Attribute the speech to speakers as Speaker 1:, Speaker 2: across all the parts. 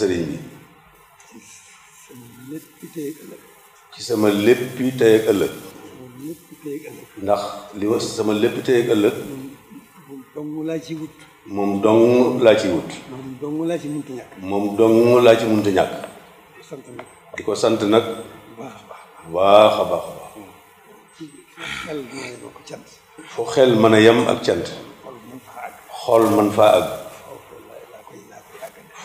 Speaker 1: sëriñ bi ci sama léppi tey ak ëllëg ndax li was sama lépp tey ak ëllëg moom
Speaker 2: dong laa ci wut moom dong laa ci wut moom dong laa ci muntu ñàkk di ko sant nag
Speaker 1: baax a baax foo xel mën a yem ak cant xool mën faa àgg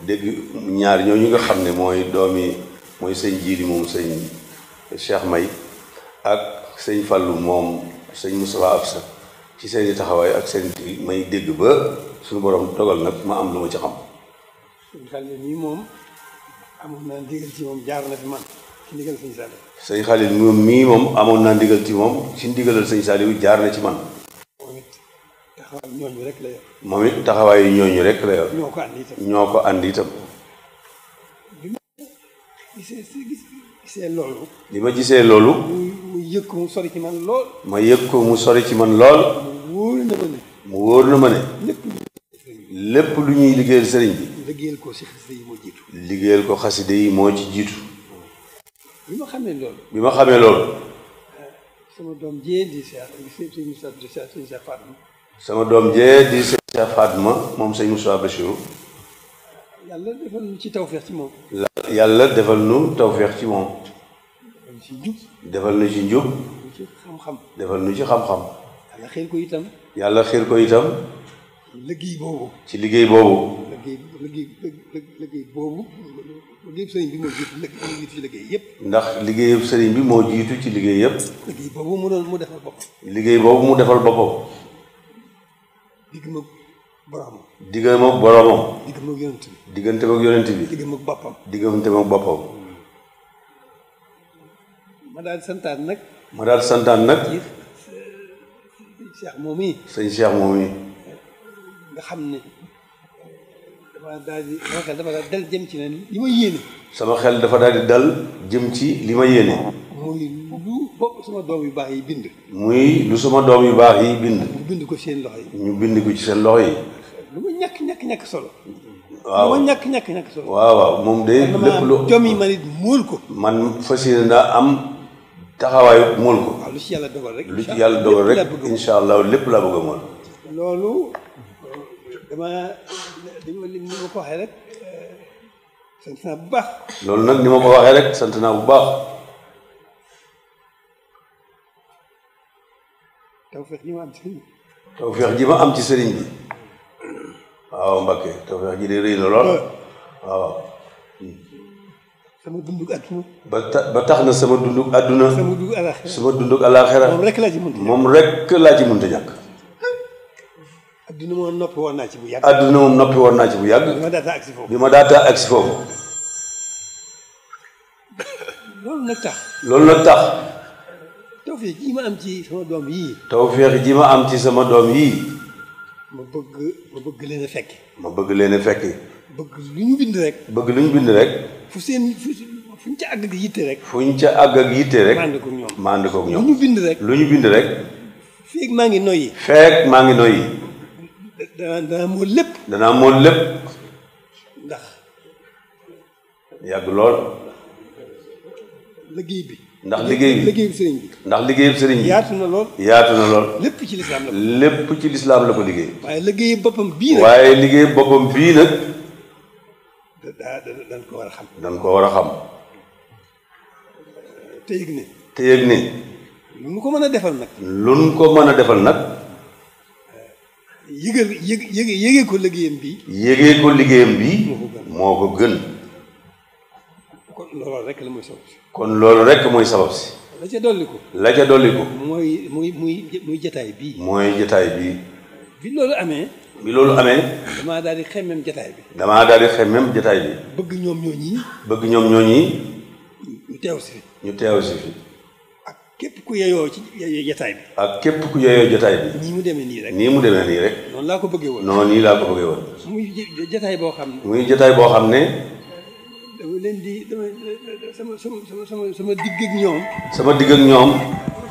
Speaker 1: dégg ñaar ñooñu nga xam ne mooy doomi mooy sëñ jiili moom sëñ Cheikh May ak sëñ Fallou moom sëñ Moustapha Absa ci seeni taxawaay ak seen may dégg ba suñu borom dogal nag ma am lu ma ci xam.
Speaker 2: sëñ Xalil mii moom amoon naa ndigal ci moom jaar na fi man ci ndigal sëñ
Speaker 1: moom mii moom amoon naa ndigal ci moom ci ndigalal sëñ Saliou jaar na ci man.
Speaker 2: taxawaayu ñooñu rek la
Speaker 1: yor. moom it taxawaayu ñooñu rek la yor. ñoo ko andi itam loolu. bi ma gisee loolu.
Speaker 2: mu yëg ci man lool.
Speaker 1: ma yëg ko mu sori ci man lool. mu wóor na ma ne. lépp lu ñuy liggéeyal sëriñ
Speaker 2: bi. ko si xaside yi moo
Speaker 1: jiitu. ko xaside yi moo ci jiitu.
Speaker 2: bi ma xamee loolu.
Speaker 1: bi xamee loolu.
Speaker 2: doom jee di seet di seet di seet di sama doom jee di
Speaker 1: sëñ Fatma moom sëñ Moussa Bachirou.
Speaker 2: yàlla defal nu ci tawfeex ci moom.
Speaker 1: yàlla defal nu tawfeex ci moom. defal ci njub. defal nu ci njub.
Speaker 2: ci xam-xam. defal nu ci xam-xam. yàlla xiir ko itam.
Speaker 1: yàlla xiir ko itam.
Speaker 2: liggéey boobu. ci liggéey boobu. liggéey liggéey liggéey boobu bi moo jiitu ci liggéey yëpp. ndax sëriñ bi moo jiitu ci liggéey yëpp. liggéey boobu mu defal boppam. liggéey diggam ak boromam.
Speaker 1: diggam ak boromam. diggam yonent bi. diggante ak yonent bi. diggam ak boppam. diggante ak boppam.
Speaker 2: ma daal santaan nag. ma
Speaker 1: daal santaan nag. ci
Speaker 2: sëñ Cheikh moom yi.
Speaker 1: sëñ moom yi.
Speaker 2: nga xam ne dama daal di sama xel dal jëm ci li ma yéene.
Speaker 1: sama xel dafa daal di dal jëm ci li ma yéene.
Speaker 2: muy lu bopp doom yu baax yi bind. muy lu sama doom yu baax yi bind. bind ko seen loxo yi.
Speaker 1: ñu bind ko ci seen loxo yi.
Speaker 2: lu ma ñàkk solo. waaw ñàkk ñàkk ñàkk solo. waaw
Speaker 1: moom de lépp lu jom yi man it mool ko. man fas yéene naa am taxawaayu mool ko.
Speaker 2: waaw lu ci yàlla dogal rek. lu yàlla dogal rek incha allah lépp laa bëgg a mool. loolu dama dama li ma ko waxee rek eh, sant naa bu baax.
Speaker 1: loolu nag ni ma ko waxee rek sant naa bu baax.
Speaker 2: tawfeex ji ma am ci sëriñ
Speaker 1: bi. ma am ci sëriñ waaw Mbacke tawfeex ji de rëy na lool waaw.
Speaker 2: sama dundu àdduna.
Speaker 1: ba tax na sama dundu àdduna. sama dundu alaaxira sama dundu alaaxira moom rek laa ci mënta ñàkk moom
Speaker 2: rek laa ci mënta moom noppi woon naa ci bu yàgg. àdduna moom noppi
Speaker 1: woon bi ma daataa agsi foofu foofu. loolu nag tax. loolu nag tax.
Speaker 2: ci sama doom yii.
Speaker 1: tawféex ji ma am ci sama doom yii.
Speaker 2: ma bëgg bëgg leen a fekki. bëgg leen a bëgg lu bind rek. bëgg lu bind rek. fu seen fu ñu ca àgg ak ca àgg ak rek. mànd ñoom mànd koog ñoom.
Speaker 1: bind rek. lu ñu bind rek.
Speaker 2: feeg maa ngi noyyi.
Speaker 1: feeg maa ngi noyyi.
Speaker 2: danaa mool lépp.
Speaker 1: danaa mool lépp. ndax. yàgg lool.
Speaker 2: liggéey bi. ndax liggéey liggéeyu sëriñ bi ndax liggéeyu sëriñ bi yaatu na lool yaatu na lool
Speaker 1: lépp ci lislaam la lépp ci lislaam la ko liggéey
Speaker 2: waaye liggéey boppam bii nag waaye
Speaker 1: liggéey boppam bii nag dañ ko war a xam ko war a xam te yëg ne te yëg ne
Speaker 2: lu nu ko mën a defal nag
Speaker 1: lu nu ko mën a defal nag
Speaker 2: yëgal yëg yëg yëgee ko liggéeyam bii yëgee ko liggéeyam bii
Speaker 1: moo ko gën
Speaker 2: kon loolu rek la mooy sabab si.
Speaker 1: kon loolu rek mooy sabab si. la ca dolliku. la ca dolliku.
Speaker 2: mooy muy muy muy jataay bii. mooy jataay bii. bi loolu amee. bi loolu amee. damaa daal di xemmem jataay bi.
Speaker 1: damaa daal di xemmem jataay bi.
Speaker 2: bëgg ñoom ñooñi.
Speaker 1: bëgg ñoom ñooñi. ñu teew si fi. ñu teew si fi.
Speaker 2: ak képp ku yeyoo ci jataay bi. ak képp ku yeyoo jataay bi. nii mu demee nii rek. nii mu demee nii rek. noonu laa ko bëggee woon. noonu nii laa ko bëggee woon. muy jataay boo xam ne. muy jataay boo xam ne. leen di dama sama digg ak ñoom. sama digg ak ñoom. dama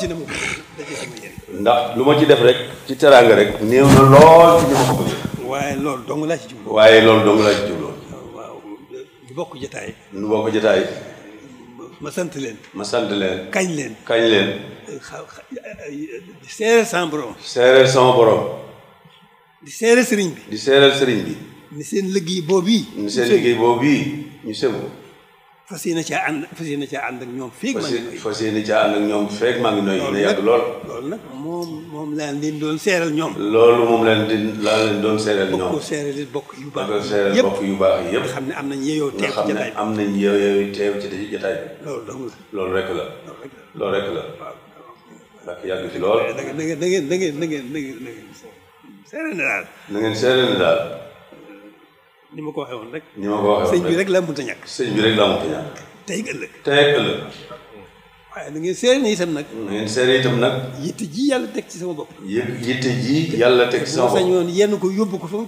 Speaker 2: ci doon ci doon moo moo
Speaker 1: ndax lu ma ci def rek ci teraanga rek. néew na lool
Speaker 2: ci dama ko bëgg. waaye loolu dong laa ci jublu.
Speaker 1: waaye loolu dong laa ci jublu. bokk jotaay. nu bokk jotaay.
Speaker 2: masant leen. ma sant leen. kañ leen. kañ leen. di seereel sama borom. seereel sama borom.
Speaker 1: di seereel sëriñ bi. di seereel sëriñ bi. ni seen liggéey boobu yi. ni seen liggéey boobu ñu sëgoo.
Speaker 2: fas yéene caa ànd fas yéene ànd ak ñoom feeg maa ngi
Speaker 1: noyyi ñoom feeg maa ngi na yàgg lool
Speaker 2: loolu nag moom moom laa leen doon seeral ñoom loolu moom laa leen laa doon seeral ñoom bokk seeral bokk yu baax yëpp bokk yu baax yëpp xam ne am nañ yeeyoo teew ci jotaay
Speaker 1: am nañ yeeyoo ci jotaay bi loolu dong la loolu rek la loolu rek la waaw ndax yàgg fi lool eh, da
Speaker 2: ngeen da ngeen da ngeen da ngeen da
Speaker 1: ngeen seeral na daal
Speaker 2: ni ma ko waxee woon rek. ni ma ko waxee rek sëñ bi rek sëñ bi rek laa tey ak ëllëg. tey ak ëllëg. waaye na ni itam nag.
Speaker 1: na ngeen nag.
Speaker 2: yitte ji yàlla teg ci sama bopp. yitte ji yàlla teg ci sama bopp. yenn ko yóbbu ko fa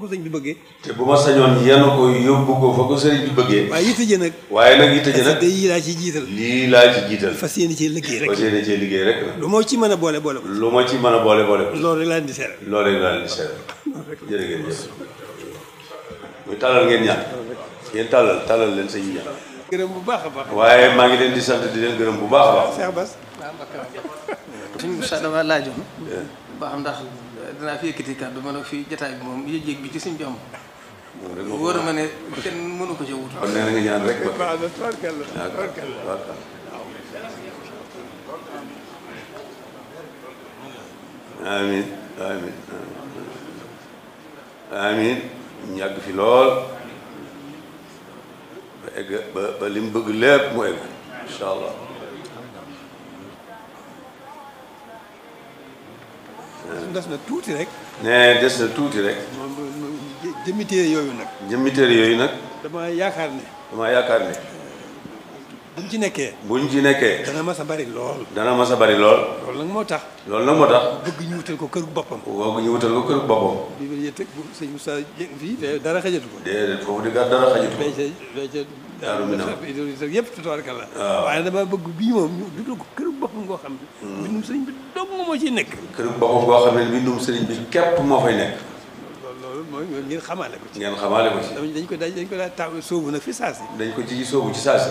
Speaker 2: fa sëñ bi bëggee. te bu ma sañoon yenn ko yóbbu ko ko sëñ bi bëggee. waaye yitte ji waaye nag yitte ji nag. laa ci jiital. lii laa jiital. fas yéene cee liggéey rek. fas yéene cee ci mën a boole ci mën a boole boole ko. loolu rek laa leen di seere. loolu
Speaker 1: laa leen di seere.
Speaker 3: muy tàllal ngeen ñaan
Speaker 1: ngeen tàllal tàllal leen sañu ñaan gërëm bu baax a baax waaye maa ngi leen di sant di leen gërëm bu baax a baax Cheikh
Speaker 2: Bass suñ Moussa dama laajoon eh. ba xam ndax dinaa fi yëkkati kàddu ma ne fii jotaay bi moom yëg-yëg bi ci suñ bi am wóor ma ne kenn mënu ko ci wut
Speaker 1: kon nee na nga ñaan amin amin amin ñu yàgg fi lool ba egg ba ba li bëgg lépp mu egg incha allah des na tuuti rek ne des na tuuti rek
Speaker 2: jëmmi yooyu nag jëmmi yooyu nag dama yaakaar ne
Speaker 1: dama yaakaar ne
Speaker 2: buñ ci nekkee. buñ ci nekkee. dana mas a bari lool. dana ma a bari lool. loolu nag moo tax. loolu nag moo tax. bëgg ñu wutal ko kër boppam. bëgg ñu wutal ko kër boppam. bii ba yéete bu sëñ Moussa Dieng fii dara xajatu ko. déedéet foofu di gàtt dara xajatu ko. béykat béykat. daal mi naan yëpp tubaarkalla. waaw waaye dama bëgg bii moom ñu wutal ko kër boppam goo xam ne. Hmm. mbindum sëriñ bi dong moo ciy nekk.
Speaker 1: kër boppam goo xam ne mbindum sëriñ bi képp moo fay nekk.
Speaker 2: mooy ngeen xamaale ko ci. ngeen xamaale ko ci. dañ ko dañ ko daal sóobu nag fi saasi. dañ ko ci sóobu ci saasi.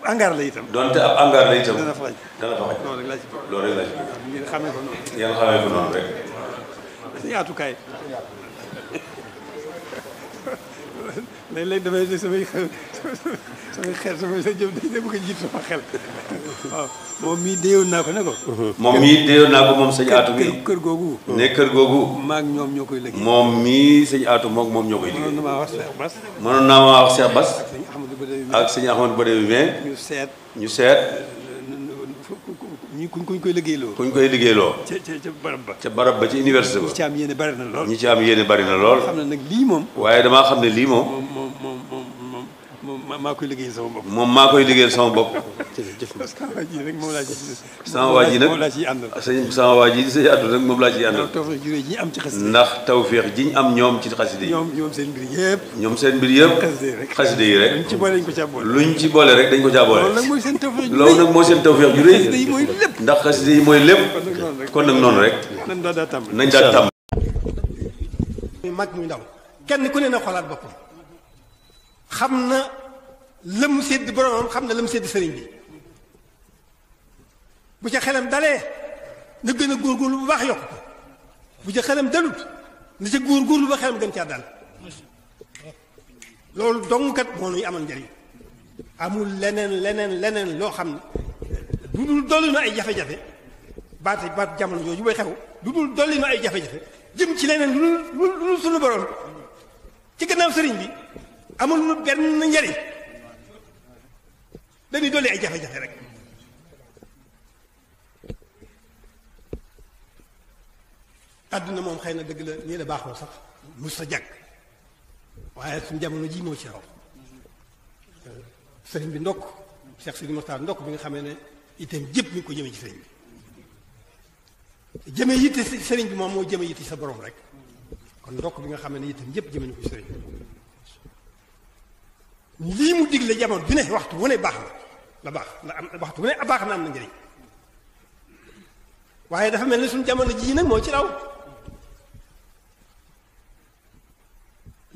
Speaker 2: ab la itam. donte ab angar la itam. dana fa xaj dana fa xaj loolu rek ci ci ngeen ko noonu. ngeen xamee ko noonu rek.
Speaker 4: lay léeg-léeg damay damay sama
Speaker 2: xel sama sa jëm dañ xel moom mii déyoon naa ko ne ko
Speaker 1: moom mii déyoon naa ko moom sëñ aatu bi ne kër googu maag ñoom ñoo koy liggéey moom mii sëñ aatu moom moom ñoo koy liggéey mënoon
Speaker 2: naa wax Cheikh Bass
Speaker 1: mënoon naa ma wax Cheikh Bass ak sëñ Ahmadou Bada bi ñu seet ñu seet ñu kuñ koy liggéeyloo kuñ koy liggéeyloo ca ca ba ca ba ci université ba ñi ci am yéene bari na lool ñi ci bari na lool moom moom
Speaker 2: moom maa koy liggéeyal sama bopp. moom maa koy liggéeyal sama bopp. jërëjëf sama waa rek moom laa ciy. sama waa ji sama waa ji sëñ rek moom de ciy àndal. ndax tawféex ji am ci xasida ndax tawféex
Speaker 1: ji am ñoom ci xasida yi.
Speaker 2: ñoom seen mbir yëpp. ñoom seen mbir yëpp. xasida rek luñ ci luñ ci boole rek dañ ko seen ndax kon rek. xam na lëm sédd boromam xam na lëm sédd sëriñ bi bu ca xelam dalee na gën a góorgóorlu bu baax yokk bu ca xelam dalut na ca góorgóorlu ba xelam gën caa dal loolu dongkat moo nuy amal njëriñ amul leneen leneen leneen loo xam ne du dul dolli na ay jafe-jafe baate baat jamono jooju bay xew du dul dolli na ay jafe-jafe jëm ci leneen lu lu sunu borom ci gannaaw sëriñ bi amul nu benn njariñ dañuy dolli ay jafe-jafe rek àdduna moom xëy na dëgg la nii la baaxoo sax mus sa jàkk waaye suñu jamono ji moo ci raw sëriñ bi ndokk Cheikh Sidi Moxtaar ndokk bi nga xamee ne itam jëpp mi ko jëmee ci sëriñ bi jëmee yitte sëriñ bi moom moo jëme yitte sa borom rek kon ndokk bi nga xamee ne itam jëpp jëmee ni ko sëriñ lii mu digle jamono ju ne waxtu wu ne baax na la baax la am waxtu wu ne baax na am na njëriñ waaye dafa mel ni suñu jamono jii nag moo ci raw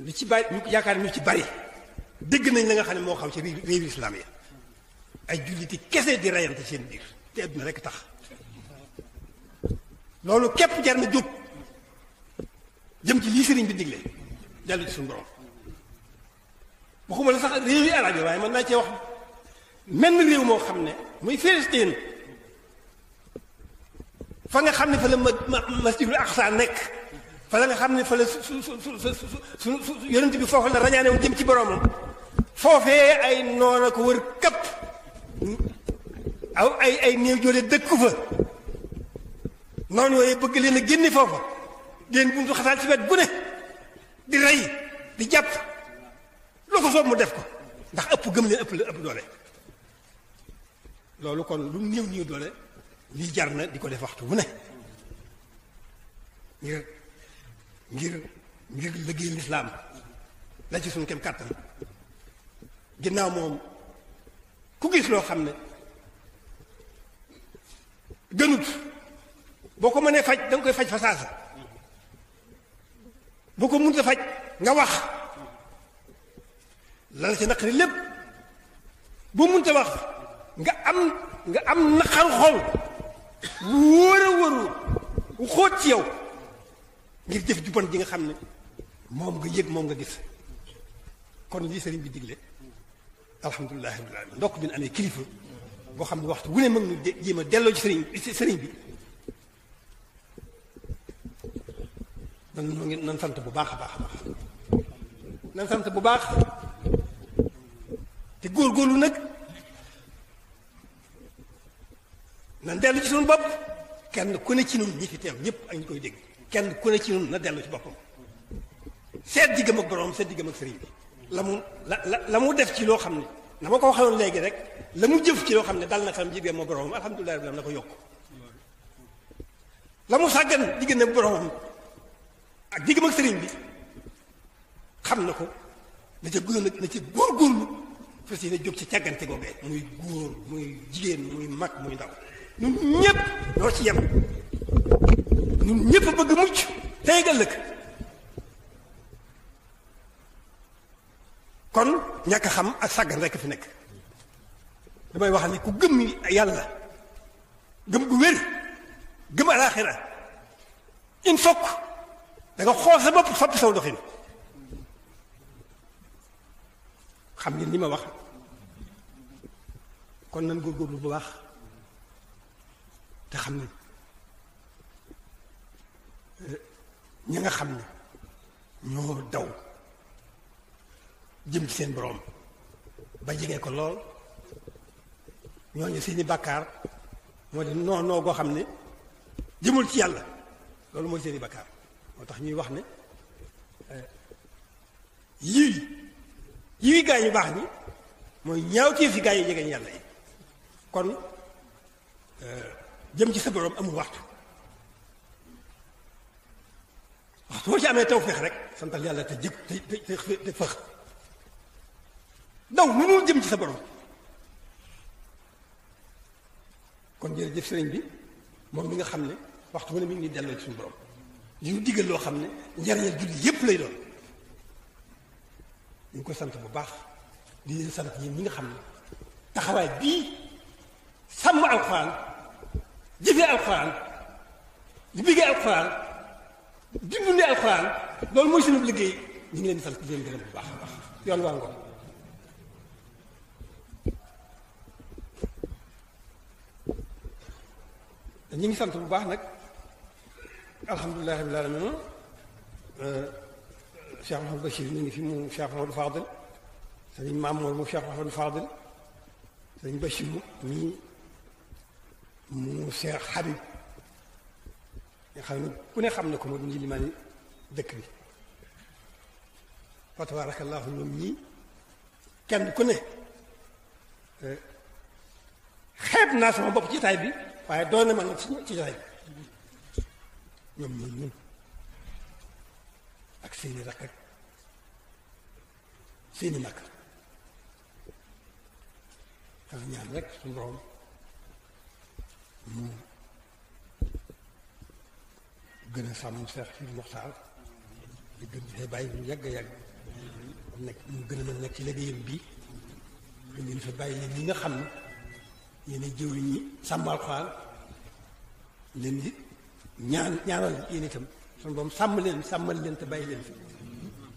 Speaker 2: lu ci bari ñu yaakaar ñu ci bari dégg nañ la nga xam ne moo xaw ci réewi islam yi ay julliti kese di rayante seen biir te adduna rek tax loolu képp jar na jóg jëm ci lii sëriñ bi digle dellu ci suñu borom waxuma la sax réew yi arab yi waaye mën naa cee wax menn réew moo xam ne muy Filistin fa nga xam ne fa la masjidul aqsa nekk fa la nga xam ne fa la su su su su yonent bi foofu la rañaane woon jëm ci boroomam foofee ay noona ko wër këpp aw ay ay néew joole dëkku fa noonu yooyu bëgg leen a génne foofa leen buntu xasaal ci wet bu ne di rey di jàpp loo ko soob mu def ko ndax ëpp gëm leen ëpp la ëpp doole loolu kon lu néew néew doole lii jar na di ko def waxtu bu ne ngir ngir ngir liggéey lislaam la ci suñu kem kàttan ginnaaw moom ku gis loo xam ne gënut boo ko mënee faj da koy faj fa boo ko mënut a faj nga wax la la ci naqari lépp boo mënta wax nga am nga am naqaru xol lu wóor a wóor wu xóot ci yow ngir jëf ju bon ji nga xam ne moom nga yëg moom nga gis kon lii sëriñ bi digle alhamdulilahi rabbil alamin ndokk bi ñu amee kilifa boo xam ne waxtu wu ne mag nu jéem a delloo ci sëriñ sëriñ bi nan nan sant bu baax a baax a baax nan sant bu baax te góorlu nag nan dellu ci suñu bopp kenn ku ne ci ñun ñi fi teew ñëpp koy dégg kenn ku ne ci na dellu ci boppam seet diggam ak boroom seet diggam ak sëriñ bi la mu la la la mu def ci loo xam ne na ma ko waxoon léegi rek la mu jëf ci loo xam ne dal na xam diggam ak boroomam alhamdulilah rabbil na ko yokk la mu sàggan diggante ak boroomam ak diggam ak sëriñ bi xam na ko na ca góor na fas yéene jóg ci càggante googee muy góor muy jigéen muy mag muy ndaw ñun ñëpp ñoo ci yem ñun ñëpp bëgg mucc tey ëllëg kon ñàkk xam ak sàggan rekk fi nekk damay wax ni ku gëm yàlla gëm gu wér gëm alaaxira il faut da nga xool sa bopp soppi saw doxin xam ngeen ni ma wax kon nan góorgóorlu bu baax te xam ne eh, ñi nga xam ne ñoo daw jëm ci seen boroom ba jege ko lool ñooñu seeni bàkkaar moo di noo noo goo xam ne jëmul ci yàlla loolu mooy seeni bàkkaar moo tax ñuy wax ne eh, yii yi gaay yu bax ñi mooy ñaawtee fi gaay yi jege yàlla yi kon euh jëm ci sa borom amu waxtu waxtu boo ci amee tawféex rek santal yàlla te jëg te te fëx daw lu ñu jëm ci sa borom kon jël jëf sëriñ bi moom mi nga xam ne waxtu mu ne mi ngi delloo ci suñu borom ñu diggal loo xam ne njariñal jullit yépp lay doon ñu koy sant bu baax di leen sant ñi ñi xam ne taxawaay bii sàmm alxuraan jëfee alxuraan di bëggee alxuraan di dundee alxuraan loolu mooy suñu liggéey ñu ngi leen sant bu baax a ñu ngi sant bu baax nag alhamdulilah rabbil alamin شيخ محمد بشير من في شيخ محمد الفاضل ثاني مامور مو شيخ محمد الفاضل ثاني بشير مين مو شيخ حبيب يا خاي كنا خمنكم من اللي مالي ذكري فتبارك الله اللهم كان كنا أه، خيب ناس من بابتي تايبي فهي دون من تجاي يوم يوم يوم أكسيني ذكري seeni nag xanaa ñaan rek suñu borom mu gën a sàmm Seex Sidi Moxtaar di gën bàyyi lu yàgg a yàgg nekk mu gën a mën nekk ci liggéeyam bi ñu ngi fa bàyyi leen ñi nga xam ne yéen a jëw ñi sàmm Alxuraan leen di ñaan ñaanal yéen itam suñu borom sàmm leen sàmmal leen te bàyyi leen fi.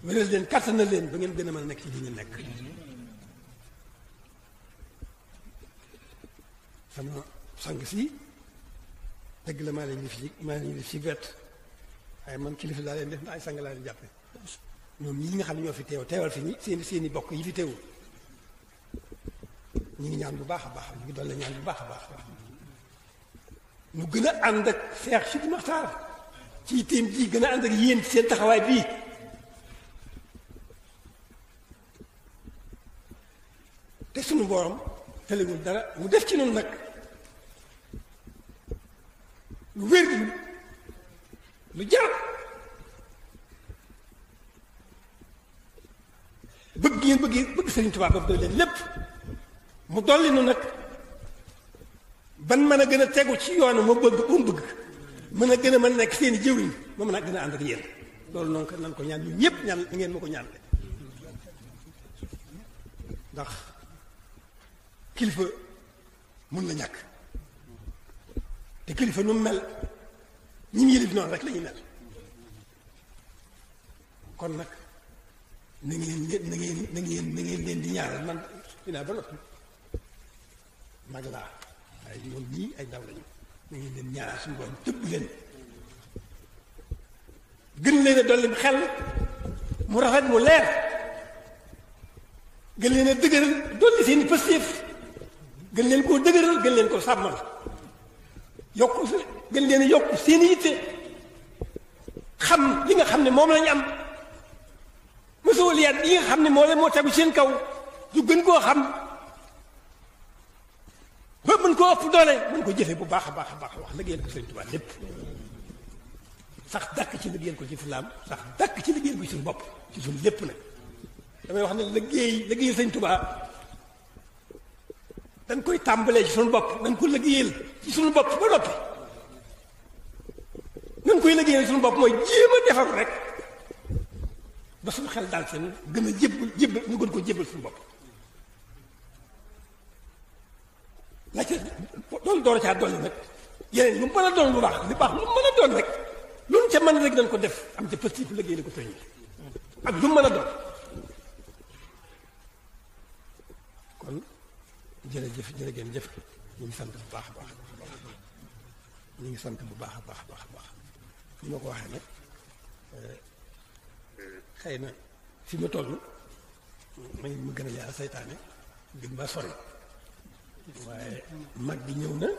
Speaker 2: wéral leen kàttanal leen ba ngeen gën a mën a nekk ci li ngeen nekk sama sang si dëgg la maa leen def ci maa leen def ci wet waaye man kilifa laa leen def ndax ay sang laa leen jàppe ñoom ñii nga xam ñoo fi teew teewal fi ñi seen seen i bokk yi fi teewu ñu ngi ñaan bu baax a baax ñu ngi la ñaan bu baax a baax ñu gën a ànd ak Seex Sidi Maxtaar ci teem ji gën a ànd ak yéen seen taxawaay bii suñu borom tëlewul dara mu def ci noonu nag lu wér lu jar bëgg ngeen bëgg bëgg Sëriñ Tuubaa ba doy leen lépp mu dolli nu nag ban mën a gën a tegu ci yoonu ma bëgg bu mu bëgg mën a gën a mën nekk seen i yi ma mën a gën a ànd ak yéen loolu noonu ko nan ko ñaan ñu ñëpp ñaan ngeen ma ko ñaan ndax kilifa mun na ñàkk te kilifa nu mel ñi mu yëlif noonu rek la ñu mel kon nag na ngeen na ngeen na ngeen na ngeen leen di ñaaral man dinaa ba noppi mag laa ay ñoom ñii ay ndaw lañu na ngeen leen ñaaral
Speaker 5: suñu borom tëbb leen gën leen a dolli xel mu rafet mu leer gën leen a dëgëral dolli seen
Speaker 2: i positif gën leen koo dëgëral gën leen koo sàmmal yokk gën leen yokk seen yitte xam li nga xam ne moom lañu am masuuliyaat yi nga xam ne moo leen moo tegu seen kaw du gën koo xam ba mën ko ëpp doole mën ko jëfe bu baax a baax a baax wax liggéeyal ko Sëriñ Tuubaa lépp sax dàkk ci liggéeyal ko ci islaam sax dàkk ci liggéeyal ko ci suñu bopp ci suñu lépp nag damay wax ne liggéey liggéeyal Sëriñ dañ koy tàmbalee ci suñu bopp dañ ko liggéeyal ci suñu bopp ba noppi dañ koy liggéeyal ci suñu bopp mooy jéem a defaru rek ba suñu xel daal seen gën a jébbal jébbal ñu gën ko jébbal suñu bopp la ca doon door caa dolli nag yeneen lu mën a doon lu baax lu baax lu mën a doon rek loolu ca mën rek dañ ko def am ca positif liggéey la ko sëñ ak lu mën a doon jërëjëf jërë ngeen jëf ñu ngi sant bu baax a baax ñu ngi sant bu baax a baax a baax ni ma ko waxee nag xëy na fi ma toll may ma gën a yàlla saytaane gën maa sori waaye mag bi ñëw na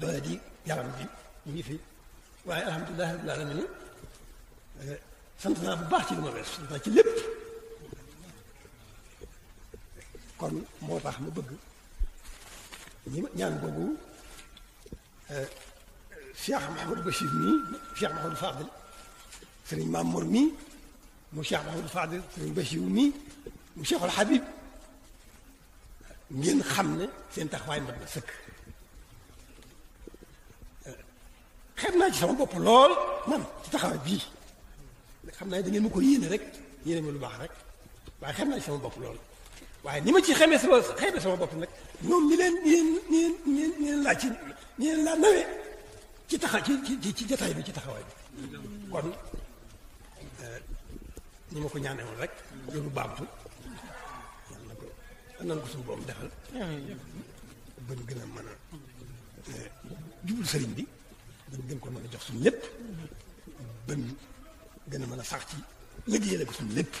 Speaker 2: doole di yaram bi ñu ngi fi waaye alhamdulilah rabbil alamin sant naa bu baax ci lu ma wees sant naa ci lépp. kon moo tax mu bëgg ñi ma ñaan boobu Cheikh Mahamadou Bachir mii Cheikh Mahamadou Fadil serigne Mamour mii mu Cheikh Mahamadou Fadil serigne Bachir mii mu cheikh al Habib ngeen xam ne seen taxawaay mat na sëkk xeeb naa ci sama bopp lool man ci taxawaay bii xam naa da ngeen ma ko yéene rek yéene ma lu baax rek waaye xeeb naa ci sama bopp lool
Speaker 6: waaye ni ma ci xamee sama xamee sama bopp nag
Speaker 2: ñoom ñi leen ñi leen ñi leen ñi leen ci ñi leen laa nawee ci taxa ci ci jataay bi ci taxawaay bi kon euh, ni ma ko ñaanee rek loolu baamtu yal na ko nan ko suñu boom defal ba gën a mën a euh, jublu sëriñ bi ba ñu ko mën a jox suñu lépp ba gën a mën a sax ci liggéeyale ko suñu lépp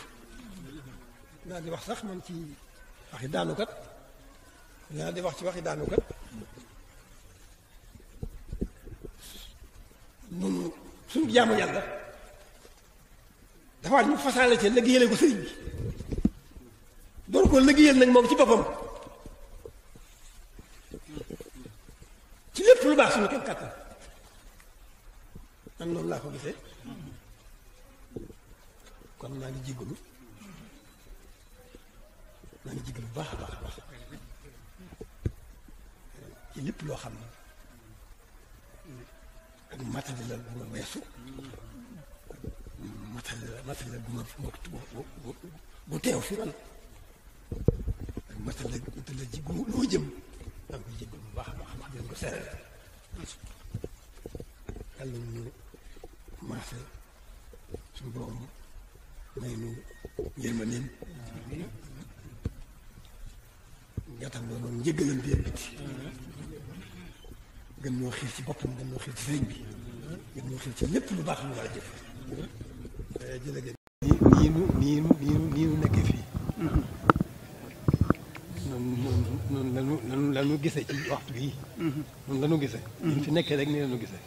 Speaker 2: naa di wax sax man ci waxi daanukat yàlla di wax ci waxi daanukat noonu suñu jaamu yàlla dafa ñu fasaale ca liggéeyale ko sëriñ bi door ko liggéeyal nag moom ci boppam ci lépp lu baax suñu kenn kàttan man noonu laa ko gisee kon naa ngi jéggalu maa ngi jégalu bu baax a baax a baax ci lépp loo xam ne ak matali la bu ma weesu matali la matali la bu ma bu bu teew fi man ak matali la matali la ji bu loo jëm maa ngi jégalu bu baax a baax wax dëgg ko seere yàlla ñu maase suñu borom may nu yërmandeem ñoo tax loolu moom njëggalam bi biti gën ñoo xiir ci boppam gën ñoo xiir ci ci lépp lu baax
Speaker 3: a jëf eh, jërëjëf nii nu nii nu
Speaker 2: nii nu nii nu nekkee fii noonu noonu lanu lanu gise ci waxtu bii noonu lanu gise ñu fi nekkee rek nii lanu gise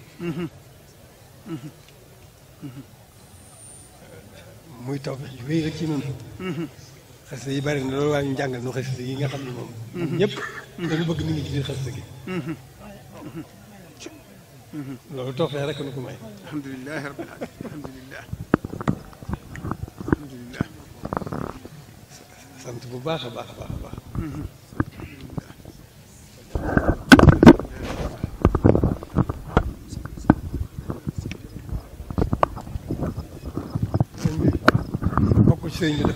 Speaker 2: muy taw bi wéy rek ci noonu xasida yi bari na loolu waa ñu nga xam ne moom mhm. ñëpp dañu bëgg mi ngi ci biir xasida gi mhm.
Speaker 4: Mhm. loolu tawfeex nu ko may alhamdulilah rabbil
Speaker 2: sant bu baax
Speaker 3: a baax baax a baax
Speaker 2: sëriñ bi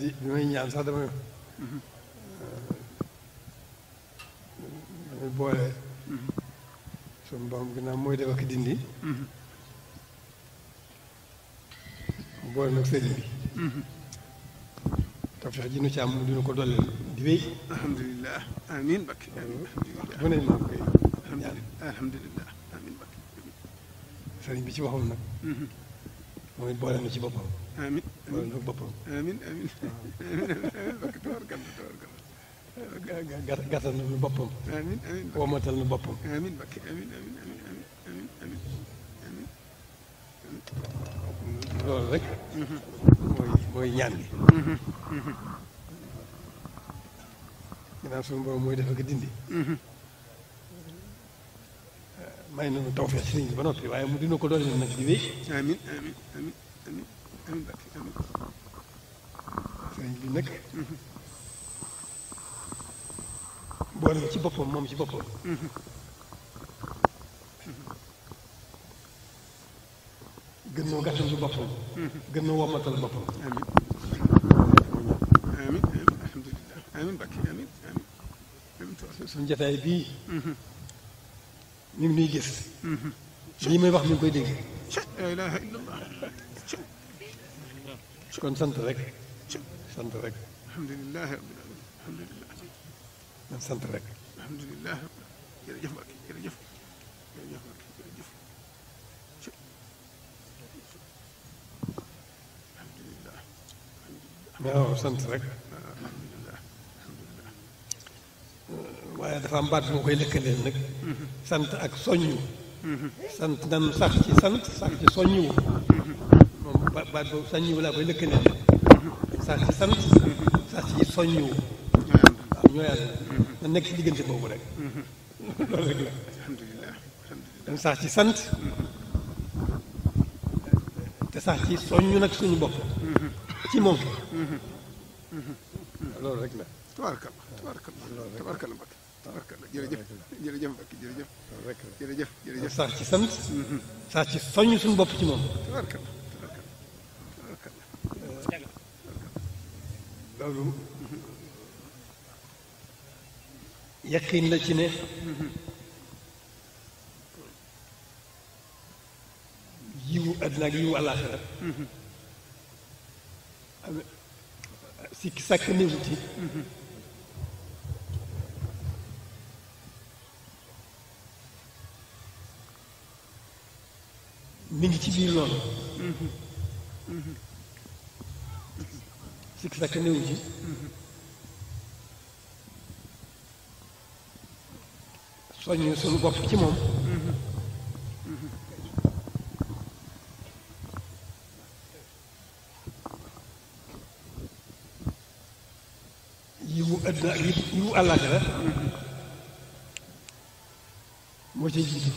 Speaker 2: di may ñaan sax damay damay boole. suñu borom ginnaaw mooy def mm-hmm. ak dindi. boole nag sëriñ tawfeex ji nu ci am dina ko dolleel
Speaker 4: di wéy. alhamdulilah amiin bakk bu ne maa koy. alhamdulilah amiin bakk sëriñ bi ci waxul nag. mooy boole na ci boppam.
Speaker 2: amiin boole na boppam. amiin amiin bakk tabarkalla
Speaker 4: tabarkalla. gàttal na nu boppam. amiin amiin womatal na boppam. amiin bakk amiin amiin amiin amiin amiin amiin loolu rek.
Speaker 3: mooy mooy ñaan gi. ginnaaw suñu borom mooy def ak dindi.
Speaker 2: may nañu tawfeex sëriñ bi ba noppi waaye mu dina ko doole nag di wéy. amiin amiin amiin amiin amiin amiin. sëriñ bi nag. boole ci boppam moom ci boppam. gën noo gàttal lu boppam
Speaker 4: gën noo wommatal boppam amiin amiin alhamdulilah amiin bakki amiin amiin suñu jataay bii
Speaker 2: ñu ngi nuy gis lii may wax mi koy dégg
Speaker 4: la ilaha illallah
Speaker 2: kon sant rek sant rek
Speaker 4: alhamdulilah rabbil alamin sant rek alhamdulilah jërëjëf bakki jërëjëf waaw sant rek
Speaker 2: waaye dafa am baat bu ma koy lëkkaleen nag sant ak soññu sant nan sax ci sant sax ci koy lëkkaleen nag sax ci sant sax ci soññuwu waaw ñoo yàlla na nekk ci diggante boobu rek loolu sax ci sant te sax ci soññu nag suñu bopp
Speaker 4: ci moom. loolu rek la. tabaarkalla tabaarkalla tabaarkalla Mbacke tabaarkalla jërëjëf jërëjëf Mbacke jërëjëf. loolu rek la jërëjëf jërëjëf. saa ci sant. Mhm. saa ci soññ suñu bopp ci moom.
Speaker 3: tabaarkalla tabaarkalla tabaarkalla. loolu. Mhm.
Speaker 2: yaqin la ci ne. Mhm.
Speaker 5: yiwu àddina ak yiwu àllaaxira
Speaker 2: sikki sàkk néewu ci mi ngi ci biir loolu sikki sàkk néewu ci soññu suñu bopp ci moom mhm. yiwu adduna ak yiwu moo ci jiitu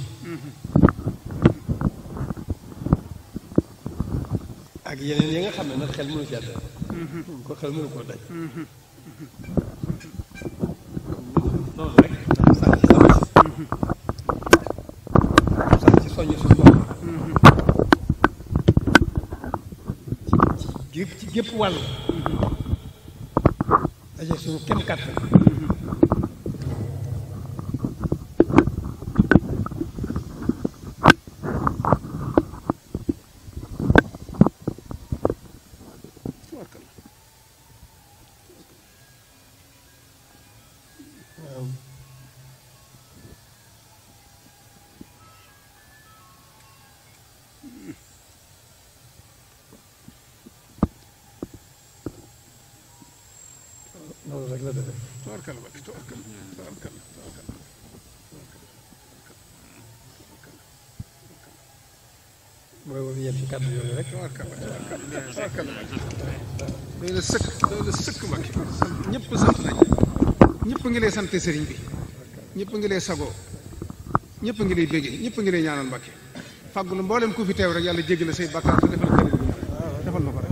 Speaker 2: ak yeneen yi nga xam ne nag xel mënu ci àdd ko xel mënu koo daj noonu rek ndax sax ci sax sax ci soññ suñu bopp
Speaker 3: ci ci gépp wàll daje suñu kem dëgg la
Speaker 4: tubaarkalla Mbacke tubaarkalla tubaarkalla tubaarkalla mooy woon yéen ci kàddu yooyu rek tubaarkalla tubaarkalla doy la sëkk doy la sëkk Mbacke sant
Speaker 3: ñëpp sant nañ
Speaker 4: ñëpp ngi lay sant sëriñ bi ñëpp ngi lay sagoo ñëpp ngi lay béggee ñëpp ngi lay ñaanal Mbacke fàggul mboolem ku fi teew rek yàlla jéggal say bàkkaar te defal kër defal na ko rek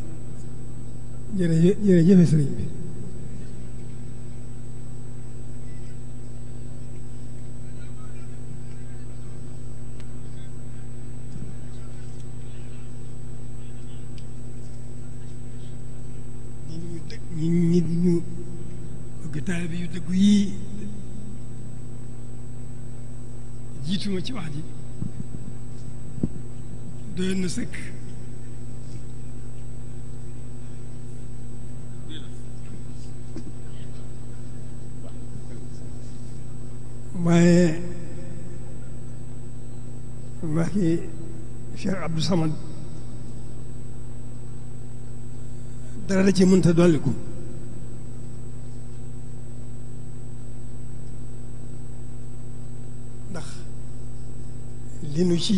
Speaker 2: jërëjëf jërëjëf sëriñ bi ñi nit ñu bëgg taalibe yu dëggu yii jiituma ci wax ji doyoon na sëkk waaye waxi Cheikh Abdou Samad dara da ci mënta dolliku ndax li nu ci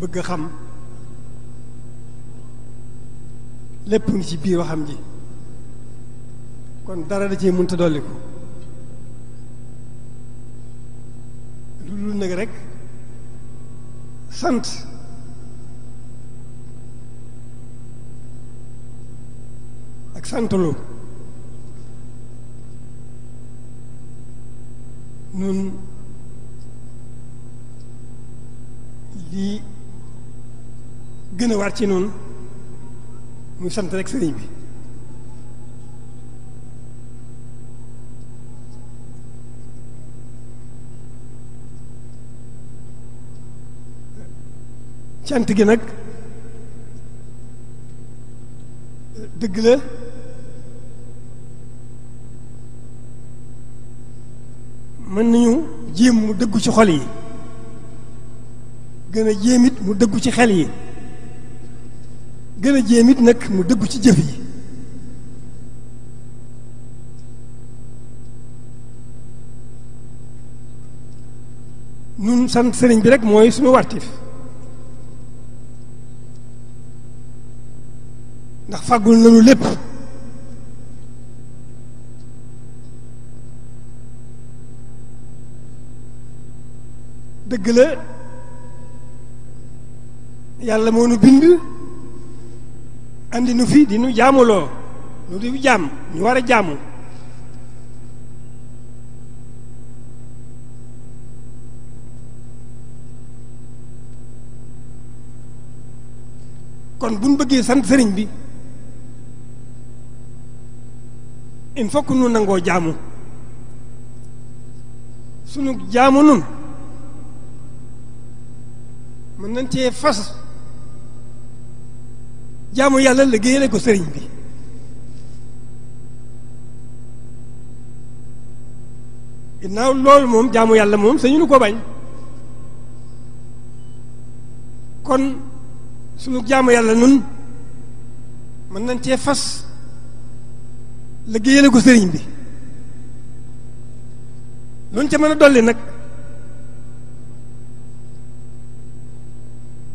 Speaker 2: bëgg a xam lépp ngi ci biir waxam ji kon dara da ci mënta dolliku sunna rekk sant ak santlu nun lii gën a war ci noonu muy sant rek sëriñ bi sant gi nag dëgg la mën nañu jéem mu dëggu ci xol yi gën a jéem it mu dëggu ci xel yi gën a jéem it nag mu dëggu ci jëf yi nun sant sëriñ bi rek mooy suñu wartif
Speaker 5: faggul nañu lépp
Speaker 2: dëgg la yàlla moo nu bind andi nu fi di nu jaamuloo nu di jaam ñu war a jaamu kon bu bëggee sant sëriñ bi il faut que nu nangoo jaamu sunu jaamu nun mën nañ cee fas jaamu yàlla liggéeyale ko sëriñ bi ginnaaw lool moom jaamu yàlla moom sañu nu ko bañ kon sunu jaamu yàlla nun mën nañ cee fas liggéeyale ko sëriñ bi luñ ca mën a dolli nag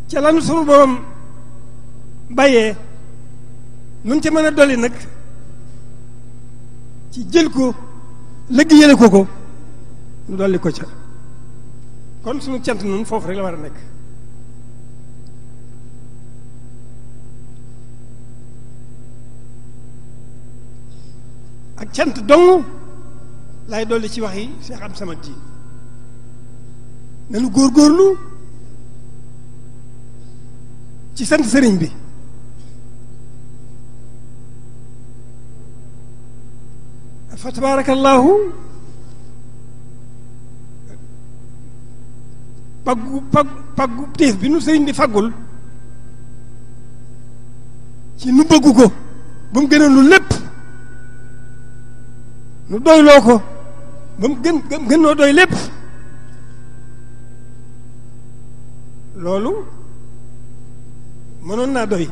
Speaker 5: ca lanu sunu borom bàyyee luñ ca mën a dolli nag
Speaker 2: ci jël ko liggéeyale ko ko ñu dolli ko ca kon sunu cant nun foofu rek la war a nekk ak cant dong laay dolli ci wax yi Cheikh am sama ji nanu góorgóorlu ci sant sëriñ bi fa tabaarakallaahu paggu paggu téef bi nu sëriñ bi faggul ci nu bëggu ko ba mu gënoon lu lépp nu doyloo ko ba mu gën gën noo doy lépp
Speaker 5: loolu mënoon naa doy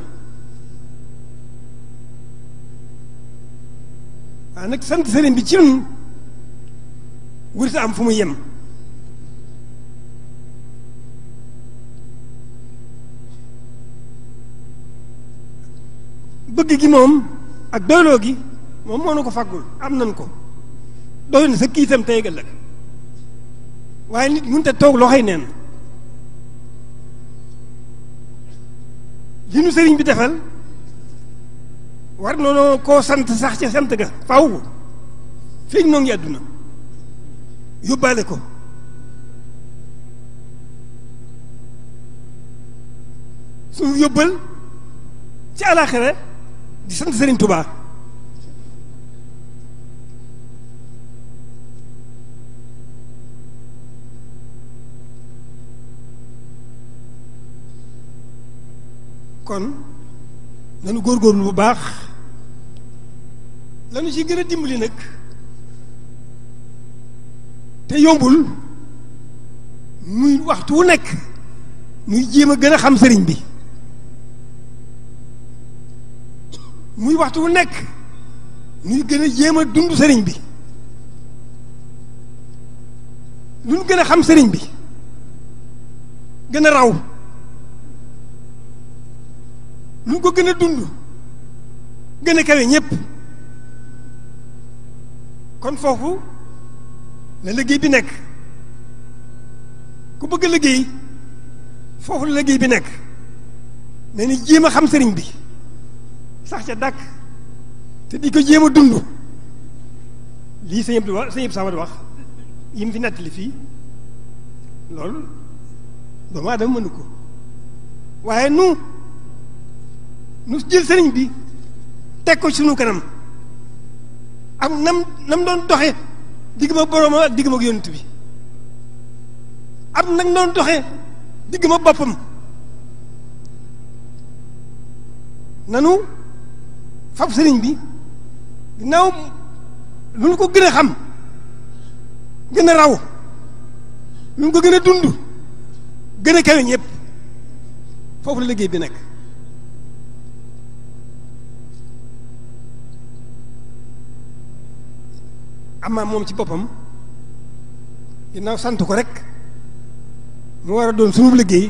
Speaker 5: waaye
Speaker 2: nag sant sëriñ bi ci nun wurta am fu mu yem bëgg gi moom ak doyloo gi moom moo nu ko faggul am nan ko doy na sa kiisam tey ëllëg waaye nit mënut a toog loxoy neen li nu sëriñ bi defal war noonu koo sant sax ca sant ga faw feeñ moo ngi àdduna yóbbaale ko suñu yóbbal ci àllaaxira di sant sëriñ Tubaa kon góor góorgóorlu bu baax lanu ci gën a dimbali nag te yombul muy waxtu wu nekk muy jéem a gën a xam sëriñ bi muy waxtu wu nekk muy gën a jéem a dund sëriñ bi lu nu gën a xam sëriñ bi gën a raw lu ko gën a dund gën a kawe ñëpp kon foofu la liggéey bi nekk ku bëgg liggéey foofu la liggéey bi nekk ne ni jéem a xam sëriñ bi sax ca dàkk te di ko jéem a dund lii sëñ Abdou wax sëñ Abdou Samad wax yi mu fi nettali fii loolu doomu aadama mënu ko waaye nu nu jël sëriñ bi teg ko sunu kanam am nam nam doon doxe digg ma boroomam ak digg ma yonent bi ak nag doon doxe digg ma boppam
Speaker 5: nanu fab sëriñ bi ginnaaw lu ñu ko gën xam gën raw lu ñu ko gën
Speaker 2: a dund gën a kawe ñëpp foofu la liggéey bi nekk amaa moom ci boppam ginnaaw sant ko rek mu war a doon sunu liggéey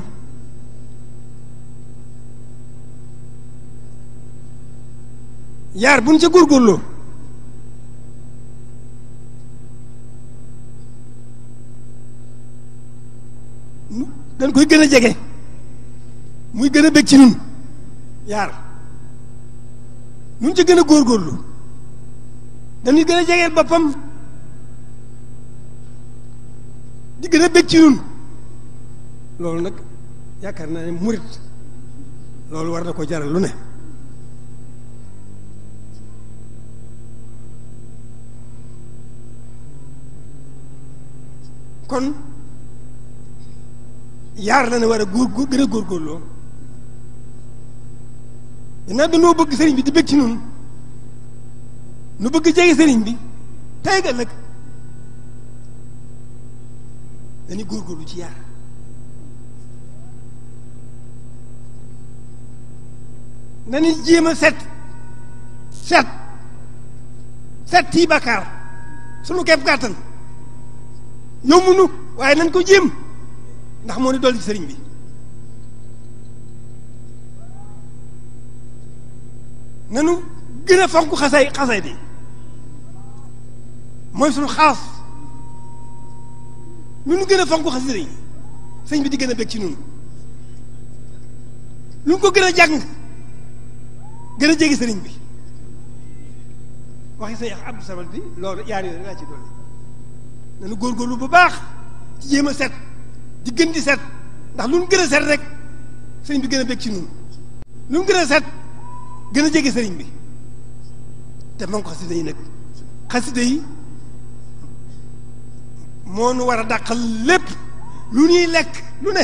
Speaker 5: yaar buñ ca góorgóorloo dañ koy gën a jege muy gën a bég ci ñun
Speaker 2: yaar nun ca gën a góorgóorlu dañuy gën a jegeel bappam di gën a bëgg ci loolu nag yaakaar naa ne murit loolu war ko jaral lu ne kon yaar la ne war a góor gën a góorgóorloo dinaa dañoo bëgg sëriñ bi di bëgg ci ñun nu bëgg jege sëriñ bi tey gal nag dañu góorgóorlu ci yar nañu jéem a set set set tii bàkkaar sunu képp kàttan yomb nu waaye nañ ko jéem ndax moo ni ci sëriñ bi nanu gën a fonk xasay xasay bi moy suñu xaas lu nu gën a fonk xasida sëñ bi di gëna a ci ñun lu ko gëna a jàng
Speaker 5: gën a jege bi
Speaker 2: waxi sey Abdou Samad bi loolu yaari yaar yooyu laa ci dolli gor lu bu baax ci jema set di gën di set ndax lu nu gëna set rek señ bi gëna a ci ñun lu nu gëna set gëna a señ bi te man ko xasida yi nag xasida yi moo war a lépp lu ñuy lekk lu ne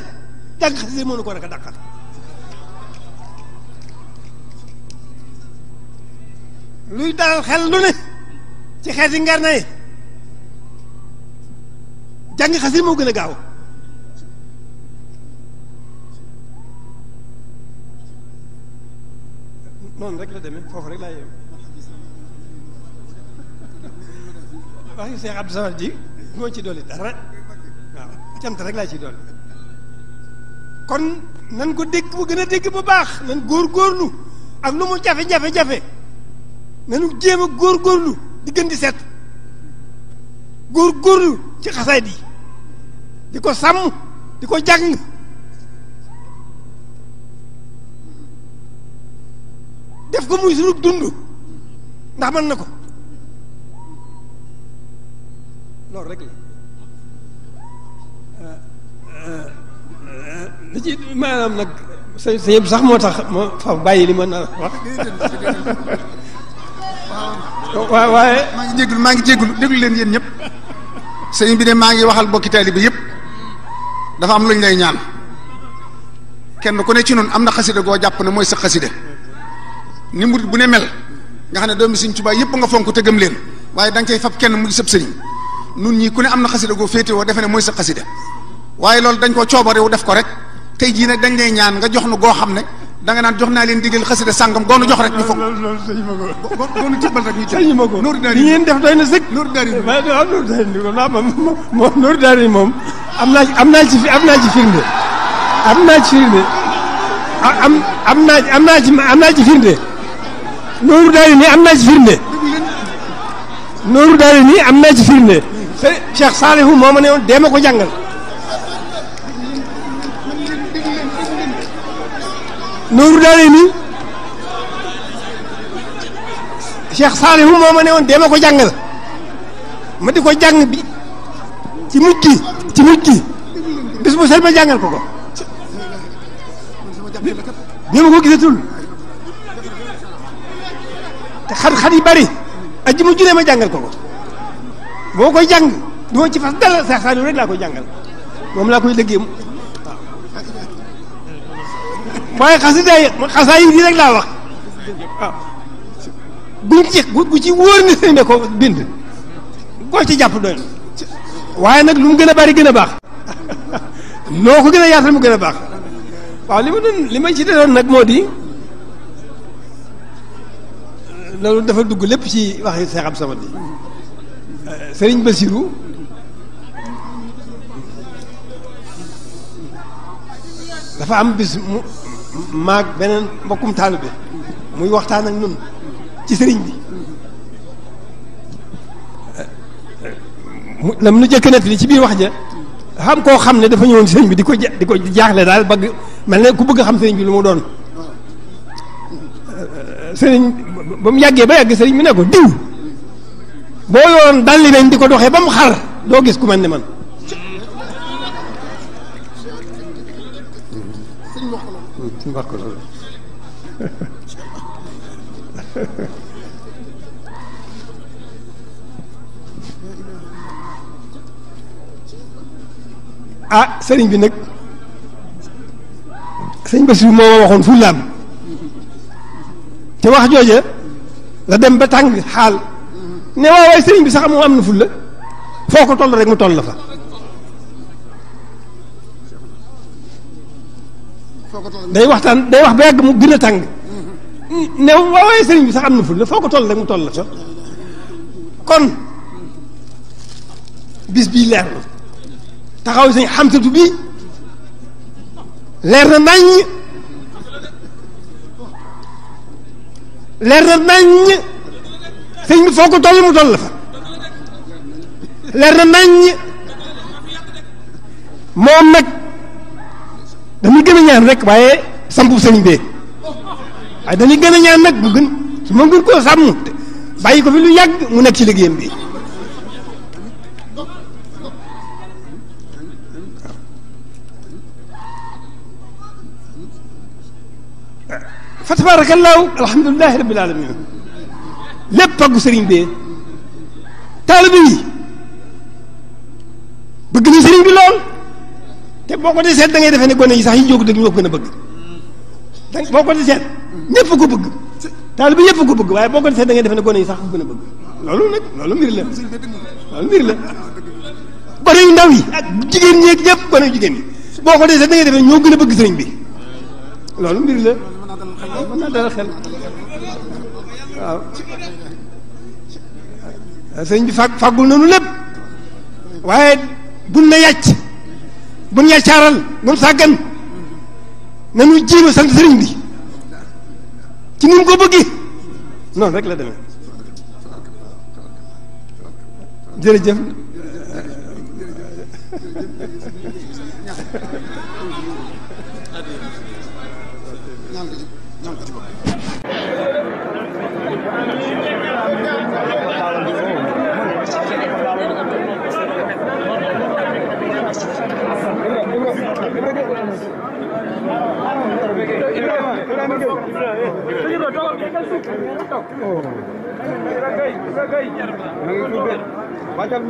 Speaker 2: dagg xasida moo ko war a dàqal xel lu ne ci xeeti ngar na jàng xasida moo gën gaaw noonu rek la demee foofu rek laa yem waxi Cheikh Abdou Samad duma ci dolli dara cant rek ci kon nan ko dégg bu gën a dégg bu baax nan góorgóorlu ak lu mu jafe-jafe-jafe nanu jéem a góorgóorlu di gën di set góorgóorlu ci xasaayid yi di ko sàmm di ko jàng def ko mu sunu dund ndax mën na ko loolu rek li ci maanaam nag sëy sa yëpp sax moo tax ma fa
Speaker 6: bàyyi li ma nar
Speaker 2: waaye maa ngi
Speaker 6: jégalu maa ngi jégalu déglu leen yéen ñëpp sëñ bi ne maa ngi waxal bokki taalibe yëpp dafa am lu ñu ñaan kenn ku ne ci noonu am na xasida goo jàpp ne mooy sa xasida ni murit bu ne mel nga xam ne doomi sëñ tubaay yëpp nga fonk te gëm leen waaye da nga cay fab kenn mu ngi sëy nun ñii ku ne am na xasida goo féete woo defe ne mooy sa xasida waaye loolu dañ ko coobarewu def ko rek tey jii nag dañ lay ñaan nga jox nu goo xam ne da nga naan jox naa leen digal xasida sàngam goonu jox rek ñu foog goonu jëbbal rek ñu sëñ ma ko li ngeen def doy na sëkk nooru daari waaw nooru daari moom nooru daari moom am naa ci am
Speaker 2: naa ci am naa ci firnde am naa ci firnde am am naa am naa ci am naa ci firnde nooru daari nii am naa ci firnde
Speaker 5: nooru daari am naa ci sëñ Cheikh Salihu moo ma woon dee ma ko jàngal. Nuuru daale nii Cheikh Salihu moo ma ko jàngal
Speaker 2: ma di ko jàng bi ci mujj gi
Speaker 5: ci mujj gi bis bu sëñ ma jàngal ko ko. ni ma ko gisatul te xat bari aji mu juree ma jàngal
Speaker 2: koko boo koy jàng du ci fas dala Seex rek laa koy jàngal moom laa koy liggéey waaye xasida yi xasaa yi bii rek laa wax waaw ah. ci bu ci wóor ni sëñ ne ko bind koo ci jàpp doy waaye nag lu mu gën a bari gën a baax noo ko gën a yaatal mu gën a baax waaw li ma doon li ma ci doon nag moo di loolu dafa dugg lépp ci waxi Seex Abdu Samad bi
Speaker 3: sëriñ Basiru
Speaker 2: dafa am bis mu maag beneen mbokkum bi muy waxtaan ak ñun ci sëriñ bi mu lam nu jëkk nett li ci biir wax ja xam koo xam ne dafa ñëwoon sëriñ bi di ko di ko jaaxle daal bag mel ne ku bëgg xam sëriñ bi lu mu doon sëriñ ba mu yàggee ba yàgg sëriñ bi ne diw boo yoroon dalli nañ di ko doxee ba mu xar doo gis ku mel ne man ah sëriñ bi nag sëñ Basiru moo ma waxoon fullaam te wax jooja la dem ba tàng xaal ne waaw way serigne bi sax mo amna na fulla foo ko toll rek mu toll la fa day waxtan day wax beug mu gëna tàng ne waaw way serigne bi sax amna na fulla foo ko toll rek mu toll la fa kon bis bi leer taxaw sañ xamtu bi
Speaker 5: leer na nañ leer na nañ sëñ bi foko ko mu toll la fa leer nañ moom nak dañu gëna ñaan rek waye sampu sëñ bi
Speaker 2: ay dañu gëna ñaan nak bu gën su ma gën koo sàmm fi lu yàgg mu nekk ci liggéeyam bi fa tabarakallahu alhamdulillahi rabbil alamin lépp pàggu sëriñ bee taalibe yi bëgg na sëriñ bi lool te boo ko di seet da ngay defee ne gone yi sax yi jóg dëgg ñoo ko gën a bëgg boo ko di seet ñëpp ko bëgg taalibe yëpp ko bëgg waaye boo ko di seet da ngay defee ne gone yi sax ko gën a bëgg loolu nag loolu mbir la
Speaker 6: loolu
Speaker 2: mbir la gone yu ndaw yi ak jigéen ñi ak ñëpp gone yu boo ko di seet da ñoo gën a bëgg sëriñ bi loolu mbir la
Speaker 6: mën
Speaker 7: naa dalal xel
Speaker 5: sëñ bi fag fàggul nanu lépp waaye buñ na yàcc buñ yàccaaral buñ sàggan nanu jiima sant sëriñ bi ci ni ko bëggi noonu rek la
Speaker 2: demee
Speaker 6: jërëjëf
Speaker 7: Macam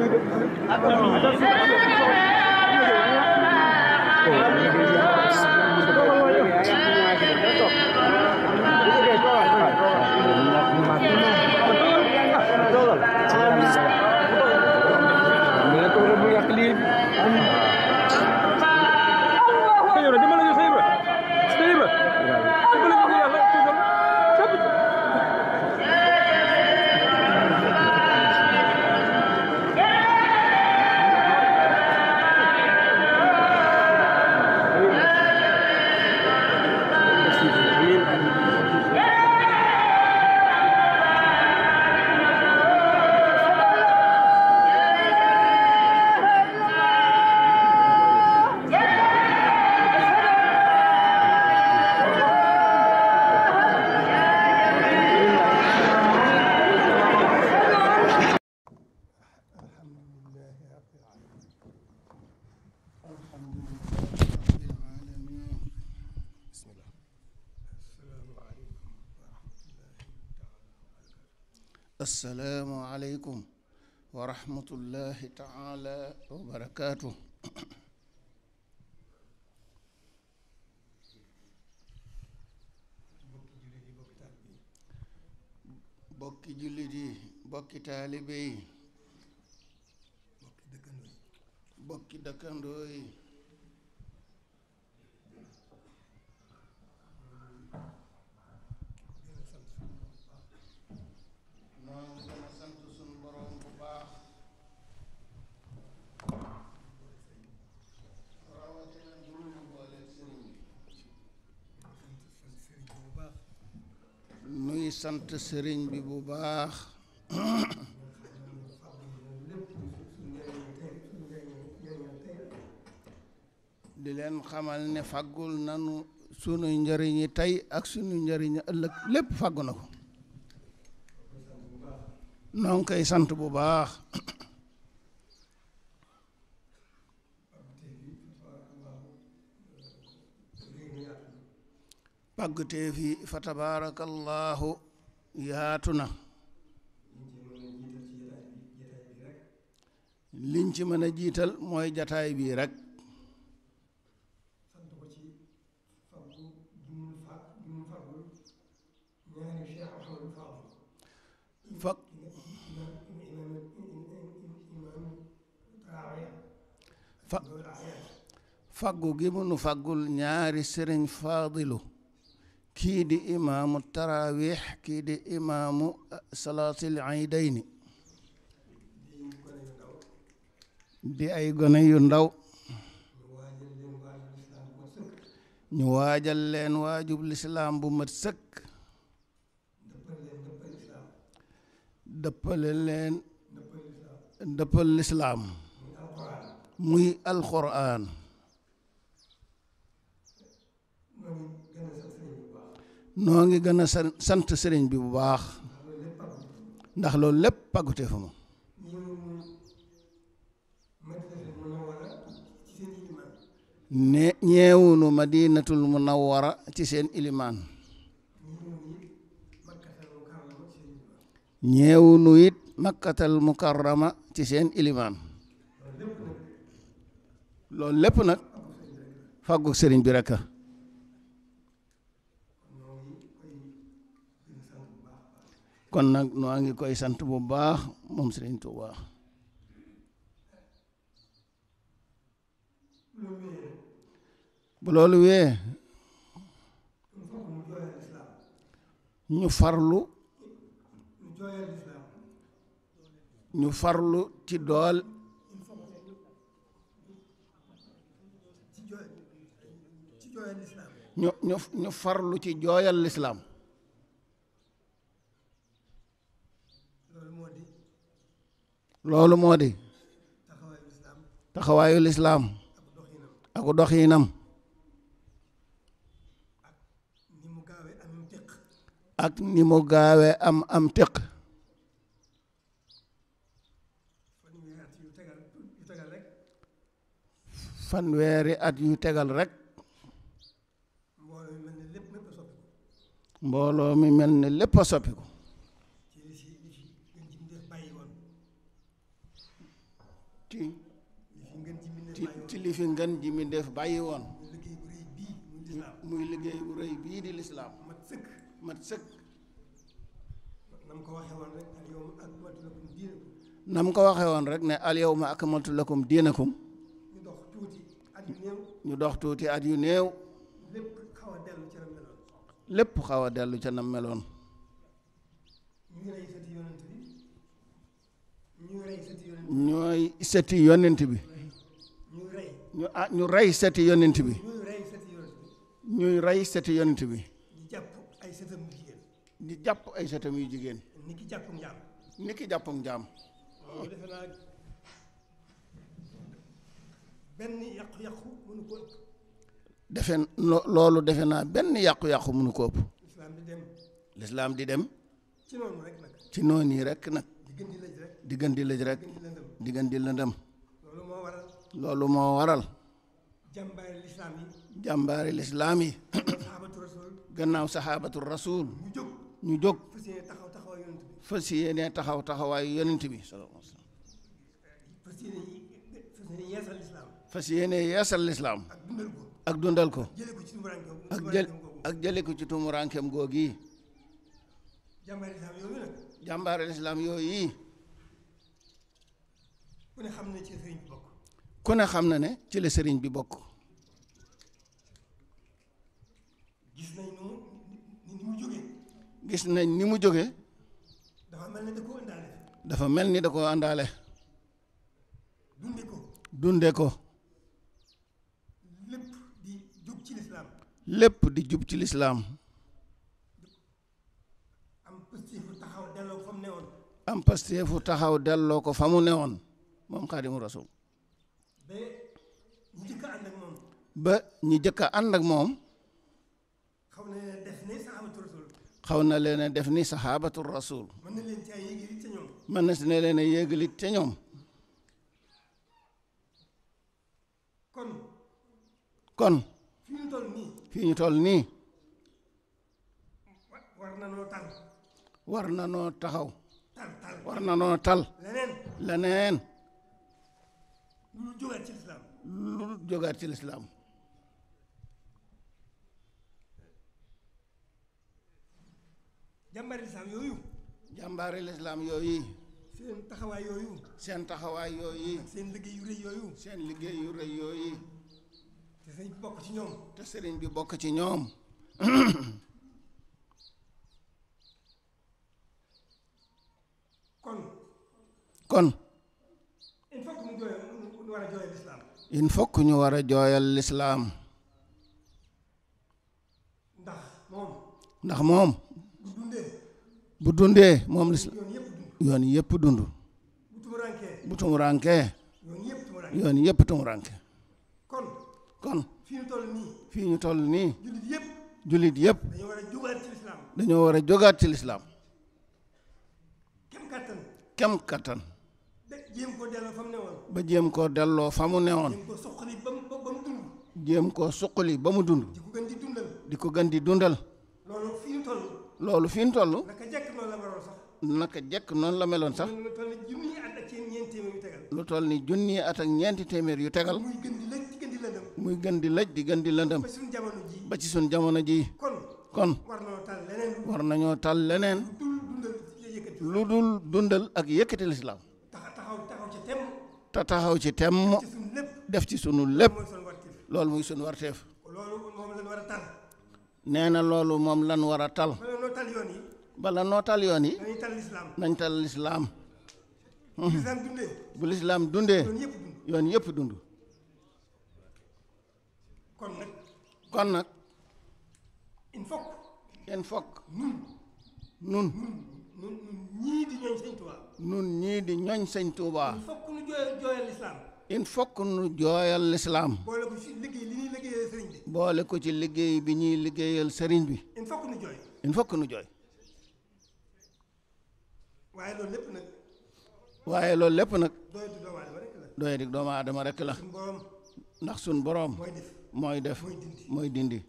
Speaker 8: السلام عليكم ورحمة الله تعالى وبركاته بكي جلدي بكي تالي بوكي دكندوي بوكي دكندوي noo bu baax rawatina dul nuy sant sëriñ bi bu baax di leen xamal ne faggul nanu sunu njëriñi tey ak sunuy njëriñi ëllëg lépp faggu na ko noo koy sant bu baax pàggtee fi fa tabaarakallaahu yaatu na liñ ci mën a jiital mooy jataay bii rek fa faggu gi mu nu ñaari sëriñ faadilu kii di imaamu taraawix kii di imaamu salaatil aydayni di ay gone yu ndaw ñu waajal leen waajub lislaam bu mat sëkk dëppale leen dëppal lislaam muy alxuraan noo ngi gën a sant sëriñ bi bu baax ndax loolu lépp pàggute fa moom ne ñeewunu madinatul munawwara ci seen ilimaan ñeewunu it makkatal mukarrama ci seen ilimaan loolu lépp nag fàggu sëriñ bi rek kon nag noo ngi koy sant bu baax moom sëriñ Tuuba bu loolu wee ñu farlu ñu farlu ci dool ñu ñu ñu farlu ci jooyal lislaam loolu moo di taxawaayu lislaam ak doxiinam ak ni mu gaawee am am téq fanweeri at yu tegal rek mbooloo mi mel ne lépp a soppiku ci ci li fi ngeen ji mi bàyyi woon muy liggéey rëy bii di lislaam mat sëkk
Speaker 2: mat ko waxee woon rek
Speaker 8: ko waxee woon rek ne al yawma akmaltu lakum diinakum ñu dox tuuti at yu néew ñu lépp xaw a dellu ca nam meloon ñooy seti yonent bi ñu ah ñu rey seti yonent bi ñuy rey seti yonent bi di jàpp ay setam yu jigéen ni ki jàppum jaam ni ki jàppum jaam
Speaker 2: benn yàqu-yàqu mënu
Speaker 8: defe loolu defe naa benn yàqu-yàqu mënu ko lislaam di dem ci noonu yi rek nag di gën di lëj rek di lëndëm loolu moo waral jàmbaari lislaam yi gannaaw saxaabatu rasuul ñu jóg fas yéene taxaw taxawaayu yonent bi fas yéene yeesal lislaam yeesal lislaam ak dundal ko ak jele ak jële ko ci tumuraankeem googi jàmbaare lislaam yooyu ku ne xam na ne ci serign bi bok ku ne xam ne ci le serign bi bok
Speaker 2: gis nañ ni mu joge
Speaker 8: gis nañ ni mu joge dafa melni da ko andale dafa melni da ko andale dundé ko dundé ko lépp di jub ci lislaam am pasteefu taxaw delloo ko fa mu newoon moom xaadimu rasul ba ñi jëkk a ànd ak moom xaw na leen a def ni saxaabatu rasul mën na si ne leen a yéegalit ca ñoom kon fii ñu toll nii
Speaker 2: war na noo tal
Speaker 8: war na noo taxaw war na noo tal leneen
Speaker 2: lu jógaat ci lislaam
Speaker 8: lu jógaat ci lislaam jàmbaari lislaam yooyu jàmbaari lislaam taxawaay yooyu seen taxawaay yooyu seen liggéey yu rëy yooyu seen liggéey yu rëy yooyu te sëriñ bi bokk ci ñoom. sëriñ bi bokk ci ñoom. kon. kon. fokk ñu war a jooyal lislaam. il ndax moom. bu dundee. moom lislaam yoon yëpp dund. bu tumurankee. bu yoon yëpp tumurankee. kon fi ñu toll ni fi ñu toll yep julit yep julit yëpp dañoo war a jógaat ci lislaam dañoo war a jógaat ci lislaam kem kattan kem kattan ba jéem ko delloo fa mu newoon
Speaker 2: ba jéem ko delloo fa mu newoon
Speaker 8: jéem ko suqali ba mu dund di ko gën di dundal di dundal
Speaker 2: loolu fi ñu toll
Speaker 8: loolu fi ñu toll naka jekk noonu la meloon sax naka lu toll ni junni at ak ñeenti téeméer yu tegal ni junni at ak ñeenti téeméer muy gën di laj di gën di lëndëm ba ci sun jamono ji kon war nañoo tal leneen lu dul dundal ya ak yëkkati l'islam ta taxaw ci temm def ci sunu lepp loolu muy sunu warteef nee na loolu moom lan war a tal bala noo tal yoon yi nañ tal l'islam bu l'islam dundee yoon yëpp dund kon nag kon nag il faut nun nun
Speaker 2: nun ñii di ñooñ sëñ Tuubaa
Speaker 8: nun ñii di ñooñ sëñ Tuubaa il faut nu jooyal jooyal boole ko ci liggéey bi ñuy liggéeyal sëriñ bi il faut nu jooy
Speaker 2: waaye loolu lépp nag
Speaker 8: waaye loolu lépp la ndax suñ boroom mooy def mooy dindi.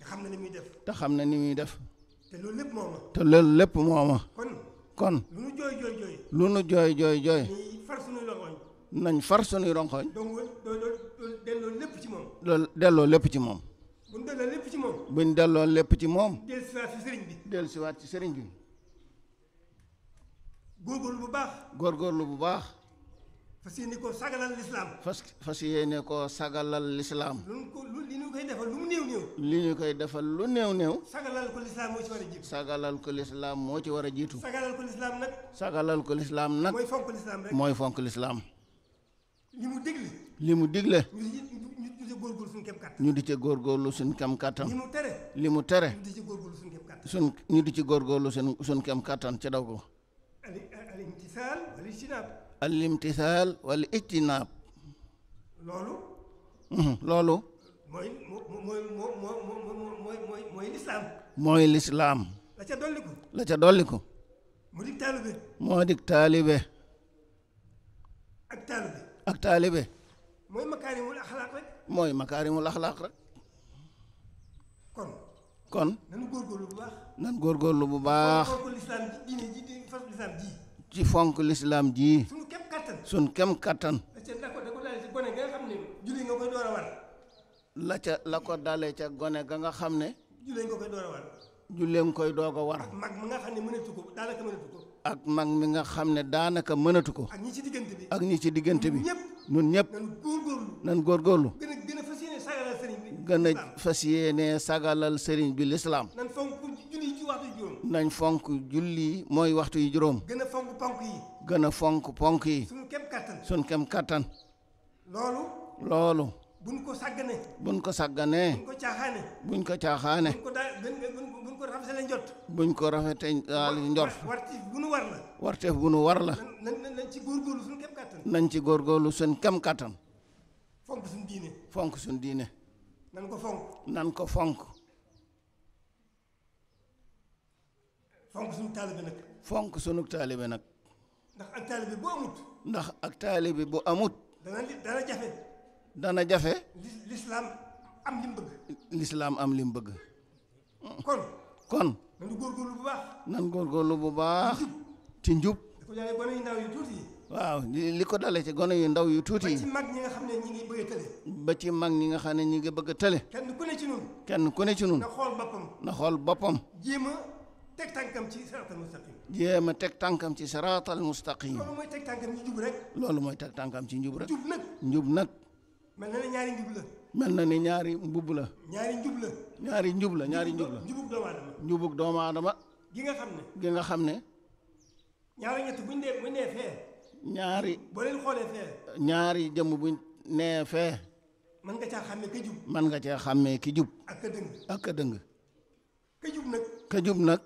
Speaker 8: te xam na ni muy def. te xam na ni muy def. te loolu lépp moo lépp moo ma. kon. lu nu jooy jooy jooy. lu nañ far sunuy rongoñ. nañ far delloo lépp ci moom. loolu delloo lépp ci moom.
Speaker 2: buñ delloo lépp ci moom.
Speaker 8: buñ delloo lépp ci moom. dellusiwaat ci sëriñ bi. dellusiwaat ci sëriñ bi. góorgóorlu bu baax. góorgóorlu bu baax. fas yéene yéene koo sagalal lislaam.
Speaker 2: ko lu li ñu koy defal lu mu néew néew.
Speaker 8: li ñu koy defal lu néew néew. sagalal ko lislaam moo ci war a jiitu. sagalal ko lislaam moo ci war a jiitu. nag. sagalal ko lislaam nag. mooy fonk lislaam li mu digle. li mu digle. ñu di ci góorgóorlu suñ kam kàttan. li mu tere. di ci góorgóorlu góorgóorlu suñ ci daw ko. al imtisaal wal ijtinaab loolu loolu
Speaker 2: mooy mooy mooy mooy lislaam
Speaker 8: mooy lislaam la ca dolliku la ca dolliku moo dig taalibe moo dig taalibe ak ak taalibe
Speaker 2: mooy makaarimul axlaaq
Speaker 8: rek mooy makaarimul axlaaq rek kon kon nan góorgóorlu bu baax bu
Speaker 2: baax
Speaker 8: ci fonk lislaam ji suñ kem kattan suñ kem kattan la ca la ko dale ca gone ga nga xam ne jullee nga koy door war doog a war ak mag mi nga xam ne daanaka mënatu ko ak mag mi nga xam ne daanaka mënatu ko ak ñi ci diggante bi ak ñi ci diggante bi ñun ñëpp nan góorgóorlu nan gën a fas sagalal sëriñ bi lislaam nañ fonk julli mooy waxtu yi juróom gën
Speaker 2: a fonk ponk yi
Speaker 8: gën a fonk ponk yi loolu loolu ko sàggane buñ ko caaxaane buñ ko caaxaane buñ ko bu nu war ci góorgóorlu suñ kem kattan suñ kem kattan fonk suñ diine fonk suñ diine nan ko fonk. nan ko fonk.
Speaker 2: fonk sunu taalibe nag.
Speaker 8: fonk sunu taalibe nag.
Speaker 2: ndax ak taalibe bu amut.
Speaker 8: ndax ak taalibe bu amut.
Speaker 2: dana dana jafe. dana jafe. lislaam am
Speaker 8: lim bëgg. lislaam am lim bëgg. kon. kon. nañu góorgóorlu bu baax. nan góorgóorlu bu baax. ci njub. waaw li ko dalee ci gone yu ndaw yu tuuti. ba ci
Speaker 2: mag ñi nga xam ne ñi ngi bëgg tële.
Speaker 8: ba ci mag ñi nga xam ne ñi bëgg a tële.
Speaker 2: kenn ku kenn ku ne ci nun xool
Speaker 8: boppam. jéem
Speaker 2: a teg tànkam
Speaker 8: jéem a teg tànkam ci siraatal mustaqim. loolu
Speaker 2: mooy teg loolu
Speaker 8: mooy teg tànkam ci njub rek. nag njub mel na ni ñaari mbubb la. ñaari njub la. ñaari njub doomu aadama. njubug nga xam ne. gi ñaari ñett buñ dee buñ dee fee ñaari. boo leen ñaari jëmm buñ nee fee.
Speaker 2: mën nga caa xàmmee ki
Speaker 8: jub. nga caa xàmmee ki jub. ak ka dëng. ka jub nag. ka jub nag.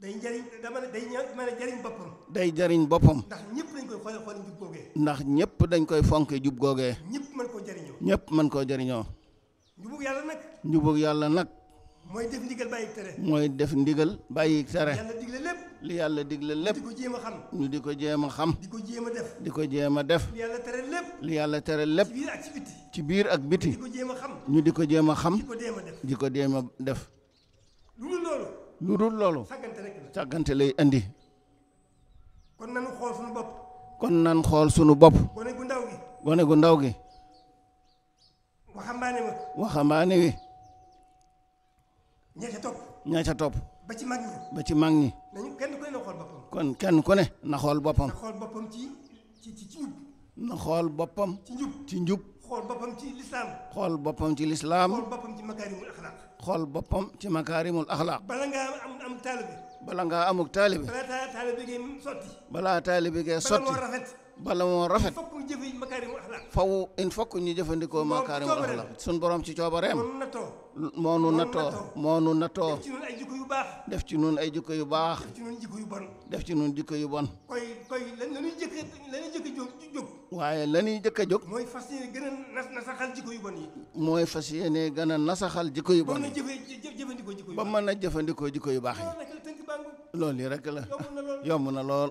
Speaker 2: day jariñ boppam.
Speaker 8: day jariñ boppam. ndax ñëpp dañ koy xoolee jub googee. ndax ñëpp fonke jub googee. ñëpp mën koo jariñoo. ñëpp mën koo jariñoo. njubug yàlla nag.
Speaker 2: mooy def ndigal bàyyi
Speaker 8: tere. mooy def ndigal bàyyi tere. li yàlla digle lépp. di jéem a ñu di ko jéem xam. di ko jéem a def. di ko jéem a def. li yàlla tere lépp. li yàlla tere lépp. ci biir ak biti. ci jéem a xam. ñu di ko jéem a xam. di ko jéem def. di ko jéem a def. lu dul loolu. lu dul loolu. sàggante lay indi
Speaker 2: kon nan xool suñu bopp.
Speaker 8: kon nan xool sunu bopp. gone gu ndaw gi. ndaw gi. waxambaane wi. ña top, topp top. ca mangi, ba ci mag ñi ba nah, ci mag ñi dañu kenn ku ne na xool boppam kon kenn ku ne na xool boppam na
Speaker 2: xool boppam ci ci ci njub na xool
Speaker 8: boppam ci njub ci njub
Speaker 2: xool boppam ci lislaam
Speaker 8: xool boppam ci lislaam xool
Speaker 2: boppam ci makaarimul axlaaq
Speaker 8: xool boppam ci makaarimul axlaaq
Speaker 2: bala ngaa am am taalibe
Speaker 8: bala am amuk taalibe
Speaker 2: bala taalibe ngeen sotti
Speaker 8: bala taalibe ngeen sotti bala moo rafet bala moo rafet fokk
Speaker 2: ñu jëfe makaarimul
Speaker 8: axlaaq faw in fokk ñu jëfandikoo makaarimul axlaaq sun borom ci coba rem. moo nu natoo moo nu natoo def ci ñun ay jikko yu baax. def ci ñun ay jikko yu baax. def ci ñun jikko yu bon. waaye la jëkk a jóg. mooy fas yéene gën a nasaxal jikko yu yi. bon mën a jëfandikoo jikko yu baax ba yi. loolu yi rek la yomb na lool.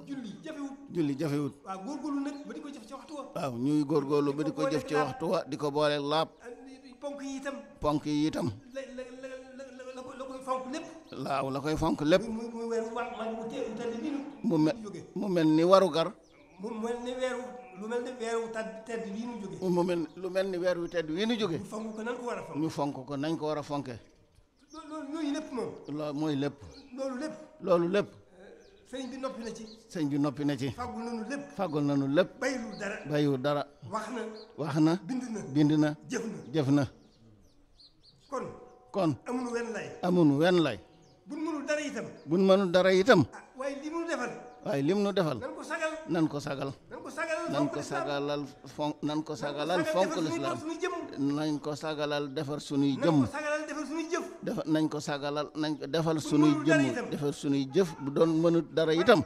Speaker 8: julli jafewut. waaw góorgóorlu nag ba di ko jëf ci waxtu ba di ko jëf ci waxtu di ko boole laab ponk yi itam. ponk yi itam. la
Speaker 2: la la koy fonk lépp.
Speaker 8: waaw la koy fonk lépp. mu mel ni waru gar. mu mel ni weeru lu mel ni weeru tedd wii nu jóge. mu mel lu mel ni weeru tedd wii nu jóge. ñu fonk ko nañ ko war a fonk. ñu fonk ko nañ ko war a fonke. loolu mooy lépp. loolu lépp. loolu lépp.
Speaker 2: sëriñ bi noppi na ci.
Speaker 8: sëriñ bi noppi na ci. fàggul nañu lépp. fàggul nañu lépp. bàyyiwul dara. bàyyiwul dara. wax na. wax na. bind na bind na. jëf na jëf na. kon. kon amuñu wenn lay. amuñu wenn lay.
Speaker 2: buñ mënul dara itam.
Speaker 8: buñ mënul dara itam. Ah,
Speaker 2: waaye li mu defal.
Speaker 8: waaye nan ko sagal. nan ko ko sagalal fonk nan ko sagalal fonk lislaam. nan ko sagalal defar suñuy jëmm. nan ko sagalal defar suñuy jëmm. dafa nañ ko sagalal nañ ko defal suñuy jëmm defal suñuy jëf bu doon mënut dara itam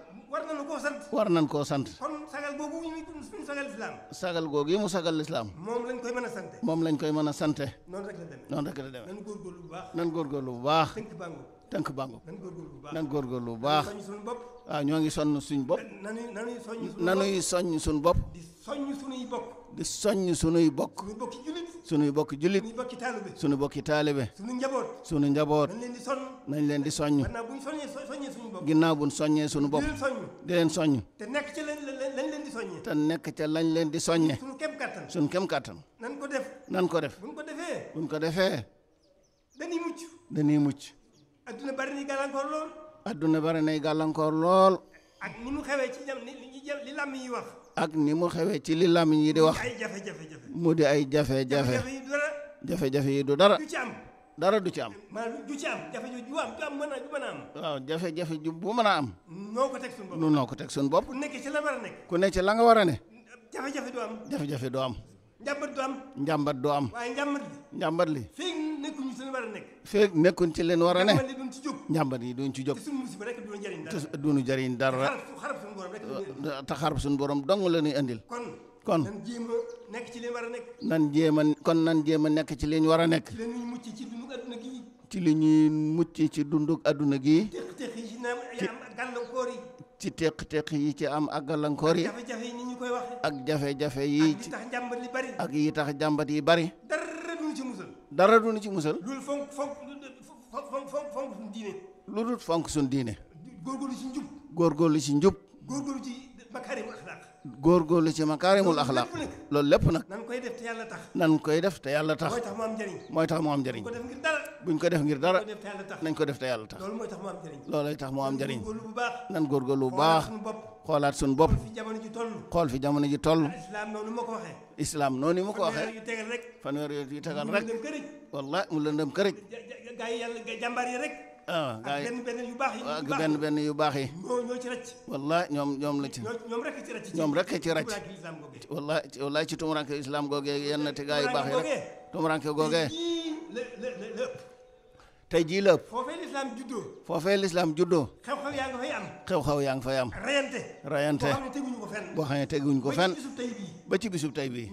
Speaker 8: war nañ koo sant
Speaker 2: sagal googu mu sagal
Speaker 8: lislaam yi mu sagal lislaam
Speaker 2: moom lañ
Speaker 8: koy mën a sante noon
Speaker 2: lañ koy mën a la demee
Speaker 8: nan góorgóorlu bu baax bu baax tënk bàngu nan góorgóorlu bu baax waaw ñoo ngi sonn suñ bopp nanuy soññ suñ bopp di soññ sunuy bokk sunuy bokk jullit sunuy bokki taalibe sunu njaboot nañ leen di soññ ginnaaw buñ soññee sunu bopp di leen soññ
Speaker 2: te nekk ca lañ leen
Speaker 8: di soññe te nekk ca lañ leen di soññe sunu kem kàttan nan ko def nan ko def buñ ko defee dañuy mucc dañuy mucc
Speaker 2: adduna bari nay gàllankoor lool
Speaker 8: adduna bari nay gàllankoor lool
Speaker 2: ak ni mu xewee ci jam li làmm yi wax
Speaker 8: ak ni mu xewee ci li làmmiñ yi di wax mu di ay jafe-jafe jafe-jafe yi du dara dara ci am. dara du ci am
Speaker 2: jafe-jafe ju am mën a mën
Speaker 8: waaw jafe-jafe ju bu mën a am.
Speaker 2: noo ko teg suñu bopp
Speaker 8: noo ko teg ku nekk ci la war nga war a ne. jafe-jafe du am. jafe-jafe du am. njàmbat du am. njàmbat li. njàmbat li.
Speaker 2: feeg nekkuñ ci leen war a nekk.
Speaker 8: feeg nekkuñ ci war a ne. njàmbat yi duñ ci jóg. njàmbat yi duñ ci jóg. te suñu musiba rek duñu jëriñ dara. te xarab suñu borom dong la ñuy indil. kon kon nan jéem a nekk ci leen war a nekk. ci li ñuy mucc ci dundug adduna gii. ci téq téq yi ci am ak gàllankoor yi. jafe-jafe yi ni ak jafe-jafe yi. ak tax jàmbat yi bari. ak yi tax jàmbat yi bari.
Speaker 2: dara duñu ci musal.
Speaker 8: dara duñu ci musal. loolu
Speaker 2: fonk fonk fonk fonk diine.
Speaker 8: lu dul fonk suñu diine.
Speaker 2: góorgóorlu ci njub.
Speaker 8: góorgóorlu ci njub.
Speaker 2: ci makaarimu
Speaker 8: góor góor góorgóorlu ci makaarimul axlaaq loolu lépp nag nan koy def te yàlla tax te yàlla tax mooy tax mu am njëriñ mooy tax mu am njëriñ buñ ko def ngir dara nañ ko def te yàlla tax loolay tax mu am njëriñ nan góorgóorlu bu baax xoolaat suñu bopp xool fi jamono ji toll islaam noonu ma ko waxee fanweer yu tegal rek wallaahi mu lëndëm kërëj
Speaker 2: gaa yi yàlla jàmbaar yi rek
Speaker 8: ah benn benn yu baax yi ak benn benn yu baax yi. ñoo ñoo ñoom ñoom la ci.
Speaker 2: ñoom rek ci rëcc. ñoom rek ci rëcc.
Speaker 8: wallaay wallaay islam googee yenn te gars yu baax yi rek. tumuranke googee. tay ji lepp fofé l'islam juddo fofé l'islam juddo
Speaker 2: xew-xew yang fay am
Speaker 8: xew-xew yang fay am rayante rayante bo xam teguñ ko fenn ba ci bisub tey bii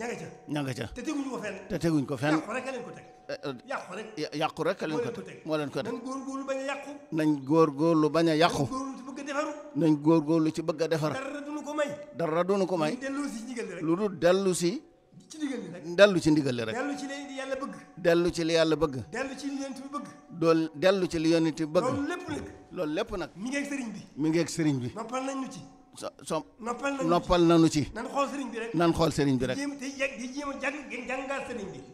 Speaker 8: ña nga ca te teguñu ko fenn te teguñu ko fenn yàqu rek eh, eh, yàqu rek ya-, leen ko teg moo leen ko teg nañ góorgóorlu bañ a yàqu nañ góorgóorlu ci bëgg defaru nañ ci bëgg defar dara duñu ko may dara duñu ko may lu dul ci ndigal li rek dellu ci ndigal li rek
Speaker 2: dellu ci li yàlla bëgg
Speaker 8: dellu ci li yàlla bëgg dellu
Speaker 2: ci li yonent bi bëgg
Speaker 8: dool dellu ci li yonent bi bëgg loolu lépp nag loolu lépp mi ngi sëriñ bi mi ngi ak sëriñ bi
Speaker 2: noppal nañ ci noppal nañu ci nan xool sëriñ bi rek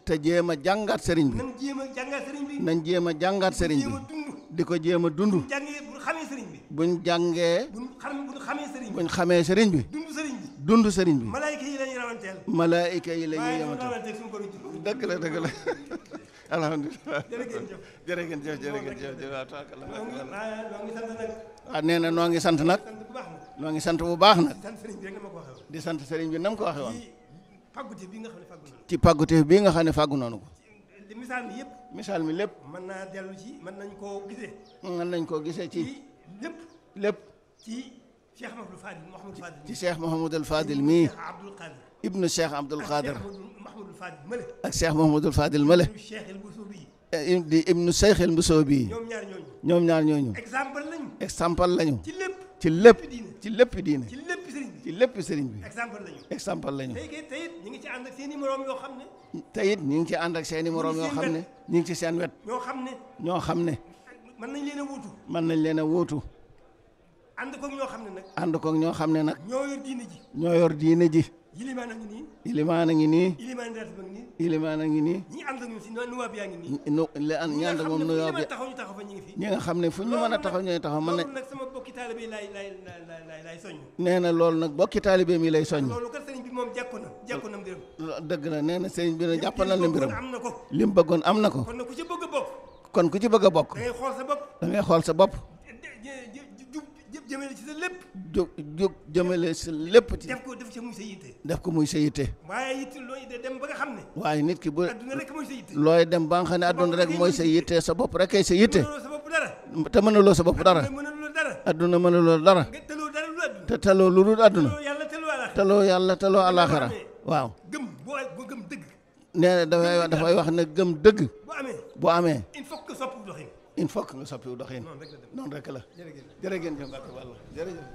Speaker 8: te jéem a jàngaat sëriñ bi nan jéem a jàngaat sëriñ bi di ko jéem a dund buñ jàngee buñ xamee sëriñ bi dund sëriñ bi dund sëriñ bi
Speaker 2: malaayika yi la ñuy rawanteel malaayika
Speaker 8: yi la ñuy la dëgg ah, nee na noo ngi sant nag noo ngi sant bu baax nak di sant serigne bi nam ko waxe won ci pagouté bi nga xam fagu nonu ko misaal mi yëpp misaal mi lépp
Speaker 2: man na delu ci man nañ ko gisee
Speaker 8: man nañ ko gisee ci lépp lépp ci
Speaker 2: cheikh Mouhamadou Fadil Mouhamadou Fadil ci
Speaker 8: cheikh Mouhamadou Fadil mii ibnu cheikh Abdoul Khadir ak cheikh Mouhamadou Fadil Male di ibnu cheikh El Mbousso bii ñoom ñaar ñooñu ñoom ñaar ñooñu exemple lañu exemple lañu ci lépp ci lépp ci lépp diine ci lépp sëriñ bi ci lépp sëriñ bi. exemple lañu exemple lañu. tey
Speaker 2: tey ñu ngi ci ànd ak seen i yoo xam ne.
Speaker 8: tey it ñu ngi ci ànd ak seen i morom xam ne. ñu ngi ci seen wet. ñoo xam ne. ñoo xam ne.
Speaker 2: mën nañ leen a wóotu.
Speaker 8: mën nañ leen a wóotu.
Speaker 2: ànd koog ñoo xam ne nag.
Speaker 8: ànd ñoo xam ne nag. ñoo yor diine ji. ñoo yor diine ji.
Speaker 2: yilimaan a ngi nii. yilimaan a ngi nii. yilimaan dara ba ngi nii. a si nuwaab yaa ngi
Speaker 8: nii. nu ñi ànd ak moom nuwaab
Speaker 2: ya
Speaker 8: nga xam ne fu ñu mën a taxaw ñooy taxaw mën na. loolu nag
Speaker 2: sama bokki taalibe yi lay lay lay lay soññ.
Speaker 8: nee na loolu nag mi lay soññ. loolu
Speaker 2: kat sëriñ bi moom jàkkoon na jàkkoon na
Speaker 8: dëgg la nee na sëriñ bi nag jàppandal na mbiram. li mu bëggoon am na ko. kon ku ci bëgg bokk. kon ku ci bëgg a bokk. da ngay xool sa bopp. jëmale ci sa lépp. jóg
Speaker 2: def ko ci muy sa
Speaker 8: yitte. muy sa yitte. waaye nit ki bu. looy dem ba nga xam ne adduna rek mooy sa yitte sa bopp rek kay sa yitte. te mënaloo sa bopp dara. adduna mënaloo dara. te taloo lu dul adduna. taloo yàlla taloo alaxara waaw. gëm boo gëm dëgg. nee na dafay dafay wax ne gëm dëgg. bu amee il faut que nga soppiwu doxin Non, rek la jërë ngeen jëf ak wàlla jërëjëf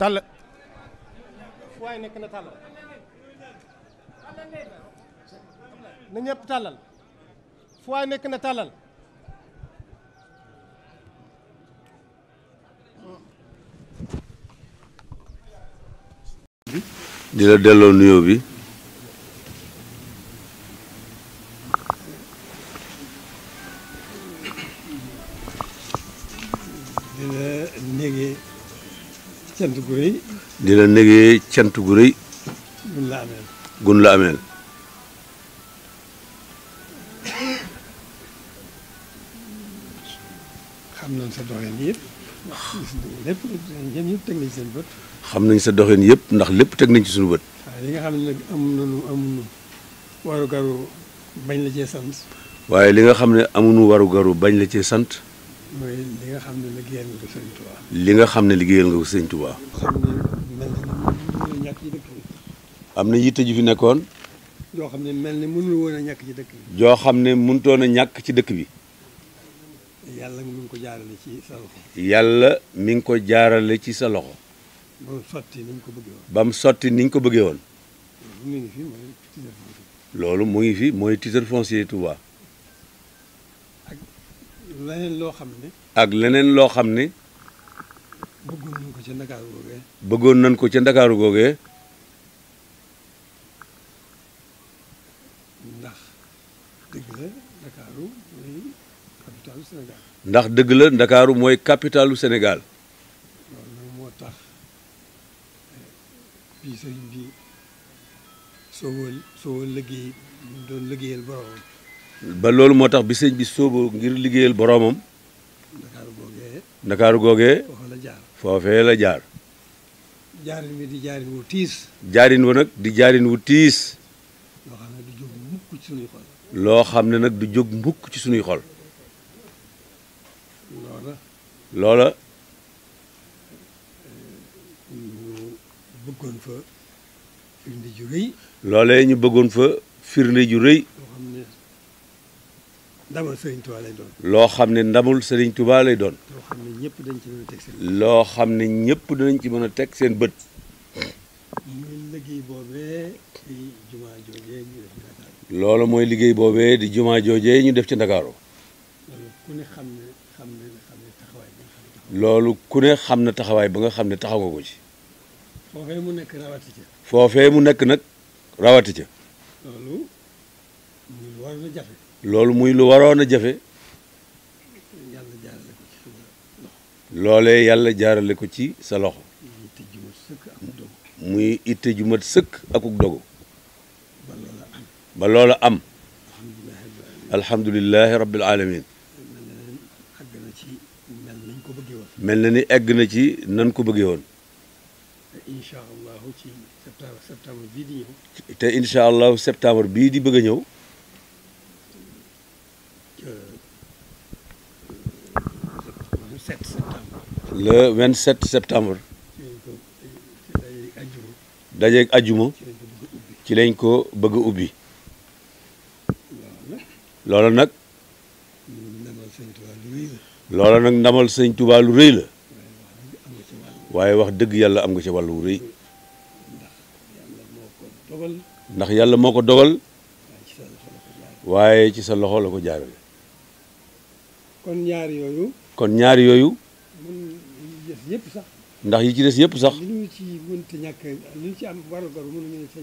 Speaker 5: tàll waaye nekk na tàllal na ñëpp talal. fu na talal.
Speaker 1: di la delloo bi
Speaker 2: di la négee cant gu rëy.
Speaker 1: di la négee cant gu rëy. gun la ameel. gun la ameel.
Speaker 2: xam nañ sa doxin yëpp. lépp ñun ñëpp teg
Speaker 1: xam nañ sa doxin yëpp ndax lépp teg nañ ci suñu bët.
Speaker 2: waaye li nga xam ne nag amuñu amuñu warugaru bañ la cee sant.
Speaker 1: waaye li nga xam ne amuñu warugaru bañ la cee sant.
Speaker 2: mooy li nga xam ne liggéeyal nga ko sëñ Touba.
Speaker 1: li nga xam ne liggéeyal nga ko sëñ Touba. am na yitte ju fi nekkoon.
Speaker 2: joo xam ne mel ni mënul woon ñàkk ci dëkk bi.
Speaker 1: joo xam ne mënutoon a ñàkk ci dëkk bi.
Speaker 2: yàlla mu ngi ko jaarale ci sa loxo.
Speaker 1: yàlla mi ngi ko jaarale ci sa loxo. ba mu sotti ni ñu ko bëggee woon. ba
Speaker 2: ni ñu ko bëggee woon.
Speaker 1: loolu mu ngi fi mooy titre foncier Touba.
Speaker 2: leneen loo xam ne.
Speaker 1: ak leneen loo xam ne.
Speaker 5: bëggoon
Speaker 2: nañ ko ca ndakaaru googee.
Speaker 1: bëggoon nañ ko ca ndakaaru googee.
Speaker 2: ndax dëgg la ndakaaru mooy capitalu Sénégal.
Speaker 1: ndax dëgg la ndakaaru mooy capitalu Sénégal.
Speaker 2: loolu nag moo tax eh,
Speaker 1: ba loolu moo tax bi sëñ bi sóoboo ngir liggéeyal boroomam. ndakaaru googee. ndakaaru googee. foofee la jaar
Speaker 2: jaarin wi di jaarin wu
Speaker 1: tiis. jaarin wu nag di jaarin wu tiis. loo xam ne nag du jóg mbukk ci sunuy xol. loola. loola.
Speaker 2: ñu bëggoon fa firnde ju réy
Speaker 1: loolee ñu bëggoon fa firnde ju rëy.
Speaker 2: ndamal Serigne doon.
Speaker 1: loo xam ne ndamul Serigne Touba lay doon.
Speaker 2: ñëpp dañ ci mën
Speaker 1: loo xam ne ñëpp danañ ci mën a teg seen bët.
Speaker 2: muy liggéey
Speaker 1: loolu mooy liggéey boobee di jumaa joojee ñu def ci Ndakaaru. loolu ku ne xam loolu ku ne xam na taxawaay ba nga xam ne taxaw nga ko ci.
Speaker 2: foofee mu nekk rawati ca.
Speaker 1: foofee mu nekk nag rawati ca. loolu muy lu waroon a jafe loolee yàlla jaarale ko ci sa loxo muy itte ju mat sëkk akuk dogu ba loola am alhamdulilahi rabbil alamin mel na ni egg na ci nan ko bëggee woon te incha allahu septembre bii di bëgg a ñëw 27 septembre. le 27 septembre. dajeeg ajjuma ci lañ ko bëgg ubbi. loola nag. loolu nag ndamal sëñ Tuubaa lu rëy la. waaye wax dëgg yàlla am nga ci wàllu rëy. ndax yàlla moo ko dogal. waaye ci sa loxo la ko jaarale. kon kon ñaari yooyu. yëpp sax. yi ci des yëpp sax.
Speaker 2: li ci ci am warugaru mënuñu ci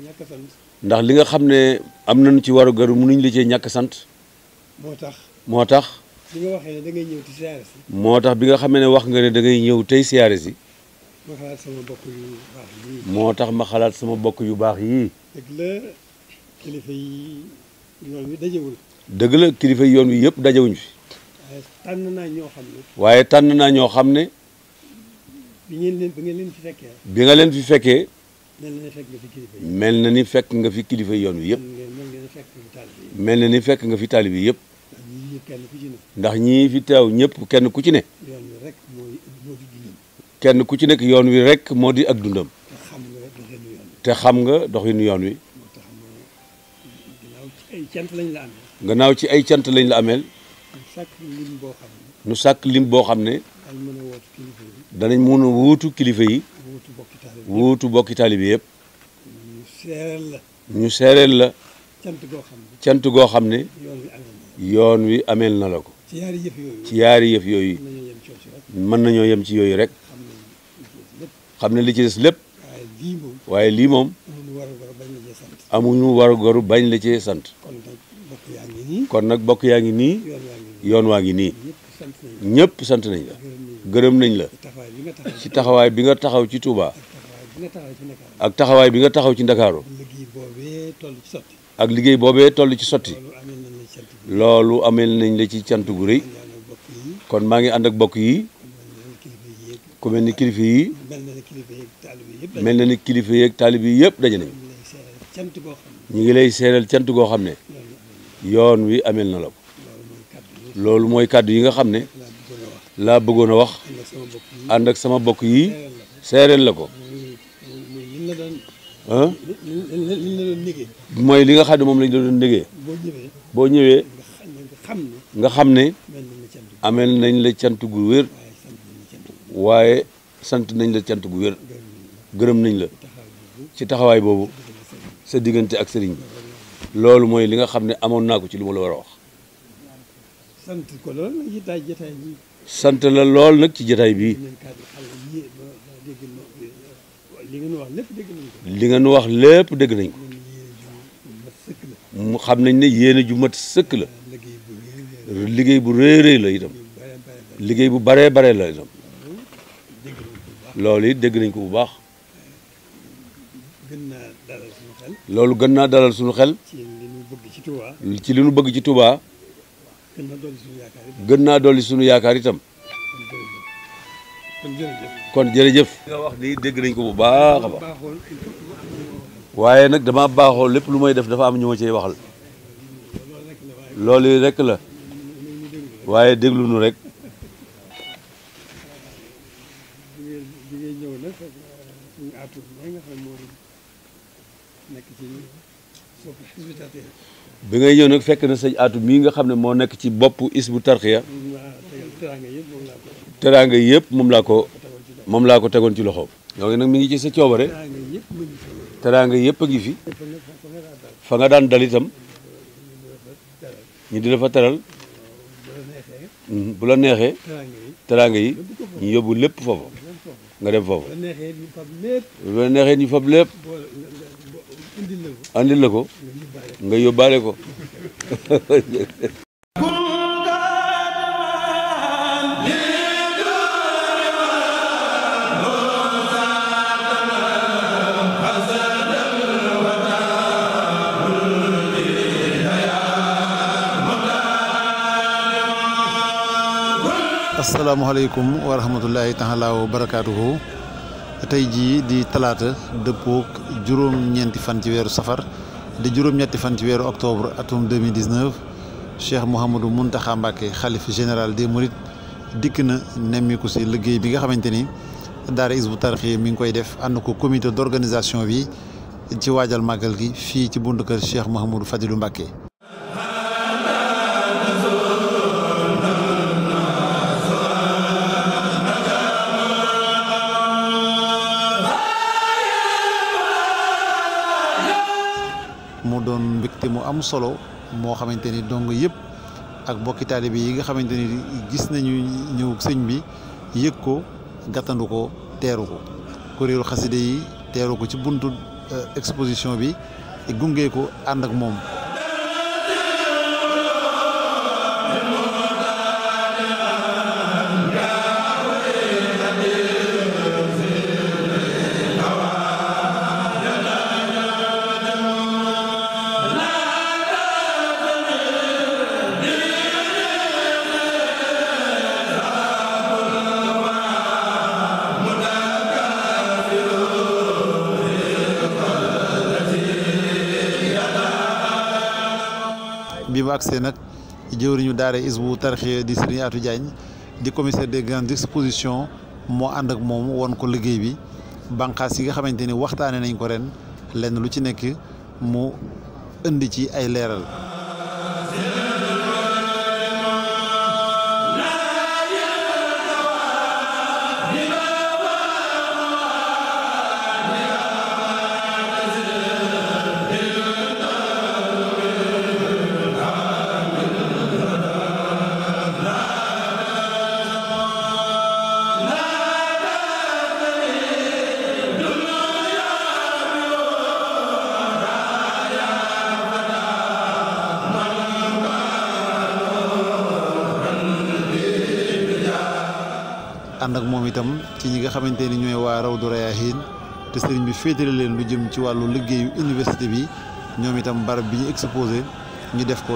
Speaker 1: ndax li nga xam ne am nañu ci warugaru mënuñu la cee ñàkk sant.
Speaker 2: moo
Speaker 3: tax
Speaker 1: moo tax.
Speaker 2: bi nga waxee ne
Speaker 1: moo tax bi nga xamee ne wax nga ne da ngay ñëw tey siyaare si.
Speaker 2: ma xalaat sama bokk yu
Speaker 1: baax tax ma xalaat sama bokk yu baax yii.
Speaker 2: dëgg la kilifa yi yoon
Speaker 1: dëgg la kilifa yi yoon wi yëpp dajewuñ fi.
Speaker 2: tànn naa ñoo xam ne.
Speaker 1: waaye tànn naa ñoo xam ne.
Speaker 2: bi ngeen leen bi ngeen leen fi fekkee. bi nga leen fi fekkee. mel na ni fekk nga fi kilifa yoon wi yëpp. mel na
Speaker 1: ni fekk nga fi taalibe yi yëpp. ndax ñii fi teew ñëpp kenn ku ci ne. kenn ku ci nekk yoon wi rek moo di ak dundam. te xam nga doxinu yoon wi. gannaaw ci ay
Speaker 2: cant lañ la ameel.
Speaker 1: gannaaw ci ay cant lañ la ameel. nu sàkk lim boo xam ne. danañ mën a wóotu kilifa yi. wóotu bokki taalibe yëpp. ñu seereel la. cant goo xam ne. yoon wi ameel na la ko. ci yaari yëf yooyu. mën nañoo yem ci yooyu rek. xam ne li ci des waaye lii moom. amuñu war goru bañ la cee sant. kon nag bokk yaa nii. yoon waa ngi nii ñëpp sant nañ la gërëm nañ la ci taxawaay bi nga taxaw ci Touba ak taxawaay bi nga taxaw ci Ndakaaru ak liggéey boobee toll ci sotti loolu ameel nañ la ci cant gu rëy kon maa ngi ànd ak bokk yi ku ni kilifa yi mel na ni kilifa yeeg taalib yi yëpp daja nañ ñu ngi lay seeral cant goo xam ne yoon wi ameel na la ko loolu mooy kàddu yi nga xam ne laa bëggoon a wax ànd ak sama bokk yi seereel la ko ah mooy li nga xam ne moom lañ la doon négee boo ñëwee nga xam ne ameel nañ la cant gu wér waaye sant nañ la cant gu wér gërëm nañ la ci taxawaay boobu sa diggante ak sëriñ bi loolu mooy li nga xam ne amoon naa ko ci lu ma la war a wax
Speaker 2: sant ko lool nag ci
Speaker 1: sant la lool nag ci jotaay bi.
Speaker 2: li nga wax lépp dégg
Speaker 1: wax lépp dégg nañ ko. mu xam nañ ne yéene ju mat sëkk la. liggéey bu rëy la itam. liggéey bu baree baree la itam. loolu it dégg nañ ko bu baax. loolu gën naa dalal suñu xel. ci li nu bëgg ci Touba. gën naa dolli sunu yaakaar tam
Speaker 2: gën kon jërëjëf
Speaker 1: kon jërëjëf. nga wax di dégg nañ ko bu baax waaye nag dama baaxoo lépp lu may def dafa am ñu ma waxal. loolu rek la. waaye déglu nu rek. bi ngay ñëw nag fekk na sëñ atu mii nga xam ne moo nekk ci bopp bu Tarqiyyah teraanga yëpp moom laa ko moom laa ko tegoon ci loxoom yow nag mi ngi ci sa coobare teraanga yëpp a ngi fi fa nga daan dal itam ñu di la fa teral mhm, bula neexee teraanga yi ñu yóbbu lépp foofu nga dem foofu
Speaker 3: bu
Speaker 1: neexee ñu fab lépp
Speaker 3: andil
Speaker 2: la ko
Speaker 1: nga yóbbaale ko
Speaker 9: asalaamaaleykum wa rahmatullahi taala wa barakaatuhu tey jii di talaata dëppook juróom-ñeenti fan ci weeru safar di juróom-ñetti fan ci weeru octobre atum 2019 Cheikh Mouhamadou Mountakha Mbacké xalif général des Mourides dikk na nemmiku si liggéey bi nga xamante ni daara Hizbut Tarqiyyah mi ngi koy def ànd ko comité d'organisation bi ci waajal màggal gi fii ci buntu kër Cheikh Mouhamadou Fadilou Mbacké doon mbégte mu am solo moo xamante ni dong yëpp ak bokki taalibe yi nga xamante ni gis nañu ñëw sëñ bi yëg ko gàttandu ko teeru ko kuréelu xaside yi teeru ko ci buntu euh, exposition bi gunge ko ànd ak moom agsee nag jëwriñu daara isbu tarxiya di Serigne Atou Diagne di commissaire des grandes expositions moo ànd ak moom won ko liggéey bi banqaas yi nga xamante ni waxtaanee nañ ko ren lenn lu ci nekk mu indi ci ay leeral xamante ni ñooy waa raw Rawdu Rayaahiin te sëriñ bi féetale leen lu jëm ci wàllu liggéeyu université bi ñoom itam barab bi ñu exposé ñu def ko.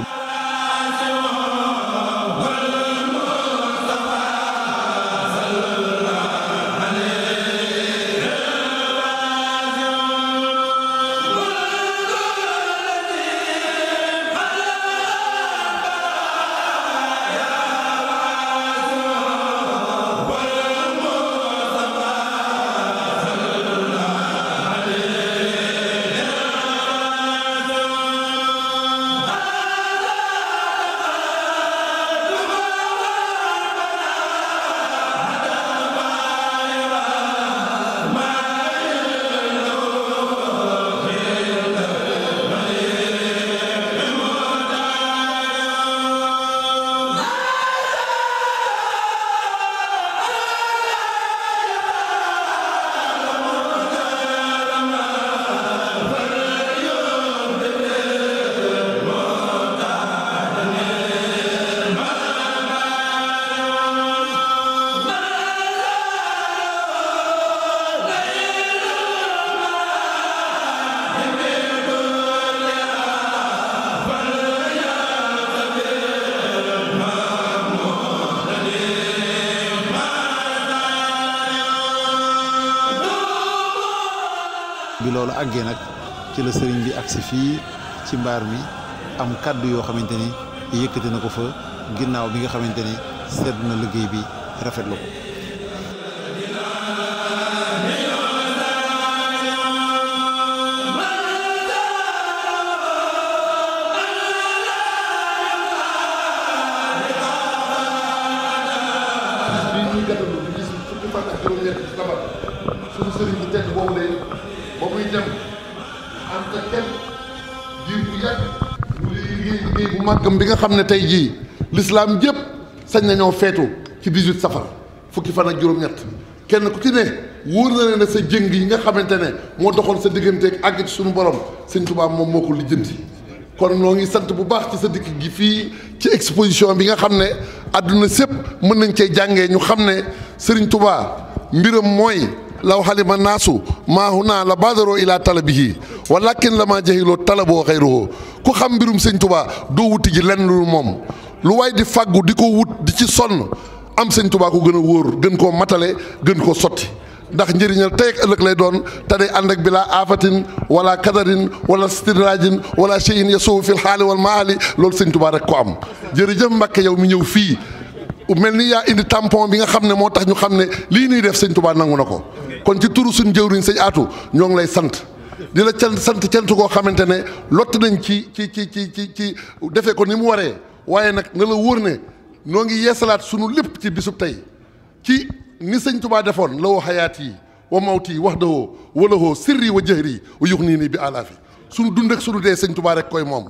Speaker 9: àggee nag ci la sëriñ bi agsi fii ci mbaar mi am kàddu yoo xamante ni yëkkati na ko fa ginnaaw bi nga xamante ni sedd na liggéey bi rafet rafetlu ko
Speaker 10: màggam bi nga xam ne tey jii l'islam yëpp sañ nañoo feetu ci 18 safar fukki fan ak juróom-ñett kenn ku ci ne wóor na ne sa jëng yi nga xamante ne moo doxoon sa digganteeg àgg ci suñu borom sëñ Tuubaa moom moo ko lijjanti kon noo ngi sant bu baax ci sa dikk gi fii ci exposition bi nga xam ne àdduna sépp mën nañ cee jàngee ñu xam ne sëriñ Tuubaa mbiram mooy law xalima naasu maahu naa la baadaroo ilaa talabihi walakin lama jahiloo talaboo xayruhu ku xam mbirum sëñ tubaa doo wuti ji lenn lu moom lu waay di fàggu di ko wut di ci sonn am sëñ tubaa ko gën a wóor gën koo matale gën koo sotti ndax njëriñal tey ak ëllëg lay doon te day ànd ak bilaa aafatin wala kadarin wala stidrajin wala cheyin yasuhu fil xaali wal maali loolu sëñ tubaa rek ko am jërëjëf Mbàkke yow mi ñëw fii mel ni yaa indi tampon bi nga xam ne moo tax ñu xam ne lii nuy def sëñ tubaa nangu ko kon ci turu suñ jëwriñ sëñ aatu ñoo ngi lay sant dina la cant sant cant koo xamante ne lott nañ ci ci ci ci ci ci defee ko ni mu waree waaye nag na la wóor ne noo ngi yeesalaat sunu lépp ci bisub tey ci ni sëñ Tubaa defoon la woo xayaat yi wa mawti yi wax dawoo wala woo sirri wa jëhri wa yux nii nii bi alaafi sunu dund ak sunu dee sëñ Tubaa rek koy moom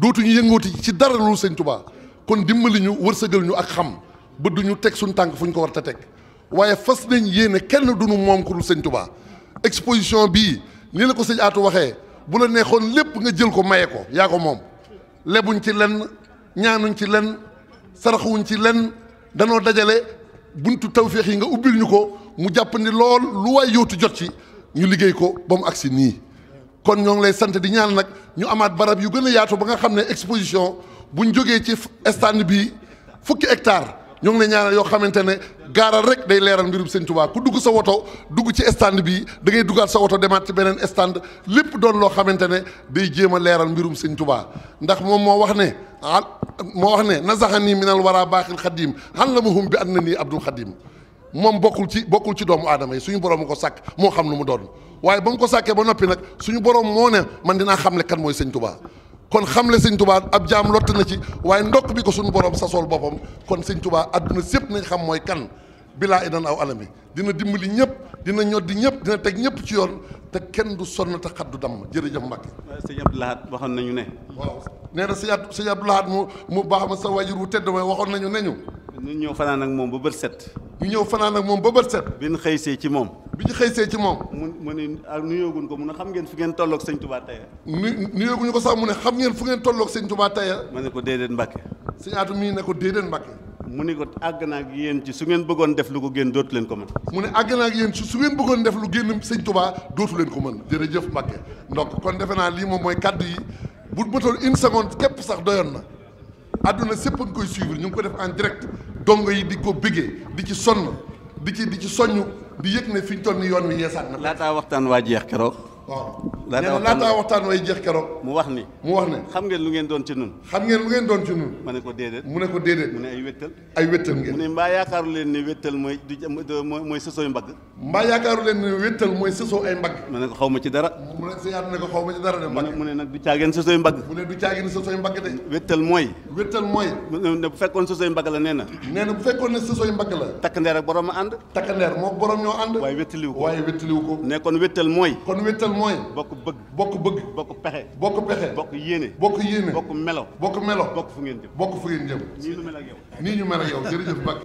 Speaker 10: dootuñu yëngooti ci dara lu sëñ Tubaa kon dimbali ñu wërsëgal ñu ak xam ba duñu teg suñu tànk fu ñu ko war a teg waaye fas nañ yéene kenn duñu moom ku dul bii nii la ko sëñ aatu waxee bu la neexoon lépp nga jël ko maye ko yaa ko moom lebuñ ci lenn ñaanuñ ci lenn saraxuñ ci lenn danoo dajale buntu tawféex yi nga ubbil ñu ko mu jàpp ni lool lu waay yóotu jot ci ñu liggéey ko ba mu agsi nii kon ñoo ngi lay sant di ñaan nag ñu amaat barab yu gën a yaatu ba nga xam ne exposition bu ñu jógee ci stade bi fukki hectare ñoo ngi lay ñaanal yoo xamante ne gaaral rek day leeral mbirum sëñ Tuubaa ku dugg sa woto dugg ci stand bii dangay ngay duggaat sa woto demaat ci beneen stand lépp doon loo xamante ne day jéem a leeral mbirum sëñ Tuubaa ndax moom moo wax ne ah moo wax ne nazaxanii minal waraa baaxil xadiim allamahum bi na annanii abdul xadiim moom bokkul ci bokkul ci doomu aadama yi suñu borom ko sàkk moo xam lu mu doon waaye ba mu ko sàkkee ba noppi nag suñu borom moo ne man dinaa xamle kan mooy sëñ kon xam le sëñ tubaa ab jaam lott na ci waaye ndokk bi ko suñu boroom sa sol boppam kon sëñ tubaa àdduna sépp nañ xam mooy kan bilaa idan aw alami dina dimbali ñëpp dina ñoddi ñëpp dina teg ñëpp ci yoon te kenn du sonn te xaddu damm jërëjëf Mbacke. sëñ Abdou Lahad waxoon nañu ne. nee na sëñ Abdou sëñ Abdou mu mu baax ma sa wajur wu tedd ma waxoon nañu ne ñu. ñu ñëw fanaan ak moom ba bët set. ñu ñëw fanaan ak moom ba bët set. bi xëy see ci moom. bi xëy see ci moom. mu mu ne ah nuyooguñ ko mu ne xam ngeen fu ngeen tolloog sëñ Touba Taïya. nu nuyooguñu ko sax mu ne xam ngeen fu ngeen tolloog sëñ Touba Taïya. ma ne ko déedéet Mbacke. sëñ Atou mii ne ko déedéet Mbacke. mu ne ko àgg naa ak yéen ci su ngeen bëggoon def lu ko génn dootu leen ko mën. mu ne àgg naa ak su ngeen def lu génn sëñ Touba leen ko mën jërëjëf Mbacke donc kon defe naa lii moom mooy kaddu yi bu bëtoon une seconde képp sax doyoon na àdduna sépp a ngi koy suivre ñu ngi ko def en direct dongo yi di ko bëggee di ci sonn di ci di ci soññ di yëg ne fi ñu toll ni yoon wi yeesaat na laataa waxtaan waa jeex keroog waaw neena laataa waxtaan way jeex keroog mu wax ni mu wax ne xam ngeen lu ngeen doon ci nun xam ngeen lu ngeen doon ci nun ma ne ko déedéet mu ne ko déedéet mu ne ay wéttal ay wéttal ngeen mooy du mooy sësooy mbagg mbaa yaakaaru leen ne wéttal mooy
Speaker 1: ne xaw ma ci dara
Speaker 10: mu ne dara de mbagg mu ne nag du caageen sësooy mbagg mu ne du caageen sësooy de wéttal mooy wéttal mooy ne bu fekkoon sësooy mbagg la nee na nee na bu fekkoon ne sësooy mbagg la takkandeer ak borom a ànd takkandeer moo borom ñoo ànd waaye wéttaliwu ko waaye wéttaliwu ko ne kon wéttal mooy mooy. bokk bëgg bokk bëgg. bokk pexe bokk bokk yéene bokk yéene. bokk melo bokk melo. bokk fu ngeen jëm bokk fu nii ñu mel ak yow nii ñu mel ak yow jërëjëf Mbacke.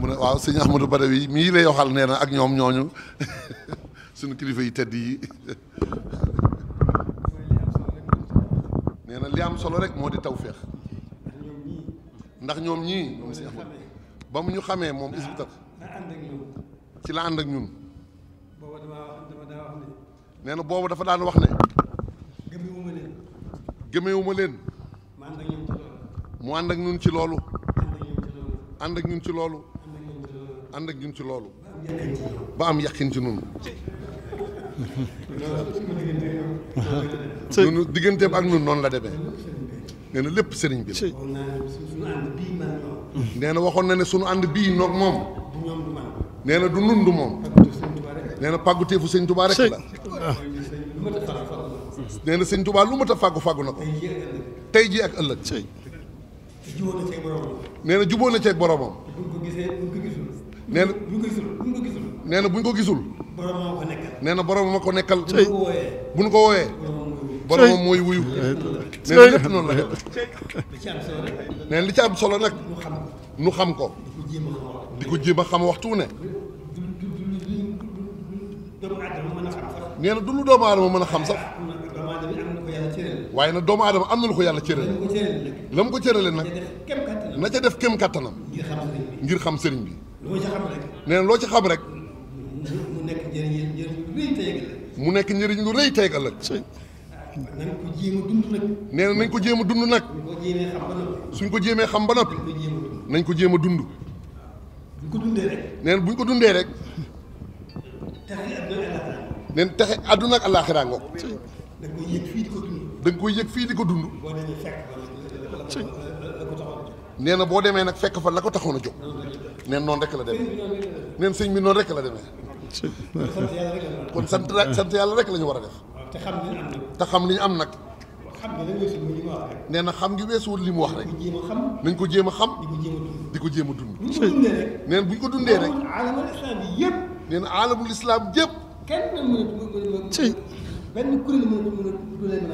Speaker 10: mu ne waaw sëñ Ahmadou Badawi mii lay waxal nee na ak ñoom ñooñu suñu kilifa yi tedd yi. nee na li am solo rek moo di tawféex ndax ñoom ñii moom si ba mu ñu xamee moom is ci la ànd ak ñun. boobu dama na boobu dafa daan wax ne. gëmewu leen. gëmewu ma leen. mu ànd ak ñun ci loolu. mu ànd ak ñun ci loolu. ànd ak ci loolu. ànd ak ñun ci loolu. ba am yàqin ci ñun. noonu digganteem ak ñun noonu la demee. nee na lépp sëriñ bi la. na waxoon na ne sunu ànd bii noog moom. nee na du nundu moom nee na pàgguteefu sëñ tubaa rek la nee na sëñ tubaa lu mat a fàggu fàggu na ko tey jii ak ëllëg nee na jubóo na ceeg boromam nee na nee na buñ ko gisul nee na boromam a ko nekkal bu ñu ko wooyee boromam mooy wuyu nee na lépp la nee li ci am solo nag nu xam ko di ko jéem a xam waxtu ne. nee na du doomu aadama mën a xam sax. waaye nag doomu aadama am na lu ko yàlla cere la mu ko cërale nag. na ca def kem kattanam. xam sëriñ bi. nee loo ci xam rek. mu nekk njëriñ la. nañ ko jéem nañ ko jéem a dund nag. suñ ko jéemee xam ba noppi. nañ ko jéem a dund. bu ñu ko bu ñu ko dundee rek. neen taxe àdduna ak àllaaxira ngoog. da fii di ko dund.
Speaker 2: da
Speaker 10: nee na boo demee nag fekk fa la ko taxoon a jóg. neen noonu rek la demee. neen sëñ bi noonu rek la demee. kon sant sant yàlla rek lañu war a def. te xam li ñu am nag. nee na xam ngi weesuwul li mu wax rek nañ ko jéem a xam di ko jéem a dund nee na bu ñu ko dundee rek nee na alamul islaam yëpp ci benn kuréel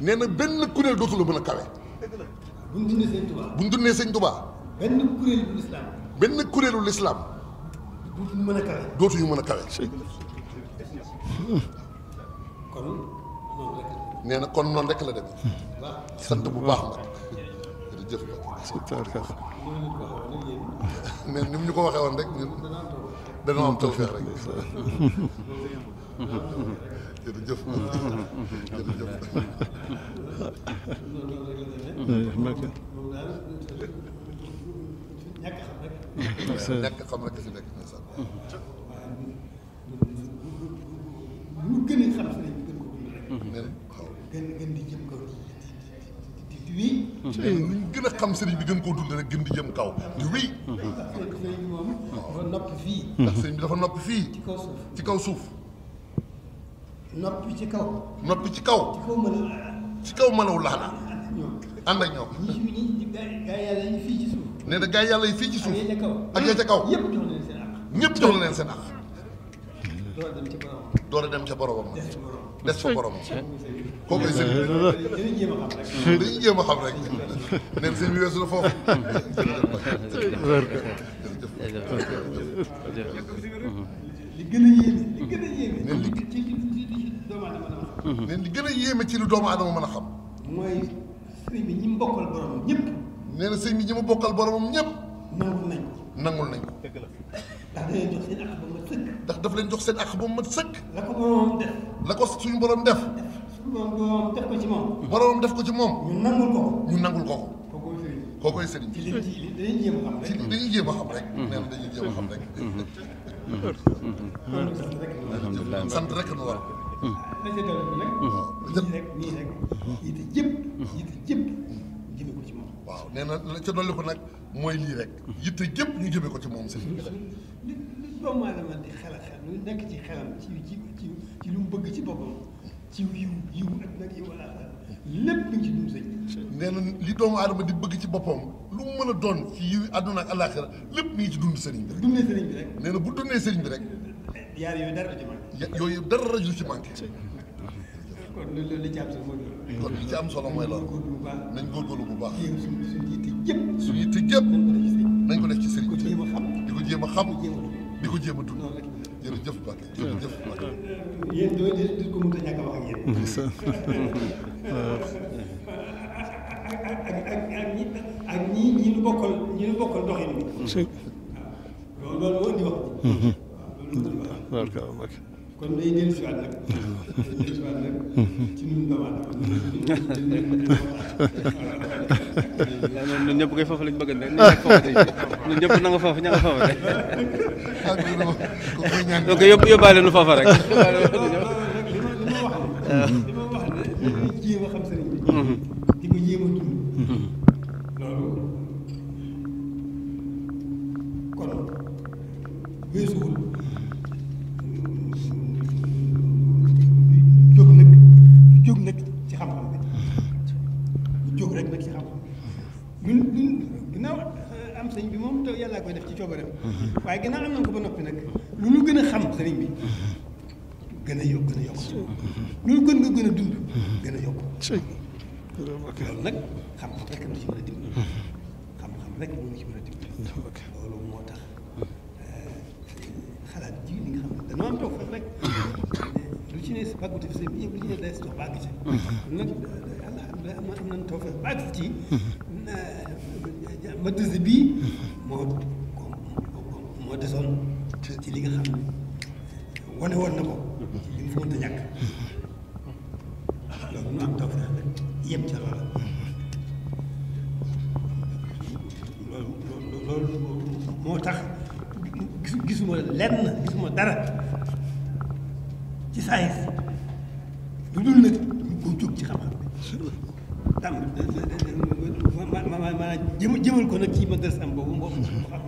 Speaker 10: nee na benn kuréel dootu la mën a kawe bu ñu dundee sëñ Tuubaa bu ñu dundee sëñ Tuubaa benn kuréelu lislaam benn kuréelu lislaam dootuñu mën a kawe dootuñu mën a kawe kon nee na kon noonu rekk la demee.
Speaker 9: sant bu baax nag.
Speaker 10: jërëjëf ko waxee woon rek ñun dañoo am tawfeex gën gën mhm. ñu gën a xam sëriñ bi gën koo dund rek gën di jëm kaw di wii. Mhm. sëriñ dafa noppi fii. Mhm. ndax sëriñ bi dafa noppi fii. ci kaw suuf ci kaw suuf. noppi ci kaw. noppi ci kaw. ci kaw mënaw ci kaw mënaw laala. ànd ak ñoom. ñi ñi
Speaker 2: gaay yàlla yi fii ci suuf.
Speaker 10: nee na gaay yàlla ci suuf. ak ya ca kaw ñëpp jox leen seen àq. door a dem ca boromam. des fa boromam. kooku ay sëñ bi dañuy jéem a xam rek neen sëñ bi weesu na foofu li gën a yéeme li gën a yéeme neen li ci ci doomu aadama mën a xam neen li gën a yéeme ci lu doomu aadama mën a xam mooy sëñ bi ñi mu bokkal boromam ñëpp nee na sëñ bi ñi mu bokkal boromam ñëpp nangul nañ ko nangul nañ ko ndax dañoo jox seen àq ba mu mat sëkk ndax daf leen jox seen àq ba mu mat sëkk la ko boromam def la ko suñu borom def boroom def ko ci moom. boroom def ko ci moom. ñu nangul ko ñu nangul ko
Speaker 3: ko.
Speaker 10: koo ci a xam a xam rek.
Speaker 5: na
Speaker 3: dañuy jéem a xam sant rek nu war. la ca
Speaker 10: dara
Speaker 3: bi nag. waaw
Speaker 10: nii rek nii ko ci moom. waaw ca dolli ko nag mooy lii rek. yitte jëpp ñu ko ci moom sëriñ bi rek. li
Speaker 2: li doomu ci xelam ci ci ci lu mu bëgg ci boppam.
Speaker 10: ci yiw yiw ak nag lépp nga ci dund sëñ nee li doomu aadama di bëgg ci boppam lu mën doon ci yiw àdduna ak alaaxira lépp mi ci dund sëriñ bi rek. dundee sëriñ bi rek. bu dundee sëriñ bi rek. yaar yooyu dara du ci manqué. yooyu dara du ci manqué. kon loolu ci am solo mooy loolu. kon li ci am solo mooy loolu. nañ góorgóorlu bu baax bu baax. nañ ko def ci sëriñ bi. di a xam di ko jéem a xam di ko jéem a dund jërëjëf Mbacke jërëjëf Mbacke. yéen doo di ko mën a ñàkk a wax
Speaker 3: ak yéen.
Speaker 2: ak ak ñi ñi ñu bokkal ñi ñu bokkal doxin bi. loolu loolu moo indi wax.
Speaker 8: Mhm. waaw loolu moo indi
Speaker 2: kon day dellu si waat nag
Speaker 8: mhm. dellu si waat nag mhm. ci ñun doomu aadama ñun ñëpp koy foofu lañ bëgg rek nañ nekk foofu ñun ñëpp na nga foofu ña nga foofu rek.
Speaker 1: donc yóbbu yóbbaale nu foofa rek.
Speaker 2: li ma wax waaye ginnaaw am
Speaker 6: nañ ko ba noppi nag
Speaker 2: lu lu gën a xam sëriñ bi gën a yokk gën a gën nga gën a dund gën a yokk loolu nag xam-xam rek am a dimbali moo ci mën a dimbali loolu moo tax euh, xalaat ji li xam ne toog fa rek lu ci ne bàggute fi sëriñ bi yëpp lu ci ne day si dox ci mhm. nag alhamdulilah toog fa bàgg ci ma dësi bii mhm. moo saison ci li nga xam ne wane woon na ko li mu mënta ñàkk loolu moo tax gisuma lenn gisuma dara ci saa yi lu dul nag ñu ko jóg ci xam-xam tam ma ma ma jëm jëmal ko nag ci madrasam boobu mboobu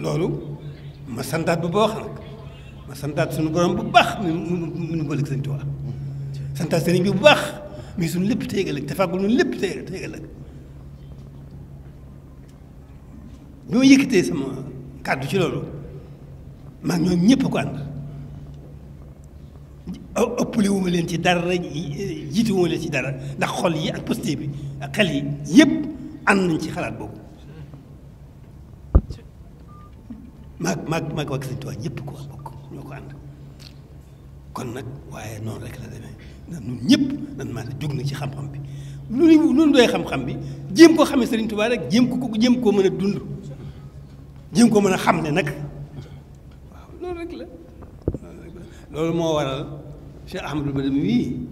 Speaker 2: loolu ma santaat bu baax ma santaat suñu borom bu baax mu mu nu bëgg sëñ Tuubaa santaat sëriñ bi bu baax muy suñu lépp tey ëllëg te fàggul ñun lépp tey tey ëllëg ñoo yëkkatee sama kàddu ci lolo maa ñoom ñëpp ko ànd ëppale wu leen ci dara jiitu wu ma ci dara ndax xol yi ak posté bi ak xel yi yëpp ànd nañ ci xalaat boobu maag maag maag waa Sëñ Tuubaa ñëpp ko bokk ñoo ko ànd kon nag waaye noonu rek la demee na ñun ñëpp nan maa jóg na ci xam-xam bi lu ñu lu ñu doy xam-xam bi jéem koo xamee Sëriñ Tuubaa rek jéem ko jéem koo mën a dund jéem koo mën a xam ne nag waaw loolu rek la loolu rek la loolu moo waral Cheikh Ahmadou Bamba wii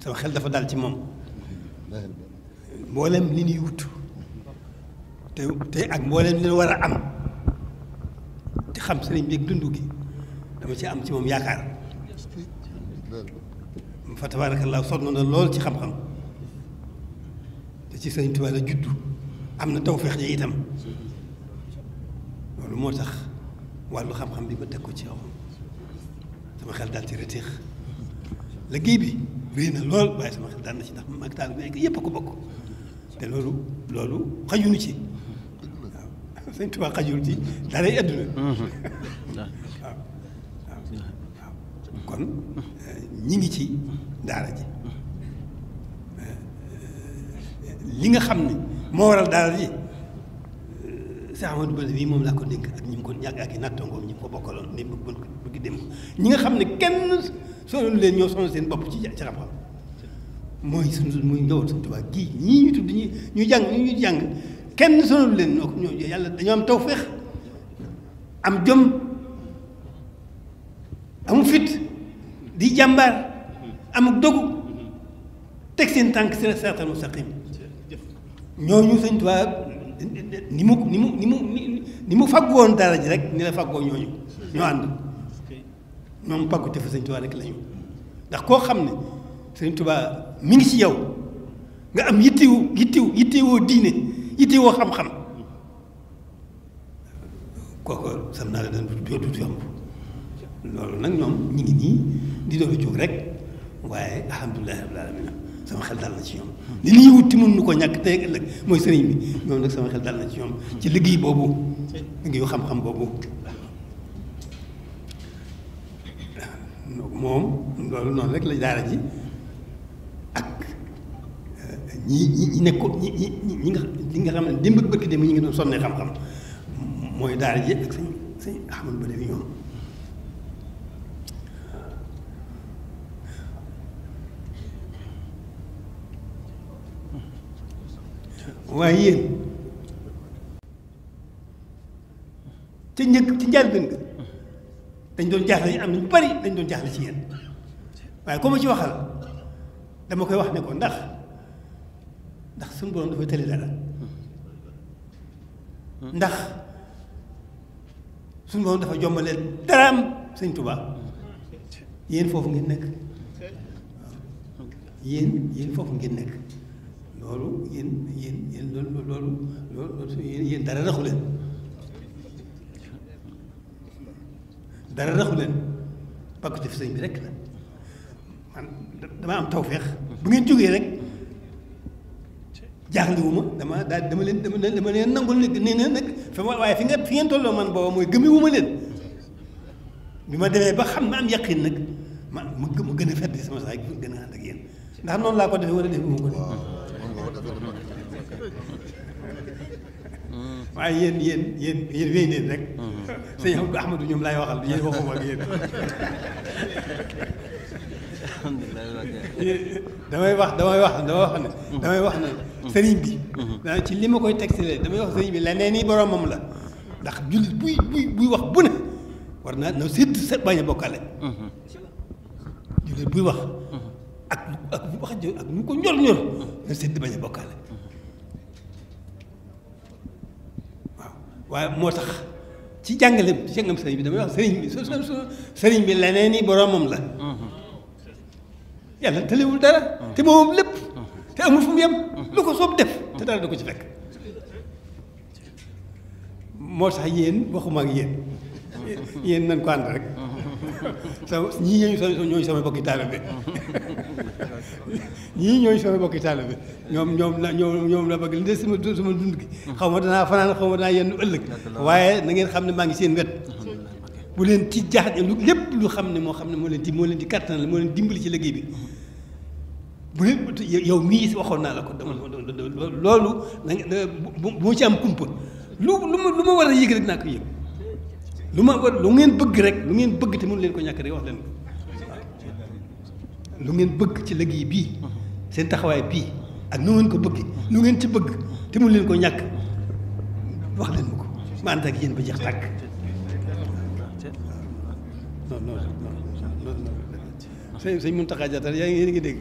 Speaker 2: sama xel dafa dal ci moom mboolem li ñuy wut. te te ak mboolem li war a am te xam sëriñ bi ak dund gi dama ci am ci moom yaakaar fa tabaarakallaa sonn na lool ci xam-xam te ci sëriñ Tuubaa la juddu am na tawfeex ji itam loolu moo tax wàllu xam-xam bi ma teg ko ci yow sama xel daal ci rëteex liggéey bi réy na lool waaye sama xel daal na ci ndax mag taal bi yëpp a ko bokk te loolu loolu xajuñu ci sëñ Tuubaa xajul ci daray adduna waaw mhm. kon ñi ngi ci daara ji li nga xam ne moo waral daara ji est Amadou Bamba moom laa ko dénk ak ñi ko ñàkk ak nattangoom ko bokkaloon ni bu bëgg dem ñi nga xam ne kenn sonal leen ñoo sonal seen bopp ci ci rapport mooy ñu tudd ñu jàng ñu jàng kenn sonul leen ñoo yàlla dañoo am tawféex am jom amu fit di jàmbaar amuk dogu teg seen tànk seen siraatal mustaqim ñooñu sëñ Tuubaa ni mu ni mu ni mu ni mu fàggoon dara ji rek ni la fàggoo ñooñu ñoo ànd ñoom pàggu te fa sëñ Tuubaa rek la ñu ndax koo xam ne sëñ Tuubaa mi ngi ci yow nga am yittiwu yittiwu yittiwoo diine yitte woo xam-xam kooku sam naa la dana du du yomb loolu nag ñoom ñu ngi nii di doon jóg rek waaye alhamdulilah rabbil alamin sama xel dal na ci ñoom li ñuy wutti mën nu ko ñàkk tey ëllëg mooy sëriñ bi ñoom nag sama xel dal na ci ñoom ci liggéey boobu liggéeyu xam-xam boobu moom loolu noonu rek la daara ji ak ñi ñi nekkoon ñi ñi ñi nga ñi nga xam ne démb ak bëkk démb ñu ngi doon sonnee xam-xam mooy daara ji ak sëñ waaye yéen ca njëkk ci njaal gën ga dañ doon jaaxle yi am nañu bari dañ doon jaaxle ci yéen waaye comme ci waxal dama koy wax ne ndax ndax suñu borom dafa tële dara ndax suñu borom dafa jombaleel daraam sëñ Tuubaa yéen foofu ngeen nekk
Speaker 3: yéen yéen foofu ngeen nekk
Speaker 2: loolu yéen yéen yéen loolu loolu loolu yéen dara raxu leen dara raxu leen bakku def sëñ bi rek la man dama am tawféex bu ngeen jógee rek. jaaxliwuma dama daa dama leen dama leen dama leen nangul nit nii na nag fi waaye fi nga fi ngeen tolloo man booba mooy gëmiwuma leen bi ma demee ba xam ma am yaqin nag ma ma ma gën a fedd sama saay gën a ànd ak yéen ndax noonu laa ko defee wala defee ma ko waaye yéen yéen yéen yéen wéy leen rek sëñ Ahmadou ñoom laay
Speaker 11: waxal yéen waxuma ak yéen damay wax damay
Speaker 2: wax damay wax ne damay wax ne sëriñ bi daa mhm. ah, ci li ma koy tegtale damay wax sëriñ bi leneen ni boromam la ndax jullit buy buy buy wax bu ne war naa na sédd sa bañ mhm. buy wax mhm. ak ak wax ak nu ko ñor ñor na sédd bañ moo tax ci jàngale ci jàngam sëriñ bi damay wax sëriñ bi su su sëriñ bi leneen ni boromam la yàlla tëlewul dara te moom lépp te amul fu mu yem lu ko soob def te dara du ko ci fekk moo tax yéen waxuma ak yéen yéen nañ ko ànd rek sama ñii ñooñu sama ñooñu sama bokki taalibe ñii ñooñu sama bokki taalibe ñoom ñoom la ñoom ñoom la bëgg li des sama dund gi xaw ma danaa fanaan xaw ma danaa yenn ëllëg waaye na ngeen xam ne maa ngi seen wet bu leen ci jaaxle lu lépp lu xam ne moo xam ne moo leen di moo leen di kattan la moo leen dimbali ci liggéey bi bu yow mii waxoon naa la ko loolu bu bu ci am kumpa lu lu ma lu ma war a yëg rek naa ko yëg lu ma war lu ngeen bëgg rek lu ngeen bëgg te mënu leen ko ñàkk rek wax leen ko lu ngeen bëgg ci liggéey bii taxawaay bii ak nu ko bëgg lu ngeen ci bëgg te mënu leen ko ñàkk wax leen ko
Speaker 3: ma ànd ak yéen ba jeex tàkk
Speaker 2: non sëñ sëñ Muntaxa Jaata yaa ngi yéen ngi dégg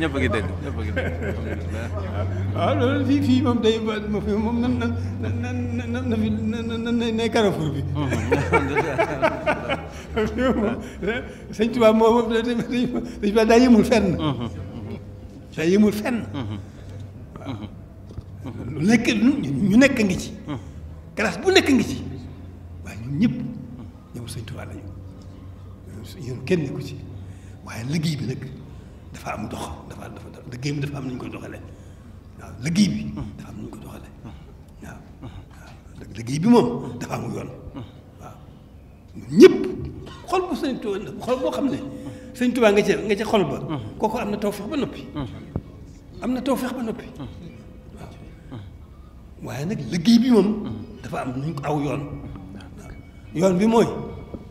Speaker 2: ñëpp ngi dégg ñëpp ngi dégg waaw loolu fii fii moom day ma fi moom nan nan nan nan na fi nan na nay carrefour bi sëñ Tuubaa moo moom dañ dañ fa daa yëmul fenn daa yëmul fenn lu nekk ñu nekk ngi ci classe bu nekk ngi ci waaye ñun ñëpp ñëw sëñ Tuubaa lañ yoon kenn nekku ci waaye liggéey bi nag dafa am dox dafa dafa liggéey bi dafa am nu ñu koy doxalee waaw liggéey bi. dafa am nu ñu koy doxalee waaw waaw liggéey bi moom dafa ñëpp xol bu sëñ Tuubaa xol boo xam ne sëñ Tuubaa nga nga ca xol ba. kooku am na tawfeex ba noppi. am na tawfeex ba noppi.
Speaker 3: waaw
Speaker 2: waaye nag liggéey bi moom. dafa am nu aw yoon. yoon bi mooy.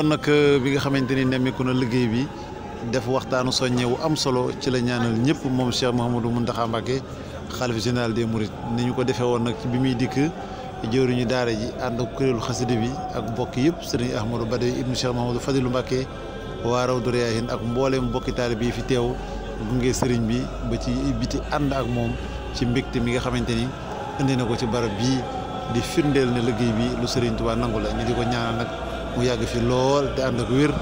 Speaker 9: ginnaaw nag euh, bi nga xamante ni nemmeeku na liggéey bi def waxtaanu soññe wu am solo ci la ñaanal ñëpp moom Cheikh Mouhamadou Mountakha Mbacké xalif général des Mourides ni ñu ko defee woon nag bi muy dikk ñu daare ji ànd ak kuréelu xasida bi ak mbokk yëpp sëriñ ba Badawi ibnu Cheikh Mouhamadou Fadilou Mbacké waa Rawdu Riyaahin ak mbooleem mbokki taalibe yi fi teew gunge sëriñ bi ba ci biti ànd ak moom ci mbégte mi nga xamante ni indi na ko ci barab bii di firndeel ne liggéey bi lu sëriñ Tuubaa nangu la ñu ko ñaanal nag mu yàgg fi lool te ànd ak wér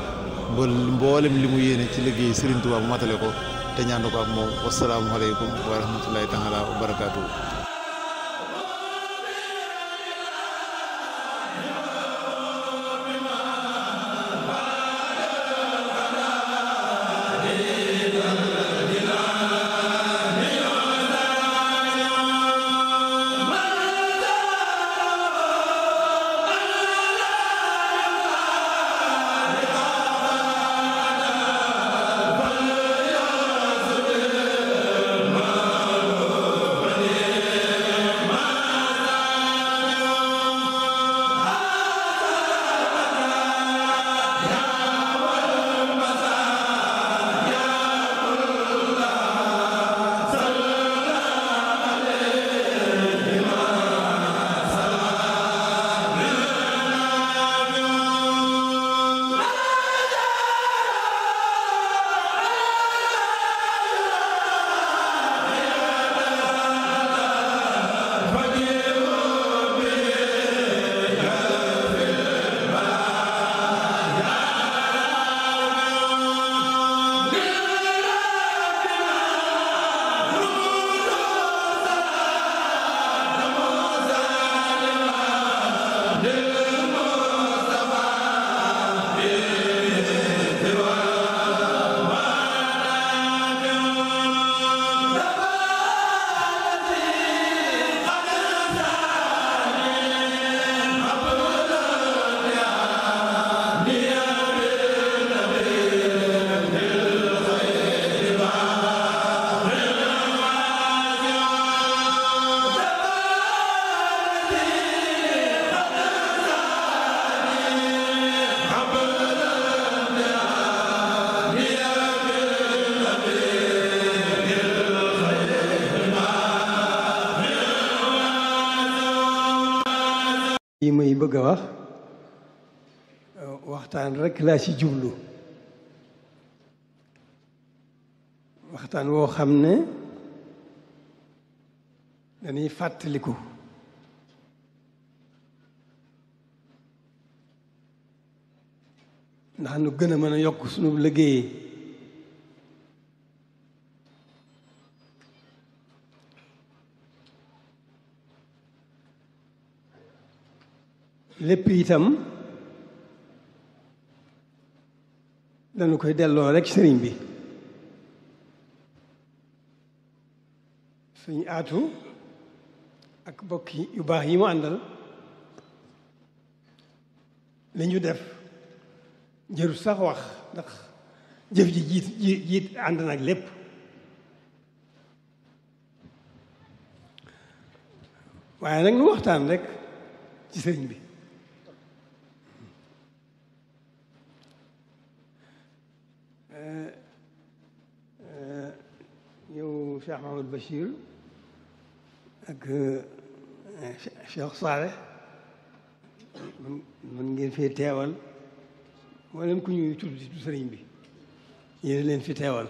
Speaker 9: ba mboolem li mu yéene ci liggéey Serigne Touba mu matale ko te ñaandu ko ak moom wasalaamualeykum wa rahmatullahi taala wa barakaatu.
Speaker 2: waxtaan rekk laa ci jublu waxtaan woo xam ne dañuy fàttaliku ndax nu gën a mën a yokk sunu liggéey lépp itam dañu koy delloo rekk sëriñ bi suñu aatu ak bokk yu baax yi mu àndal li ñu def jëru sax wax ndax jëf ji jiit jiit ànd nag lépp waaye nag nu waxtaan rekk ci sëriñ bi Euh, euh, yow Cheikh Mahamadou Bachir ak euh, Cheikh Saleh mën ngeen fi teewal mboolem ku ñuy tudd ci sëriñ bi yéen leen fi teewal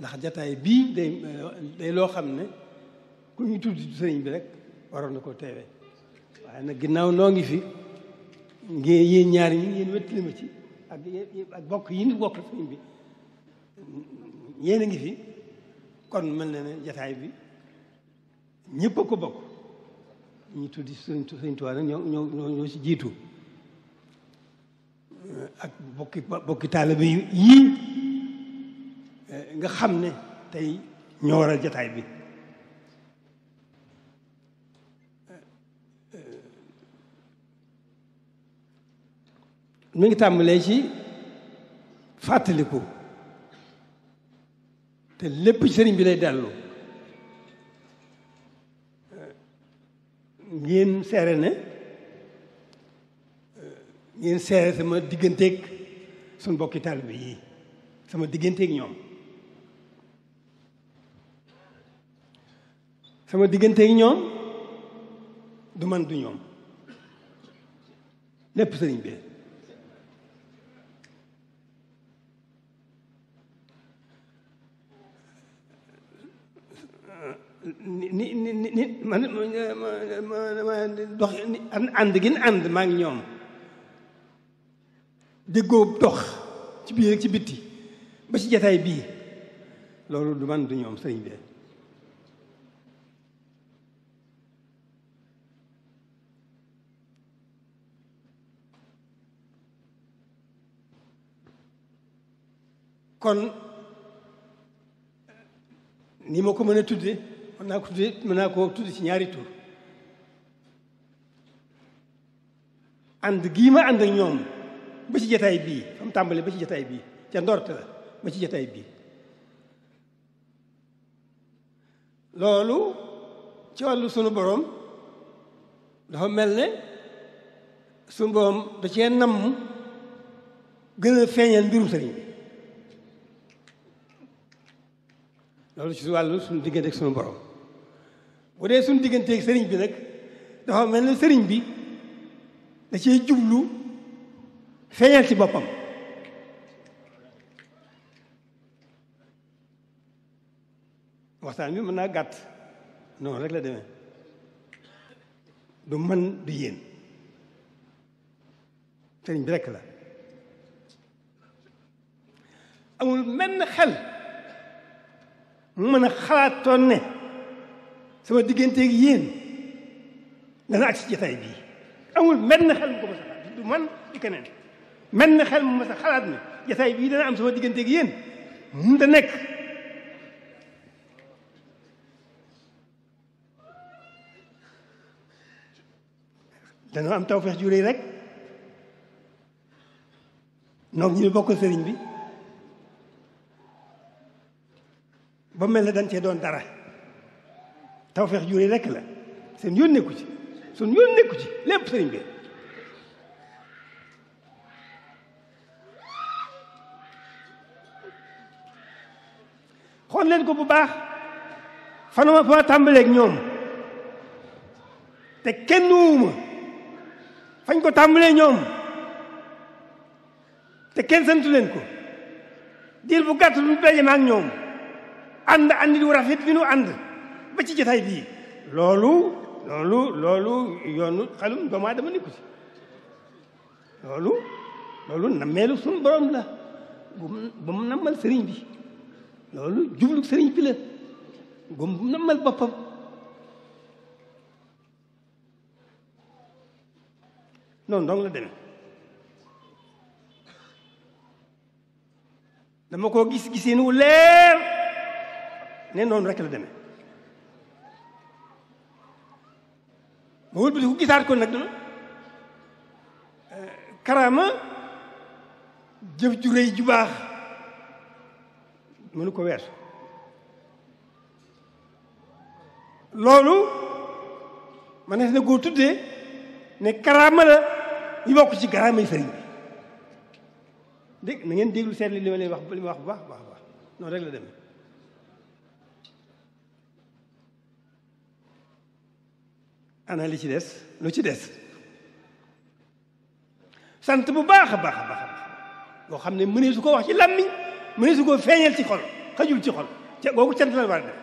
Speaker 2: ndax jataay bii day loo xam ne ku ñuy tudd ci bi rek waroon na ko teewe waaye nag ginnaaw noo ngi fi ngeen yéen ñaar ñi ngeen wettali ma ci ak bokk yi ni bokk sëriñ bi ñeena ngi fi kon mel na ne jataay bi ñëpp a ko bokk ñu tuddi sëñ Tuubaa nag ñoo ñoo ñoo si jiitu eh, ak bokki bokki taalibe yii eh, nga xam ne tey ñoo waral jataay bi eh, mi ngi tàmbalee ci ko te lépp sëriñ bi lay dellu ngeen seere ne ngeen seere sama digganteeg suñ bokki bi yi sama digganteek ñoom sama digganteeg ñoom du man du ñoom lépp sëriñ bi ni ni ni man dox ànd gi ànd maa ngi ñoom déggoo dox ci biir ak ci bitti ba ci jataay bii loolu du man du ñoom sëriñ bi kon ni ma ko mën a tudde mën naa ko tudde mën naa koo tudd ci ñaari tur ànd giima ma ànd ñoom ba ci jataay bii fa mu ba ci jataay bii ca ndorte ba ci jataay bii loolu ci wàllu sunu borom dafa mel ne sunu borom da cee namm gën feeñal mbirum sëriñ bi loolu ci wàllu suñu diggante ak sunu borom bu sun digënté ak sëriñ bi nak dafa melni sëriñ bi da cee jublu feeñal ci bopam waxtaan bi mën naa gàtt non rek la demee du man du yéen sëriñ bi rek la amul menn xel mu mën a xalaatoon ne سوا دقين تيجين لا نعكس جثايبي أول من نخل مسخ جد من يكنن من نخل مسخ خلاص جثايبي ده نعم سوا دقين تيجين من تنك da no am tawfex juray rek nok ñu bokk serigne bi ba mel dañ ci doon dara tawfeex juree rekk la seen yoon nekku ci sun yoon nekku ci lépp sëriñ bi xool leen ko bu baax fanuma fa tàmbaleeg ñoom te kenn wuuma fañ ko tàmbalee ñoom te kenn santu leen ko diir bu gàtt lu daje ma ak ñoom ànd àndi du rafet bi nu ànd ba ci jotaay bii loolu loolu loolu yoonu xelum doomu aadama nekku ci loolu loolu nammeelu suñu borom la bu mu nammal sëriñ bi loolu jublu sëriñ bi la bu mu nammal boppam dong la demee dama koo gis gisee nu leer ne noonu rek la ma wëlbati ko gisaat ko nag dana euh, karaama jëf ju rëy ju baax mënu ko weer loolu ma ne na goo tuddee ne karaama la ñu bokk ci karaama yi sëriñ bi dégg na ngeen déglu seet li ma leen wax li ma wax bu baax baax baax noonu rek la demee ana li ci des lu ci des sant bu baax a baax a baax boo xam ne mënee su ko wax ci làmmiñ mënee su ko feeñal ci xol xajul ci xol ca googu cant la war a def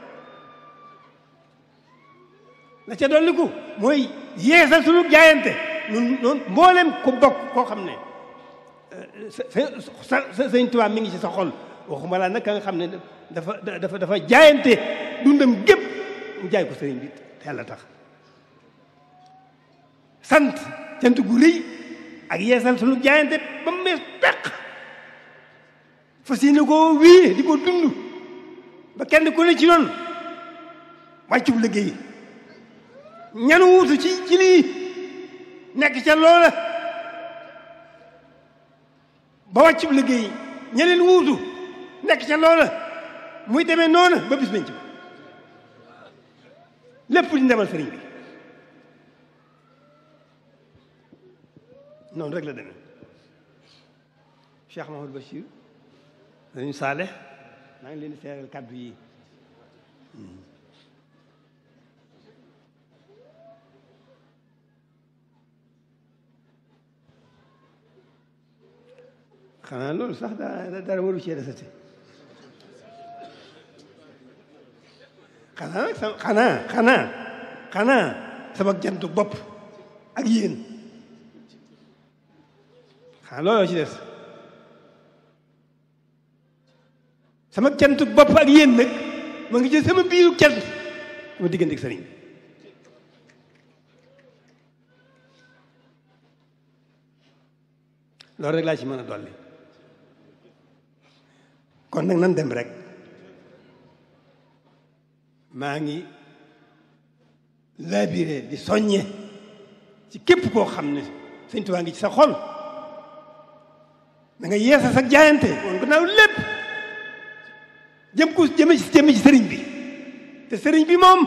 Speaker 2: la ca dolliku mooy yeesal sunu jaayante nun noonu mboolem ku bokk koo xam ne euh, sa sa sëñ Tuubaa mi ngi ci sa xol waxuma laa nag ka nga xam ne dafa dafa dafa jaayante dundam gépp mu jaay ko sëriñ bi te yàlla tax sant cant gu rëy ak yeesal sunu jaayante ba mu mees peq fas ko koo wii di ko dund ba kenn ko ne ci noonu wàccub liggéey ñanu wutu ci ci lii nekk ca loola ba wàccub liggéey ña leen wuutu nekk ca loola muy demee noona ba bis nañ ci lépp di ndemal sëriñ bi نون رك لا دمي شيخ محمود بشير سيدي صالح ما لي نسير الكادو يي خانا لول صح دا دار مولو شي رساتي خانا خانا خانا خانا سبق جنتو بوب ak yeen looloo ci des sama cantu bopp ak yéen nag ma ngi jël sama biiru cant sama diggante ak loolu rek laa ci mën a dolli kon nag nan dem rek maa ngi labiré di soññe ci képp koo xam ne Sëñ Tuubaa ngi ci sa da nga yeesal ak jaayante woon gannaaw lépp jëm ku jëme ci sëriñ bi te sëriñ bi moom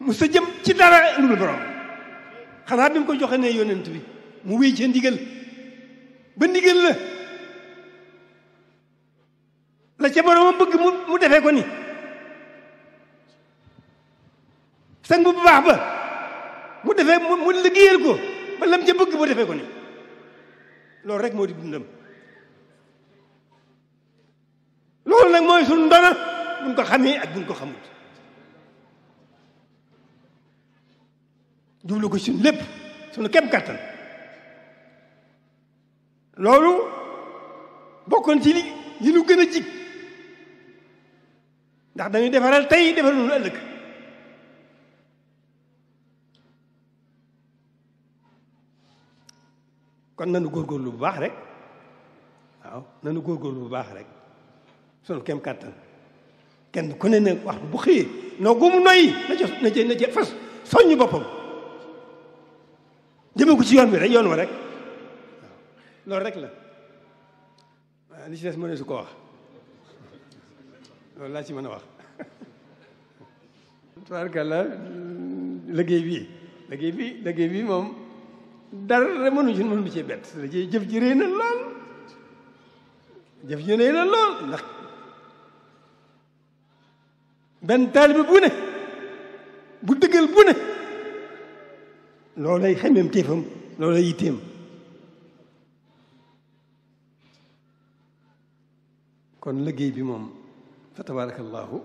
Speaker 2: mu sa jëm ci dara lu dul borom xanaa ko joxe ne yonent bi mu wéy ci ndigal ba ndigal la la ca boromam bëgg mu mu defee ko ni sang bu baax ba mu defee mu liggéeyal ko ba lam ca bëgg mu defee ko ni loolu rek moo di dundam loolu nag mooy suñu ndona buñ ko xamee ak buñ ko xamul jublu ko suñu lépp suñu kem kàttan loolu bokkoon ci li yi ñu gën a jig ndax dañuy defaral tey defaral nu ëllëg kon nanu góorgóorlu bu baax rek waaw nanu le bu baax rek sunu kem kàttan kenn ku ne ne bu xëyee no gum noyyi na ca na ca na ca fas soññu boppam jëme ci yoon bi rek yoon wa rek rek la li ci des wax loolu laa ci a bi bi bi dara mënuñu mënuñu cee bett jëf ji rëy na lool jëf ji rëy na lool ndax benn taalibe bu ne bu dëggal bu ne loolay xemeem téefam loolay yitteem kon liggéey bi moom fa tabarakallahu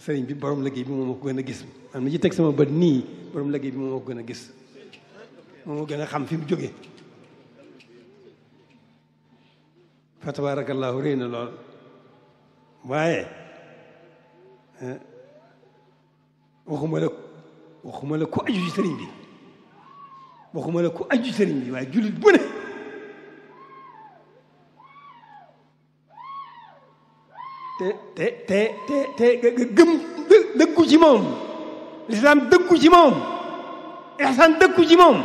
Speaker 2: sëriñ bi borom liggéey bi moom ko gën a gis am na ci teg sama bët nii borom liggéey bi moom ko gën a gis moom gën a xam fi mu jóge fa tabaarakallaahu réy na lool waaye eh, waxuma la waxuma la ku aju ci bi waaye jullit bu te te te te gëm dëkku ci moom lislaam dëkku ci moom
Speaker 5: ihsaan dëkku ci moom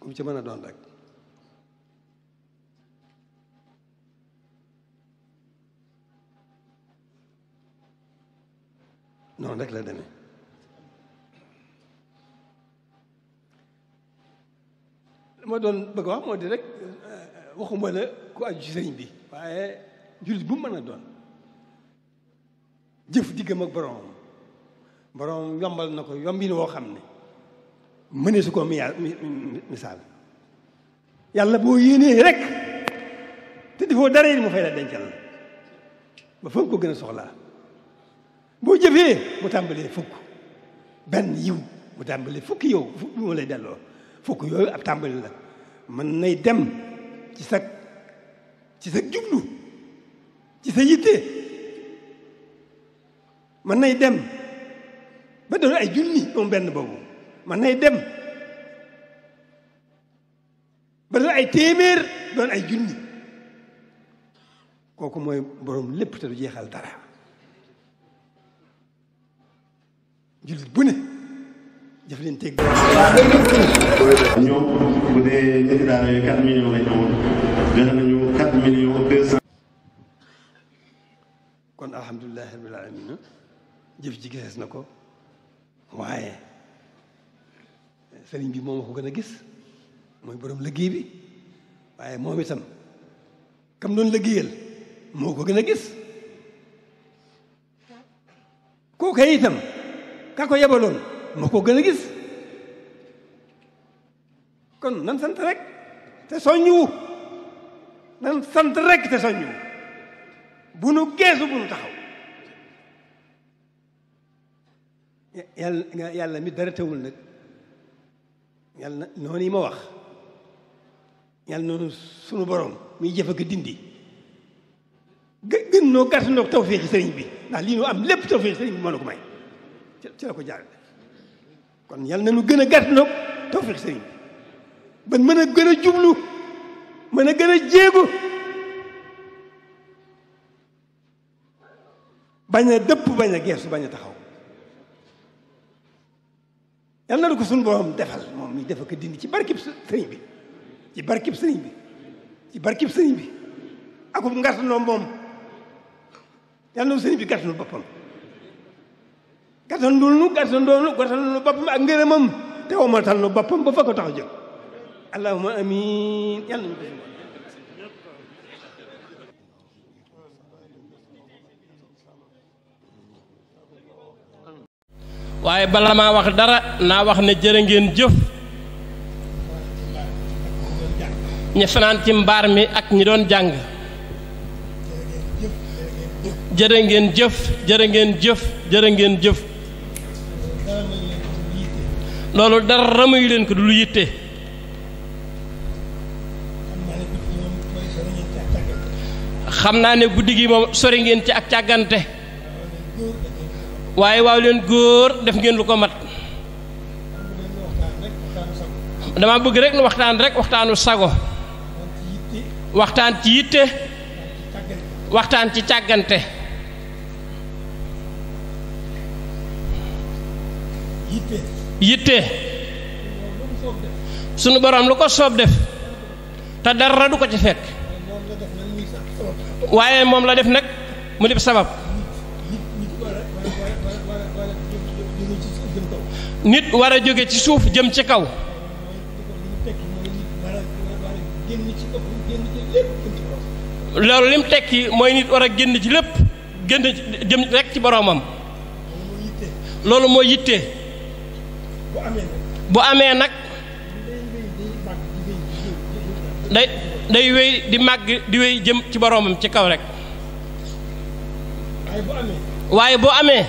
Speaker 2: kum ci mën a doon rek noonu rek la demee li doon bëgg wax moo di rek euh, waxuma la ku aju ci bi waaye jullit bu mu mën a doon jëf diggam ak boroomam boroom yombal na ko yombin woo xam ne mënee ko miyaa misaal yàlla boo yéenee rek te defoo dara yi mu fay la dencal ba fa nga ko gën a soxlaa boo jëfee mu tàmbalee fukk benn yiw mu tàmbalee fukk yow fukk moo lay delloo fukk yooyu ab tàmbali la man nay dem ci sa ci sa jublu ci sa yitte mën nay dem ba doon ay junni moom benn boobu man nay dem ba doon ay téeméer doon ay junni kooku mooy borom lépp te du jeexal dara
Speaker 12: jullit bu ne jëf leen teg ñoom bu dee ñetti daara yooyu quatre millions lañ amoon joxe nañu quatre millions deux cent
Speaker 2: kon alhamdulilahi rabil alamin jëf ji gisees na ko waaye sëriñ bi moom a ko gën a gis mooy borom liggéey bi waaye moom itam kam doon liggéeyal moo ko gën a gis kooka itam ka ko yebaloon moo ko gën a gis kon nan sant rek te soññu nan sant rek te soññu bu
Speaker 5: nu geesu bu nu taxaw
Speaker 2: yàlla yàlla mi dara tawul nag na noonu yi ma wax yàlla noonu sunu boroom muy jëf ki dindi gë gën noo gàtt ndoog tawfeexi sëriñ bi ndax lii nu am lépp tawfeexi sëriñ bi moo nu ko may ci la ko jaarale kon yal na nu gën a gàtt nag tawfiq sëriñ bi ban mën
Speaker 5: a gën a jublu mën a gën a jéegu
Speaker 2: bañ a dëpp bañ a geesu bañ a taxaw yal na du ko suñu borom defal moom mi defa ko dindi ci barkib sëriñ bi ci barkib sëriñ bi ci barkib sëriñ bi akub ngartanoom moom yal na sëriñ bi gàttanu boppam gàttandul nu boppam ak ko tax a jóg allahumma
Speaker 11: waaye bala maa wax dara naa wax ne jërë ngeen jëf ñi fanaan ci mbaar mi ak ñi doon jàng jërë ngeen jëf jërë ngeen jëf jërë ngeen jëf loolu dara mayu leen ko du lu yitte xam naa ne guddi gi moom sori ngeen ci ak càggante waaye waaw leen góor def ngeen lu ko mat dama bëgg rek nu waxtaan rekk waxtaanu sago waxtaan ci yitte waxtaan ci càggante yitte sunu borom lu ko soob def ta dara du ko ci fekk waye mom la def nak mu dib sabab nit wara joge ci souf jëm ci kaw lolu lim tekki moy nit wara genn ci lepp genn jëm rek ci boromam lolu moy yitte bu amee nag day day wéy di màgg di wéy jëm ci boroomam ci kaw rek waaye boo amee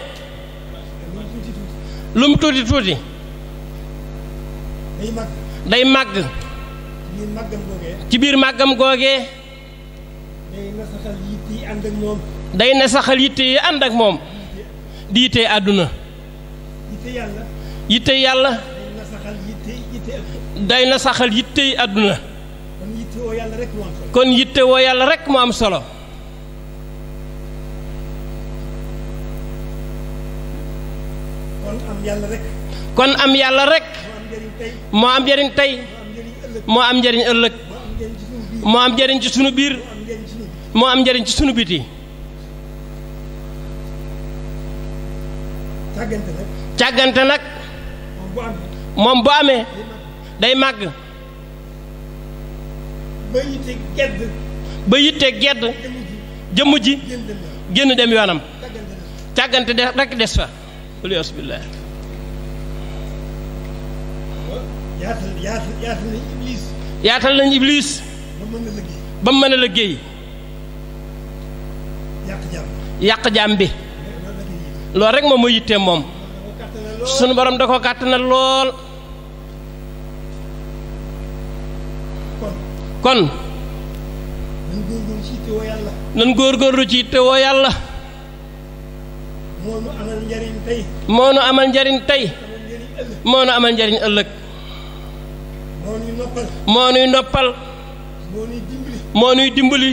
Speaker 11: lu mu tuuti tuuti day màgg ci biir màggam googee day ne saxal yitte yi ànd ak moom di àdduna yitte yitte yàlla day na saxal yi àdduna kon yitte yàlla rek moo am solo kon am yàlla rek moo am njëriñ tey moo am njëriñ ëllëg
Speaker 2: moo am njëriñ ci sunu biir
Speaker 11: moo am njëriñ ci sunu biti càggante nag moom bu amee day màgg ba yitte gedd ba yitte gedd jëmm ji génn dem yoonam càggante de des fa wala yasubillah yaatal nañ iblis ba mu mën a liggéey yàq jaam bi loolu rek moom mooy yitteem moom sunu borom da ko na lool kon nan góorlu ci tewoo yàlla
Speaker 2: moo nu amal njariñ tey
Speaker 11: moo nu amal njariñ tey moo nu amal njariñ ëllëg moo nuy noppal moo nuy dimbali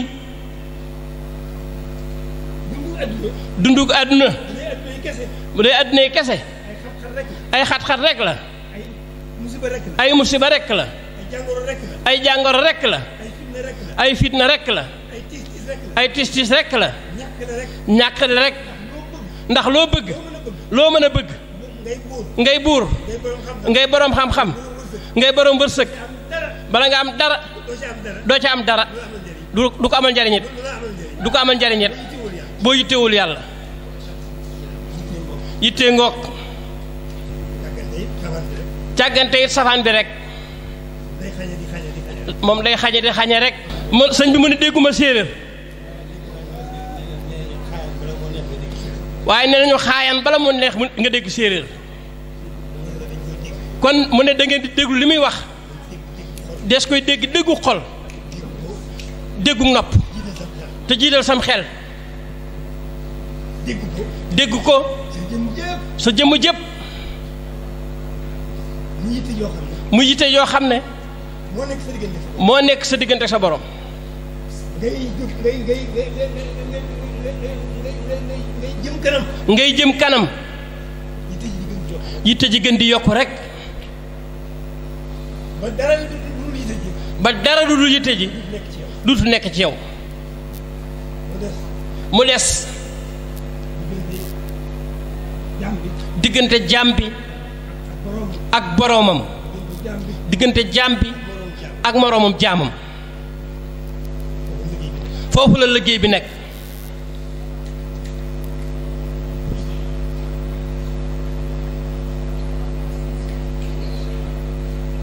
Speaker 11: dunduk àdduna bu dee àddunay kese ay xat-xat rek la ay musiba rek la ay jàngoro rek la ay fitna rek la ay tis-tis rek la ñak la rek ndax lo bëgg lo mëna bëgg ngay bur ngay borom xam-xam ngay borom bërsëk bala nga am dara do ci am dara du ko amal jariñit du ko amal yalla yitte ngok càggante it safaan bi rek moom day xañe di xañe rek man sëñ bi mu ne dégguma séeréer waaye nee nañu xaayan bala mu neex nga dégg séeréer kon mu ne da ngeen di déglu li muy wax des koy dégg déggu xol déggu nopp te jiital sam xel dégg ko sa jëmm jëpp muy yitte yoo xam ne. muy moo nekk sa diggante sa borom moo ngay jëm kanam. ngay jëm kanam. yitte ji gën di yokku rek.
Speaker 5: ba dara du dul
Speaker 11: yitte ji. ba dara du dul yitte ji. duutu nekk ci yow. mu des. diggante jaam bi. ak boroomam diggante jaam bi ak moroomam jaamam foofu la liggéey bi nekk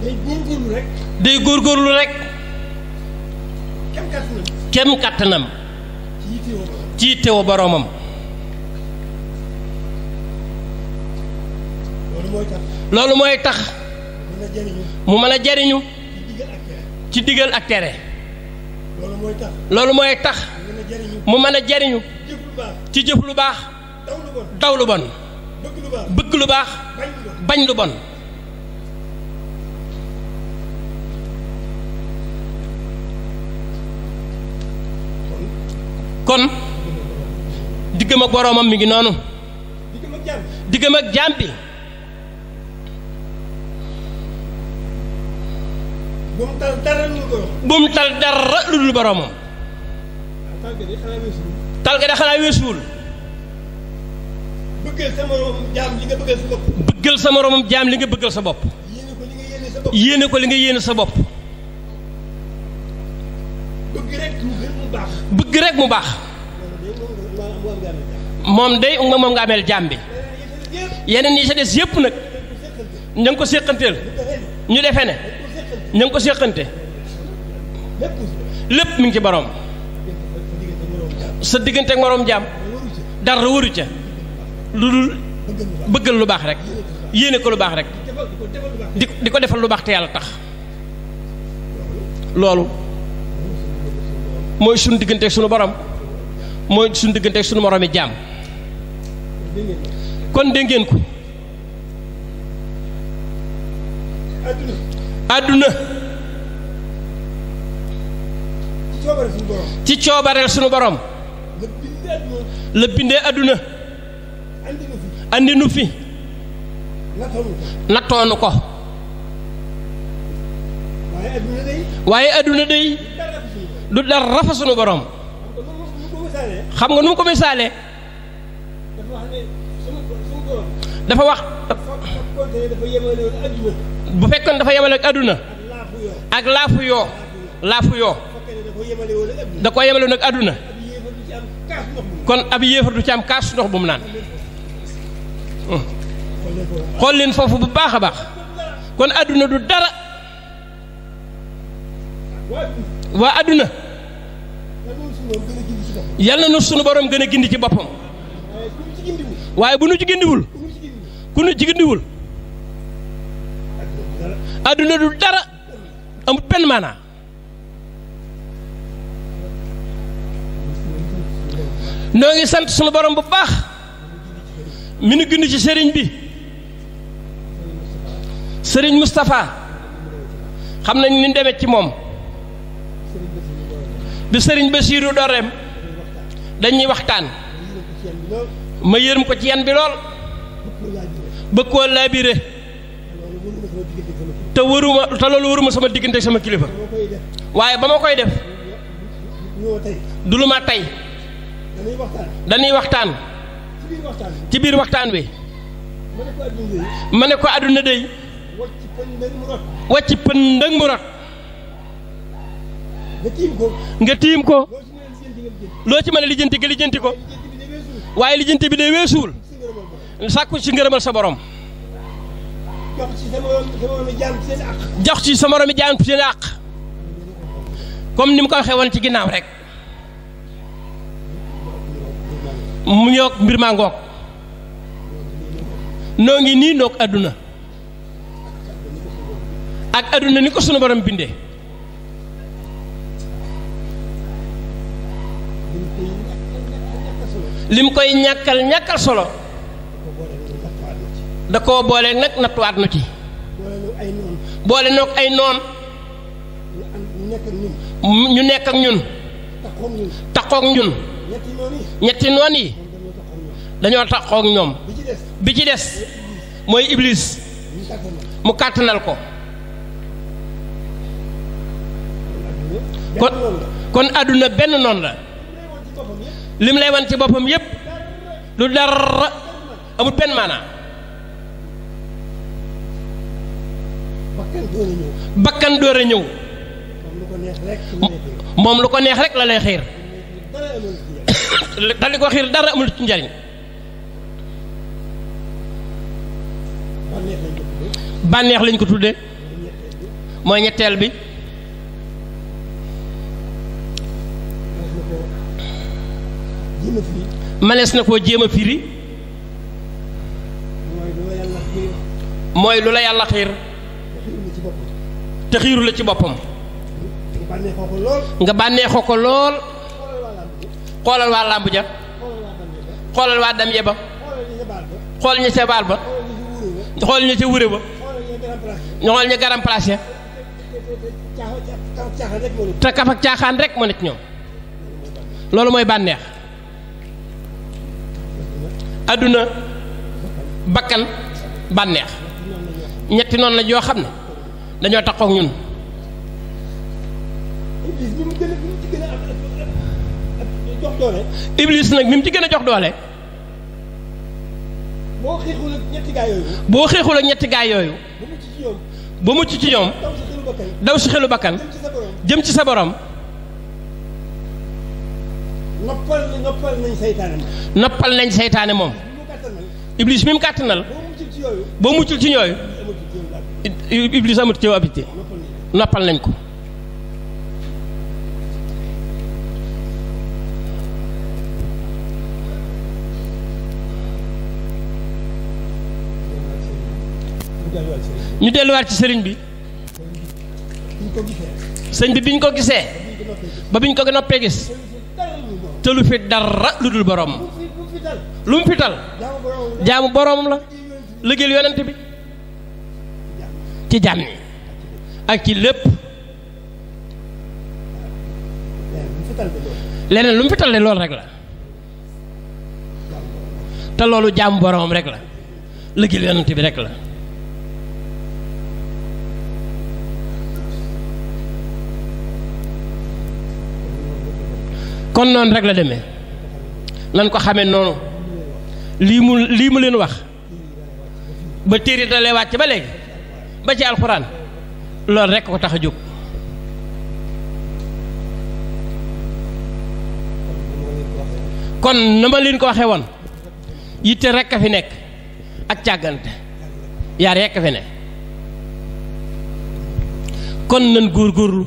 Speaker 5: day góor góorlu
Speaker 11: day góorgóorlu rek kem kàttanam ci yittewoo boroomam lolu moy tax mu meuna jariñu ci digal ak téré lolu moy tax mu meuna jariñu ci jëf lu baax daw lu bon bëgg lu baax bañ lu bon kon digëm ak boromam mi ngi nonu digëm ak jaam bu mu tal sa moromam jaam li nga bëggal sa bopp. ko li nga yéene sa bopp.
Speaker 2: bëgg rek mu baax.
Speaker 11: bëgg rek mu baax. moom day nga moom nga ameel jaam bi. yeneen yi sa des yépp nag. ña ko séqanteel. ñu defee ne. ña ngi ko séqante lépp mu ngi ci boroom sa diggante moroom jaam dara waru ca lu dul bëggal lu baax rek yéene ko lu baax rek di di ko defal lu baax te yàlla tax loolu mooy suñu diggante sunu borom mooy suñu diggante suñu moroomi jaam kon dégg ngeen ko. àdduna ci coobareel sunu borom la bindee àdduna andi nu fi nattoonu ko waaye àdduna day du dara rafa sunu borom xam nga nu ko misaalee dafa wax bu fekkoon dafa yemale ak àdduna ak laafu yoo laafu yoo da ko yemale ak àdduna kon ab yéefar du ci am kaas ndox bu mu naan xool leen foofu bu baax a baax kon àdduna du dara waa àdduna yal na nu sunu borom gën a gindi ci boppam waaye bu nu ci gindiwul ku nu jigéendiwul adduna du dara amul benn maanaa noo ngi sant suma borom bu baax mu nu gindi ci sëriñ bi sëriñ Moustapha xam nañ ni demee ci moom bi sëriñ ba Basiiru doreem dañuy waxtaan ma yërëm ko ci yenn bi lool bëgg koo laabire te waruma te loolu waruma sama diggante sama kilifa waaye ba ma koy def du lu ma tey dañuy waxtaan ci biir waxtaan wi ma ne ko àdduna dey wàcc pën mu rot nga tiim ko loo ci mën a lijjanti nga lijjanti ko waaye lijjanti bi day weesuwul Saku ci ngeureumal sa borom jox ci sa borom jam ci àq comme ni mu ko waxee woon ci ginnaaw rek mu ñoog mbir maa ngoog noo ngi nii noog ak aduna ni ko sunu borom binde lim koy ñàkkal ñàkkal solo da koo boole nag nattuwaat nu ci.
Speaker 5: boole noog
Speaker 11: ay boole noog ay noon. ñu nekk ak ñun. taxoog ñun. ñetti noon yi. dañoo taxoog ñoom. bi ci des. mooy iblis. mu kàttanal ko. kon kon àdduna benn noon la. lim lay wan ci boppam yépp lu dara amul benn maanaa.
Speaker 5: bakkan
Speaker 11: door a moom lu ko neex rek la lay xiir dali ko xiir dara amul ci njariñ bànneex lañ ko tudde mooy ñetteel bi manees na koo jéem a firi mooy lu la yàlla xiir te xiiru ci boppam nga bànneexoo ko lool xoolal waa làmb ja xoolal waa dam ba xool ñu ca ba xool ñu garam place ya te kaf ak caaxaan rek moo nekk ñoom loolu mooy bànneex adduna bakkan bànneex ñetti noon la joo xam ne dañoo takkook ñun iblis nag bi mu ci gën a jox doole boo xeexul ak ñetti gaa yooyu boo mucc ci ñoom daw si xelu bakkan jëm ci sa borom noppal nañ seytaane moom iblis mi mu kàttanal boo muccul ci ñooyu Iblis amatu ci habité noppal nañ ko ñu delluwaat ci sëriñ bi sëñ bi biñ ko gisee ba biñ ko noppee gis te lu fi dara lu dul boroom lu mu fi jaamu boroom la liggéeyal yonent bi ci jàmm ak ci lépp leneen lu mu fi talle loolu rek la te loolu jàmm boroom rek la liggéey yonent bi rek la kon noonu rek la demee nan ko xamee noonu lii mu lii mu leen wax ba téere dalee wàcc ba léegi ba ci alxuraan loolu rekk ko tax a jóg kon na ma leen ko waxee woon yitte rekk a fi nekk ak càggante yaar rekk a fi ne kon góor góorgóorlu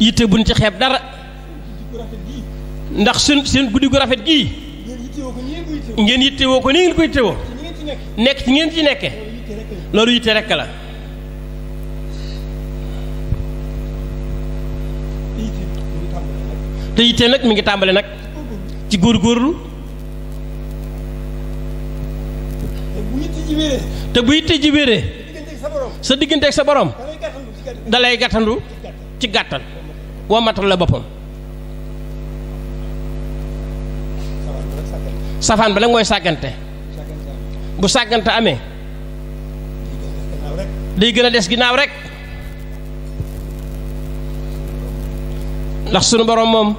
Speaker 11: yitte buñ ci xeeb dara ndax seen seen guddi gu rafet gii ngeen yittewoo ko ni ngeen ko yittewoo nekk ci ngeen ci nekke loolu yitte rekk la te yitte nag mu ngi tàmbali nag ci góor góorlu te bu yitte ji sa diggante ak sa boroom dalay gàttandu ci gàttal womatal la boppam safaan ba nag mooy sàggante bu sàggante amee day gën a des ginnaaw rek ndax sunu borom moom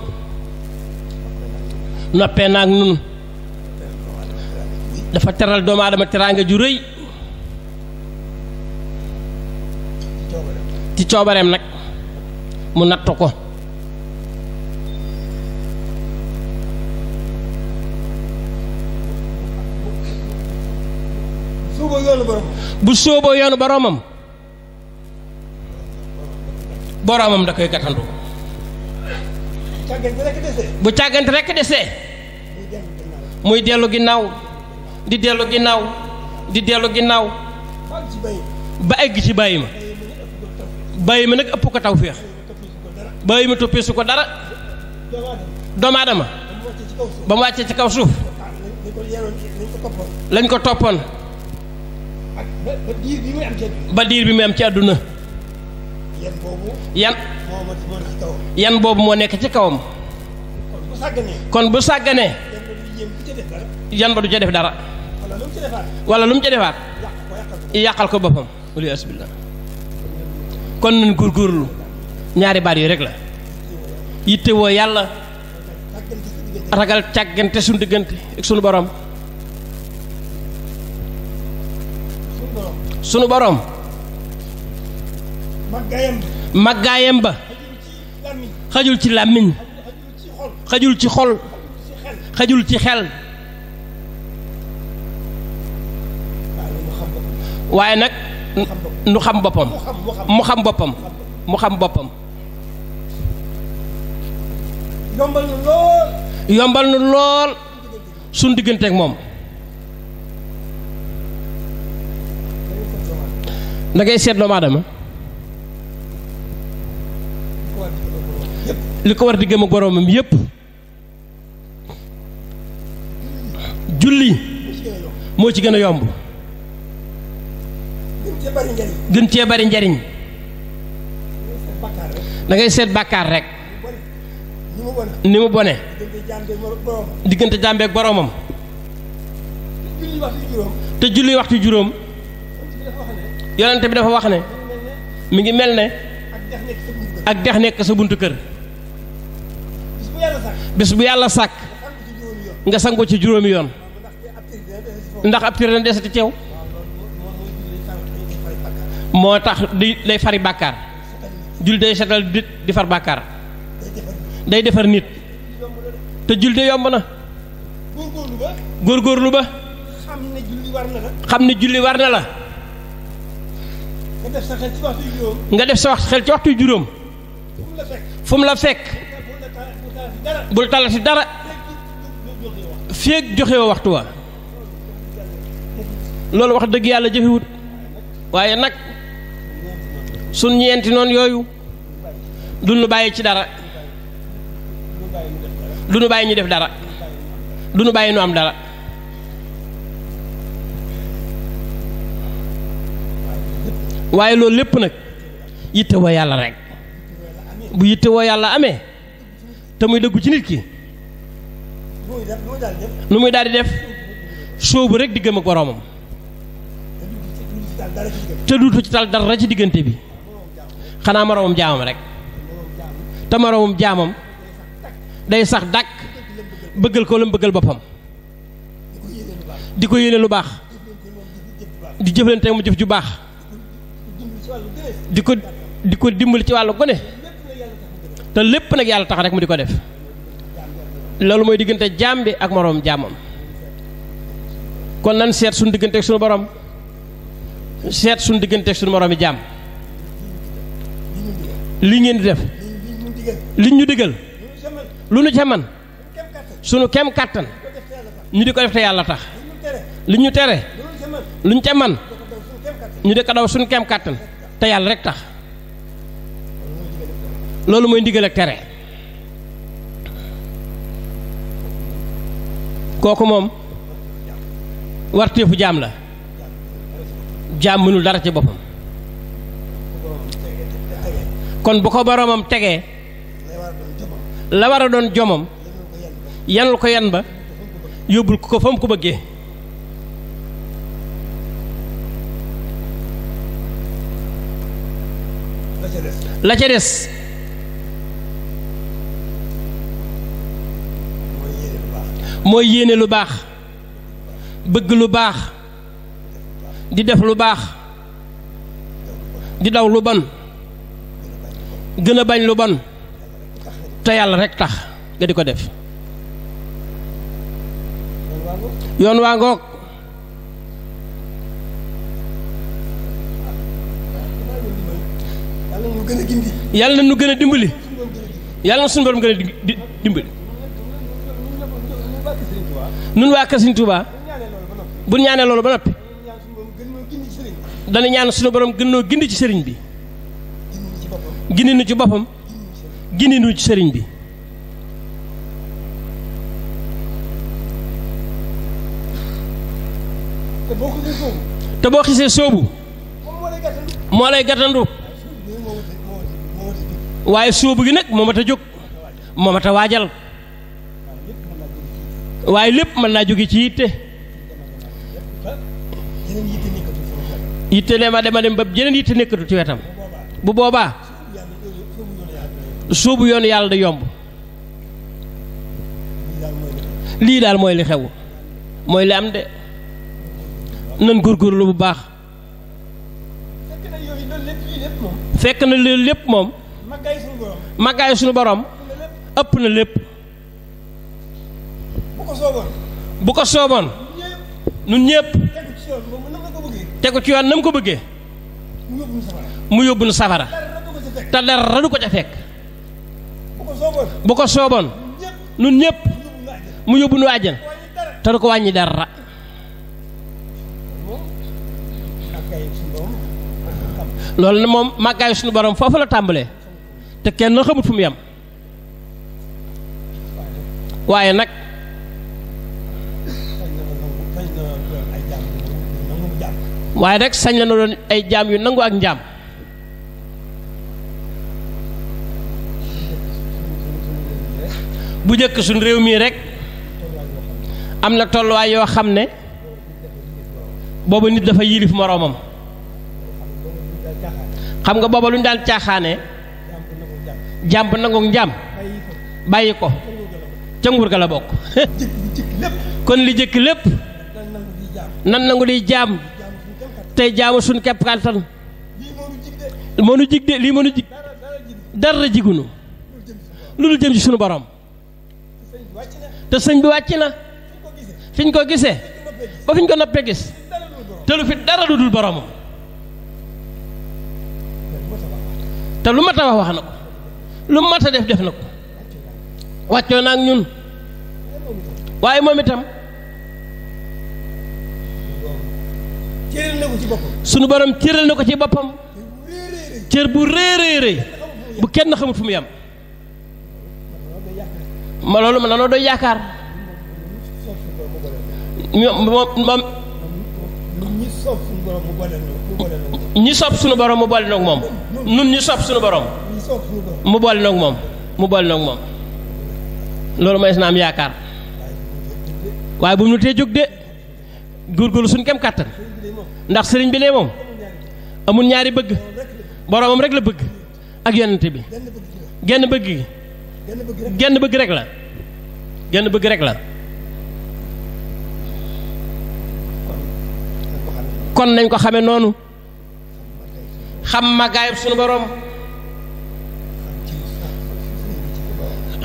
Speaker 11: noppee naag nun dafa teral doomu dama teraanga ju rëy ci coobareem nag mu natt ko bu sóoboo yoonu boroomam boroomam da koy gàttandu bu càggante rekk desee muy dellu ginnaaw di dellu ginnaaw di dellu ginnaaw ba egg ci bàyyi ma bàyyi ma nag ëpp ko tawféex bàyyi ma toppee ko dara doomu aadama ba mu wàccee ci kaw suuf lañ ko toppoon ba diir bi muy am ci àdduna. yan yan boobu moo nekk ci kawam. kon bu sàgganee. kon yan ba du ca def dara. walla lu mu ca defaat. yàqal ko boppam. waliyaas billah kon nañ góorgóorlu ñaari baat yi rek la. yittewoo yàlla. ragal càggante sunu diggante ak sunu borom. sunu borom màggaayam ba xajul ci làmmiñ xajul ci xol xajul ci xel waye nak nu xam bopam
Speaker 2: mu xam bopam
Speaker 11: mu xam bopam yombal nu lol yombal nu lool suñu digganteek mom da ngay seet doomu li ko war di gëm ak boroomam yépp julli moo ci gën a yomb gën cee bari njariñ dangay seet bàkkaar rek ni mu bone diggante jàmbeek boroomam te julli waxtu juróom yonent bi dafa wax ne mu ngi mel ne ak dex nekk sa buntu kër bis bu yàlla sàkk nga sangu ci juróomi yoon ndax ab tër na desati ceew moo tax di day fari bàkkaar jul day setal di di bàkkaar day defar nit te jul de yomb na góorgóorlu ba xam ne julli war na la nga def sa xel ci waxtu juróom. nga fu mu la fekk fu mu la bul talati dara. féeg joxe waxtu wa loolu wax dëgg yàlla jëfewut waaye nag sun ñeenti noon yooyu duñu bàyyi ci dara duñu bàyyi ñu def dara duñu bàyyi nu am dara waaye loolu lépp nag yitte woo yàlla rek bu yitte woo yàlla amee te muy dëggu ci nit ki nu muy daal di def sóobu rek diggam ak boroomam te duutu ci tal dara ci diggante bi xanaa moroomam jaamam rek te moroomam jaamam day sax dàkk bëggal ko bëggal boppam di ko yéene lu baax di jëflante mu jëf ju baax di ko di ko dimbali ci wàllu gone te lépp nag yàlla tax rek mu di ko def loolu mooy diggante jaam bi ak moroom jaamam kon nan seet suñu diggante ak suñu borom seet suñu diggante ak moroomi jaam li ngeen di def li ñu digal lu ñu ca man suñu kem kàttan ñu di ko def te yàlla tax li ñu tere lu ñu ca man ñu di ko suñu kem kàttan te yàlla rek tax loolu mooy ndigal tere kooku moom warteefu jaam la jaam mënul dara ci boppam kon bu ko boroomam tegee la war a doon jomam yanul ko yan ba yóbbul ko ko fa mu ko bëggee la ca des mooy yéene lu baax bëgg lu baax di def lu baax di daw lu bon gën a bañ lu bon te yàlla rek tax nga di ko def ñu gën yàlla na ñu gën a dimbali. yàlla na suñu borom gën a di dimbali. nun waa Kër Sëriñ Tuubaa bu ñaanee loolu ba noppi. dana ñaan suñu borom gën noo ci sëriñ bi. gindi nu ci boppam. gindi nu ci sëriñ bi. te boo xisee lay gàttandu. waaye sóobu gi nag moo mat a jóg moo mat a waajal waaye lépp mën naa jóge ci yitte yitte ne ma dema ba jeneen yitte nekkatu ci wetam bu boobaa sóobu yoon yàlla da yomb lii daal mooy li xew mooy li am de nan góorgóorlu bu baax fekk na loolu lépp moom màggaayu suñu borom. màggaayu ëpp na lépp. bu ko sooboon. bu ko sooboon. ñun ñëpp. tegu ci yoon na mu ko bëggee. mu yóbbu nu safara. te dara du ko ca fekk. bu ko sooboon. ñun ñëpp. mu yóbbu nu àjjana. te du ko wàññi dara. loolu na moom màggaayu suñu borom foofu la tàmbalee. te kenn xamut fu mu yem waaye nag waaye nag sañ la na doon ay jaam yu nangu ak njaam bu njëkk suñ réew mii rek am na tolluwaay yoo xam ne booba nit dafa yilif moroomam xam nga booba lu ñu daan caaxaane jaam bu nangook njaam bàyyi ko ca nguur ga la bokk kon li jëkk lépp nan nangu di jaam te jaamu suñ kepp kàttan mënu jig de lii mënu jig dara jigunu lu dul jëm ci suñu borom te sëñ bi wàcc na fi ñu ko gisee ba fi ko noppee gis te lu fi dara lu dul boromam te lu ma tabax wax na ko lu mat a def def na ko wàccoo na ak ñun waaye moom itam sunu borom cëral na ko ci boppam cër bu réy réy bu kenn xamut fu mu yam ma loolu ma lanoo doy yaakaar moom moom ñi sopp suñu borom mu boole nag moom nun ñi sopp suñu borom mu boole nag moom mu boole nag moom loolu mooy na am yaakaar waaye bu mu nu tee jóg de góorgóorlu suñ kem kàttan ndax sëriñ bi lee moom amul ñaari bëgg boromam rek la bëgg ak yonent bi genn bëgg genn bëgg rek la genn bëgg rek la kon nañ ko xame noonu xam màggaayam sunu boroom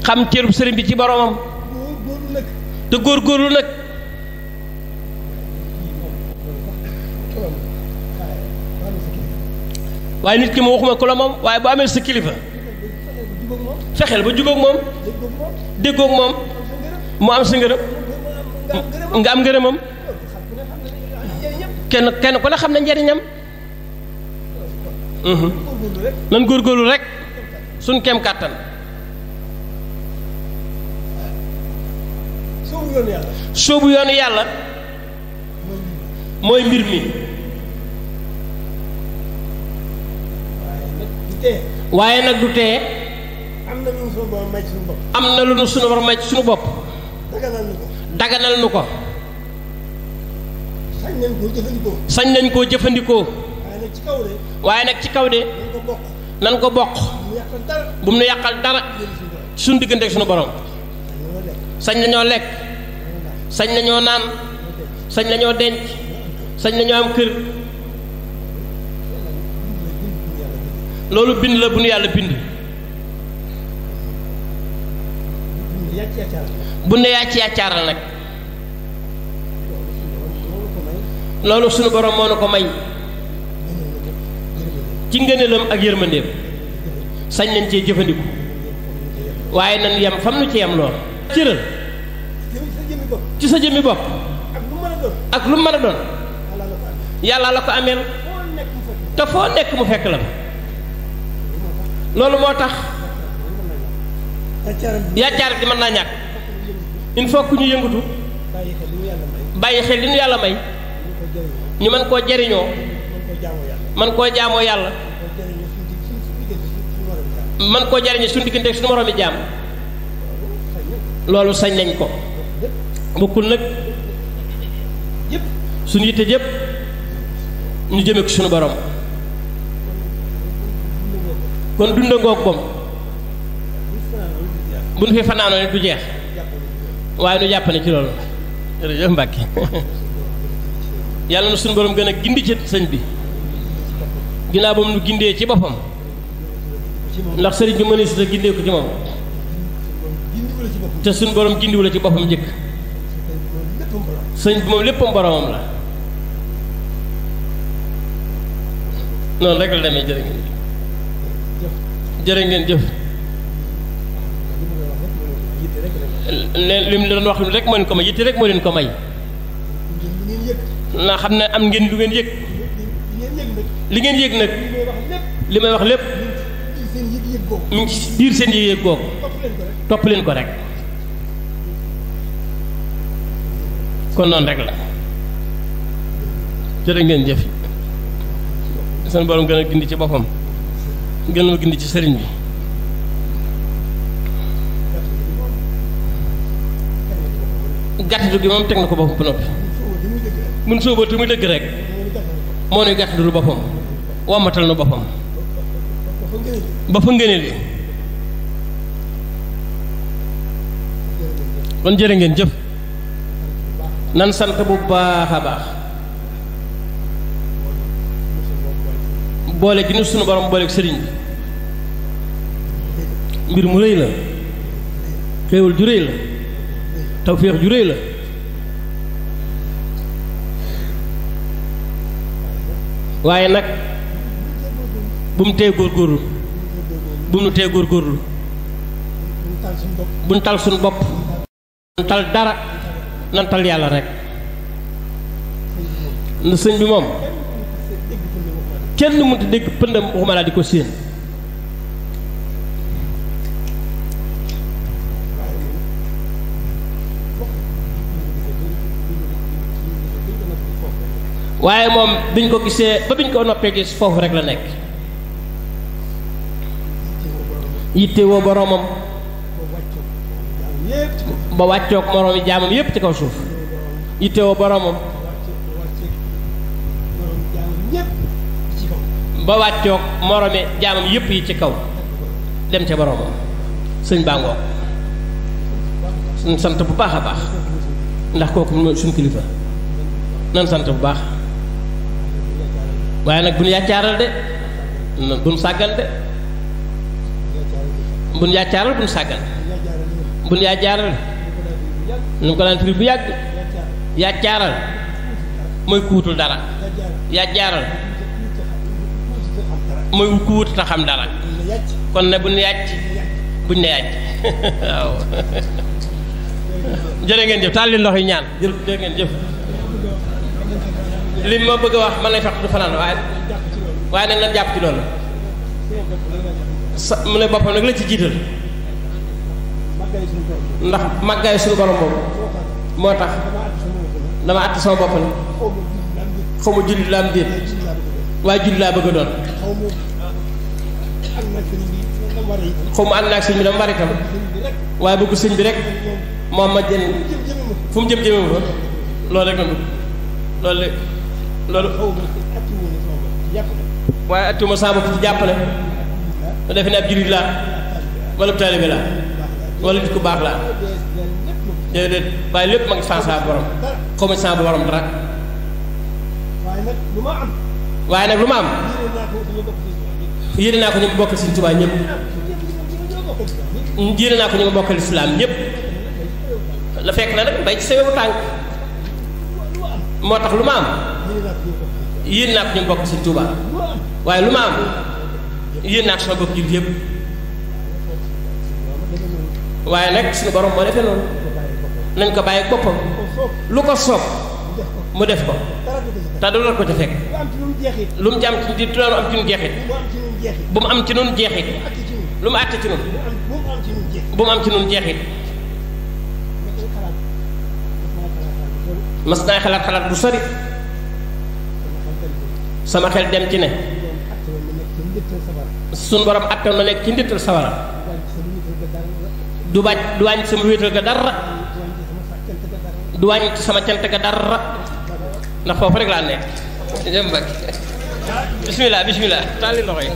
Speaker 11: xam cërub sëriñ bi ci boroomam te góorgóorlu nag waaye nit ki ma waxuma ku la moom waaye bu amee sa kilifa fexeel ba jubóog moom déggoog moom mu am sa ngërëm nga am ngërëmam kenn kenn ku ne xam na njariñam Mm-hmm. nan góorgóorlu rek suñ kem kàttan
Speaker 2: soobu yoonu yàlla
Speaker 11: soobu yoonu yàlla mooy mbir mi waaye nag du tee
Speaker 2: am na lu nu sunu borom may ci bopp
Speaker 11: na lu nu sunu borom may bopp daganal nu ko daganal nu ko sañ nañ koo jëfandikoo sañ nañ koo jëfandikoo waaye nag ci kaw de nan ko bokk bu mu nu yàqal dara suñu diggante suñu borom sañ nañoo lekk sañ nañoo naan sañ nañoo denc sañ nañoo am kër loolu bind la bu nu yàlla bind bu ne yàcc yàccaaral nag loolu suñu borom moo nu ko may ci ngëneelam ak yërmandeem sañ nañ cee jëfandiku waaye nan yem fam nu ci yem lool cëral ci sa jëmmi bopp ak lu mën doon yàlla la ko ameel te foo nekk mu fekk la loolu moo tax yaacaar bi mën naa ñàkk il faut ku ñu yëngatu bàyyi xel li ñu yàlla may ñu mën koo jariñoo man koo jaamoo yàlla man koo jariñu suñu diggante suñu moromi jaam loolu sañ nañ ko bokkul nag suñu yitte jëpp ñu jëme ko suñu borom kon dunda ngoog moom bu ñu fi fanaanoo ne du jeex waaye nu jàpp ci loolu jërëjëf Mbàkke yàlla na suñu borom gën a gindi ci sañ bi ginnaaw ba mu gindee ci boppam ndax sëriñ bi mënees na gindee ko ci moom te suñ borom gindiwu la ci boppam njëkk sëñ bi moom léppam boromam la noonu rek la demee jërë ngeen jërë ngeen jëf leen li mu doon wax rek moo leen ko may yitte rek moo leen ko may naa xam ne am ngeen lu ngeen yëg li ngeen yéeg nag li may wax lépp mu ngi ci biir seen yëg-yëg googu topp leen ko rek kon noonu rek la jërë ngeen jëf seen borom gën a gindi ci boppam gën a gindi ci sëriñ bi gàttitu gi moom teg na ko boppam ba noppi mun sóobatu muy dëgg rek moo gatt dul bopam wammatal nu no ba fa ngëne li kon jere ngeen jëf nan sante bu baax a baax boole gi nu sunu borom booleeg serigne bi mbir mu reey la xéewal ju reey la tawfiq ju reey la waaye nag bu mu tee góorgóorlu bu mu tee góorgóorlu bu mu tal suñu bopp bu mu tal dara nantal yàlla rek na sëñ bi moom kenn mënut a dégg pëndam waxuma di ko séen waaye moom biñ ko gisee ba biñ ko noppee gis foofu rek la nekk yitte woo boroomam ba wàccook moroomi jaamam yépp ci kaw suuf yitte woo ba wàccoog moroomi jaamam yépp yi ci kaw dem ca boroomam sëñ baa sant bu baax a baax ndax kooku suñ kilifa nan sant bu baax waye nak buñu yaccaral de buñu sagal de buñu yaccaral buñu sagal buñu yaccaral ñu ko lan tribu yag yaccaral moy mooy dara yaccaral moy kuwut ta xam dara kon ne buñu yacc buñu ne yacc jere ngeen jëf taal leen yi ñaan jere ngeen jëf li ma bëgg a wax mën nañ fekk du fanaan waaye waaye nañ leen jàpp ci loolu sa mu ne boppam nag la ci jiital ndax màggaay suñu borom boobu moo tax dama àtt sama bopp xaw ma jullit laa am déet waaye jullit laa bëgg a doon xaw ma ànd naa ak sëñ bi dama bari itam waaye bëgg sëñ bi rek moom ma jën fu mu jëm jëmee loolu rek ma loolu rek loolu xaw ma waaye attuma saa bopp ci jàppale ma defe ne ab jullit laa wala taalibe laa wala nit ku baax laa déedéet waaye lépp ma ngi sant saa borom xaw ma dara waaye nag lu ma am yéene naa ko ñu ma bokkal Sëriñ Tuubaa ñëpp yéene naa ko ñu ma bokkal islaam ñëpp la fekk na nag bay ci sewewu tànk moo tax lu ma am yéen naa ko ñu bokk Sëñ Tuubaa waaye lu ma am yéen naa ko sama bokk jullit yépp waaye nag suñu borom moo defee noonu nañ ko bàyyi boppam lu ko soob mu def ko te du ko ca fekk
Speaker 2: lu mu ci am ci di doon am ci nu jeexit
Speaker 11: bu mu am ci nun jeexit lu mu àtte ci nun bu mu am ci nun jeexit mas kelak xalaat xalaat bu sori sama xel dem ci ne sun borom attal ma nek ci nditul sawara du baaj du wañ sama wéetal ga dara du wañ ci sama cant ga dara na fofu rek la nek dem bak bismillah bismillah Tali loxo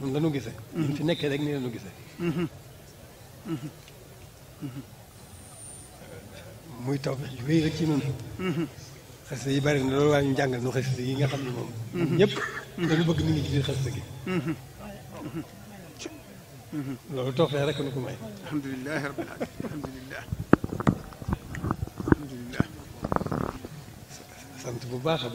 Speaker 2: noonu la ñu ni ci fi nekkee rek nii la ñu gisee. muy taw bi wéy rek ci noonu. xasida yi bari na loolu waaye ñu jàngal ñu xasida yi nga xam ne moom. ñëpp dañu bëgg nit ñi ci biir xasida gi. loolu tawfeex rek nu ko may. sant bu baax a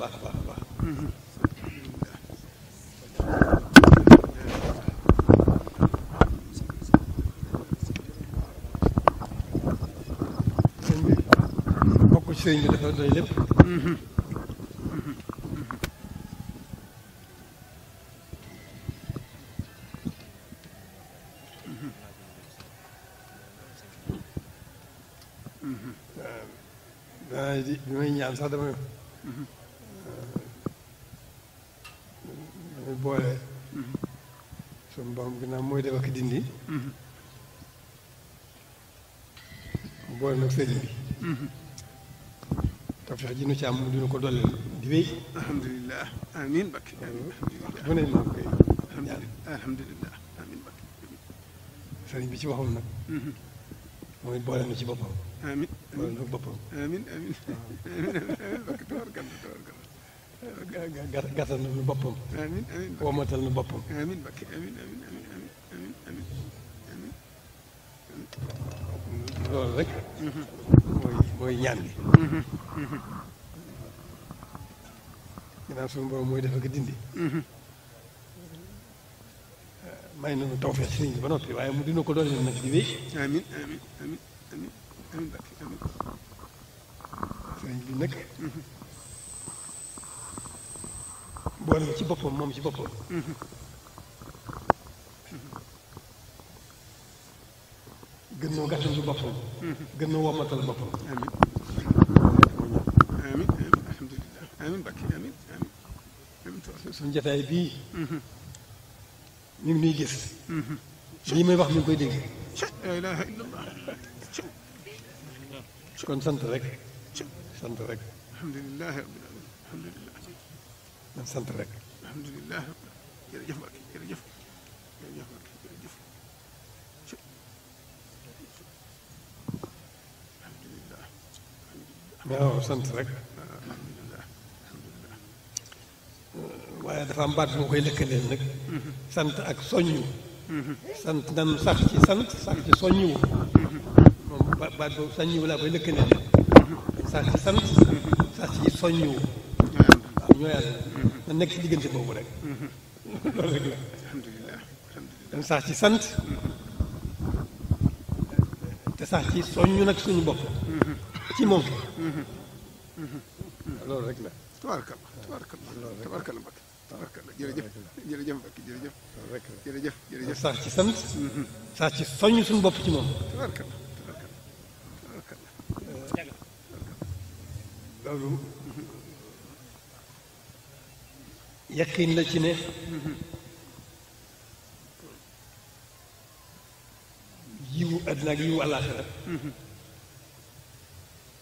Speaker 2: ci sëriñ bi dafa doy lépp.
Speaker 3: Euh, euh, di may ñaan sax dama. Euh,
Speaker 2: damay boole. suñu borom ginnaaw mooy def ak dindi. Mm-hmm. boole nag sëriñ bi.
Speaker 3: Mm-hmm.
Speaker 4: تفتح جينو شام دينو كدول دبي الحمد لله آمين بك آمين الحمد لله
Speaker 2: الحمد لله آمين بك سليم بيجي بحولنا آمين بولا بيجي بحول آمين آمين
Speaker 4: آمين آمين آمين بك تبارك الله تبارك
Speaker 3: الله
Speaker 4: غاتا نوبو امين امين وماتل نوبو امين بك امين امين
Speaker 2: lool rek. Mhm. mooy mooy ñaan bi. ginnaaw suñu borom mooy def ak dindi. Mhm. Eh, may nañu tawfeex sëriñ ba waaye mu dina ko doon nag di wéy. amiin amiin amiin amiin amiin amiin. sëriñ bi nag. Mhm. boole ci boppam moom ci boppam. gën noo gàttandu boppam. Hmm. gën noo womatal boppam. amiin
Speaker 4: amiin alhamdulilah amiin bakki amiin amiin.
Speaker 2: suñu jotaay bii. Hmm. ñu ngi nuy gis. Hmm. lii may wax mi ngi
Speaker 4: koy dégg. la ilaha illallah. kon sant rek. sant rek. alhamdulilah alhamdulilah. sant rek. alhamdulilah jërëjëf Mbacke
Speaker 2: waaw sant rek waaye dafa am baat bu ma koy lëkkaleen nag sant ak soññu sant nan sax ci sant sax ci soññu moom baat boobu soññu laa koy lëkkaleen sax ci sant sax ci soññu waaw ñoo yàlla na nekk diggante boobu rek loolu sax ci sant te sax ci soññu nag suñu bopp ci moom.
Speaker 4: loolu rek la. tabaarkalla tabaarkalla tabaarkalla Mbacke tabaarkalla jërëjëf jërëjëf Mbacke jërëjëf. loolu rek la jërëjëf jërëjëf. saa ci sant. Mhm. saa ci soññ suñu
Speaker 2: bopp ci moom. tabaarkalla
Speaker 4: tabaarkalla tabaarkalla.
Speaker 3: Euh, loolu. Mhm.
Speaker 2: yaqin la ci ne. Mhm. yiwu àddina ak yiwu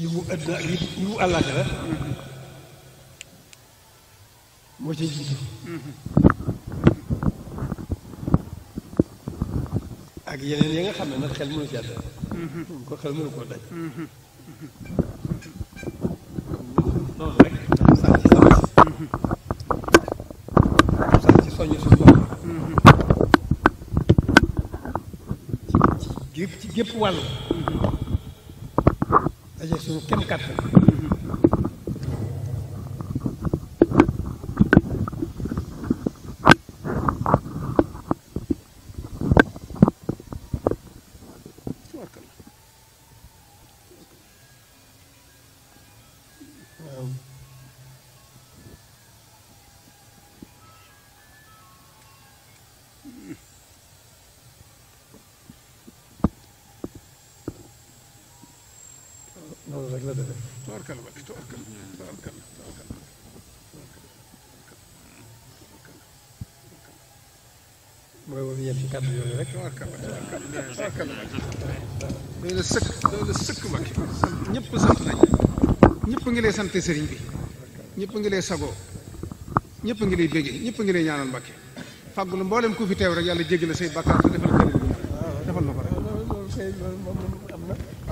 Speaker 2: yiwu àdduna ak yiwu àllaaxira moo ci jiitu ak yeneen yi nga xam ne nag xel mënu ci àdda ko
Speaker 4: xel mënu koo daj noonu rek
Speaker 2: ci soññ suñu bopp ci gépp wàll Jesús, ¿qué me
Speaker 4: defee tabarkalla Mbacke tabarkalla tabarkalla tabarkalla mooy moom yéen
Speaker 9: sëkk doy la sëkk Mbacke ñëpp sant nañ
Speaker 4: ñëpp ngi lay sant sëriñ bi ñëpp ngi lay sagoo ñëpp ngi lay béggee ñëpp ngi lay ñaanal Mbacke fàggul mboolem ku fi teew rek yàlla jéggi la say bàkkaar te defal ko defal na ko rek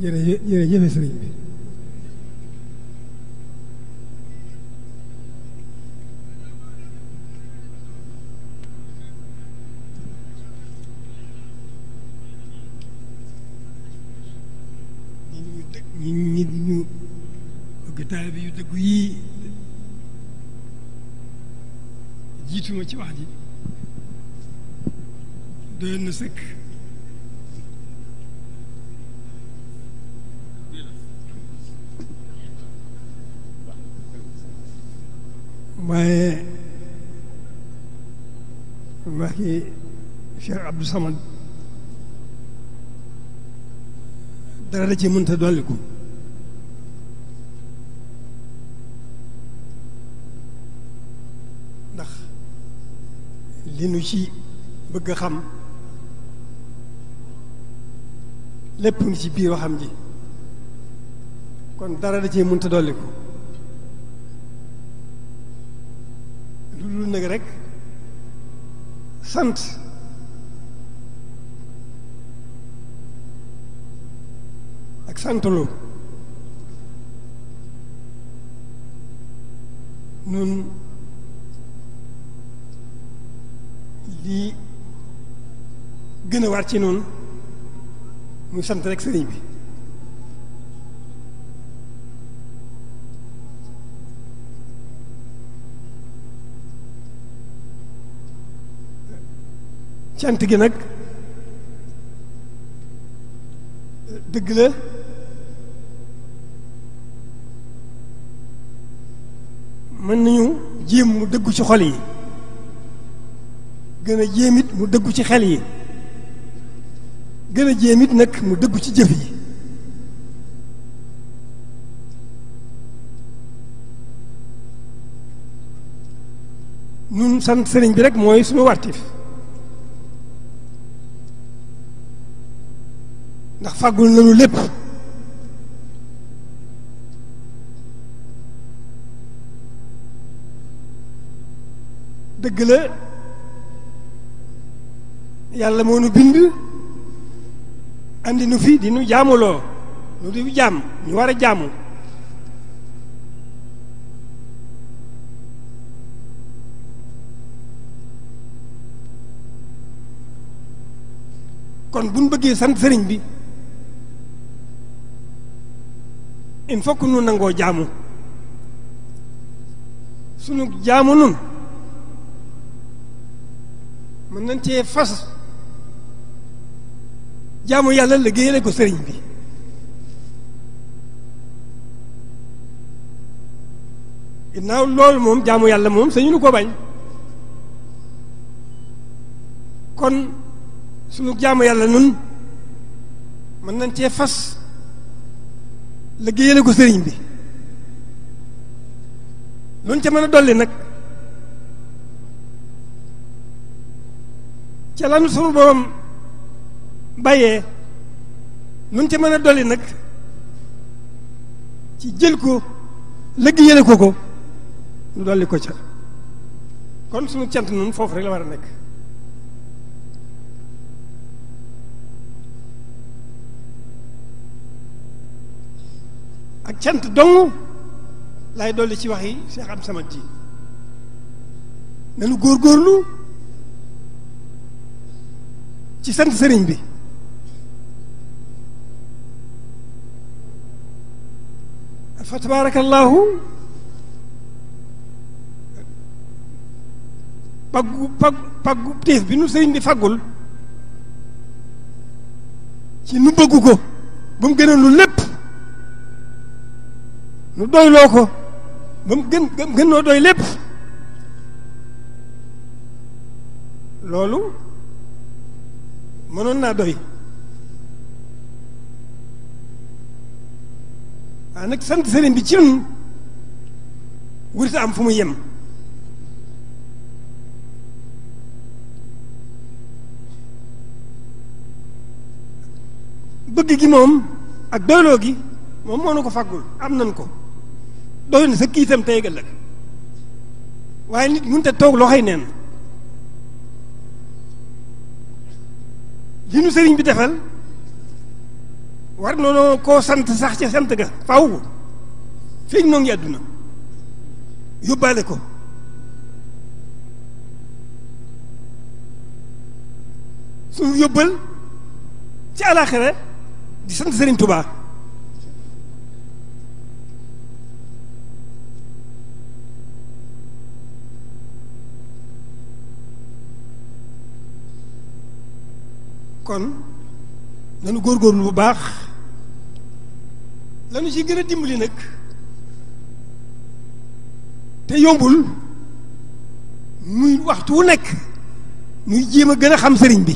Speaker 2: jërëjëf jërëjëf sëriñ bi ñi ñu ñi ñu bëgg taalibe yu dëggu yii jiituma ci wax ji doyoon na sëkk waaye waxi Cheikh Abdou Samad dara da ci mënta dolliku ndax li nu ci bëgg a xam lépp ngi ci biir waxam ji kon dara da ci mënta dolliku nag rek sant ak santlu nun lii gën a war ci noonu muy sant rek sëriñ bi cant gi nag dëgg la mën nañu jéem mu dëggu ci xol yi gën a jéem it mu dëggu ci xel yi gën a jéem it nag mu dëggu ci jëf yi nun sant sëriñ bi rek mooy suñu wartif
Speaker 5: ndax fàggul nañu lépp dëgg la
Speaker 2: yàlla moo nu bind andi nu fi di nu nu di jaam ñu war a kon buñ bëggee sant sëriñ bi il faut que nu nangoo jaamu sunu jaamu nun mën nañ cee fas jaamu yàlla liggéeyale ko sëriñ bi ginnaaw loolu moom jaamu yàlla moom sañu nu ko bañ kon sunu jaamu yàlla nun mën nañ cee fas liggéeyale ko sëriñ bi luñ ca mën a dolli nag ca lanu sunu borom baye luñ ca mën a dolli nag ci jël ko liggéeyale ko ko ñu dolli ko ca kon sunu cant noonu foofu rek la war a nekk
Speaker 5: ak cant dong laay
Speaker 2: dolli ci wax yi Cheikh Abdou Samad ji
Speaker 5: góor góorgóorlu
Speaker 2: ci sant sëriñ bi fa tabaarakallaahu paggu paggu paggu bi nu sëriñ bi faggul ci nu bëggu ko
Speaker 5: ba mu gënal lu lépp nu doy loo ko ba mu gën gën noo doy lépp
Speaker 2: loolu mënoon naa doy waaw nag sant sëriñ bi ci nun wurti am fu mu yem bëgg gi moom ak doyloo gi moom moo nu ko faggul am nan ko doy na sa kiitam tey ëllëg waaye nit mënut a toog loxoy neen li nu sëriñ bi defal war noonu koo sant sax ca sant ga faw feeñ moo ngi àdduna yóbbaale ko su yóbbal ci alaaxira di sant sëriñ Tubaa kon nanu góorgóorlu bu baax lanu ci gën a dimbali nag te yombul muy waxtu wu nekk muy jéem a gën a xam sëriñ bi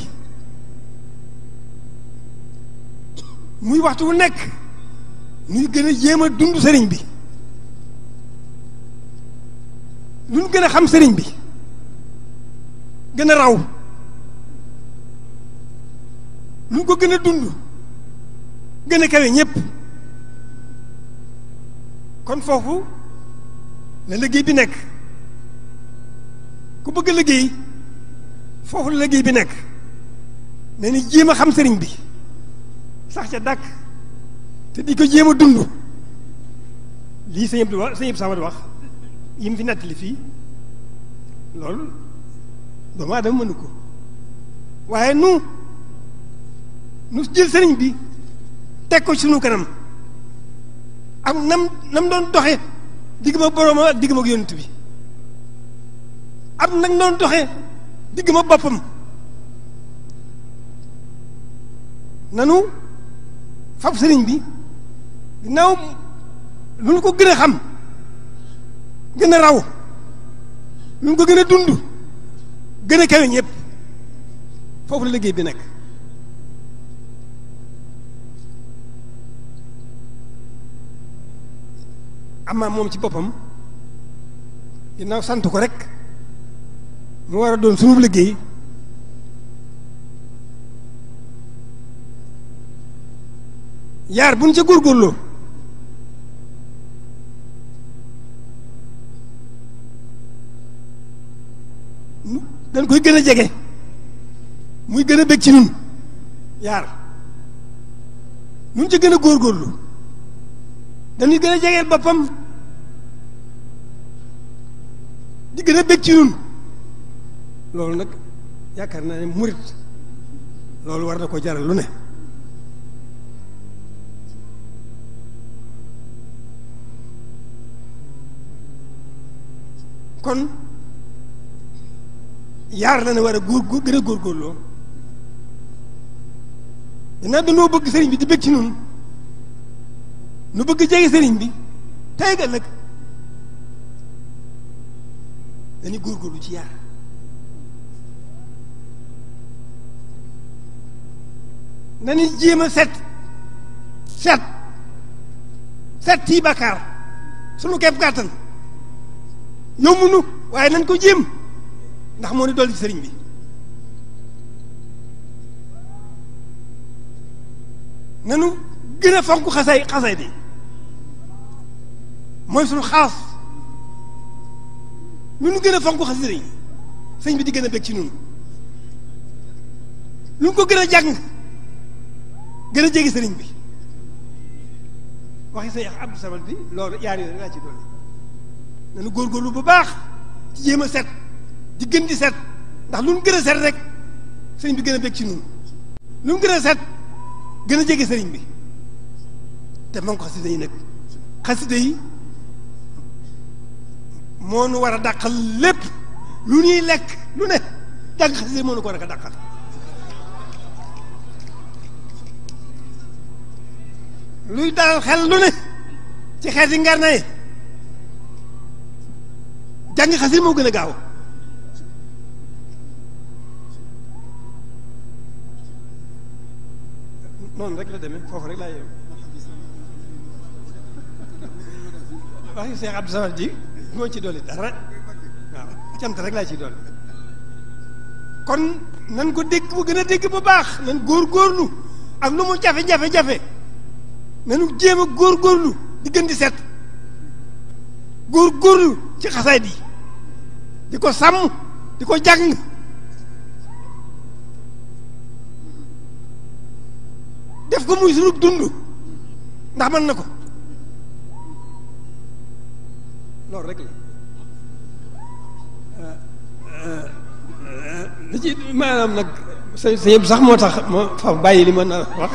Speaker 2: muy waxtu wu nekk muy gën a jéem a dund sëriñ bi lu nu gën a xam sëriñ bi gën a raw lu ko gën a dund gën a kawe ñëpp kon foofu la liggéey bi nekk ku bëgg a liggéey foofu la liggéey bi nekk ne ni jéem a xam sëriñ bi sax ca dàkk te di ko jéem a dund lii sëñ Abdou wax sëñ Abdou Samad wax yim fi li fii loolu doomu aadama mënu ko waaye nu nu jël sëriñ bi teg ko sunu kanam am nam nam doon doxe digg ma boroom ak digg ma yonent bi am nag doon doxe digg ma boppam nanu fab sëriñ bi ginnaaw lu ñu ko gën a xam gën a raw lu ko gën a dund gën a kawe ñëpp foofu la liggéey bi amaa moom ci boppam ginnaaw sant ko rek mu war a doon sunu liggéey
Speaker 5: yaar buñ ca góorgóorloo dañ koy gën a jege
Speaker 2: muy gën a bég ci nun yaar
Speaker 5: nun ca gën a góorgóorlu dañuy gën
Speaker 2: a jegeel boppam di gën a bëgg ci loolu nag yaakaar naa ne murit loolu war na ko jaral lu ne kon yaar la ne war a góor góor gën a góorgóorloo danaa dañoo bëgg bi di bëgg ci nu bëgg jege sëriñ bi tey ga nag dañu góorgóorlu ci yar nañu jéem a set set set tii bàkkaar sunu kepp kàttan yomb waaye nañ ko jéem ndax moo ni dolli ci sëriñ bi nanu gën a fonk xasay xasay bi moy suñu xaas ñu gën a fonk xasida sëñ bi di gëna a ci ñun lu ko gëna a jàng gën a jege bi waxi sey Abdou Samad bi loolu yaar yi la ci doon nañu góorgóorlu bu baax ci jéem set di gën di set ndax lu ñu gën set rek señ bi gëna a ci ñun lu ñu gën set gëna a señ bi te man ko xasida yi nag xasida yi مون ورا داخل لب لوني لك لوني داك خزي
Speaker 5: مون ورا داخل لوي دال خل لوني تي خزي نغارناي
Speaker 2: جاني خزي مو غنا غاو لا ديمي فوف رك لا duma ci dolli dara
Speaker 3: waaw
Speaker 2: cant rek ci dolli kon nan ko dégg bu gën a dégg bu baax nan góorgóorlu ak lu mu jafe-jafe-jafe nanu jéem a góorgóorlu di diggan di set góorgóorlu ci xasaayid yi di ko sàmm di ko jàng
Speaker 5: def ko muy sunub dund ndax mën na ko
Speaker 2: loolu rek la maanaam nag sa yëpp sax moo tax ma fa bàyyi li ma nar a wax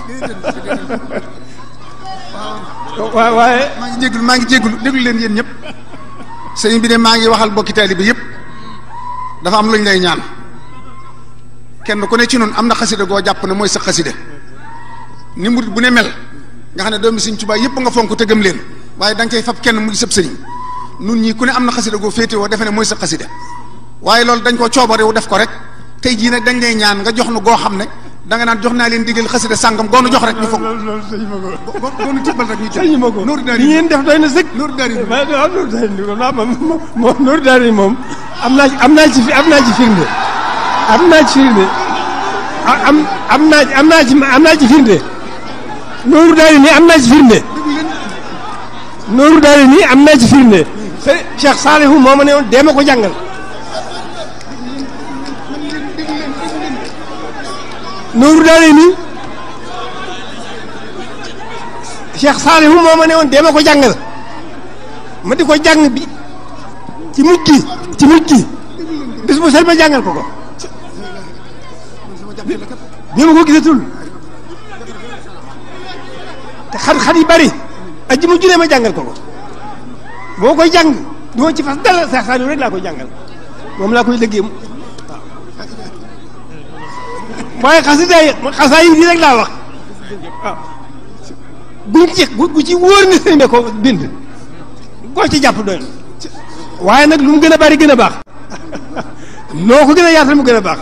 Speaker 6: waaye maa ngi jégalu maa ngi jégalu déglu leen yéen ñëpp sëriñ bi ne maa ngi waxal bokki bi yëpp dafa am lu ñu lay ñaan kenn ku ne ci noonu am na xasida goo jàpp na mooy sa xasida ni murit bu ne mel nga xam ne doomi Sëriñ Tuubaa yëpp nga fonk te gëm leen waaye da nga koy fab kenn mu di sëb nun ñi ku ne am na xasida goo féete woo defe ne mooy sa xasida waaye loolu dañ ko coobarewu def ko rek tey jii nag dañ lay ñaan nga jox nu goo xam ne danga naan jox naa leen digal xasida sàngam goonu jox rek ñu foog loolu sëñ ma ko goonu tibbal rek ñu sëñ ma ko nooru daari yi ngeen def doy na sëkk nooru daari nooru daari
Speaker 2: moom nooru daari moom am naa am naa ci am naa ci firnde am naa ci firnde am am naa am naa am naa ci firnde
Speaker 5: nooru daari nii am naa ci firnde nooru daari nii am naa sëriñ Cheikh Saalihu moo ma ne woon ko jàngal nooru daale ni Cheikh Saalihu moo ma ne woon ma ko jàngal ma di ko jàng bi
Speaker 2: ci mujj ci mujj gi bis bu ma jàngal ko ko
Speaker 5: bi ma ko gisatul te xat-xat yi bari aji mu juree ma jàngal ko ko boo koy jàng
Speaker 2: du ma ci fas dal Seex Saaliw rek laa koy jàngal moom laa koy liggéey waaw waaye xasida yi xasaa yi rek laa wax waaw ci bu ni sëñ bi ko bind koo ci jàpp doy waaye nag lu mu gën a bari gën a baax noo ko gën a yaatal mu gën a baax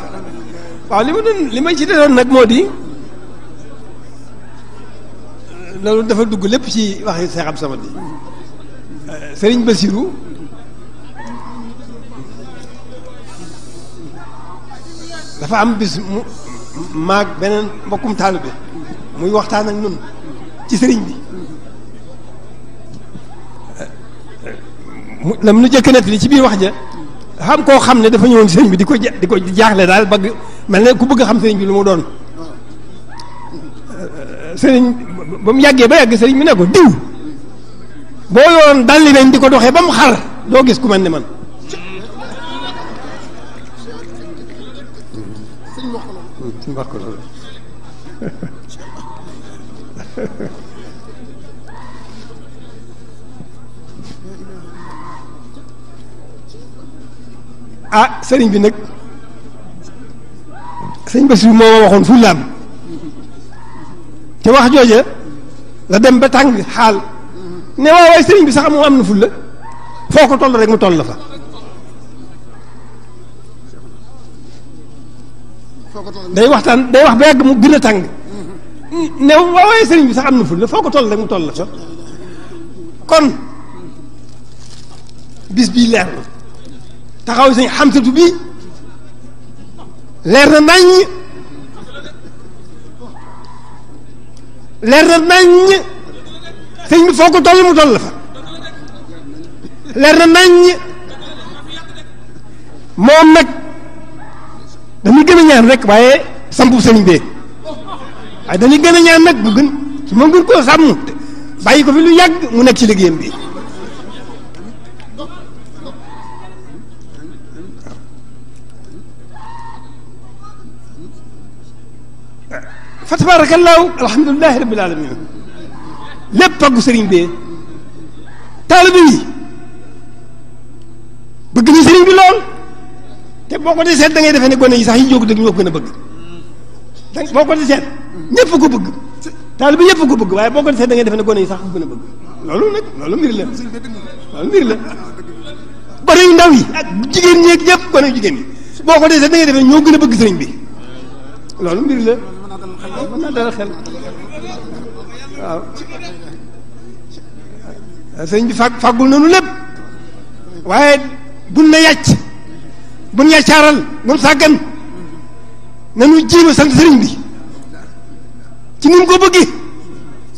Speaker 2: waaw li ma doon li ma ci doon nag moo di loolu dafa dugg lépp ci waxi Seex Abdu Samad yi sëriñ Basirou dafa am bis mu maag beneen mbokkum taalibe muy waxtaan ak nun ci sëriñ bi mu lam nu jëkk nett li ci biir wax ja xam koo xam ne dafa ñëwoon sëriñ bi di ko di ko jaaxle daal bëgg mel ne ku bëgg xam sëriñ bi lu mu doon sëriñ ba mu yàggee ba yàgg sëriñ bi ne ko diw bo yoroon dalli nañ di ko doxee ba xar do gis ku melni man ah serigne bi nak serigne bassi mo waxon waxoon fullaam te wax jooja la dem ba tang xaal ne waaw waaye sëriñ bi sax mu am na fulla foo ko toll rek mu toll la fa day waxtaan day wax ba yàgg mu gën a tàng ne waaw waaye sëriñ bi sax am na fulla foo ko toll rek mu toll la fa kon bis bii leer na taxaw sañ xamsatu bii
Speaker 5: leer na naññ leer na naññ seigne bi foo ko mu toll fa leer nañ mom nak dañu gëna ñaan rek waye sampu seigne bee ay dañu gëna ñaan nak bu gën su ma
Speaker 2: gën ko sàmm bàyyi ko fi lu yàgg mu nekk ci ligéem bi
Speaker 3: fa tabarakallahu
Speaker 2: alhamdulillahi rabbil alamin lépp pàggu sëriñ bee taalibe yi bëgg na sëriñ bi lool te boo ko di seet da ngay defee ne gone yi sax yi jóg dëgg ñoo ko gën a bëgg da boo ko di seet ñëpp ko bëgg taalibe yëpp ko bëgg waaye boo ko di da ngay defee ne gone yi sax ko gën a bëgg loolu nag loolu mbir la loolu mbir la gone yu ndaw yi ak jigéen ñi ak ñëpp gone yu jigéen ñi boo ko di seet da ñoo gën a bëgg sëriñ bi loolu mu
Speaker 8: la mën naa dalal xel
Speaker 5: waaw bi fag faggul nanu lépp waaye bu na yàcc bun yàccaaral bun sàggan nanu jiima sant sëriñ bi ci ni mu ko bëggi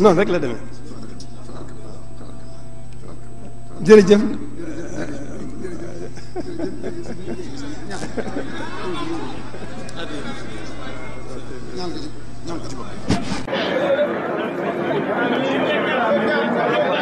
Speaker 2: noonu rek la demee jërëjëf ñaan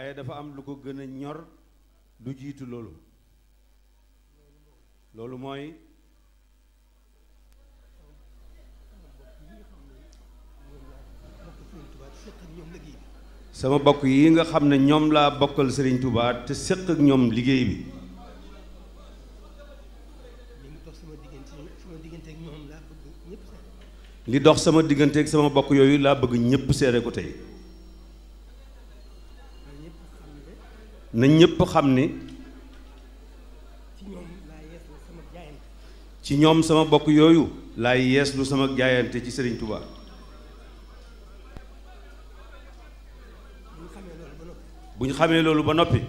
Speaker 1: waaye dafa am lu ko gën a ñor lu jiitu loolu loolu mooy sama bokk yi nga xam ne ñoom laa bokkal Serigne Touba te séq ak ñoom liggéey bi li dox sama diggante ak sama bokk yooyu laa bëgg ñépp seere ko tey na ñépp xam ni ci ñoom sama bokk yooyu laay yees lu sama jaayante ci Serigne Touba bu ñu xamee loolu ba noppi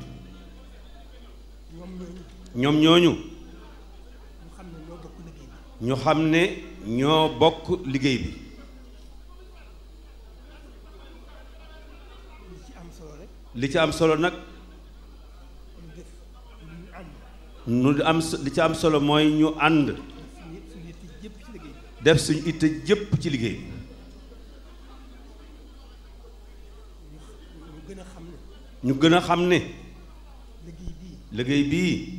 Speaker 1: ñoom ñooñu ñu xam ne ñoo bokk liggéey bi am li ci am solo nag nu am li ci am solo mooy ñu ànd def suñu it jëpp ci liggéey ñu gën a xam ne liggéey bii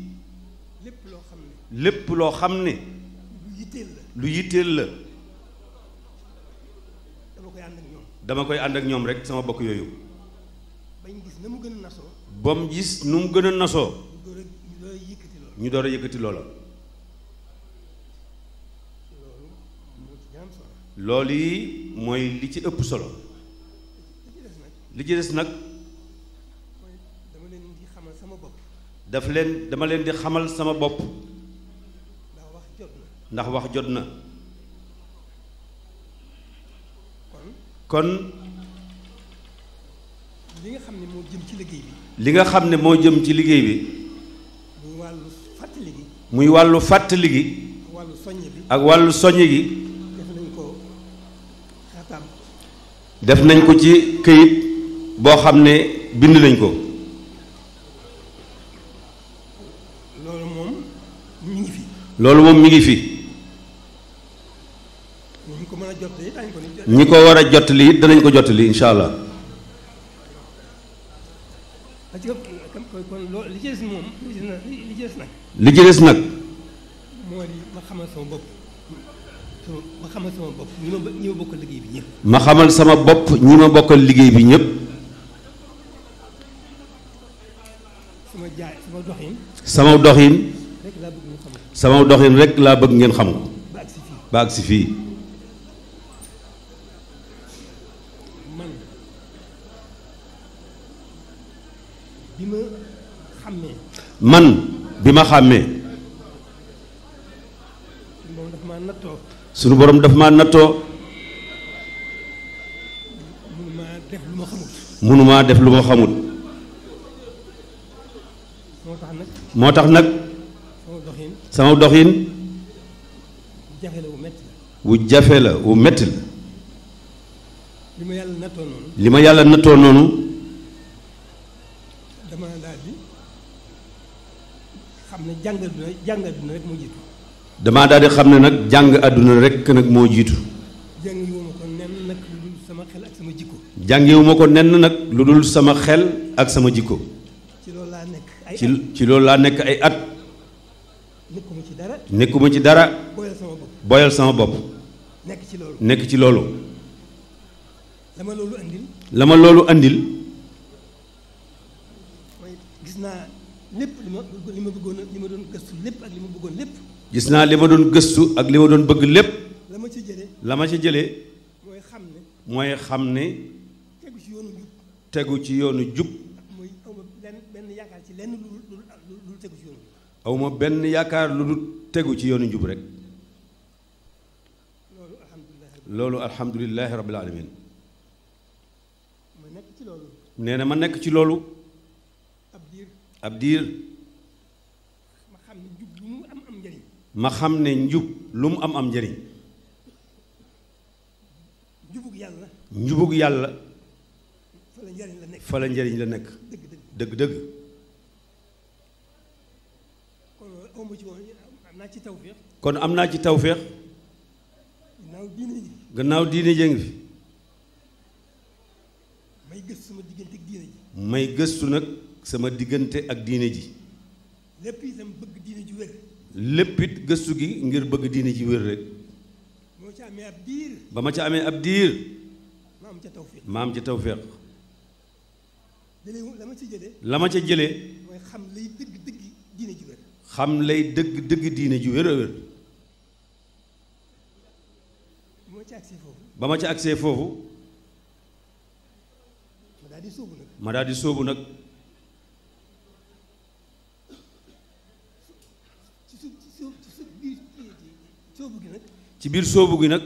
Speaker 1: lépp loo xam ne lu yitteel la dama koy ànd ak ñoom rek sama bokk yooyu ba mu gis nu mu gën a nasoo ñu door a yëkkati loola loolu yi mooy li ci ëpp solo li ci des nag daf leen dama leen di xamal sama bopp ndax wax jot na kon
Speaker 2: li nga xam ne moo jëm ci liggéey bi
Speaker 1: li nga xam ne moo jëm ci liggéey bi muy wàllu fàttali gi ak wàllu soññ gi def nañ ko ci këyit boo xam ne bind nañ ko mi ngi fi loolu moom mi ngi fi ñi ko war
Speaker 2: li ci li ci li ci nag. ma xamal sama bopp ñi ma bokkal liggéey bi ñëpp.
Speaker 1: ma xamal sama bopp ñi bokkal liggéey bi ñëpp. sama jaay sama doxin. sama doxin. rek laa bëgg ngeen xam sama doxin rek laa bëgg ngeen xam ko. fii ba agsi man. bi ma xàmmee sunu borom daf ma nattoo munumaa def lu ma xamut munumaa def lu ma moo tax nag sama doxin wu jafe la wu metti la li ma yàlla nattoo noonu
Speaker 2: xam ne jàng àdduna jàng àdduna rek
Speaker 1: damaa daal xam ne nag jàng àdduna rekk nag moo jiitu.
Speaker 3: jàngiwuma ko sama xel ak
Speaker 1: sama ko nenn nag lu dul sama xel ak sama jikko.
Speaker 2: ci loolu laa nekk ay ci ci laa nekk ay at. nekkuma ci dara. nekkuma ci dara.
Speaker 1: boyal sama bopp boyal sama bopp. nekk ci loolu nekk ci loolu. la ma loolu andil.
Speaker 2: lépp li ma li ma bëggoon li ma doon gëstu lépp ak li ma bëggoon lépp.
Speaker 1: gis naa li ma doon gëstu ak li ma doon bëgg lépp. la ma ci jëlee. la ma ci jëlee. mooy xam ne. mooy xam ne.
Speaker 2: tegu ci yoonu jub.
Speaker 1: tegu ci yoonu jub.
Speaker 2: mooy aw benn yaakaar ci lenn lu ci
Speaker 1: yoonu benn yaakaar dul tegu ci yoonu jub rek.
Speaker 2: loolu alhamdulilah.
Speaker 1: loolu alhamdulilah rabbil alamin. ma na ma nekk ci loolu. ab diir ma xam ne njub lu mu am am njëriñ njubug yàlla njubug yàlla fa la njariñ la nekk dëgg dëgg
Speaker 2: kon am naa ci tawféex
Speaker 1: gannaaw diine jëng fi may gëstu nag sama diggante ak diine ji
Speaker 2: lépp itam bëgg diine ji wér
Speaker 1: lépp gëstu gi ngir bëgg diine ji wér rek ba ma ca ba ma ca amee ab diir
Speaker 2: ma ca tawféex ma am ca tawféex la ma ca jëlee la ma ca jëlee mooy xam lay dëgg dëgg
Speaker 1: diine ji wér xam lay dëgg dëgg diine ba ma ca agsee foofu
Speaker 2: ba ma ca soobu nag ma
Speaker 1: daal di nag ci biir soobu gi nag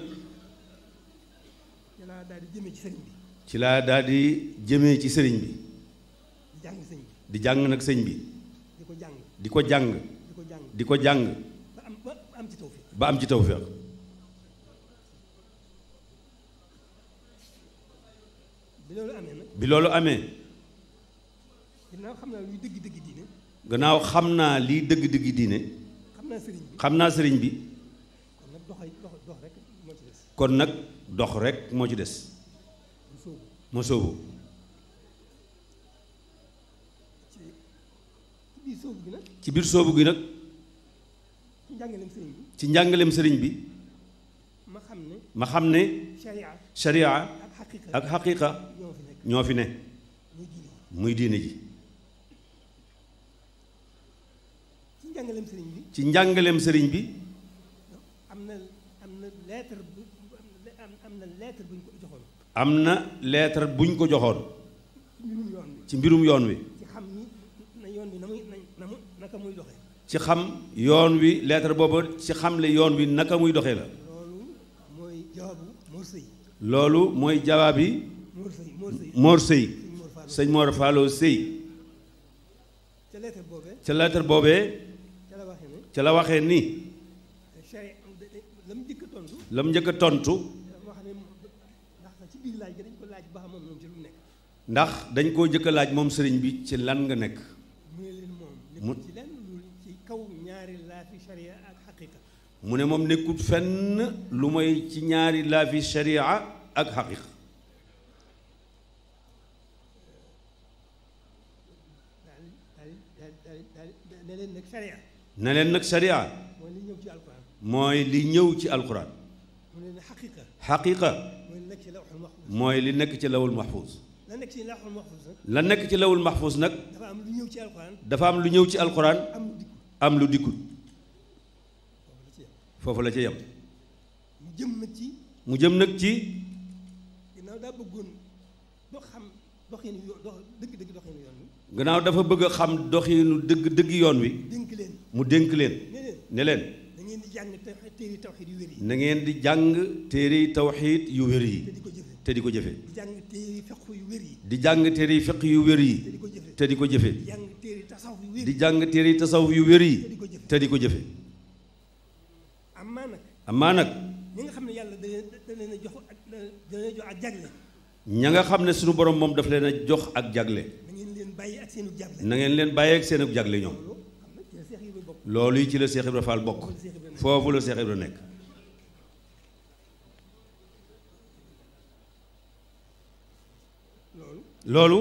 Speaker 2: ci laa daal di ci sëriñ bi
Speaker 1: ci laa daal di ci sëriñ bi di jàng sëñ di jàng nag sëñ bi di ko jàng di ko jàng di ko jàng ba am ci tawféex bi loolu amee nag bi loolu amee
Speaker 2: gannaaw xam naa luy dëgg
Speaker 1: gannaaw xam naa liy dëgg dëgg diine xam naa xam naa sëriñ bi kon nag dox rekk moo ci des ma sóobu ci biir sóobu gi nag ci njàngaleem sëriñ bi ma xam ne sharia ak xaqiiqa ñoo fi ne muy diine ji ci njàngaleem sëriñ bi
Speaker 2: am na lettre
Speaker 1: am na lettre buñ ko joxoon ci mbirum yoon wi ci xam yoon wi lettre booba ci xam le yoon wi naka muy doxee la loolu mooy jawaab yi Mor Sëy sëñ Mor Faalo Sëy ca lettre boobee ca la waxee ni
Speaker 2: la mu njëkk a tontu
Speaker 1: ndax dañ ko jëk laaj mom sëriñ bi ci lan nga nek mu ne mom nekut fenn lu may ci ñaari la fi sharia ak haqiq na len nak sharia moy li ñëw ci alquran
Speaker 2: haqiqa haqiqa moy
Speaker 1: li nek ci lawul mahfuz
Speaker 2: la nekk ci lawul mahfuus nag. la nekk ci lawul mahfuus nag. dafa am lu ñëw ci alxuraan.
Speaker 1: dafa am lu ñëw ci alxuraan. am lu dikkut. foofu la ci yem.
Speaker 2: mu jëm nag ci.
Speaker 1: mu jëm nag ci.
Speaker 2: gannaaw daa bëggoon ba xam doxinu
Speaker 1: dafa bëgg a xam doxinu dëgg-dëgg yoon wi. dénk mu dénk leen. ne leen. na ngeen di jàng téere tawxiid di jàng téere tawxiid yu wér yi. te di ko jëfe di jàng téere yi fiq yu wér yi te di ko jëfe di jàng téere yi tasawuf yu wér yi te di ko jëfe
Speaker 2: amaa nag ñi nga xam ne yàlla da leen a jox ak jagle
Speaker 1: ña nga xam ne sunu borom moom daf leen a jox ak jagle na ngeen leen bàyyi ak seen ak jagle ñoom loolu yi ci la Seex Ibra Faal bokk foofu la Seex Ibra nekk loolu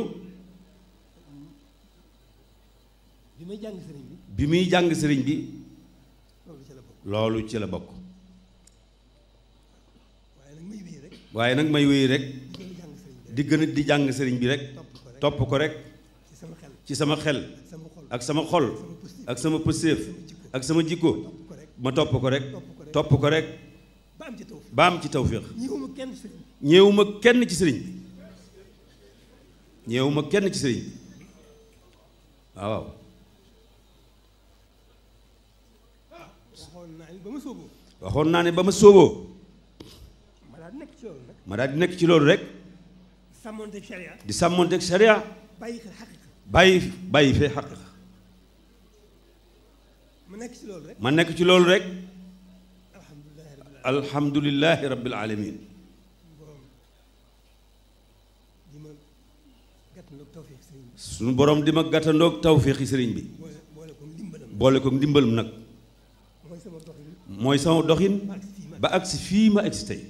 Speaker 2: bi muy jàng sëriñ bi
Speaker 1: bi muy jàng sëriñ bi loolu ci la bokk waaye nag may wéy rek di gën a di jàng sëriñ bi rek topp ko rek ci sama xel ak sama xol ak sama pëseef ak sama jikko ma topp ko rek topp ko rek ba am ci tawféex ñëwuma kenn ci sëriñ bi ñeewuma kenn ci sëriñ waaw waxoon naa ne ba ma sóoboo ma daal di nekk ci loolu rek di sàmmonteeg sharia bàyyi bàyyi fee xaqiqa ma nekk ci loolu rek alhamdulilahi rabbil alamin suñu borom di ma gàttandoog tawféexi sëriñ bi boole ko ndimbalum nag mooy sama doxin ba agsi fii ma agsi tey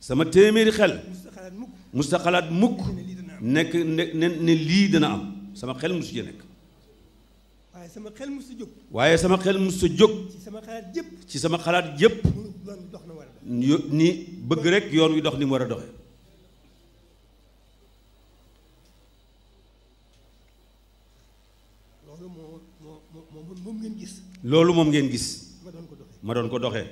Speaker 1: sama téeméeri xel musta xalaat mukk nekk ne ne lii dana am sama xel musu ci nekk
Speaker 2: waaye sama xel musu jóg
Speaker 1: waaye sama xel musu jóg
Speaker 2: ci sama xalaat yëpp
Speaker 1: ci sama xalaat yëpp ni bëgg rek yoon wi dox ni mu war a doxe loolu moom ngeen gis ma doon ko doxee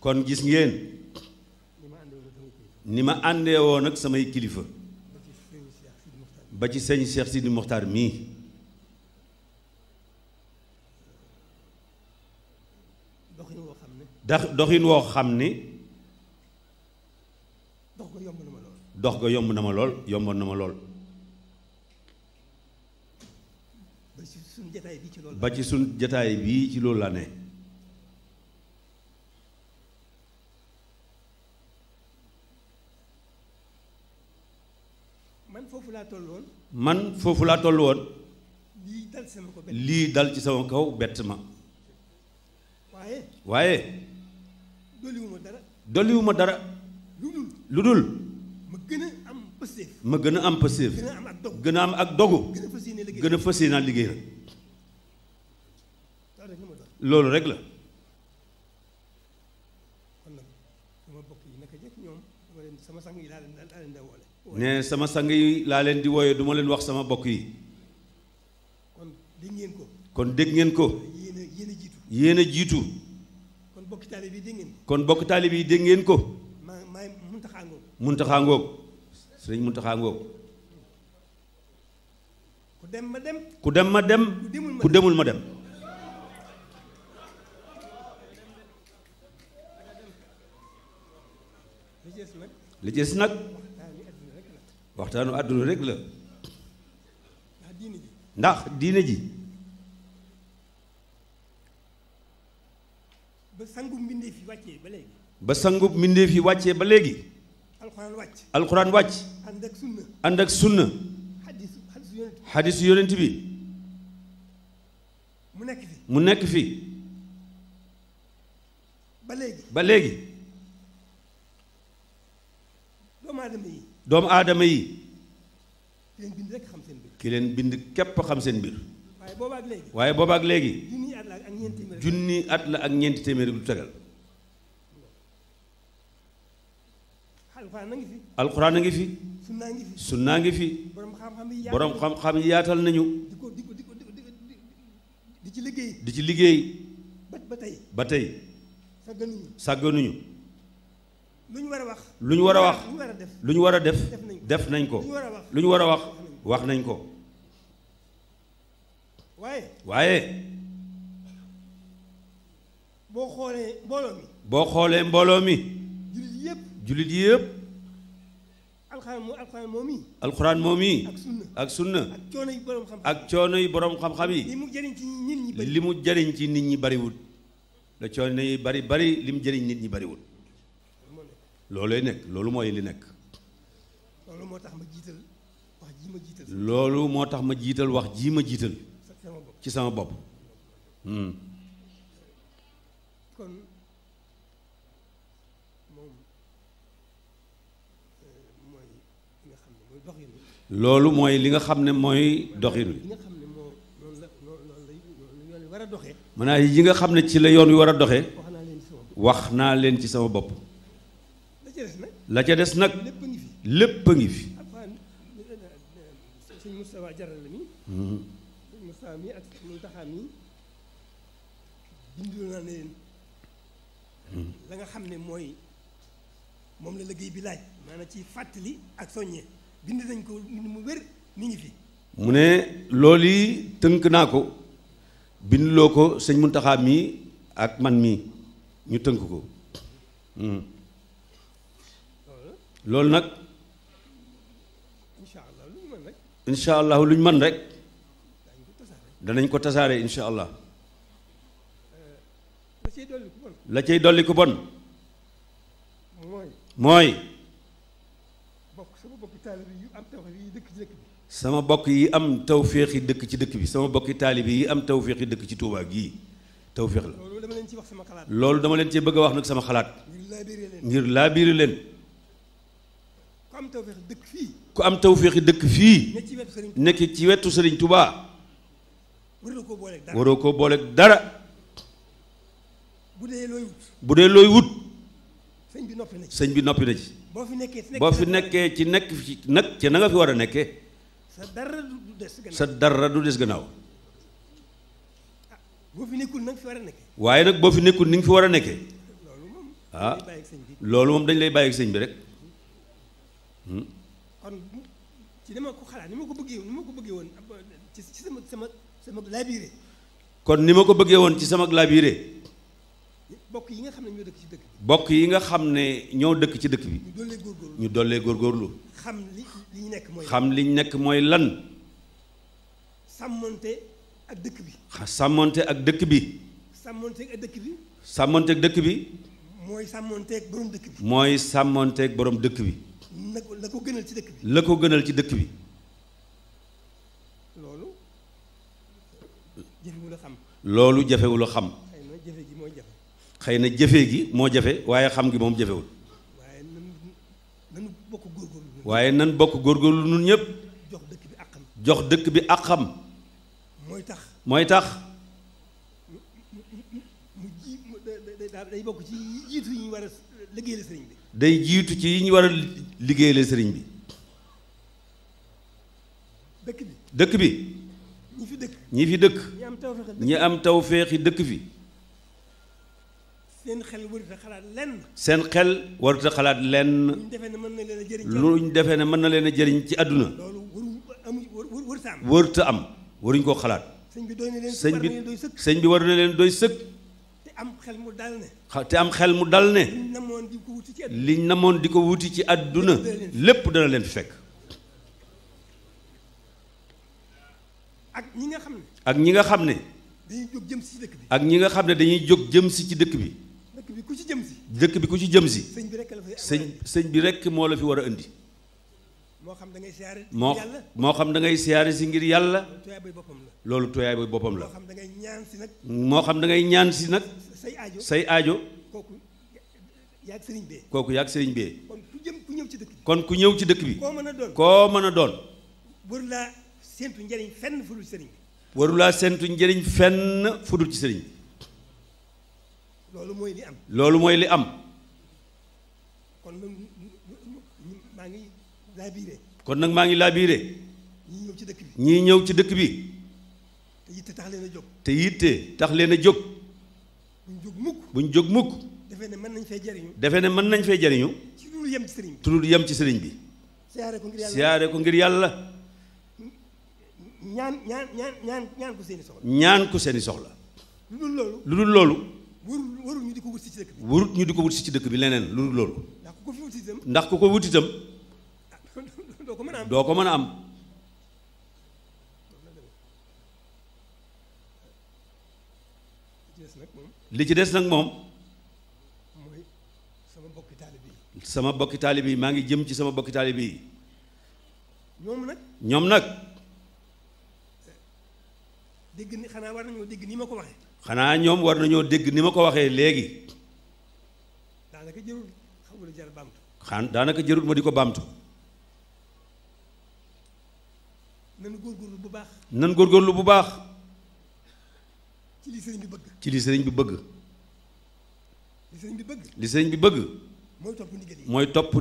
Speaker 1: kon gis ngeen ni ma àndeewoon ak samay kilifa ba ci sëñ Cheikh Sidi Mokhtar mii doxin woo xam doxin woo xam ni dox ga yomb na ma lool yomboon na ma lool. ba ci sunu jataay jataay bii ci loolu laa ne.
Speaker 2: man foofu laa toll woon.
Speaker 1: man foofu laa toll woon.
Speaker 2: lii dal ci sama kaw
Speaker 1: lii dal ci sama kaw bett ma. waaye. waaye. dolliwuma dara. dolliwuma dara. lu dul. ma gën a am pëseef gën a am ak dogu gën a fas yéene liggéey rek loolu rek la ne sama sang yi laa leen di wooye du leen wax sama bokk yi kon dégg ngeen ko yéen a jiitu kon bokk taalib yi dégg ngeen ko muntaxaa ngoog sëriñ Muntaxa ngoog ku dem ku dem ma dem ku demul ma dem li gis nag waxtaanu àdduna rek la ndax diine ji ba sangub mbindeef yi wàccee ba léegi alxuraan wàcc. alxuraan wàcc. ak sunna. ànd ak sunna. xadisu yonent bi. mu nekk fi. nekk fi. ba léegi. ba léegi. doomu aadama yi. doomu aadama yi. ki leen bind xam seen mbir. leen bind képp xam seen mbir.
Speaker 2: waaye boobaak léegi. waaye boobaak léegi. junni ak ñeenti téeméeri.
Speaker 1: junni at la ak ñeenti téeméeri du tegal.
Speaker 2: alxuraan a ngi fi naa ngi fi borom xam-xam
Speaker 1: yi yaatal nañu di ci liggéey di ci liggéey ba tey ba tey sàgganuñu
Speaker 2: lu ñu war a wax lu ñu war a wax lu ñu war a def def nañ ko lu ñu war a wax wax nañ ko waaye waaye xoolee mbooloo
Speaker 1: boo xoolee mbooloo mi jullit yëpp.
Speaker 2: alxuraan moom alxuraan moom yi.
Speaker 1: alxuraan moom yi. ak sunna ak coono yi borom xam-xam ak yi li mu jariñ ci nit ñi bari bariwul. la coono yi bari bari li mu jëriñ nit ñi bariwul. loolooy loolu mooy li nekk.
Speaker 2: loolu moo tax ma jiital wax ji
Speaker 1: loolu moo tax ma jiital wax ji ma jiital. ci sama bopp. Hmm. loolu mooy li nga xam ne mooy doxin wi mën naa yi nga xam ne ci la yoon wi war a doxe wax naa leen ci sama bopp la ca des nag lépp a ngi fi
Speaker 2: sëñ Moustapha jaral mi sëñ Moustapha mi la nga xam ne mooy moom la liggéey bi laaj maanaam ci fàttali ak soññee bind nañ ko mu wér mi ngi
Speaker 1: mu ne loolu yi tënk naa ko bindloo ko sëñ Muntaxa mii ak man mii ñu tënk ko hmm. loolu nag incha allahu lu ñu man rek danañ ko tasaare incha allah eh, la cay dolli ko bon mooy. taalibe yi am tawféex yi dëkk ci dëkk bi. sama bokk yi am tawféex yi dëkk ci dëkk bi sama bokki taalibe yi am tawféex yi dëkk ci Touba gii tawféex la. loolu dama leen ci wax sama xalaat. loolu dama leen ci bëgg a wax nag sama xalaat. ngir laabiri leen.
Speaker 2: ku am tawféex yi dëkk fii.
Speaker 1: ku am tawféex yi dëkk fii. nekk ci wetu Serigne Touba.
Speaker 2: waroo koo booleeg
Speaker 1: dara waroo koo booleeg dara. bu dee looy wut. bu dee looy wut. sëñ bi noppi na ci.
Speaker 2: bo fi nekkee ci boo ci
Speaker 1: nekk ci nag ci na nga fi war a nekkee.
Speaker 2: sa dara du des
Speaker 1: gannaaw sa dara du des gannaaw.
Speaker 2: boo fi nekkul na fi war a nekkee.
Speaker 1: waaye nag boo fi nekkul ni nga fi war a nekkee. ah loolu moom dañ lay bàyyi ak sëñ bi rek.
Speaker 2: kon ci dama ko xalaat ni ma ko bëggee ni ma ko bëggee woon ci sama sama sama labiré.
Speaker 1: kon ni ma ko bëggee woon ci sama labiré.
Speaker 2: bokk yi nga xam ne ñoo dëkk ci dëkk.
Speaker 1: bokk yi nga xam ne ñoo dëkk ci dëkk bi ñu dollee góorgóorlu
Speaker 2: xam li ñu nekk mooy xam
Speaker 1: li ñu nekk mooy lan
Speaker 2: sàmmonte ak dëkk bi
Speaker 1: sàmmonte ak dëkk bi
Speaker 2: sàmmonte ak dëkk bi
Speaker 1: sàmmonte dëkk bi
Speaker 2: mooy sàmmoonte ak borom dëkk bi dëkk bi la ko gënal ci dëkk bi
Speaker 1: la ko gënal ci dëkk bi
Speaker 2: loolu jafewul
Speaker 1: loolu jafewul a xam xeyna na gi mo jafe waye xam gi moom jafewul waye nan bokk góorgóorlu nun ñep jox dëkk bi ak xam mooy tax moy tax
Speaker 2: day bokk ci jiitu yi ñu war a liggéeyal sëriñ bi
Speaker 1: day jiitu ci yi ñu liggéeyal sëriñ bi dëkk bi dëkk bi ñi fi dëkk ñi fi dëkk ñi am tawfiq dëkk fi
Speaker 2: seen xel warut a xalaat
Speaker 1: lenn. seen xel warut xalaat lenn. lu ñu defee ne mën na leen a jëriñ ñu defee ne mën na leen a jëriñ ci àdduna. loolu warut a am am waruñ koo xalaat.
Speaker 2: sëñ bi doy na leen sëñ bi
Speaker 1: sëñ bi war na leen doy sëkk.
Speaker 2: te am xel mu dal ne.
Speaker 1: te am xel mu dal ne. liñ namoon di ko wuti ci àdduna namoon di ko wuti ci àdduna lépp dana leen fi fekk.
Speaker 3: ak
Speaker 2: ñi nga xam ne.
Speaker 1: ak ñi nga xam ne. dañuy jóg jëm ñi nga xam ne dañuy jóg jëm si ci dëkk bi. ku ci jëm dëkk bi ku ci jëm si. sëñ bi sëñ sëñ bi rek moo la fi war a indi.
Speaker 2: moo xam da ngay siyaare. moo xam da
Speaker 1: ngay si ngir yàlla. loolu tooyaay boppam la. moo xam da si nag. moo xam da ngay ñaan si nag. say aajo say aajo.
Speaker 2: kooku yaag sëriñ bee. kooku yaag sëriñ bee. kon ku jëm ku ci
Speaker 1: dëkk bi. kon ku ñëw ci dëkk bi. koo mën a doon koo mën a doon.
Speaker 2: warulaa séentu njëriñ fenn fudul sëriñ bi.
Speaker 1: warulaa séentu njëriñ fenn fudul ci sëriñ
Speaker 3: loolu
Speaker 2: mooy li am.
Speaker 1: loolu mooy li am.
Speaker 2: kon nag maa ngi laabiire.
Speaker 1: kon nag maa ngi laabiire. ñii ñëw ci dëkk bi ñii ñëw ci dëkk bi. te yitte tax leen a jóg. te yitte tax leen a jóg. buñ jóg mukk buñ jóg mukk.
Speaker 2: defe ne mën nañ fee jariñu.
Speaker 1: defe ne mën nañ fee jariñu.
Speaker 2: ci lu dul yem ci sëriñ
Speaker 1: bi lu yem ci sëriñ bi. siyaare ko ngir yàlla siyaare ko ngir yàlla.
Speaker 2: ñaan ñaan ñaan ñaan ñaan ko seeni soxla.
Speaker 1: ñaan ko seeni soxla. lu dul loolu.
Speaker 2: warul ñu di ko wut si ci dëkk bi.
Speaker 1: warut ñu di ko wut si ci dëkk bi leneen lu dul loolu.
Speaker 2: ndax ku ko wuti itam.
Speaker 1: ndax ku ko wuti itam.
Speaker 3: doo ko mën a
Speaker 2: am doo ko
Speaker 1: mën a am. li ci des nag moom.
Speaker 2: mooy sama bokki taalibe
Speaker 1: yi. sama bokki taalibe yi maa ngi jëm ci sama bokki taalibe yi. ñoom nag. ñoom nag.
Speaker 2: dégg ni xanaa war nañoo dégg ni ma ko waxee.
Speaker 1: xanaa ñoom war nañoo dégg ni ma ko waxee léegi
Speaker 2: daanaka jërul xamul jar bamtu
Speaker 1: xan daanaka jërul ma di ko bamtu
Speaker 2: nan góorgóorlu bu baax
Speaker 1: nan góorgóorlu bu baax ci li sëriñ bi bëgg ci bi bëgg li bi bëgg
Speaker 2: mooy topp ndigal yi mooy topp yi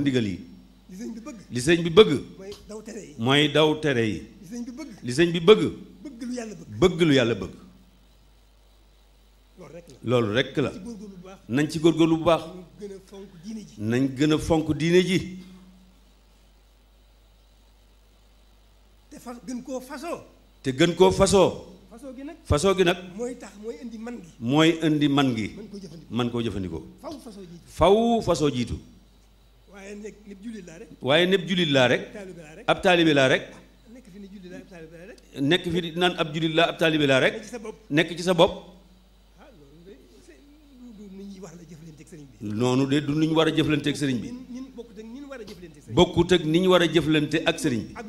Speaker 1: li bi bëgg li mooy daw tere yi mooy daw bi bëgg bëgg bëgg lu yàlla bëgg loolu rekk la nañ ci góor góorgóorlu bu baax nañ gën a fonk diine ji
Speaker 2: te fas gën koo fasoo
Speaker 1: te gën koo fasoo fasoo gi nag
Speaker 2: mooy tax mooy indi man gi
Speaker 1: mooy indi man gi man koo jëfandikoo faw fasoo jiitu waaye népp jullit laa rek ab taalibe laa rek nekk fi naan ab jullit laa ab taalibe laa rek nekk ci sa bopp noonu de du ñu war a jëflante ak sëriñ bi bokkut ak ni ñu war a jëflante ak sëriñ bi ak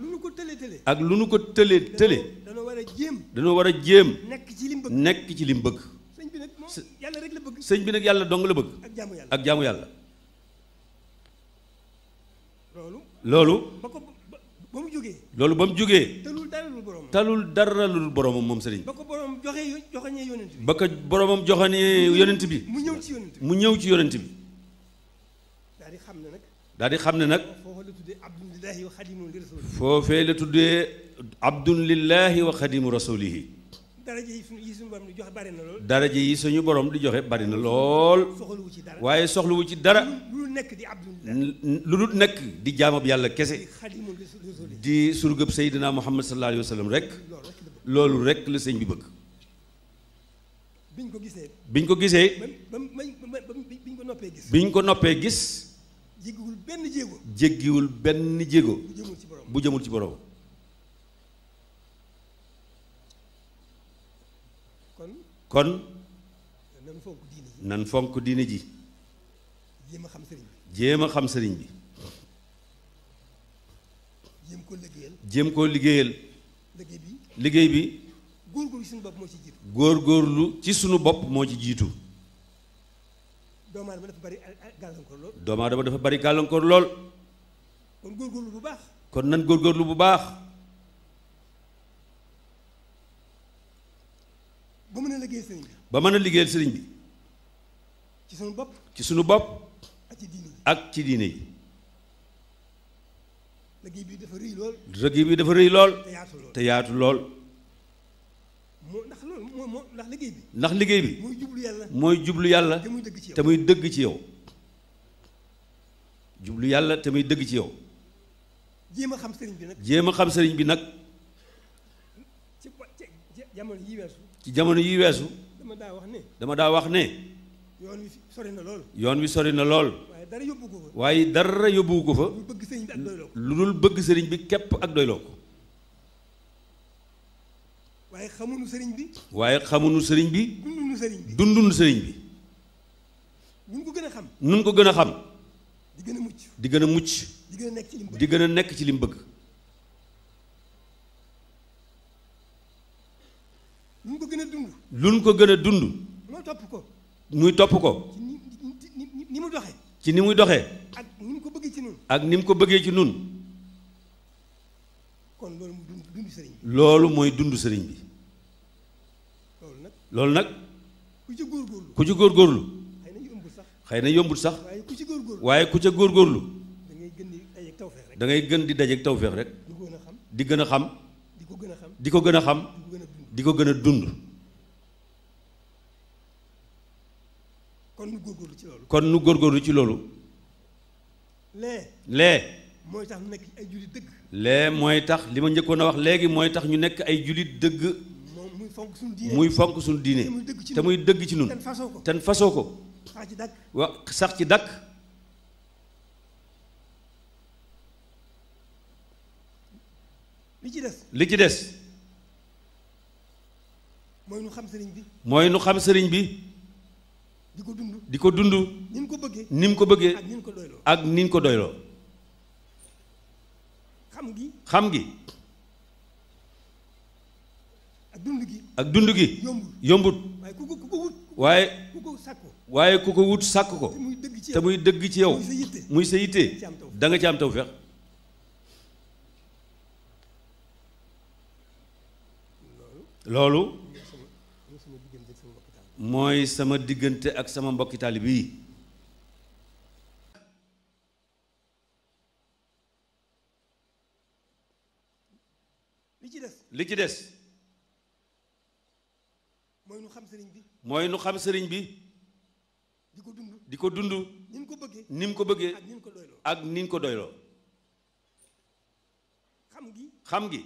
Speaker 1: lu nu ko tëlee tëlee dañoo war a jéem nekk ci li mu bëgg sëñ bi nag yàlla dong la bëgg ak jaamu yàlla loolu ba jógee loolu ba mu jógee talul dara lul boromam talul dara lul boromam moom sëriñ ba
Speaker 2: ko boromam joxe joxañee yonent
Speaker 1: bi ba ko boromam joxañee yonent bi mu ñëw ci yonent bi mu ñëw ci yonent bi
Speaker 2: daal di xam ne nag
Speaker 1: daal di xam ne nag foofee la tuddee abdulillahi wa xadimu rasulihi daraja yi suñu borom di joxe bari na lool daraja yi suñu borom di joxe bari na lool waaye soxluwu ci dara lu dul nekk di jaamab yàlla kese di surgëb Seydina Muhammad sallallahu alayhi wa sallam rek loolu rek la sëñ bi bëgg. biñ ko gisee. biñ ko gisee.
Speaker 2: biñ ko noppee gis. biñ
Speaker 1: ko noppee gis.
Speaker 2: jéggiwul benn jéego.
Speaker 1: jéggiwul benn jéego. bu jëmul ci borom. kon. kon. nan fonk diine ji. nan xam sëriñ jéem a xam sëriñ bi.
Speaker 2: jéem koo liggéeyal
Speaker 1: jéem koo liggéeyal. liggéey bi liggéey bi. góorgóorlu ci sunu bopp moo ci jiitu.
Speaker 2: góorgóorlu ci sunu bopp moo ci jiitu. doomu aadama dafa bari gàllankoor lool.
Speaker 1: doomu aadama dafa bari gàllankoor lool.
Speaker 2: kon góorgóorlu bu baax.
Speaker 1: kon nan góorgóorlu bu baax.
Speaker 2: ba mën a liggéeyal sëriñ bi.
Speaker 1: ba mën a liggéeyal sëriñ bi. ci sunu bopp. ci suñu bopp. ak ci diine yi.
Speaker 2: liggéey bi dafa rëy lool.
Speaker 1: dafa rëy lool. te yaatu lool te yaatu lool.
Speaker 2: ndax loolu moo ndax liggéey bi.
Speaker 1: ndax liggéey bi. mooy jublu yàlla mooy te muy dëgg ci yow dëgg ci yow. jublu yàlla te muy dëgg ci yow.
Speaker 2: jéem a xam sëriñ bi nag.
Speaker 1: jéem a xam sëriñ bi nag.
Speaker 2: ci jamono yii weesu.
Speaker 1: ci jamono yii weesu.
Speaker 2: dama daa wax ne.
Speaker 1: dama daa wax ne.
Speaker 2: yoon wi sori na lool.
Speaker 1: yoon wi sori na lool. dara yóbbu waaye dara yóbbu ko fa. lu dul bëgg sëriñ bi ko. lu bëgg sëriñ bi képp ak doyloo ko.
Speaker 2: waaye xamuñu sëriñ bi.
Speaker 1: waaye xamuñu sëriñ bi. dunduñu sëriñ bi dunduñu sëriñ bi. nun ko gën a xam. nun ko gën a xam. di gën a mucc di gën a mucc.
Speaker 2: di gën nekk ci li bëgg
Speaker 1: di gën a nekk ci li mu bëgg.
Speaker 2: luñ ko gën a dund.
Speaker 1: luñ ko gën a dund. ko. muy topp ko. ci ni muy doxee.
Speaker 2: ak ni mu ko bëggee ci nun
Speaker 1: ak ni ko bëggee ci nun kon loolu mooy dund sëriñ bi. loolu mooy dund sëriñ bi. loolu nag loolu nag.
Speaker 2: ku ci góorgóorlu
Speaker 1: ku ci góor góorlu na yombul sax xëy na yombul sax. waaye ku ci góorgóorlu waaye ku ca góorgóorlu. da ngay gën di dajeeg tawfeex rek da ngay gën di dajeeg tawfeex rek. di gën a xam di gën a xam. di ko gën a xam di ko gën a xam di ko gën a dund.
Speaker 2: kon nu góorgóorlu ci loolu.
Speaker 1: kon nu góorgóorlu ci loolu. lee. lee.
Speaker 2: mooy tax nekk ay jullit dëgg.
Speaker 1: lee mooy tax li ma njëkkoon a wax léegi mooy tax ñu nekk ay jullit dëgg.
Speaker 2: muy fonk suñu diine muy fonk
Speaker 1: suñu diine te muy dëgg ci ñun te fasoo ko te fasoo ko. sax ci dàkk wa sax ci dàkk. li ci des li ci des.
Speaker 2: mooy nu xam sëriñ bi.
Speaker 1: mooy nu xam sëriñ bi. di ko dund di ko dund.
Speaker 2: ni mu ko bëggee ni ko bëggee.
Speaker 1: ak ni mu ko doyloo ak ni ko doyloo. xam gi xam gi. ak dund gi ak dund gi. yombut waaye ku waaye ku ko sàkk wut sàkk ko. te muy dëgg ci yow muy dëgg ci yow. muy sa yitte da nga ci loolu. mooy sama diggante ak sama mbokki taali bii li ci des li ci des
Speaker 2: mooy nu xam sëriñ bi
Speaker 1: mooy nu xam sëriñ bi di ko dund di ko dund ni mu ko bëggee ni mu ko bëggee ak ni ñu ko doyloo xam gi xam gi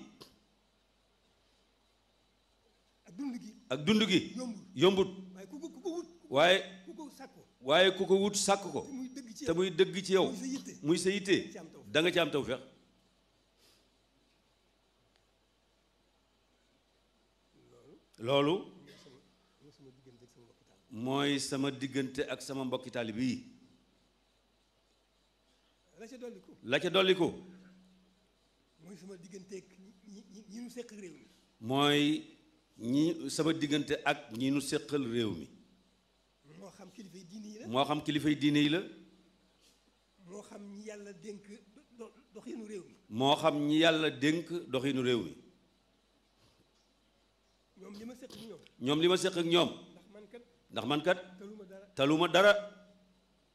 Speaker 1: ak dund gi ak dund gi yombut waaye waaye ku ko wut sàkk ko te muy dëgg ci yow muy sa yitte danga nga ci am tawfeex loolu mooy sama diggante ak sama mbokki taalib la ca dolli ko
Speaker 2: mooy sama diggante ak ñi ñu seq réew mi
Speaker 1: mooy ñi sama diggante ak ñi nu séqal réew mi
Speaker 2: moo xam kilifay diine
Speaker 1: yi moo xam kilifay diine yi la
Speaker 2: moo xam ñi yàlla dénk doxinu réew
Speaker 1: moo xam ñi yàlla dénk doxinu réew mi
Speaker 2: ñoom li ma séq ak
Speaker 1: ñoom li ma séq ñoom ndax man kat ndax man kat
Speaker 2: taluma dara taluma dara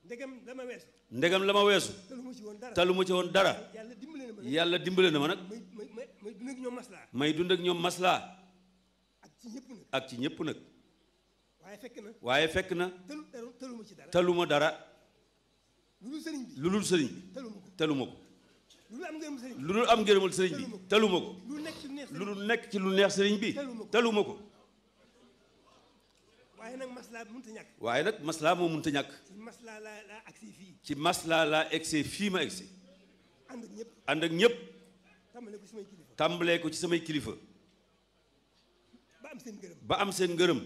Speaker 2: ndegam la ma weesu la ma weesu taluma ci woon dara taluma ci dara yàlla dimbale na ma yàlla dimbale na ma nag may dund ak ñoom
Speaker 1: may dund ak ñoom maslaa ak ci ñëpp nag. waaye fekk na waaye fekk na. taluma ci dara taluma dara. lu dul sëriñ bi lu dul sëriñ bi. taluma ko
Speaker 2: lu dul am ngërëmal sëriñ taluma ko. lu dul
Speaker 1: nekk ci lu neex sëriñ bi taluma ko.
Speaker 2: waaye nag maslaa mënta ñàkk.
Speaker 1: waaye nag maslaa moo mënta ñàkk.
Speaker 2: ci maslaa laa laa fii.
Speaker 1: ci maslaa laa egsi fii ma egsi. ànd ak ñëpp ànd ak ñëpp.
Speaker 2: tàmbalee
Speaker 1: tàmbalee ko ci samay kilifa. ba am seen ngërëm ba am seen ngërëm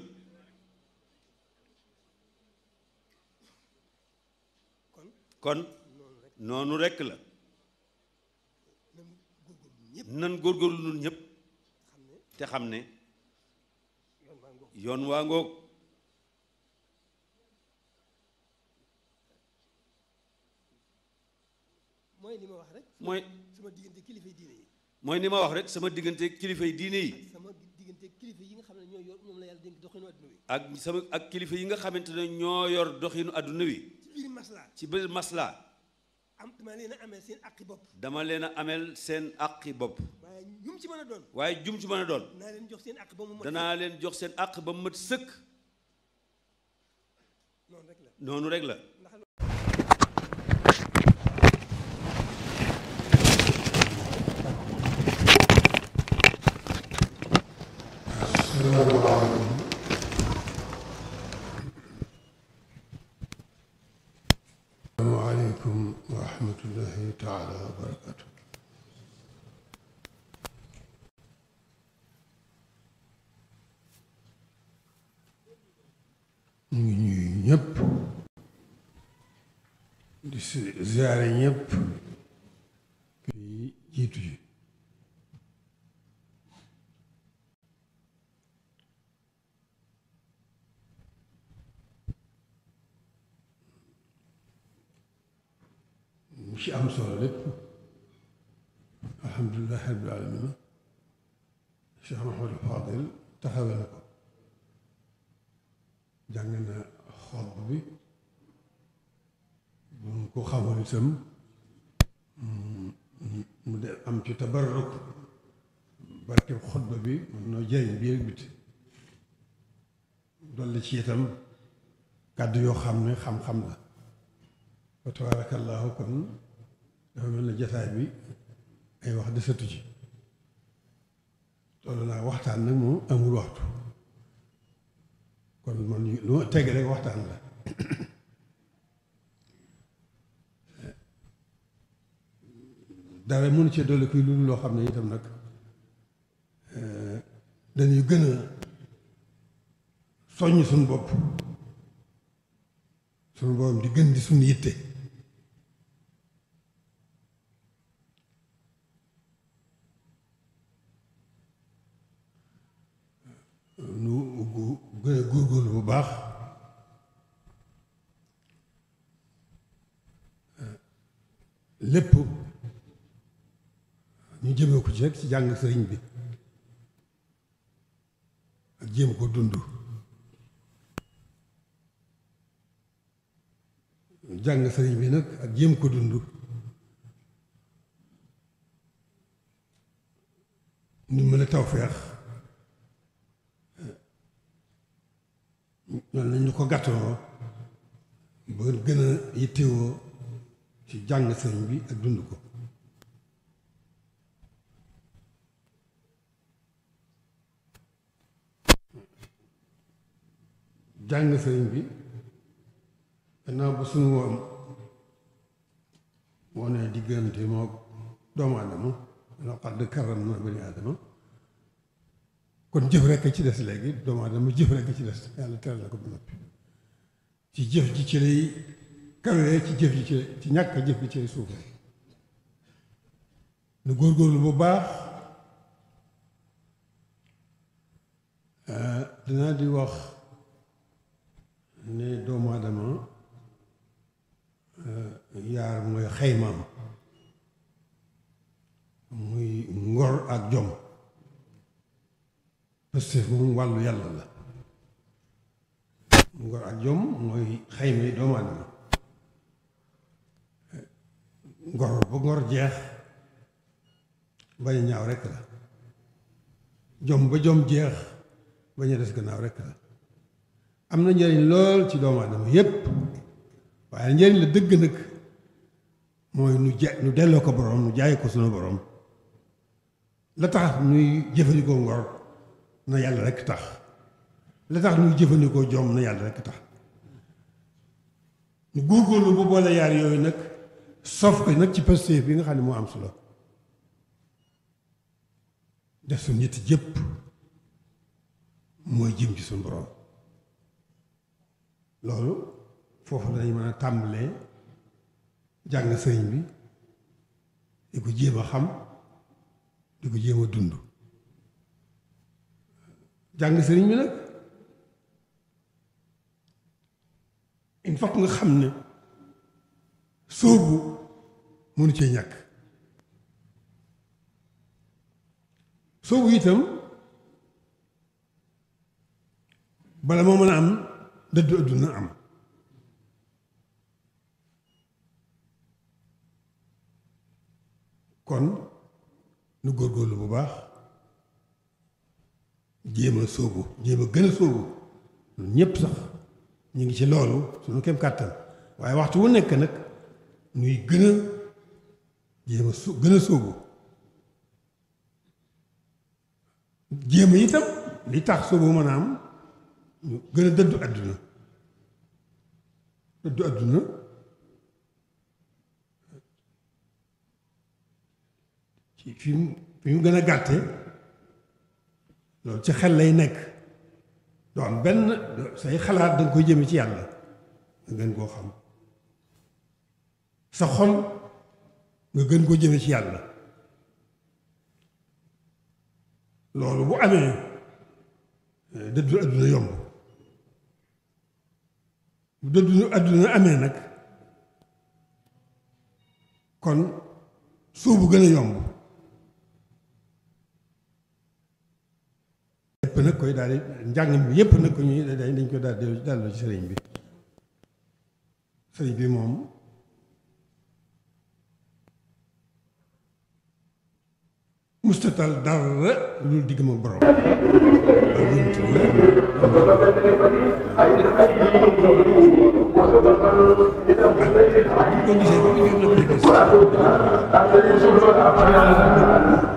Speaker 1: kon kon noonu rekk la nan góor góorgóorlu nun ñëpp te xam ne yoon waa ngoog
Speaker 2: mooy li ma wax rek mooy diggante kilifay diine
Speaker 1: mooy ni ma wax rek sama diggante kilifay diine yi
Speaker 2: kilifa yi nga xam ne ñoo yor ñoom la yàlla dénk doxinu
Speaker 1: ak sama ak kilifa yi nga xamante ne ñoo yor doxinu àdduna wi. ci biir maslaa ci biir maslaa.
Speaker 2: am dama leen a ameel seen aqi bopp.
Speaker 1: dama leen a ameel seen aqi bopp.
Speaker 2: waaye jum ci mën a doon. waaye jum ci doon. danaa leen jox seen aq ba mu
Speaker 1: mat danaa leen jox seen aq ba mu mat sëkk. noonu rek la noonu rek la.
Speaker 3: ورحمة الله تعالى وبركاته
Speaker 12: ñëpp di si ziare ñëpp عليكم الحمد لله رب العالمين الشيخ محمود الفاضل تحب لكم جاننا خطبي كو خامون تم
Speaker 2: ام تي تبرك بركي خطبه بي من جاي بي بيت دول سي تام كاد يو خامني خام خام لا تبارك الله كن من الجثاي بي اي واحد دفتو جي تولا وقت عنا مو امور وقت كون من لو تيغي ريك وقت عنا داوي مون تي دولي كوي لول لو خامنا يتم نك داني گنا سوني سون بوب سون بوب دي گندي سون يتي nu gën a góorgóorlu bu baax
Speaker 12: eh, lépp ñu jëmee ko ci rek ci jàng sëriñ bi
Speaker 2: ak jéem ko dund jàng sëriñ bi nag ak jéem ko dund ñu mën a tawfeex ñoom nañu ko gàttoo ba gën a yittewoo ci jàng sëriñ bi ak dund ko
Speaker 10: jàng sëriñ bi
Speaker 12: gannaaw ba suñu woom moo ne diggante moo
Speaker 2: doomu aadama laqad karramnaa banii aadama kon jëf rekk ci des léegi doomu aadama jëf rekk ci des yàlla teral na ko ba noppi ci jëf ji ci lay kawee ci jëf ji ci ci ñàkk jëf ji ci lay suufe nu góorgóorlu bu baax euh, danaa di wax ne doomu aadama
Speaker 12: euh, yaar mooy xaymaam muy ngor ak jom pëstëf
Speaker 2: moom wàllu yàlla la ngor ak jom mooy xayma doomu aadama ngor ba ngor jeex bañ ñaaw rekk la jom ba jom jeex bañ a des gannaaw rekk la am na njëriñ lool ci doomu aadama yépp waaye njëriñ la dëgg nag mooy nu ja nu delloo ko boroom nu jaay ko sunu boroom la tax nuy jëfandikoo ngor na yàlla rekk tax la tax ñuy jëfandikoo jom na yàlla rekk tax ñu góorgóorlu bu boole yaar yooyu nag sof ko nag ci Pastef bi nga xam ne moo am solo
Speaker 12: def suñu ñetti jëpp mooy jëm ci suñu borom loolu foofu
Speaker 2: danañ mën a tàmbalee jàng sëriñ bi di ko jéem a xam di ko jéem a dund
Speaker 12: jàng sëriñ bi nag il nga xam ne sóobu mënu ci ñàkk sóobu itam bala moo mën a am dëddu adduna am
Speaker 2: kon nu góor góorgóorlu bu baax jéem a sóobu jéem a gën a sóobu ñëpp sax ñu ngi ci loolu suñu kem kàttan waaye waxtu wu nekk nag nuy gën jéema su gën a sóobu jéem a itam li tax
Speaker 12: sóobu mën a am ñu gën a dëddu àdduna dëddu àdduna
Speaker 2: ci fi mu fi mu gën a gàtte loolu ci xel lay nekk doon benn say xalaat da nga koy jëme ci yàlla nga gën koo xam sa xol nga gën koo jëme ci yàlla loolu bu amee dëddu adduna yomb bu dëddu adduna amee nag kon suubu gën a yomb nag koy daal di njàng mi yëpp nag ko ñuy dañ koy daal di ci sëriñ bi sëriñ bi moom mustatal dara lu digg ma borom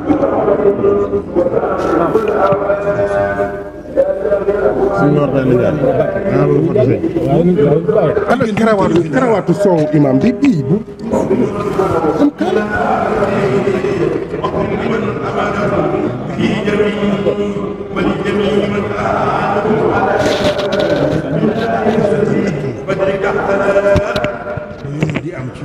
Speaker 10: suñu noor daal la
Speaker 12: jaay. karawaatu karawaatu soowu imaam bi bii bu.
Speaker 7: am kaala.
Speaker 6: di am ci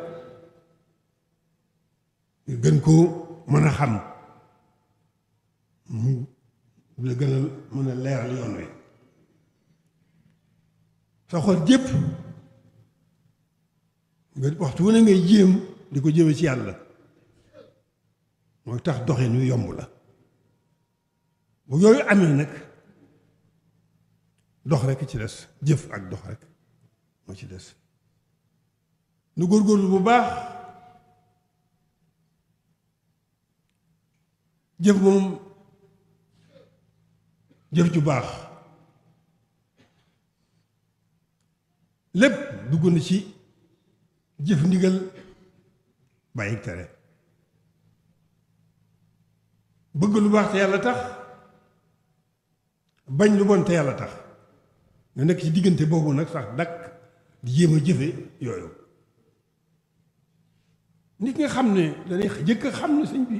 Speaker 12: ñu gën koo mën a xam mu la gën a mën a leeral yoon wi
Speaker 2: sa xol jépp nga waxtu wu ne ngay jéem di ko jëme ci yàlla mooy tax doxin wi yomb la bu yooyu amee nag dox rek ci des jëf ak dox rek moo ci des nu góorgóorlu bu baax jëf moom jëf ju baax lépp dugg na ci jëf ndigal bàyyi tere bëgg lu baax te yàlla tax bañ lu bon te yàlla tax nga nekk ci diggante boobu nag sax dakk di jéem a jëfe yooyu nit nga xam ne dañuy jëkk xam ne sëñ bi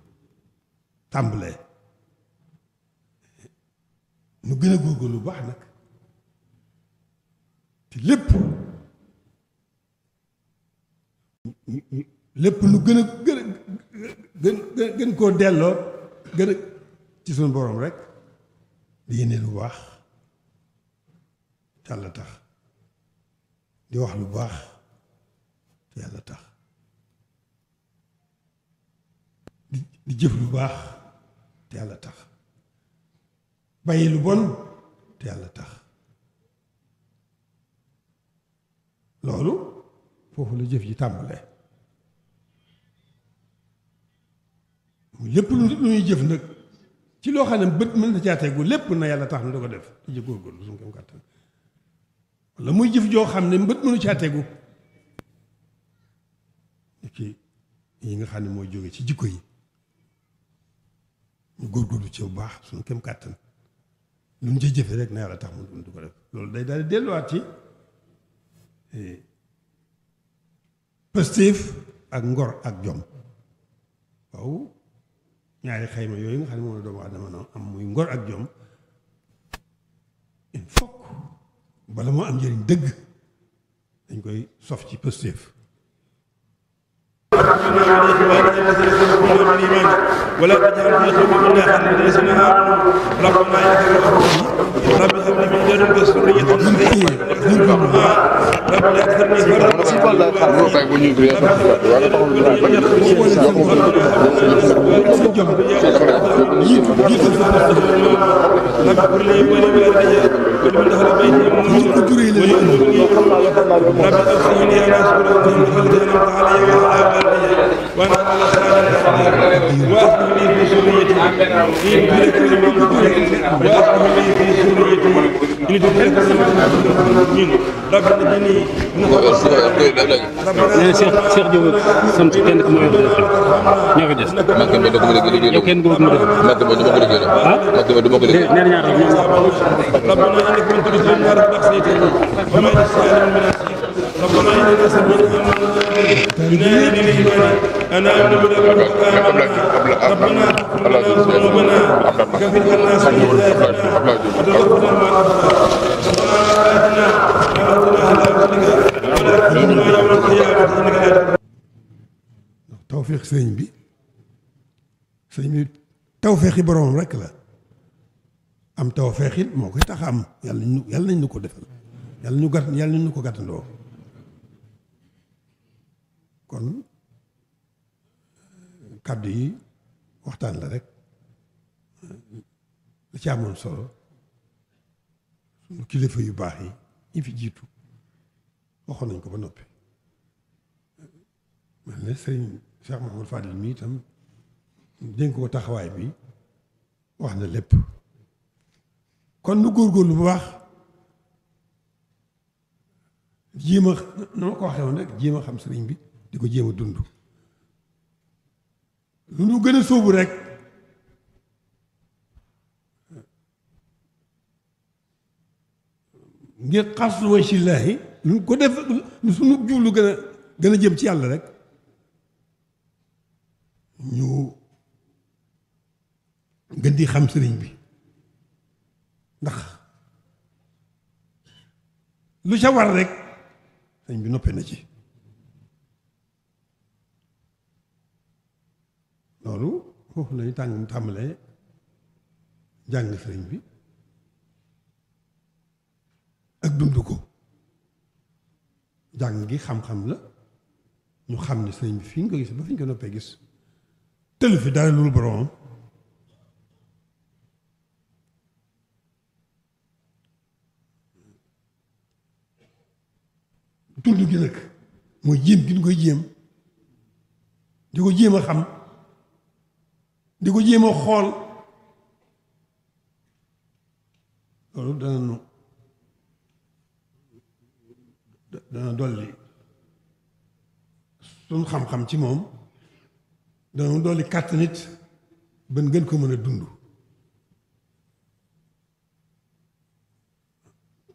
Speaker 2: tàmbalee mu gën a góorgóorlu bu baax nag te lépp lépp lu gën a gën gën gën koo delloo gën a ci suñu boroom rek di yéene lu baax te yàlla di wax lu baax te yàlla tax di jëf lu baax te yàlla tax bàyyi lu bon te yàlla tax loolu foofu la jëf ji tàmbalee mu lépp lu ñuy jëf nag ci loo xam ne bët mën na caateegu lépp na yàlla tax na da ko def da ci góorgóorlu suñu kam kàttan wala muy jëf joo xam ne bët mënu caateegu
Speaker 12: ki yi nga xam ne mooy jóge ci jikko yi ñu
Speaker 2: góorgóorlu ci bu baax suñu kem kàttan lu mu ci jëfe rek na yàlla tax mu du ko def loolu day daal di delluwaat ci eh, positif ak ngor ak jom waaw ñaari xayma yooyu nga xam ne moom la doomu aadama am muy ngor ak jom il faut bala moo am njëriñ dëgg dañ koy sof ci positif تحملنا
Speaker 1: عليه ولا تنزل سبكم عن ايمان ولا تجعل في قلوبنا حلا ليس لنا ربنا انك غفور رب هب لي جنب السرية وانا على صلاه واهدني في سريتي واهدني في سريتي ini dukkan ñun donc dañuy nee Cheikh Cheikh Diop
Speaker 6: sant kenn ku ma yor def ñoo ko des makka ma kenn góobu ah? ma def makka ma dama ko liggéey
Speaker 12: ma dama ko liggéey nee ñaar ñoo ينادي بالإيمان أنا أبلغ ربنا ربنا ذنوبنا كفر لنا سيئاتنا وتوفنا مع الأبرار ربنا آتنا ما أعطنا على فضلك
Speaker 2: ولا تحرمنا يوم القيامة إنك لا تقدر tawféex sëñ bi sëñ bi tawféexi boroomam rekk la am tawféex it moo koy tax am yàlla ñu yàlla nañ ñu ko defal yàlla ñu gàtt yàlla nañ ñu ko gàttandoo kon euh, kàddu yi waxtaan la rek la ci amoon solo sunu kilifa yu baax yi ñi fi jiitu waxoon nañ ko ba noppi man ne sëriñ Cheikh Mahamadou Fadil mi itam dénk ko taxawaay bi wax na lépp kon nu góorgóorlu bu baax ma ko waxee woon rek xam bi di ko jéem a dund lu nu gën a sóobu rek ngir xaslu wajhillaahi lu ko def lu sunu jublu gën a gën a jëm ci yàlla rek ñu gën di xam sëriñ bi ndax lu ca war rek sëriñ bi noppee na ci loolu foofu lañu tàng tàmbalee jàng sëriñ bi ak dund ko jàng gi xam-xam la ñu xam ni sëriñ bi fi ñu ko gis ba fi ñu ko noppee gis tëlu fi dara loolu boromam dund gi nag mooy jéem gi ñu koy jéem di ko jéem a xam di ko jéem a xool loolu dana nu dana dolli suñ xam-xam ci moom dana nu dolli kàtt nit ban gën ko mën a dund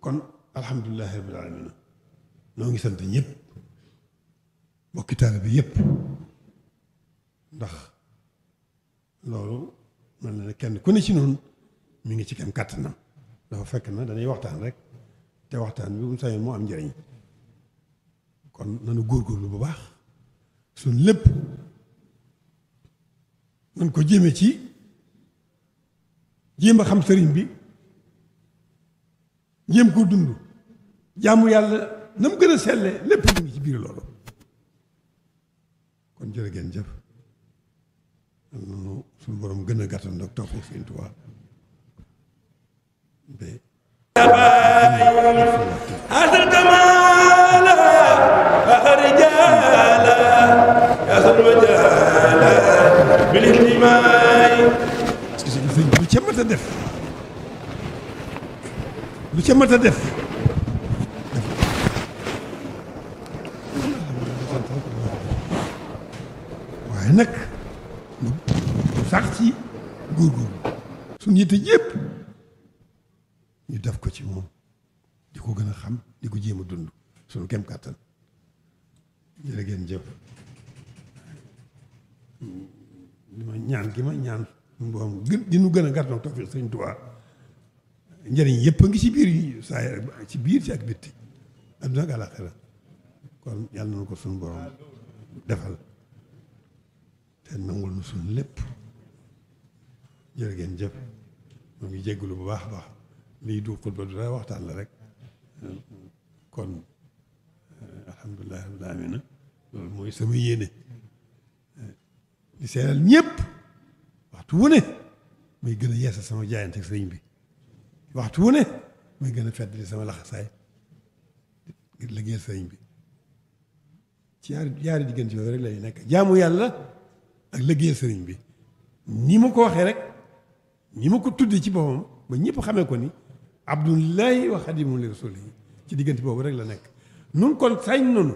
Speaker 12: kon alhamdulilahi rabbil alamin noo ngi sant ñëpp mbokki taalibe bi yëpp
Speaker 2: ndax loolu mel na ne kenn ku ne ci noonu mu ngi ci kem kàttanam dafa fekk na dañuy waxtaan rek te waxtaan bi bu mu sañoon moo am njëriñ kon góor góorgóorlu bu baax suñ lépp nan ko jéeme ci jéem a xam sëriñ bi jéem koo dund jaamu yàlla na mu gën a seele lépp mu ngi ci biir loolu kon jërë ngeen jëf suñu borom gën a gàttal nag taw foofu Sëriñ Tuubaa
Speaker 3: lu ca
Speaker 2: mat a def lu ca mat a def waaye nag góorgóorlu suñu yitte ñu def ko ci moom di ko gën a xam di ko jéem a dund suñu kem kàttan jërë ngeen jëf li ma ñaan ñaan mboom gën a gàttal tawfiq Sëriñ Tuubaa njëriñ yëpp a ngi ci biir yi saa ci biir ci ak bitti adduna ak àllaaxira kon yàlla na ko suñu borom defal te nangul nu suñu lépp jërë ngeen jëf mu ngi jégalu bu baax a baax lii du xutba du dara waxtaan la rek kon alhamdulilah rabbil aalamiina loolu mooy sama yéene di seeral ñëpp waxtu wu ne may gën a yeesal sama jaayante ak sëriñ bi waxtu wu ne may gën a feddali sama laxasaay ngir liggéeyal sëriñ bi ci yaari yaari diggante yooyu rek la ñu nekk jaamu yàlla ak liggéeyal sëriñ bi ni ma ko waxee rek. ñi ma ko tuddee ci boppam ba ñépp xamee ko ni abdullahi wa xadimu li rasuli ci diggante boobu rek la nekk nun kon sañ nonu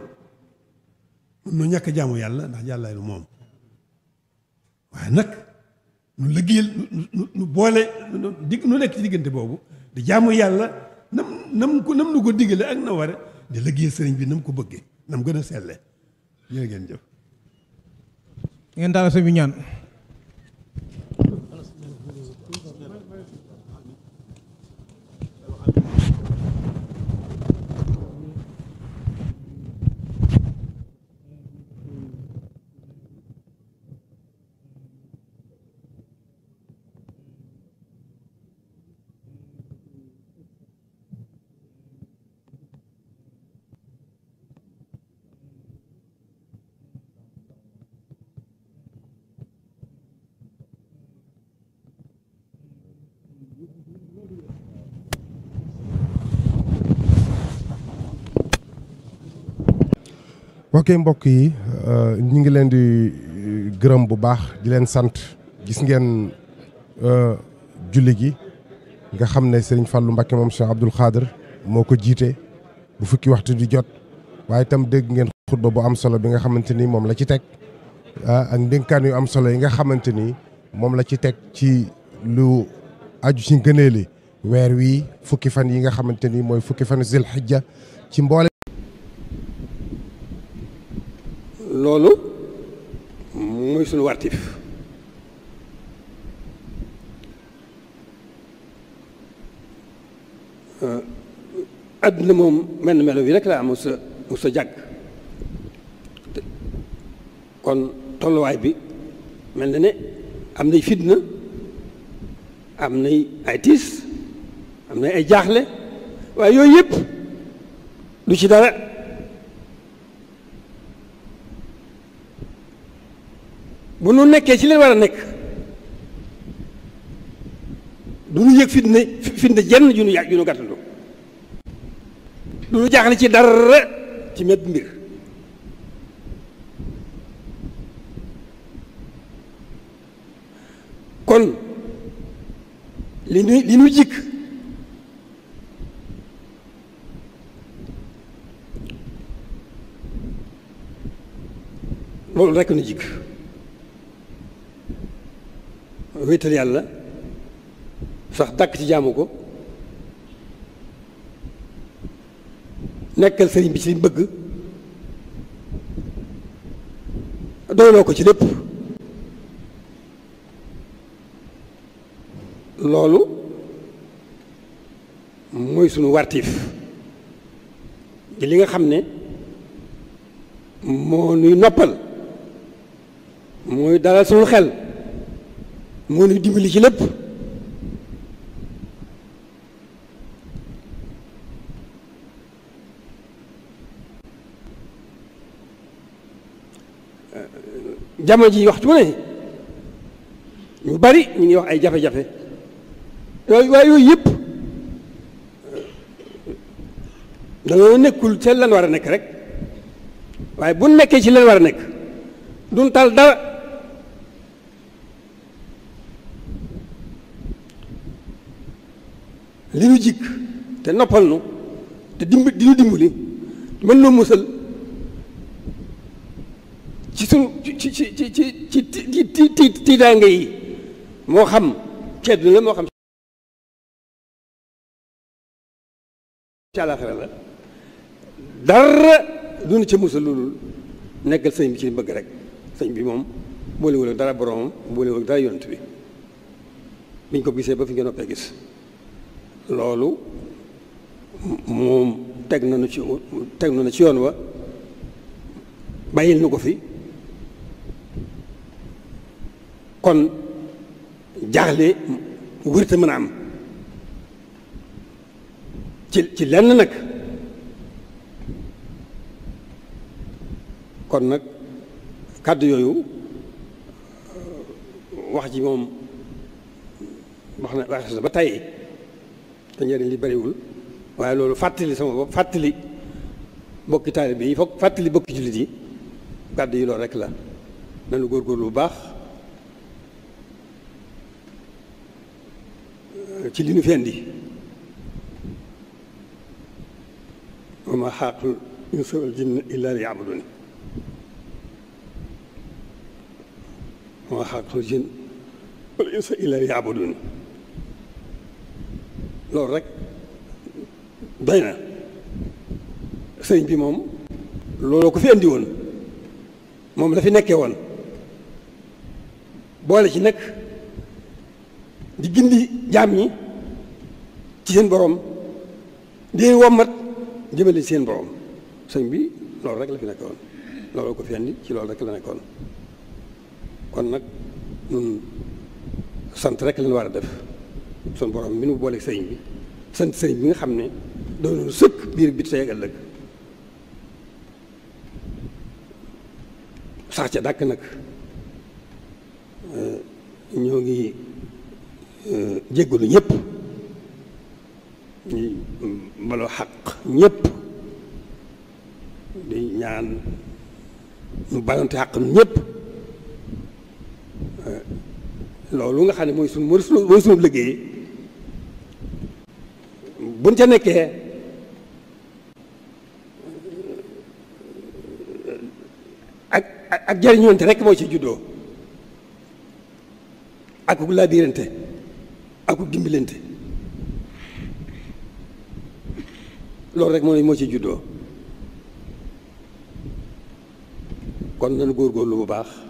Speaker 2: mun nu ñàkk jaamu yàlla ndax yàllaay moom waaye nag nu liggéeyal nu boole dig nu nekk ci diggante boobu di jaamu yàlla nam nam ko nam nu ko digale ak na ware di liggéeyal sëriñ bi nam ko bëggee nam gën a selle jërë
Speaker 4: ngeen daal sa bi ñaan
Speaker 12: ok mbokk yi euh, ñu ngi leen di euh, gërëm bu baax di leen sant gis ngeen euh, julli gi nga xam ne sëriñ Fallou Mbacké moom Cheikh Abdoul Khader moo ko jiite bu fukki waxtu di jot waaye itam dégg ngeen xutba bu am solo bi nga xamante ni moom la ci teg ah, ak ndénkaan yu am solo yi nga xamante ni moom la ci teg ci lu aju ci ngëneeli weer wi fukki fan yi nga xamante ni mooy fukki fan zil xijja ci mboole
Speaker 2: loolu mooy suñu wartif euh, àdduna moom mel na melo bi rek laa am sa mu sa jàgg kon tolluwaay bi mel na ne am nay fitna am nay ay tiis am nay ay jaaxle waaye yooyu yëpp
Speaker 5: du ci dara bu nu nekkee ci leen war a nekk
Speaker 2: du nu yëg fitna fitna jenn ju nu yàgg ju nu gàttandu du nu jaaxle ci dara ci mépp mbir
Speaker 5: kon li nu li nu jikk
Speaker 2: loolu rekk nu jikk wéetal yàlla sax dàkk ci jaamu ko nekkal sëriñ bi ci liñ bëgg doyloo ko ci lépp loolu mooy sunu wartiif di li nga xam ne moo nuy noppal mooy dalal sunu xel moo ñu dimbali ci lépp jamono ji waxtu ne ñu bari ñu ngi wax ay jafe-jafe
Speaker 5: yooyu waaye yooyu yëpp dañoo nekkul ca lan war a nekk rek waaye bu nekkee ci lan war a nekk duñ dara li ñu jikk te noppal nu te
Speaker 2: dimb di ñu dimbali mën noo musal ci sunu
Speaker 3: ci ci ci ci ci ci ci tiitaange yi moo xam ceeb la moo xam ci àllaaxira la dara du ñu ca musal loolu nekkal sëñ bi ci bëgg rek
Speaker 2: sëñ bi moom boolewul dara boromam boolewul dara yonent bi biñ ko gisee ba fi nga noppee gis loolu moom teg nañu ci teg nañu ci yoon wa bàyyil na ko fi kon jaaxle wërta mën a am ci ci lenn nag kon nag kàddu yooyu wax ji moom wax na wax ba tey te njëriñ li bariwul waaye loolu fàttali sama bopp fàttali bokki taalibe yi foog fàttali bokki jullit yi kàddu yi loolu rek la nanu góorgóorlu bu baax euh, ci li nu fi indi wa maa xalaqtul insa wal jinna illaa liya'buduun wa maa xalaqtul jinna loolu rek doy na sëñ bi moom looloo ko fi indi woon moom la fi nekkee woon boole ci nag di gindi jaam yi ci seen boroom di wommat jëmale ci seen borom sëñ bi loolu rek la fi nekkoon looloo ko fi indi ci loolu rek la nekkoon kon nag ñun sant rek lañ war a def suñu borom mi nu booleeg sëriñ bi sant sëriñ bi nga xam ne doon sëkk biir bi tey ak ëllëg sax ca dàkk nag eh, ñoo ngi eh, jéggalu ñëpp ñu baloo xaq ñépp di ñaan ñu balonte xaq ñëpp eh, loolu nga xam ne mooy suñu mooy suñu liggéey buñ ca nekkee ak ak jariñoonte rek moo ci juddoo ak ku laabirante ak ku dimbilante loolu rek moo moo ci juddoo kon nañu góorgóorlu bu baax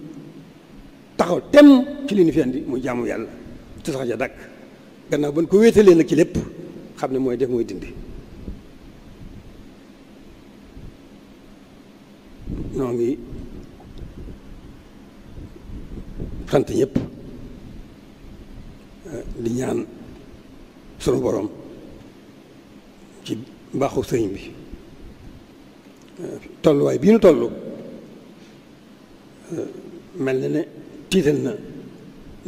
Speaker 2: taxaw tem ci li ñu fi andi muy jaamu yàlla te sax ja dàkk gannaaw ba ñu ko wéetalee nag ci lépp xam ne mooy def mooy dindi noo ngi sant ñëpp euh, di ñaan sunu borom ci mbaaxu sëñ bi euh, tolluwaay bii nu toll euh, mel na ne tiital na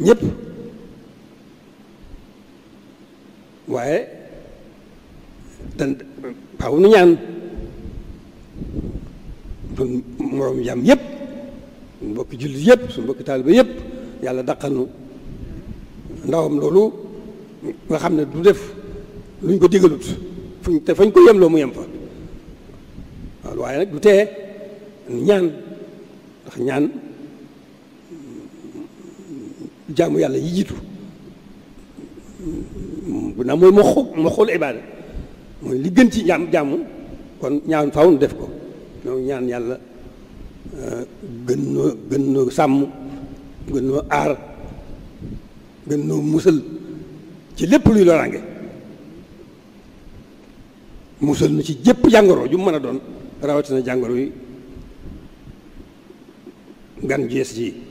Speaker 2: ñépp waaye dan faaw nu ñaan sun moroom jàmm yépp suñu mbokki jullit yépp suñu mbokki taaliba yépp yàlla daqanu ndawam loolu nga xam ne du def luñ ko digalut fuñ te fañ ko yem loo mu yem fa waaw waaye nag du tee ñaan ndax ñaan jaamu yàlla yi jiitu bu naa mooy ma xo ma mooy li gën ci jàmm jaamu kon ñaan faw nu def ko ñoo ñaan yàlla eh, gën noo gën noo sàmm gën noo aar gën noo musal ci lépp luy loraange musal nu ci jëpp jàngoro ju mën a doon rawatina jàngoro yi gan jees ji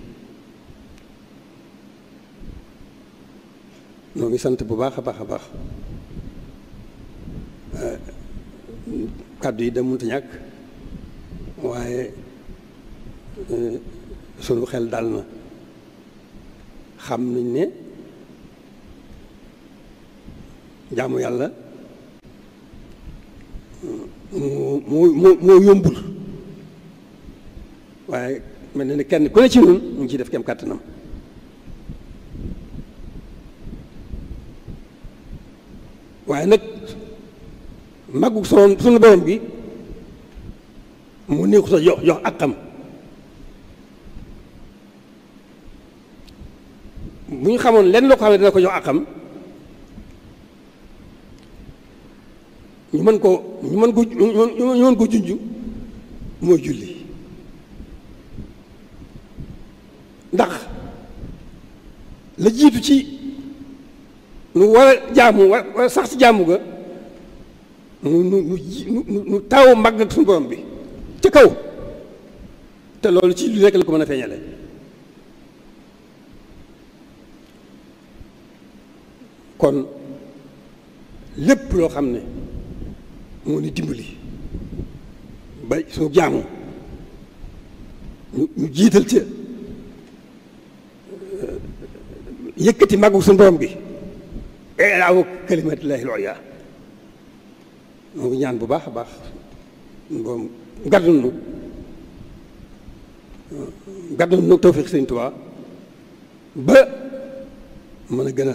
Speaker 2: ñoo ngi sant bu baax a baax a baax eh, kàddu yi da mënta ñàkk waaye eh, sunu xel dal na xam nañ ne jaamu yàlla mm, moo moo moo yombul waaye mel na ne kenn ku ne ci ñun mu ngi ciy def kem kàttanam
Speaker 5: waaye nag màggu sama sunu borom bi
Speaker 2: mu néeku sa jox jox ak xam bu ñu xamoon lenn loo ko xam ne dina ko jox ak xam ñu mën ko ñu mën ko ñu mën ko junj mooy julli ndax la jiitu ci nu war a jaamu war sax ci jaamu ga nu nu nu taw mbagg ak suñu bi ca kaw te loolu ci lu rekk la ko mën a feeñale kon lépp loo xam ne moo ni dimbali ba soo jaamu ñu jiital ci yëkkati màggu suñu borom bi ilaahu kalimatillahi looya moo ngi ñaan bu baax a baax boom gàddul nu gàddul nu tawfiq sëñ Tuubaa ba mën a gën a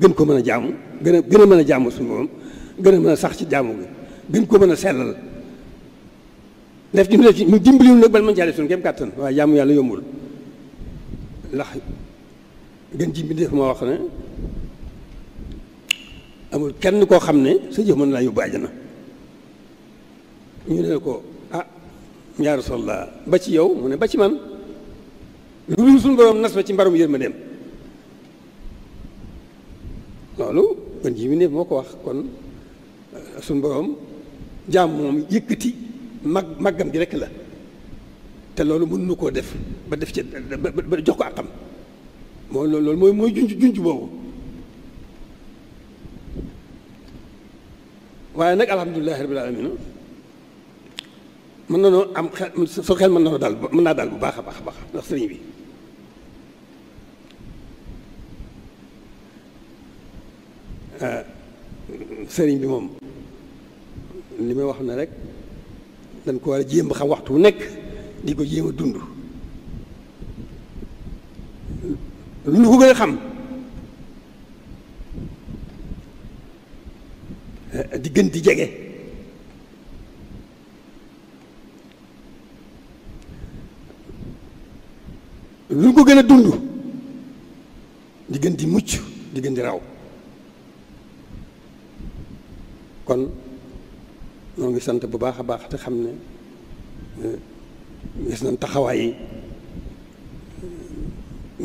Speaker 2: gën ko mën a jaamu gën a gën a mën a jaamu suñu moom gën a mën a sax ci jaamu gi gën ko mën a sellal def ci mu def ci mu dimbaliwul nag ban mën caa def suñu kéem kàttan waaye jaamu yàlla yombul ndax gën ji bi def moo wax ne amul kenn koo xam ne sa jëf mën laa yóbbu àjjana ñu ne ko ah yaa Rasulallah ba ci yow mu ne ba ci man lu dul suñu borom nas ba ci mbarum yërmandeem loolu kon ji bi ne moo ko wax kon euh, suñu borom jaam moom yëkkati mag màggam gi rekk la te loolu mën nu koo def ba def ci ba jox ko àqam moo loolu mooy mooy junj junj boobu waaye nag alhamdulilahi rabil alamina mën na noo am xel su xel mën na noo daal mën naa daal bu baax a baax a baax ndax sëriñ bi ah, sëriñ bi moom li may wax ne rek dañ ko war a jéem ba xam waxtu wu nekk di ko jéem a dund lu ñu ko gën a xam di gën di jege lu ko gën a dund di gën di mucc di gën di raw kon noo ngi sant bu baax a baax te xam ne eh, gis nañ taxawaay yi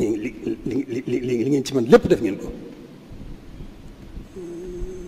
Speaker 2: eh, li li li li ngeen ci man lépp def ngeen ko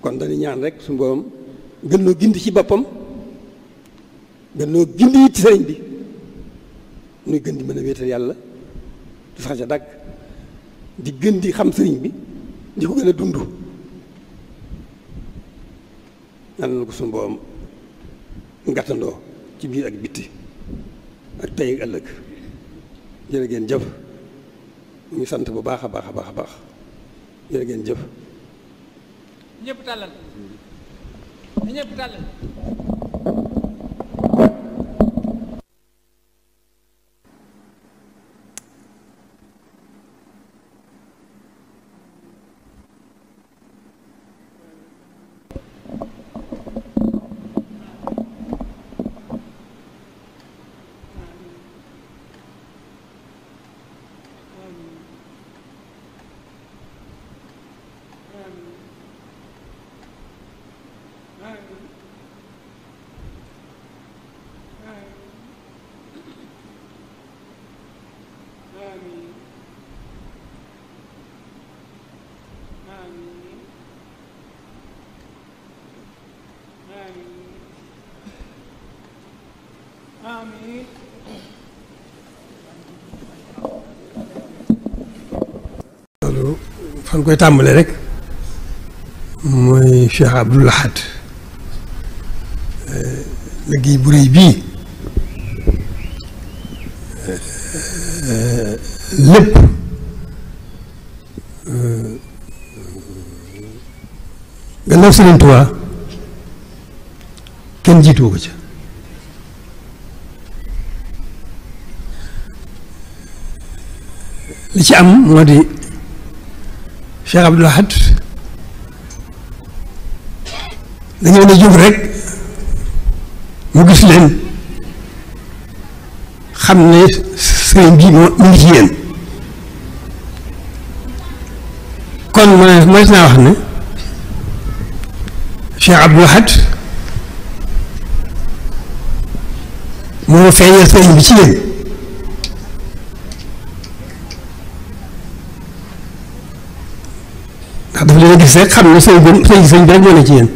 Speaker 2: kon dañu ñaan rek suñu borom gën noo gindi ci boppam
Speaker 6: gën noo gindi it
Speaker 2: ci sëriñ bi nuy gën di mën a wéetal yàlla du sax ca dagg di gën di xam sëriñ bi di ko gën a dund yàlla na ko suñu borom ngàttandoo ci biir ak bitti ak tey ak ëllëg jërë ngeen jëf ñu sant bu baax a baax a baax a baax jërë ngeen jëf
Speaker 5: ñëpp tàllal mm. ñëpp tàllal
Speaker 2: fan koy tàmbalee rek mooy Cheikh Abdoul Ahad eh, liggéey bu rëy bii
Speaker 3: eh, eh, lépp
Speaker 5: gannaaw Sëriñ
Speaker 2: Tuubaa kenn jiituwu ko ca li ci am moo di Cheikh Abdoul Ahad dañoo ne jóg rek mu gis leen xam ne sëriñ bi mu ngi ci kon mu ne mooy naa wax ne Cheikh Abdoul Ahad moo
Speaker 5: feeñal sëriñ bi ci yéen gis xam ne seen gën seen sëñ bi rek moo ne ci yéen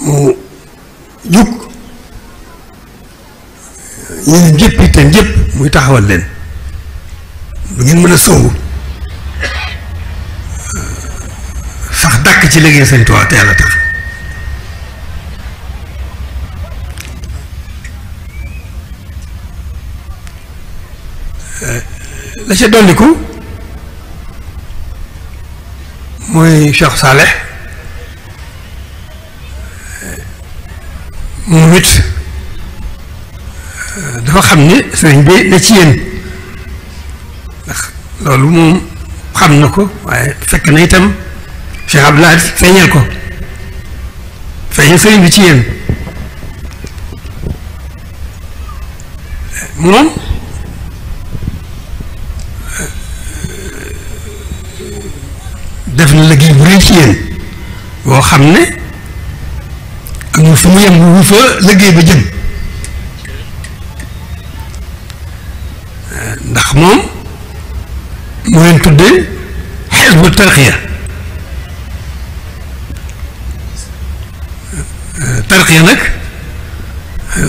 Speaker 3: mu jug ñun ñëpp itam
Speaker 2: ñëpp muy taxawal leen bu ngeen mën a sóobu sax dàkk ci liggéey sëñ Tuubaa te tax
Speaker 5: la ca dolliku
Speaker 2: mooy Cheikh Saleh eh, moom it eh, dafa xam ne sëriñ bi la ci yéen ndax loolu moom xam na ko waaye fekk na itam Cheikh Abdoulaye feeñal ko feeñal sëriñ bi ci yéen eh, moom xam ñu fi mu yem wu fa liggéey ba jëm ndax moom moo leen tuddee xisbu
Speaker 3: tarxiya tarxiya nag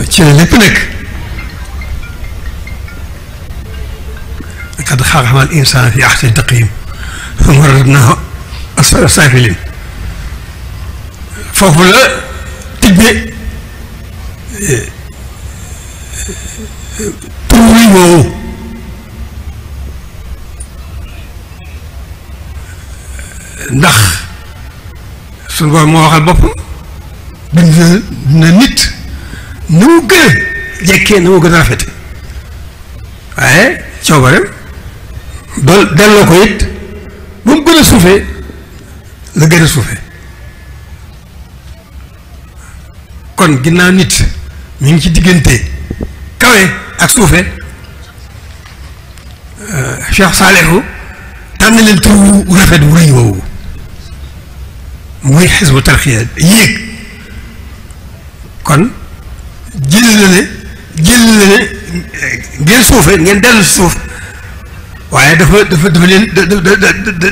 Speaker 3: ci lépp nekk
Speaker 2: قد خلقنا الإنسان في أحسن تقييم ثم رددناه أسفل السافلين foofu la
Speaker 3: tibbe pour wuy woowu
Speaker 2: ndax suñu borom moo waxal boppam bind na nit na mu gën a jekkee na mu gën a rafete
Speaker 5: waaye coobareem dool delloo ko it ba mu gën a suufee la gën a suufee
Speaker 2: kon ginnaaw nit mu ngi ci diggante kawe ak suufe euh, Cheikh Saalihu tànn leen tur wu rafet wu rëy woowu muy xisbu tarxiya yéeg kon jël na ne jël euh, ngeen suufe ngeen dellu si suuf waaye dafa dafa dafa leen dafa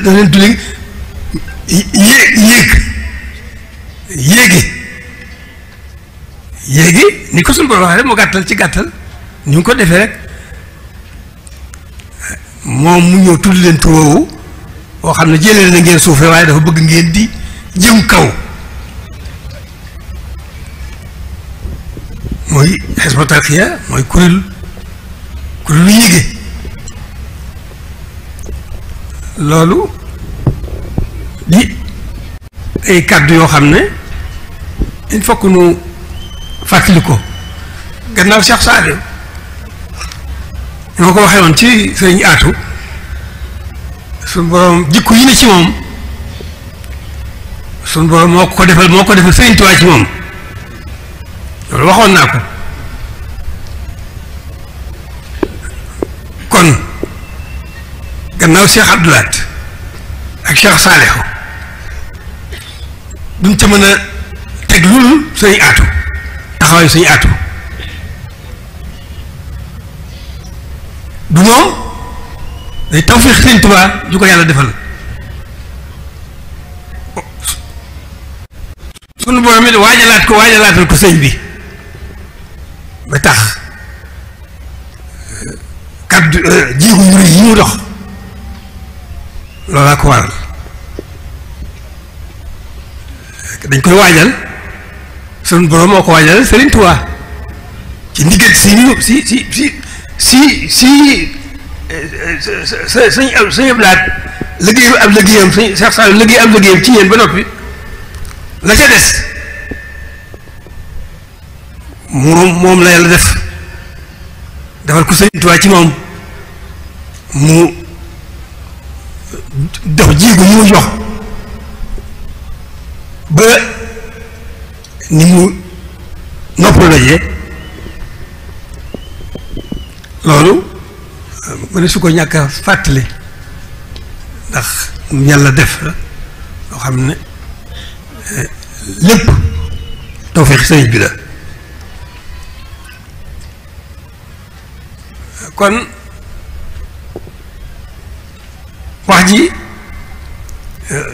Speaker 2: leen tudde yéeg ni ko mu gàttal ci gàttal ñu ngi ko defe rek moom mu ñëw tudd leen tur woowu xam ne jëlee na ngeen suufee waaye dafa bëgg ngeen di jëm kaw mooy Hizbut mooy kuréel kuréelu yéege loolu di ay kàddu yoo xam ne il faut que nu fàttali ko gannaaw Cheikh Sadio ñu ma ko waxee woon ci sëriñ aatu suñ borom jikko yi ne ci moom suñ borom moo ko defal moo ko defal sëriñ Tuubaa ci moom loolu waxoon naa ko kon gannaaw Cheikh Abdoulaat ak Cheikh Saalihu duñ ca mën a teg loolu sëriñ aatu taxawaayu sëriñ aatu du moom day tawfeex Sëriñ Tuubaa ju ko yàlla defal sunu borom it waajalaat ko waajalaatal ko sëñ bi ba tax euh, kaddu euh, jiigu yu rëy yi mu dox loolaa ko waral dañ koy waajal sunu borom moo ko waajal Sëriñ Tuubaa ci ndigal si si si si si si suñ eh, eh, sañ ab sañ ab laaj liggéeyu ab liggéeyam sañ Cheikh ci yéen ba noppi la ca des moom moom la yàlla def defal ko Sëriñ Tuubaa ci moom mu dox jiigu mu jox ba ni mu noppaloo jee loolu mu ne su ko ñàkk fàttali ndax yàlla def la loo xam ne eh, lépp tawfeex sëriñ bi la kon wax ji eh,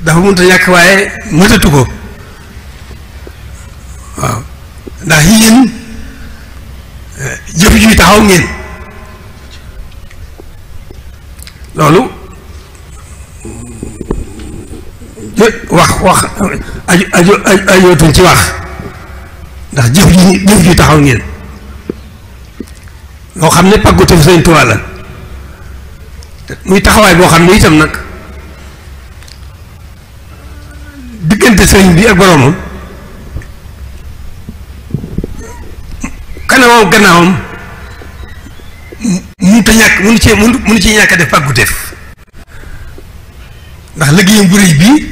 Speaker 2: dafa mënta ñàkk waaye mëtatu ko waaw ndax yéen eh, jëf juy taxaw ngeen loolu wax wax aju aju ajootuñ ci wax ndax jëf ji jëf taxaw ngeen loo xam ne pàggu tëf Sëñ Tuubaa la muy taxawaay boo xam ne itam nag diggante sëriñ bi ak boroomam kanamam gannaawam mënut a ñàkk mënu cee mënu mënu cee ñàkk a def pàgguteef ndax liggéeyam bu rëy bii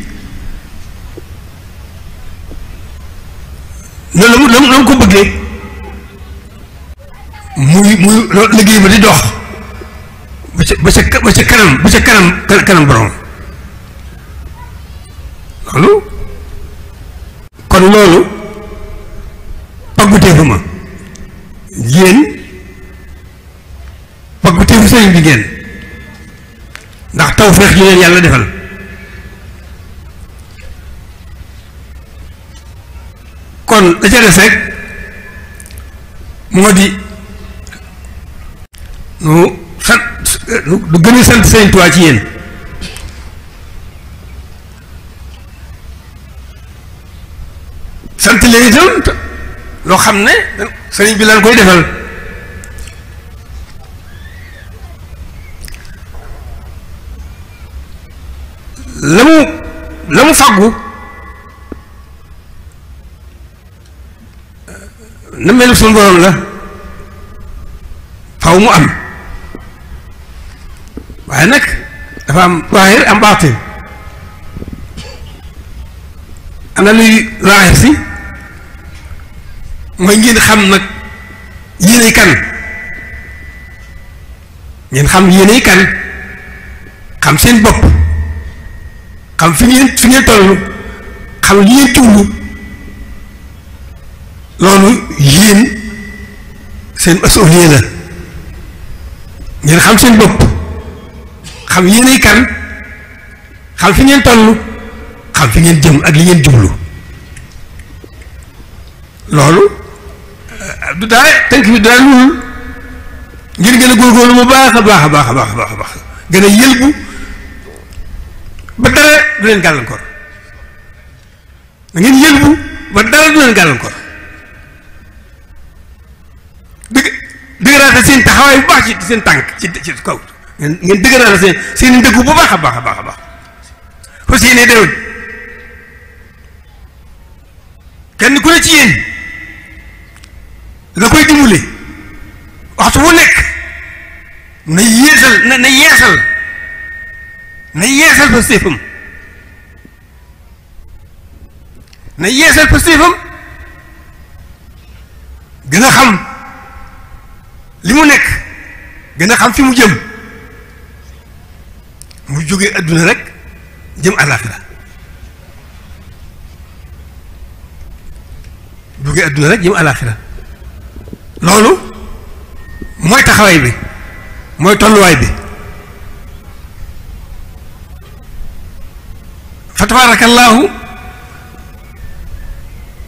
Speaker 2: loolu la mu ko bëggee muy muy liggéey ba di dox ba ca ba ca ba ca kanam ba ca kanam kanam borom loolu kon loolu pàgguteefuma yéen. bëgg teefu bi ngeen ndax taw feex ju leen yàlla defal
Speaker 5: kon la ca des rek
Speaker 6: moo di
Speaker 2: nu sant du gën a sant sëriñ Tuubaa ci yéen
Speaker 5: sant leen itam loo xam ne sëriñ bi lan koy defal la mu la mu fàggu na melu suñu borom la faw
Speaker 2: mu am waaye nag dafa am zaahir am baatin
Speaker 5: am na luy zaahir si mooy ngeen xam nag yéenay kan
Speaker 2: ngeen xam yéenay kan xam seen bopp xam fi ngeen fi xam li ngeen jublu loolu yéen seen masuuliye la ngeen xam seen bopp xam yéenay kan xam fi ngeen toll xam fi ngeen jëm ak li ngeen jublu loolu euh, du daay tënk bi daal ngir gën a góorgóorlu bu baax a baax a baax a baax a baax gën a yëlbu
Speaker 5: ba dara du leen gàllankoor da ngeen yëlbu ba dara du leen gàllankoor dëgg dëggëraate seen taxawaay
Speaker 2: bu baax ci seen tànk ci ci kaw ngeen dëggëraate seen seen ndëggu bu baax a baax a a baax
Speaker 5: fas yéene déwén kenn ku ne ci yéen la koy dimbale waxtu wu nekk na yeesal na na yeesal na yeesal fa séefam na yeesal gën a xam li mu nekk
Speaker 2: gën a xam fi mu jëm mu jógee adduna rek jëm àllaaxira jógee adduna rek jëm àllaaxira loolu mooy taxawaay bi
Speaker 5: mooy tolluwaay bi fa tabaarakallaahu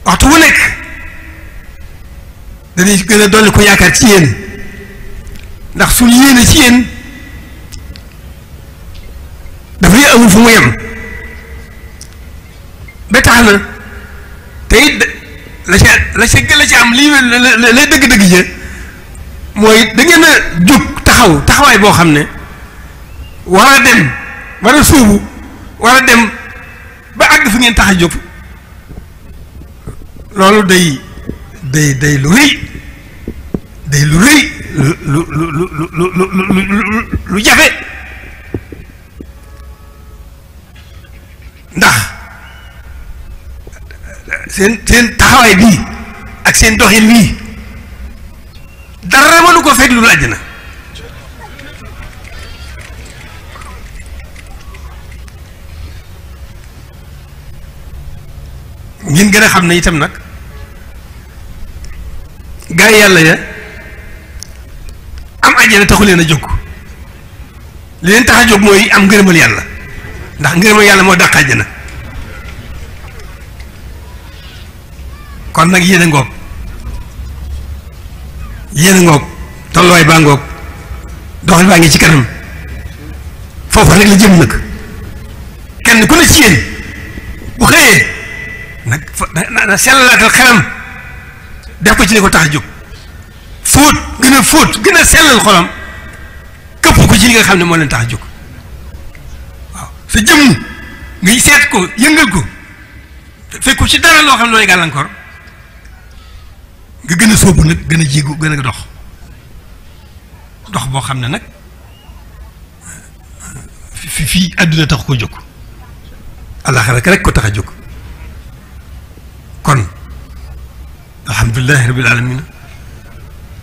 Speaker 5: waxtu wu nekk dañuy gën a dolli ko yaakaar ci yéen
Speaker 2: ndax suñu yéene ci yéen dafay amul fu mu
Speaker 6: yem ba tax na te it la ca la gën la ca am lii lay dëgg-dëgg ja mooy da ngeen a
Speaker 2: jóg taxaw taxawaay boo xam ne war a dem war a suubu war a dem ba àgg fi ngeen tax a jóg loolu day day day lu rëy day lu rëy lu lu lu lu lu lu jafe ndax seen seen taxawaay bii ak seen doxin bii dara mënu ko fekk lu àjjana ngin gën a xam ne itam nag gaa yàlla ya am àjjana taxu leen a jóg li leen tax a jóg mooy am ngërëmal yàlla ndax ngërëmal yàlla moo daq àjjana kon nag yéen a ngoog yéen a ngoog tolluwaay baa ngoog doxal baa ngi ci kanam foofu rek la jëm nag kenn ku ne ci yéen bu xëyee nag na sellalaatal xelam def ko ci li ko tax a jóg fóot gën a fóot gën a sellal xolam këpp ko ci li nga xam ne moo leen tax a jóg waaw sa jëmm ngay seet ko yëngal ko fekku ci dara loo xam ne looy gàllankoor nga gën a sóobu nag gën a jéegu gën a dox dox boo xam ne nag fi fii àdduna tax ko jóg àllaaxira rek ko tax a jóg kon alhamdulilahi rabil alamina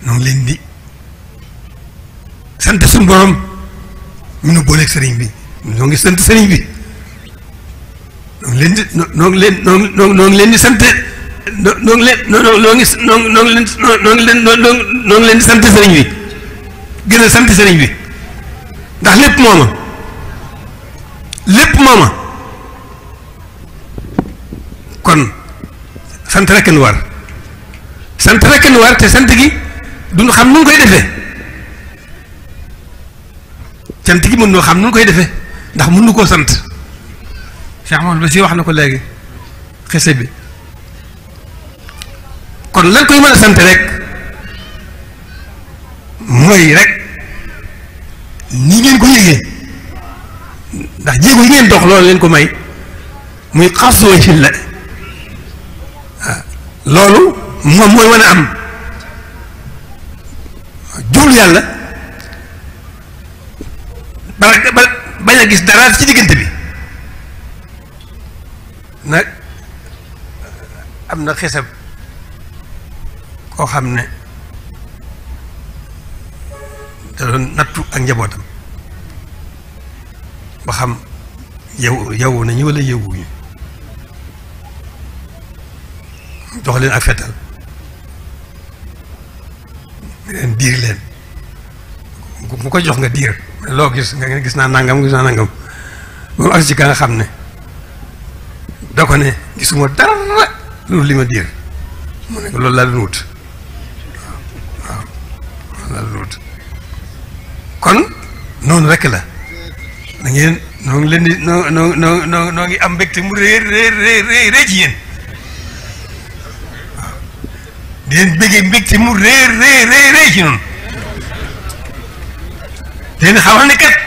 Speaker 2: ñu ngi leen di sant suñu borom mu nu booleeg sëriñ bi ñoo ngi sant sëriñ bi noo ngi leen di noo ngi leen noo ngi leen di sant noo bi gën a sant sëriñ bi ndax lépp mooma lépp mooma kon sant rek nu war sant rek nu war te sant gi du xam nu koy defee sant gi mën noo xam nu koy defe ndax mën nu koo sant Cheikh Maodo ba si wax na ko léegi xese bi kon lan koy mën a sant rek
Speaker 3: mooy rek
Speaker 2: nii ngeen ko yëgee ndax jéego yi ngeen dox loolu leen ko may muy xas woo ci la. loolu moom mooy mën a am jublu yàlla bala bala bañ a gis dara ci diggante bi na am na xisab koo xam ne da doon nattu ak njabootam ba xam yow yow nañu walla yowuñu jox leen ak fetal mu leen diir leen mu ko jox nga diir loo gis nga gis naa nangam gis naa nangam moom ak si ka nga xam ne da ko ne gisuma dara loolu li ma diir mu ne loolu laa doon wut waaw waaw loolu laa doon kon noonu rekk la da ngeen noo ngi leen noo noo noo noo ngi am mbégte mu réer réer réer réer ci yéen di leen bëggee mbégte mu réer réer réer réer ci noonu
Speaker 5: di leen xamal ne kat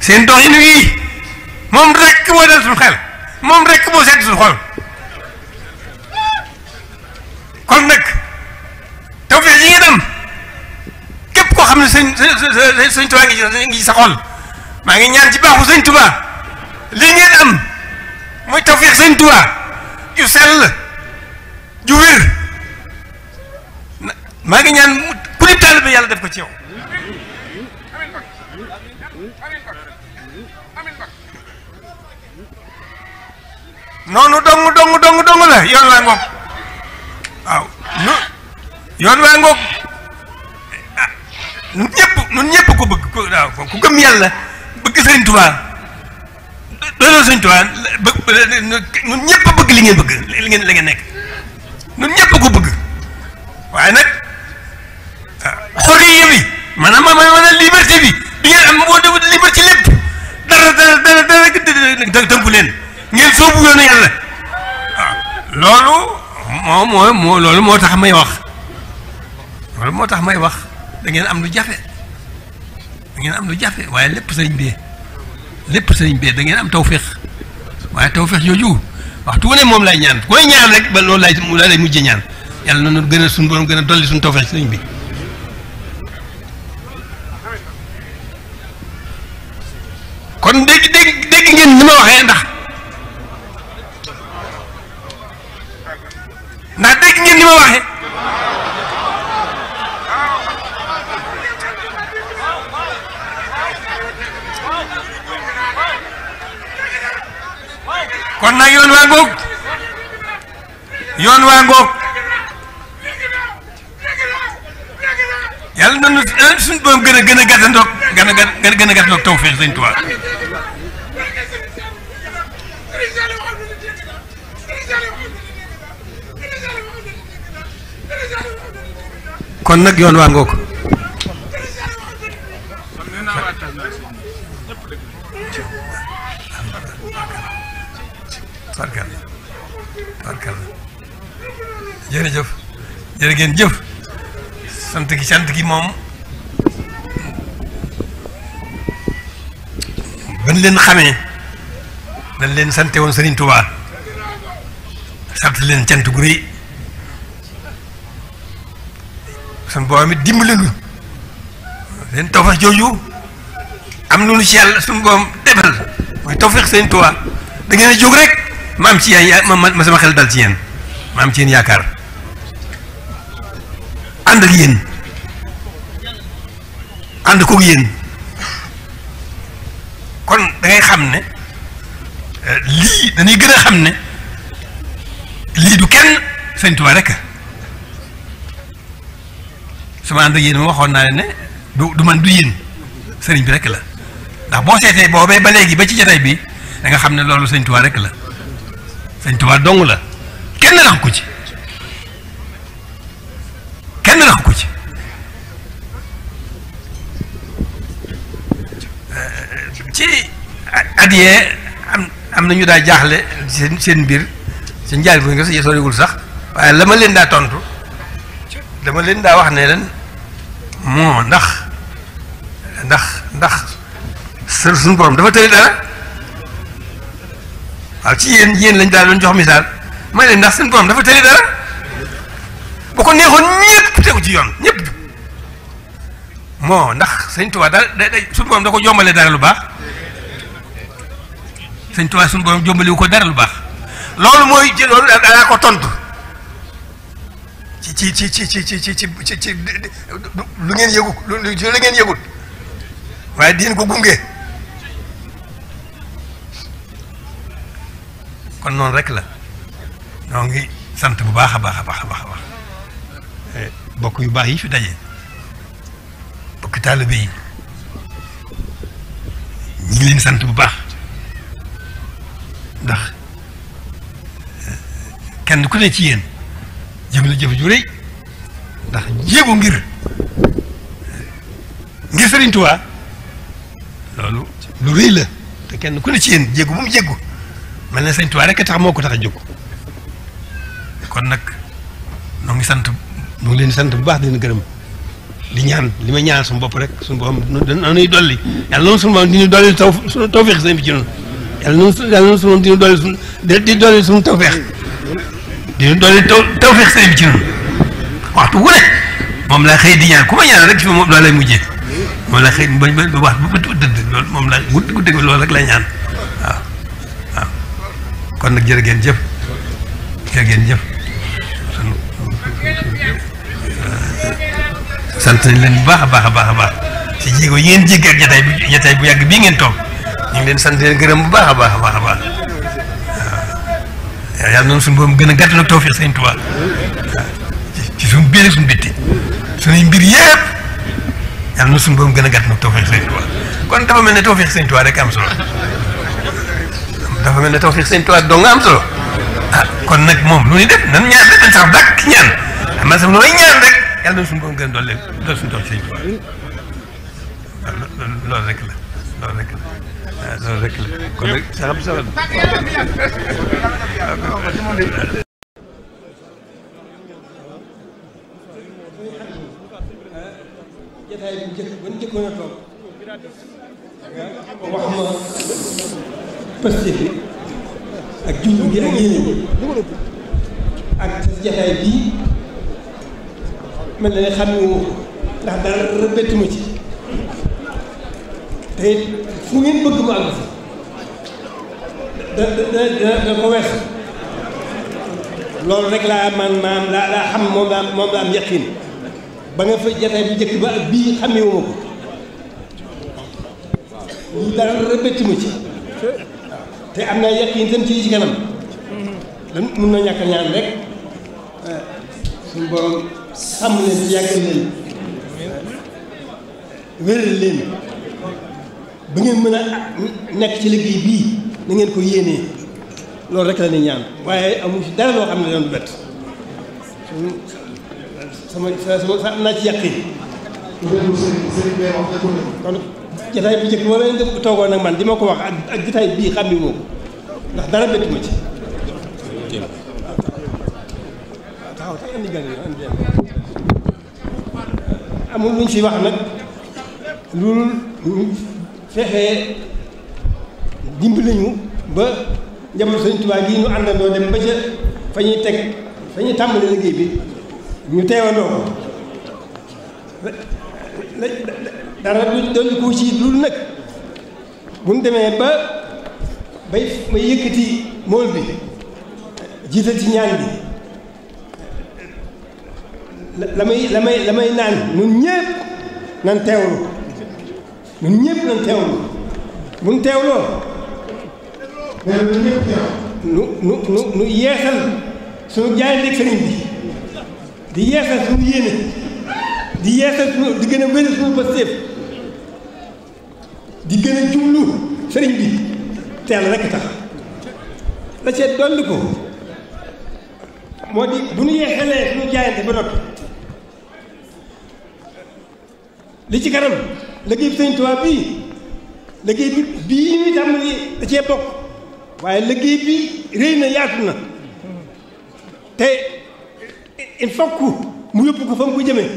Speaker 5: seen doxin wii moom rek moo dal suñu xel moom rek moo seet suñu xol kon nag
Speaker 2: tawfeex yi ngeen am képp koo xam ne sëñ sëñ sëñ Tuubaa ngi ci ngi sa xol maa ngi ñaan ci baaxu sëñ Tuubaa li ngeen am. mooy tawfiix sëñ Tuubaa ju sell ju wér maa ngi ñaan ku ne taalibe yàlla def ko ci yow
Speaker 5: noonu dong dong dong dong la yoon waa ngoog nu yoon waa ngoog ah ñun ñëpp ñun ko bëgg
Speaker 2: ko waaw ku gëm yàlla bëgg sëñ Tuubaa loolu sëñ Tuubaa ñun ñëpp a bëgg li ngeen bëgg li ngeen la ngeen nekk ñëpp a ko bëgg waaye nag ah, xorriya bi maanaam maanaam liberté bi bi ngeen am moo def liberté lépp dara dara dara dara tënku leen ngeen soobu yoonu yàlla waaw ah, moo moo loolu moo tax may wax loolu moo tax may wax dangeen am lu jafe dangeen am lu jafe waaye lépp sëñ bi lépp sëriñ bee da ngeen am tawféex waaye tawféex jooju waxtu wu ne moom lay ñaan koy ñaan rek ba loolu laa lay mujj ñaan yàlla noonu gën a suñ borom gën a dolli suñ tawféex sëriñ bi
Speaker 5: kon dégg dégg ngeen ni ma waxee ndax ndax dégg ngeen ni ma waxee kon nag yoon waa ngoog yoon waa ngoog yàlla nañu suñu borom gën a gën a gàttandoog
Speaker 2: gën
Speaker 8: a gën gën a gàttandoog
Speaker 2: kon nag yoon waa ngoog barkal barkal jërëjëf jërë ngeen jëf sant gi sant gi moom ban leen xame dañ leen sante woon Serigne Touba sant leen cant gu rëy suñu boobam it dimbali leen tawfeex jooju am na lu ci yàlla suñu boobam defal mooy tawfeex Serigne Touba da ngeen a jóg rek. ma am ci yéen ma ma sama xel dal ci yéen ma am ci yéen yaakaar ànd ak yéen ànd koog yéen kon da xam ne euh, lii dañuy gën a xam ne lii du kenn sëñ Tuubaa rek sama ànd ak yéen ma waxoon naa leen ne du du man du yéen sëriñ bi rek la ndax boo seetee boobee ba léegi ba ci jotaay bi da nga xam ne loolu sëñ Tuubaa rek la. sëñ Tuubaa dong la kenn rax ko ci kenn rax ko ci ci at yee am am na ñu daa jaaxle seen seen mbir seen jaay bu nga si soriwul sax waaye la leen daa tontu dama leen daa wax ne leen moo ndax ndax ndax suñu borom dafa tëri dara waaw ci yéen yéen lañ daal doon jox misaal may leen ndax seen borom dafa tëri dara bu ko neexoon ñëpp tegu ci yoon ñëpp moo ndax sëñ Tuubaa daal da suñu borom da ko jombalee dara lu baax sëñ Tuubaa suñu borom jombalewu ko dara lu baax loolu mooy jël loolu danaa ko tontu ci ci ci ci ci ci ci ci ci lu ngeen yëgu lu ngeen yëgul waaye diin ko gunge. kon noonu rek la ñoo ngi sant bu baax a baax a baax a baax a baax eh, bokk yu baax yi fi daje bokk taalibe yi ñu sant bu baax ndax eh, kenn ku ne ci yéen jëf la jëf ju rëy ndax jéego ngir eh, ngir Sëriñ loolu lu rëy la te kenn ku ne ci yen jéego bu mu jéego man na sëñ Tuubaa rek tax moo ko tax a jóg kon nag ñoo ngi sant mu ngi leen sant bu baax di leen gërëm di ñaan li ma ñaan suñu bopp rek suñu boppam dañuy dolli yàlla noonu dolli taw tawfeex sëñ bi ci noonu yàlla noonu yàlla noonu di ñu dolli suñu di dolli suñu tawfeex di ñu dolli taw tawfeex sëñ bi ci noonu waxtu wu moom laa xëy di ñaan ku ma ñaan rek ci moom laa lay mujjee moom laa xëy ba ba wax ba tëdd loolu moom laa gudd gudd loolu rek lay ñaan. kon nag jërë ngeen jëf jërë ngeen jëf leen bu baax a baax baax a baax ci jéego yi ngeen jéggee ak jataay bu bu yàgg bii ngeen toog ñu ngi leen sant leen gërëm bu baax a baax a baax a baax waaw yàlla noonu suñu gën a gàtt nag tawfeex sëñ Tuubaa ci suñu biir suñu bitti suñuy mbir yëpp yàlla noonu suñu gën a gàtt nag tawfeex sëñ Tuubaa kon dafa mel ne tawfeex sëñ Tuubaa rek am solo dafa mel ne tawfeex seen tuwaat doo am solo ah kon nag moom lu ñu def nan ñaan rek dañ sax sax lu may ñaan rek yàlla na suñu borom gën a dool leen dool suñu dool seen tuwaat loolu rek la loolu rek la waaw ah, loolu rek la kon pëstéef bi ak junj gi ak yéene ji
Speaker 6: ak jaxaay bii
Speaker 2: mel na ne xam ndax dara bett ci te fu ngeen bëgg mu àgg da da da ko wees loolu rek laa man maam laa laa xam moom laa moom laa am yaqin ba nga fa jataay bu njëkk ba bii xamee ko lii dara rëbbati ci te am na yàq yi itam ci li ci kanam mun na ñàkk ñaan rek suñu borom sàmm leen ci yàggal leen wéral leen ba ngeen mën a nekk ci liggéey bii na ngeen ko yéenee loolu rek la ñuy ñaan waaye amu ci dara loo xam ne lu bett sama sama am naa ci yàq yi. kon. jotaay bi njëkk boo leen def toogoon ak man di ma ko wax ak ak jotaay bii xam moo ko ndax dara bëtt ma ci amul lu ñu fi wax nag loolu fexe dimbali ñu ba njaboot Sëñ Tuubaa gi ñu àndandoo dem ba ca fa ñuy teg fa ñuy tàmbali liggéey bi ñu teewandoo ko dara du doon ci lu nag bu ñu demee ba bay bay yëkkati mool bi jiital ci ñaan bi la may la may la may naan ñun ñëpp nan teewlu ñun ñëpp nan teewlu bu ñu teewloo nu nu nu nu yeesal suñu jaayante sëriñ bi di yeesal suñu yéene di yeesal suñu di gën a wéri ba séef di gën a jublu sëriñ bi teel rekk tax la cee dolli ko moo di bu ñu yeexalee suñu jaayante ba noppi li ci kanam liggéey bi sëriñ Tuubaa bii liggéey bi bii ñu tàmbali da cee bokk waaye liggéey bi réy na yaatu na te il faut mu yóbbu ko fa mu ko jëmee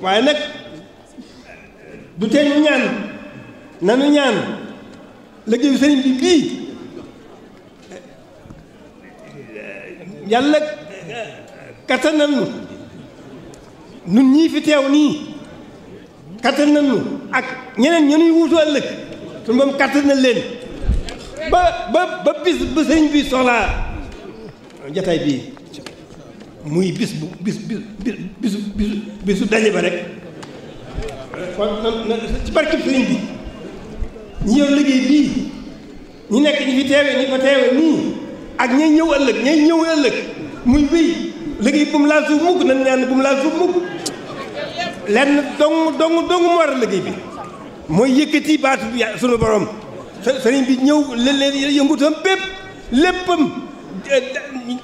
Speaker 2: waaye nag du tee ñaan nanu ñaan liggéeyu sëriñ bi bii yàlla kattanal nu nun ñii fi teew nii kattanal ak ñeneen ñenuy wuutu ëllëg suñu moom kattanal leen ba ba bis ba sëriñ bi soxlaa jataay bii muy bis bu bis bis bis bisu bisu daje ba rek kon ci barkib sëriñ bi ñi yor liggéey bii ñi nekk ñi fi teewee ñi ko teewee nii ak ñay ñëw ëllëg ñay ñëw ëllëg muy wéy liggéey bu mu laal suuf mukk nañ naan bu mu laal suuf mukk lenn dong dong dong moo war a liggéey bi mooy yëkkati baatu sunu borom sëriñ bi ñëw leen yëngutam bépp léppam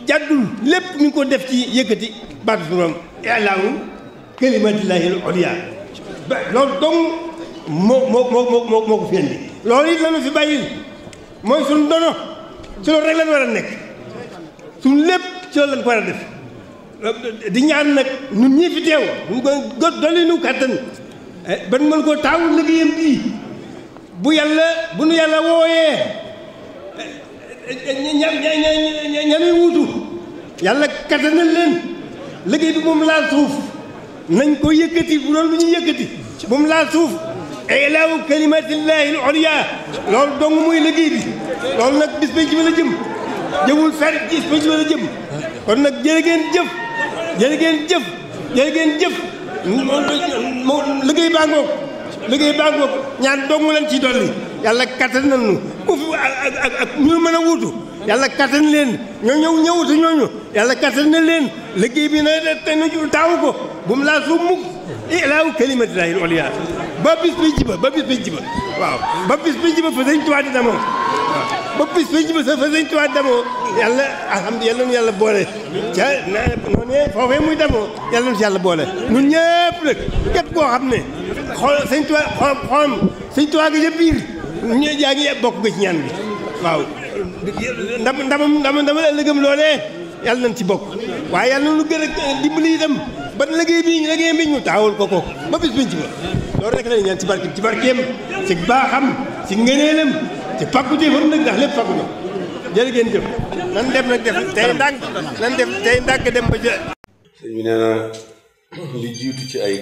Speaker 2: jàddul lépp mi ko def ci yëkkati baatu sunu borom ilaahu kalimatillahi al-ulya loolu dong moo moo moo moo ko fi indi loolu it lañu fi bàyyil mooy suñu ndono ci loolu rek lañ war a nekk suñu lépp ci loolu lañ def di ñaan nag ñun ñii fi teew mu gën dolli nu kàttan eh, ban mën koo taawu liggéeyam bii bu yàlla bu nu yàlla wooyee eh, eh, ña ña ña ña wuutu yàlla kattanal leen liggéey bi moom laal suuf nañ ko yëkkati bu doon lu ñu yëkkati moom laal suuf ilaahu kalimatillahi al-ulya loolu dong muy liggéey bi loolu nag bis ba ci mën a jëm jëmul fer bis ci mën a jëm kon nag jërë ngeen jëf jërë ngeen jëf jërë ngeen jëf liggéey baa ngoog liggéey baa ngoog ñaan dong leen ci dolli yàlla kattan nañu ku fi ak ak mën a wuutu yàlla kattan leen ñoo ñëw ñëwatu ñooñu yàlla kattan na leen liggéey bi na te nu taawu ko bu mu laal suuf mukk ilaahu kalimatillahi al-ulya ba bis bi jiba ba bis bi jiba waaw ba bis bi jiba fa sëñ Tuubaa di demoo
Speaker 3: waaw
Speaker 2: ba bis bi fa sëñ Tuubaa di yàlla alhamdulilah yàlla boole yàlla nu si yàlla boole ñun ñëpp nag képp koo xam ne xool sëñ Tuubaa xoom xoom sëñ Tuubaa ga ca biir ñu yaa ngi bokk nga ci ñan bi waaw ndam ndam ndam ndamam ëllëgam loolee yàlla nañ ci bokk waaye yàlla nañ lu gën dimbali itam ban liggéey bi liggéey bi ñu taawul ko kooku ba bis biñ ci ba loolu rek lañ ñaan ci barkeem ci barkeem ci baaxam ci ngëneelam ci pàkkute fam nag ndax lépp pàkkute jërë ngeen jëf
Speaker 5: nan dem nag def nan dem ba bi
Speaker 1: li ci ay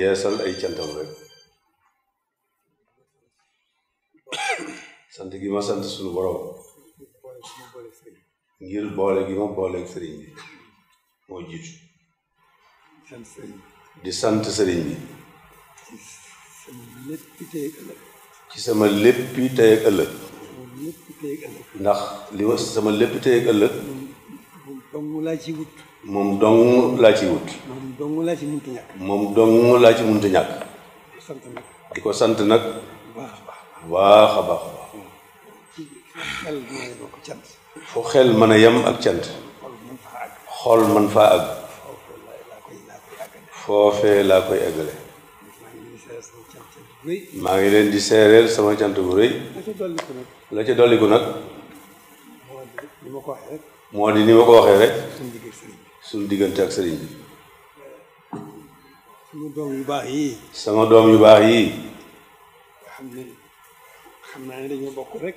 Speaker 1: yeesal ay cantam rek sant gi ma sant suñu borom ngir boole gi ma booleeg sëriñ bi moo jiitu di sant sëriñ bi sama léppi tey ëllëg ndax li ma sama léppi tey ak ëllëg moom
Speaker 2: dong laa ci wut
Speaker 1: moom dong laa
Speaker 2: ci wut ñàkk di ko sant nag
Speaker 1: bu baax baax xel mën a yem ak cant xol man faa ak foofee laa koy àggale maa ngi leen di seereel sama cant bu rëy
Speaker 4: la ca dolliku nag moo di ni ma ko waxee
Speaker 1: rek suñu diggante ak sëriñ bi
Speaker 2: sama doom yu baax yi sama doom yu baax yii xam xam naa ne dañoo bokk rek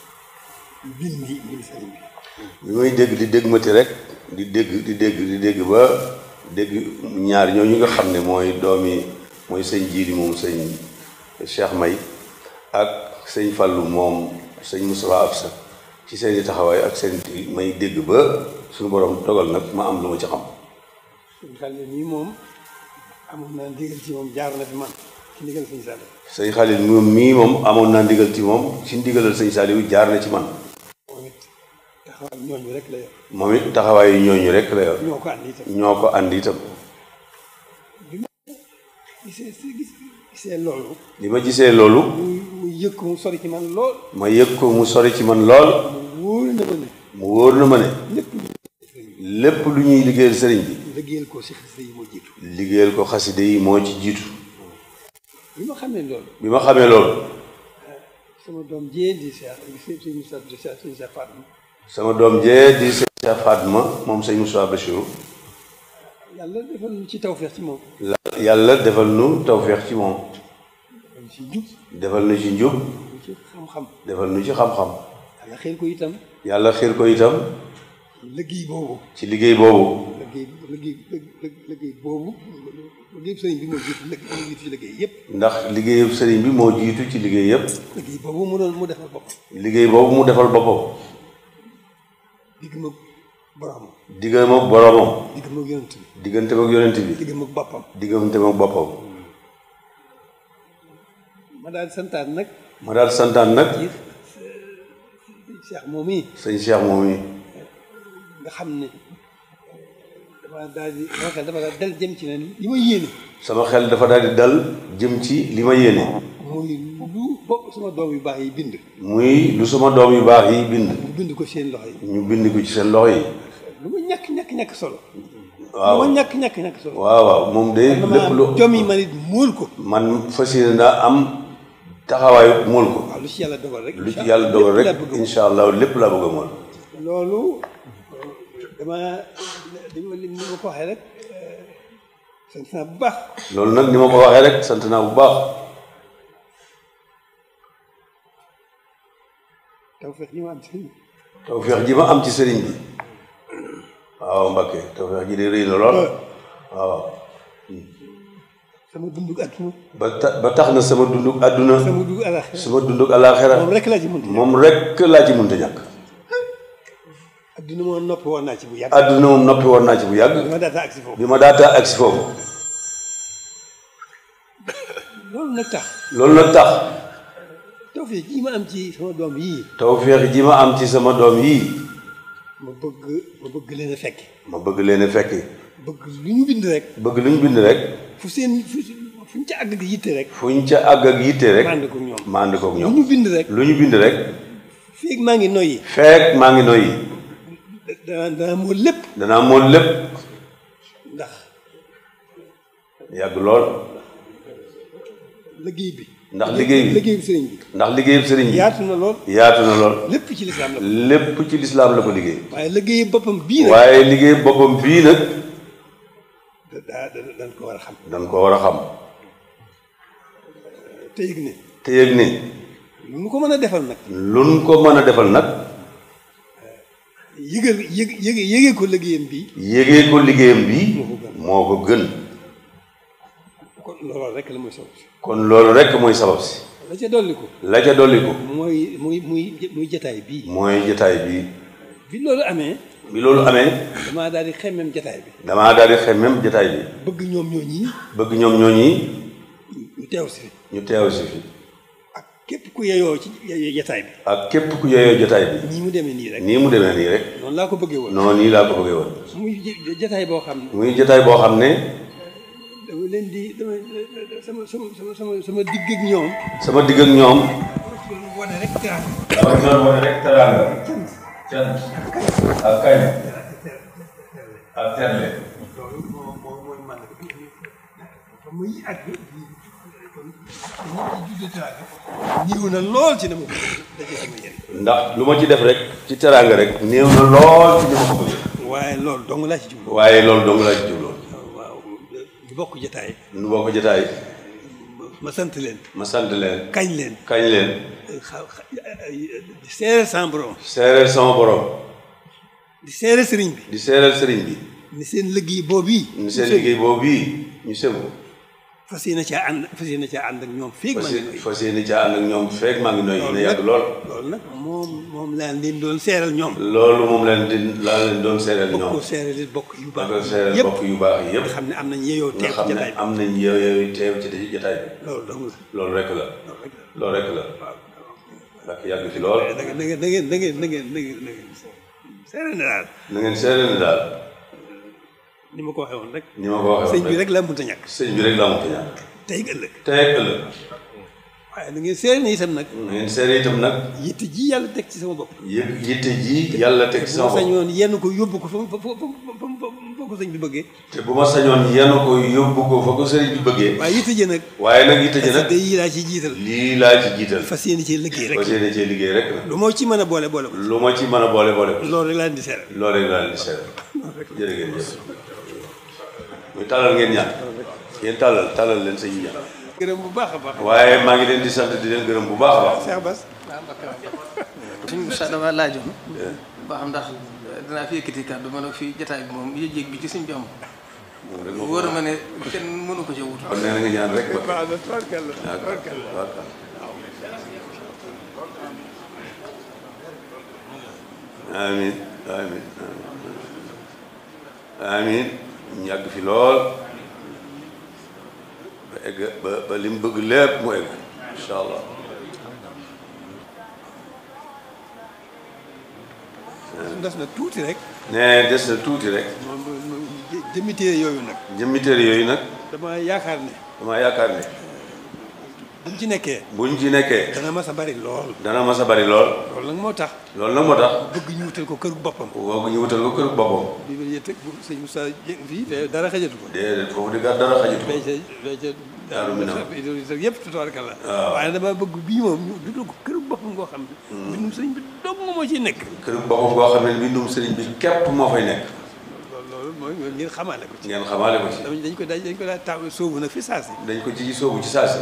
Speaker 2: bi. bi
Speaker 1: may dégg di dégg mati rek di dégg di dégg di dégg ba dégg ñaar ñoo ñooñu nga xam ne mooy doomi mooy sëñ jiiri moom sëñ Cheikh May ak sëñ Fallou moom sëñ Moustapha Absa ci seen i taxawaay ak seen may dégg ba suñu borom dogal nag ma am lu ma ci xam.
Speaker 2: sëñ Khalil mii moom amoon naa ndigal ci moom jaar na fi man ci
Speaker 1: moom mii moom amoon naa ndigal ci moom ci ndigalal sëñ Saliou jaar na ci man.
Speaker 2: moom it taxawaayu
Speaker 1: ñooñu rek la yor. ñoo ko andi itam ñoo ko ma gisee loolu.
Speaker 2: mu yëg mu sori ci man lool.
Speaker 1: ma yëg ko mu sori ci man lool.
Speaker 2: mu wóor na ma ne.
Speaker 1: lépp lu ñuy liggéeyal sëriñ bi. liggéeyal ko si yi moo jiitu. ko xaside yi moo ci jiitu.
Speaker 2: bi ma xamee loolu.
Speaker 1: bi ma xamee loolu.
Speaker 2: doom jéem di seet
Speaker 1: sama dom je di sëñ Cheikh Fatma moom sëñ Moussa Bachirou.
Speaker 2: yalla defal nu ci tawfiq ci mom
Speaker 1: yalla defal nu tawfiq ci mom
Speaker 2: defal nu ci njub. defal na ci njub. ci xam-xam. defal nu ci xam-xam. yalla xiir ko itam.
Speaker 1: yalla xiir ko itam.
Speaker 2: liggéey boobu. ci liggéey boobu. liggéey liggéey liggéey boobu liggéeyub serigne bi moo jiitu ci liggéey yëpp. ndax
Speaker 1: liggéeyub serigne bi mo jitu ci liggéey yëpp.
Speaker 2: liggéey boobu mu doon mu defal bop liggéey boobu mu defal
Speaker 1: boppam.
Speaker 2: diggam ak boromam.
Speaker 1: diggam ak boromam. diggam ak yonent bi. digganteem ak yonent bi. diggam ak boppam. digganteem ak boppam.
Speaker 2: ma daal di santaan nag. ma daal santaan nag. Eh, sëñ Cheikh moom yi.
Speaker 1: sëñ Cheikh moom yi.
Speaker 2: nga xam ne dafa daal di sama xel li ma yéene.
Speaker 1: sama xel dafa daal di dal jëm ci li ma yéene.
Speaker 2: muy lu bopp doom yu baax yi bind. muy lu sama doom yu baax yi bind. bind ko seen loxo
Speaker 1: yi. ñu bind ko ci seen loxo yi.
Speaker 2: lu ma ñàkk ñàkk ñàkk solo. waaw
Speaker 1: waaw moom de lépp lu jom yi man it muul ko. man fas yéene naa am taxawaay muul ko. waaw lu ci yàlla dogal rek. lu ci yàlla dogal allah lépp laa bëgg a muul.
Speaker 2: loolu dama dama li ma ko waxee rek eh, sant bu baax.
Speaker 3: loolu nag ni ma ko waxee rek sant naa bu baax.
Speaker 2: tawfeex ji ma am ci sëriñ bi. ma am ci sëriñ
Speaker 1: bi waaw Mbacke tawfeex ji de rëy na lool waaw.
Speaker 2: sama dundug àdduna.
Speaker 1: ba ba tax na sama dundug adduna sama dundug alaaxira sama moom rek laa ci mënta ñàkk moom
Speaker 2: rek laa moom noppi woon naa ci bu yàgg. noppi woon naa bi ma daataa agsi foofu
Speaker 1: bi ma daataa agsi foofu. loolu nag tax. loolu nag tax.
Speaker 2: tawfeex ji ma am ci sama doom yii.
Speaker 1: tawfeex ji ma am ci sama doom yii.
Speaker 2: ma bëgg ma bëgg leen fekk fekki.
Speaker 1: ma bëgg leen fekk bëgg lu ñu bind rek. bëgg lu ñu bind rek.
Speaker 2: fu seen fu ñu ca àgg ak yitte rek. fu ñu ca àgg ak yitte rek.
Speaker 1: ma ànd koog ñoom lu ñu bind rek. lu ñu bind rek.
Speaker 2: feeg maa ngi noyyi.
Speaker 1: feeg maa ngi noyyi.
Speaker 2: danaa danaa mool lépp.
Speaker 1: danaa mool lépp. ndax. yàgg lool.
Speaker 6: liggéey bi. ndax liggéey bi sëriñ bi ndax liggéeyu sëriñ bi yaatu na lool yaatu na lool lépp ci lislaam la
Speaker 1: ko ci lislaam la liggéey
Speaker 2: waaye liggéeyu boppam bii nag waaye liggéey
Speaker 1: boppam bii nag
Speaker 2: dañ ko war a xam dañ ko war a xam
Speaker 1: te yëg ne te yëg ne
Speaker 2: lu nu ko mën a defal nag lu nu ko
Speaker 1: mën a defal nag
Speaker 2: yëgal yëg yëg yëgee ko liggéeyam bii yëgee ko liggéeyam bii
Speaker 1: moo ko gën kon loolu rek mooy sabab si. la ca dolliku. la ca dolliku.
Speaker 2: mooy muy muy muy jataay bii. mooy jataay bi bi loolu amee. bi loolu amee. damaa daal di xemmem jataay bi.
Speaker 1: damaa daal di xemmem jataay bi. bëgg
Speaker 2: ñoom ñooñi. bëgg ñoom ñooñi. ñu teew si
Speaker 1: fi. ñu teew si fi.
Speaker 2: ak képp ku yeyoo ci jataay bi. ak képp ku yeyoo jataay bi. nii mu demee nii rek. nii mu demee nii rek. noonu laa ko bëggee woon. noonu nii laa ko bëggee woon. boo xam ne. muy jataay boo xam ne. dama leen di dama sama digg ak ñoom.
Speaker 1: sama digg ak ñoom. loolu wane rek teraanga. na lool ci ndax lu ma ci def rek ci teraanga rek néew na lool ci dama ko bëgg. waaye loolu dong laa ci jublu. waaye loolu dong laa ci jublu. di bokk jotaay. nu bokk jotaay. masant leen. ma sant leen. kañ leen. kañ leen.
Speaker 2: di seereel sama borom. seereel sama borom. di seereel sëriñ
Speaker 1: bi. di seereel sëriñ bi.
Speaker 2: ni seen liggéey boobu yi. ni seen liggéey boobu yi ñu sëbu. fas yéene caa ànd fas yéene caa ànd ak ñoom feeg maa ngi noyyi
Speaker 1: ñoom feeg maa na yàgg lool
Speaker 2: loolu nag moom moom laa leen doon seeral ñoom loolu
Speaker 1: moom laa leen doon seeral ñoom bokk seeral bokk yu baax seeral bokk yu baax yëpp nga xam ne am nañ yeeyoo teew ci jotaay bi am nañ yeeyoo teew ci jotaay la loolu rek la loolu rek la waaw ndax yàgg fi lool eh, ngeen da na ngeen seeral ne daal
Speaker 2: ni ma ko waxee woon rek. ni ma ko waxee rek sëñ bi rek laa mënta ñàkk. sëñ bi rek laa mënta ñàkk. tey ak ëllëg. tey ak ëllëg. ni itam nag. na ngeen seere nag. yitte ji yàlla teg ci sama bopp. yitte ji yàlla teg ci sama bopp. te bu ma sañoon yenn ko yóbbu ko fa fa fa ko sëñ bi bëggee. te bu ma sañoon yenn ko yóbbu ko
Speaker 1: fa ko sëñ bi bëggee. waaye yitte ji nag. waaye nag yitte ji nag. lii laa ci jiital. lii laa ci jiital. fas yéene cee liggéey rek. fas yéene cee ci mën a boole boole ci mën a boole laa leen di muy tàllal ngeen ñaan yéen tàllal tàllal leen sañu ñaan gërëm bu baax a baax waaye maa ngi leen di sant di leen gërëm bu baax a baax Cheikh
Speaker 2: Bass suñu
Speaker 4: Moussa dama laajoon
Speaker 1: eh?
Speaker 2: ba xam ndax danaa fi yëkkati kàddu ma ne fi jataay bi moom yëg-yëg bi ci suñ bi am wóor ma ne kenn mënu ko ci wut kon
Speaker 1: nee na ñu yàgg fi lool ba egg ba ba li bëgg lépp mu egg incha allah des na tuuti rek nee des na tuuti rek
Speaker 2: jëmmi yooyu nag jëmmi yooyu nag dama yaakaar ne
Speaker 1: dama yaakaar ne
Speaker 2: buñ ci nekkee. buñ ci nekkee. dana mas a bari lool. dana ma a bari lool. loolu nag moo tax. loolu nag moo tax. bëgg ñu wutal ko kër boppam. waaw ñu wutal ko kër boppam. bii ba yéeg teg bu sëñ Moussa Dieng fii dara xajatu ko. déedéet di gàtt dara xajatu ko. béykat béykat. daal mi naan yëpp waaye dama bëgg bii moom ñu wutal ko kër boppam goo xam ne. mbindum bi dong moo ciy nekk.
Speaker 1: kër boppam goo xam ne mbindum sëriñ bi képp moo fay nekk.
Speaker 2: loolu mooy ngeen xamaale ko ci. ngeen xamaale ko ci. dañ ko dañ ko daal sóobu nag fi saasi. dañ ko ci sóobu ci saasi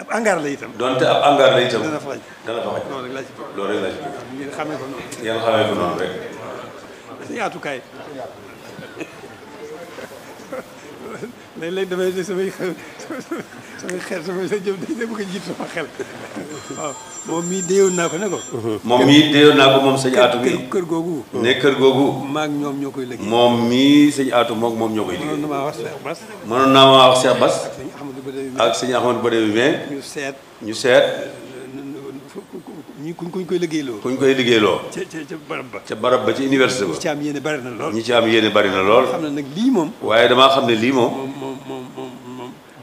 Speaker 2: ab angaar la itam. donte ab angaar la itam. dana fa xaj dana fa xaj loolu rek laa ci bëgg. loolu rek laa ci bëgg. ngeen xamee ko noonu. ngeen xamee ko noonu rek.
Speaker 3: suñu yaatukaay. Nee, léeg léeg damay ne
Speaker 2: samay xel samay xel samay sa jëm dañ bëgg a jiit sama xel waaw moom mii déyoon naa ko ne ko
Speaker 1: moom mii déyoon naa ko moom sëñ aatu bi kër googu ne kër googu maa ngi ñoom ñoo koy liggéey moom mii sëñ aatu moom moom ñoo koy liggéey mënoon na maa wax Cheikh Bass mënoon naa maa wax Cheikh Bass ak sëñ Ahmadou Badé bi ak sëñ Ahmadou Badé bi ñu seet ñu seet ñi kuñ kuñ koy liggéeyloo. kuñ koy liggéeyloo. ca ca barab ba. ca barab ba ci université am
Speaker 2: yéene bari na lool. ñi ci am yéene bari na lool. xam ne nag lii moom. waaye damaa xam ne lii moom. moom moom moom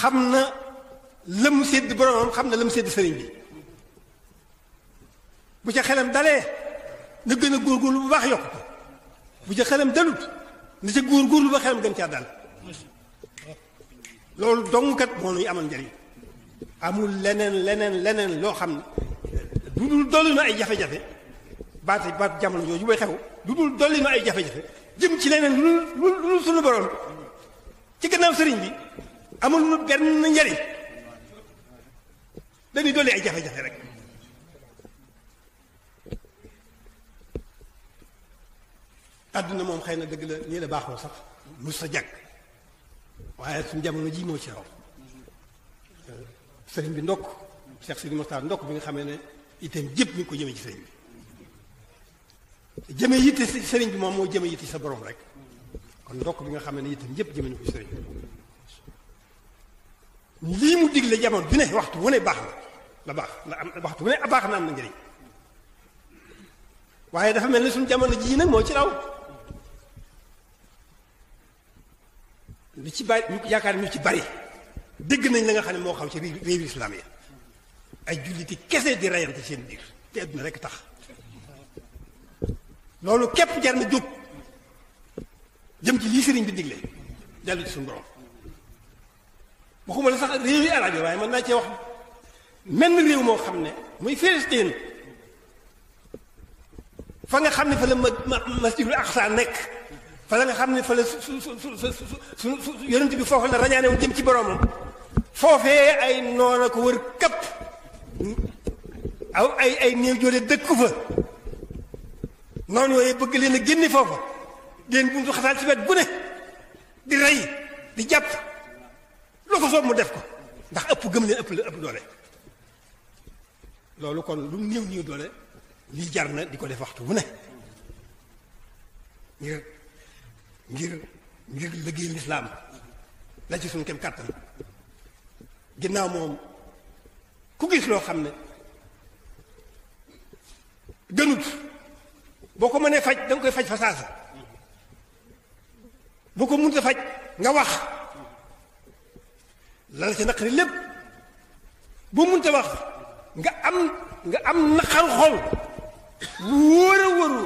Speaker 2: xam na lëm sédd boromam xam na lëm sédd sëriñ bi bu ca xelam dalee na gën a góorgóorlu bu baax yokk ko bu ca xelam dalut na ca góorgóorlu ba xelam gën caa dal loolu dongkat moo nuy amal njëriñ amul leneen leneen leneen loo xam ne du dul dolli na ay jafe-jafe baati baat jamono jooju bay xew du dul dolli na ay jafe-jafe jëm ci leneen lu lu sunu borom ci gannaaw sëriñ bi amul nu na njariñ dañuy dolli ay jafe-jafe rek àdduna moom xëy na dëgg la nii la baaxoo sax mu sa jàkk waaye suñu jamono ji moo ci raw sëriñ bi ndokk Cheikh Sidi Moustapha ndokk bi nga xamee ne itam jëpp mi ko jëmee ci sëriñ bi jëmee yitte sëriñ bi moom moo jëme yitte sa borom rek kon ndokk bi nga xamee ne itam jëpp jëmee ni ko ci sëriñ lii mu digle jamono bi ne waxtu wu ne baax na la baax la am waxtu wu ne baax na am na njëriñ waaye dafa mel ni suñu jamono jii nag moo ci raw li ci bari ñu yaakaar ñu ci bari dégg nañ la nga xam ne moo xaw ci réew islam yi ay julliti kese di rayante seen biir te adduna rek tax loolu képp jar na jóg jëm ci lii sëriñ bi digle dellu ci suñu borom waxuma la sax réew yi arab yi waaye mën naa cee wax menn réew moo xam ne muy Filistin fa nga xam ne fa la masjidul aqsa nekk fa la nga xam ne fa la su su su su su su yonent bi foofu la rañaane wu jëm ci boroomam foofee ay noona ko wër këpp aw ay ay néew jóole dëkku fa noonu yooyu bëgg leen a génne foofa leen buntu xasaal ci wet bu ne di rey di jàpp loo ko soob mu def ko ndax ëpp gëm leen ëpp la ëpp doole loolu kon lu néew néew doole lii jar na di ko def waxtu wu ne ngir ngir ngir liggéey lislaam la ci suñu kem kàttan ginnaaw moom ku gis loo xam ne gënut boo ko mënee faj da koy faj fa saasa boo ko mënut faj nga wax la la ca naqari lépp bu munta wax nga am nga am naqaru xol mu wóor a wóoru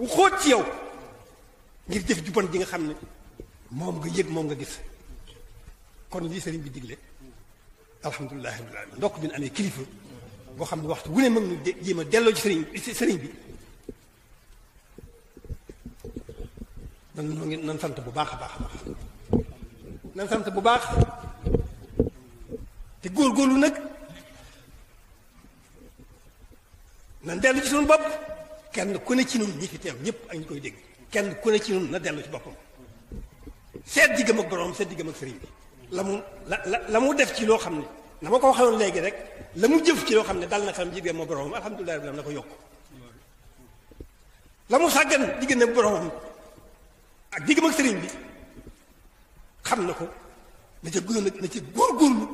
Speaker 2: wu xóot ci yow ngir jëf ju bon ji nga xam ne moom nga yëg moom nga gis kon lii sëriñ bi digle alhamdulilah rabbil alamin ndokk bi ñu amee kilifa boo xam ne waxtu wu ne mën nu jéem a delloo ci sëriñ sëriñ bi nan noo ngi nan sant bu baax a baax a baax nan sant bu baax te góor góorlu nag nan dellu ci suñu bopp kenn ku ne ci ñun ñi fi teew ñëpp ak ñi koy dégg kenn ku ne ci ñun na dellu ci boppam seet diggam ak boroom seet diggam ak sëriñ bi la mu la la la mu def ci loo xam ne na ma ko waxee léegi rek la mu jëf ci loo xam ne dal na xam jigéen ma boroom alhamdulilah rabbil na ko yokk la mu sàggan diggante boroom ak diggam ak sëriñ bi xam na ko na ca góor na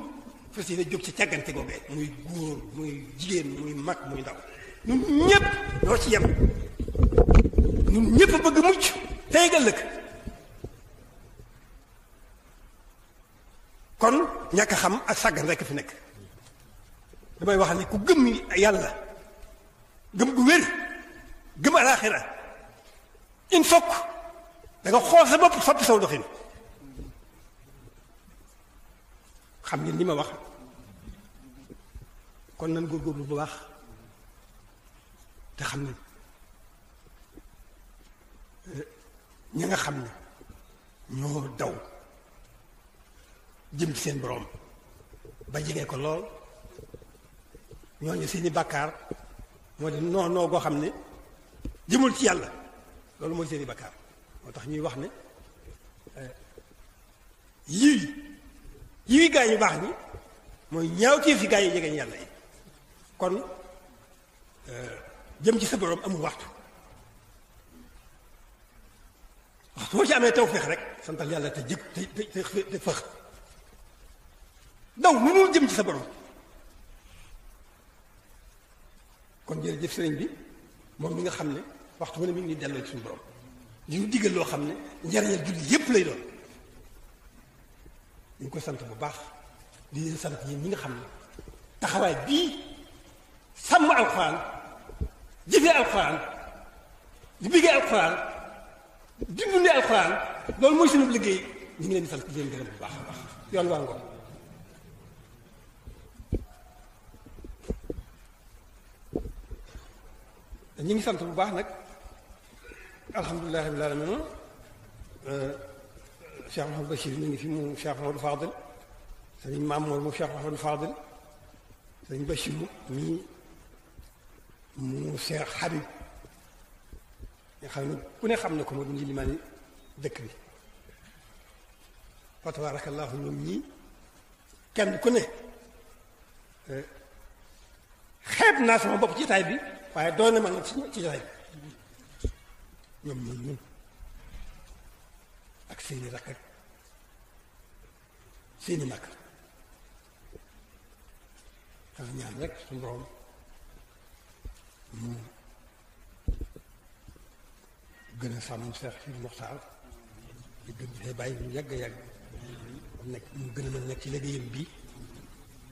Speaker 2: fas yéene jóg ci càggante googee muy góor muy jigéen muy mag muy ndaw ñun ñëpp ñoo ci yem ñun ñëpp bëgg mucc tey ëllëg kon ñàkk a xam ak sàggan rekk fi nekk damay wax ni ku gëm yàlla gëm gu wér gëm alaaxira il faut da xool sa bopp soppi saw doxin xam ngeen li ma wax kon nan góorgóorlu bu baax te xam ne eh, ña nga xam ne ñoo daw jëm ci seen boroom ba jege ko lool ñooñu seeni bàkkaar moo di noo noo goo xam ne jëmul ci yàlla loolu mooy seeni bàkkaar moo tax ñuy wax ne eh, yii yiwi gaa yu baax ñi mooy ñaawtee fi gaa yi jege yàlla yi kon jëm ci sa borom amul waxtu waxtu boo ci amee tawféex rek santal yàlla te jëg te te te fëx daw lu dul jëm ci sa borom kon jërëjëf sëriñ bi moom mi nga xam ne waxtu bu ne mi ngi delloo ci suñu borom li ñu digal loo xam ne njariñal julli yépp lay doon ñu ko sant bu baax di leen sant ñi ñi nga xam ne taxawaay bii sàmm alxuraan jëfee alxuraan di biggee alxuraan di dundee alxuraan loolu mooy suñu liggéey ñu ngi leen di sant di leen gërëm bu baax a baax yoon waa ngoon ñi ngi sant bu baax nag alhamdulilah rabbil alamin الشيخ محمد بشير مني في مشافة الفاضل ثاني مامور مشافة الفاضل ثاني بشير مي موسى حبيب يا خامن كنا خامن كم من لي ماني ذكري فتبارك الله مني كان كنا أه، خيب ناس ما بقى تجاي بي فهذا دون ما نفسي تجاي نعم نعم نعم ak seeni rakk ak seeni mag dana ñaan rek suñu borom mu gën a sàmm Seex Sidi Muxtaar di gën di bàyyi lu yàgg yàgg nekk mu gën a mën nekk ci liggéeyam bi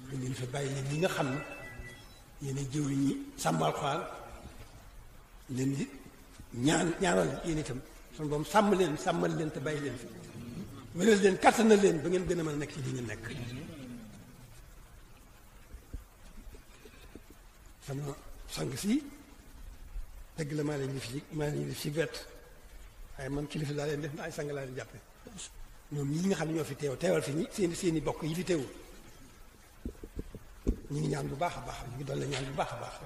Speaker 2: te ngeen fa bàyyi leen ñi nga xam ne yenn a jëw yi ñi sàmmal xaal leen di ñaan ñaanal yéen itam suñu boom sàmm leen sàmmal leen te bàyyi leen fi wéral leen kàttanal leen ba ngeen gën a mën a nekk ci li ngeen nekk sama sang si dëgg la maa leen def ci maa leen def ci wet waaye man kilifa laa leen def na ay sang laa leen jàppe ñoom ñii nga xam ne ñoo fi teew teewal fi ñi seen seen i bokk yi fi teewul ñu ngi ñaan bu baax a baax ñu ngi doon la ñaan bu baax a baax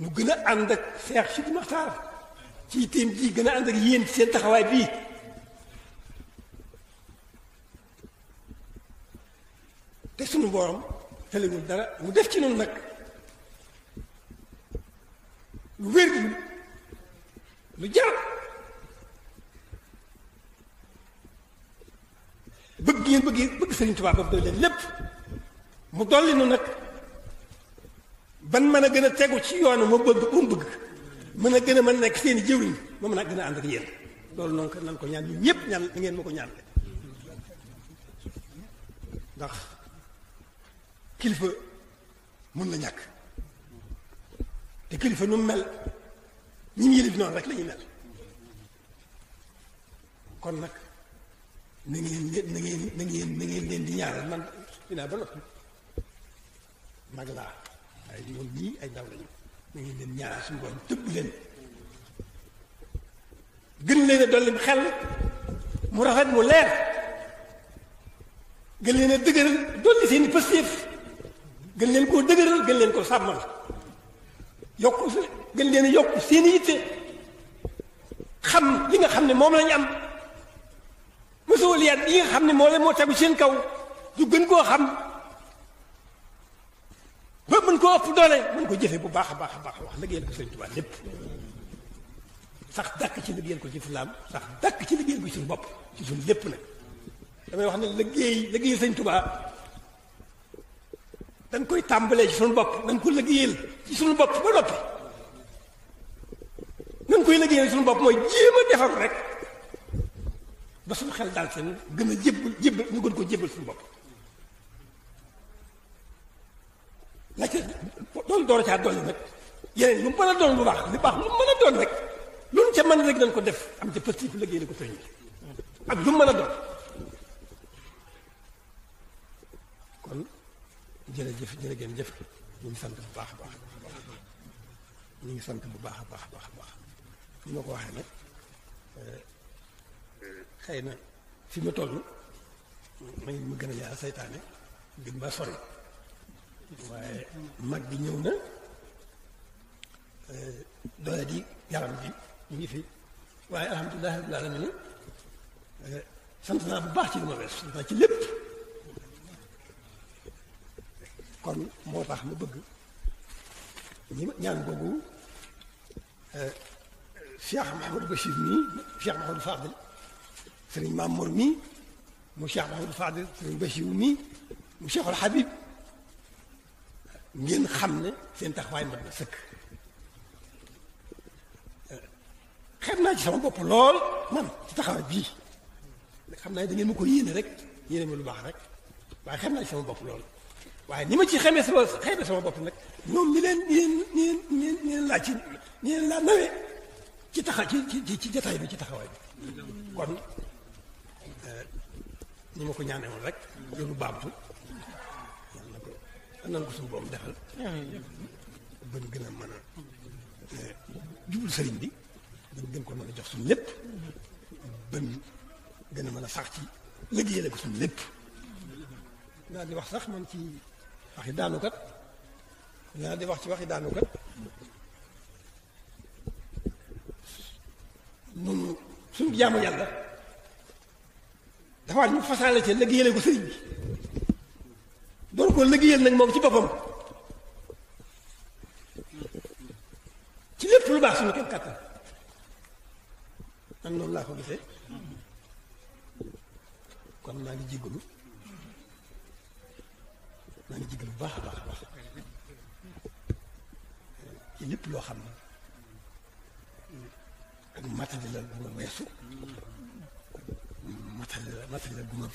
Speaker 2: ñu gën a ànd ak Seex Sidi Maxtaar تي تيم دي قنا عندك يين تسين تخوابي تسنو بورم تلي قول درا ودف كينو نك
Speaker 5: ويرد نجاب بقين بقين بق سرين
Speaker 2: تباب بدولة لب مضالي نك بن ما نقدر تقول شيء أنا مو بقول بقول mën a gën a mën nekk seen i jëwriñ ma mën a gën a ànd ak yéen loolu noonu nan ko ñaan ñun ñëpp ñaan na ngeen ma ko ñaan ndax kilifa mun la ñàkk te kilifa nu mel ñi mu yëlif noonu rek la mel kon nag na ngeen na ngeen na ngeen na ngeen leen di ñaaral man dinaa ba noppi mag laa ay moom ñii ay ndaw lañu na ngeen leen ñaanal sum borom tëbb leen gën leen a dolli xel mu rafet mu leer gën leen a dolli seen i pëstéef gën leen koo dëgëral gën leen koo sàmmal yokk gën leen a yokk yitte xam li nga xam ne moom lañ am masuuliyaat yi nga xam ne moo leen moo tegu seen kaw du gën koo xam ba mën koo ëpp doole mën ko jëfe bu baax a baax a baax wax liggéeyal ko sëriñ Tuubaa lépp sax dàkk ci liggéeyal ko ci islaam sax dàkk ci liggéeyal ko ci bopp ci suñu lépp nag damay wax ne liggéey liggéeyal sañ tubaa dañ koy tàmbalee ci suñu bopp dañ ko liggéeyal ci suñu bopp ba koy liggéeyal suñu bopp mooy jéem a defaru rek ba suñu xel daal seen gën a jébbal jébbal ñu gën ko jébbal suñu bopp la ca doon door caa dolli nag yeneen lu mën a doon bu baax lu baax lu mën a doon rek loolu ca mën rek dañ ko def am ca pëstif liggéey la ko sëriñ bi
Speaker 3: ak lu mën a doon
Speaker 2: kon jërëjëf jërë ngeen jëf ñu ngi sant bu baax a baax ñu ngi sant bu baax a baax a baax a baax ko waxee nag eh, xëy na fi ma toll ma ma gën a yàlla saytaane gën maa sori waaye mag bi ñëw na doole di yaram bi ñu ngi fi waaye alhamdulilah rabbil alamin sant naa bu baax ci li ma wees sant naa ci lépp kon moo tax ma bëgg ñi ñaan googu Cheikh Mahamadou Bachir mii Cheikh Mahamadou Fadil sëriñ Mamour mii mu Cheikh Mahamadou Fadil sëriñ Bachir mii mu Cheikhul Habib ngeen xam ne seen taxawaay mat na sëkk xeeb naa ci sama bopp lool man ci taxawaay bii xam naa da ngeen ma ko yéene rek yéene ma lu baax rek waaye xeeb naa ci sama bopp lool waaye ni ma ci xamee sama xeebee sama bopp nag ñoom ñi leen ñi leen ñi leen laa ci ñi leen laa nawee ci taxa ci ci jataay bi ci taxawaay bi kon euh, ni ma ko ñaanee woon rek loolu baamtu nan ko suñu borom defal bañ gën a mën a jublu sëriñ bi bañ gën ko mën a jox suñu lépp bañ gën a mën a sax ci liggéeyale ko suñu lépp daal di wax sax man ci waxi daanukat daal di wax ci waxi daanukat nun suñu jaamu yàlla dafa ñu fasaale ca liggéeyale ko sëriñ bi doon ko liggéeyal nag moom ci boppam ci lépp lu baax suñu kenn kàttan man noonu laa ko gisee kon maa ngi jéggalu maa ngi jéggalu bu baax a baax baax ci lépp loo xam ne ak matali la bu ma weesu matali la matali la bu ma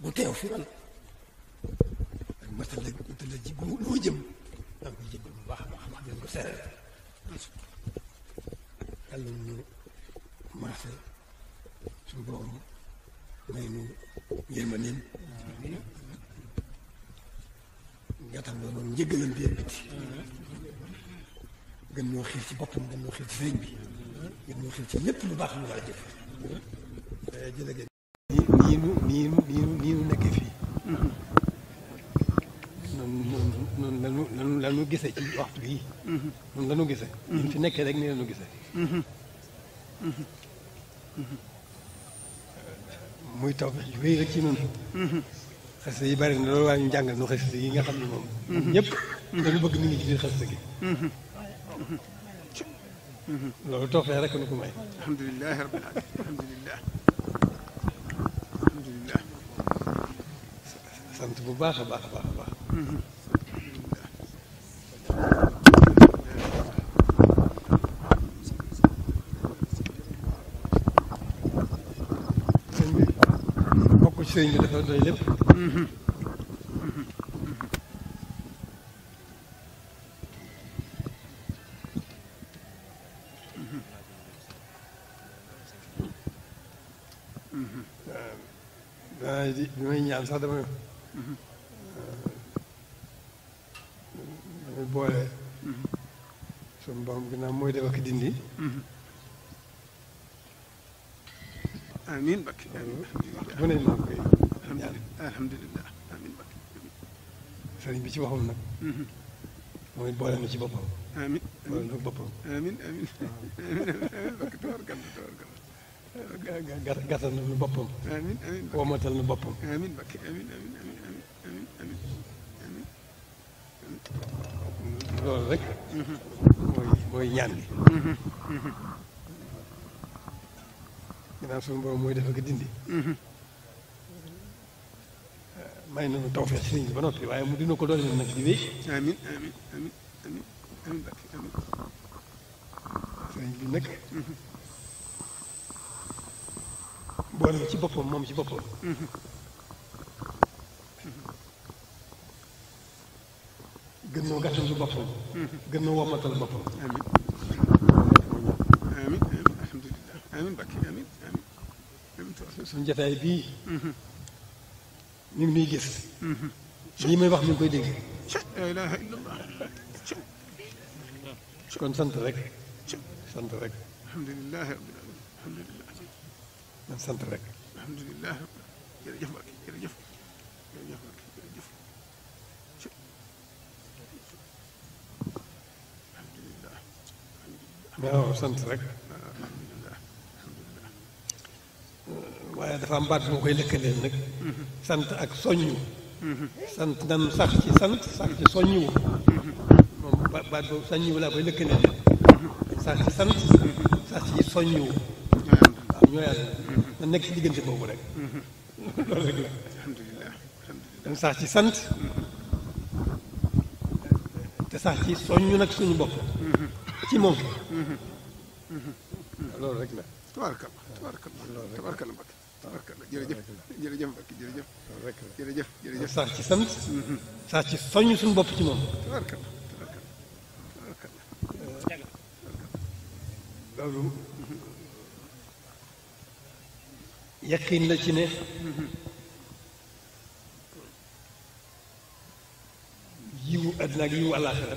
Speaker 2: bu teew fi man matal la matal la ji loo jëm da nga koy jëm bu baax a baax wax dëgg ko seetal yàlla ñu marché suñu borom may nu yërmandeem gàttal loolu noonu njëggalan bi bitti gën ñoo xiir ci boppam gën ñoo xiir ci sëriñ bi gën ñoo xiir ci lépp lu baax lu war a jëf jërëjëf nii nii nu nii nu nii nu nekkee fii noonu noonu noonu lanu lanu gisee ci waxtu bii. Mm-hmm. noonu lanu gisee. Mm-hmm. ñu fi nekkee rek ni lanu gisee. muy taw bi wéy rek ci noonu. Mm-hmm. xasida yi bari na loolu waaye ñu jàngal nu xasida yi nga xam ne moom. ñëpp dañu bëgg mi ngi ci biir xasida loolu tawfeex rek nu ko may. alhamdulilah rabbil sant bu baax a baax baax baax. sëñ bi dafa doy lépp bi may ñaan sax dama boole suñu borom ginnaaw mooy def ak dindi
Speaker 4: amin bakki amin bu ne maa koy alhamdulilah amin bakki sëriñ bi ci waxam nag mooy boole na ci boppam amin boole na boppam amin amin amin amin bakki tawarkal
Speaker 3: tawarkal
Speaker 2: gàttal na nu boppam amin amin womatal na boppam amin bakki amin amin amin loolu rek. Mhm. mooy mooy ñaan gi.
Speaker 3: ginnaaw mhm. mhm. suñu borom mooy def ak dindi. Eh,
Speaker 2: may nañu tawfeex sëriñ bi ba noppi waaye mu dina ko doon nag di wéy. amiin amiin amiin amiin
Speaker 4: amiin amiin.
Speaker 2: sëriñ bi nag. boole ci boppam moom ci boppam. gën noo gàttal lu boppam.
Speaker 4: gën noo womatal boppam. amiin amiin alhamdulilah amiin bakki amiin amiin. suñu jotaay bii.
Speaker 2: ñu ngi nuy gis. lii may wax mi ngi koy dégg.
Speaker 4: la ilaha illallah.
Speaker 2: kon sant rek. sant rek.
Speaker 4: alhamdulilah alhamdulilah. sant rek. alhamdulilah jërëjëf Mbacke.
Speaker 2: waaw sant rek waaye dafa am baat bu koy lëkkaleen nag sant ak soññu mhm. sant nan sax ci sant sax ci soññu moom baat boobu soññu laa ci sant sax ci waaw ñoo yàlla na nekk ci diggante boobu rek loolu sax ci sant te sax ci soññu nag suñu bopp ci moom. loolu rek
Speaker 4: la. tabaarkalla tabaarkalla tabaarkalla Mbacke tabaarkalla jërëjëf jërëjëf Mbacke jërëjëf. loolu rek la jërëjëf jërëjëf. saa ci sant. Mhm. saa ci soññ suñu bopp ci moom. tabaarkalla tabaarkalla tabaarkalla. Euh,
Speaker 2: loolu. Mhm. yaqin la ci ne. Mhm. yiwu àddina ak yiwu àllaaxira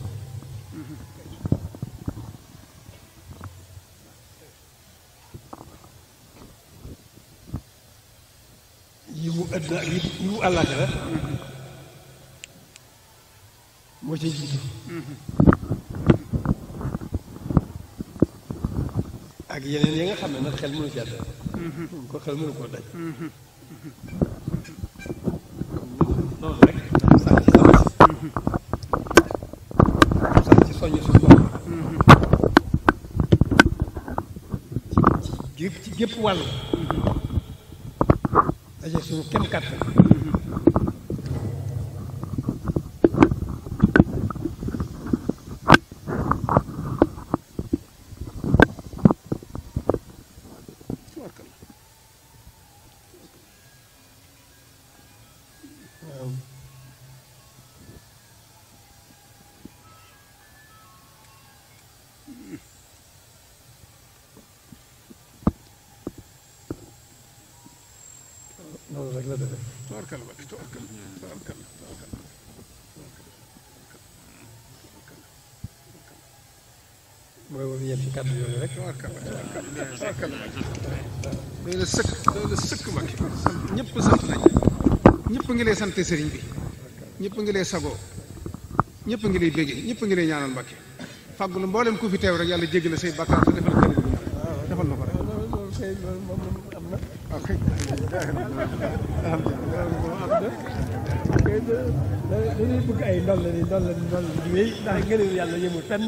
Speaker 2: yiwu àdduna ak yiwu àllaaxira moo ci jiitu
Speaker 3: ak yeneen yi nga xam ne nag xel mënu jàdd ko xel mënu koo daj noonu rek dafa sax ci sax sax ci soññ suñu
Speaker 2: bopp ci ci gépp wàll fazer quero um café. yem ci kàddu yooyu rek.
Speaker 4: doy na sëkk doy na sëkk mag ñëpp sant nañ ñëpp ngi lay sant sëriñ bi ñëpp ngi lay sagoo ñëpp ngi lay béggee ñëpp ngi lay ñaanal Mbàkke fàggul mboolem ku fi teew rek yàlla jéggi la say bàkkaar te defal kenn defal na ko rek.
Speaker 2: dañuy bëgg ay ndol la ni ndol la ni ndol la di wéy ndax ngëneel yàlla yëmul fenn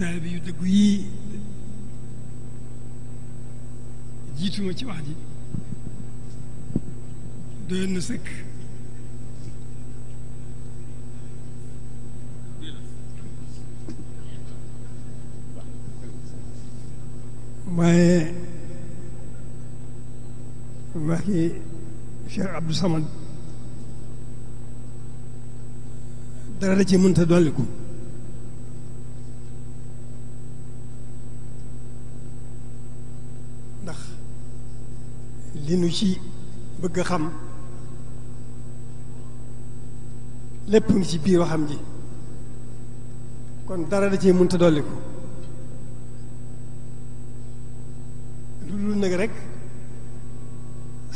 Speaker 2: taalibe yu dëggu yii jiituma ci wax ji doyoon na sëkk waaye waxi Cheikh Abdou Samad dara da ci mënta dolliku ñu ci bëgg xam lépp ngi ci biir waxam ji kon dara da cee mënta dolli ko lu dul nag rek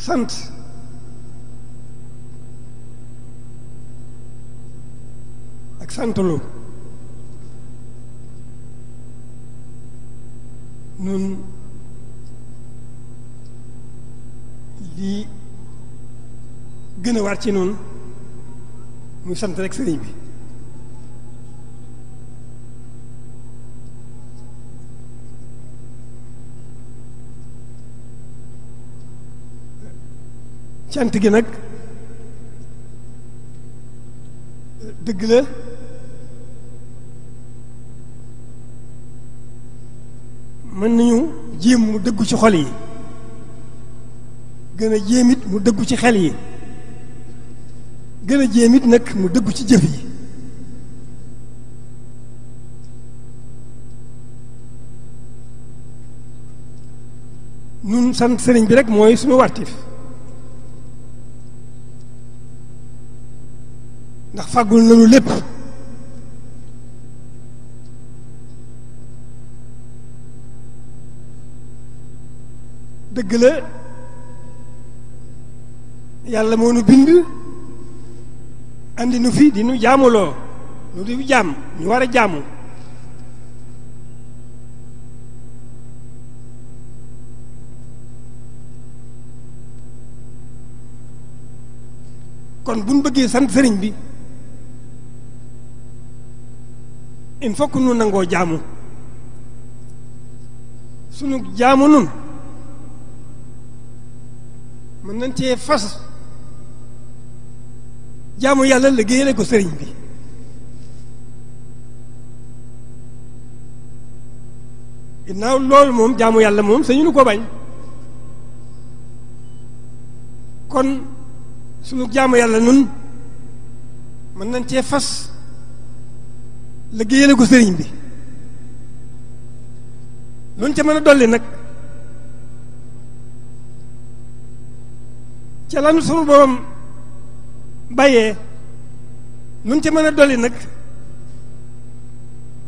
Speaker 2: sant ak santalu nun di gën a ci noonu muy sant rekk sëriñ bi cant gi nag dëgg la mën nañu jéem mu dëggu ci xol yi gëna jëmit mu dëgg ci xel yi gëna jëmit nak mu dëgg ci jëf yi nun sant sëriñ bi rek mooy suñu wartif
Speaker 5: ndax fàggul nañu lépp yàlla moo nu bind
Speaker 2: andi nu fi di jaamuloo nu di jaam ñu war a jaamu kon bu bëggee sant sëriñ bi il faut que nu nangoo jaamu sunu jaamu nun mën nañ cee fas jaamu yàlla liggéeyale ko sëriñ bi ginnaaw loolu moom jaamu yàlla moom sañu nu ko bañ kon sunu jaamu yàlla nun mën nañ cee fas liggéeyale ko sëriñ bi luñ ca mën a dolli nag ca lanu sunu borom bayee nun ci mën a dolli nag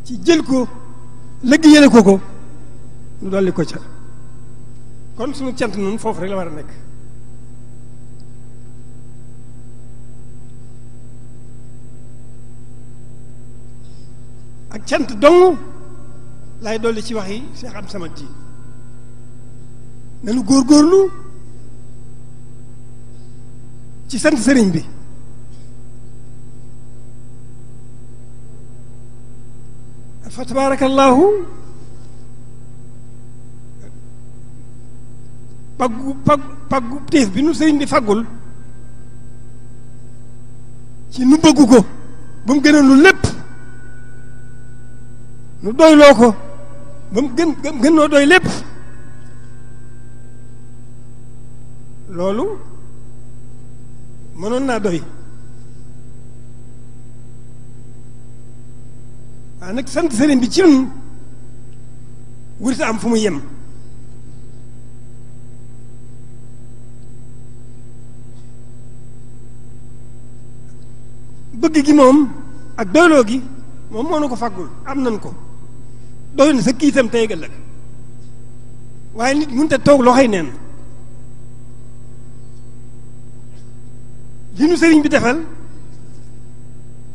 Speaker 2: ci jël ko liggéeyale ko ko nu dolli ko ca kon suñu cant nun foofu rek la war a nekk ak cant dong laay dolli ci wax yi Cheikh am sama ji góor góorlu ci sant sëriñ bi fa tabaarakallaahu paggu paggu paggu téef bi nu sëriñ bi faggul ci nu bëggu ko ba mu gënal lu lépp
Speaker 5: nu doyloo ko ba mu gën gën noo doy lépp loolu mënoon naa doy
Speaker 2: waaw nag sant sëriñ bi ci nun wër am fu mu yem
Speaker 5: bëgg gi moom ak doyloo gi moom moo na
Speaker 2: ko faggul am nan ko doy na sa tey ëllëg waaye nit mënut a toog loxoy neen li nu sëriñ bi defal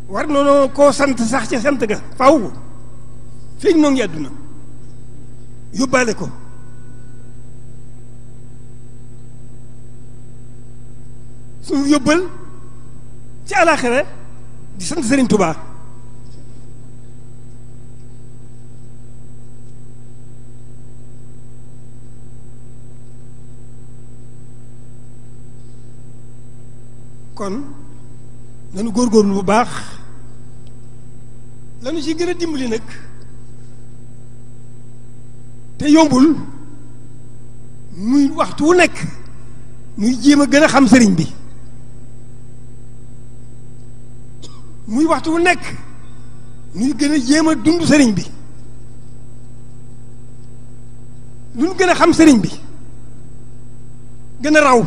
Speaker 2: war noonu koo sant sax ca sant ga faw feeñ moo ngi àdduna yóbbaale ko suñu yóbbal ci àllaaxira di sant Sëriñ Tubaa kon nañu góorgóorlu bu baax lañu ci gën a dimbali nag te yombul muy waxtu wu nekk muy jéem a gën a xam sëriñ bi muy waxtu wu nekk muy gën a jéem a dund sëriñ bi lu gën a xam sëriñ bi gën a raw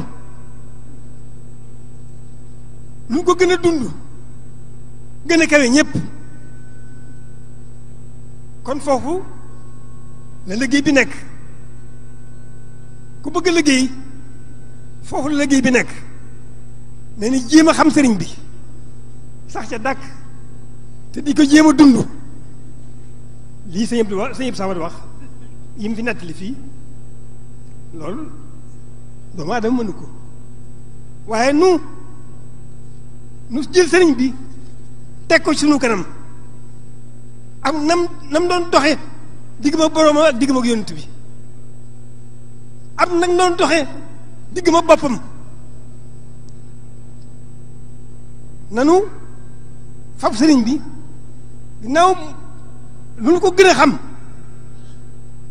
Speaker 2: lu ñu ko gën a dund gën a kawe ñépp kon foofu la liggéey bi nekk ku bëgg liggéey foofu la liggéey bi nekk na ni jéem a xam sëriñ bi sax ca dàkk te di ko jéem a dund lii sëñ Abdou wax sëñ Abdou Samad wax yi mu fi nettali fii loolu doomu aadama mënu ko waaye nu nu jël sëriñ bi teg ko sunu kanam ak nam nam doon doxe digg ma boroomam ak digg ma yonent bi ak nag doon doxe digg ma boppam nanu fab sëriñ bi ginnaaw lu ko gën xam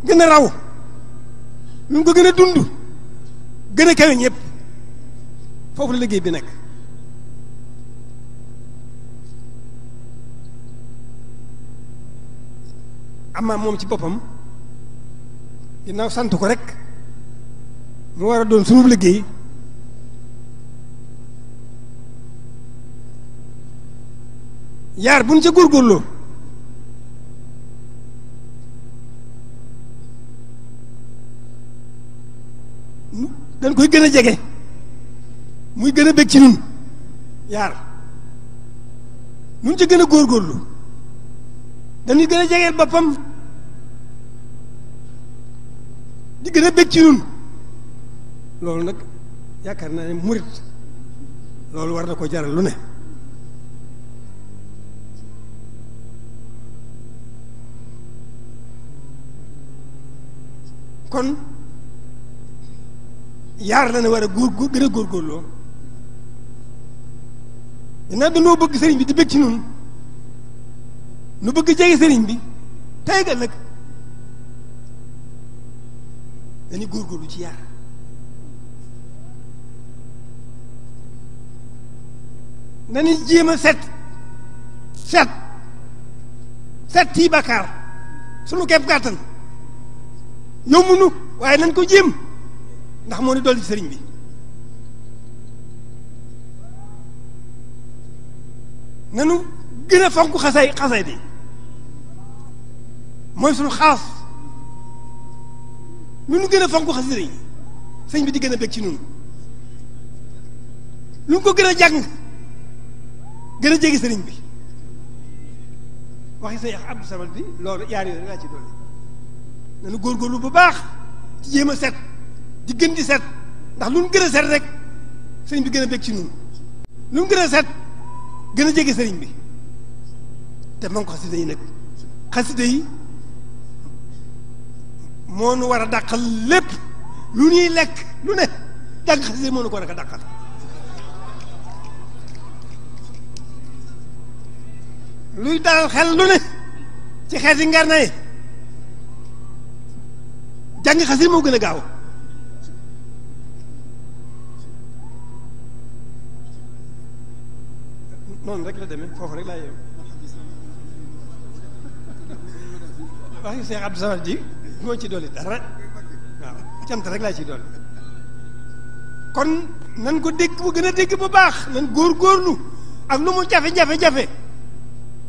Speaker 2: gën raw lu ko gën a dund gën a kawe ñëpp la liggéey bi amaa moom ci boppam ginnaaw sant ko rek
Speaker 5: mu war a doon sunu liggéey yaar buñ ca góorgóorloo
Speaker 2: dañ koy gën a jege muy gën a ci nun yaar nun ca gën a góorgóorlu dañuy gën a jegeel bappam di gën a bëgg ci loolu nag yaakaar naa ne murit loolu war na ko jaral lu ne kon yaar la ne war a góor góor gën a góorgóorloo dinaa dañoo bi di bëgg ci ñun nu bëgg jege sëriñ bi teygal nag dañu góorgóorlu ci yar
Speaker 5: dañu jéem a set set set ci bàkkaar sunu kepp kàttan yomb waaye nañ
Speaker 2: ko jéem ndax moo ni ci sëriñ bi nanu gën a fonk xasay xasay di moy suñu xaas lu ñu gën a fonk xasida sëñ bi di gëna a ci ñun lu ko gëna a jàng gën a jege bi waxi sey Abdou Samad bi loolu yaar yooyu la ci dolli nañu góorgóorlu bu baax ci yema set di gën di set ndax lu ñu gëna set rek señ bi gëna a ci ñun lu ñu gëna set gëna a señ bi te man ko xasida yi nag xasida yi مون ورا داقل لب لوني لك لوني داك خزي مون ورا داقل لوي داقل خل لوني تي خزي نغرناي جانج خزي مو غنا غاو نون رك لا دمي فوف رك لا يم واخي سي عبد duma ci dolli dara rek laa ci dolli kon nan ko dégg bu gën a dégg bu baax nan góor góorlu ak lu jafe-jafe-jafe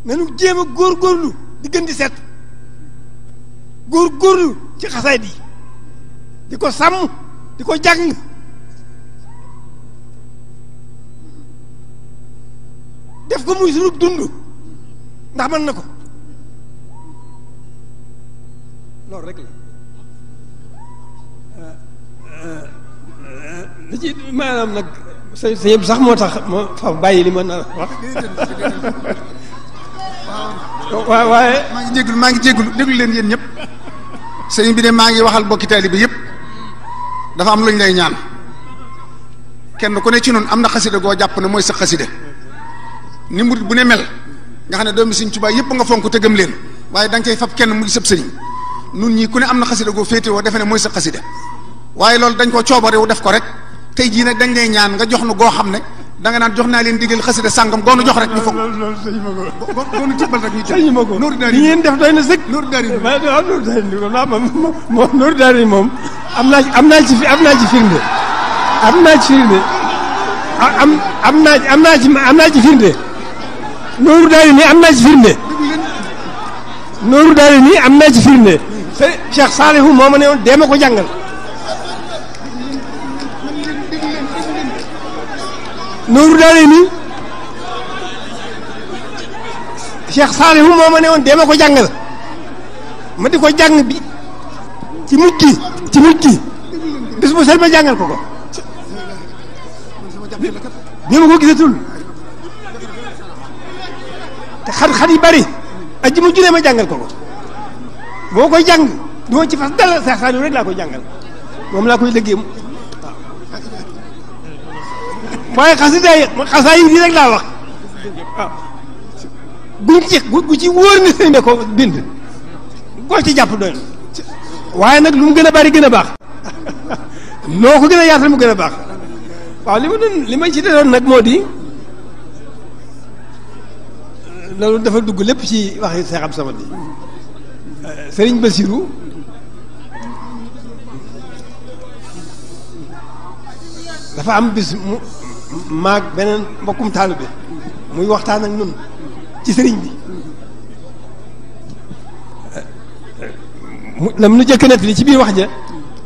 Speaker 2: nanu jéem a góor góorlu di di set góor góorlu ci xasaayid yi di
Speaker 5: ko sàmm di ko jàng def ko muy sunub dund ndax mën na ko
Speaker 2: loolu rek la li ci maanaam nag sa sa yëpp sax moo tax
Speaker 6: ma fa bàyyi li ma nar wax waaye maa ngi jégalu maa ngi jégalu déglu leen yéen ñëpp bi ne maa ngi waxal bokki taalibe yëpp dafa am lu ñu ñaan kenn ku ne ci noonu am na xasida goo jàpp ne mooy sa xasida ni murit bu ne mel nga xam ne doomi Sëriñ Tuubaa yëpp nga fonk te gëm leen waaye da nga fab kenn mu ngi sëb nun ñii ku ne am na xasida goo féete woo defe ne mooy sa xasida waaye loolu dañ ko coobarewu def ko rek tey jii nag dañ lay ñaan nga jox nu goo xam ne danga naan jox naa leen digal xasida sàngam goonu jox rek ñu foog goonu tibbal rek ñu sëñ ma ko nooru daari li ngeen def doy na sëkk nooru daari daari moom am
Speaker 2: naa am naa ci am naa ci firnde am naa ci firnde am am naa am naa am naa ci firnde nooru daari nii am naa ci firnde
Speaker 5: nooru daari nii am naa ci firnde sëriñ Cheikh Saalihu moo ma ne ma ko jàngal nooru daane ni Cheikh Saalihu moo ma ne
Speaker 2: ko jàngal ma di ko jàng bi ci mujj ci mujj gi
Speaker 5: bis bu sel ma jàngal ko ko bi ma ko gisatul te xat xat yi bari aji mujj ne
Speaker 2: ma jàngal ko ko boo koy jàng du ma ci fas dal Seex Saaliw rek laa koy jàngal moom laa koy liggéey waaw waaye xasida yi xasaa rek laa wax waaw buñ ci bu ci wóor ni sëñ bi ko bind koo ci jàpp doy waaye nag lu gën a bari gën a baax noo ko gën a yaatal mu gën a baax waaw li ma doon li ma ci doon nag moo di loolu dafa dugg lépp ci waxi Seex Abdu Samad
Speaker 3: sëriñ Basirou
Speaker 2: dafa am bis mu maag beneen mbokkum taalibe muy waxtaan ak ñun ci sëriñ bi mu lam nu jëkk nett li ci biir wax ja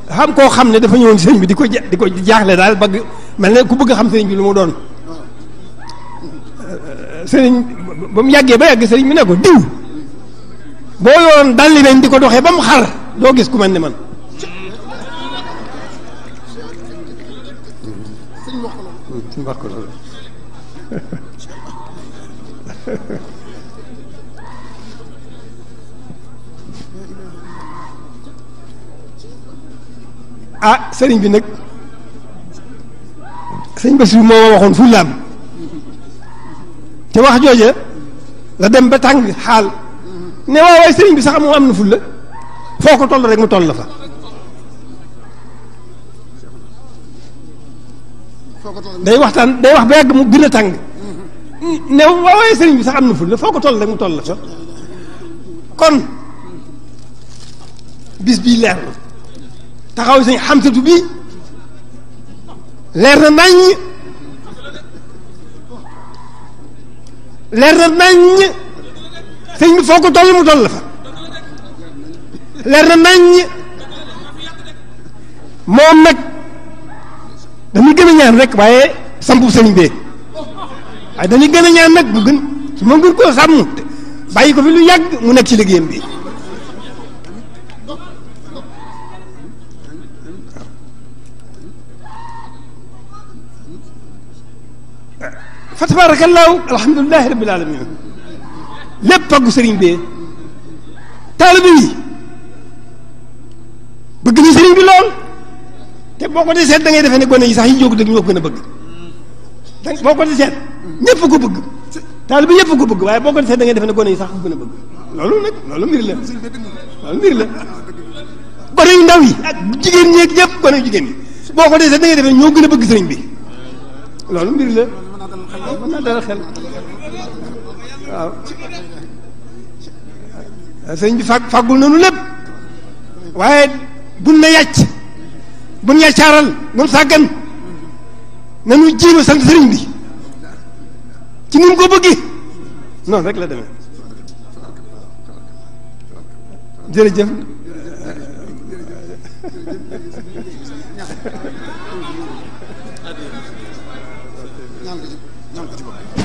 Speaker 2: xam koo xam ne dafa ñëwoon sëriñ bi di ko di ko jaaxle daal bëgg mel ne ku bëgg xam sëriñ bi lu mu doon sëriñ ba mu yàggee ba yàgg sëriñ bi ne ko diw boo yoroon dalli weñ di ko doxee ba mu xar doo gis ku mel ni man ah sëriñ bi nag sëñ Basiru moo ma fullaam te wax jooje la dem ba tàng xaal ne waaw sëriñ bi sax mu am na fulla foo ko toll rek mu toll la fa day waxtaan day wax ba yàgg mu gën tàng ne waaw sëriñ bi sax am na fulla foo ko toll rek mu toll la fa kon bis bii leer na taxaw sañ
Speaker 5: xamsatu bii leer na naññ leer na naññ sëñ bi foo ko toll mu toll fa leer na nañ moom nag dañuy gën a ñaan rek waaye sampu sëñ bee waaye dañuy gën a ñaan nag bu gën su ma ngir koo sàmm bàyyi ko fi lu yàgg mu nekk
Speaker 2: ci liggéeyam bi fa lépp pàggu sëriñ bee taalibe yi bëgg na sëriñ bi lool te boo ko di seet da ngay defee ne gone yi sax yi jóg de ñoo ko gën a bëgg da boo ko di seet ñëpp ko bëgg ko bëgg waaye boo ko di seet da ngay defee ne sax ko gën a bëgg loolu nag loolu mbir la mbir la gone yu ndaw yi ak jigéen ñi ak ñëpp gone yu jigéen ñi boo ko di seet da ngay defee ñoo gën a bëgg sëriñ bi loolu mbir la
Speaker 4: mën naa dalal waaw
Speaker 5: sëñ bi fàgg fàggul nanu lépp waaye buñ na yàcc buñ yàccaaral buñ sàggan nanu jiima sant sëriñ bi ci ni mu ko bëggi noonu rek la demee
Speaker 6: jërëjëf ñaan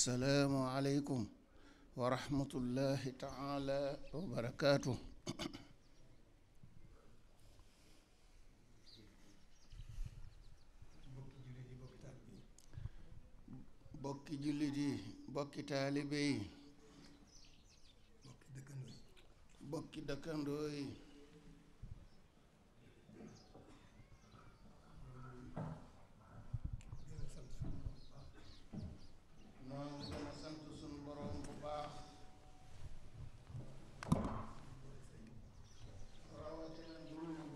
Speaker 8: السلام عليكم ورحمة الله تعالى وبركاته bokki jullit yi bokki taalibe yi bokki dëkkandoo yi ñoo
Speaker 3: bu baax rawatina juróom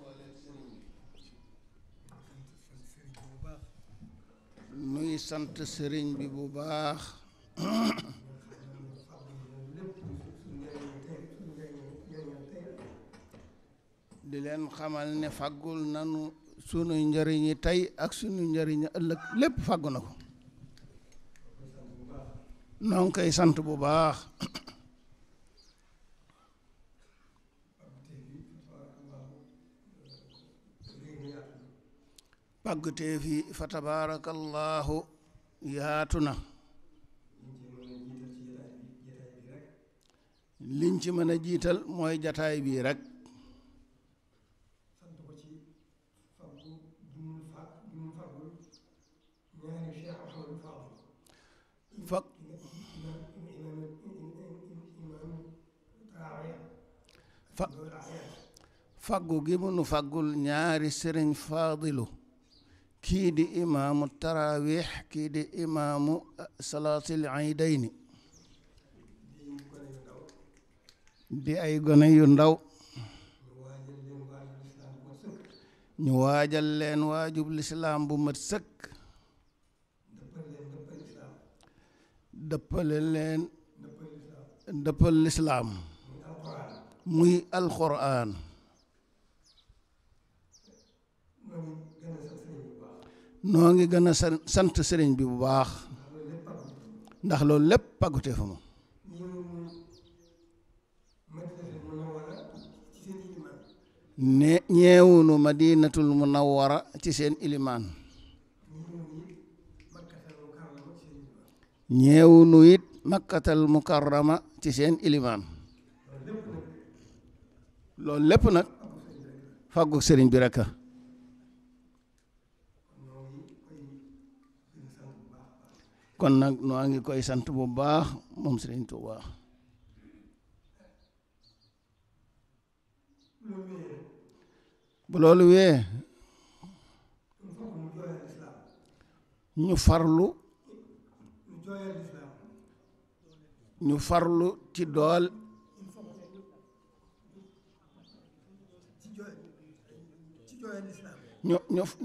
Speaker 8: nuy sant sëriñ bi bu baax di leen xamal ne faggul nanu sunu njëriñi tey ak sunuy njëriñi ëllëg lépp faggu na ko noo koy sant bu baax pàggtee fi fa tabaarakallaahu yaatu na liñ ci mën a jiital mooy jataay bii rekk faggu gi mu nu faggul ñaari sëriñ faadilu kii di imaamu taraawix kii di imaamu eh, salaatil aydayni di ay gone yu ndaw ñu waajal leen waajub lislaam bu mat sëkk dëppale leen dëppal lislaam muy alxuraan noo ngi gën a sant sëriñ bi bu baax ndax loolu lépp pagute fa moom ne ñeewunu madinatul munawwara ci seen ilimaan ñeewunu it makkatal mukarrama ci seen ilimaan loolu lépp nag fàggu sëriñ bi rekk kon nag noo ngi koy sant bu baax moom Sëriñ Tuuba bu loolu wée ñu farlu ñu farlu ci dool ñu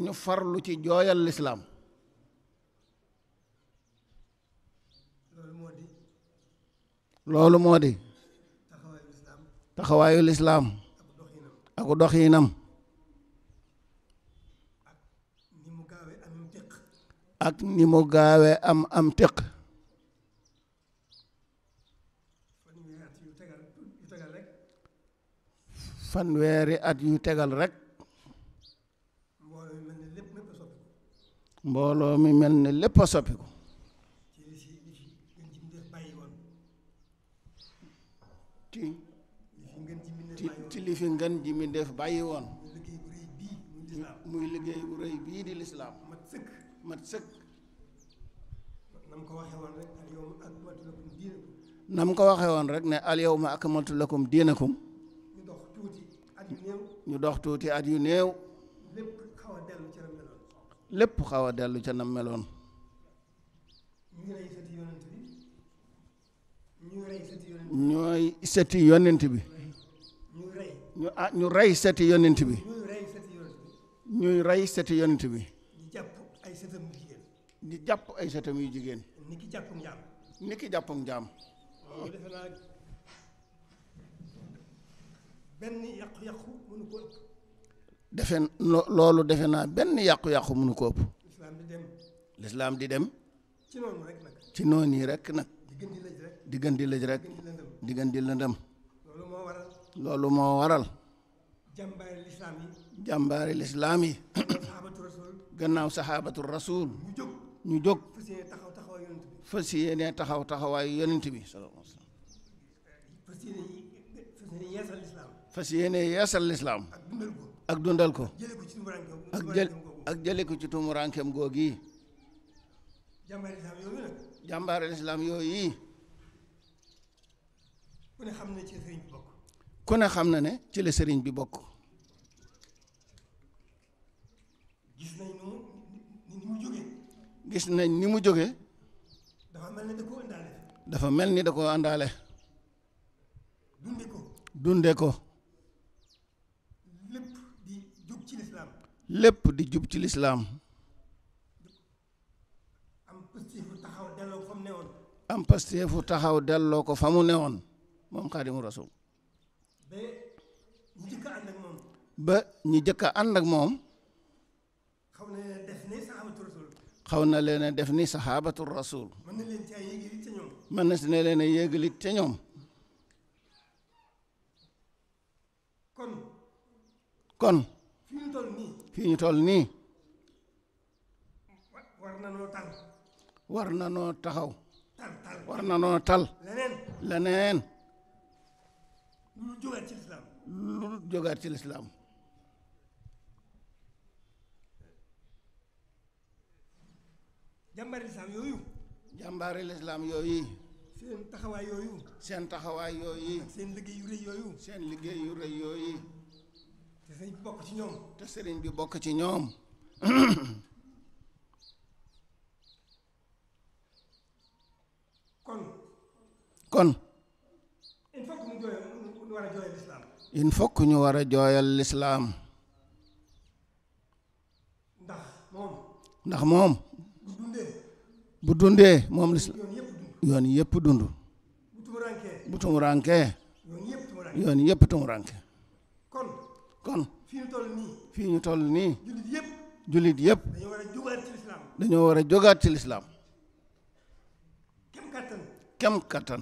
Speaker 8: ñu farlu ci jooyal lislaam loolu moo di taxawaayu lislaam ak doxiinam ak ni mu gaawee am am téq fanweeri at yu tegal rek mbooloo mi mel ni lépp a soppiku ti ti li fi ngeen ji mi def bàyyi woon muy liggéey bu rëy bii di lislaam mat sëkk
Speaker 2: ko waxee woon rek
Speaker 8: nam ko waxee woon rek ne al yawma akmaltu lakum diinakum
Speaker 2: ñu dox tuuti at yu néew
Speaker 8: dox tuuti at yu néew
Speaker 2: lépp xaw dellu ca na meloon
Speaker 8: lépp xaw a dellu ca na meloon ñooy seti yonent bi ñu ah ñu rey seti yonent bi ñuy rey seti yonent bi di jàpp ay setam yu jigéen ni ki jàpp njaam ni jàpp njaam
Speaker 2: benn yàqu-yàqu mënu
Speaker 8: defe loolu defe naa benn yàqu-yàqu munu ko lislaam di dem ci noonu rek nag yi rek nag di gën di gën di lëj rek diggante lëndëm lalu moo waral loolu moo waral
Speaker 2: jàmbaari l'islam yi
Speaker 8: jàmbaari lislaam yi gannaaw sahabatu rasul ñu jog ñu jóg fas yéene taxaw ay yonent bi sallallahu alaihi wasallam, sallam fas yéene ak dundal ko ak jele ak ko ci tumurankem ku ne xam na ci ne xam na ne ci la sëriñ bi bokk.
Speaker 2: gis nañ ni mu
Speaker 8: jógee. gis nañ ni mu jóge dafa mel ni da koo àndaale. mel ni da koo àndaale. dunde ko. dunde ko. lépp di jub ci lislaam. lépp di jub ci lislaam.
Speaker 2: am pasteefu taxaw delloo ko fa mu newoon.
Speaker 8: am taxaw delloo ko fa mu newoon. moom xaadimu rasul ba ñu jëkk a ànd ak moom xaw na leen a def ni saxaabatu rasul mën na si ne leen a yéegalit ca ñoom kon fii ñu toll nii
Speaker 2: war na noo taxaw
Speaker 8: war na noo tal leneen
Speaker 2: lu jógaat ci lislaam
Speaker 8: lu jógaat ci lislaam jàmbaari lislaam yooyu jàmbaari lislaam yooyu seen taxawaay yooyu seen taxawaay yooyu seen liggéey yu rëy yooyu seen liggéey yu rëy yooyu te sëriñ bokk ci ñoom te sëriñ bi bokk ci ñoom kon kon il faut ñu war a jooyal lislaam ndax moom bu dundee moom lislaam yoon yëpp dund bu tumurankee yoon yëpp tumurankee kon kon ñu toll nii jullit yëpp dañoo war a jógaat ci lislaam kem kattan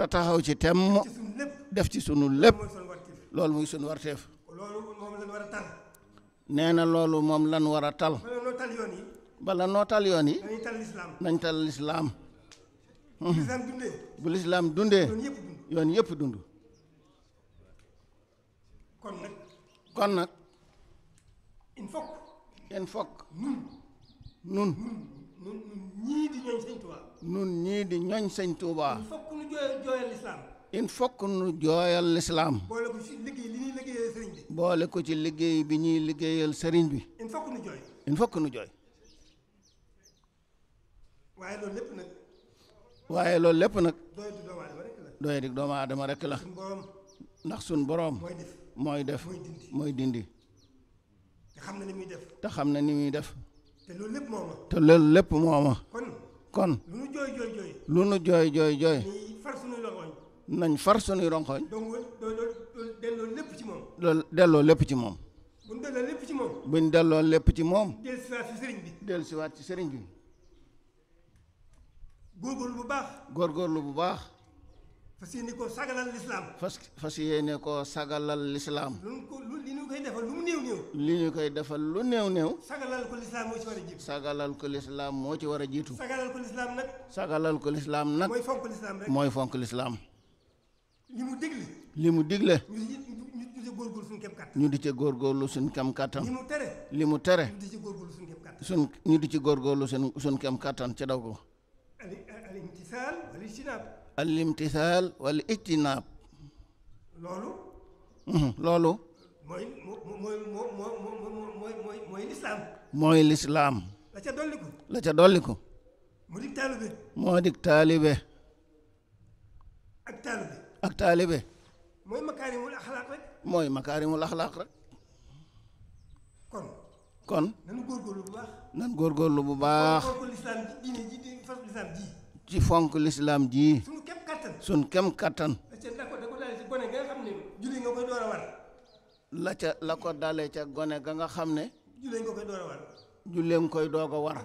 Speaker 8: te taxaw ci temm def ci sunu lépp loolu muy sunu warteef nee na loolu moom lan war a tal bala noo tal yoon yi nañ tal lislaam bu lislaam dundee yoon yëpp dund kon nag kon nag il faut il faut nun nun ñii di ñooñ Sëñ Tuubaa nun ñii di ñoñ sëñ Touba. il faut nu jooyal lislaam. boole ko ci liggéey bi. ñuy liggéeyal sëriñ bi. il faut nu jooy. il faut
Speaker 2: waaye loolu lépp nag.
Speaker 8: waaye loolu lépp doomu aadama rek la. ndax suñ boroom. mooy def mooy dindi mooy te xam na ni muy def. te xam na ni muy def. te loolu lépp moo kon lu nu jooy jooy jooy. lu nu jooy jooy jooy. nañ far sunuy rongoñ. donc delloo lépp ci moom. loolu delloo lépp ci moom. bu ñu delloo lépp ci moom. bu ñu delloo lépp ci moom. dellusiwaat ci sëriñ bi. dellusiwaat ci sëriñ bi. góorgóorlu bu baax. góorgóorlu bu baax. fas yéene koo sagalal lislaam. fas fas yéene koo sagalal lislaam.
Speaker 2: ko lu li ñu koy defal lu mu néew néew.
Speaker 8: li ñu
Speaker 2: sagalal
Speaker 8: ko lislaam moo ci war a jiitu.
Speaker 2: sagalal ko lislaam moo ci war a
Speaker 8: jiitu. sagalal ko mooy fonk lislaam li mu digle. li mu digle. ñu di ci góorgóorlu suñ kam kàttan li mu tere. li di ci góorgóorlu suñ suñ kam kàttan daw ko. al imtisaal wala ijtinaab loolu mhm, loolu mooy mooy mooy lislaam mooy lislaam la ca dolliku la ca dolliku moo dig taalibe
Speaker 2: moo mooy makaarimul axlaaq
Speaker 8: rek mooy makaarimul axlaaq rek kon kon nan góorgóorlu bu baax bu
Speaker 2: baax lislaam diine ji fas lislaam ji
Speaker 8: ci fonk lislaam ji suñ kem kattan suñ kem kattan la ca la ko dalee ca gone ga nga xam ne jullee nga koy door war doog a war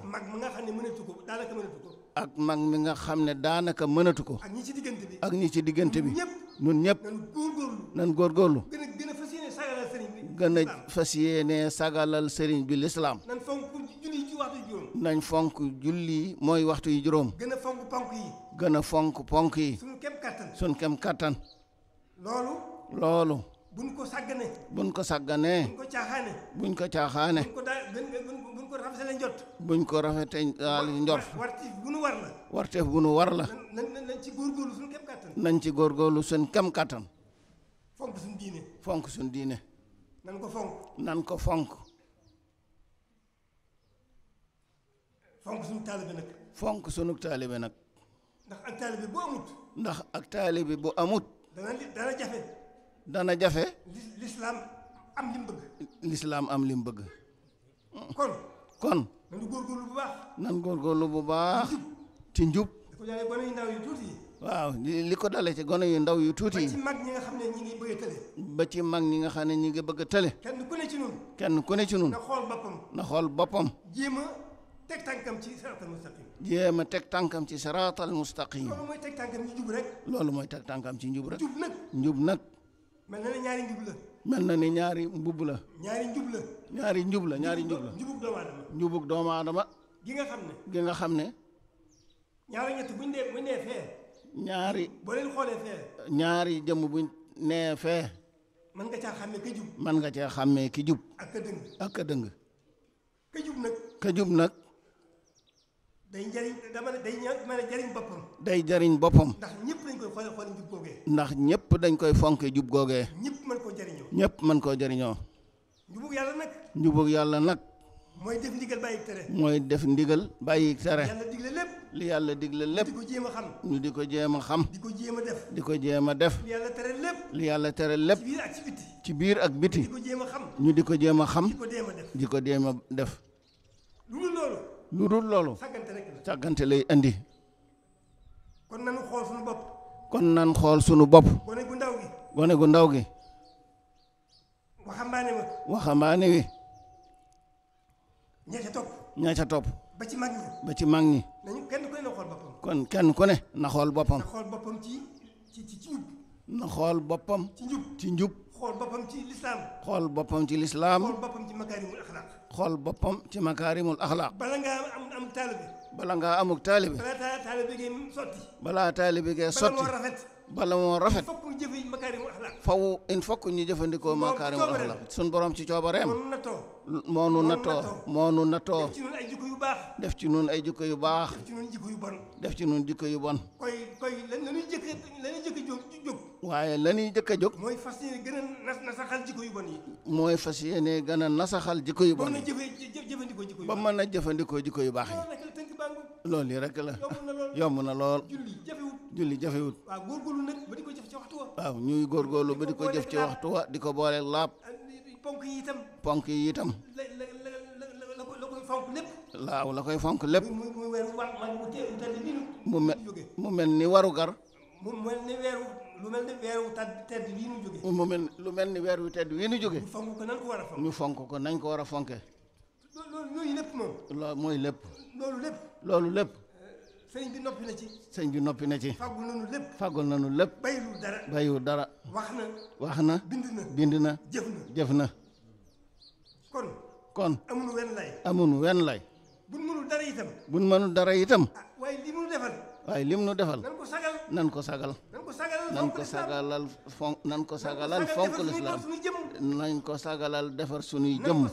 Speaker 8: ak mag mi nga xam ne daanaka mënatu ko ak ñi ci diggante bi ak ñi ci diggante bi ñun ñëpp nan góorgóorlu gën a fas sagalal sëriñ bi lislaam nañ fonk julli mooy waxtu yi juróom gën a fonk ponk yi gën a kem kattan loolu loolu buñ ko sàgganee buñ ko sàgganee buñ ko caaxaane buñ ko caaxaane buñ ko ko rafete daal njot bu nu war la warteef bu nu war la nañ ci góor góorlu kem kattan kem kattan
Speaker 2: fonk sun diine
Speaker 8: fonk suñ diine nan ko fonk nan ko fonk
Speaker 2: fonk sunu taalibe nag
Speaker 8: fonk sunu taalibe nag ndax ak taalibe bu amut
Speaker 2: ndax ak dana jafe
Speaker 8: dana jafe
Speaker 5: lislaam am
Speaker 8: lim bëgg lislaam am lim bëgg kon kon nanu góorgóorlu bu baax nan góorgóorlu bu baax ci njub waaw li ko dalee ci gone yu ndaw yu tuuti yi. ba ci
Speaker 2: mag ñi nga xam ne ñi ngi bëgg tële.
Speaker 8: ba ci mag ñi nga xam ne ñi bëgg a tële. kenn ku kenn ku ne ci ñun.
Speaker 2: xool boppam. jéem a teg tànkam
Speaker 8: jéem a teg tànkam ci siraatal mustaqim. loolu
Speaker 2: mooy
Speaker 8: mooy teg tànkam ci njub rek. nag mel mel na ne ñaari mbubb la.
Speaker 2: ñaari
Speaker 8: ñaari njub doomu aadama. njubug nga xam ne.
Speaker 2: gi ñaari ñett buñ dee buñ dee fee
Speaker 8: ñaari. boo ñaari jëmm bu nee fee.
Speaker 2: mën nga caa xàmmee ki jub.
Speaker 8: nga caa xàmmee ki jub. ak ka dëng. ka jub nag. ka jub nag.
Speaker 2: day jariñ dama
Speaker 8: boppam. day jariñ boppam. ndax ñëpp dañ koy xoolee jub googee. ndax ñëpp mën koo jariñoo. ñëpp mën koo jariñoo.
Speaker 2: njubug yàlla nag.
Speaker 8: njubug yàlla nag. mooy def ndigal bàyyi tere. mooy def ndigal bàyyi tere. yàlla digle lépp. li yàlla digle lépp. di ko ñu di ko jéem a xam. di ko jéem a def. di ko jéem a def. li yàlla tere lépp. li yàlla tere lépp. ci biir ak ci biti. ci jéem a ñu di ko jéem a xam. di ko jéem def. di ko jéem a lu dul loolu. lu dul sàggante lay andi. kon nan xool suñu bopp. kon nan xool sunu bopp. gone gu ndaw gi. waxambaane wi. ña ca topp ña ca topp ba ci mag ñi ba ci mag ñi nañu kenn ku ne na xool boppam kon kenn ku ne na xool boppam na
Speaker 2: xool boppam ci ci ci njub na xool
Speaker 8: boppam ci njub ci njub
Speaker 2: xool boppam ci lislaam
Speaker 8: xool boppam ci lislaam xool
Speaker 2: boppam ci makaarimul axlaaq
Speaker 8: xool boppam ci makaarimul axlaaq
Speaker 2: bala ngaa am am taalibe
Speaker 8: bala ngaa amuk taalibe balaa taalibe ngay sotti bala moo rafet bala moo rafet in fokk ñu jëfandikoo makaarimul axlaaq suñ borom ci coobareem natoo moo nu nattoo moo nu nattoo def ci nun ay jikko yu baax def
Speaker 2: ci nun ay jikko yu baax
Speaker 8: def ci nun jikko yu bon waaye lañuy jëkk a jóg mooy fas yéene gën a nasaxal jikko yu bon mën a jëfandikoo jikko yu baax yi loolu yi rekk la yomb na lool julli jafewut waaw ñuy góorgóorlu ba di ko jëf ci waxtu di ko boole laab ponk yi itam. ponk yi itam. la
Speaker 2: la la koy fonk lépp.
Speaker 8: waaw la koy fonk lépp. mu mu mu mel mu mel ni waru gar. mu mel ni weeru lu mel ni weeru tedd wii nu jóge. mu mel lu mel ni weeru tedd wii nu jóge. ñu fonk ko nañ ko war a fonk. ñu fonk ko nañ ko war a fonkee. loolu mooy lépp. loolu lépp. loolu lépp.
Speaker 2: sëñ bi noppi na ci.
Speaker 8: sëñ bi noppi na ci. fàggul nañu lépp. fàggul nañu lépp. bayiwul dara. bayiwul dara. wax na. wax na. bind na bind na. jëf na jëf na. kon. kon amuñu wenn lay. amuñu wenn lay.
Speaker 2: buñ mënul dara itam.
Speaker 8: buñ mënul dara itam. Ah,
Speaker 2: waaye li mu defal.
Speaker 8: waaye lim nu defal nan ko sagal nan ko sagalal sagal nan ko sagalal fonk lislaam nañ ko sagalal defar sunuy jëm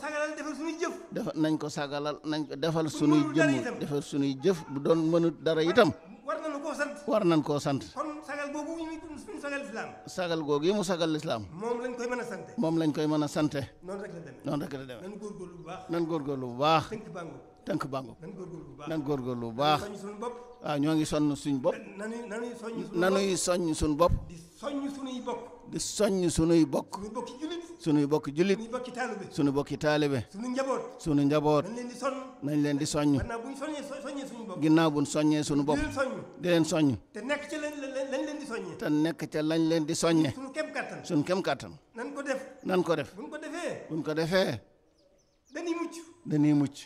Speaker 8: nan ko sagalal nan ko defal sunuy jëm defar sunuy jëf bu doon mënut dara itam war nan ko sant war nañ koo sant sagal googu yi mu sagal l'islam
Speaker 2: mom lañ koy meuna a sante
Speaker 8: moom lañ koy meuna a sante
Speaker 2: noonu rek la demee non rek la demee nan gor lu bax
Speaker 8: nan gor lu bax tank bàngu tank bàngu nan gor bu baax nan waaw ñoo ngi sonn suñ bopp.
Speaker 2: nanuy nanuy soññ suñ bopp nanuy
Speaker 8: soññ suñ bopp. di
Speaker 2: soññ suñuy bokk.
Speaker 8: di soññ suñuy bokk.
Speaker 2: suñuy bokki jullit.
Speaker 8: suñuy bokki jullit. suñuy bokki taalibe. suñu bokki taalibe. suñu njaboot. suñu njaboot. nañ leen di soññ. nañ
Speaker 2: leen di soññ.
Speaker 8: ginnaaw bu ñu soññee suñu bopp. ginnaaw bu ñu soññee suñu bopp. di leen soññ.
Speaker 2: te nekk ca lañ leen di soññee.
Speaker 8: te nekk ca lañ leen di soññee.
Speaker 2: suñu kem kattan.
Speaker 8: suñu kem kattan.
Speaker 2: nan ko def. nan ko def. buñ ko defee.
Speaker 8: buñ ko defee. dañuy mucc. dañuy mucc.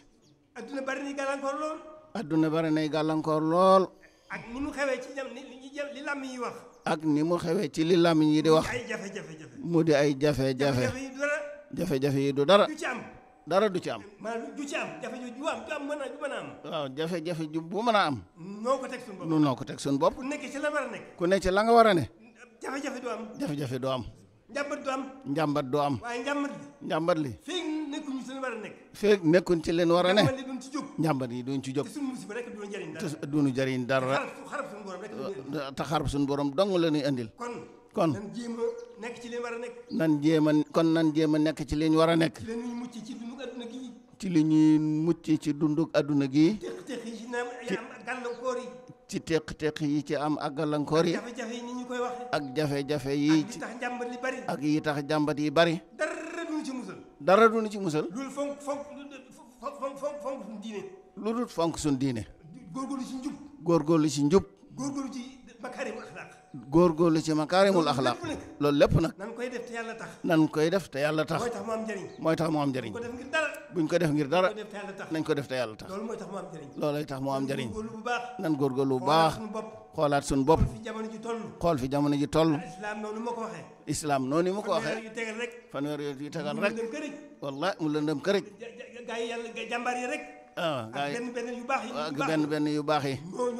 Speaker 2: adduna bari ni gàllankoor lool
Speaker 8: adduna bari nay gàllankoor lool.
Speaker 2: ak ni mu xewee ci jam
Speaker 8: li làmm yi di wax. mu di ay jafe-jafe. jafe yi du dara. du ci am. dara du ci am.
Speaker 2: maanaam du ci am jafe-jafe ju am a am.
Speaker 8: waaw jafe-jafe ju bu mën a am. noo ko teg suñu bopp. ku nekk ci la ku nekk ci la nga war a ne. jafe-jafe du am. jafe-jafe du am. njàmbat du am. njàmbat doo am.
Speaker 2: njàmbat li. njàmbat li. feeg nekkuñ ci leen war a nekk.
Speaker 8: feeg nekkuñ ci war a
Speaker 2: nekk.
Speaker 8: njàmbat yi duñ ci jóg. te suñu musiba rek duñu jëriñ dara. te xarab suñu borom rek. te xarab suñu dong la ñuy andil. kon kon nan jéem a nekk ci leen war a nekk. ci li ñuy mucc ci dundug adduna gi. ci téq téq yi ci am ak gàllankoor yi.
Speaker 2: ak
Speaker 8: jafe-jafe yi ak yi ci tax jàmbat yi bari. ak yi tax jàmbat yi bari.
Speaker 2: dara du ci musal.
Speaker 8: dara du ci musal. loolu
Speaker 2: fonk fonk fonk fonk diine.
Speaker 8: lu dul fonk suñu diine. góorgóorlu ci njub. góorgóorlu ci njub.
Speaker 2: ci makaarimu
Speaker 8: góor góorgóorlu ci makaarimul axlaaq loolu lépp nag nan koy def te yàlla tax koy def te yàlla tax mooy tax mu am njëriñ mooy tax mu am njëriñ buñ ko def ngir dara nañ ko def te yàlla lool loolay tax mu am njëriñ nan góorgóorlu bu baax xoolaat suñu bopp xool fi jamono ji toll islaam noonu mu ko waxee fanweer yu tegal rek wallaay mu lëndëm kërëj
Speaker 2: gaa yi yi rek
Speaker 8: ah gars yi benn benn yu baax yi. yu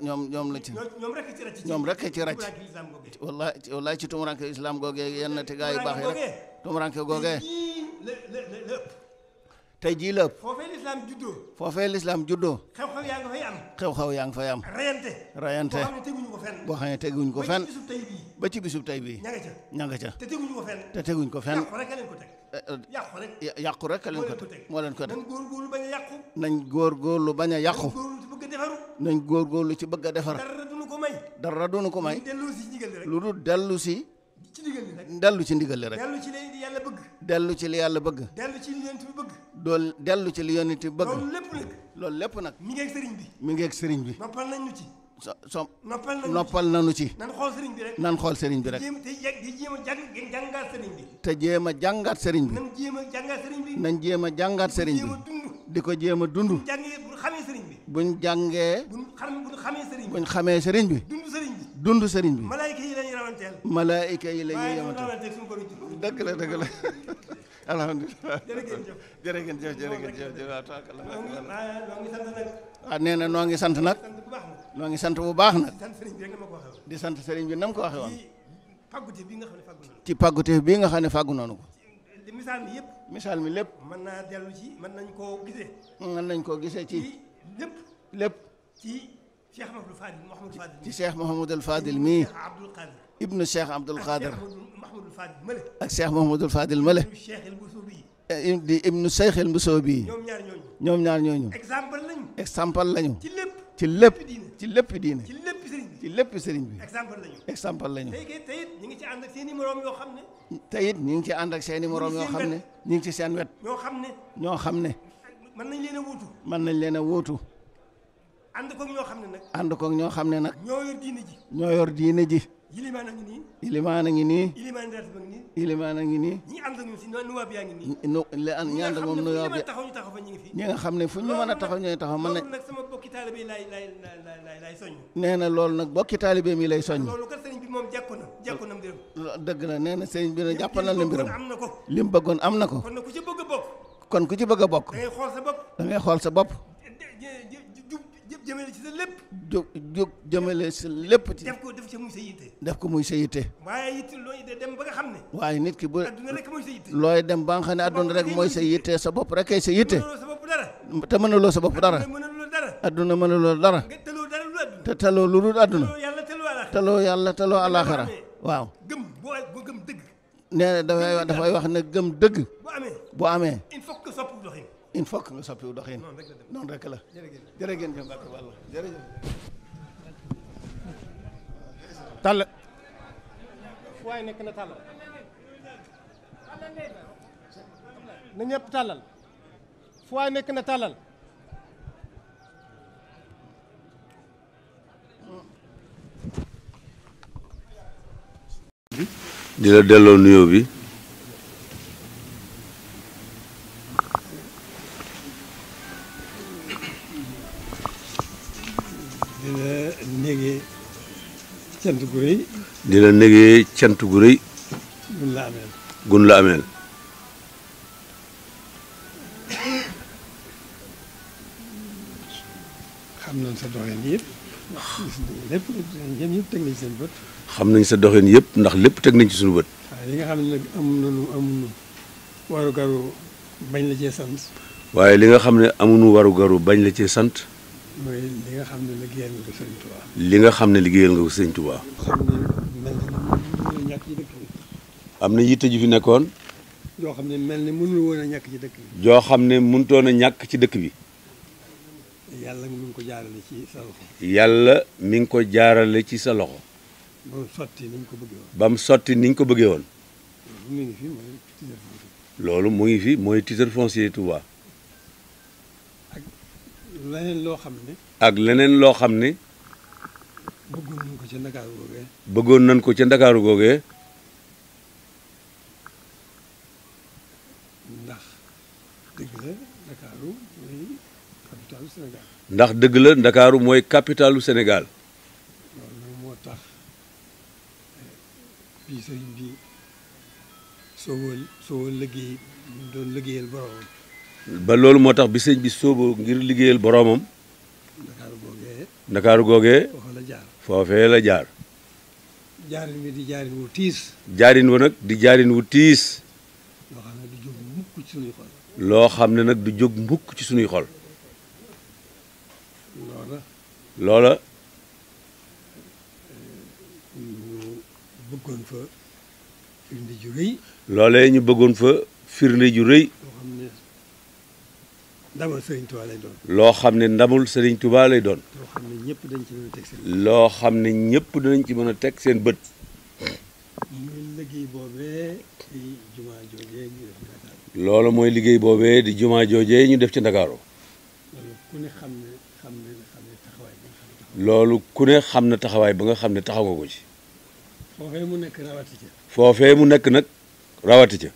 Speaker 8: ñoom ñoom la ci. ñoom rek ci rëcc. ci rëcc. wallaahi wallaahi ci tumuranke islam googee yenn te gars yu baax yi rek. tumuranke googee. tey jii la ëpp.
Speaker 2: foofee lislaam juddoo.
Speaker 8: foofee lislaam juddoo. xew-xew yaa ngi fay am. xew-xew yaa ngi fay am. rayante. rayante boo xam ne teguñu ko fenn. ba ci bisub tey bii. ña nga ca. te teguñu ko fenn. te teguñu ko fenn. yàqu rek yàqu rek leen ko teg moo leen ko teg nañ góorgóorlu bañ a yàqu nañ góorgóorlu bañ a yàqu nañ góorgóorlu ci bëgg a defar dara duñu ko may dara duñu ko may lu dul dellu si ci ndigal li rek dellu ci ndigal li rek
Speaker 2: dellu ci li yàlla bëgg
Speaker 8: dellu ci li yàlla bëgg
Speaker 2: dellu ci li yonent bi bëgg
Speaker 8: dool dellu ci li yonent bi bëgg loolu
Speaker 2: lépp nag loolu lépp nag mi ngi ak sëriñ bi
Speaker 8: mi ngi ak sëriñ bi
Speaker 2: noppal nañ ñu ci so noppal nañu ci nan xool sëriñ bi rek
Speaker 8: te jéem a jàngaat sëriñ bi nan jéem a jàngaat sëriñ bi di ko jéem a dund buñ jàngee buñ xamee sëriñ bi dund sëriñ bi dund sëriñ bi
Speaker 2: malaayika yi lañuy rawanteel malaayika yi
Speaker 8: dëgg la dëgg la alhamdulilah jërë ah, noo ngi sant nag ah, noo ngi sant bu baax nag di sant sëriñ bi nam ko waxe woon ci pàgguteef bii nga xam ne fàggu noonu ko misaal mi yëpp lépp
Speaker 2: mën naa dellu ci mën nañ koo gisee
Speaker 8: nañ koo gisee ci lépp lépp ci
Speaker 2: Cheikh Mouhamadou Fadil Mouhamadou
Speaker 8: Fadil ci Cheikh Mouhamadou Fadil mii ibnu Cheikh Abdoul Khadir ak Cheikh Mouhamadou Fadil Male eh, di ibnu Cheikh El Bousso bii ñoom ñaar ñooñu ñoom ñaar ñooñu exemple lañu ci lépp ci lépp diine ci lépp sëriñ bi ci lépp sëriñ bi. exemple lañu exemple lañu. tey
Speaker 2: it ngi ci ànd ak seen yoo xam ne.
Speaker 8: tey ñu ngi ci ànd ak seen i morom xam ne. ñu ngi ci seen wet ñoo xam ne. ñoo xam ne.
Speaker 2: mën nañ leen a wóotu.
Speaker 8: mën nañ leen a wóotu.
Speaker 2: ànd koog ñoo xam ne nag.
Speaker 8: ànd ñoo xam ne nag. ñoo yor diine ji. ñoo yor diine ji.
Speaker 2: Ilimaan a ngi nii. Ilimaan a ngi nii. Ilimaan a ngi nii.
Speaker 8: Ilimaan a ngi nii.
Speaker 2: ñi ànd ak ñun si nuwaab yaa ngi
Speaker 8: nii. nu ñi ànd ak moom nuwaab
Speaker 2: ya
Speaker 8: nga xam ne fu ñu mën a taxaw ñu taxaw mën na. loolu
Speaker 2: nag sama bokki taalibe lay lay lay lay soññ.
Speaker 8: nee na loolu nag bokki taalibe mi lay soññ. loolu
Speaker 2: kat sëriñ bi moom na jàpp na
Speaker 8: dëgg la nee na sëriñ bi nag jàpp na la mbiram. li mu bëggoon am na ko. kon
Speaker 2: ku ci bëgg a bokk.
Speaker 8: kon ku ci bëgg a bokk. da xool sa bopp.
Speaker 2: jëmale ci sa lépp.
Speaker 8: jóg jóg jëmale sa ci def ko def ko muy sa yitte. waaye nit ki bu looy dem ba nga xam ne adduna rek mooy sa yitte sa bopp rek kay sa yitte. te mënuloo sa bopp dara. adduna mënuloo dara. te taloo lu dul adduna. taloo yàlla taloo alaxara waaw.
Speaker 10: gëm boo gëm
Speaker 8: dëgg. nee na dafay dafay wax ne gëm dëgg. bu amee il faut que nga soppiwu doxin noonu rek la jërë ngeen jëf Mbàkke Balla jërëjëf
Speaker 5: tàll waaye nekk na tàllal na ñëpp tàllal fu waay nekk na tàllal
Speaker 1: di la delloo nuyoo bi
Speaker 2: négee cant gu rëy.
Speaker 1: di la négee cant gu rëy. gun la ameel.
Speaker 2: gun xam nañ sa doxin yëpp. lépp yéen
Speaker 1: xam nañ sa doxin yëpp ndax lépp teg nañ ci suñu bët. waaye
Speaker 2: li nga xam ne nag warugaru bañ la cee sant.
Speaker 1: waaye li nga xam ne amuñu warugaru bañ la cee sant.
Speaker 2: mooy li nga xam ne liggéeyal nga ko sëñ Touba.
Speaker 1: li nga xam ne liggéeyal nga ko sëñ Touba. am na yitte ju fi nekkoon.
Speaker 2: joo xam ne mel ni mënul woon ñàkk ci dëkk bi.
Speaker 1: joo xam ne mënutoon a ñàkk ci dëkk bi.
Speaker 2: yàlla mu ngi ko jaarale ci sa loxo.
Speaker 1: yàlla mi ngi ko jaarale ci sa loxo. ba mu sotti ni ñu ko bëggee woon.
Speaker 2: ba ni ñu ko bëggee woon.
Speaker 1: loolu mu ngi fi mooy titre foncier. loolu mu
Speaker 2: leneen loo xam ne.
Speaker 1: ak leneen loo xam ne.
Speaker 2: bëggoon nañ ko ca ndakaaru googee.
Speaker 1: bëggoon nañ ko ca ndakaaru googee.
Speaker 2: ndax dëgg la ndakaaru mooy capitalu Sénégal.
Speaker 1: ndax dëgg la ndakaaru mooy capitalu Sénégal.
Speaker 2: loolu moo tax bii sëriñ bi soo wël soo wël liggéey doon liggéeyal boromam.
Speaker 1: ba lolou motax bi seigne bi sobo ngir liggéeyal boromam dakar goge dakar goge fofé la jaar.
Speaker 2: jaarin wi di jaarin wu
Speaker 1: tiis. jaarin wu nak di jaarin wu tiis.
Speaker 2: lo xamne du jog mukk ci sunuy xol.
Speaker 1: lo xamne nak du jog mukk ci sunuy xol. lola lola
Speaker 2: ñu bëggoon fa firnde ju rëy.
Speaker 1: loolee ñu bëggoon fa firnde ju reuy
Speaker 2: ndamal doon.
Speaker 1: loo xam ne ndamul Serigne Touba lay
Speaker 2: ñëpp dañ loo
Speaker 1: xam ne ñëpp danañ ci mën a teg seen bët.
Speaker 2: muy liggéey
Speaker 1: loolu mooy liggéey boobee di juma joojee ñu def ci Ndakaaru. loolu ku ne xam na taxawaay ba nga xam ne taxaw nga ko ci. foofee mu nekk rawati ca. mu nekk nag rawati ca.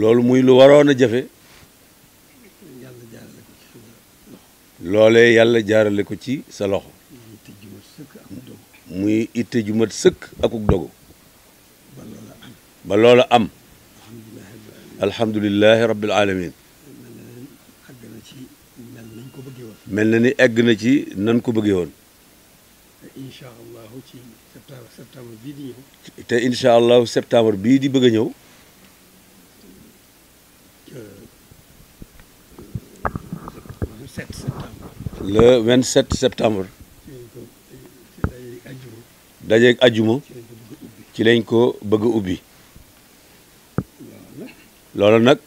Speaker 1: loolu muy lu waroon a jafe loolee yàlla jaarale ko ci sa loxo muy itte ju mat sëkk akuk dogu ba loola am alhamdulilahi rabbil alamin mel na ni egg na ci nan ko bëggee woon te incha allahu septembre bii di bëgg a ñëw
Speaker 2: 27 septembre.
Speaker 1: le 27 septembre. ajjuma ci lañ ko bëgg ubbi. loola nag.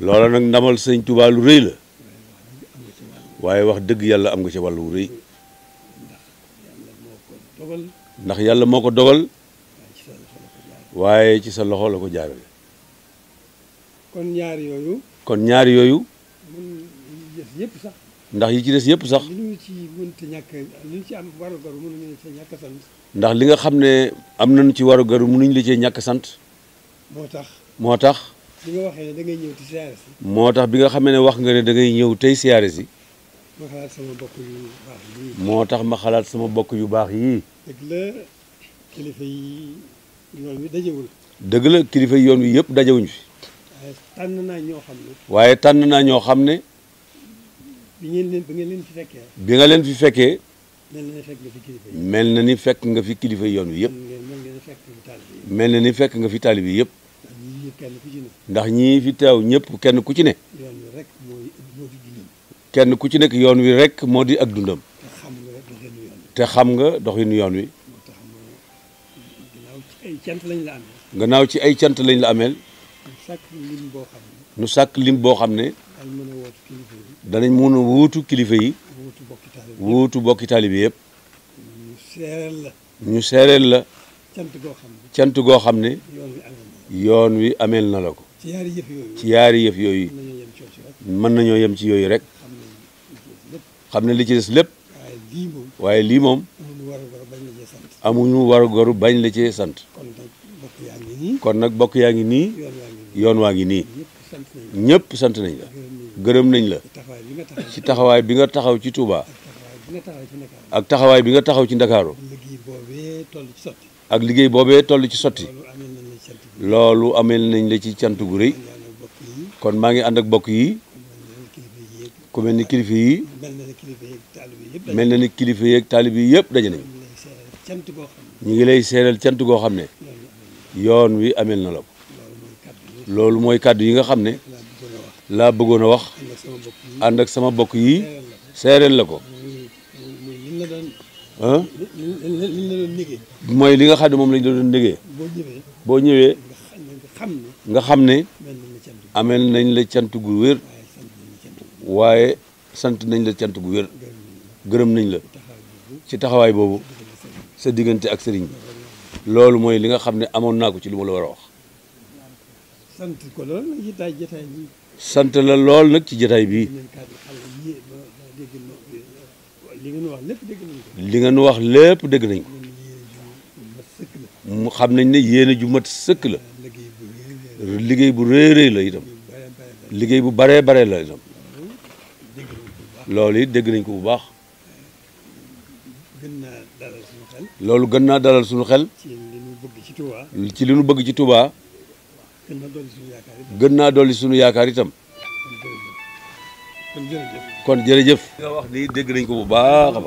Speaker 1: loola nag ndamal sëñ Tuubaa lu rëy la. waaye wax dëgg yàlla am nga ci wàllu rëy. ndax yàlla moo ko dogal. waaye ci sa loxo la ko jaarale. kon ñaar yooyu. ndax yi ci des yëpp sax. ndax li nga xam ne am nañu ci warugaru mënuñ li ce ñàkk sant. moo tax moo tax.
Speaker 2: bi nga waxee ne da
Speaker 1: ngay moo tax bi nga xamee ne wax nga ne da ngay ñëw tey siyaare si. moo tax ma xalaat sama bokk yu baax yii.
Speaker 2: dëgg la kilifa yi yoon wi
Speaker 1: kilifa yoon wi yëpp dajewuñ fi.
Speaker 2: tànn naa ñoo xam
Speaker 1: waaye tànn naa ñoo xam ne.
Speaker 2: bi ngeen leen bi fi fekkee. bi leen fi fekkee.
Speaker 1: mel na ni fekk nga fi kilifa na ni fekk nga fi kilifa yoon wi yëpp. mel na ni fekk nga fi taalibe yi yëpp. ndax ñii fi teew ñëpp kenn ku ci ne. kenn ku ci nekk yoon wi rek moo di ak dundam. te xam nga doxinu yoon wi. gannaaw ci lañ la ameel. ci ay cant lañ la ameel.
Speaker 2: nu
Speaker 1: sàkk lim boo xam ne danañ mën a wóotu kilifa yi wóotu bokki taalibe yëpp ñu seereel la cant goo xam ne yoon wi ameel na la ko ci yaari yëf yooyu mën nañoo yem ci yooyu rek xam ne li ci des lépp waaye lii moom amuñu warugaru bañ la cee sant kon nag bokk yaa ngi nii yoon waa ni ñepp sant nañ la gëreem nañ la ci taxaway bi nga taxaw ci Touba ak taxaway bi nga taxaw ci Ndakaaru ak liggey bobé tollu ci soti lolu amel nañ la ci ciantu gu reuy kon ma ngi and ak bokk yi ku melni kilifa yi melni na yi ak talib yi yépp dajé nañ ñi ngi lay sédal ciantu go xamné yoon wi amel na la loolu mooy kàddu yi nga xam ne laa bëggoon a wax ànd ak sama bokk yi seereel la ko mooy li nga xam ne moom lañ doon déggee boo ñëwee nga xam ne ameel nañ la cant gu wér waaye sant nañ la cant gu wér gërëm nañ la ci taxawaay boobu sa diggante ak sëriñ loolu mooy li nga xam ne amoon naa ko ci lu ma la war a wax
Speaker 2: sant ko lool nag ci
Speaker 1: la lool nag ci jotaay bi.
Speaker 2: li nga wax lépp dégg nañ
Speaker 1: ko. li nga wax lépp dégg nañ ko. xam nañ ne yéene ju mat sëkk la. liggéey bu rëy la itam. liggéey bu baree bare la itam. loolu it dégg nañ ko bu baax. loolu gën naa dalal sunu xel. ci li nu bëgg ci Touba. gën naa dolli suñu yaakaar itam. gën naa dolli suñu yaakaar itam. kon jërëjëf. kon jërëjëf. li nañ ko bu baax a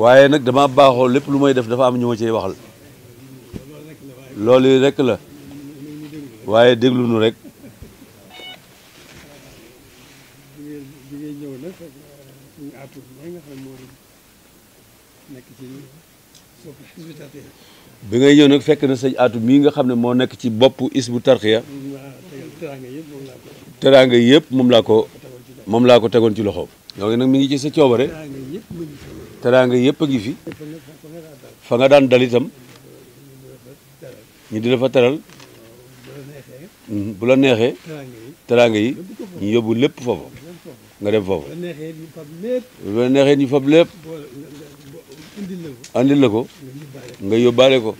Speaker 1: waaye nag dama baaxoo lépp lu may def dafa am ñu ma waxal. loolu rek la. waaye déglu nu rek. bi ngay ñëw nag fekk na sëñ atu mii nga xam ne moo nekk ci bopp Hizbut Tarqiyyah teraanga yëpp moom laa ko moom laa ko tegoon ci loxoom donc nag mi ngi ci sa coobare teraanga yëpp a ngi fi fa nga daan dal itam ñu di la teral hmm, bu la neexee teraanga yi ñu yóbbu lépp foofu nga dem foofu
Speaker 2: bu la neexee ñu fab lépp andil la ko nga yóbbaale ko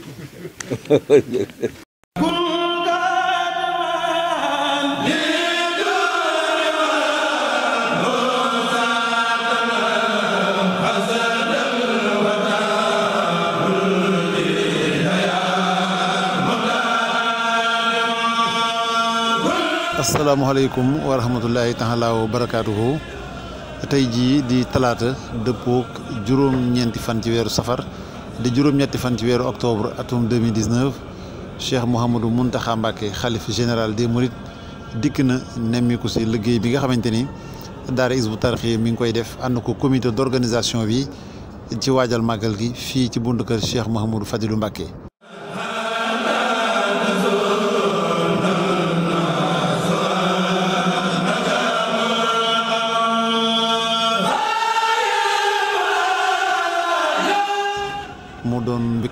Speaker 9: asalaamaaleykum wa rahmatullahi taala wa barakaatuhu tey jii di talaata dëppook juróom-ñeenti fan ci weeru safar di juróom-ñetti fan ci weeru octobre atum 2019 Cheikh Mouhamadou Mountakha mbake xalif général des Mourides dikk na nemmiku si liggéey bi nga xamante ni daara Hizbut Tarqiyyah mi ngi koy def ànd ko comité d'organisation bi ci waajal màggal gi fii ci buntu kër Cheikh Mouhamadou Fadilou mbake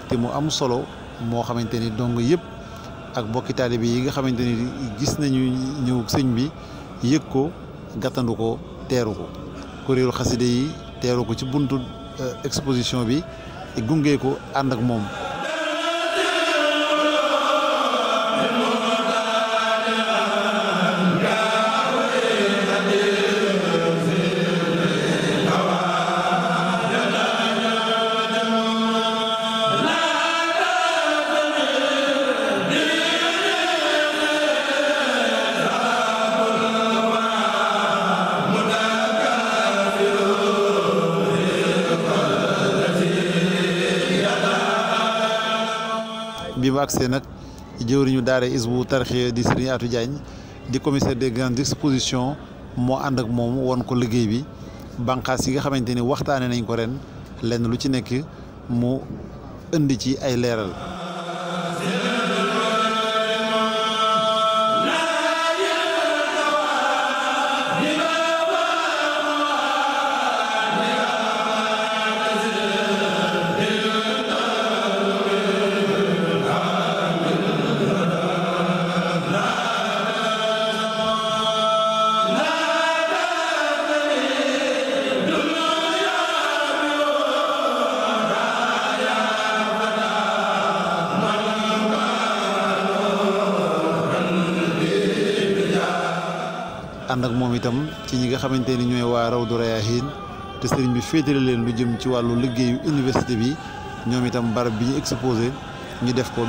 Speaker 9: te mu am solo moo xamante ni dong yëpp ak bokki taalibe yi nga xamante ni gis nañu ñëw sëñ bi yëg ko gàttandu ko teeru ko kuréelu xaside yi teeru ko ci buntu euh, exposition bi gunge ko ànd ak moom accès nag jëwriñu daara isbu tarxiya di Serigne Atou di commissaire des grandes expositions moo ànd ak moom won ko liggéey bi banqaas yi nga xamante ni waxtaanee nañ ko ren lenn lu ci nekk mu indi ci ay leeral. ci ñi nga xamante ni ñooy waa Rawdu Rayaahiin te sëriñ bi féetale leen lu jëm ci wàllu liggéeyu université bi ñoom itam barab bi ñu exposé ñu def ko.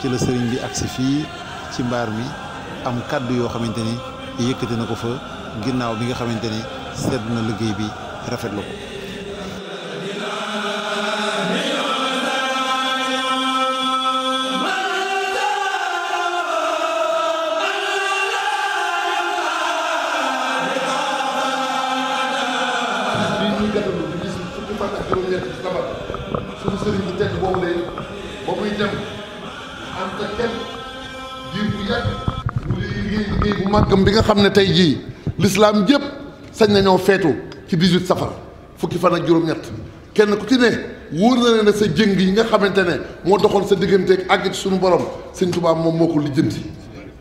Speaker 9: ci la sëriñ bi agsi fii ci mbaar mi am kàddu yoo xamante ni yëkkati na ko fa ginnaaw bi nga xamante ne seetlu na liggéey bi rafet rafetlu ko
Speaker 10: ànd kenn màggam bi nga xam ne tey jii lislaam jëpp sañ nañoo feetu ci 18 safar fukki fan ak juróom kenn ku ci ne wóor na ne sa jëng yi nga xamante ne moo doxoon sa diggante àgg suñu borom sëñ Tuubaa moom moo ko lijjanti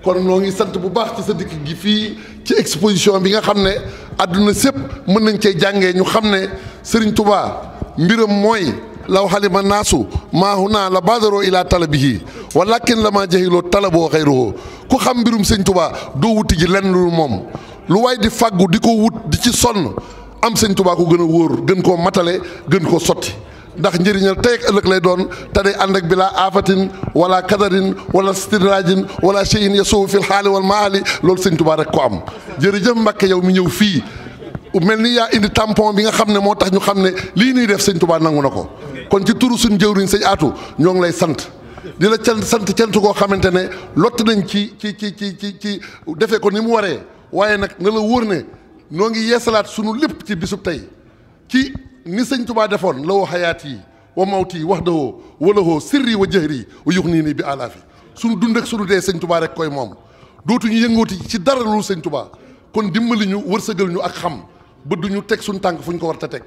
Speaker 10: kon noo ngi sant bu baax ci sa dikk gi fii ci exposition bi nga xam ne àdduna sépp mën nañ cee jànge ñu xam ne sëriñ Tuubaa mbiram mooy law xalima naasu maahu naa la baadaroo ilaa talabihi walakin la maa jahiloo talaboo xayruhu ku xam mbirum sëñ tubaa doo wuti ji lenn lu moom lu waay di fàggu di ko wut di ci sonn am sëñ tubaa ko gën a wóor gën koo matale gën koo sotti ndax njëriñal tey ëllëg lay doon te day ànd ak bilaa aafatin wala kadarin wala stidrajin wala cheyin yasuwu fil xaali wal maali loolu sëñ tubaa rek ko am jërëjëf Mbàkke yow mi ñëw fii mel ni yaa indi tampon bi nga xam ne moo tax ñu xam ne lii nuy def sëñ tubaa ko kon ci turu suñ jëwriñ sëñ aatu ñoo lay sant di la cant sant cant koo xamante ne lott nañ ci ci ci ci ci ci defee ko ni mu waree waaye nag na la wóor ne noo ngi yeesalaat sunu lépp ci bisub tey ci ni sëñ Tubaa defoon la woo xayaat yi wa mawti yi wax dawoo walawoo sirri wa jëhri wa yux nii nii bi alaafi sunu dund ak sunu dee sëñ Tubaa rek koy moom dootuñu yëngooti ci dara lu sëñ Tubaa kon dimbali ñu wërsëgal ñu ak xam ba duñu teg suñu tànk fu ñu ko war a teg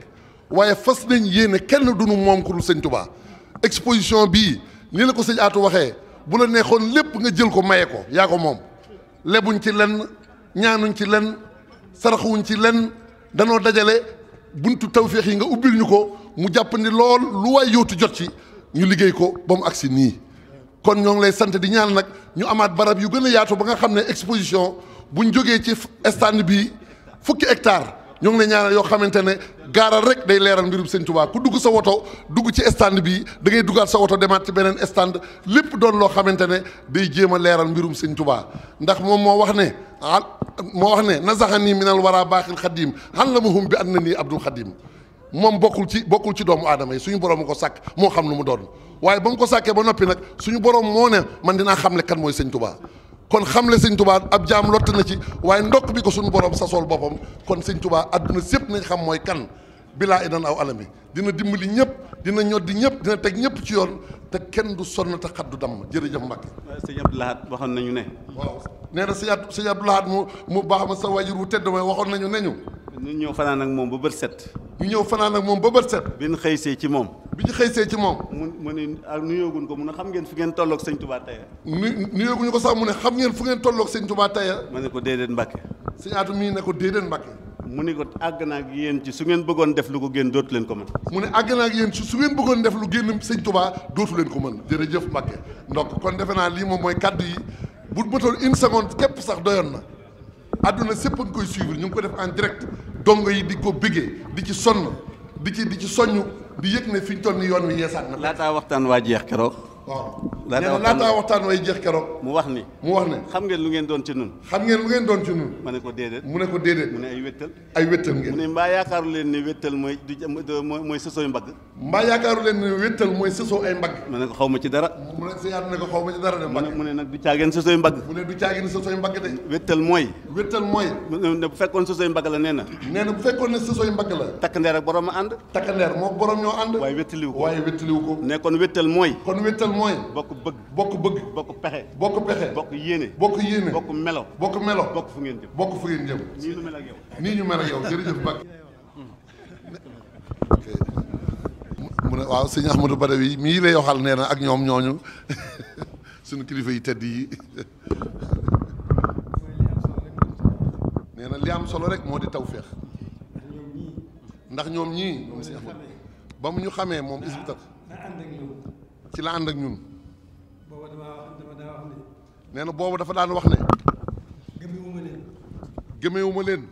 Speaker 10: waaye fas nañ yéene kenn duñu moom ku dul bii nii la ko sëñ Atou waxee bu la neexoon lépp nga jël ko maye ko yaa ko moom lebuñ ci lenn ñaanuñ ci lenn saraxuwuñ ci lenn danoo dajale buntu tawféex yi nga ubbil ñu ko mu jàpp ni lool lu waay yóotu jot ci ñu liggéey ko ba mu agsi nii kon ñoo ngi lay sant di ñaan nag ñu amaat barab yu gën a yaatu ba nga xam ne exposition bu ñu jógee ci stand bii fukki hectare ñoo ngi lay yoo xamante ne gaaral rek day leeral mbirum sëñ Tuubaa ku dugg sa woto dugg ci stand bi dangay ngay duggaat sa woto demaat ci beneen stand lépp doon loo xamante ne day jéem a leeral mbirum sëñ Tuubaa ndax moom moo wax ne ah moo wax ne nasaxanii minal waraa baaxil xadiim allamahum bi nii abdul xadiim moom bokkul ci bokkul ci doomu aadama yi suñu borom ko sàkk moo xam lu mu doon waaye ba mu ko sàkkee ba noppi nag suñu borom moo ne man dinaa xamle kan mooy sëñ kon xam le sëñ tubaa ab jaam lott na ci waaye ndokk bi ko suñu sa sool boppam kon sëñ tubaa àdduna sépp nañ xam mooy kan bilaa idan aw alami dina li ñëpp dina ñoddi ñëpp dina teg ñëpp ci yoon te kenn du sonn te xaddu damm jërëjëf Mbacke. sëñ Abdou Lahad waxoon nañu ne. waaw nee na sëñ Abdou Lahad mu mu baax ma sa wajur wu tedd mooy waxoon nañu ne ñu. ñu ñëw fanaan ak moom ba bët set. ñu ñëw fanaan ak moom ba bët set. bi xëy see ci moom. bi ñu xëysee ci moom. mu mu ne ak ah, nuyooguñ ko mun a xam ngeen fu ngeen tolloog sëñ Touba Taïra. nu nuyooguñu ko sax mu ne xam ngeen fu ngeen tolloog sëñ Touba Taïra. ma ne ko déedéet Mbacke. sëñ Atou mii ne ko déedéet Mbacke. mu ne ko àgg naa ak yéen ci su ngeen bëggoon def lu ko génn dootu leen ko mën. mu ne àgg na ak yéen ci su ngeen bëggoon def lu génn sëñ Touba dootu leen ko mën jërëjëf Mbacke donc kon defe naa lii moom mooy kaddu yi bu bëtoon une seconde képp sax doyoon na àdduna sépp a ngi koy suivre ñu ngi ko def en direct dongo yi di ko bëggee di ci sonn di ci di ci soññ di yëg ne fi ñu toll ni yoon wi yeesaat na laataa waxtaan waa jeex keroog waaw laataa waxtaan laataa waxtaan way jeex keroog. mu wax ni mu wax ne. xam ngeen lu ngeen doon ci nun xam ngeen lu ngeen doon ci nun ma ne ko déedéet mu ne ko déedéet. mu ne ay wéttal ay wéttal ngeen. mu ne mbaa yaakaaru leen ni wéttal mooy du mooy sësooy mbagg. mbaa yaakaaru leen ni wéttal mooy sësoo ay mbagg. ma xaw ma ci dara. mu ne xaw ma dara de mbagg. mu ne nag du caageen sësooy mbagg. mu ne du caageen sësooy mbagg de. wéttal mooy. wéttal mooy. ne bu fekkoon sësooy mbagg la nee na. nee na bu fekkoon ne sësooy mbagg la. takk ndeer ak borom a ànd. takk ndeer moo borom ñoo ànd. waaye wéttaliwu ko waaye wéttaliwu ko. ne kon wéttal mooy. kon wéttal mooy. bokk bëgg bokk bëgg. bokk pexe bokk bokk yéene bokk yéene. bokk melo bokk melo. bokk fu ngeen jëm bokk fu ngeen jëm. nii ñu mel ak yow nii ñu mel ak yow jërëjëf Mbacke. ok mu ne waaw sëñ Ahmadou Badawi mii lay waxal nee na ak ñoom ñooñu suñu kilifa yi tedd yi. nee na li am solo rek moo di tawféex ndax ñoom ñii moom ba mu ñu xamee moom is ci la ànd ak ñun. boobu damaa na boobu dafa daan wax ne. gëmewuma leen. gëmewuma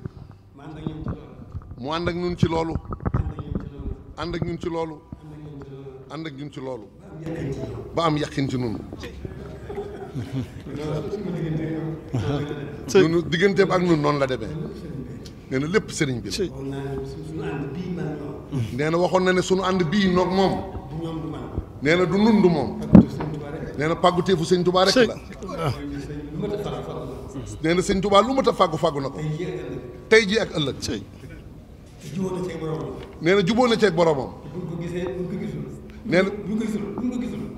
Speaker 10: mu ànd ak ñun ci loolu. mu ànd ak ñun ci loolu. ànd ak ñun ci ci loolu. ba am yàqin ci ñun. noonu digganteem ak ñun noonu la deme nee na lépp sëriñ bi la. na waxoon na ne sunu ànd bii noog moom. nee na du nun du moom nee na pàgguteefu sëñ tubaa rek la nee na sëñ tubaa lu mat a fàggu fàggu na ko tey jii ak ëllëg nee na jubóo na ceeg boromam nee na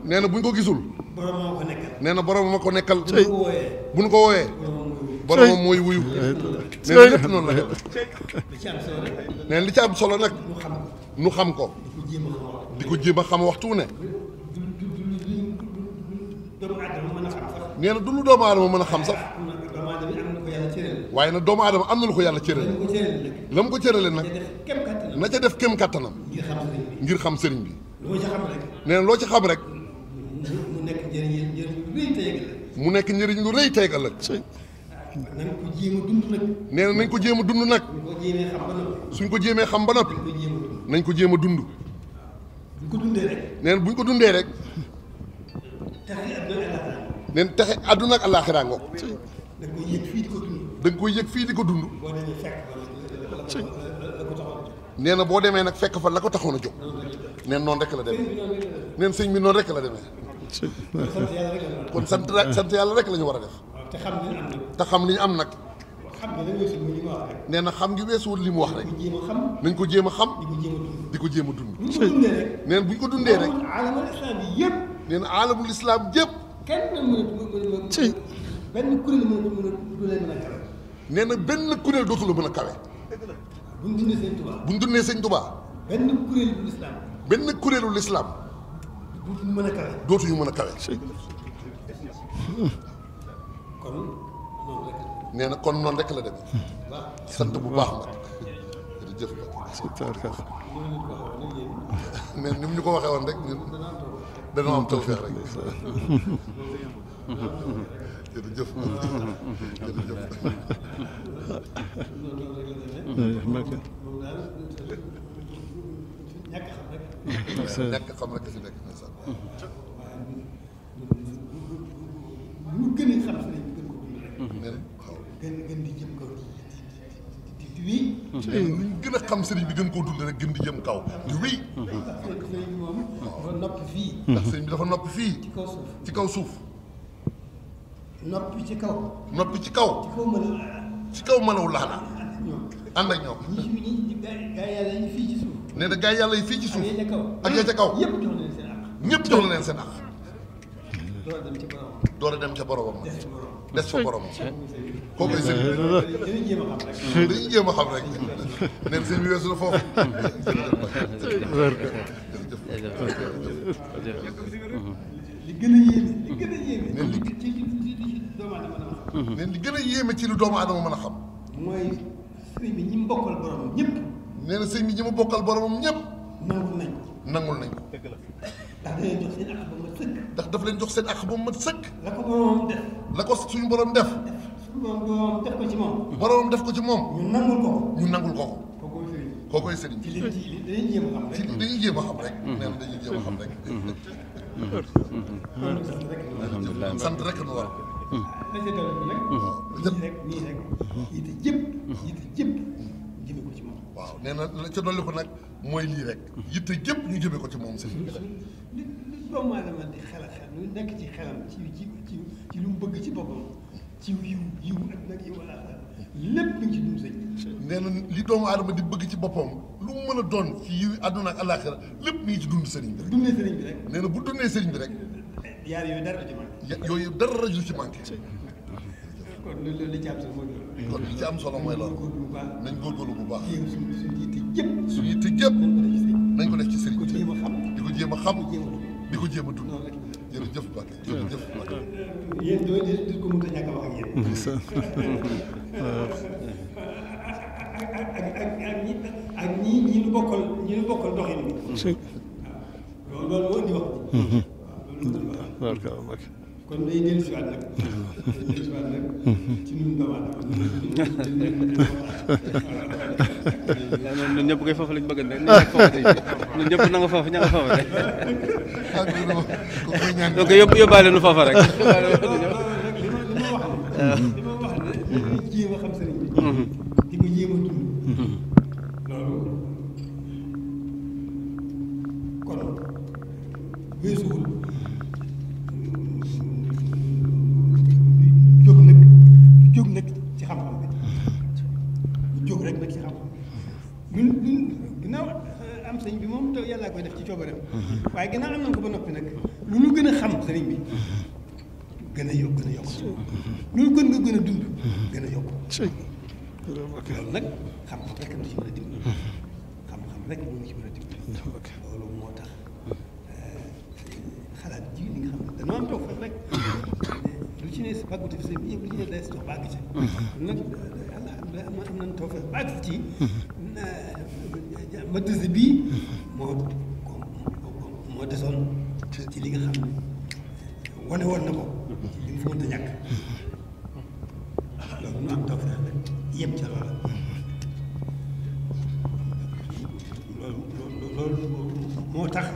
Speaker 10: nee na bu ñu ko gisul nee na boromam a ko nekkal bu ñu ko wooyee boromam mooy wuyu nee na lépp la def li ci am solo nag nu xam ko di ko jéem a xam waxtu ne doomu aadama du lu doomu aadama mën a xam sax. waaye nag doomu aadama am na lu ko yàlla cëral. la mu ko cëralee nag. na ca def kem kattanam. ngir xam sëriñ bi. loo ci xam rek. mu nekk njëriñ ko jéem a dund nag. nañ ko jéem a dund nag. suñ ko jéemee xam ba noppi. nañ ko jéem a dund. buñ ko dundee ko dundee rek. neen texe àdduna ak àllaaxiraa ngoog
Speaker 2: da nga koy yëg fii di ko dund.
Speaker 10: da nga koy yëg fii di ko na boo demee nag fekk fa la ko taxoon a jóg. noonu rek la demee. neen sëñ bi noonu rek la demee. kon sant sant yàlla rek la war a def. te xam li am nag. te nee na xam ngi weesuwul li mu wax rek. ko jéem a xam. di ko jéem a dund. di ko dund. neen bu ñu ko dundee rek. nee na aalamul islaam jëpp. kenn mënut ci benn kuréel na benn kuréel dootu la mën a kawe. bu ñu dundee sëñ benn kuréelu lislaam. benn kuréelu lislaam. dootuñu mën a mën a kawe. kon na kon noonu rek la dem. sant bu baax nag.
Speaker 9: jërëjëf.
Speaker 10: nee ni mu ñu ko waxee woon rek dana am tawfeex rek. jërëjëf jërëjëf.
Speaker 2: nekk
Speaker 10: xam rek si nekk na sax. lu gën a xam si lañ gën ko gën di jëm oui. ñu gën a xam sëriñ bi gën koo dund rek gën di jëm kaw. oui. dafa noppi fii. ndax sëriñ bi dafa noppi fii. ci kaw suuf ci kaw suuf. noppi ci kaw. noppi ci kaw. ci kaw mënaw laala. ànd ak ñoom. ñi gaa yàlla yi fii ci gaa yàlla yi fii ci suuf. ak ya ca kaw ñëpp jox leen seen àq. leen seen àq. door a dem ca boromam. door a dem des fa boromam. xoolal sëñ bi dañuy jéem a xam rek neen sëñ bi weesu na foofu. li gën a yéeme li gën a yéeme. neen li ci li doomu aadama mën a xam. neen li gën a yéeme ci lu doomu aadama mën a xam. mooy sëñ bi ñi mu bokkal boromam ñëpp. nee na sëñ bi ñi mu bokkal boromam ñëpp. nangul nañ ko nangul nañ ko. dëgg la ndax dañoo jox seen àq ba mu mat sëkk. ndax daf leen jox seen àq ba mu mat sëkk. la ko boromam def. la ko suñu borom def. boroom def ko ci moom. boroom def ko ci moom. ñu nangul ko ñu nangul ko
Speaker 6: ko. koo koy sëriñ ci li dañuy jéem a xam rek ci
Speaker 2: a a xam sant rek nu war. dañu see doon rek. waaw rek nii rek. yite jëpp. yite jëpp jëme ko ci
Speaker 10: moom. waaw nee na ca dolli ko nag mooy lii rek. yite jëpp ñu jëme ko ci moom sëriñ bi. li
Speaker 2: li doomu aadama di ci ci ci ci lu mu bëgg
Speaker 10: ci boppam. ci yiw yiw ak nag lépp li nga ci dund sëñ nee li doomu aadama di bëgg ci boppam lu mu mën a doon ci yiw àdduna ak alaaxira lépp mi ci dund sëriñ bi rek dundee bu dundee sëriñ bi rek yaar yooyu dara ci manqué yooyu dara ju ci manqué kon loolu li ci am solo mooy loolu kon li ci am solo mooy loolu nañ góorgóorlu bu baax suñu yitte jëpp suñu yitte jëpp nañ ko def ci sëriñ bi di ko jéem xam di ko jéem a xam di ko jéem dund jërëjëf Mbacke jërëjëf Mbacke. yéen doo di ko mënut a ñàkk a wax ak yéen. Mm,
Speaker 2: ak ak ak ñi ñi ñu bokkal ñi ñu bokkal doxin bi. waaw loolu moo indi wax. Mm-hmm. waaw loolu moo kon day dellusiwaat nag. Mm-hmm. dellusiwaat nag. Mm-hmm. ci ñun doomu aadama.
Speaker 8: ñëpp koy foofu lañ bëgg rek ñun foofu tey ñun ñëpp na nga foofu ña nga foofu
Speaker 1: donc yóbbaale nu foofa rek. yóbbaale nu foofa
Speaker 2: gannaaw ko ba noppi nag lu ñu gën a xam sëriñ bi gën a yokk gën lu ñu gën nga gën a dund gën a yokk loolu nag xam-xam rek a dimbali xam moo ci mën a dimbali loolu moo tax eh, xalaat ji li nga xam ne dañoo toog fa rek lu ci ne si fàggute bi bi yëpp lu ci ne day si toog bàgg ci nag alhamdulilah am am nañ toog fa bàgg ci mhm. madrasa bii moo moo desoon ci li nga xam ne wane woon na ko li mu mënta ñàkk loolu nu am tawfeex nag yem ca loolu loolu moo tax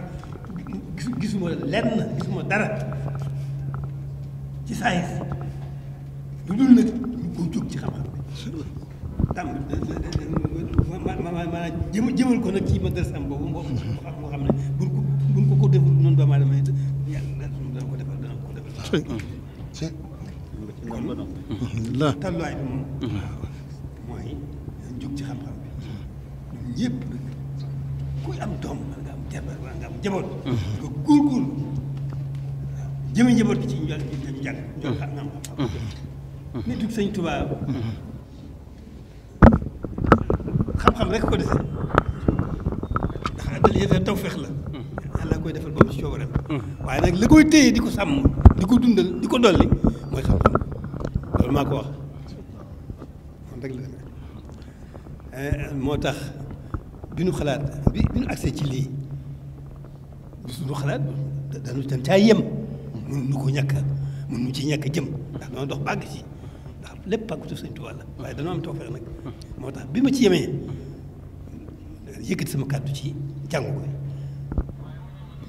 Speaker 2: gis gisuma lenn gisuma dara ci saayir lu dul nag mu jóg ci xam-xam tam ma ma ma jëm jëmal ko nag ci madrasam boobu moo xam ne ku ko deful noonu doomu aadama it yàlla dana ko defal dana ko defal. kon tàlluwaay bi moom. mooy jóg ci xam-xam bi. ñëpp kuy am doom wala nga am jabar wala nga am jaboot. nga góorgóorlu jëme njaboot gi ci njël njël njàng. njël xam nga xam-xam. nit yu sëñ Tuubaa xam-xam rek ko dese ndax dañuy taw feex la. la koy defal boobu si coobareem waaye nag li koy téye di ko sàmm di ko dundal di ko dolli mooy xam-xam loolu maa ko wax moom rek la demee eh, moo tax bi nu xalaat bi bi nu accès ci lii suñu xalaat dañu dañ caa yem mun nu ko ñàkk ci ñàkk jëm ndax dana dox bàgg ci ndax lépp pàggu suuf Sëñ Tuubaa la waaye dañoo am moo tax bi ma ci yemee yëkkati sama kàddu ci jàngu ko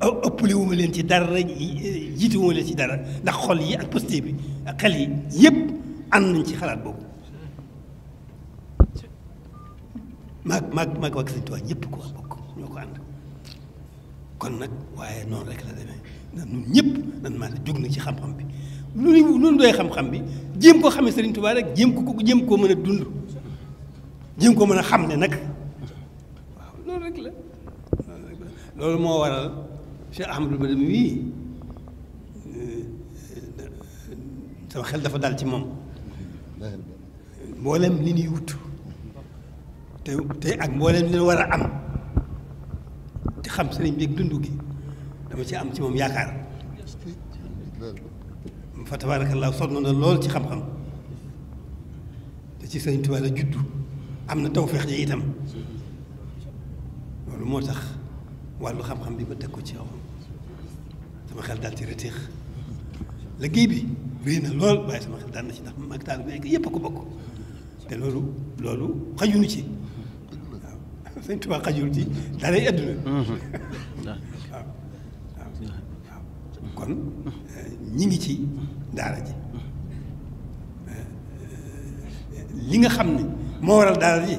Speaker 2: ëppale wu ma leen ci dara jiite wu ma leen ci dara ndax xol yi ak posté bi xel yi yëpp ànd nañ ci xalaat boobu maag maag maag wàgg Sëñ Tuubaa ñëpp ko bokk ñoo ko ànd kon nag waaye noonu rek la demee na ñun ñëpp nan maa ne jóg na ci xam-xam bi lu ñu lu ñu doy xam-xam bi jéem koo xam xamee Sëriñ Tuubaa rek jéem ko jéem koo mën a dund jéem koo mën a xam ne nag rek la loolu moo waral. الشيخ احمد البرمي سما خل دفا دال تي موم مولم لين يوت تي تي اك مولم لين ورا ام تي خم سيرين بيك دوندوغي دا ما سي ام تي موم ياكار فتبارك الله صرنا لول تي خم خم تي سيرين توبا لا جود امنا توفيق جي ايتام لولو موتاخ والو خم خم بي ما تكو تي sama xel daal ci rëteex liggéey bi réy na lool waaye sama xel daal na ci ndax mag taal bi nekk yëpp ko bokk te loolu loolu xajunu ci waaw sëñ Tuubaa xajul ci daalay adduna kon ñi ngi ci daara ji li nga xam ne moo waral daara ji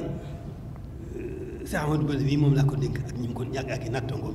Speaker 2: Cheikh Amadou Bada bii moom laa ko i nattangoom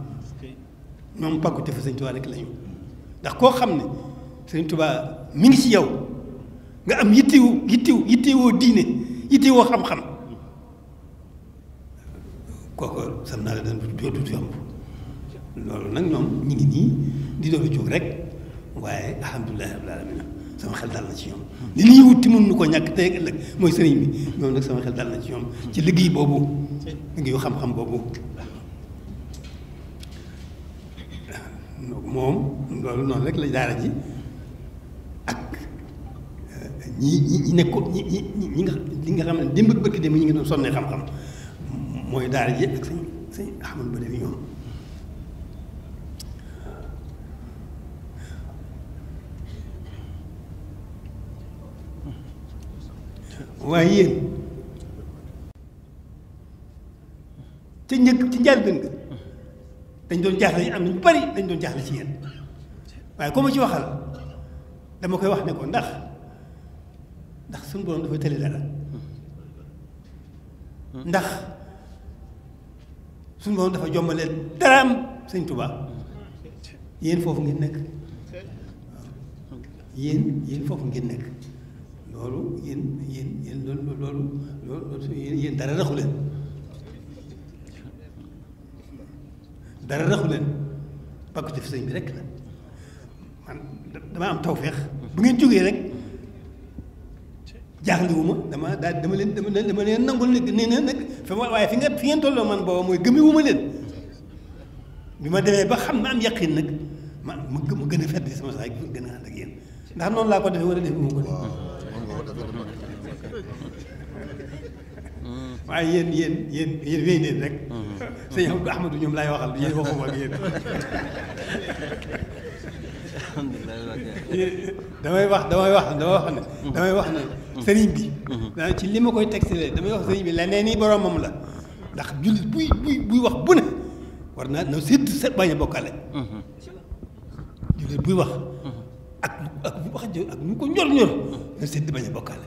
Speaker 2: ñoom pàggute fa sëñ Tuubaa rek lañu ndax koo xam ne sëñ Tuubaa mi ngi ci yow nga am yittiwu yittiwu yittiwoo diine yittiwoo xam-xam kooku sam naa la dana dootu yomb loolu nag ñoom ñu ngi nii di doon jóg rek waaye alhamdulilahi rabbil alamin sama xel dal na ci ñoom li ñuy wutti mën nu ko ñàkk tey ëllëg mooy sëriñ bi ñoom nag sama xel dal na ci ñoom ci liggéey boobu liggéeyu boobu moom loolu noonu rek lay daara ji ak euh, ñi ñi nekkoon ñi ñi ñi nga nga xam ne démb bëkk dem ñi ngi doon sonnee xam-xam mooy daara ji ak sañ sañ xamal ba defi ñoom waaye yéen ca njëkk ci njëlbéen dañ doon jaaxle am nañu bari dañ doon jaaxle ci yéen waaye comme ci waxal dama koy wax ne ko ndax ndax suñu borom dafa tële dara ndax suñu borom dafa jombalee dara am sëñ Tuubaa yéen foofu ngeen nekk
Speaker 9: yéen yéen foofu ngeen nekk
Speaker 2: loolu yéen yéen yéen loolu loolu loolu yéen dara raxu leen در رخلن بکو تفسیم بیرکن من دمام توفیق بگین چو گیرک جاگن دوما دما دما لین دما لین دما لین نگون لین نین نین نک فهم وای فینگ فین تو لو من با موی گمی وما لین بیم دما با خم نام یقین نک مگ مگ نفرت دیس مسایک گنا دگیر دارن ولی کدوم ولی دیم مگ waaye yéen yéen yéen yéen wéy leen rek sëñ Abdou
Speaker 3: Ahmadou ñoom laay waxal yéen waxuma ak yéen damay wax damay wax damay wax ne damay wax ne sëriñ bi
Speaker 2: daa ci li ma koy tegtale damay wax sëriñ bi leneen i boromam la ndax jullit buy buy buy wax bu ne war naa na sédd sa bañ a bokkale jullit buy wax ak ak wax ak ñu ko ñor ñor na sédd bañ a bokkale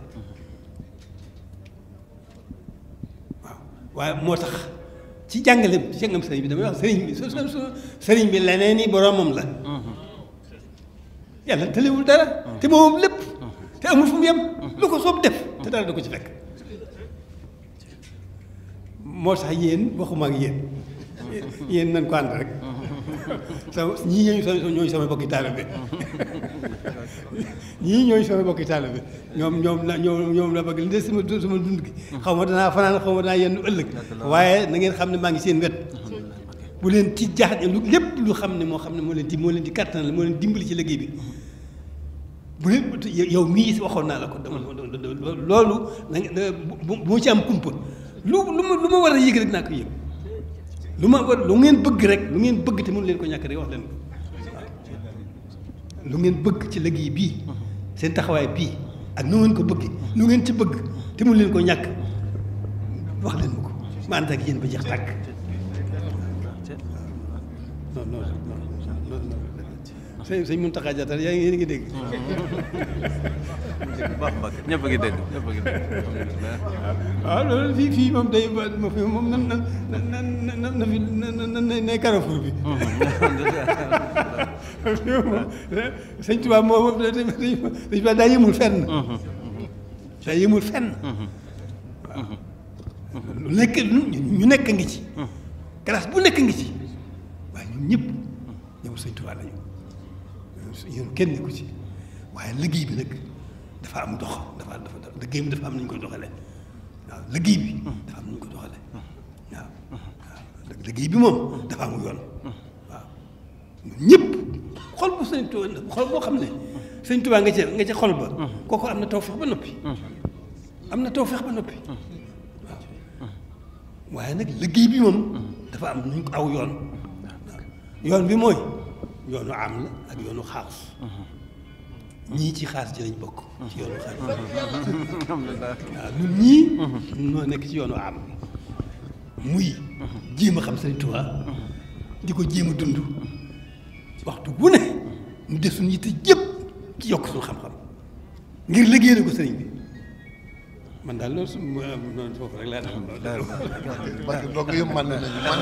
Speaker 2: waaye moo tax ci jàngale ci jàngam sëriñ bi damay wax sëriñ bi su su sëriñ bi leneen i boromam la. yàlla tëlewul dara. te moom lépp. te amul fu mu yem. lu ko soob def te dara du ko ci fekk. moo tax yéen waxuma ak yéen yéen ko ànd rek. sama ñii ñooñu sama ñooñu sama bokki taalibe ñii ñooñu sama bokki taalibe ñoom ñoom na ñoom ñoom la bëgg li des sama sama dund gi xaw ma danaa fanaan xaw ma danaa yenn ëllëg waaye na ngeen xam ne maa ngi seen wet bu leen ci jaaxle lu lépp lu xam ne moo xam ne moo leen di moo leen di kattan la moo leen dimbali ci liggéey bi bu leen yow mii waxoon naa la ko dama loolu na bu mu ci am kumpa lu lu ma lu ma war a yëg rek naa ko yëg lu ma lu ngeen bëgg rek lu ngeen bëgg te mënu leen ko ñàkk rek wax leen ko lu ngeen bëgg ci liggéey bii seen taxawaay bii ak nu ngeen ko bëgg lu ngeen ci bëgg te mënu leen ko ñàkk wax leen ma ko ma ànd ak yéen ba jeex tàkk saya sëñ Mountakha Diatta tadi yang ini mau nan nan nan nan nan
Speaker 3: lu ñu
Speaker 2: ci. classe hmm. bu ci يمكنني كشي وهي لقي بنك دفع مدخل دفع دفع لقي مدفع من يقول دخل لقي بي دفع من يقول دخل
Speaker 5: لقي بي مم دفع نعم، نعم، نعم. مويون نيب خلبو سنتو خلبو
Speaker 2: خمنة سنتو بانجى بانجى خلبو كوكو أمنا توفيق بنوبي أمنا توفيق بنوبي وهي نك لقي بي مم دفع من يقول أويون يون بي موي يون عامله ak yoonu xaas. Mm-hmm. ñii ci xaas ji lañ bokk. Mm-hmm. ci yoonu xaas. Mm-hmm. waaw ñun ñii. noo nekk ci yoonu am. muy. jéem xam Sëriñ di ko jéem a dund. waxtu bu ne ñu def suñu yitte jëpp ci yokk suñu xam-xam. ngir liggéeyal ko sëriñ bi. man
Speaker 10: daal loolu su ma noonu foofu rek laa. d' accord d' accord parce que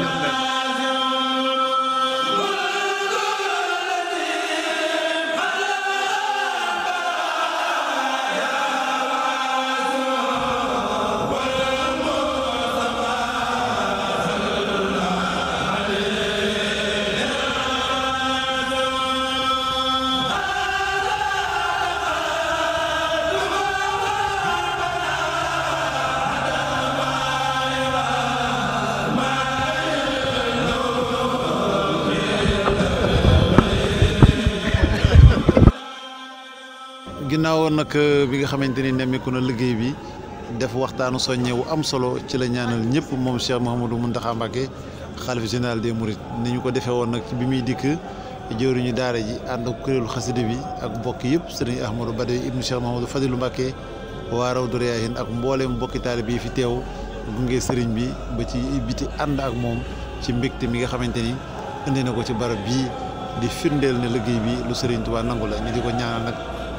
Speaker 9: nag euh, bi nga xamante ni nemmeeku na liggéey bi def waxtaanu soññe wu am solo ci la ñaanal ñëpp moom Cheikh Mouhamadou Mountakha Mbacké xalif général des Mourides ni ñu ko defee woon nag ci bi muy dikk jëwriñu daara ji ànd ak kuréelu xasida bi ak mbokk yëpp sëriñ Ahmadou Bade ibnu Cheikh Mouhamadou Fadilou Mbacké waa Rawdu Rayaahin ak mbooleem mbokki taalibe yi fi teew gunge sëriñ bi ba ci biti ànd ak moom ci mbégte mi nga xamante ni indi na ko ci barab bii di firndeel ne liggéey bi lu sëriñ Tuubaa nangu la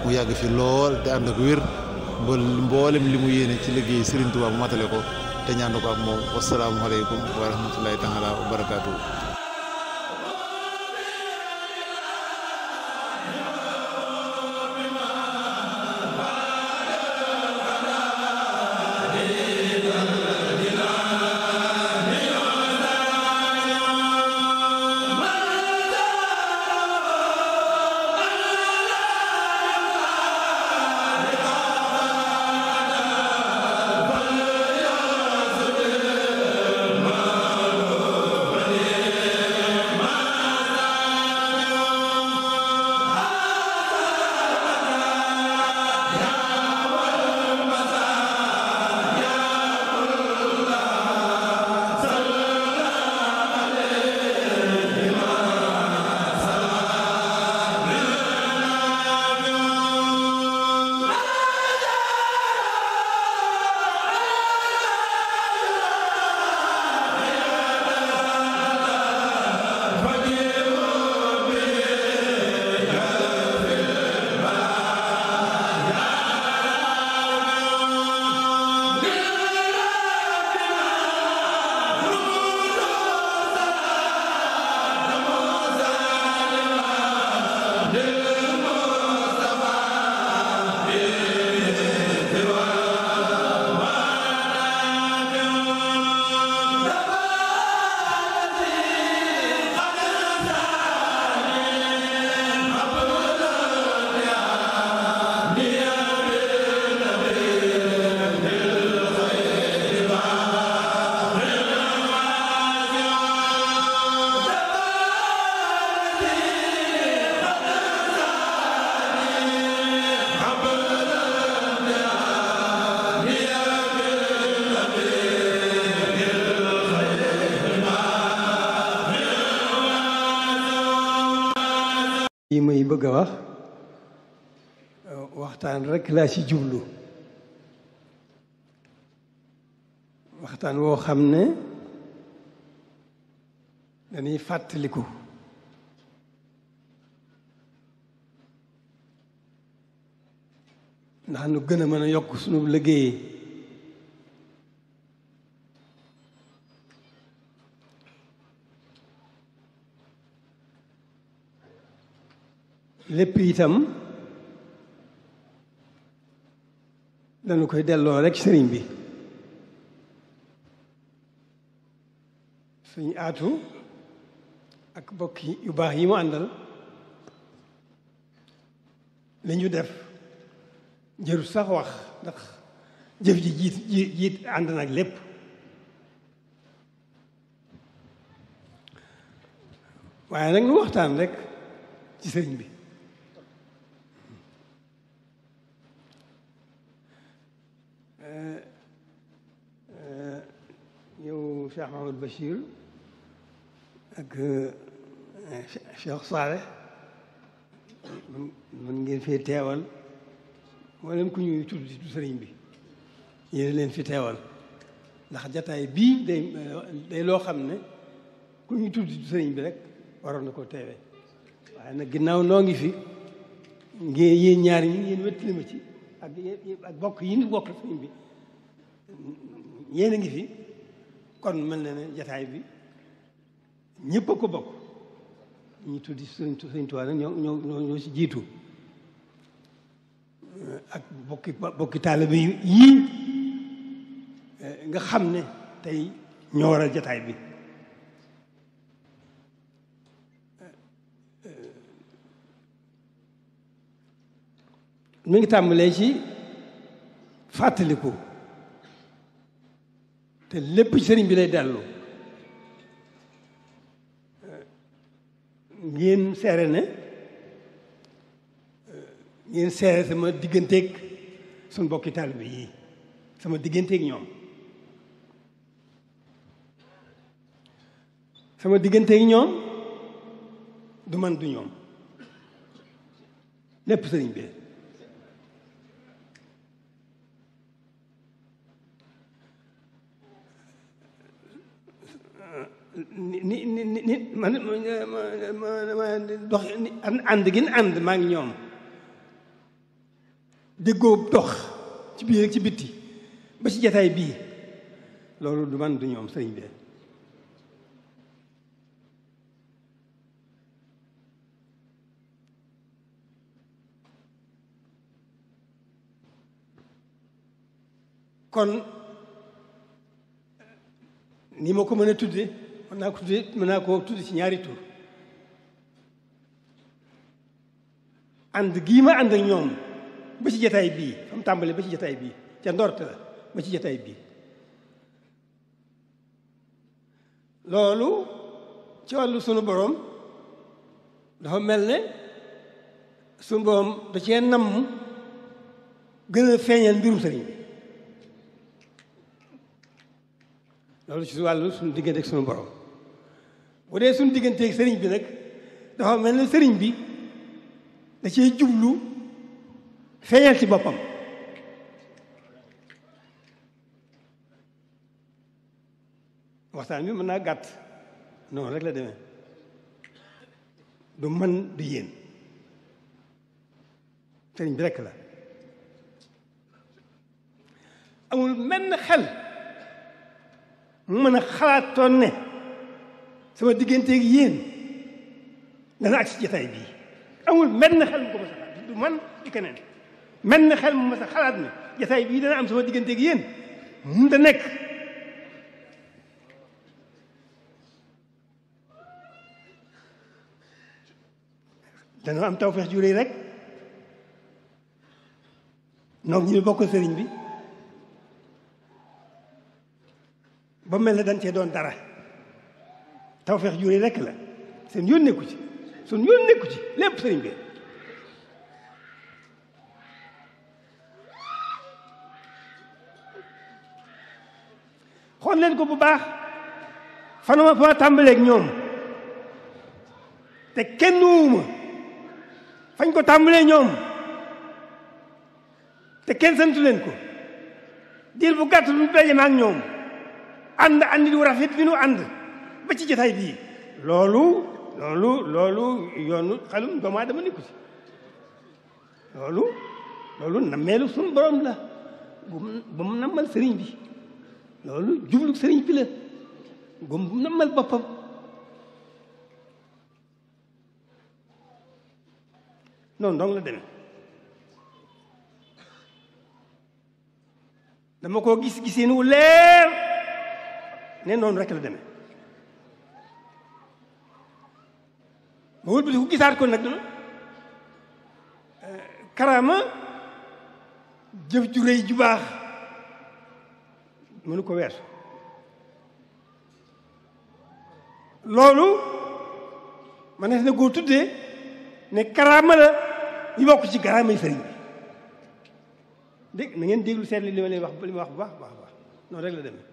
Speaker 9: mu yàgg fi lool te ànd ak wér ba mboolem li mu yéene ci liggéey Serigne Touba mu matale ko te ñaan ko ak moom wasalaamualeykum wa rahmatullahi taala wa barakaatu.
Speaker 2: waxtaan rekk laa ci jublu waxtaan woo xam ne dañuy fàttaliku ndax nu gën a mën a yokk sunu liggéey lépp itam dañu koy delloo rekk sëriñ bi suñu aatu ak bokk yu baax yi mu àndal li ñu def jëru sax wax ndax jëf ji jiit jiit ànd nag lépp waaye nag nu waxtaan rekk ci sëriñ bi yow Cheikh Mahamadou Bachir ak Cheikh Saleh mën ngeen fi teewal mboolem ku ñuy tudd ci sëriñ bi yéen leen fi teewal ndax jataay bii day day loo xam ne ku ñu tudd ci sëriñ bi rek waroon na ko teewee waaye na ginnaaw noo ngi fi ngeen yéen ñaar ñi ngeen wéttali ma ci ak bokk yi ni bokk sëriñ bi yéen a ngi fi kon mel na ne jataay bi ñëpp a ko bokk ñu tuddi sëñ sëñ Tuubaa nag ñoo ñoo ñoo si jiitu eh, ak bokki bokki taalibe yii eh, nga xam ne tey ñoo waral jataay bi eh, mu ngi tàmbalee ci ko te lépp sëriñ bi lay dellu ngeen seere ne ngeen seere sama digganteeg suñ bokki bi yi sama digganteeg ñoom sama digganteeg ñoom du man du ñoom lépp sëriñ bi ni ni ni man dox ànd gin ànd maa ngi ñoom déggoo dox ci biir ci bitti ba ci jataay bii loolu du man du ñoom sëriñ bi kon ni ma ko mën a tudde mën naa ko tuddee mën naa koo tudd ci ñaari tur ànd gii ma ànd ñoom ba ci jataay bii fa mu ba ci jataay bi ca ndorte ba ci jataay bi loolu ci wàllu sunu borom dafa mel ne sunu borom da cee namm gën a feeñal mbirum sëriñ bi loolu ci wàllu sunu diggante ak sunu borom bude sun digante ak serigne bi rek dafa melni serigne bi da cee djublu feñal ci bopam waxtan bi mën gàtt non rek la démé du man du yéen serigne bi rek la amul men xel mu mën a xalaatoon ne سوا ديجنتي يين لا ناكس جي تايبي اول من خل مكو مسخ دو من ديكنن من خل مكو مسخ خلادني جي تايبي دا ام سوا ديجنتي يين مون دا نيك دا نو ام توفيخ جولي رك نو ني بوكو سيرين بي ba mel ne dañ cee doon dara tawfeex jure rekk la seen yoon nekku ci sun yoon nekku ci lépp sëriñ bi
Speaker 5: xool leen ko bu baax fanama fa tàmbaleeg ñoom
Speaker 2: te kenn wuuma fañ ko tàmbalee ñoom te kenn santu leen ko diir bu gàtt lu daje ma ak ñoom ànd àndit wu rafet bi nu ànd ba ci jotaay bii Lalu, lalu, loolu yoonu xelum doomu aadama nekku ci Lalu, loolu nammeelu suñu borom la bu mu nammal sëriñ bi loolu jublu sëriñ bi la bu mu nammal boppam noonu dong la demee dama koo gis-giseen leer ne noonu rek la demee ma wëlbati ku gisaat ko nag karaama jëf ju rëy ju baax mënu ko weer loolu ma ne na koo tuddee ne karaama la ñu bokk ci karaama yi sëriñ bi dégg na ngeen déglu seetli li ma leen wax li ma wax bu baax baax baax noonu rek la demee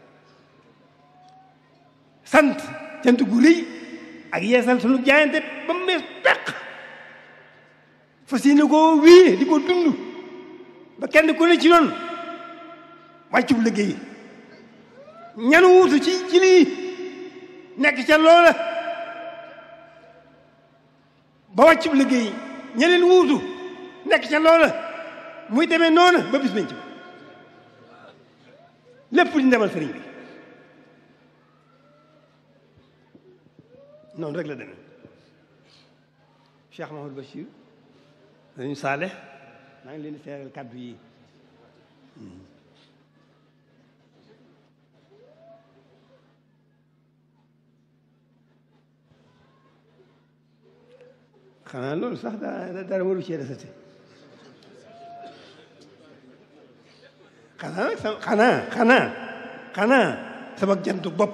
Speaker 2: sant cant gu ak yeesal sunu jaayante ba mu mees peq fas ko koo wii di ko dund ba kenn ko ne ci noonu wàccub liggéey ñan wuutu ci ci lii nekk ca loola ba wàccub liggéey ñeneen wuutu nekk ca loola muy demee noona ba bis nañ ci lépp di ndemal bi noonu rek la demee Cheikh Mahmoud Bachir dañu saale maa ngi leen di seeral kàddu yi xanaa loolu sax daa dara waru cee desati xanaa nag sa xanaa xanaa xanaa sama jantu bopp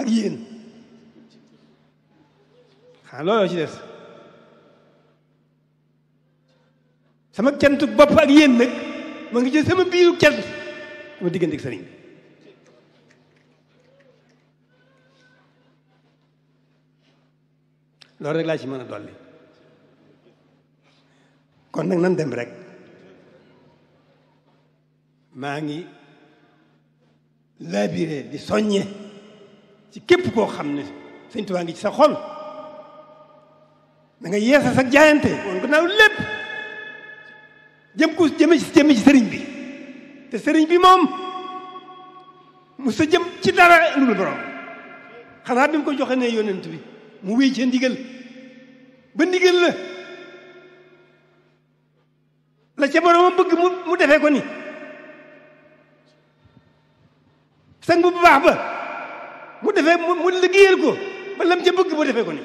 Speaker 2: ak yéen xanaa looloo ci des sama cantu bopp ak yéen nag ma ngi jël sama biiru cant sama diggante ak sëriñ loolu rek laa ci mën a dolli kon nag nan dem rek maa ngi labiré di soññe ci képp koo xam ne Sëñ Tuubaa ngi ci sa xol da nga yeesal jaayante woon gannaaw lépp jëm ku jëme ci jëme ci sëriñ bi te sëriñ bi moom mu sa jëm ci dara lu dul borom xanaa bi ko joxe ne yonent bi mu wéy ci bën ba ndigal la la ca boromam bëgg mu mu ko ni sang bu baax ba mu defee mu liggéeyal ko ba lam ca bëgg mu defee ko ni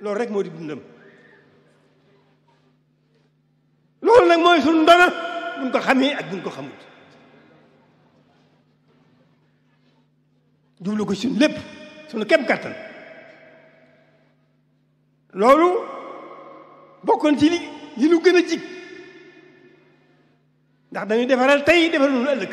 Speaker 2: loolu rek moo di dundam loolu nag mooy suñu ndona buñ ko xamee ak buñ ko xamut jublu ko suñu lépp suñu kem kàttan loolu bokkoon ci li li ñu gën a jig ndax dañuy defaral tey defaral lu ëllëg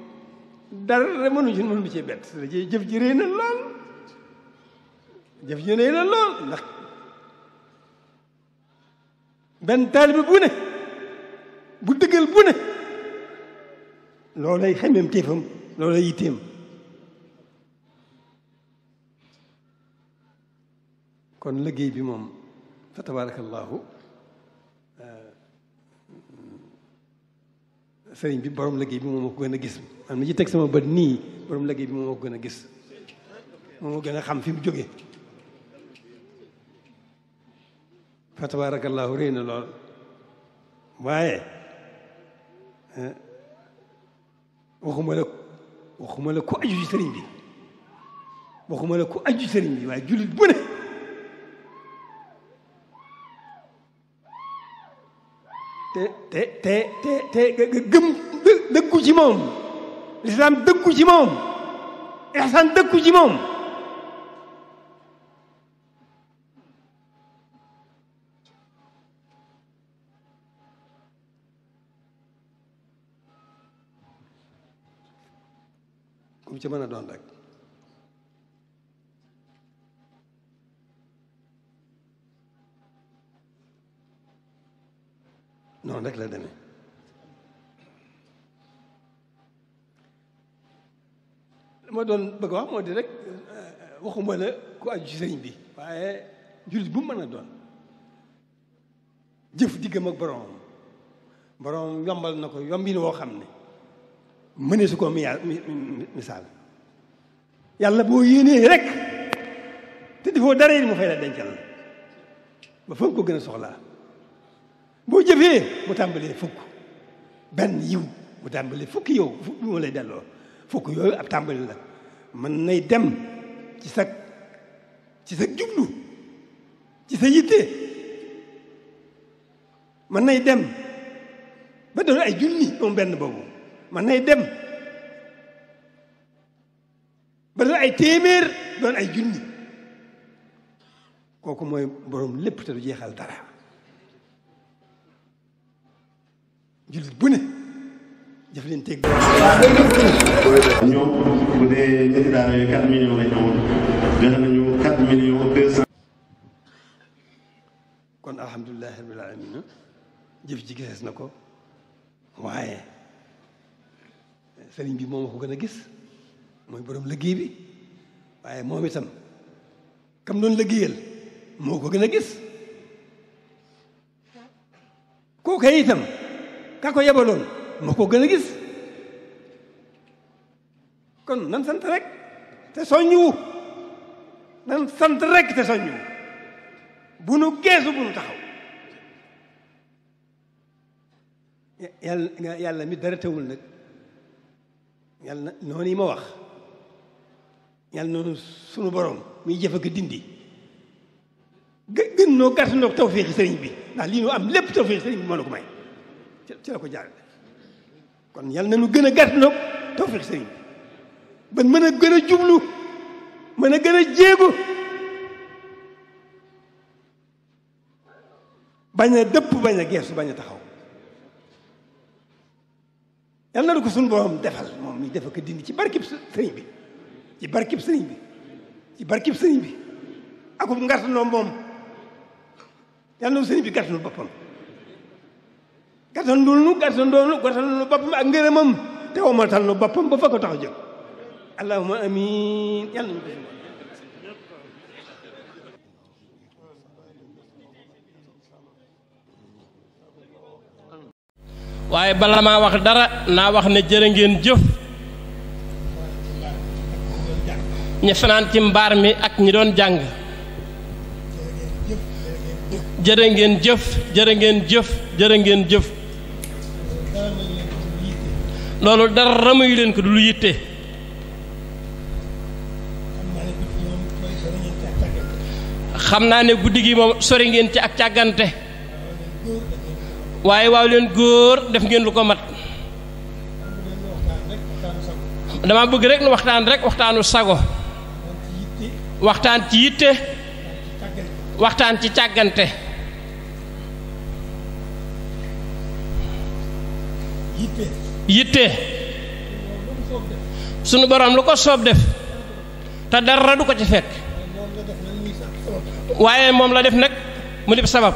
Speaker 2: dara mënuñu ci mënuñu ci bett jëf ji rëy na lool jëf ji rëy na lool ndax benn taalibe bu ne bu dëggal bu ne loolay xemem téefam loolay yitteem kon liggéey bi moom fa tabarakallahu sëriñ bi borom liggéey bi moom moo ko gën gis man mi ci teg sama bët nii borom liggéey bi moom moo ko gën a gis moom moo gën a xam fi mu jóge fa tabaarakallaahu réy na lool waaye eh, waxuma ko waxuma la ku bi waaye jullit bu te te te te te nga gëm dëkku ci moom lislaam dëkku ci moom
Speaker 5: ihsaan dëkku ci moom
Speaker 2: ku ci mën a doon rek noonu rek la demee li doon bëgg wax moo di rek eh, waxuma la ku aju ci bi waaye jullit bu mën a doon jëf diggam ak boroom boroom yombal na ko yombin woo xam ne mëne su ko misaal yàlla boo yéenee rek te defoo dara yi mu fay la dencal ba fa ko gën a soxlaa boo jëfee mu tàmbalee fukk benn yiw mu tàmbalee fukk yow fukk bi mu lay delloo fukk yooyu ab tàmbali la man nay dem ci sa ci sa jublu ci sa yitte mën nay dem ba doon ay junni moom benn boobu man nay dem ba doon ay téeméer doon ay junni kooku mooy borom lépp te du jeexal dara
Speaker 12: jullit bu ne jëflanteeg bi. ñoom
Speaker 9: bu dee ñetti daara yooyu 4 millions la ñu amoon joxe nañu 4 millions 200.
Speaker 2: kon alhamdulilah rabil aalamiina jëf ji gisees na ko waaye sëriñ bi moom ko gën a gis mooy borom liggéey bi waaye moom itam kam doon liggéeyal moo ko gën a gis kooku itam. ka ko yebaloon moo ko gën a gis kon nan sant rek te soññuwu nan sant rek te soññuwu bu nu geesu bu nu taxaw yàlla yàlla mi dara tawul nag yàlla noonu yi ma wax yàlla noonu sunu borom muy jëf ak dindi gën noo gàtt ndoog tawféexi sëriñ bi ndax lii nu am lépp tawféexi sëriñ bi moo na ko may ci la ko jaarale kon yal na nu gën a gàtt nag tawfeex sëriñ bi
Speaker 5: ban mën a gën a jublu mën a gën a jéegu
Speaker 2: bañ a dëpp bañ a geesu bañ a taxaw yal na nu ko suñu borom defal moom mi defa ko dindi ci barkib sëriñ bi ci barkib sëriñ bi ci barkib sëriñ bi akub ngartanoo moom yal na nu sëriñ bi gàttanu boppam gàttandul nu gàttandoo boppam ak ko tax a
Speaker 11: waaye bala maa wax dara naa wax ne jërë ngeen jëf ñi fanaan ci mbaar mi ak ñi doon jàng jërë ngeen jëf jërë ngeen jëf jërë ngeen jëf loolu dara mayu leen ko du lu yitte xam naa ne guddi gi moom sori ngeen ci ak càggante waaye waaw leen góor def ngeen lu ko mat dama bëgg rek nu waxtaan rekk waxtaanu sago waxtaan ci yitte waxtaan ci càggante yitte sunu borom lu ko soob def te dara du ko ci fekk waaye moom la def nag mu def sabab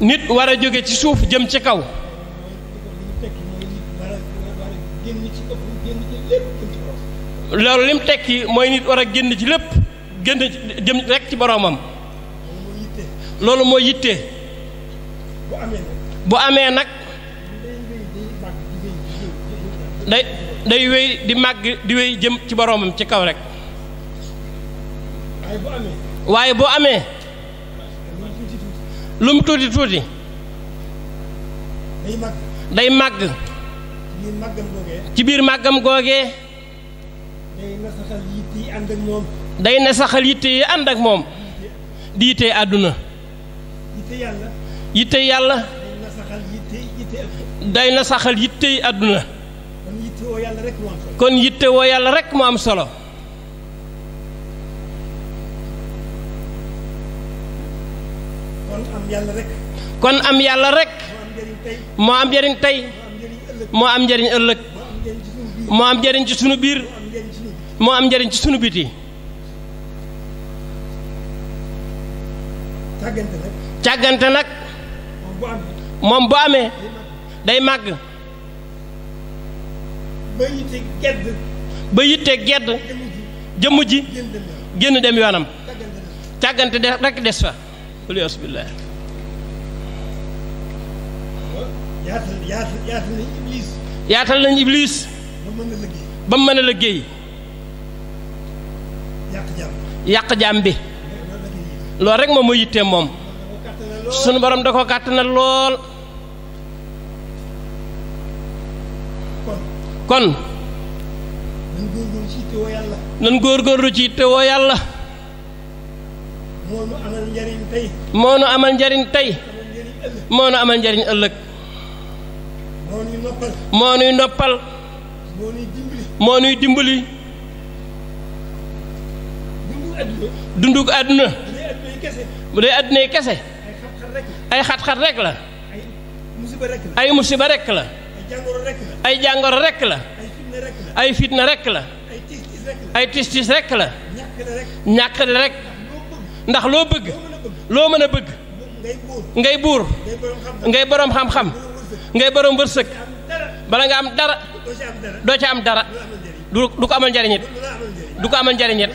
Speaker 11: nit war a jóge ci suuf jëm ci kaw loolu lim tekki mooy nit war a génn ci lépp génn jëm rek ci boromam loolu mooy bu amee nag day day wéy di màgg di wéy jëm ci boroomam ci kaw rek waaye bu amee lu mu tuuti tuuti day màgg ci biir màggam googee day nasaxal yitte yi ànd ak moom di yitte àdduna
Speaker 2: yitte
Speaker 11: yitte yàlla day na saxal yitte yi àdduna kon yitte yàlla rek mu am solo kon am yàlla rekk moo am njëriñ tey moo am njëriñ ëllëg moo am njëriñ ci sunu biir moo am njëriñ ci sunu biti càggante nag moom bu amee day màgg ba yitte gedd ba yitte gedd jëmm ji génn dem yoonam càggante de des fa yaatal nañ ibliis ba mu mën a liggéey yàq jaam bi loolu rek moom mooy yittee moom sun borom da ko kàttanal lol kon nan gor gor ci yittewoo yàlla
Speaker 2: moo nu amal njariñ tay
Speaker 11: mono amal njariñ tay mono amal njariñ ëllëg moo nopal mono moo nuy noppal moo dimbali moo nuy dimbali dunduk aduna bu dee àddunay kese ay xat-xat rek la ay musiba rek la ay jàngoro rek la ay fitna rek la ay tis-tis rek la ñak la rek ndax lo bëgg lo mëna bëgg ngay bur ngay borom xam-xam ngay borom wërsëg bala nga am dara do ci am dara du ko amal jariñit du ko amal njariñet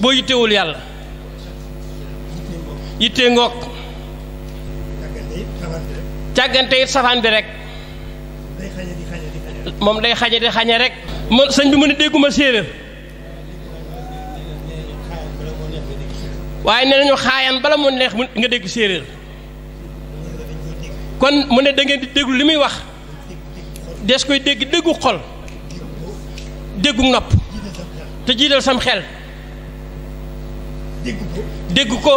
Speaker 11: boo yittewul yalla yitte ngok càggante it safaan bi rek moom day xañe di xañe rek man sëñ bi mu ne dégguma séeréer waaye nee nañu xaayaan bala mu neex nga dégg séeréer kon mu ne da ngeen di déglu li muy wax des koy dégg déggu xol déggu nopp te jiital sam xel dégg ko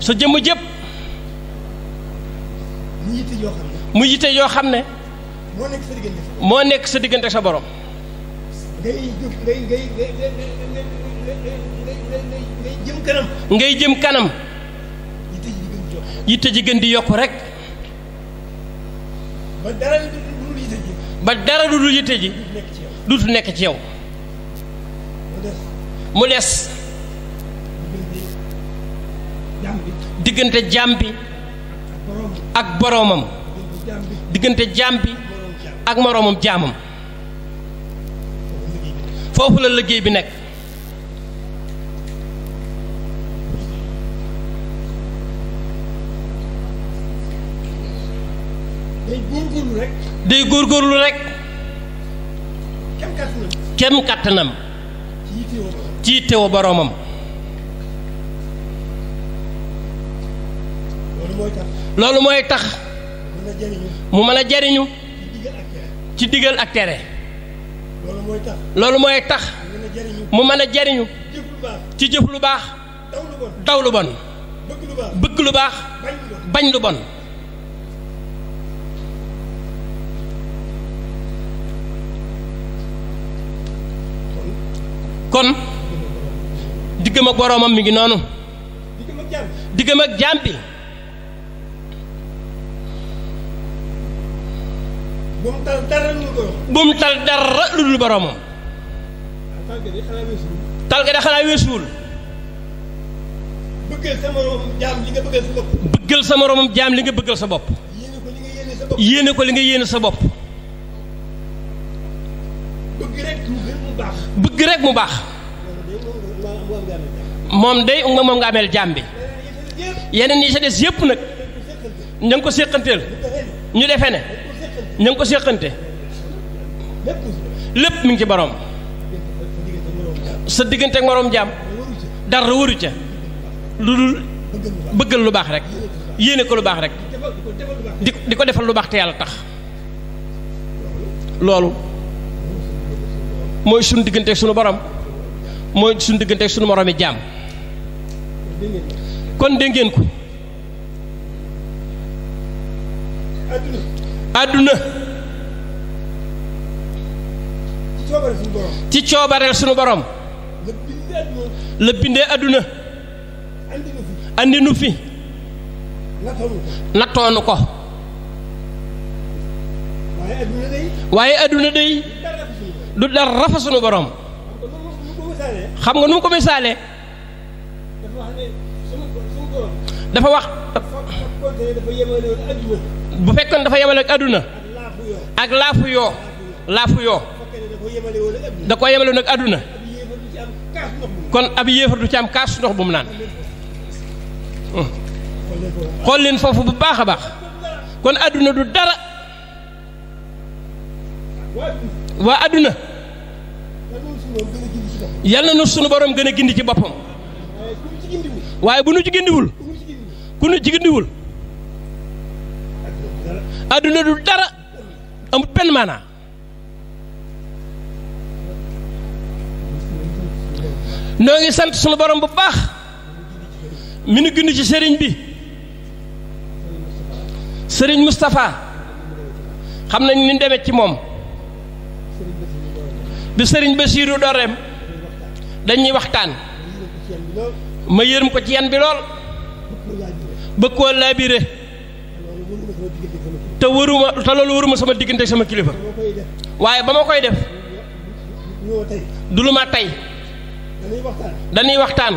Speaker 11: sa jëmm jëpp mu yitte yoo xam ne.
Speaker 2: mu
Speaker 11: moo nekk sa diggante sa. moo borom. ngay jëm kanam. ngay jëm kanam. yitte ji gën di yokk yitte rek. ba dara du dul yitte ji. ba dara du dul yitte ji. duutu nekk ci yow. mu des. diggante jaam bi. ak boroomam diggante jaam bi ak moroomam jaamam foofu la liggéey bi nekk day góorgóorlu rek. day góorgóorlu rek. kem kàttanam. kem kàttanam. ci yittewoo boroomam. Lalu moy tax mu meuna jariñu ci digal ak téré loolu moy tax mu meuna jariñu ci jëf lu baax daw lu bon bëgg lu baax bañ lu bon kon Dikemak ak boromam mi ngi nonu digëm ak jaam bu mu sa moromam jaam li nga sa bopp. ko li nga yéene sa bopp. yéene
Speaker 2: bëgg rek mu baax.
Speaker 11: bëgg rek mu baax. moom day nga moom nga ameel jaam bi. yeneen yi sa des yëpp nag. ña ko séqanteel. ñu defee ne. ña ngi ko séqante lépp mu ngi ci boroom sa diggante ak moroom jaam dara waru ca lu dul bëggal lu baax rek yéene ko lu baax rek di di ko defal lu baax te yàlla tax loolu mooy suñu diggante ak suñu borom mooy suñu diggante ak suñu moroomi jaam kon dégg ko aduna ci coobareel sunu borom le bindé aduna andinu fi natonu ko waye aduna day du dar rafa sunu borom xam nga nu ko misale dafa wax bu fekkoon dafa yemale ak àdduna ak laafu yoo laafu yoo da ko yemale nag àdduna kon ab yéefar du ci am kaas ndox bu mu naan xool leen foofu bu baax a baax kon àdduna du dara waa àdduna yal na nu sunu borom gën a gindi ci boppam waaye bu nu ci gindiwul ku ne jigéendiwul adduna du dara amul benn maanaa noo ngi sant suma borom bu paax mu nu gindi ci sëriñ bi sëriñ Moustapha xam nañ ni demee ci moom bi sëriñ Basiiru doreem dañuy waxtaan ma yërëm ko ci yan bi lool bëgg koo laabire te waruma te loolu waruma sama diggante sama kilifa waaye ba ma koy def du lu ma tey dañuy waxtaan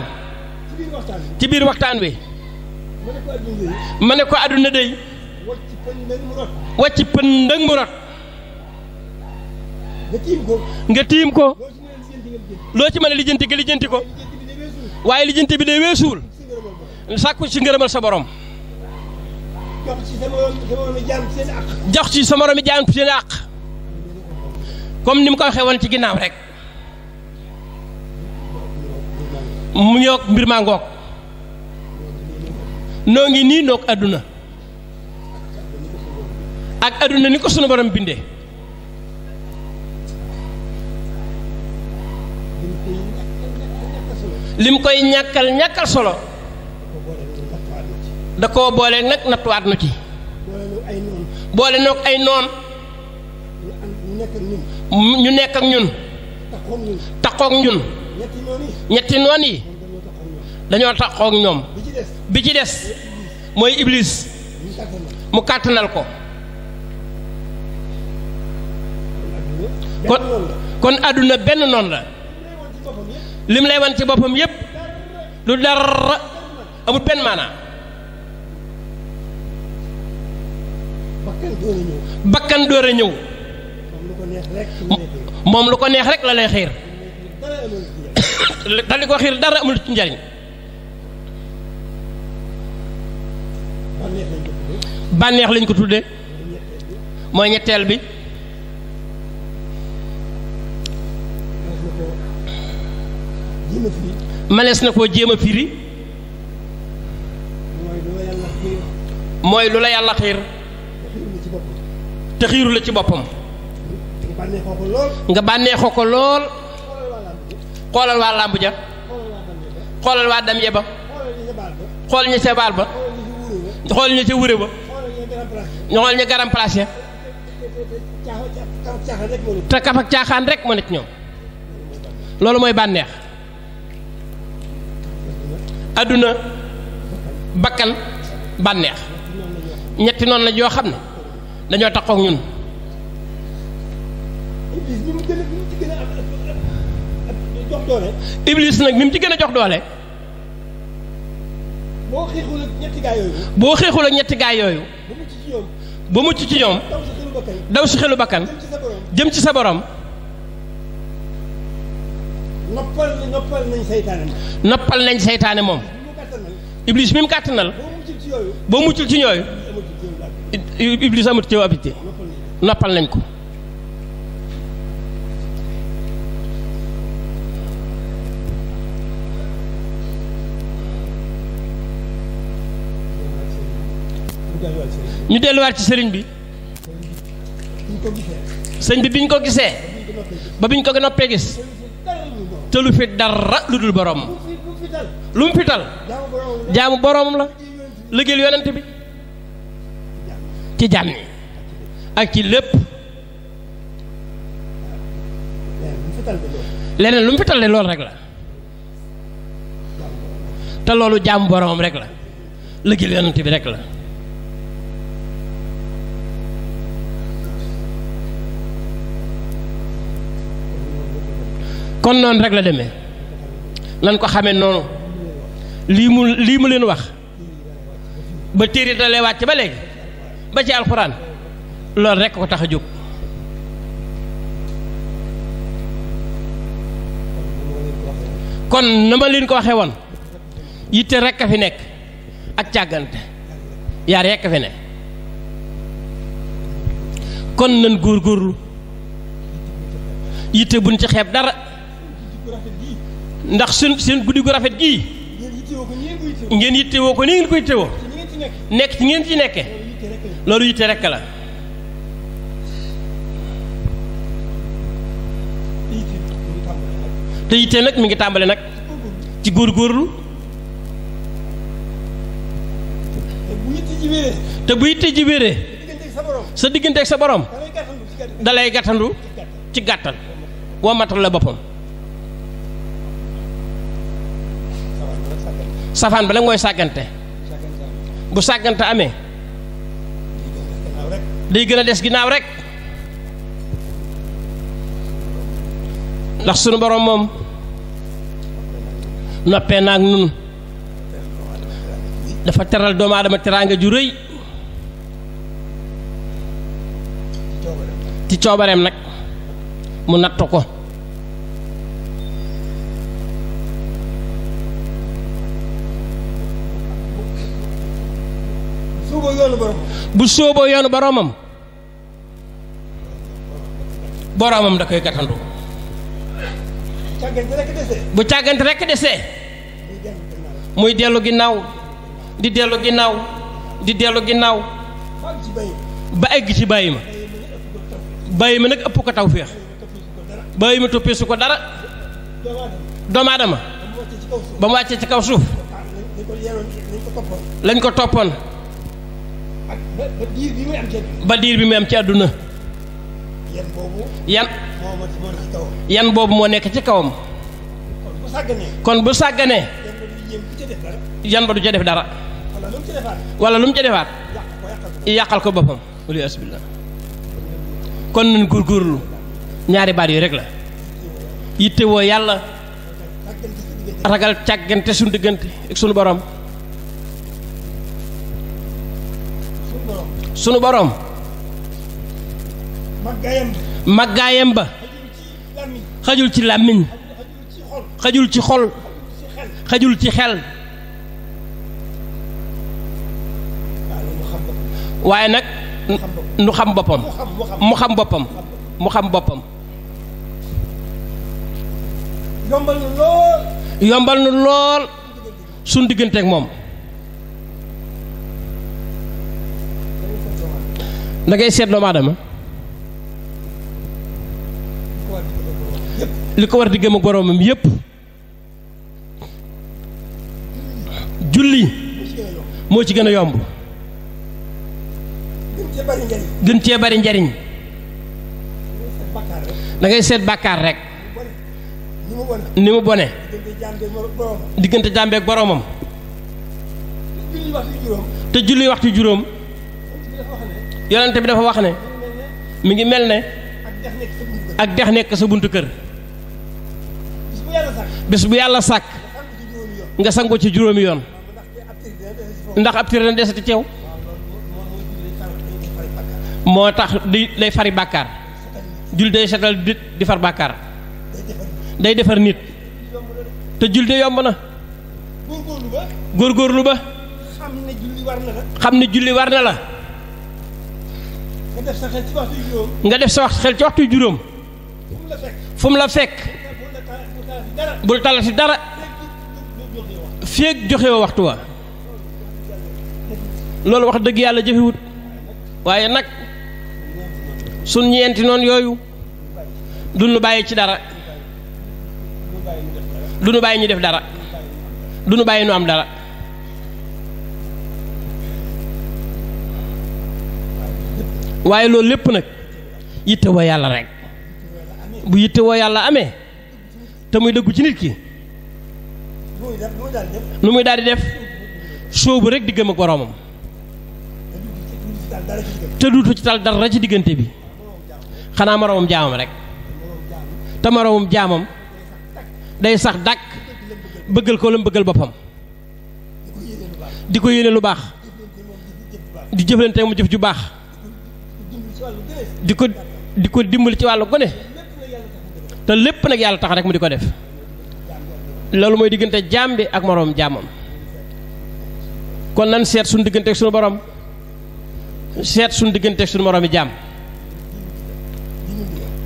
Speaker 11: ci biir waxtaan wi ma ne ko àdduna dey wàcc pën mu rot nga tiim ko loo ci mën a lijjanti nga lijjanti ko waaye lijjanti bi day weesuwul sàkku ci ngërëmal sa borom.
Speaker 2: jox ci sa moromi jaam seen àq.
Speaker 11: jox ci sa comme ni mu ko waxee woon ci ginnaaw rek mu ñoog mbir maa ngoog noo ngi nii noog àdduna ak àdduna ni ko sunu borom bindee lim koy ñàkkal ñàkkal solo. da koo boole nag nattuwaat na ci. boole noog ay noon. ñu nekk ak ñun. taxoog ñun. ñetti noon yi. dañoo taxoog ñoom. bi ci des. mooy iblis. mu kàttanal ko. kon kon àdduna benn noon la. lim lay wan ci boppam yépp lu dara amul benn maanaa. bakkan door a ñëw moom lu ko neex rek la lay xiir dal di ko xiir dara amul ci njariñ bànneex lañ ko tudde mooy ñetteel bi mënees na koo jéem a firi mooy lu la yàlla xiir te xiiru la ci boppam nga bànneexoo ko lool xoolal waa làmb ja xoolal waa dam ba xool ñi ca baal ba xool ñi ca wure ba xool ñi garam place ya te kaf caaxaan rek moo nekk ñoom loolu mooy bànneex adduna bakkan bànneex ñetti noonu la yoo xam ne dañoo taxaw ak ñun. Iblis nag ni mu ci gën a jox doole. boo xeexul ak ñetti gaa yooyu. boo mucc ci ñoom. daw si xelu bakkan jëm ci sa borom. noppal nañ seytaane moom. noppal mi mu kàttanal. boo muccul ci yooyu. Iblis amut ci yow noppal nañ ko ñu delluwaat ci sëriñ bi sëñ bi biñ ko gisee ba biñ ko noppee gis te lu fi dara lu dul boroom lu mu fital jaamu boroom la liggéeyal yonent bi ci jàmm ak ci lépp leneen lu mu fi tallee lool rek la te loolu jaamu boromam rek la liggéey yonent bi rek la kon noonu rek la deme nan ko xamee noonu lii mu lii mu leen wax ba téere dalee wàcc ba léegi ba ci alxuraan loolu rekk ko tax a jóg kon na ma leen ko waxee woon yitte rekk a fi nekk ak càggante yaa rekk a fi ne kon nan góorgóorlu yitte buñ ci xeeb dara ndax seen seen guddi gu rafet gii ngeen yittewoo ko nii ngeen ko yittewoo nekk ci ngeen ci nekke loolu yitte rekk la te yitte nag mi ngi tàmbali nag ci góor góorlu te bu yitte ji wéree sa diggante ak sa boroom dalay gàttandu ci gàttal womatal la boppam safaan ba la mooy sàggante bu sàggante amee day gën a des ginnaaw rek ndax sunu borom moom noppee naag nun dafa teral doomu aadama teraanga ju rëy ci coobareem nag mu nattu ko sóoboo bu sóoboo yoonu boromam boromam da koy gàttandu.
Speaker 5: càggante rekk desee.
Speaker 11: bu càggante rekk desee. muy dellu ginnaaw di dellu ginnaaw di dellu ginnaaw. ba egg ci bàyyi ma. bàyyi ma nag ëpp ko tawféex. bàyyi ma toppeesu ko dara. doomu aadama ba mu wàccee ci kaw suuf lañ ko toppoon
Speaker 2: ak bi
Speaker 11: muy am ci àdduna. yan yan yan boobu moo nekk ci kawam. kon bu sàgganee. kon yan ba du ca def dara. walla lu mu ca defaat. wala yàqal ko boppam. wala asbillah kon nañ ñaari baat yi rek la. yittewoo yàlla. ragal càggante suñu diggante ak suñu borom. sunu borom màggaayam ba xajul ci lamine xajul ci xol xajul ci xel waye nak nu xam bopam
Speaker 2: mu xam bopam
Speaker 11: mu xam bopam yombal nu lool suñ digganteek mom da ngay seet doomu aadama li ko war di gëm ak yépp julli moo ci gën a yomb gën cee bari njariñ dangay seet bàkkaar rek ni mu bone diggante jàmbeek boroomam te julli waxtu juróom yonente bi dafa wax ne mu ngi mel ne ak dex nekk sa buntu kër bis bu yàlla sàkk nga sangu ci juróomi yoon ndax ab tër na desati ceew moo tax di day fari bàkkaar jul day setal dit di far bàkkaar day defar nit te jul de yomb na góorgóorlu ba xam ne julli war na la nga def sa xel ci waxtu juróom. nga fu mu la fekk fu mu la bul talati dara. féeg joxe wa waxtu wa loolu wax dëgg yàlla jëfewut waaye nag sun ñeenti noon yooyu duñu bàyyi ci dara duñu bàyyi ñu def dara duñu bàyyi nu am dara waaye loolu lépp nag yitte woo yàlla rek bu yitte woo yàlla amee te muy dëggu ci nit ki nu muy daal di def soobu rek diggam ak boroomam te duutu ci tal dara ci diggante bi xanaa moroomam jaamam rek te moroomam jaamam day sax dàkk bëggal ko la bëggal boppam di ko yéene lu baax di jëflante mu jëf ju baax di ko di ko dimbali ci wàllu gone te lépp nag yàlla tax rek mu di ko def loolu mooy diggante jaam bi ak moroom jaamam kon nan seet suñu digganteek ak suñu borom seet suñu diggante ak suñu moroomi jaam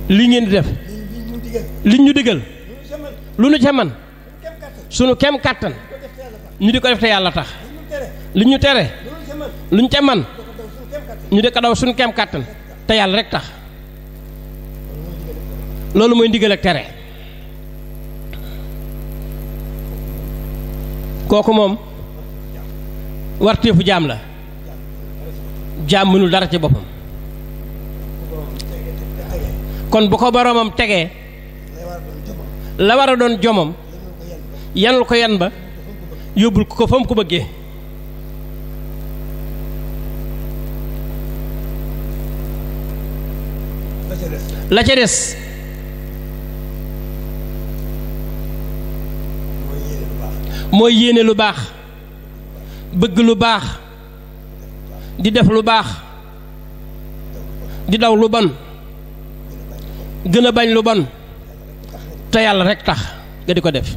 Speaker 11: li ngeen di def li ñu digal lu ñu ca man suñu kem kàttan ñu di ko def te yàlla tax li ñu tere lu ñu ca man ñu di ko daw suñu kem kàttan te yàlla rek tax loolu mooy ndigal tere kooku moom warteefu jaam la jaam mënul dara ci boppam kon bu ko boroomam tegee la war a doon jomam yanul ko yan ba yóbbul ko ko fa mu ko bëggee la ca des mooy yéene lu baax bëgg lu baax di def lu baax di daw lu bon gën a bañ lu bon te yàlla rekk tax nga di ko def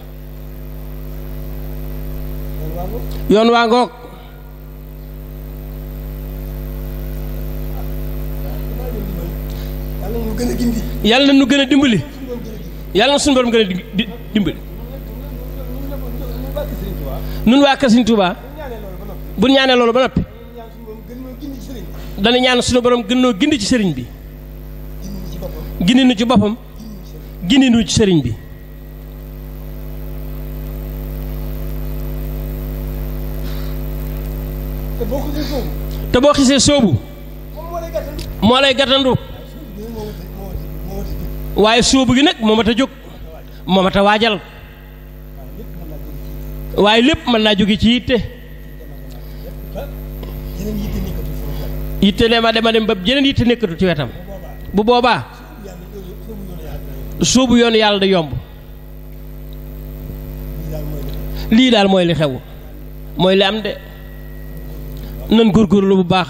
Speaker 11: yoon waa ngoog
Speaker 5: yàlla
Speaker 2: nu gën a
Speaker 11: gindi. yàlla nu gën a dimbali. yàlla na suñu borom gën a dimbali. nun waa Kër Sëriñ Tuubaa ñaanee loolu ba noppi. dana ñaan suñu borom gën noo ci sëriñ bi. gindi nu ci boppam. gindi ci sëriñ bi. te soobu. moo lay gàttandu. waaye sóobu gi nag moo mat a jóg moo mat a waajal waaye lépp mën naa jóge ci yitte yitte ne ma dema dem ba jeneen yitte nekkatu ci wetam bu boobaa sóobu yoon yàlla da yomb lii daal mooy li xew mooy li am de nan góorgóorlu bu baax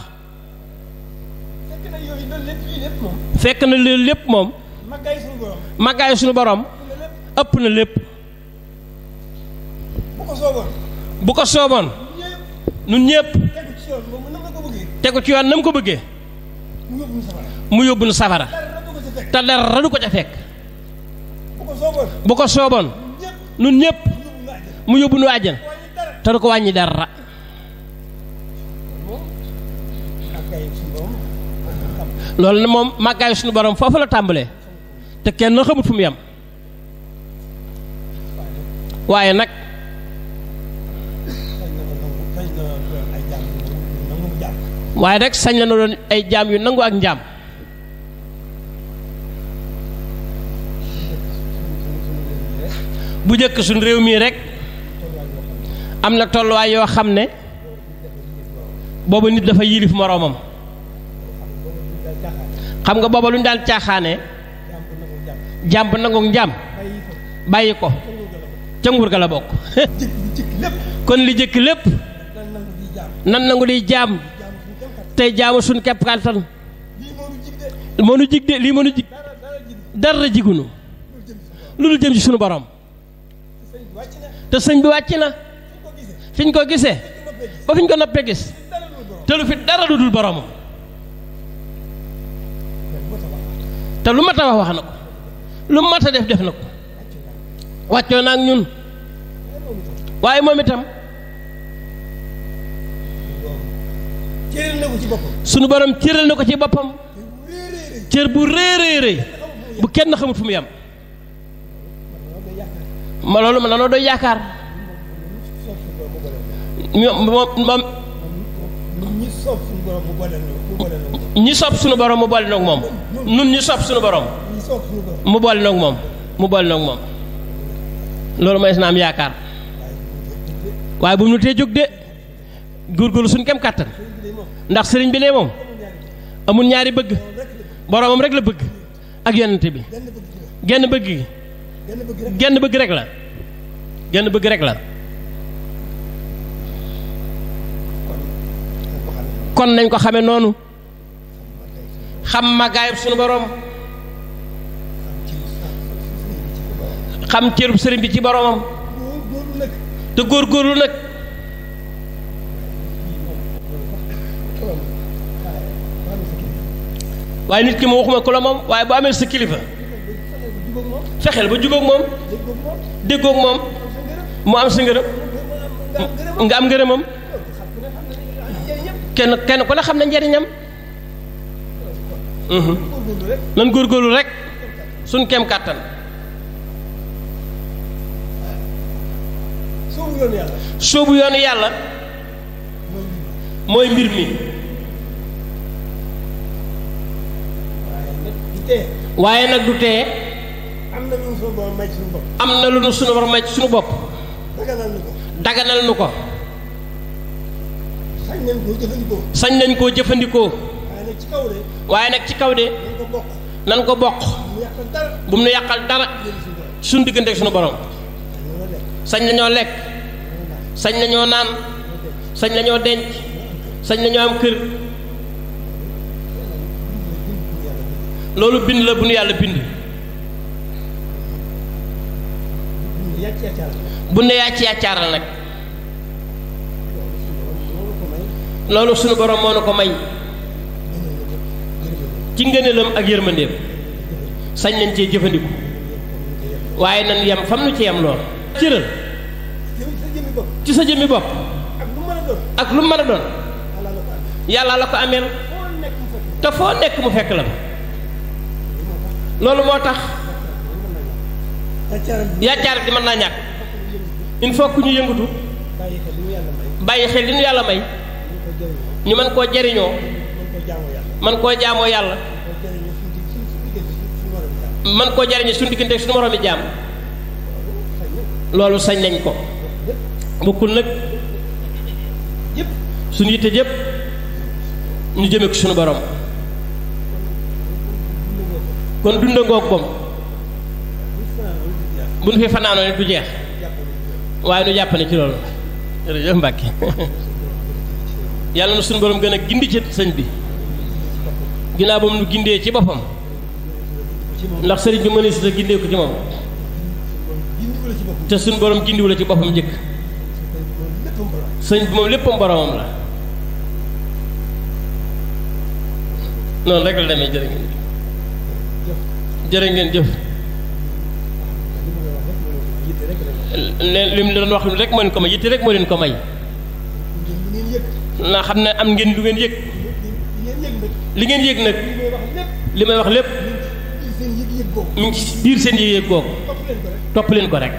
Speaker 11: fekk na loolu lépp moom màggaayu suñu borom. ëpp na lépp. bu ko sooboon. bu ko sooboon. ñun ñëpp. tegu ci yoon nam ko bëggee. mu yóbbu nu safara. te dara du ko ca fekk. bu ko sooboon. ñun ñëpp. mu yóbbu nu àjjana. te du ko wàññi dara. loolu na moom màggaayu suñu borom foofu la tàmbalee. te kenn xamut fu mu yem waaye nag waaye rek sañ la na doon ay jaam yu nangu ak njaam bu jëkk suñ réew mii rek am na tolluwaay yoo xam ne booba nit dafa yilif moroomam xam nga booba lu ñu daan caaxaane jaam bu nangook njaam bàyyi ko ca nguur ga la bokk kon li jëkk lépp nan nangu di jaam te jaamu suñ kepp kàttan moo nu jig de lii moo jig dara jigunu lu dul jëm ci sunu borom te sëñ bi wàcc na fi ñu ko gisee ba fi ko noppee gis te lu fi dara lu dul boromam te lu ma tabax wax na ko lu mat a def def na ko wàccoo naag ñun waaye moom itam sunu borom cëral na ko ci boppam cër bu réy réy bu kenn xamut fu mu yam ma loolu ma nanoo doy yaakaar moom ñi sopp suñu borom mu boole nag moom. ñun ñi sopp sunu borom. mu boole nag moom mu boole nag moom. loolu mooy naam yaakaar waaye bu mu nu tee jóg de góorgóorlu suñ kem kàttan ndax sëriñ bi lee moom amul ñaari bëgg boromam rek la bëgg ak yonent bi genn bëgg gi genn bëgg rek la genn bëgg rek la kon nañ ko xame noonu xam màggaayub sunu borom xam cërub sëriñ bi ci boromam te góor góorlu nag waaye nit ki ma waxuma ku la moom waaye bu amee sa kilifa fexeel ba jubóog moom déggoog moom mu am si ngërëm nga am ngërëmam kenn kenn ku ne xam na njariñam lan mhm. góorgóorlu rek suñ kem kàttan soobu yoonu yàlla mooy mbir mi waaye nag du tee am na lu nu sunu borom may ci sunu bopp daganal daganal nu ko sañ nañ koo jëfandikoo. waaye nag ci kaw de. waaye nan ko bokk. nan ko bu mu nu yàqal dara. suñ diggante suñu borom. sañ nañoo lekk. sañ nañoo naan. sañ nañoo denc. sañ nañoo am kër. loolu bind la bu nu yàlla bind. bu ne yàcc yàccaaral nag. loolu sunu borom moo nu ko may ci ngëneelam ak yërmandeem sañ nañ cee jëfandiku waaye nan yem fam nu ci yem lool cëral ci sa jëmmi bopp ak lu mën a doon yàlla la ko ameel te foo nekk mu fekk la ba loolu moo tax yàccaaral di mën naa ñàkk il faut que ñu yëngatu bàyyi xel li ñu yàlla may ñu man koo jariñoo man koo jaamoo yàlla man koo jariñu suñu diggante suñu moroomi jaam loolu sañ nañ ko bokkul nag suñu yitte yëpp ñu jëme ko suñu borom kon dunda ngoog moom bu ñu fi fanaanoo ne du jeex waaye nu jàpp ci loolu jërëjëf Mbàkke yàlla na suñu borom gën a gindi ci sëñ bi ginnaaw ba mu gindee ci boppam ndax sëriñ bi mënee si gindee ko ci moom te suñu borom gindiwu la ci boppam njëkk sëñ bi moom léppam boromam la noonu rek la demee jërë ngeen ngeen jëf leen li mu wax rek moo leen ko may yitte rek moo leen ko may na xam ne am ngeen lu ngeen yëg li ngeen yëg nag li may wax lépp mu ngi biir seen yëg-yëg googu topp leen ko rek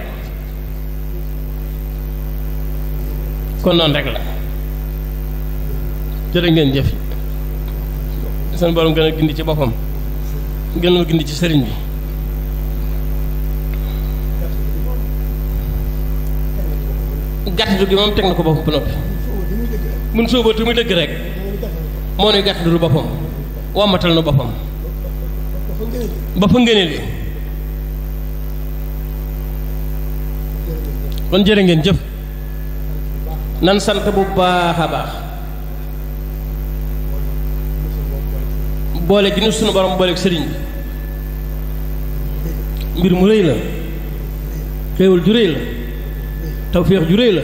Speaker 11: kon noonu rek la jërë ngeen jëf seen borom gën a gindi ci boppam gën a gindi ci sëriñ bi gàtt gi moom teg na ko boppam ba noppi mun sóobal te muy dëgg rek moo nuy gàtt lu boppam wàmmatal nu boppam bopp fa kon jërë ngeen jëf nan sant bu baax a baax boole gi nu sunu borom boole sëriñ bi mbir mu rëy la xéewal ju rëy la tawféex ju rëy la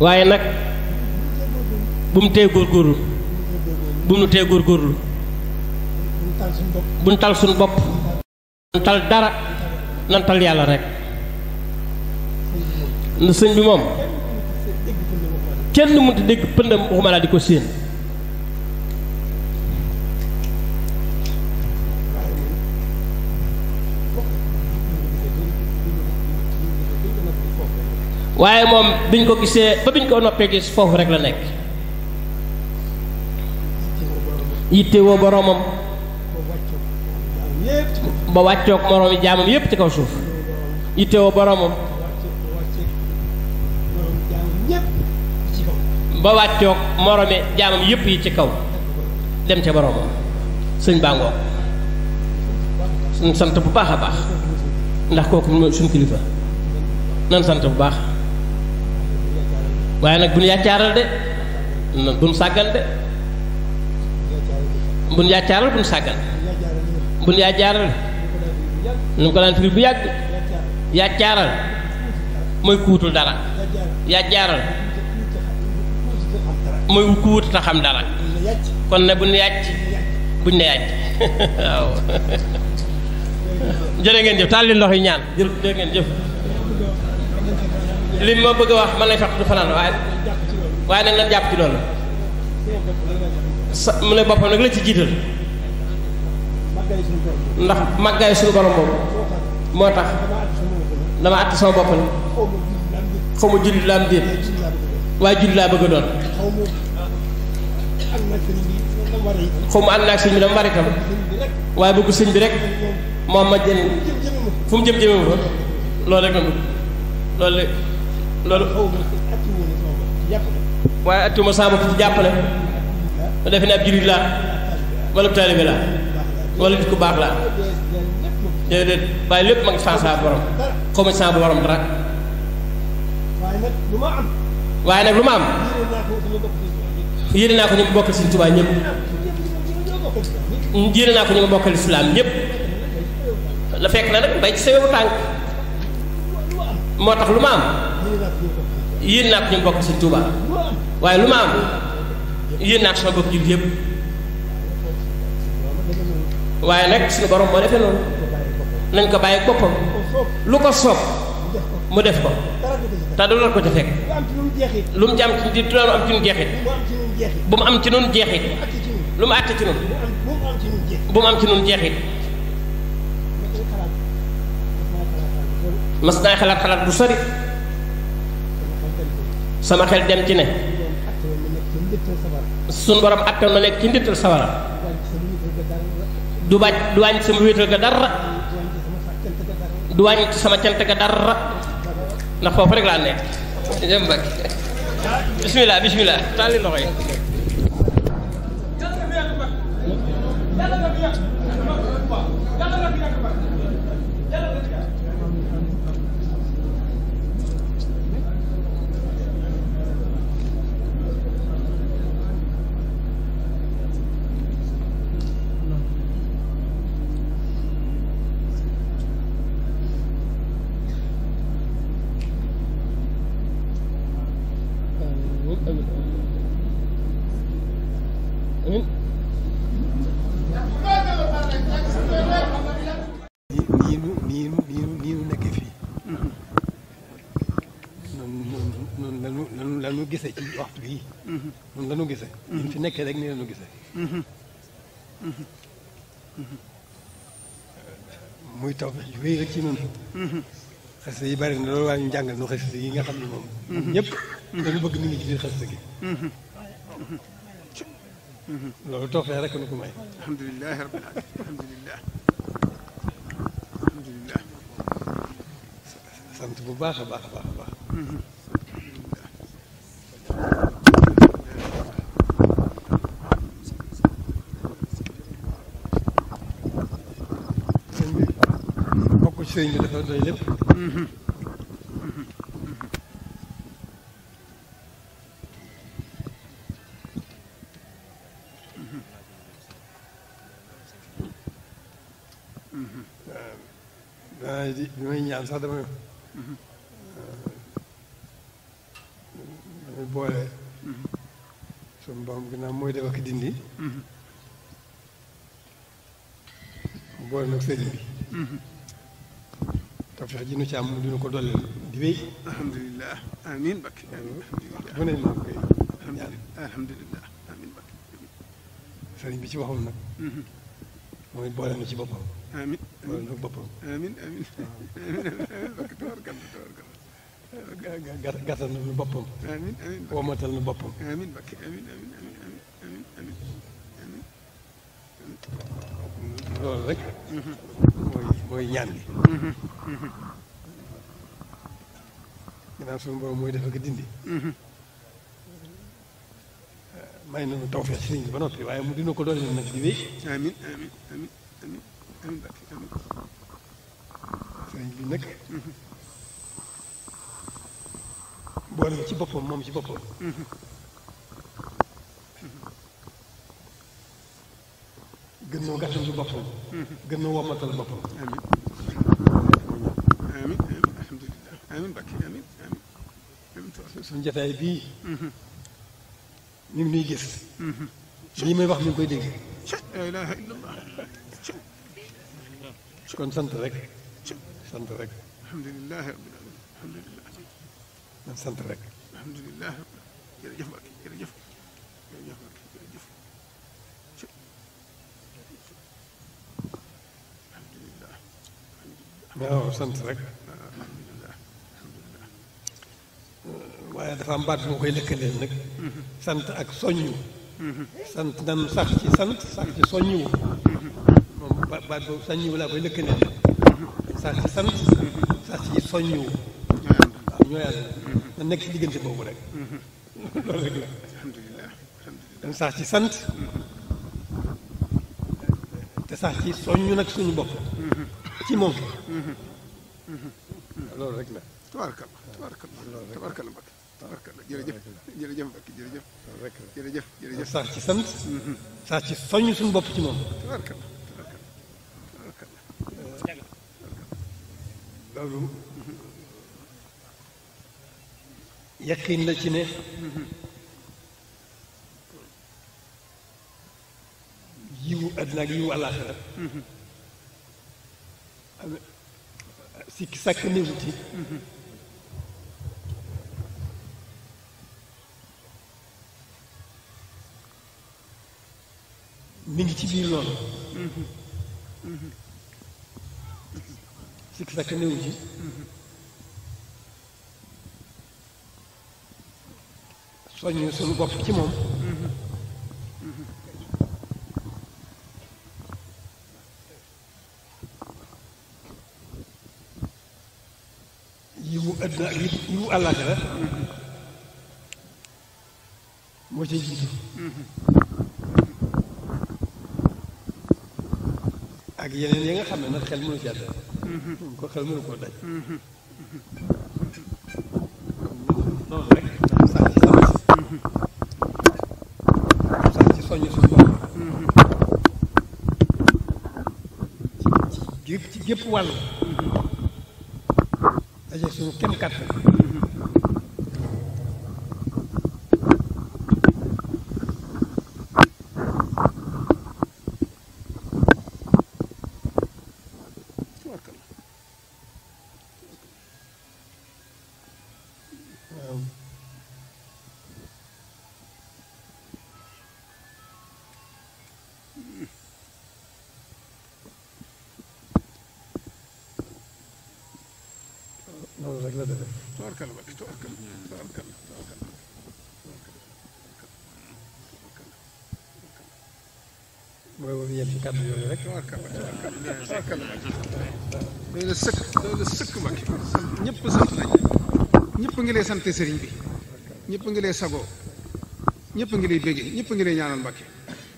Speaker 11: waaye nag bu mu tee góorgóorlu bu mu nu góor góorgóorlu bu nu tal suñu bopp bu nu tal dara nantal yàlla rek na sëñ bi moom kenn mënta dégg pëndam waxuma laa di ko séen waaye moom biñ ko gisee ba biñ ko noppee gis foofu rek la nekk yitte woo boroomam ba wàccook moroomi jaamam yépp ci kaw suuf yitte woo ba wàccook moroomi jaamam yépp yi ci kaw dem ca boroomam sëñ baa suñ sant bu baax a baax ndax kooku suñ kilifa nan sant bu baax waaye nag bu ñu yàccaaral de bu ñu sàggan de bu ñu yàccaaral bu ñu sàggan bu ñu yàccaaral nu mu ko daan firi bu yàgg yàccaaral mooy kuutul dara yàccaaral mooy ku wut te xam dara kon ne bu ñu yàcc bu ne yàcc waaw ngeen jëf taal loxo yi ñaan jërë ngeen jëf li ma bëgg a wax man lay fàttali fanaan waaye waaye nag nan jàpp ci loolu sa mu ne boppam nag la ci jiital ndax màggaay suñu borom boobu moo tax dama àtt sama bopp xaw ma jullit laa am déet waaye jullit laa bëgg a doon xaw ma ànd naa ak sëñ bi dama bari itam waaye bëggu sëñ bi rek moom ma jën fu mu jëm jëmee fa loolu rek la loolu loolu xaw ma waaye attuma saa bopp ci jàppale ma defe ne ab jullit laa wala taalibe laa wala nit ku baax laa déedéet waaye lépp ma ngi saa saa borom xaw dara waaye nag lu ma am yéene naa ko ñu ngi bokkal Sëriñ Tuubaa ñëpp yéene naa ko ñu ngi bokkal Islaam ñëpp la fekk na nag bay ci sewewu tànk moo tax lu ma
Speaker 5: am
Speaker 11: yéen naa ko ñu bokk Sëñ Tuubaa waaye lu ma am yéen naa ko sama bokk jullit yépp waaye nag suñu borom moo defe loolu nañ ko bàyyi boppam lu ko soob mu def ko te du loolu ko ca fekk lu mu jàmm ci di doon am ci nu jeexit bu mu am ci nun jeexit lu mu àtte ci nun bu mu am ci nun jeexit mas naa xalat xalat bu sori sama xel dem ci ne sun borom attal ma nek ci ndittal sawara du bac du wàññi sama wéetal ga dar du wàññi sama cant ga dar na fofu rek la nek dem bak bismillah bismillah tali loxo yi
Speaker 7: Jangan lagi nak, jangan lagi
Speaker 2: nu gisee. ñu fi nekkee rek nii la nu gisee. muy taw bi wéy rek ci noonu. xasida yi bari na loolu waa ñu jàngal nu xasida yi nga xam ne moom. ñëpp dañu bëgg mi ngi ci biir gi. loolu tawfeex rek nu ko may. sant bu baax a baax. sëriñ bi dafa doy lépp. waaw di bi may ñaan sax damay damay boole. suñu borom ginnaaw mooy def ak dindi. Mm-hmm. boole nag sëriñ bi.
Speaker 4: tawfeex ji nu ci am lu ñu ko dolleel di wéy. alhamdulilah amiin bakk. bu ne maa koy. alhamdulilah amiin bakk. sëriñ bi ci waxul nag. mooy boole na ci boppam. amiin boole na boppam. amiin amiin bakk tabarkalla
Speaker 3: tabarkalla.
Speaker 4: gàttal na nu boppam. amiin amiin womatal na boppam. amiin bakk amiin amiin amiin amiin
Speaker 2: amiin amiin loolu rek. mooy. mooy ñaan gi ginnaaw suñu borom mooy def ak dindi may nañu tawfeex sëriñ bi ba noppi waaye mu dina ko doole nag di wéy amiin amiin amiin amiin amiin bakki amiin sëriñ bi nag boole ci boppam moom ci boppam gën noo gàttal lu boppam. gën noo wommatal
Speaker 4: boppam. amiin amiin amiin amiin
Speaker 2: amiin. suñu jotaay bii. ñu ngi nuy gis. Mhm. lii may wax mi ngi koy dégg.
Speaker 4: la ilaha illallah. kon sant rek. sant rek. alhamdulilah alhamdulilah. man sant waaw sant rek
Speaker 2: waaye dafa am baat boo ma koy lëkkaleen nag sant ak soññu sant nan sax ci sant sax ci soññu moom baat boobu soññu laa nag sax ci sant sax ci soññu waaw ñoo yàlla na nekk ci diggante boobu rek loolu sax ci sant te sax ci soññu nag suñu bopp
Speaker 3: ci moom.
Speaker 4: loolu rek la.
Speaker 2: tubaarkalla tubaarkalla
Speaker 4: tubaarkalla Mbacke tubaarkalla jërëjëf jërëjëf Mbacke jërëjëf. loolu rek la jërëjëf jërëjëf. saa ci sant. Mm-hmm.
Speaker 2: saa ci soññ suñu bopp ci moom.
Speaker 4: tubaarkalla
Speaker 3: tubaarkalla tubaarkalla. loolu. Mm-hmm.
Speaker 2: yaqin la ci ne. Mm-hmm. yiwu àddina ak yiwu àllaaxira C'est qui ça connaît outils. Négatif, il C'est que ça connaît aussi.
Speaker 4: Soigne, ça nous voit petit monde.
Speaker 2: yiwu adduna ak yiwu àllaaxira moo ci jiitu ak yeneen yi nga xam ne nag xel mënu ci àdd ko xel mënu koo daj noonu
Speaker 5: ci soññ suñu bopp ci gépp ci gépp wàll daje suñu kem kàttan
Speaker 3: dëgg la tabarkalla Mbacke tabarkalla tabarkalla tabarkalla
Speaker 4: mooy woon yéen yooyu rek tabarkalla tabarkalla doy na sëkk doy na sëkk Mbacke sant sant nañ ñëpp ngi lay sant sëriñ bi ñëpp ngi lay sagoo ñëpp ngi lay béggee ñëpp ngi lay ñaanal Mbacke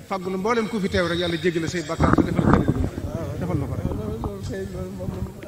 Speaker 4: fàggul mboolem ku fi teew rek yàlla jéggal say bàkkaar te defal na ko rek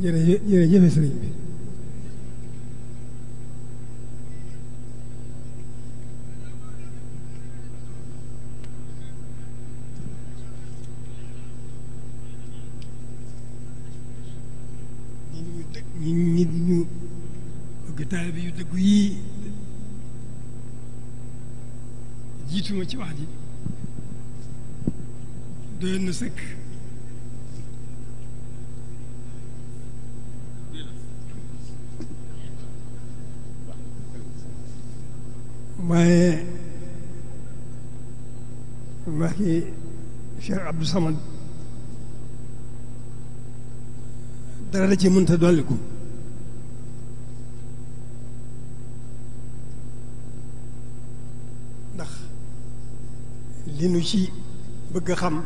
Speaker 2: jërëjëf jërëjëf sëriñ bi ñi nit ñu bëgg taalibe yu dëggu yii jiituma ci wax ji doyoon na waaye waxi Cheikh Abdou saman dara da ci mënta dolliku ndax li nu ci bëgg a xam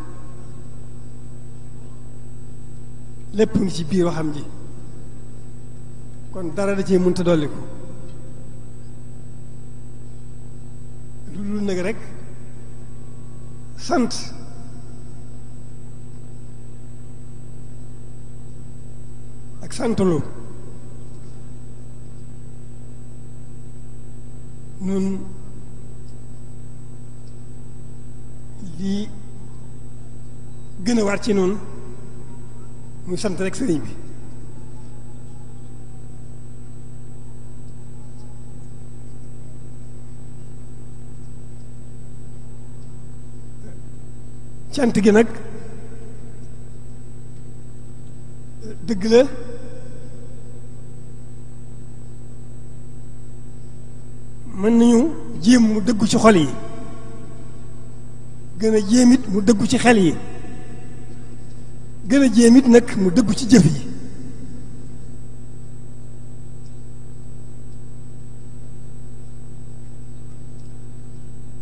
Speaker 2: lépp ngi ci biir waxam ji kon dara da ci mënta dolliku dul nag rek sant ak santalu nun lii gën a war ci noonu muy sant rek sëriñ bi cant gi nag dëgg la mën nañu jéem mu dëggu ci xol yi gën a jéem it mu dëggu ci xel yi gën a jéem it nag mu dëggu ci jëf yi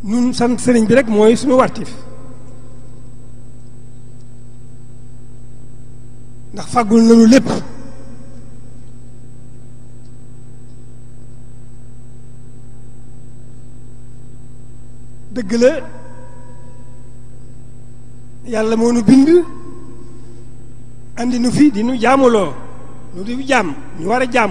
Speaker 2: nun san sëriñ bi rek mooy
Speaker 5: suñu wartif ndax fàggul nañu lépp dëgg la
Speaker 2: yàlla moo nu bind andi nu fi di nu nu di jaam ñu war a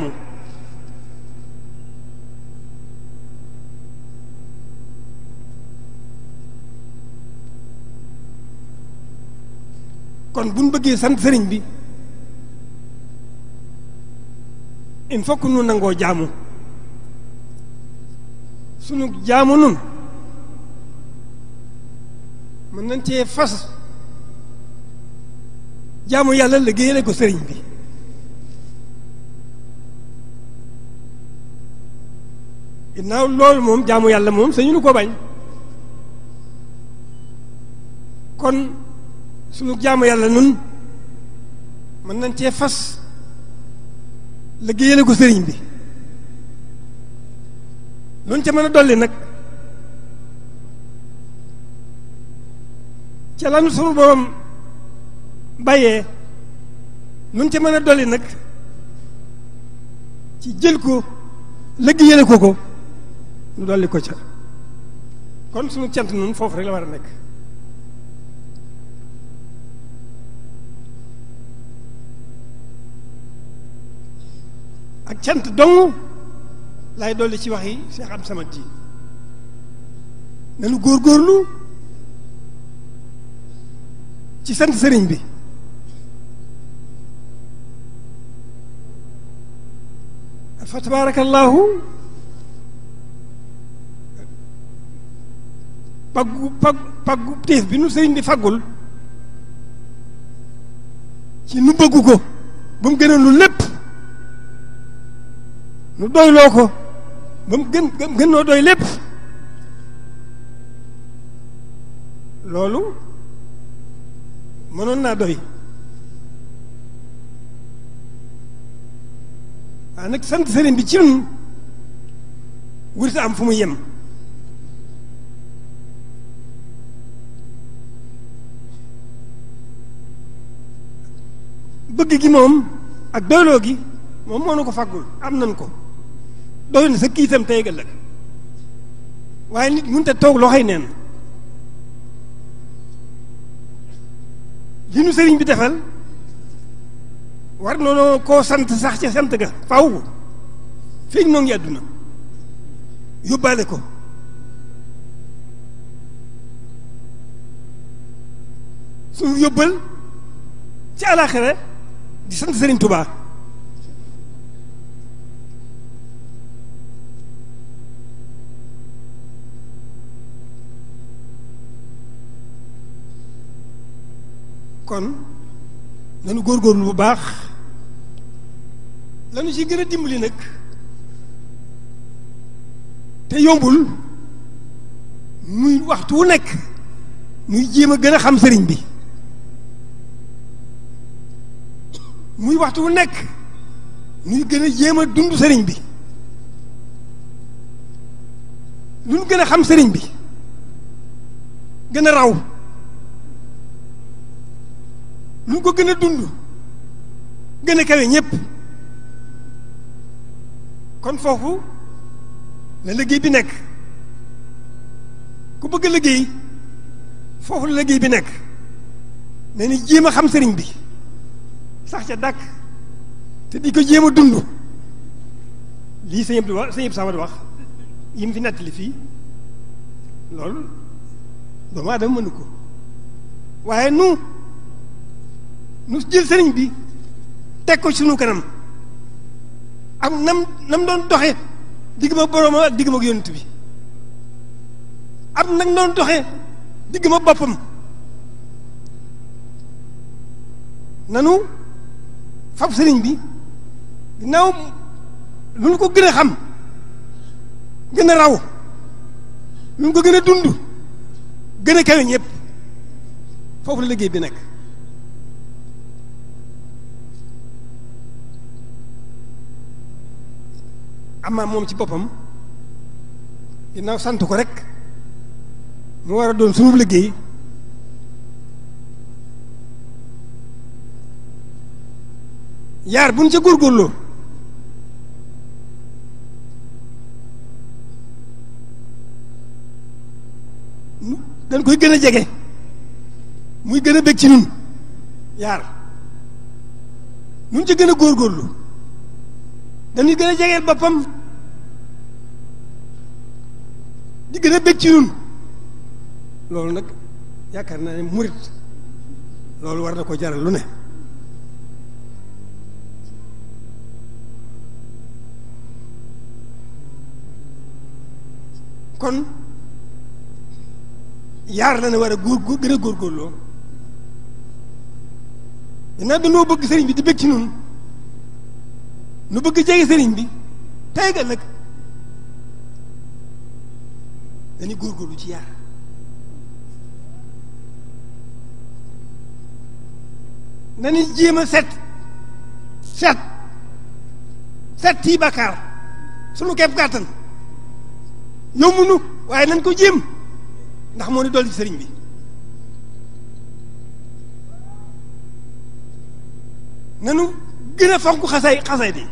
Speaker 2: kon bu bëggee sant sëriñ bi il faut que nu nangoo jaamu sunu jaamu nun mën nañ cee fas jaamu yàlla liggéeyale ko sëriñ bi lool moom jaamu yàlla moom sañu nu ko bañ kon sunu jaamu yàlla nun mën nañ cee fas liggéeyale ko sëriñ bi luñ ca mën a dolli nag ca lanu sunu borom bàyyee luñ ca mën a dolli nag ci jël ko liggéeyale ko ko nu dolli ko ca kon sunu cant noonu foofu rek la war a nekk ak cant dong laay dolli ci wax yi Cheikh Abdou Samad ji
Speaker 5: nanu góorgóorlu
Speaker 2: ci sant sëriñ bi fa tabaarakallaahu paggu paggu paggu bi nu sëriñ bi faggul ci nu
Speaker 5: bëggu ko ba mu gënoon lu lépp nu doyloo ko ba mu gën gën noo doy lépp
Speaker 2: loolu mënoon naa doy waaye nag sant sëriñ bi ci nun wurti am fu mu yem bëgg gi moom ak doyloo gi moom moo nu ko faggul am nan ko doy na sa kiitam tey ëllëg waaye nit mënut a toog loxoy neen li nu sëriñ bi defal war noonu koo sant sax ca sant ga faw feeñ noo ngi àdduna yóbbaale ko su yóbbal ci àllaaxira di sant sëriñ Tubaa kon nanu góorgóorlu bu baax lanu ci gën a dimbali nag te yombul muy waxtu wu nekk muy jéem a gën a xam sëriñ bi muy waxtu wu nekk muy gën a jéem a dund sëriñ bi lu gën a xam sëriñ bi gën a raw lu ko gën a dund gën a kawe ñëpp kon foofu la liggéey bi nekk ku bëgg a liggéey foofu la liggéey bi nekk na ni jéem a xam sëriñ bi sax ca dàkk te di ko jéem a dund lii sëñ Abdou wax sëñ Abdou Samad wax yi mu fi nettali fii loolu doomu aadama mënu ko waaye nu nu jël sëriñ bi teg ko sunu kanam ak nam nam doon doxe digg ma boroomam ak digg ma yonent bi am nag doon doxe digg ma boppam nanu fab sëriñ bi ginnaaw lu ñu ko gën xam gën a raw lu ñu ko gën a dund gën a kawe ñëpp foofu la liggéey bi amaa moom ci boppam ginnaaw sant ko rek mu war a doon sunu liggéey
Speaker 5: yaar buñ ca góorgóorloo dañ
Speaker 2: koy gën a jege muy gën a bég ci yaar nun ca gën a góorgóorlu dañuy gën a jegeel boppam di gën a bëgg ci ñun loolu nag yaakaar naa ne murit loolu war na ko jaral lu ne kon yaar la na war a góor góor gën a góorgóorloo dinaa dañoo bëgg sëriñ bi di bëgg ci ñun nu bëgg jege sëriñ bi tey nag dañu góorgóorlu ci yar
Speaker 5: nañu jéem a set set set yi bàkkaar sunu
Speaker 2: képp kàttan yomb waaye nañ ko jéem ndax moo ni dolli ci sëriñ bi nanu gën a fonk xasay xasay di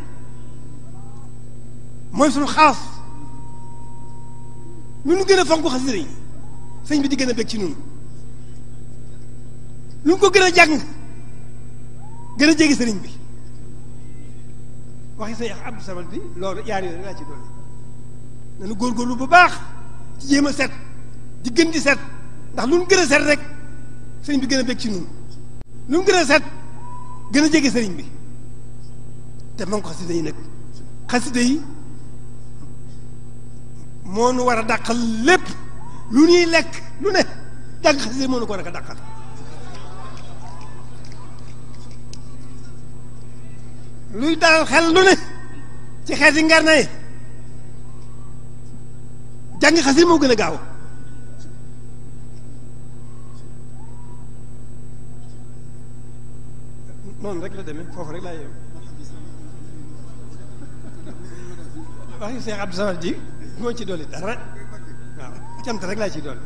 Speaker 2: mooy sunu xaas lu gën a fonk xasida yi sëñ bi di gën a bég ci ñun lu ko gën a jàng gën a jege sëriñ bi waxi sëñ Abdou Samad bi loolu yaar yooyu laa ci doole nañu góorgóorlu bu baax ci jéem a set di gën di set ndax lu ñu gën a set rek sëriñ bi gën a bég ci ñun lu gën a set gën a jege sëriñ bi te man ko xasida yi nag xasida مون ورا داقل لب لوني لك لوني داك خزي مون ورا داقل لوي دال خل لوني تي خزي نغارناي جانغي خزي مو غنا غاو نون رك لا ديمي فوف رك لا يي واخي سي عبد الصمد دي doo ci dolli dara waaw cant rek laa ci dolli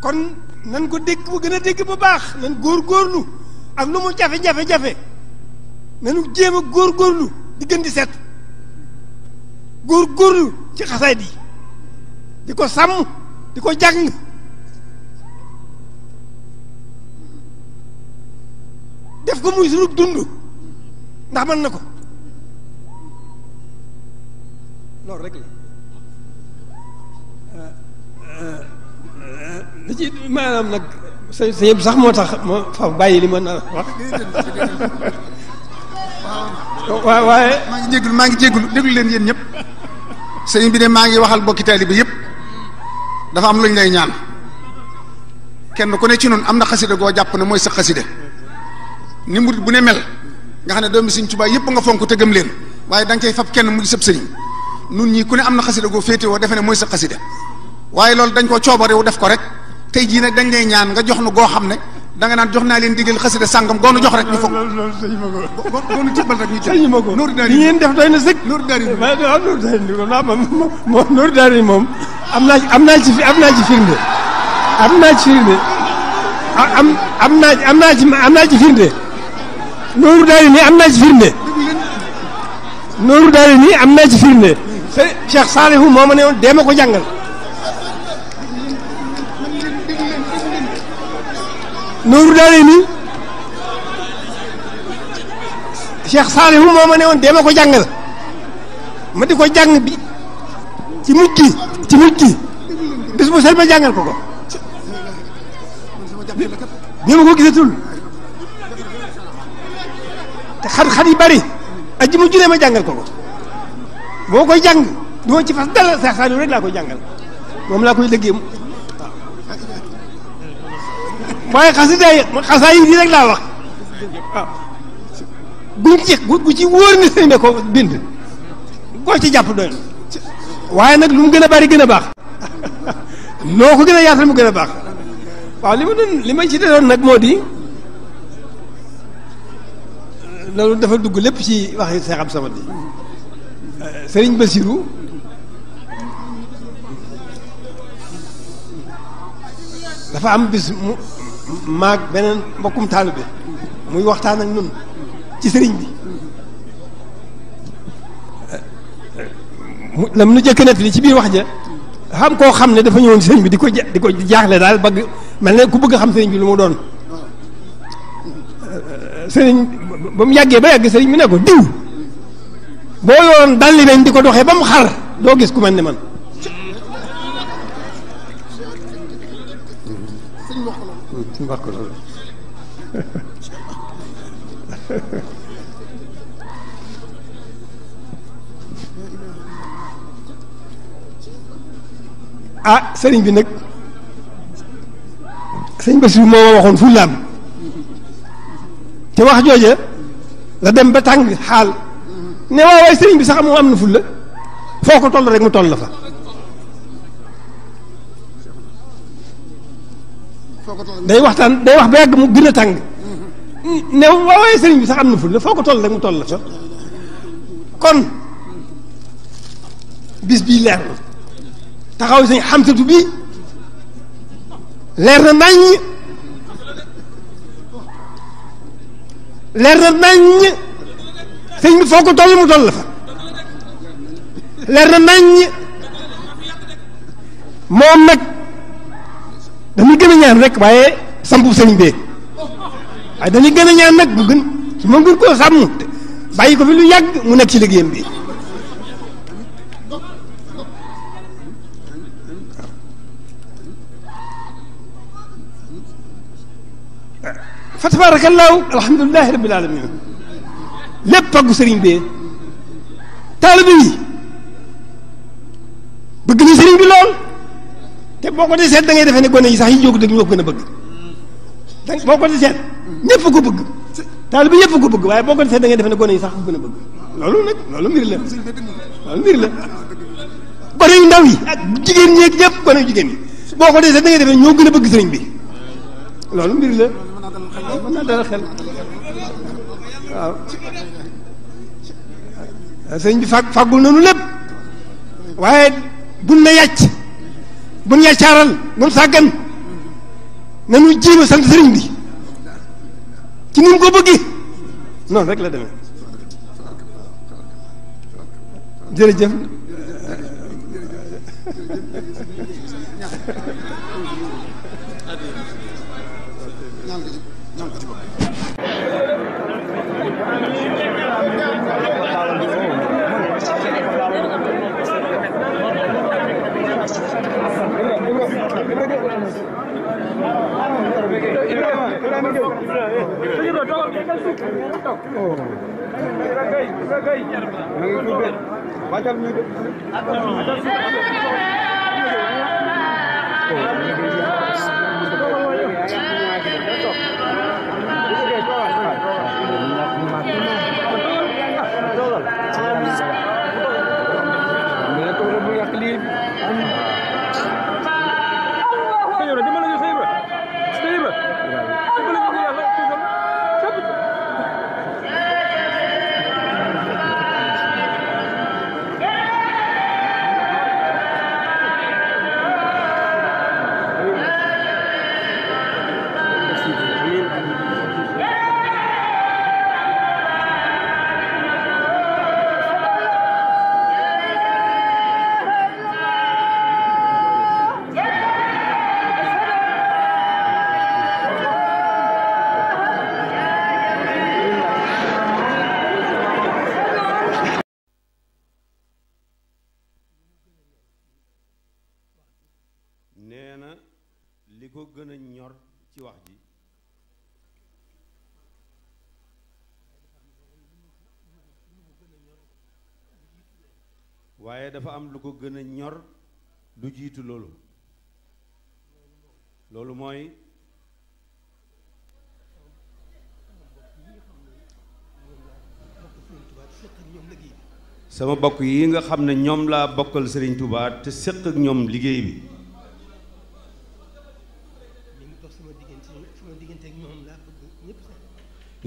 Speaker 2: kon nan ko dégg bu gën a dégg bu baax nan góorgóorlu ak lu mu jafe-jafe-jafe nanu jéem a góorgóorlu di gën di góor góorgóorlu ci xasaayid yi di ko sàmm di ko jàng
Speaker 5: def ko muy sunub dund ndax mën na ko
Speaker 2: loolu rek la nag sa sa yëpp sax moo tax ma fa bàyyi li ma nar a wax.
Speaker 6: waaye. maa ngi jégalu maa ngi jégalu déglu leen yéen ñëpp sëriñ bi ne maa ngi waxal bokki taalibe yëpp dafa am lu ñu ñaan kenn ku ne ci noonu am na xasida goo jàpp ne mooy sa xasida ni murit bu ne mel nga xam ne doomi Sëriñ Tuubaa yëpp nga fonk te gëm leen waaye da nga cay fab kenn mu di sëb nun ñii ku ne am na xasida goo féete woo defe ne mooy sa xasida waaye loolu dañ ko coobarewu def ko rek tey jii nag dañ lay ñaan nga jox nu goo xam ne danga naan jox naa leen digal xasida sàngam goonu jox rek ñu foog goonu tibbal rek ñu tibbal sëñ ma ko nooru daari ngeen def doy na sëg nooru daari
Speaker 2: moom am naa am naa ci am naa ci am naa ci firnde am am naa am naa ci am naa ci firnde
Speaker 5: nooru daari nii am naa ci firnde nooru daari nii am naa ci firnde sëriñ Cheikh Saalihu moo ma ne ko jàngal nooru daale ni Cheikh Saalihu moo ma ne ma ko jàngal ma di ko
Speaker 2: jàng bi ci mujj ci mujj gi bis bu sel ma jàngal ko ko
Speaker 5: ni ma ko gisatul te xat xat yi bari aji mujj ne ma jàngal ko boo
Speaker 2: koy jàng du ma ci fas dal Seex Saaliw rek laa koy jàngal moom laa ko lëggee waaw waaye xasida yi xasaa yi rek laa wax waaw buñ ci bu ci wóor ni sëñ bi ko bind koo ci jàpp doy waaye nag lum gën a bari gën a baax noo ko gën a yaatal mu gën a baax waaw li ma doon li ma ci doon nag moo di loolu dafa dugg lépp ci wax Seex Abdu Samad yi سرين بسيرو دا فا ام بس ماك بنن بوكوم طالب موي وقتان اك نون تي سرين بي لم نجي كنت لي تي بي وخجا خام كو خام ني دا فا نيون سرين بي ديكو ديكو جاخله دال بغ ملني كو بغ خام سرين بي لومو دون سرين بام ياغي با ياغ سرين مي نكو ديو bo yoroon dalli weñ di ko doxee ba xar do gis ku melni man ah serigne bi nak serigne Basiru mo waxon fulam fullaam te wax jojje la dem ba tang hal ne waaw sëriñ bi sax mu am na fulla
Speaker 5: foo ko toll rek mu toll la fa day waxtaan day wax ba yàgg mu gën tàng ne waaw
Speaker 2: sëriñ bi sax am na fulla foo ko toll rek mu toll la fa kon bis bii leer na taxaw sañ xamsatu bii
Speaker 5: leer na naññ leer na naññ sëñ bi foo ko toll mu toll la fa leer na nañ moom nag dañuy gën a ñaan rek waaye sampu sëñ bee waaye dañuy gën ñaan nag bu gën su ma gën koo sàmm bàyyi ko fi lu yàgg mu nekk ci liggéeyam bi
Speaker 10: fa tabaarakallaahu
Speaker 2: lépp pàggu sëriñ bee taalibe yi bëgg na sëriñ bi lool te boo ko di seet da ngay ne gone yi sax yi jóg dëgg ñoo ko gën a bëgg da boo ko di seet ñëpp ko bëgg taalibe yëpp ko bëgg waaye boo ko di da ngay defee ne gone yi sax ko gën a bëgg loolu nag loolu mbir la loolu mbir yu ndaw yi ak jigéen ñi ak ñëpp gone yu jigéen ñi boo ko di seet da ngay ñoo gën a bëgg sëriñ bi loolu mbir la
Speaker 8: mën naa dalal
Speaker 5: sëñ bi fàgg fàggul nanu lépp waaye bun na yàcc bun yàccaaral bun sàggan nanu jiima sant sëriñ bi ci ni mu ko bëggi
Speaker 2: noonu rek la demee jërëjëf
Speaker 7: Baca
Speaker 1: waaye dafa am lu ko gën a ñor lu jiitu loolu loolu mooy sama bokk yi nga xam ne ñoom laa bokkal sëriñ tubaat te séq ak ñoom liggéey bi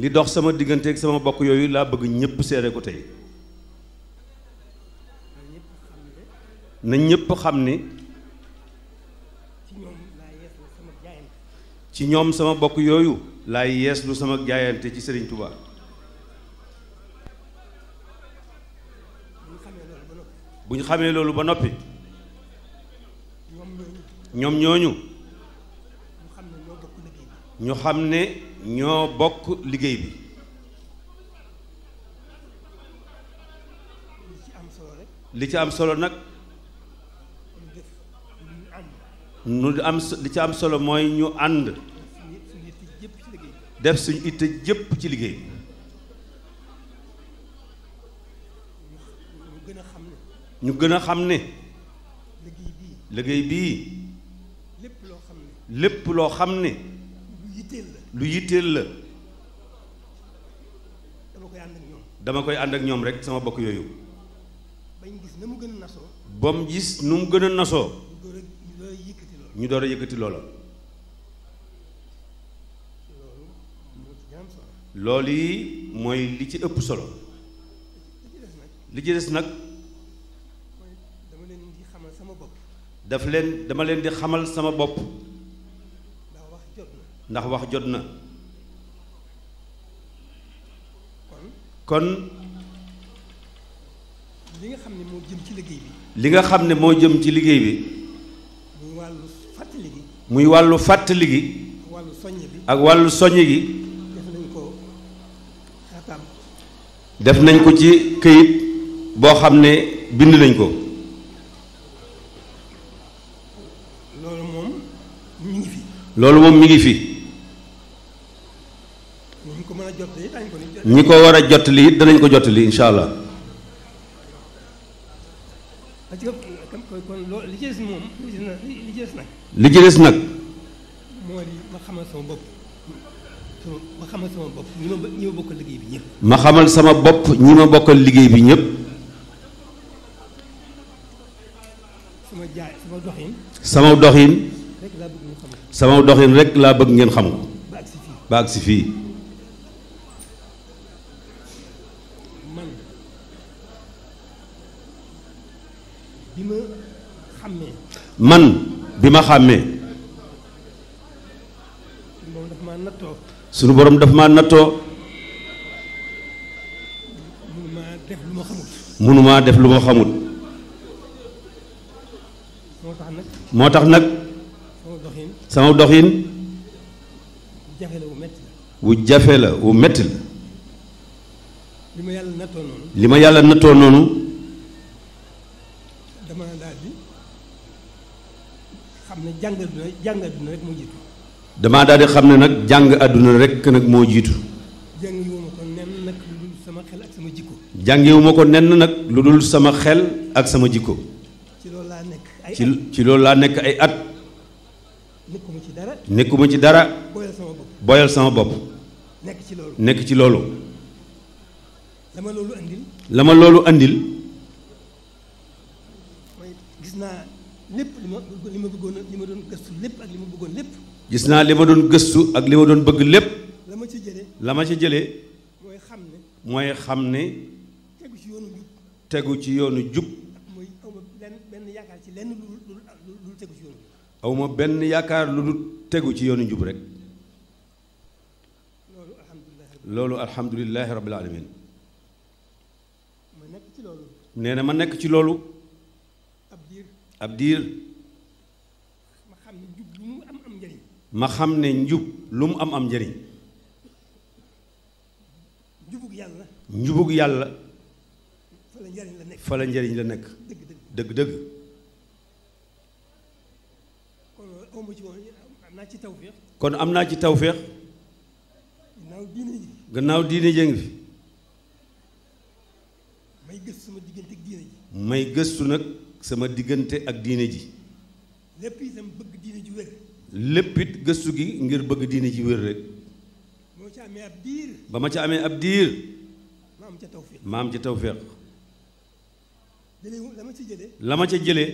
Speaker 1: li dox sama diggante ak sama bokk yooyu laa bëgg ñépp seere ko tey na ñépp xam ni ci ñoom sama bokk yooyu laay yees lu sama jaayante ci Serigne Touba bu ñu xamee loolu ba noppi ñoom ñooñu ñu xam ne ñoo bokk liggéey bi am li ci am solo nag nu am li ci am solo mooy ñu ànd def suñu itte jépp ci liggéey ñu gën a xam ne liggéey bii lépp loo xam ne lu yitteel la dama koy ànd ak ñoom rek sama bokk yooyu ba mu gis nu mu gën a nasoo ñu door a yëkkati loola loolu yi mooy li ci ëpp solo li ci des nag daf leen dama leen di xamal sama bopp ndax wax jot na kon
Speaker 2: li nga xam ne moo jëm ci liggéey
Speaker 1: bi li nga xam ne moo jëm ci liggéey bi muy wàllu fàttali gi ak wàllu soññ gi def nañ ko ci këyit boo xam ne bind nañ ko
Speaker 2: loolu moom mi
Speaker 1: ngi fi loolu moom mi ngi fi ñi ko war a jottali it danañ ko jottali incha allah li ci nag.
Speaker 2: moo di ma xamal sama bopp ñi ma bokkal liggéey bi
Speaker 1: ñëpp. ma xamal sama bopp ñi ma bokkal liggéey bi ñëpp. sama jaay sama doxin. sama doxin. rek laa bëgg ngeen xam sama doxin rek laa bëgg ngeen xam ko. ba fii ba agsi fii. man. bi ma xàmmee sunu borom daf ma nattoo
Speaker 2: munumaa def lu ma xamut
Speaker 1: munumaa def lu moo tax nag sama doxin wu jafe la wu metti la li ma yàlla nattoo noonu
Speaker 2: jàng àdduna jàng àdduna rek moo
Speaker 1: daal di xam ne nag jàng àdduna rek nag moo jiitu. jàngiwuma ko nen nag lu dul sama xel ak sama jikko. ko nen
Speaker 2: nag lu dul sama xel ak sama jikko. ci loolu laa nekk ay ci ci laa nekk ay at. nekkuma ci
Speaker 1: dara nekkuma ci dara. boyal sama bopp nekk ci loolu nekk ci loolu. la loolu andil.
Speaker 2: la ma li ma bëggoon li ma doon gëstu lépp ak li ma bëggoon lépp.
Speaker 1: gis naa li ma doon gëstu ak li ma doon bëgg lépp. la ma ci jële la ma ci jële mooy xam ne. mooy xam ne. tegu ci yoonu jub. tegu ci yoonu jub.
Speaker 2: mooy aw ma benn yaakaar ci lenn lu
Speaker 1: lu ma benn yaakaar lu dul tegu ci yoonu jub rek.
Speaker 2: loolu alhamdulilah.
Speaker 1: loolu alhamdulilah alamin. ma nekk ci ma nekk ci loolu. ab diir. ab diir. ma xam ne njub lu mu am am njëriñ njubug yàlla njubug yàlla
Speaker 2: fa la njëriñ la nekk
Speaker 1: fa la njëriñ la nekk dëgg dëgg kon am naa ci tawféex gannaaw diine jee ngi may gëstu sama diggante diine ji may gëstu nag sama diggante ak diine ji
Speaker 2: lépp itam bëgg
Speaker 1: lépp gëstu gi ngir bëgg diine ji wér rek ba ma ca amee ab diir
Speaker 2: ma am ca tawféex la ma ca jëlee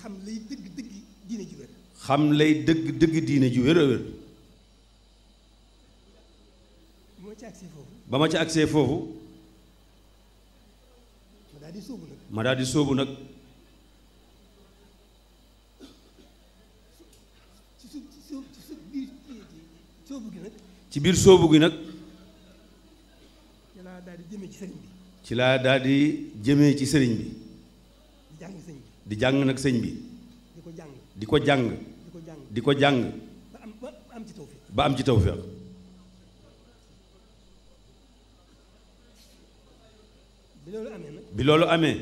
Speaker 1: xam lay dëgg dëgg diine ji wér xam lay dëgg dëgg diine ji wér a wér ba ma ca agsee foofu ma daal di soobu nag ci biir soobu gi nag ci laa daal di jëmee ci sëriñ bi ci di sëriñ bi di jàng sëñ di jàng nag sëñ bi di ko jàng di ko jàng di ko jàng ba am ci tawfeex ba am bi loolu amee nag bi loolu amee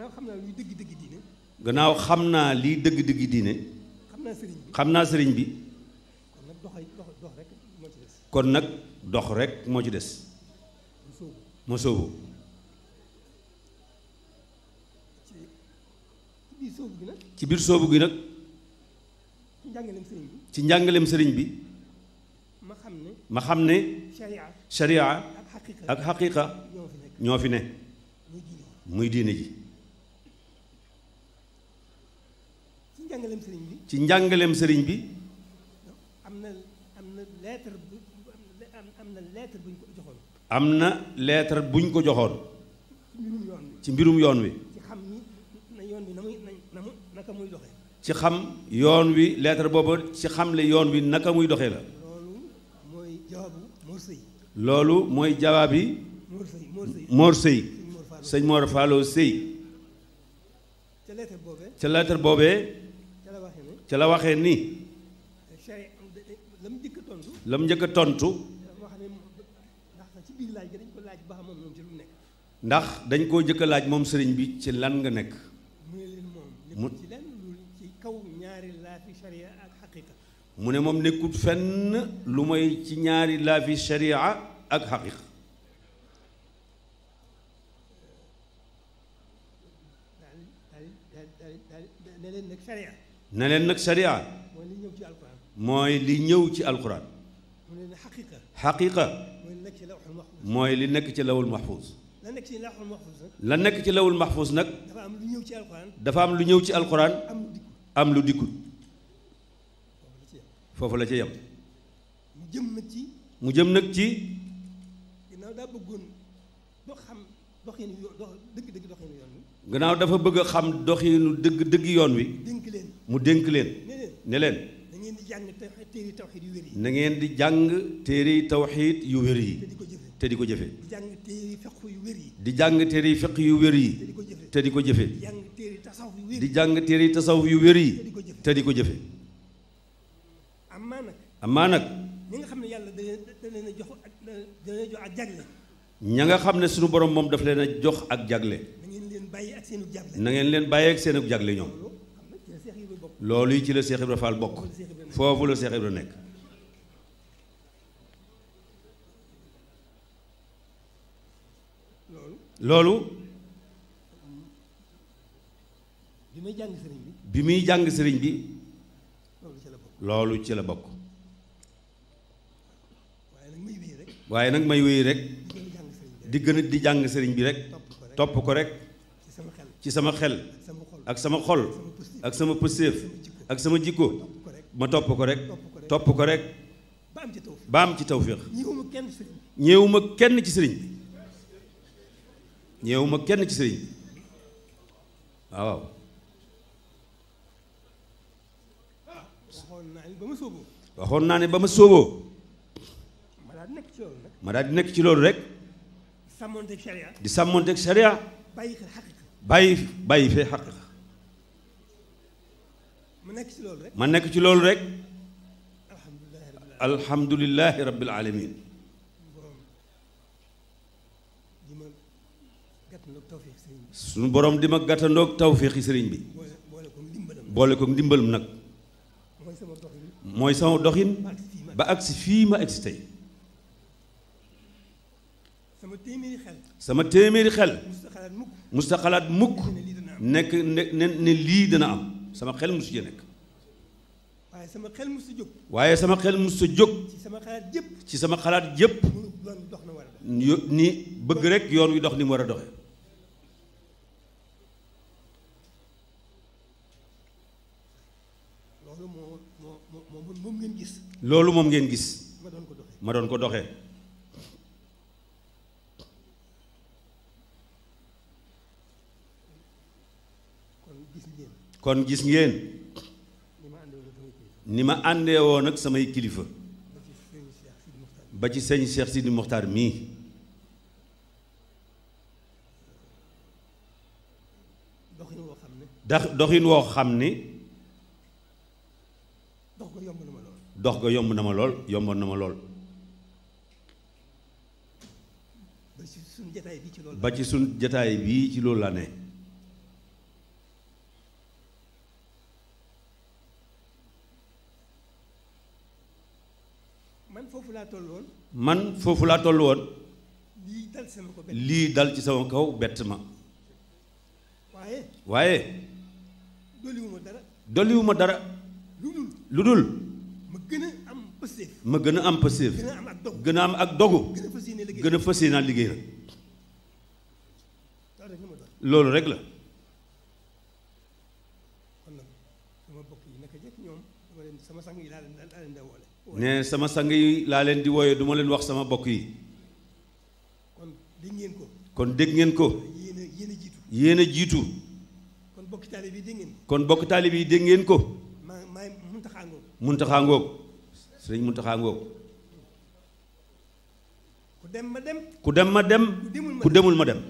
Speaker 1: gannaaw xam naa gannaaw xam naa liy dëgg-dëgg diine xam naa xam naa sëriñ bi kon nag dox rekk moo ci des ma sóobu ci biir sóobu gi nag ci njàngaleem sëriñ bi ma xam ne sharia ak xaqiqa ñoo fi ne muy diine ji ci njàngaleem sëriñ bi
Speaker 2: am na lettre
Speaker 1: am na lettre buñ ko joxoon ci mbirum yoon wi ci xam yoon wi lettre boobu ci xam le yoon wi naka muy doxee la loolu mooy jawaab yi Mor Sëy sëñ Mor Faalo Sëy
Speaker 2: ca lettre boobee
Speaker 1: ca la waxee ni
Speaker 2: lam mu njëkk tontu
Speaker 1: ndax dañ ko jëk laaj mom sëriñ bi ci lan nga nek mu ne mom nekut fenn lu may ci ñaari la fi sharia ak xaqiqa ne len nak sharia moy li ñëw ci alquran moy li ci xaqiqa moy li nek ci lawul mahfuz
Speaker 2: la nekk ci lawul maxfuus nag. la nekk ci lawul maxfuus nag. dafa am lu ñëw ci alxuraan.
Speaker 1: dafa am lu ñëw ci alxuraan. am lu dikkut. foofu la ci yem. mu jëm nag ci. mu jëm nag ci.
Speaker 2: gannaaw daa bëggoon xam doxinu dëgg-dëgg
Speaker 1: doxinu dafa bëgg a xam doxinu dëgg-dëgg yoon wi. dénk leen mu dénk leen. ne leen.
Speaker 3: na ngeen di jàng téere
Speaker 1: tawxiid di jàng téere tawxiid yu wér yi. te di ko jëfe di jàng téere yi fiq yu wér yi te di ko jëfe di jàng téere yi tasawuf yu wér yi te di ko jëfe amaa nag
Speaker 2: ñi nga xam ne yàlla da leen a jox da leen a jox ak jagle
Speaker 1: ña nga xam ne suñu borom moom daf leen a jox ak jagle na
Speaker 2: ngeen leen bàyyi ak seenu jagle
Speaker 1: na ngeen leen bàyyi ak seenu jagle ñoom loolu yi ci la Seex Ibra Faal bokk foofu la Seex Ibra nekk loolu
Speaker 2: bi muy jàng sëriñ
Speaker 1: bi muy jàng sëriñ bi loolu ci la bokk waaye nag may wéy rek di gën di jàng sëriñ bi rek topp ko rek ci sama xel ak sama xol ak sama pëseef ak sama jikko ma topp ko rek topp ko rek ba am ci tawféex ñëwuma kenn ci sëriñ ñewuma kenn ci sëriñ waaw
Speaker 2: waaw
Speaker 1: waxoon naa ne ba ma sóoboo ma daal di nekk ci loolu rek di sàmmonteeg sharia bàyyi bàyyi fee xaqiqa ma nekk ci loolu rek alhamdulilahi rabbil alamin suñu borom di ma gàttandoog tawféexi sëriñ bi boole ko ndimbalum nag mooy sama doxin ba agsi fii ma agsi tey sama téeméeri xel musta xalaat mukk nekk ne ne lii dana am sama xel musu ja nekk
Speaker 2: waaye sama xel musu jóg
Speaker 1: waaye sama xel musu jóg ci
Speaker 2: sama xalaat yëpp
Speaker 1: ci sama xalaat yëpp ni bëgg rek yoon wi dox ni mu war a doxe loolu moom ngeen gis ma doon ko doxee kon gis ngeen ni ma àndee woon ak samay kilifa ba ci sëñ Cheikh Sidi Mokhtar mii doxin woo xam ni dox ga yomb na ma lool yomboon na ma lool. ba ci sunu jataay bii ci loolu laa ne.
Speaker 2: man foofu laa toll woon.
Speaker 1: man foofu laa toll woon. lii dal ci sama kaw lii bett ma. waaye. waaye. dolliwuma dara. dolliwuma dara. lu dul lu dul. ma gën a am pëseef gën a am ak dogu gën a fas yéene liggéey rek loolu rek la ne sama sang yi laa leen di wooye du leen wax sama bokk yi kon dégg ngeen ko yéen a jiitu kon bokk taalib yi dégg ngeen ko muntaxaa ngoog sëriñ Muntaxa ngoog ku dem ma dem ku dem ma dem ku demul ma dem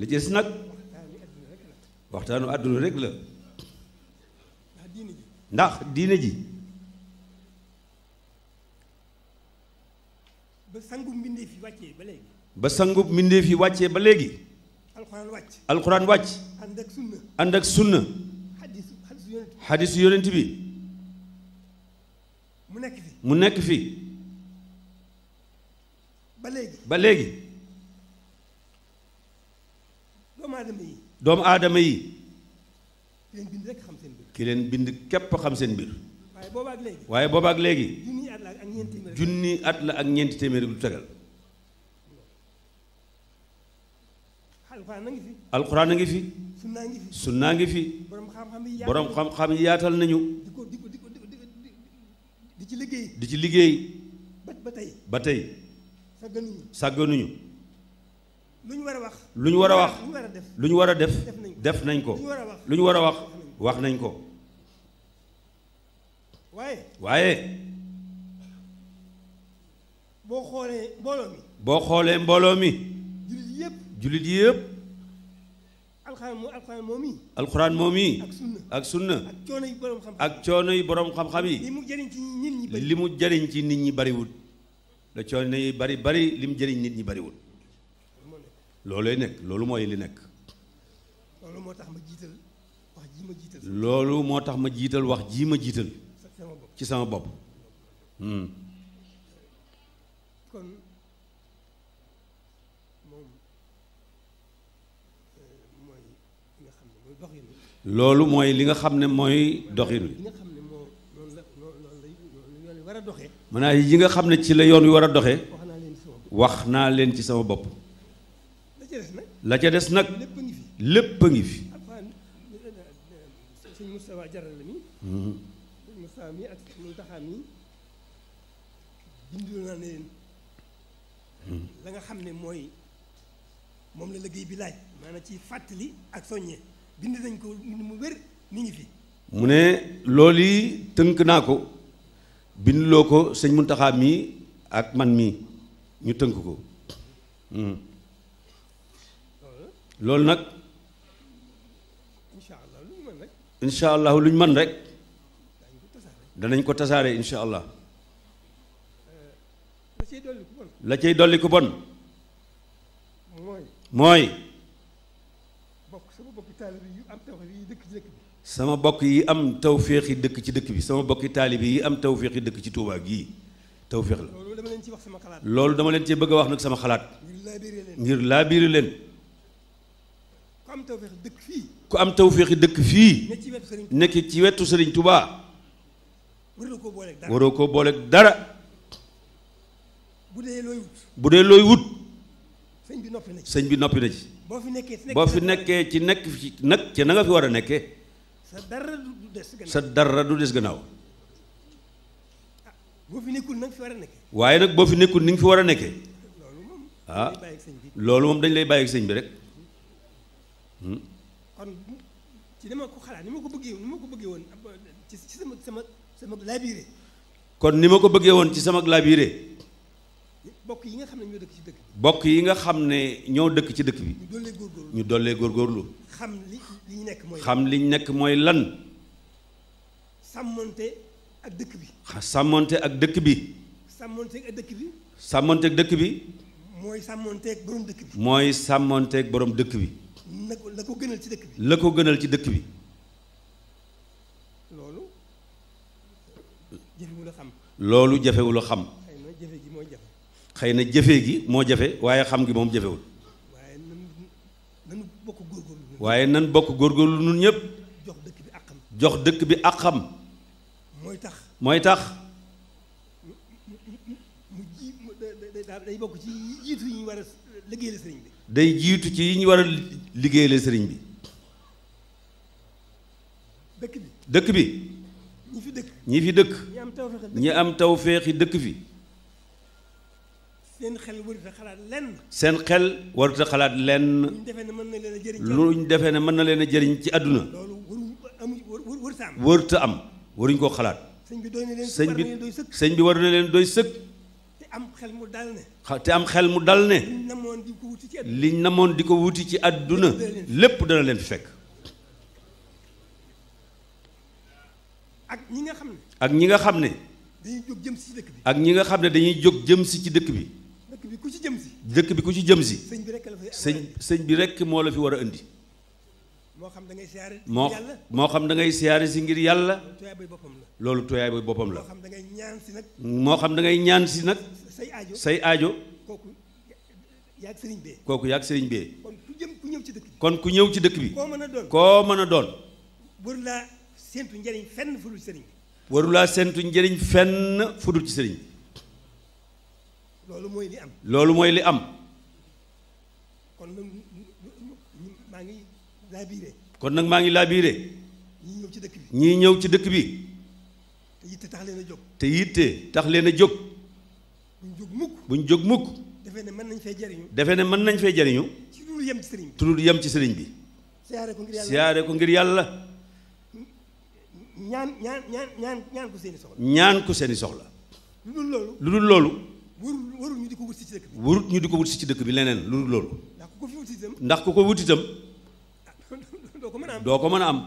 Speaker 1: li nag waxtaanu àdduna rekk la ndax diine ji
Speaker 2: ba sangu mbindeef yi wàccee ba léegi
Speaker 1: ba sangu mbindeef yi wàccee ba léegi alxuraan wàcc. alxuraan wàcc. ànd ak sunna. ànd ak sunna. xadisu yonent bi. mu nekk fi. mu nekk fi. ba léegi. ba léegi. doomu aadama yi. doomu aadama yi. ki leen bind xam seen mbir. leen bind képp xam seen mbir.
Speaker 2: waaye boobaak léegi. waaye boobaak léegi. junni at la ak ñeenti téeméeri. junni at
Speaker 1: ak ñeenti téeméeri du tegal.
Speaker 2: alxuraan a ngi fi. alxuraan a ngi fi. sunnaa ngi fi. sunnaa ngi fi. borom xam-xam yi borom xam-xam yi yaatal nañu. di ko di ko ci liggéey. di ci liggéey. ba tey
Speaker 1: ba tey. sàgganuñu sàgganuñu. lu ñu war a wax. lu ñu war a wax
Speaker 2: lu ñu war a def. def nañ ko lu ñu war a wax wax nañ ko. waaye. waaye. boo xoolee
Speaker 1: boo xoolee mbooloo mi. jullit yëpp.
Speaker 2: alxuraan moo alxuraan moom yi.
Speaker 1: alxuraan moom yi. ak sunna ak
Speaker 2: coono yi boroom xam-xam ak
Speaker 1: coono yi li mu jëriñ ci nit ñi bari bariwul. la coono yi bari bari li mu jëriñ nit ñi bariwul. loolooy loolu mooy li nekk.
Speaker 2: loolu moo tax ma jiital wax
Speaker 1: loolu moo tax ma jiital wax ji ma jiital. ci sama bopp. Hmm. loolu mooy li nga xam ne mooy doxin wi mën naa yi nga xam ne ci la yoon wi war a doxee wax naa leen ci sama bopp la ca des nag lépp a ngi fi
Speaker 2: bindoo naa ne la nga xam ne mooy moom la liggéey bi laaj maanaam ci fàttali ak soññee bind nañ ko bind mu wér ni ngi fi.
Speaker 1: mu ne lool yi tënk naa ko bindloo ko sëñ Muntaxa mii ak man mii ñu tënk ko hmm. loolu nag incha allah lu ñu man rek danañ ko tasaare incha allah
Speaker 2: eh,
Speaker 1: la cay dolli ko bon mooy. sama bokk yi am tawféexi dëkk ci dëkk bi sama bokk yi talib yi am tawféexi dëkk ci Touba gi tawféex la loolu dama leen ci bëgg a wax nag sama xalaat ngir laa biiri leen ku am tawféexi dëkk fii nekk ci wetu sëriñ Touba waroo koo booleeg dara bu dee looy wut sëñ bi noppi na ci
Speaker 2: boo fi nekkee
Speaker 1: ci nekk ci nag ci na nga fi war a nekkee
Speaker 2: sa dara du des
Speaker 1: gannaaw du des gannaaw.
Speaker 2: Ah, boo fi nekkul nag fi war a nekkee.
Speaker 1: waaye nag boo fi nekkul ni nga fi war a nekkee. ah loolu moom dañ lay bàyyi ak sëñ bi rek. Hmm?
Speaker 2: kon dama ko xalaat ni ma ko bëggee ni ma ko bëggee woon ci sama sama sama labiré.
Speaker 1: kon ni ma ko bëggee woon ci sama labiré.
Speaker 2: bokk yi nga xam ne ñoo dëkk ci dëkk.
Speaker 1: bokk yi nga xam ne ñoo dëkk ci dëkk bi. ñu dollee góorgóorlu ñu dollee góorgóorlu. nekk mooy xam liñ nekk mooy lan.
Speaker 2: sàmmonte ak dëkk bi.
Speaker 1: sàmmonte ak dëkk bi.
Speaker 2: sàmmonte ak dëkk bi.
Speaker 1: sàmmonte ak dëkk bi.
Speaker 2: mooy sàmmoonte ak borom dëkk
Speaker 1: bi. mooy sàmmonte ak dëkk bi.
Speaker 2: la ko gënal ci dëkk
Speaker 1: bi. la ko gënal ci dëkk bi.
Speaker 2: loolu jafewul a xam.
Speaker 1: loolu jafewul xam. xëy na jëfe gi moo jafe. xëy na jëfe gi moo jafe waaye xam ngi moom jafewul. waaye nan bokk góor góorgóorlu nun ñëpp jox dëkk bi àqam jox dëkk bi àqam mooy tax mooy tax
Speaker 2: day bokk ci jiitu ñu war a liggéeyal sëriñ
Speaker 1: day jiitu ci yi ñu war a liggéeyal sëriñ bi dëkk bi dëkk bi ñi fi dëkk ñi fi dëkk ñi am tawféexi dëkk fi
Speaker 2: seen xel warut a xalaat lenn.
Speaker 1: seen xel warut xalaat lenn. lu ñu defee ne mën na leen a jëriñ lu ñu defee ne mën na leen a jëriñ ci àdduna. loolu waru warut a am. waruñ koo xalaat. sëñ bi doy na leen sëñ bi sëñ bi war na leen doy sëkk.
Speaker 2: te am xel mu dal ne.
Speaker 1: te am xel mu dal ne. liñ namoon di ko wuti ci àdduna. namoon di ko wuti ci àdduna. lépp dana leen fi fekk.
Speaker 2: ak ñi nga xam ne.
Speaker 1: ak ñi nga xam ne.
Speaker 2: dañuy jóg jëm si
Speaker 1: ñi nga xam ne dañuy jóg jëm si ci dëkk bi.
Speaker 2: ku ci jëm dëkk bi ku ci jëm si. sëñ bi rek sëñ
Speaker 1: sëñ bi rek moo la fi war a indi.
Speaker 3: moo xam da ngay siyaare
Speaker 2: moo
Speaker 1: moo xam ngay siyaare si ngir yàlla. loolu tooyaay ba la. xam da ñaan si nag. moo xam da ngay ñaan si nag. say aajo say aajo.
Speaker 2: kooku yaag sëriñ bee.
Speaker 1: kooku yaag sëriñ bee.
Speaker 2: kon ku jëm ku ci dëkk bi.
Speaker 1: kon ku ñëw ci dëkk bi. koo mën a doon koo mën a doon.
Speaker 2: waru laa séentu njëriñ fenn fu dul
Speaker 1: waru laa séentu njëriñ fenn fu ci sëriñ.
Speaker 2: loolu mooy li am.
Speaker 1: loolu mooy li am.
Speaker 2: kon nag maa ngi laabiire.
Speaker 1: kon nag maa ngi laabiire. ñii ñëw ci dëkk bi. ñii ñëw ci dëkk bi. te yitte tax leen a jóg. te yitte tax leen a jóg. buñ jóg mukk. buñ jóg mukk.
Speaker 2: defe ne mën nañ fee jariñu.
Speaker 1: defe ne mën nañ fee jariñu.
Speaker 2: ci lu dul yem ci sëriñ
Speaker 1: bi. lu yem ci sëriñ bi. siyaare ko ngir yàlla siyaare ko ngir yàlla.
Speaker 2: ñaan ñaan ñaan ñaan ko seen soxla.
Speaker 1: ñaan ko seen i soxla. lu dul loolu.
Speaker 2: warul ñu di ko wut si ci dëkk bi.
Speaker 1: warut ñu di ko wut si ci dëkk bi leneen lu dul loolu. ndax
Speaker 2: ku ko fi wut itam.
Speaker 1: ndax ku ko wut itam.
Speaker 2: doo ko mën a am doo ko mën a am.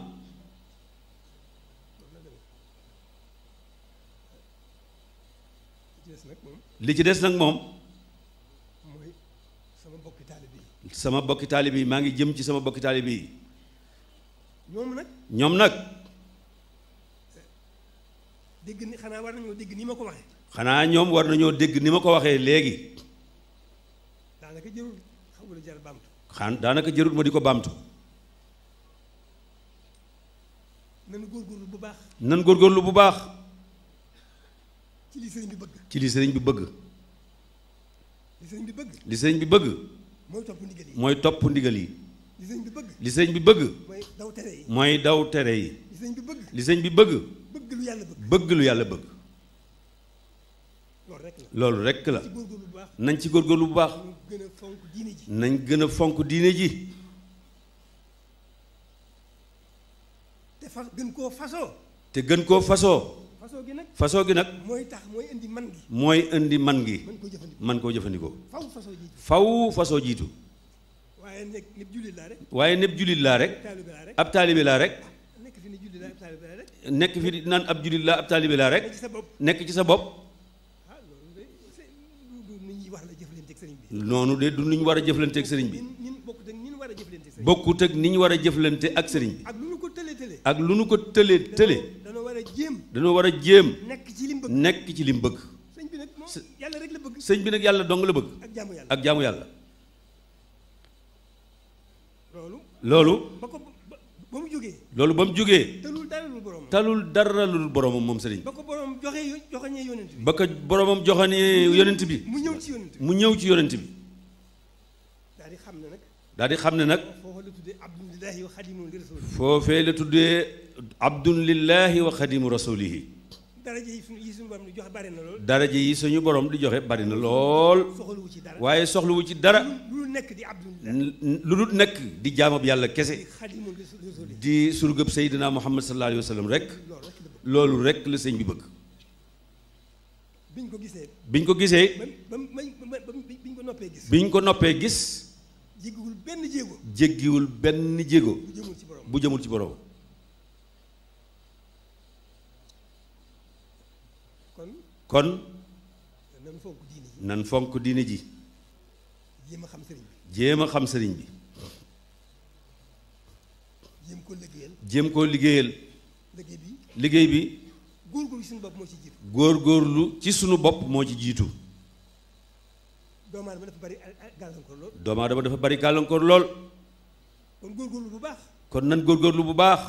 Speaker 1: li ci des nag moom. mooy sama bokki taalibe yi. sama bokki taalibe yi maa ngi jëm ci sama bokki taalibe yi. ñoom nag. ñoom nag.
Speaker 2: dégg ni xanaa war nañoo dégg nii ma ko waxee.
Speaker 1: xanaa ñoom war nañoo dégg ni ma ko waxee léegi. daanaka jërul xan daanaka jërul ma di ko bamtu.
Speaker 2: nan góorgóorlu bu baax.
Speaker 1: nan góorgóorlu bu baax.
Speaker 2: ci li bi bëgg.
Speaker 1: ci bi bëgg. li sëriñ bëgg. li bi bëgg. mooy topp ndigal yi mooy topp yi. li sëriñ bi bëgg. li sëriñ mooy daw tere yi. mooy daw bi bëgg. yàlla bëgg. bëgg lu yàlla bëgg. loolu rekk la nañ ci góor góorgóorlu bu baax nañ gën a fonk diine ji
Speaker 2: te fas gën koo fasoo
Speaker 1: te gën koo fasoo
Speaker 2: faso gi nag mooy tax mooy indi man
Speaker 1: mooy indi man gi man koo jëfandikoo faw fasoo jiitu waaye népp jullit laa rek ab taalibe laa rek nekk fi naan ab jullit laa ab taalibe laa rek nekk ci sa bopp noonu de du ñu war a jëflante ak sëriñ bi bokkut ak ni ñu war a jëflante ak sëriñ bi ak lu nu ko tëlee tëlee dañoo war a jéem nekk ci li mu bëgg sëñ bi nag yàlla dong la bëgg ak jaamu yàlla loolu ba mu jógee lolou bam joge talul daralul borom boromam talul dara borom boromam moom sëriñ. ba
Speaker 2: joxe joxani yonent
Speaker 1: bi. ba ko boromam joxani yonent bi. mu ñëw ci yonent bi mu ñëw ci yonent bi.
Speaker 2: daal di xam ne nag.
Speaker 1: daal di xam ne nag.
Speaker 2: la tuddé abdullahi
Speaker 1: wa xadimu rasulih foofee la tuddee Abdulillahi wa xadimu rasulihi. daraja yi suñu borom di joxe bari na lool. daraja yi suñu borom di joxe bari na lool. soxluwu ci dara waaye soxluwu ci dara.
Speaker 2: lu dul nekk di abdul.
Speaker 1: lu dul nekk di jaamab yàlla kese. di surgëb Seydina Muhammad sallallahu alayhi wa sallam rek. loolu rek la sëñ bi bëgg. biñ ko gisee. biñ ko gisee.
Speaker 2: biñ ko noppee gis. biñ ko noppee gis. jéggiwul benn jéego.
Speaker 1: jéggiwul benn jéego. bu ci borom bu jëmul ci borom. kon nan fonk diine ji nan fonk diine ji jéem a xam sëriñ bi jéem a xam sëriñ bi
Speaker 2: jéem koo liggéeyal
Speaker 1: jéem koo liggéeyal liggéey bi liggéey bi góorgóorlu ci sunu bopp moo ci jiitu góorgóorlu ci
Speaker 2: sunu bopp moo ci jiitu doomu aadama dafa bari gàllankoor lool
Speaker 1: doomu aadama dafa bari gàllankoor lool
Speaker 2: kon góorgóorlu bu baax
Speaker 1: kon nan góorgóorlu bu baax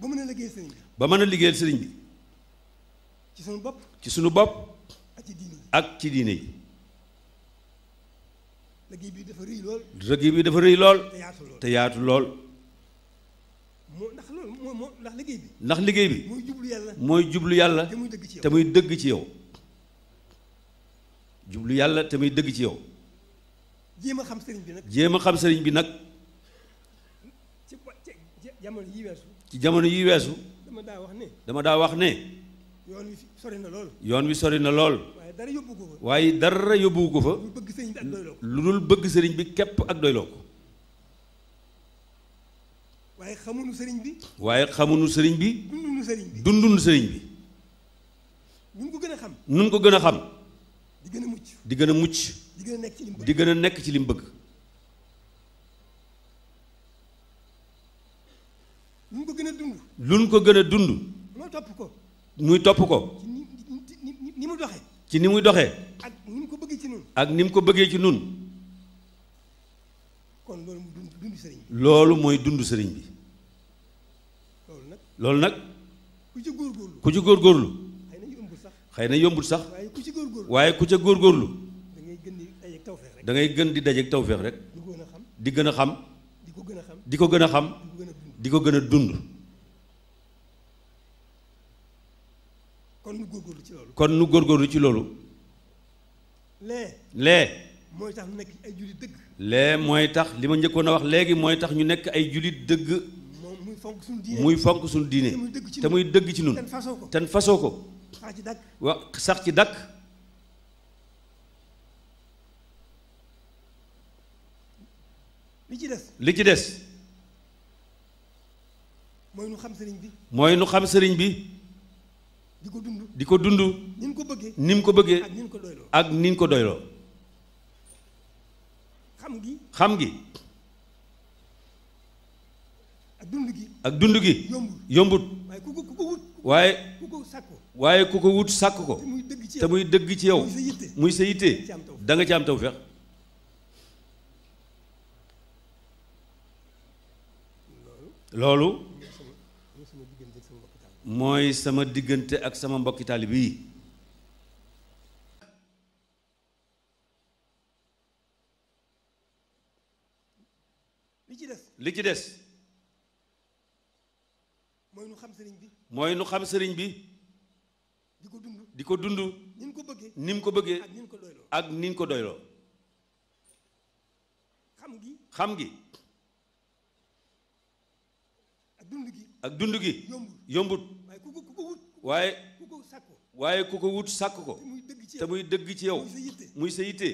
Speaker 2: ba mën a liggéeyal sëriñ bi.
Speaker 1: ba mën a liggéeyal sëriñ ci sunu bopp. ci sunu bopp. ak ci diine yi
Speaker 2: liggéey bi dafa rëy lool. liggéey te yaatu lool te moo ndax loolu moo ndax liggéey bi.
Speaker 1: ndax liggéey mooy jublu yàlla mooy jublu te muy dëgg ci yow dëgg ci yow. jublu yàlla te muy dëgg ci yow.
Speaker 2: jéem a xam sëriñ bi nag.
Speaker 1: jéem a xam bi nag.
Speaker 2: ci jamono yii weesu.
Speaker 1: ci jamono yi weesu. dama daa wax ne. dama daa wax ne.
Speaker 2: yoon wi sori na lool.
Speaker 1: yoon wi sori na lool. waaye dara yóbbu ko fa. waaye
Speaker 2: dara
Speaker 1: yóbbu ko fa. lu dul bëgg sëriñ bi lu dul bëgg sëriñ bi képp ak doyloo ko.
Speaker 2: waaye xamuñu sëriñ bi.
Speaker 1: waaye xamuñu sëriñ bi. dunduñu sëriñ bi dunduñu bi. nun ko gën a xam. nun ko gën a xam. di gën a mucc. di gën a mucc. di gën a nekk ci li mu bëgg. luñ ko gën a dund. muy topp ko. muy topp ko. ni mu doxee. ci ni muy doxee.
Speaker 2: ak ni mu ko bëggee ci nun
Speaker 1: ak ni mu ko bëggee ci nun kon loolu mooy dund sëriñ bi. loolu mooy dund sëriñ bi. loolu nag. loolu nag.
Speaker 2: ku ci góorgóorlu
Speaker 1: ku ci góorgóorlu. xëy na yombul sax. xëy na yombul sax. waaye ku ci góorgóorlu waaye ku ca góorgóorlu. da ngay gën di dajeeg tawfeex rek. da ngay gën di dajeeg tawfeex rek. di gën a xam. di gën a xam. di ko gën a xam. di ko gën a xam. di ko gën a dund.
Speaker 2: kon nu góorgóorlu ci loolu.
Speaker 1: kon nu góorgóorlu ci loolu. lee. lee.
Speaker 3: mooy tax ñu ay jullit dëgg.
Speaker 1: lee mooy tax li ma njëkkoon a wax léegi mooy tax ñu nekk ay jullit dëgg.
Speaker 3: muy fonk suñu
Speaker 1: diine muy fonk suñu diine. te muy dëgg ci ñun te
Speaker 3: fasoo
Speaker 2: ko. te fasoo ko. sax ci dàkk.
Speaker 1: wa sax ci dàkk. li ci des. li ci des.
Speaker 2: mooy nu xam sëriñ bi.
Speaker 1: mooy nu xam sëriñ bi. di ko dund di ko dund.
Speaker 2: ni mu ko bëggee ni ko bëggee. ak ni ko doyloo
Speaker 1: ak ni mu ko doyloo. xam gi xam gi. ak dund gi ak dund gi. yombut waaye ku ku waaye ku ko waaye ku ko wut sàkk ko. te muy dëgg ci yow muy sa yitte danga nga ci am tawfeex. loolu. mooy sama diggante ak sama mbokki taalibe yi li ci des li ci des
Speaker 2: mooy nu xam sëriñ bi
Speaker 1: mooy nu xam sëriñ bi di ko dund di ko dund
Speaker 2: ni mu ko bëggee ni ko bëggee
Speaker 1: ak ni ñu ko doyloo xam gi xam gi ak dund gi yombut yombut waaye waaye ku ko wut sàkk ko te muy dëgg ci yow muy sa yitte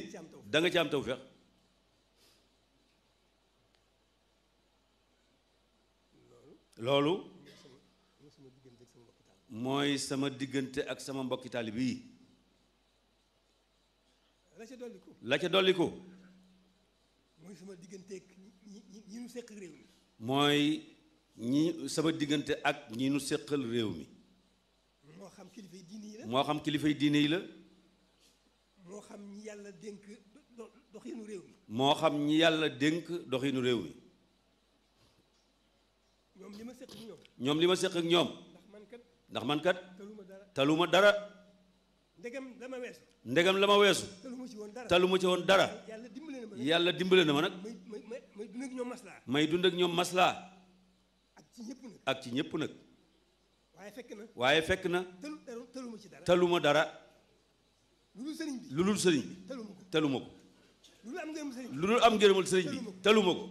Speaker 1: da nga ci am tawfeex loolu mooy sama diggante ak sama mbokki taalib yi la ca dolli ko
Speaker 2: mooy sama diggante ak ñi ñu seqal réew mi
Speaker 1: mooy ñi sama diggante ak ñi ñu seqal réew mi
Speaker 2: xam kilifay yi
Speaker 1: moo xam kilifay diine yi la.
Speaker 2: moo xam ñi yàlla dénk doxinu réew mi.
Speaker 1: moo xam ñi yàlla dénk doxinu réew mi.
Speaker 2: ñoom li ma seq ak ñoom.
Speaker 1: li ma seq ak ñoom. ndax man kat. ndax man kat. taluma dara taluma dara.
Speaker 2: ndegam la ma weesu. la ma weesu. taluma ci woon dara ci woon dara. yàlla dimbale na ma nag
Speaker 1: yàlla dimbale na ma nag.
Speaker 2: may may may dund ak ñoom maslaa.
Speaker 1: may dund ak ñoom maslaa.
Speaker 2: ak ci ñëpp nag.
Speaker 1: ak ci ñëpp nag. waaye fekk na waaye fekk na
Speaker 2: taluma ci dara taluma dara lu dul sëriñ bi lu taluma ko lu dul am ngërëmul sëriñ bi taluma ko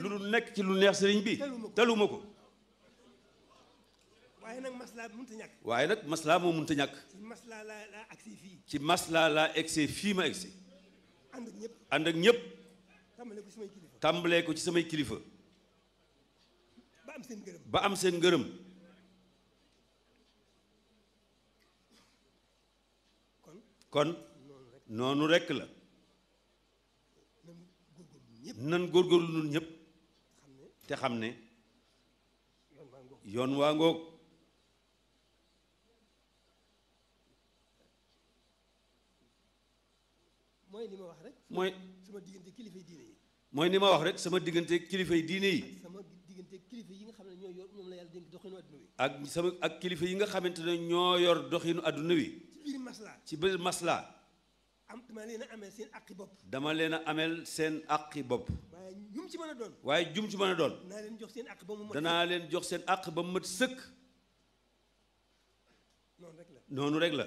Speaker 2: lu dul
Speaker 1: nekk ci lu neex sëriñ bi taluma ko
Speaker 2: waaye nag maslaa mënta ñàkk
Speaker 1: waaye nag maslaa moo mënta ñàkk
Speaker 2: ci maslaa laa egsi
Speaker 1: fii ci maslaa laa egsi fii ma egsi ànd ak ñëpp ànd ak tàmbalee ko ci samay kilifa am seen ba am seen ngërëm kon noonu rekk la nan góor góorgóorlu nun ñëpp te xam ne yoon waa ngoog
Speaker 2: mooy li ma wax rek mooy sama diggante kilifa yi
Speaker 1: mooy ni ma wax rek sama diggante kilifa yi diine yi
Speaker 2: sama diggante kilifa yi nga xam ne ñoo yor ñoom la yàlla dénk doxinu adduna wi
Speaker 1: ak sama ak kilifa yi nga xamante ne ñoo yor doxinu àdduna wi maslaa. ci biir maslaa.
Speaker 2: am dama leen a ameel seen akki bopp.
Speaker 1: dama leen a ameel seen akki bopp.
Speaker 2: waaye jum ci mën a doon.
Speaker 1: waaye jum ci mën a doon.
Speaker 2: danaa leen jox seen aq ba
Speaker 1: mu mat danaa leen jox seen aq ba mu mat sëkk. noonu rek noonu rek la.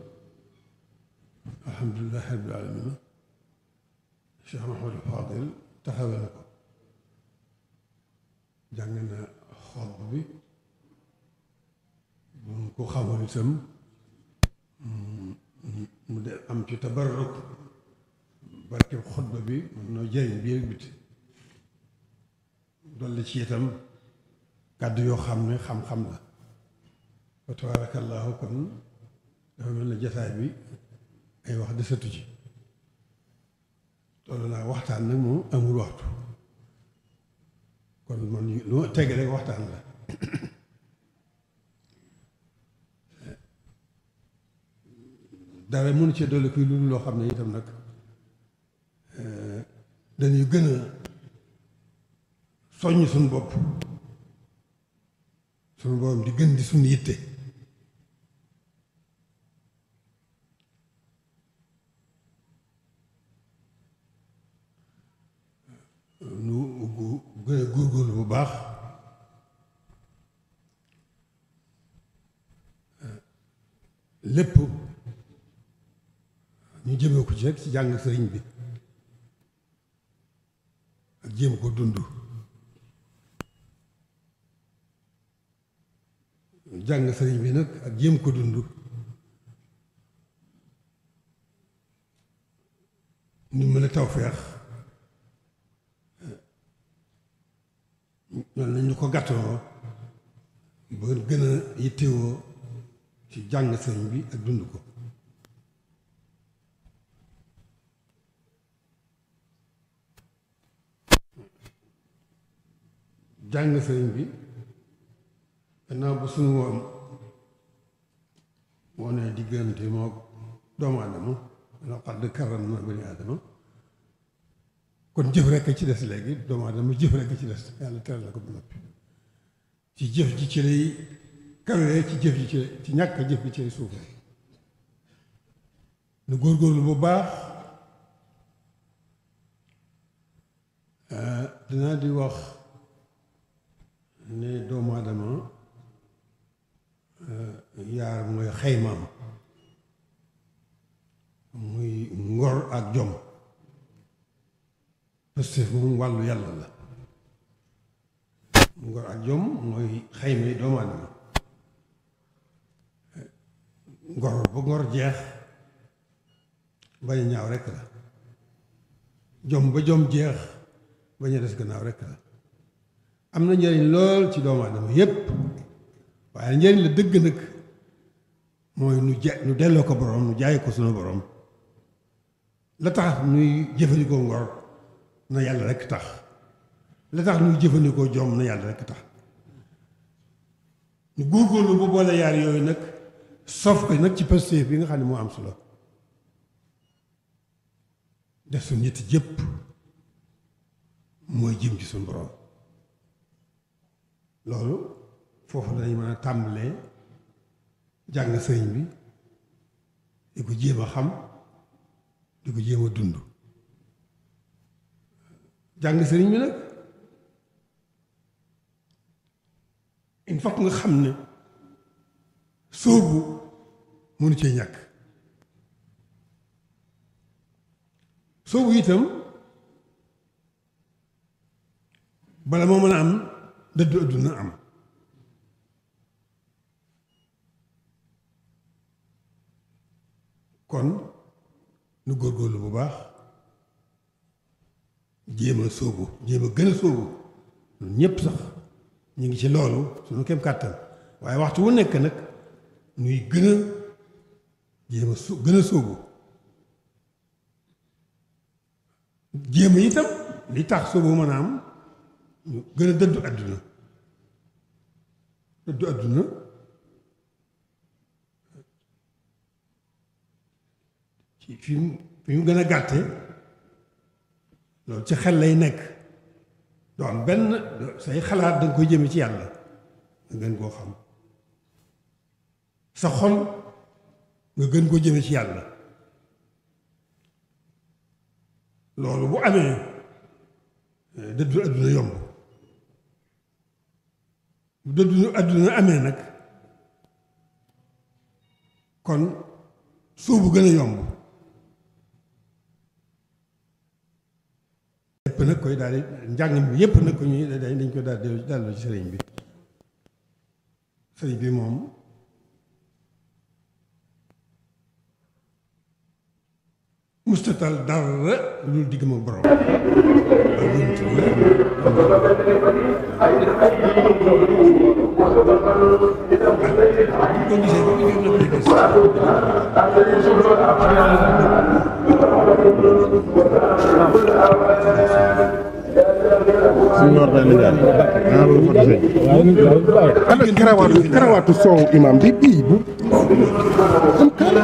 Speaker 12: سم
Speaker 2: ام تي تبرك بركي خطبه بي من جاي بي بيت دول سي تام كادو يو خامني خام خام لا تبارك الله كن دا مل جتاي بي اي واخ دساتو جي تولنا وقتان نك مو امول وقتو كون من لو تيغ رك وقتان لا dara mënu cee dolli lu loolu loo xam ne itam nag euh, dañuy gën a soññ suñu bopp suñu borom di gën di suñu yitte nu gën a góorgóorlu bu baax euh, lépp ñu jëmee ko ci rek ci jàng sëriñ bi ak jéem ko dund jàng sëriñ bi nag ak jéem ko dund ñu mën a tawfeex loolu nañu ko gàttaloo ba gën a yittewoo ci jàng sëriñ bi ak dund ko
Speaker 10: jàng sëriñ bi
Speaker 12: gannaaw ba sunu woom moo ne diggante moo
Speaker 2: doomu aadama laqad karramnaa banii aadama kon jëf rekk ci des léegi doomu aadama jëf rekk ci des yàlla teral na ko ba noppi ci jëf ji ci lay kawee ci jëf ji ci ci ñàkk jëf ji ci lay suufee nu góorgóorlu bu baax danaa di wax ne doomu aadama
Speaker 12: euh, yaar mooy xaymaam muy ngor ak jom pëstef moom wàllu yàlla la ngor ak jom mooy
Speaker 2: xayma doomu aadama ngor ba ngor jeex bañ a ñaaw rekk la jom ba jom jeex bañ a des gannaaw rekk la am na njëriñ lool ci doomu aadama yépp waaye njëriñ la dëgg nag mooy nu ja nu delloo ko borom nu jaay ko sunu borom la tax nuy jëfandikoo ngor na yàlla rek tax la tax nuy jëfandikoo jom na yàlla rek tax nu góorgóorlu bu boole yaar yooyu nag sof ko nag ci pastéef bi nga xam ne moo
Speaker 12: am solo def suñu ñetti jëpp mooy jëm ci suñu borom loolu
Speaker 2: foofu lañ mën a tàmbalee jàng sëriñ bi di ko jéem xam di ko jéem a dund jàng sëriñ bi nag il nga xam ne sóobu mënu ci ñàkk sóobu itam
Speaker 12: bala moo mën a am dëddu àdduna am kon nu góorlu bu baax
Speaker 2: jéem a sóobu jéem gën a sóobu ñun ñëpp sax ñu ngi ci loolu suñu kem kàttan waaye waxtu wu nekk nag nuy gën a jéem a su gën a sóobu itam li tax sóobu mën a am gën a dëddu àdduna
Speaker 12: dëddu àdduna ci fi mu fi mu gën a gàtte loolu ci
Speaker 2: xel lay nekk doo am benn say xalaat da nga koy jëme ci yàlla nga gën koo xam sa xol nga gën koo jëme ci yàlla loolu bu amee dëddu àdduna yomb dëdduñu àdduna amee nag kon bu gën a yomb yépp nag koy daal di njàng mi yépp nag ko ñuy dañ ko daal di delloo ci sëriñ bi sëriñ bi moom mustatal dara lu dul digg ma borom
Speaker 12: ana karawaatu karawaatu soow imaam bi bii bu am kaala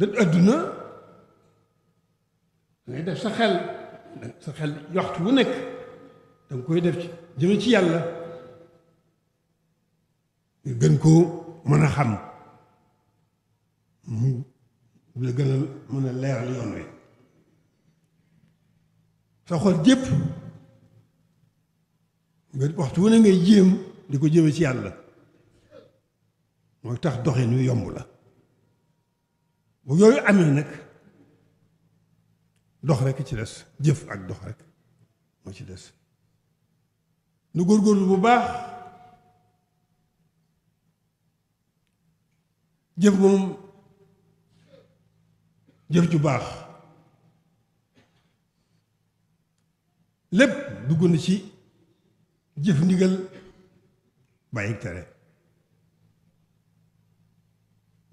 Speaker 2: da adduna dangay def sa xel sa xel waxtu wu nekk da nga koy def ci jëme ci yàlla
Speaker 12: nga gën koo mën a xam mu la gën a mën a leeral yoon wi
Speaker 2: sa xol jëpp nga waxtu wu ne ngay jéem di ko jëme ci yàlla mooy tax doxin yu yomb la bu yooyu amee nag dox rek ci des jëf ak dox rek moo ci des nu góorgóorlu bu baax jëf moom jëf ju baax lépp dugg na ci jëf ndigal bàyyi tere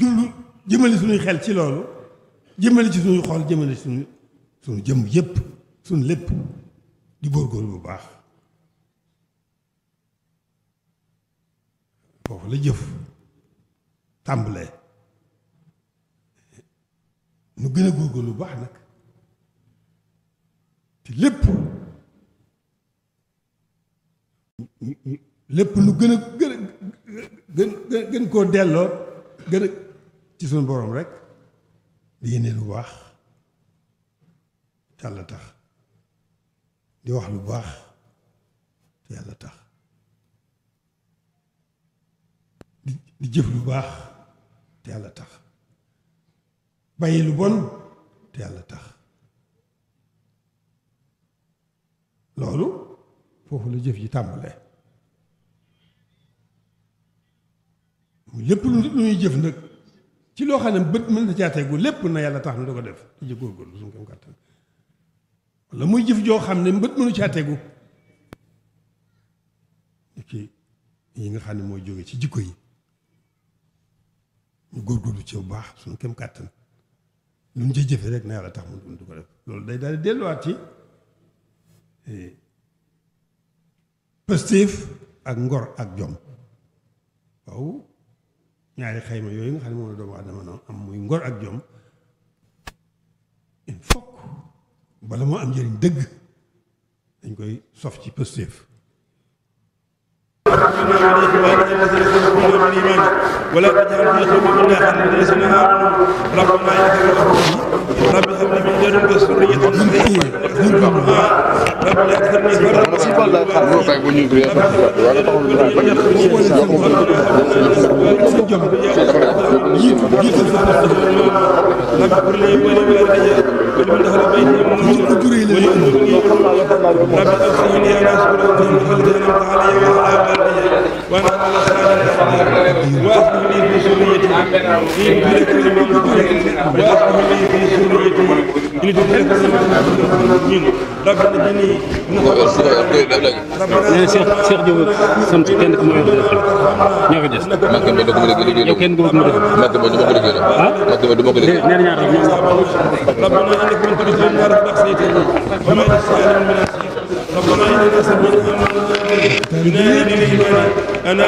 Speaker 2: jullu jëmale suñuy xel ci loolu jëmale ci suñu xool jëmale su
Speaker 12: suñu jëm yépp suñu lépp di góorgóorlu bu baax foofu la jëf
Speaker 2: tàmbalee nu gën a góorgóorlu bu baax nag te lépp
Speaker 8: lépp nu gën a gën gën gën koo delloo
Speaker 2: gën ci suñu borom rekk di yéene lu baax te yàlla tax di wax lu baax te tax jëf lu baax te yàlla tax bàyyi lu bon te yàlla tax loolu foofu la jëf yi tàmbalee mu lépp lu ñuy jëf nag ci loo xam ne bët mën na caa tegu lépp na yàlla tax na da ko def di ci góorgóorlu suñu kam kàttan wala muy jëf joo xam ne bët mënu caa tegu
Speaker 12: ci yi nga xam ne mooy jóge ci jikko yi
Speaker 2: ñu góorgóorlu ci bu baax suñu kem kàttan lu ñu ci jëfe rek na yàlla tax mu du ko def loolu day daal di delluwaat ci eh, pëstéef ak ngor ak jom waaw ñaari xayma yooyu nga xam ne moom la doomu aadama noonu am muy ngor ak jom il faut bala moo am njëriñ dëgg dañ koy sof ci pëstéef وتحملنا
Speaker 1: عليه وأنت الذي تكون الإيمان ولا تجعلنا سبب الله عن الذين آمنوا ربنا إنك رب هب لي من
Speaker 7: لدنك ذرية رب لا تذرني فردا رب
Speaker 2: اغفر لي ولوالدي
Speaker 1: Bueno, وأهلي بسريتي في كل وأهلي بسريتي ربنا جني ربنا شيخ
Speaker 6: شيخ جو سمت كان كما ñoo ko gis. man kenn dama ko liggéey yow kenn dama ko liggéey. man dama dama ko liggéey. ah man dama dama ko liggéey.
Speaker 9: nee na ñaar rek ñoom ñaar. ربنا إنك من تريد من نار بأخزيته وما يسأل من ربنا إنك
Speaker 12: سبحانه ينادي أنا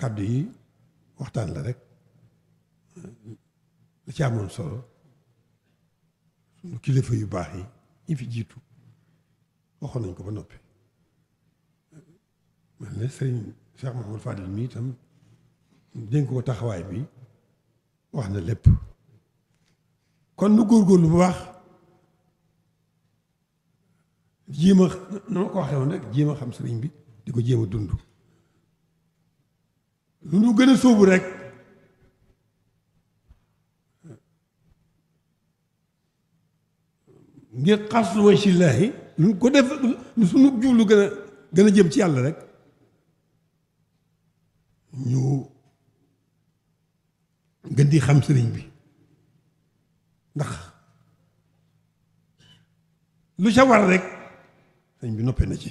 Speaker 2: kaddu yi waxtaan la rek la ci amoon solo sunu kilifa yu baax yi ñi fi jiitu waxoon nañ ko ba noppi mel ne sëriñ Cheikh Fadil mi itam dénk ko bi wax na kon nu góorgóorlu bu baax ko waxee woon rek xam bi lu nu gën a sóobu rek ngir xas lu si laahi lu ko def lu sunu jublu gën a gën a jëm ci yàlla rek ñu gën di xam sëriñ bi ndax lu ca war rek sëriñ bi noppee na ci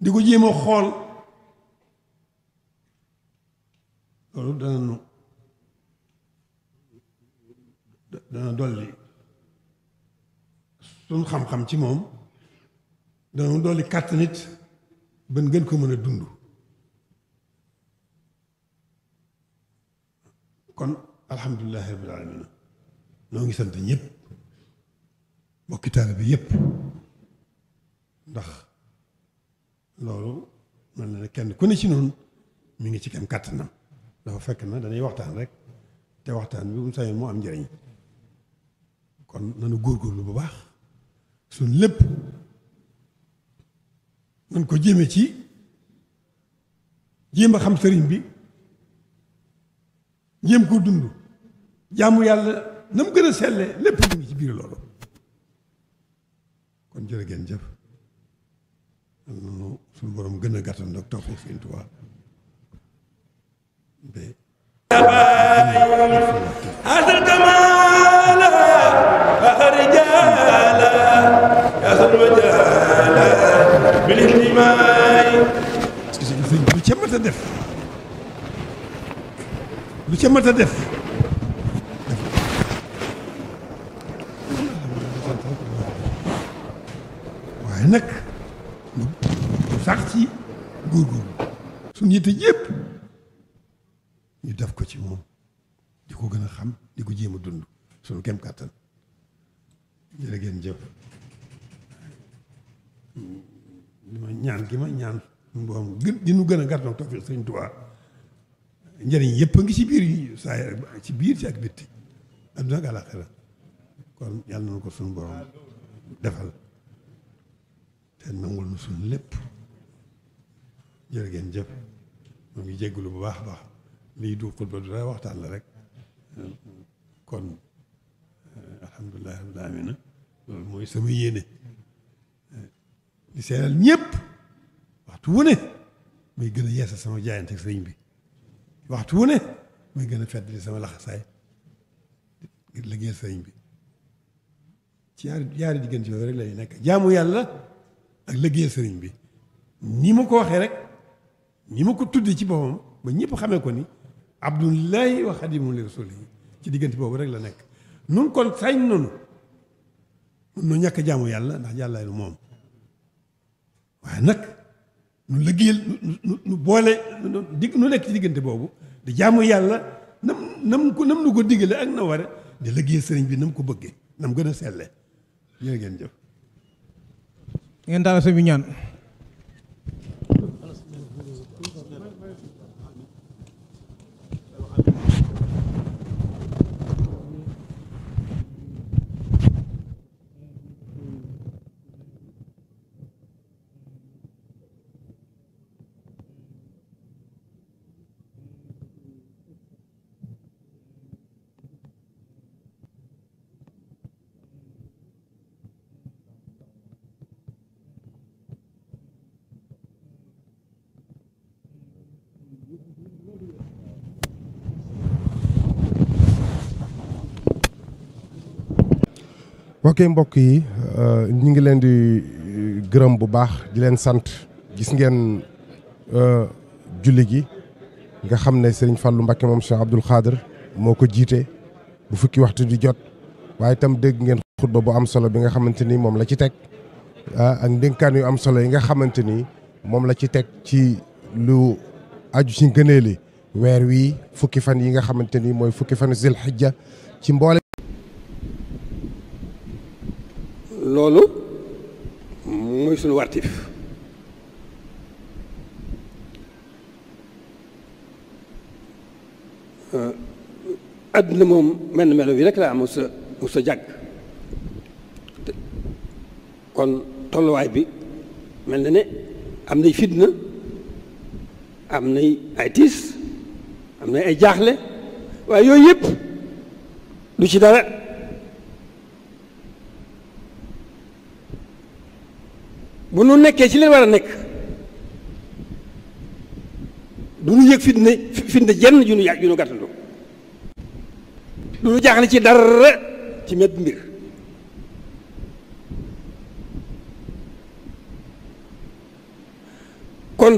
Speaker 2: di ko jéem a xool loolu dana nu dana dolli suñ xam-xam ci moom dana nu dolli kàtt nit bën gën ko mën a dund kon
Speaker 12: alhamdulilahi rabbil alamin noo ngi sant ñëpp mbokki taalibe bi yëpp ndax loolu
Speaker 2: mel na ne kenn ku ne ci noonu mu ngi ci kem kàttanam dafa fekk na dañuy waxtaan rek te waxtaan bi bu saa mu am njëriñ kon góor góorgóorlu bu baax suñ lépp nan ko jéeme ci jéem a xam sëriñ bi jéem koo dund jaamu yàlla na mu gën a seele lépp mu ngi ci biir loolu kon jërë ngeen jëf nu suñu borom gën a gàttal nag taw foofu Sëriñ Tuubaa parce que sëñ bi lu ca mat def lu ca mat def yitte yépp ñu def ko ci moom di ko gën a xam di ko jéem a dund suñu kem kàttan jërë ngeen jëf li mm, ma ñaan ki ma ñaan boom gën di nu gën a gàttal toog fi sëñ Tuubaa njëriñ yëpp a ngi ci biir saa ci biir ci ak bitti adduna ak àllaaxira kon yàlla na ko suñu borom defal te nangul nu suñu lépp jërë ngeen jëf mu ngi jégalu bu baax a baax lii du xutba du dara waxtaan la rek kon alhamdulilah rabbil aalamiina loolu mooy sama yéene di seeral ñëpp waxtu wu ne muy gën a yeesa sama jaayante ak sëriñ bi waxtu wu ne muy gën a fedd di sama laxasaay ngir liggéey sëriñ bi ci yaari yaari diggante yooyu rek lay nekk jaamu yàlla ak liggéey sëriñ bi ni mu ko waxee rek. ñi ma ko tuddee ci boppam ba ñëpp xamee ko ni abdullahi wa xadimu li rasuli ci diggante boobu rek la nekk nun kon sañ nonu nu ñàkk jaamu yàlla ndax yàlla lu moom waaye nag nu liggéeyal nu boole di nu nekk ci diggante boobu di jaamu yàlla nam nam ko nam nu ko diggale ak na ware di liggéeyal sëriñ bi nam ko bëggee nam gën a selle jërë ngeen
Speaker 9: jëf
Speaker 4: ngeen daal sa bi
Speaker 12: ok mbokk yi euh, ñu ngi leen di euh, gërëm bu baax di leen sant gis ngeen euh, julli gi nga xam ne Serigne Fallou Mbacke moom Cheikh Abdoul xaadar moo ko jiite bu fukki waxtu di jot waaye itam dégg ngeen xutba bu am solo bi nga xamante ni moom la ci teg ah, ak ndénkaan yu am solo yi nga xamante ni moom la ci teg ci lu aju ci ngëneeli weer wii fukki fan yi nga xamante ni mooy fukki fan zil xijja ci mboole
Speaker 2: loolu mooy suñu wartif euh, àdduna moom mel na melo bi rek laa am sa mu sa jàgg kon tolluwaay bi mel na ne am nay fitna am nay ay tiis am nay ay jaaxle waaye yooyu yëpp
Speaker 5: du ci dara bu nu nekkee ci leen war a nekk
Speaker 2: du nu yëg fitna fitna jenn ju nu yàgg ju nu gàttandu du nu jaaxle ci dara ci met mbir
Speaker 5: kon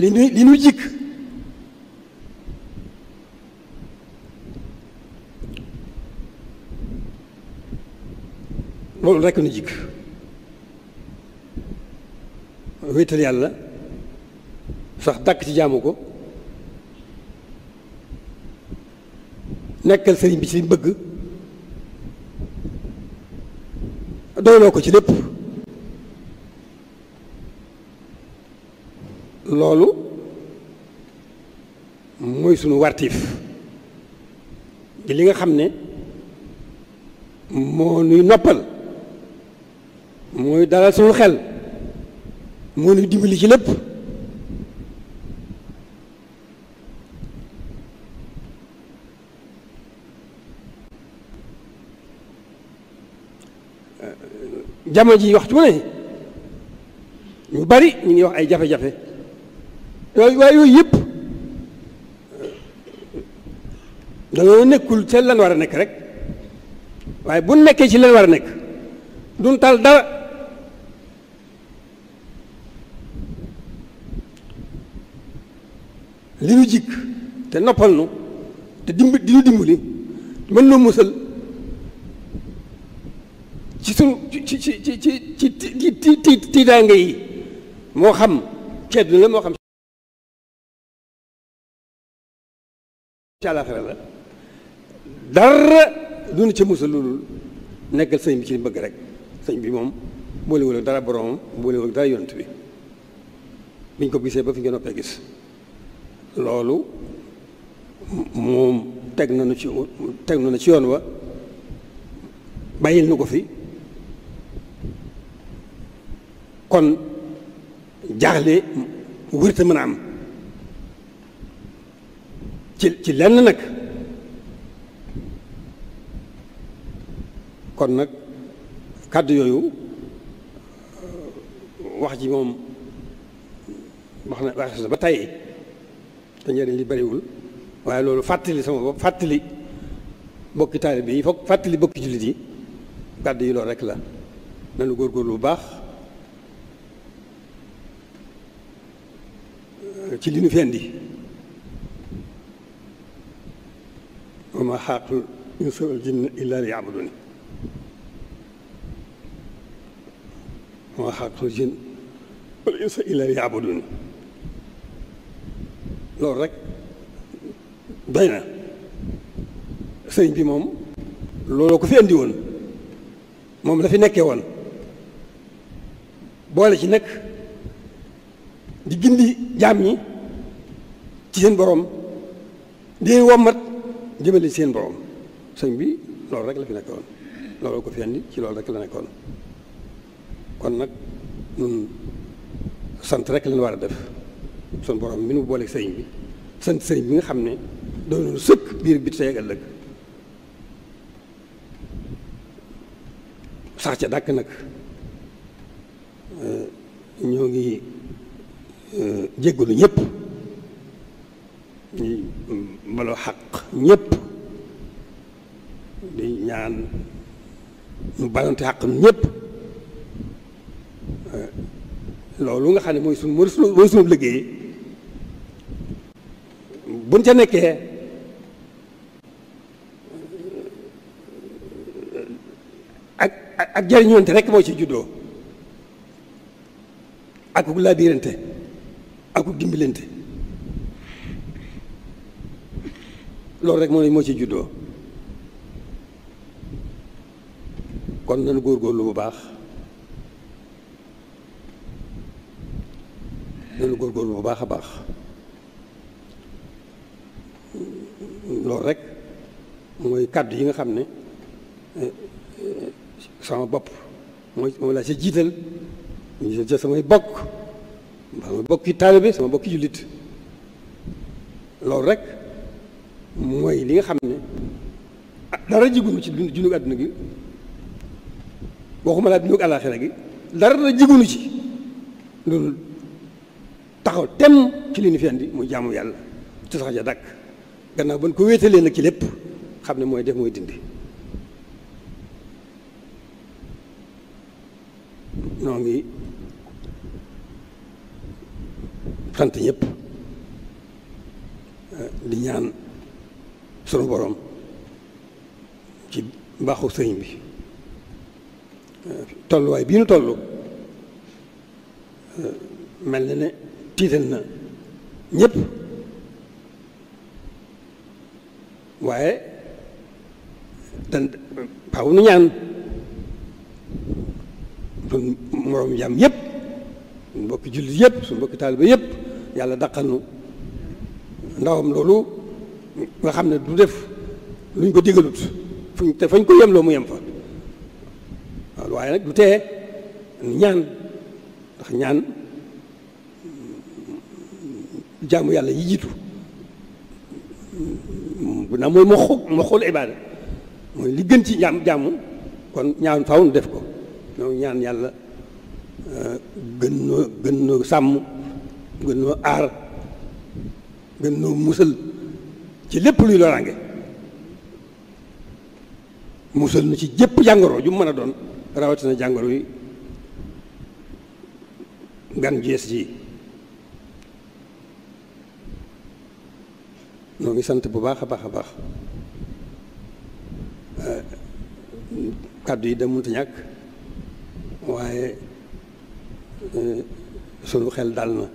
Speaker 5: li nu li nu jikk
Speaker 2: loolu rekk nu jikk wéetal yàlla sax dàkk ci jaamu ko nekkal sëriñ bi ci liñ bëgg doyloo ko ci lépp loolu mooy sunu wartiif di li nga xam ne moo nuy noppal mooy dalal sunu xel moo ñu dimbali ci lépp jamono ji waxtu mu ne ñu bari ñu ngi wax ay jafe-jafe yooyu waaye yooyu yëpp
Speaker 5: dañoo nekkul ca lan war a nekk rek waaye bu nekkee ci lan war a nekk duñ dara li ñu jikk te noppal nu
Speaker 2: te dimb di ñu dimbali mën noo musal
Speaker 3: ci sunu ci ci ci ci ci ci ci tiitaange yi moo xam ceeb la moo xam ci àllaaxira la dara duna ca musal loolu nekkal sëñ bi
Speaker 2: ci bëgg rek sëñ bi moom boolewul dara boromam boolewul ak dara yonent bi biñ ko gisee ba fi nga noppee gis loolu moom teg nañu ci teg nañu ci yoon wa bàyyil na ko fi kon jaaxle wërta mën a am ci ci lenn nag kon nag kàddu yooyu wax ji moom wax na wax na ba tey te njëriñ li bariwul waaye loolu fàttali sama bopp fàttali bokki taalib yi foog fàttali bokki jullit yi kàddu yi loolu rek la nanu góorgóorlu bu baax euh, ci li nu fi indi wa ma xalaqtul insa wal jinna illa li yabuduni wa ma xalaqtul jinna wal insa illa li loolu rek doy na sëriñ bi moom looloo ko fi indi woon moom la fi nekkee woon boole ci nag di gindi jaam ñi ci seen boroom di wommat jëmale ci seen borom sëñ bi loolu rek la fi nekkoon loolu ko fi andi ci loolu rek la nekkoon kon nag ñun sant rek lañ war a def sun borom mi nu booleeg sëriñ bi sant sëriñ bi nga xam ne doon sëkk biir bi tey ak ëllëg sax ca dàkk nag euh, ñoo ngi euh, jéggalu ñëpp ñu baloo xaq ñëpp di ñaan ñu balonte xaq ñëpp euh, loolu nga xam ne mooy suñu mooy suñu liggéey buñ ca nekkee ak ak jariñoonte rekk moo ci juddoo ak ku laabirante ak ku dimbalante loolu rek moo moo ci juddoo kon nañu góorgóorlu bu baax nañu góorgóorlu bu baax a baax loolu rek mooy kàddu yi nga xam ne
Speaker 3: eh, eh,
Speaker 2: sama bopp mooy moom laa si jiital ñu samay bokk sama bokki taalibe sama bokki jullit loolu rek mooy li nga xam ne ah, dara jigunu ci junug àdduna gi waxuma laa junug àllaaxira gi dara dara jigunu ci taxaw tem ci li ñu fi andi muy jaamu yàlla te sax ja gannaaw ba ñu ko wéetalee nag ci lépp xam ne mooy def mooy dindi noo ngi sant ñëpp eh, di ñaan sunu borom ci mbaaxu sëriñ bi eh, tolluwaay bii nu toll eh, mel na ne tiital na ñëpp waaye dan faaw nu ñaan suñ moroom jàmm yëpp suñ mbokki jullit yëpp suñ mbokki taaliba yëpp yàlla daqal nu ndawam loolu nga xam ne du def luñ ko digalut fuñ te fañ ko yem loo mu yem fa waaw waaye nag du tee nu ñaan ndax ñaan jaamu yàlla yi jiitu bu naa mooy moxu moxul ibaada mooy li gën ci jàmm jàmm kon ñaan faw nu def ko ñoo ñaan yàlla euh, gën noo gën noo sàmm gën noo aar gën noo musal ci lépp luy loraange musal nu ci jëpp jàngoro ju mën a doon rawatina jàngoro yi gan jees ji ñoo ngi sant bu baax a baax a baax eh, kàddu yi da mënut ñàkk waaye eh, sunu xel dal na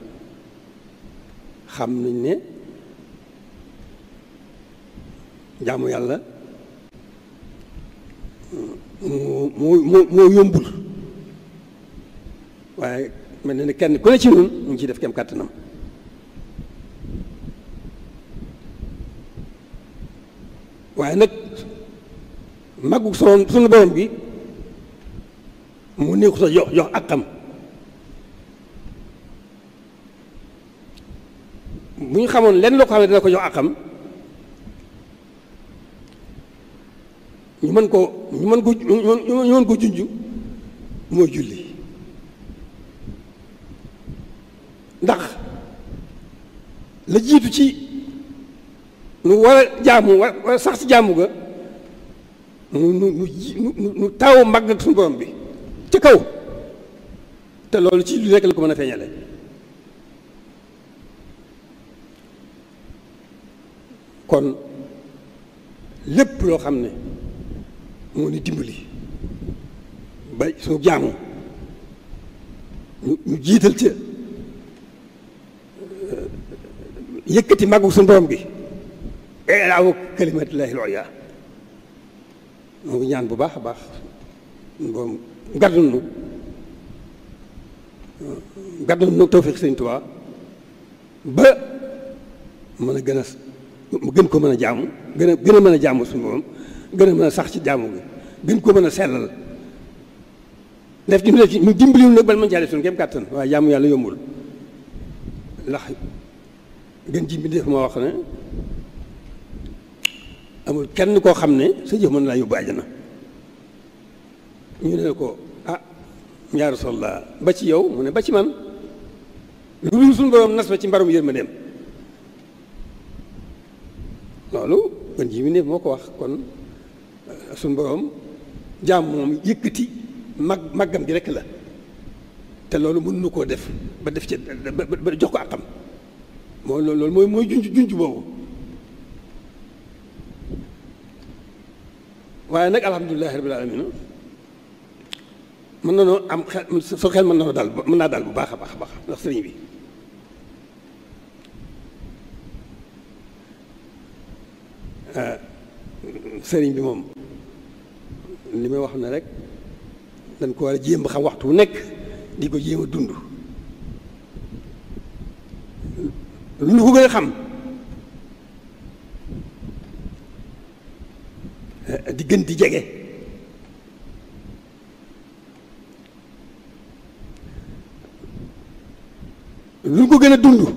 Speaker 2: xam nañ ne jaamu yàlla mm, moo moo moo yombul waaye mel na ne kenn ku ne ci ñun mu ngi ciy def kem kàttanam waaye nag màggu son sunu borom bi mu néew ko sa jox jox ak xam bu ñu xamoon lenn loo ko xam ne dina ko jox ak xam ñu mën ko ñu mën ko ñu mën ko junj mooy julli ndax la jiitu ci nu war a jaamu war a sax ci jaamu ga nu nu nu nu taw màgg ak bi ca kaw te loolu ci lu rekk la ko mën a feeñale kon lépp loo xam ne moo ni dimbali ba suñu jaamu ñu jiital ca yëkkati màggu su borom bi ilaawu kalimatillahi al-ulya mu ngi ñaan bu baax a baax boom gàddundu gàddundu tawfiq sëñ Tuubaa ba mën a gën a gën ko mën a jaamu gën a gën a mën a jaamu suñu borom gën a mën a sax ci jaamu gi gën ko mën a sellal def ci def ci ñu dimbaliwul nag ban mën caa def suñu kéem kàttan waaye jaamu yàlla yombul ndax gën ji bi def moo wax ne amul kenn koo xam ne su jëf mën laa yóbbu àjjana ñu ne ko ah yaa la ba ci yow mu ne ba ci man lu dul suñu borom nas ba ci mbarum yërmandeem loolu kon ji mi ne moo ko wax kon euh, suñu borom jaam moom yëkkati mag màggam gi rekk la te loolu mën nu koo def ba def ci ba jox ko àqam moo loolu mooy mooy junj junj boobu waaye nag alhamdulilahi rabil alamina mën na noo am xel soo xel mën na daal mën naa daal bu baax a baax a baax ndax sëriñ bi ah, sëriñ bi moom li may wax ne rek dañ ko war a jéem ba xam waxtu wu nekk di ko jéem a dund lu ñu ko gën a xam di gën di jege lu ñu ko gën a dund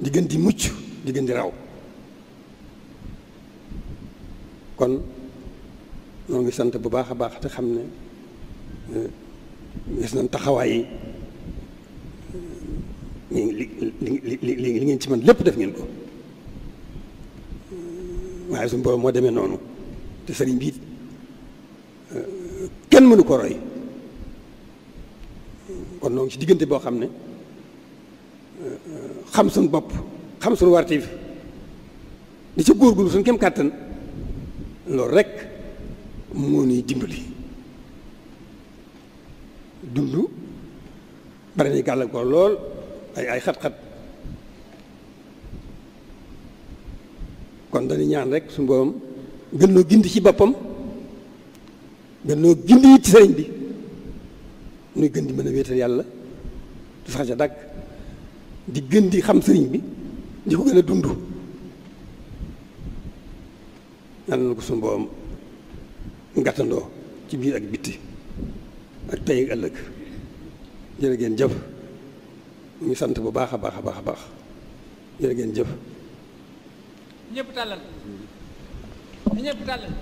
Speaker 2: di gën di mucc di gën di raw kon ñoo ngi sant bu baax a baax te xam ne eh, gis nañ taxawaay yi eh, li li li li ngeen ci man lépp def ngeen ko waaye suñu borom moo demee noonu te sëriñ bi euh, kenn mënu ko roy kon noo ci diggante boo xam ne euh, xam suñu bopp xam suñu wartiif di ci góorgóorlu suñu kem kàttan loolu rek moo ñuy dimbali dund bari na gàllankoor lool ay ay xat-xat kon dañu ñaan rek su borom gën noo gindi ci boppam gën noo gindi ci sëriñ bi nuy gën di mën a wéetal yàlla du sax ca dàkk di gën di xam sëriñ bi di ko gën a dund yàlla na ko suñu borom ngàttandoo ci biir ak bitti ak tey ak ëllëg jërë geen jëf ñu sant bu baax a baax a baax a baax jërë ngeen jëf
Speaker 5: ñëpp tàllal ñëpp tàllal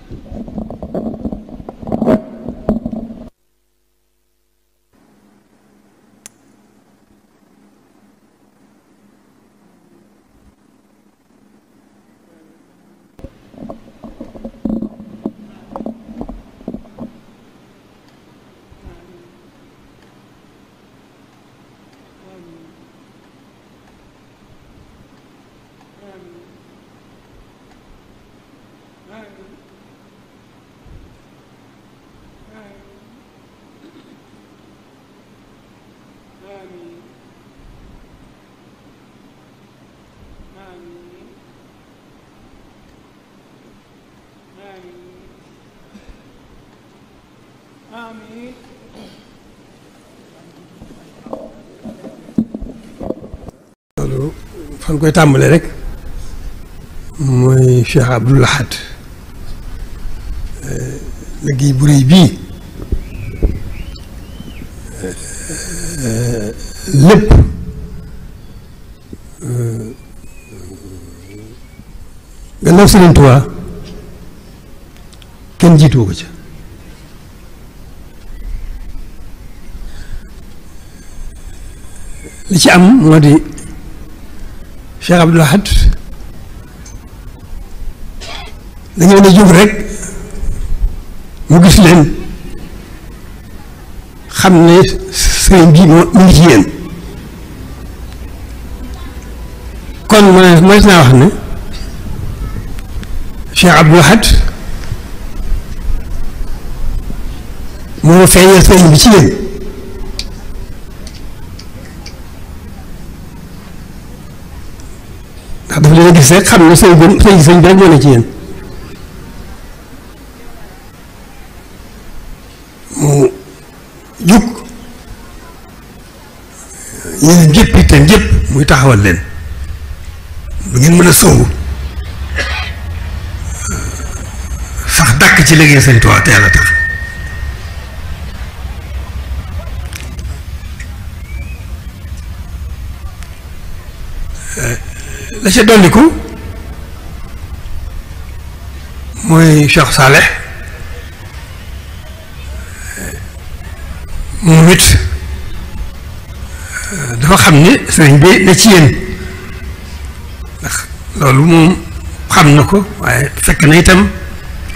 Speaker 2: fan koy tàmbalee rek mooy Cheikh Abdou Lahad euh, liggéey bu bii
Speaker 3: euh, lépp euh,
Speaker 2: gannaaw Sëriñ kenn jiituwu ko ca li ci am moo di Cheikh Abdoul Ahad dañoo ne jóg rek mu gis leen xam ne sëriñ bi mu ngi ci yéen kon ma mënees naa wax ne
Speaker 5: Cheikh Abdoul Ahad moo feeñal sëriñ bi ci yéen a gis xam ne seen gëm seen
Speaker 2: sëñ bi rek ci yéen mu jug ñun jëpp itam jëpp muy taxawal leen bu ngeen mën a sóobu sax dàkk ci liggéey seen toit te yàlla tax
Speaker 5: la ca dolliku
Speaker 2: mooy Cheikh Saleh moom it euh, dafa xam ni sëriñ bi la ci yéen ndax loolu moom xam na ko waaye fekk na itam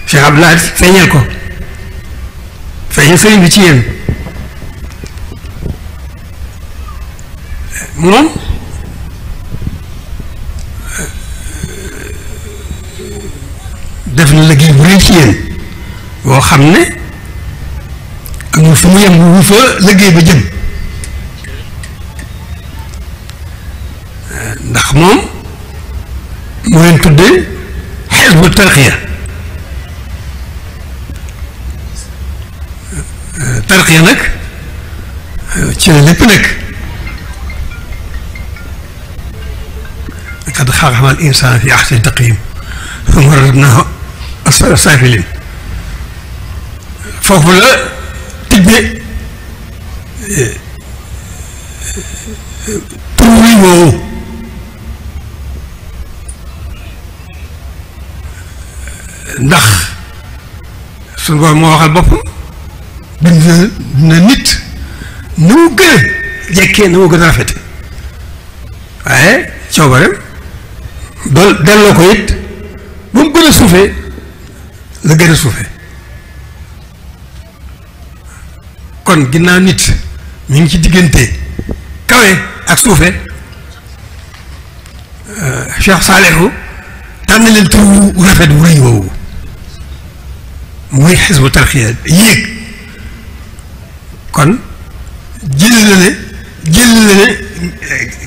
Speaker 2: Cheikh Abdoulaye feeñal ko feeñal sëriñ bi ci yéen moom xam ne ak mu fi mu yem wu fa liggéey ba jëm ndax moom mu leen tuddee
Speaker 3: xisbu tarqiya tarqiya nag ci la lépp nekk
Speaker 2: قد خلقنا الإنسان في أحسن تقييم ثم رددناه أسفل السافلين foofu la
Speaker 3: tibbe tur wi
Speaker 2: ndax suñu borom moo waxal boppam bind na nit ni mu gën a jekkee ni mu gën a rafete
Speaker 5: waaye coobarem dol delloo ko it ba mu gën a suufee la gën a suufee
Speaker 2: kon ginnaaw nit mu ngi ci diggante kawe ak suufe euh, Cheikh Saalihu tànn leen tur wu rafet wu rëy muy xisbu tarxiya yéeg kon jël la ne jël la ne euh,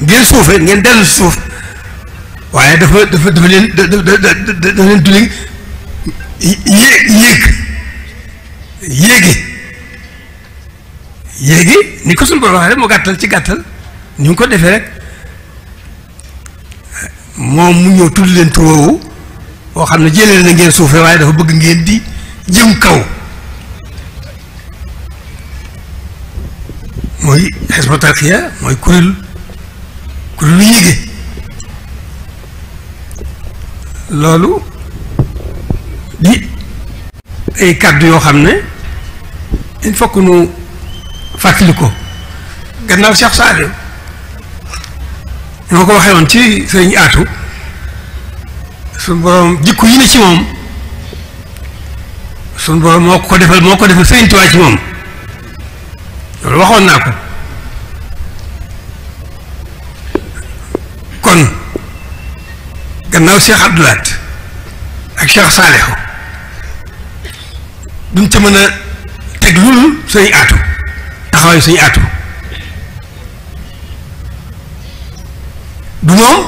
Speaker 2: ngeen suufe ngeen dellu suuf waaye dafa dafa dafa leen da da leen tuddi yéeg ni ko suñu borom waxee rek mu gàttal ci gàttal ni mu ko defe rek moom mu ñëw tudd leen tur woowu xam ne jëlee na ngeen suufee waaye dafa bëgg ngeen di jëm kaw mooy Hizbut mooy kuréel kuréelu yéege loolu di ay kàddu yoo xam ne il faut nu fàttali ko gannaaw Cheikh Sadio ñu ma ko waxee woon ci sëñ aatu suñ borom jikko yi ne ci moom suñ borom moo ko defal moo ko defal sëñ Tuubaa ci moom loolu waxoon naa ko kon gannaaw Cheikh Abdou ak Cheikh Saliou duñ ca mën a teg loolu sëñ aatu taxawaayu sëñ aatu du moom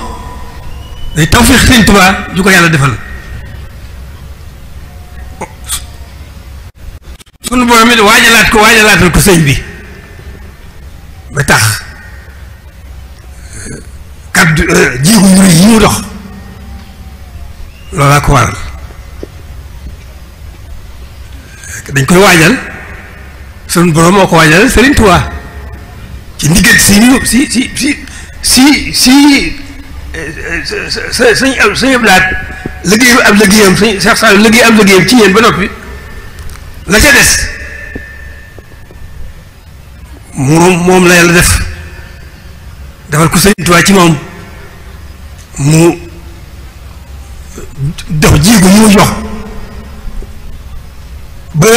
Speaker 2: day tawfiix Sëriñ Tuubaa ju ko yàlla defal sunu borom it waajalaat ko waajalaatal ko sëñ bi ba tax eh, kaddu eh, jiigu murid yi mu dox loolaa ko waral dañ koy waajal sunu borom moo ko waajal Sëriñ Tuubaa ci ndigal si si si si si si sa euh, euh, sañ ab sañ ab laat liggéey ab liggéeyam sañ sax sax liggéey ab liggéeyam ci yéen ba noppi la ca dess mom mom la yalla def defal ko sëñ Tuubaa ci mom mu dox jigu mu jox ba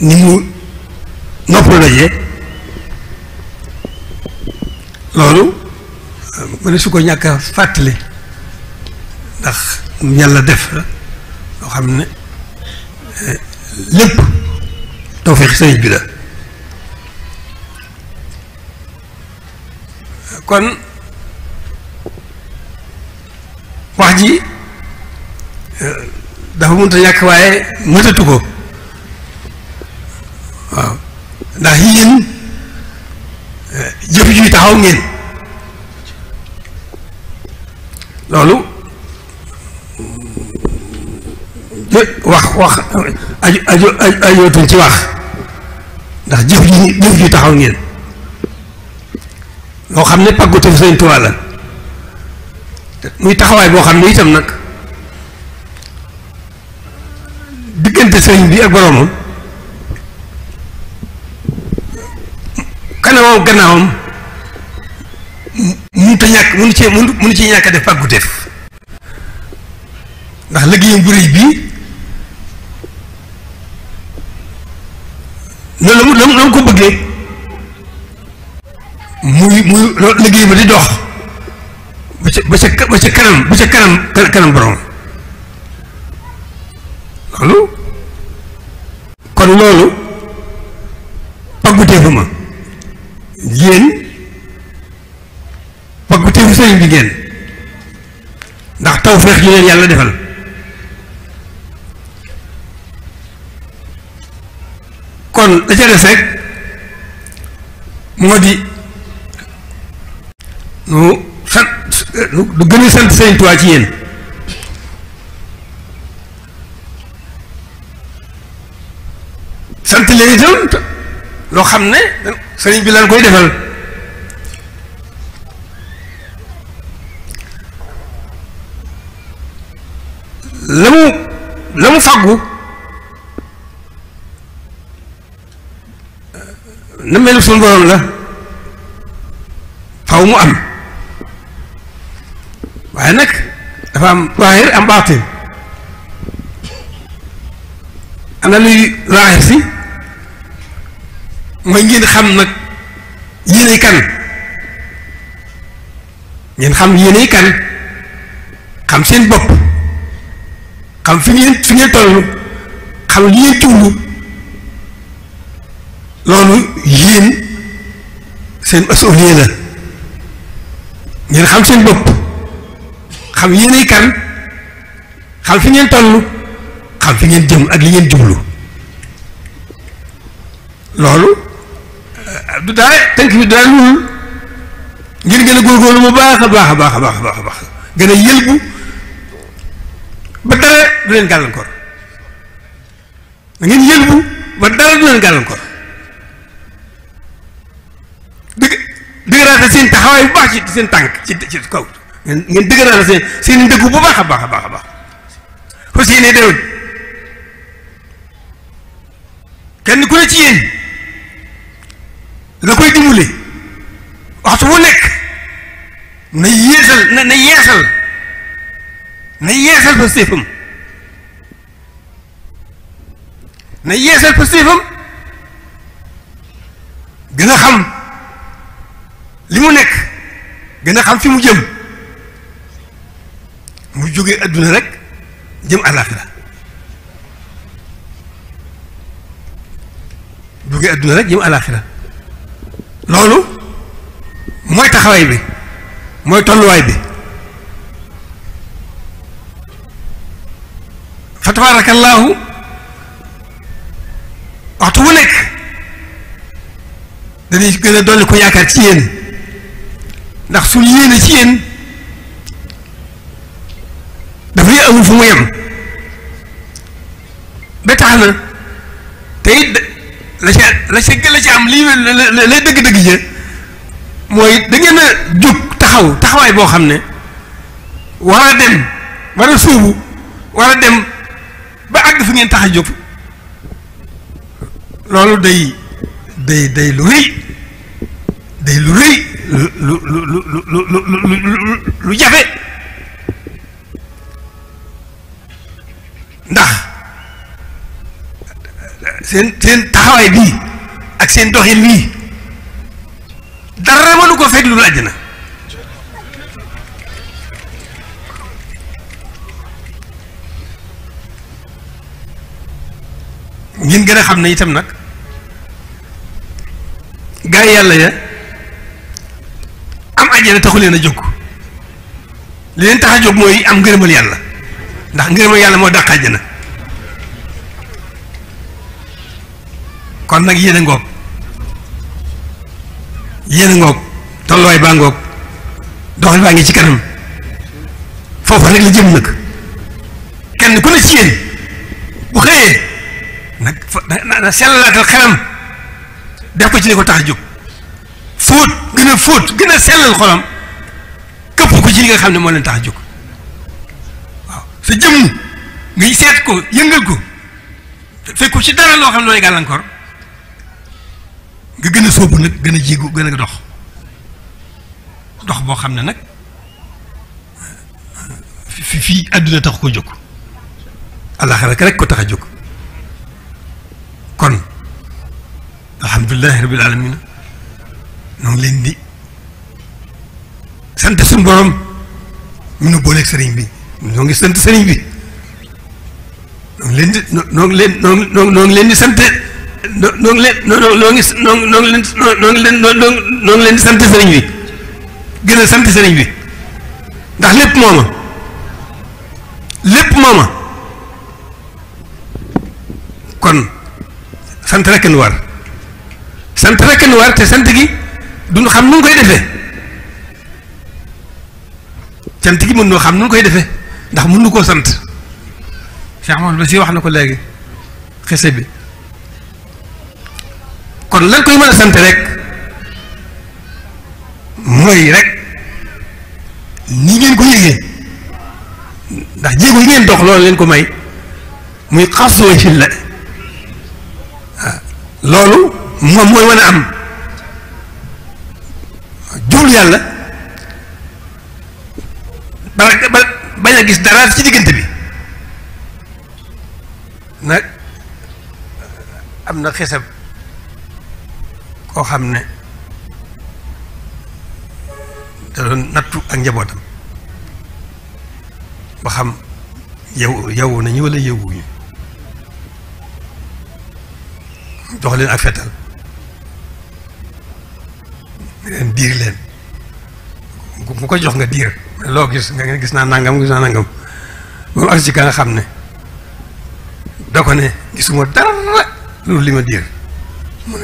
Speaker 2: ni mu la dajee loolu ma ne su ko ñàkk fàttali ndax yàlla def la loo xam ne eh, lépp tawfeex sëriñ bi la kon wax ji eh, dafa mënut a ñàkk waaye mëtatu ko waaw ndax yéen jëf juy taxaw ngeen loolu wax wax aju aju ajootuñ ci wax ndax jëf ju jëf ju taxaw ngeen loo xam ne pàggatu Sëñ Tuubaa la muy taxawaay boo xam ne itam nag diggante sëñ bi ak boromam kanamam gannaawam mënut a ñàkk mënu ci mënu ci ñàkk def fàggu def ndax liggéeyam bu rëy bii loolu la mu ko bëggee muy muy liggéey ba di dox ba ca ba ca ba ca kanam ba ca kanam kanam borom
Speaker 1: loolu kon loolu pàgguteefu ma yéen paggu teefu sëriñ bi ngeen ndax taw feex ji leen
Speaker 5: yàlla defal kon la ca des rek moo di
Speaker 2: nu sant lu gën sant sëriñ Tuubaa ci yéen
Speaker 5: sant leen itam loo xam ne sëriñ bi lan koy defal la mu la mu fàggu na melu suñu borom la
Speaker 2: faw mu am waaye nag dafa am zaahir am baatin ana luy zaahir si mooy ngeen xam nag yéenay kan ngeen xam yéenay kan xam seen bopp xam fi ngeen fi ngeen toll xam li ngeen tuulu loolu yéen seen asolier la ngeen xam seen bopp xam yéenay kan xam fi ngeen toll xam fi ngeen jëm ak li ngeen jublu loolu du daal tënk bi daal gën a góorgóorlu bu baax baax a baax a baax a baax gën a yëlbu ba dara du leen gàllankoor da ngeen yëlbu ba dara du leen gàllankoor dëgg dëgëraate seen taxawaay bu baax ci seen tànk ci ci kaw ngeen ngeen dëgëraate seen seen ndëggu bu baax a baax a baax a baax fas yéene déwén kenn ku ne ci yéen. da koy dimbali waxtu bu nekk na na na yeesal na yeesal fa séefam na yeesal fa séefam gën a xam li mu nekk gën a xam fi mu jëm mu jógee adduna rek jëm àllaaxira jógee adduna rek jëm àllaaxira loolu mooy taxawaay bi mooy tolluwaay bi
Speaker 5: fa tabaarakallaahu waxtu wu nekk dañuy gën a dolli ko yaakaar ci yéen
Speaker 2: ndax suñu yéene ci yéen dafay
Speaker 6: amul fu mu yem na te la ca la ca am lii lay dëgg-dëgg ja mooy
Speaker 2: dangeen ngeen a jóg taxaw taxawaay boo xam ne war a dem war suubu war dem ba àgg fi ngeen tax a jóg loolu day day day lu rëy day lu rëy lu lu lu lu lu lu jafe ndax seen seen taxawaay bii ak seen doxin wii dara mënu ko fekk lu dul àjjana ngeen gën a xam ne itam nag gaa yàlla ya am àjjana taxu leen a jóg li leen tax a jóg mooy am ngërëmal yàlla ndax ngërëmal yàlla moo dàq àjjana kon nag yéen a ngoog yéen a ngoog tolluwaay baa ngoog doxal baa ngi ci kanam foofu rek la jëm nag kenn ku ne ci yéen bu xëyee nag fa na sellalaatal xelam def ko ci li ko tax a jóg fóot gën a fóot gën a sellal xolam këpp ko ci li nga xam ne moo leen tax jóg waaw sa jëmm ngay seet ko yëngal ko fekk ci dara loo xam ne looy gàllankoor. nga gën a sóobu nag gën a jigu gën a dox dox boo xam ne nag fi fii àdduna tax ko jóg àllaaxira rek ko tax a jóg kon alhamdulilahi rabil alamina ñoo ngi leen di sant suñu borom ñu nu booleeg sëriñ bi ñoo ngi sant sëriñ bi ñoo ngi leen di noo ngi leen noo leen di sant noo ngi leen noo noo ngi noo noo leen noo ngi leen noo ngi leen di sant sëriñ gën a sant sëriñ bi ndax lépp mooma lépp mooma kon sant rekk nu war sant rekk nu war te sant gi duñu xam nu ngi koy defe sant gi mën noo xam nu ngi koy defe ndax mun nu koo sant Cheikh Mouhamed si wax na ko léegi xese bi kon lan koy mën a sant rek mooy rek ni ngeen ko yëgee ndax jéego yi ngeen dox loolu leen ko may muy xasoo ci la loolu moom mooy mën am jublu
Speaker 5: yàlla ba bañ a gis dara ci diggante bi na am
Speaker 2: na xesab koo xam ne da ak njabootam ba yow yow nañu wala yowuñu jox leen leen diir leen ko jox nga diir loo gis gis naa nangam gis naa nangam moom ak xam ne da ko ne gisuma dara loolu li ma diir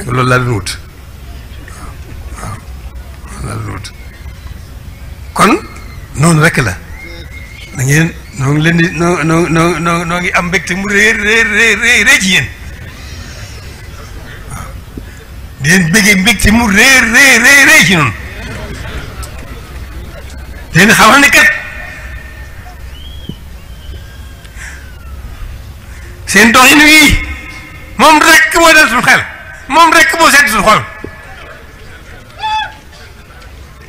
Speaker 2: loolu laa doon loolu kon noonu rek la da ngeen noo ngi leen di noo noo noo noo ngi am mbégte mu réer réer réer réer ci yéen waaw di leen bëggee mbégte mu réer réer réer réer ci noonu
Speaker 5: di leen xamal ne kat seen doxin wii moom rek moo dal suñu xel moom rek moo sedd suñu xol.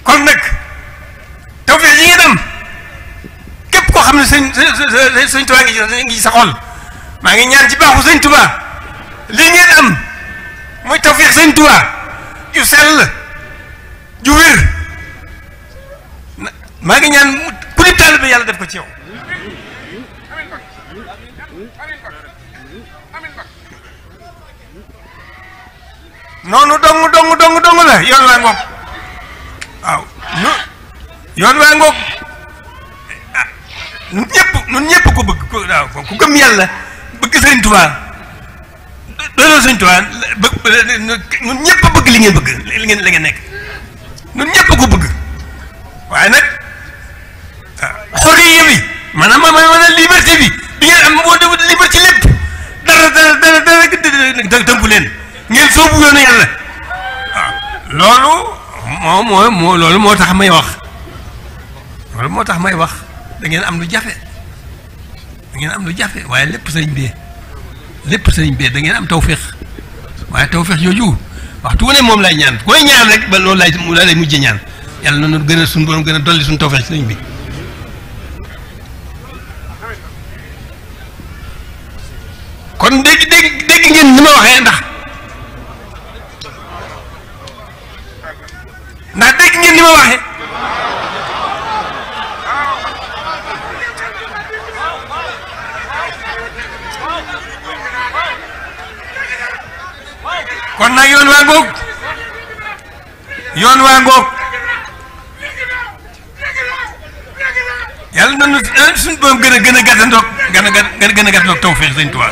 Speaker 2: kon nag tawfeex yi ngeen am képp koo xam ne sëñ sëñ Tuubaa ngi ngi sa xol maa ngi ñaan ci baaxu sëñ Tuubaa lii ngeen am mooy tawfeex sëñ Tuubaa ju sell ju wér maa ngi ñaan ku ne taalibe yàlla def ko ci yow
Speaker 5: noonu dong dong dong dong waaw nu yoon waa ngoog ah ñun ñëpp
Speaker 2: ñun ko bëgg ko waaw ku gëm yàlla bëgg sëriñ Tuubaa dooloo sëriñ Tuubaa bëgg ñun ñëpp bëgg li ngeen bëgg li ngeen la ngeen nekk ñun ñëpp ko bëgg waaye nag xorriya bi maanaam maanaam liberté bi di ngeen am boo déglu liberté lépp dara dara dara dara tënku leen ngeen soobu yoonu yàlla waaw loolu. moo moo loolu moo tax may wax loolu moo tax may wax dangeen am lu jafe da ngeen am lu jafe waaye lépp sëriñ bee lépp sëriñ bee da ngeen am tawféex waaye tawféex jooju waxtu wu ne moom lay ñaan koy ñaan rek ba loolu lay laa lay mujj ñaan yàlla noonu gën a suñ borom gën a dolli suñ tawféex sëriñ bi
Speaker 5: kon dégg dégg dégg ngeen ni ma waxee ndax ndax dégg ngeen ni ma waxe kon nag yoon waa ngoog yoon waa ngoog
Speaker 8: yàlla na nu suñu doom gën a gën a gàttandoog gën a gën a gàttandoog tawfeex sëñ Tuubaa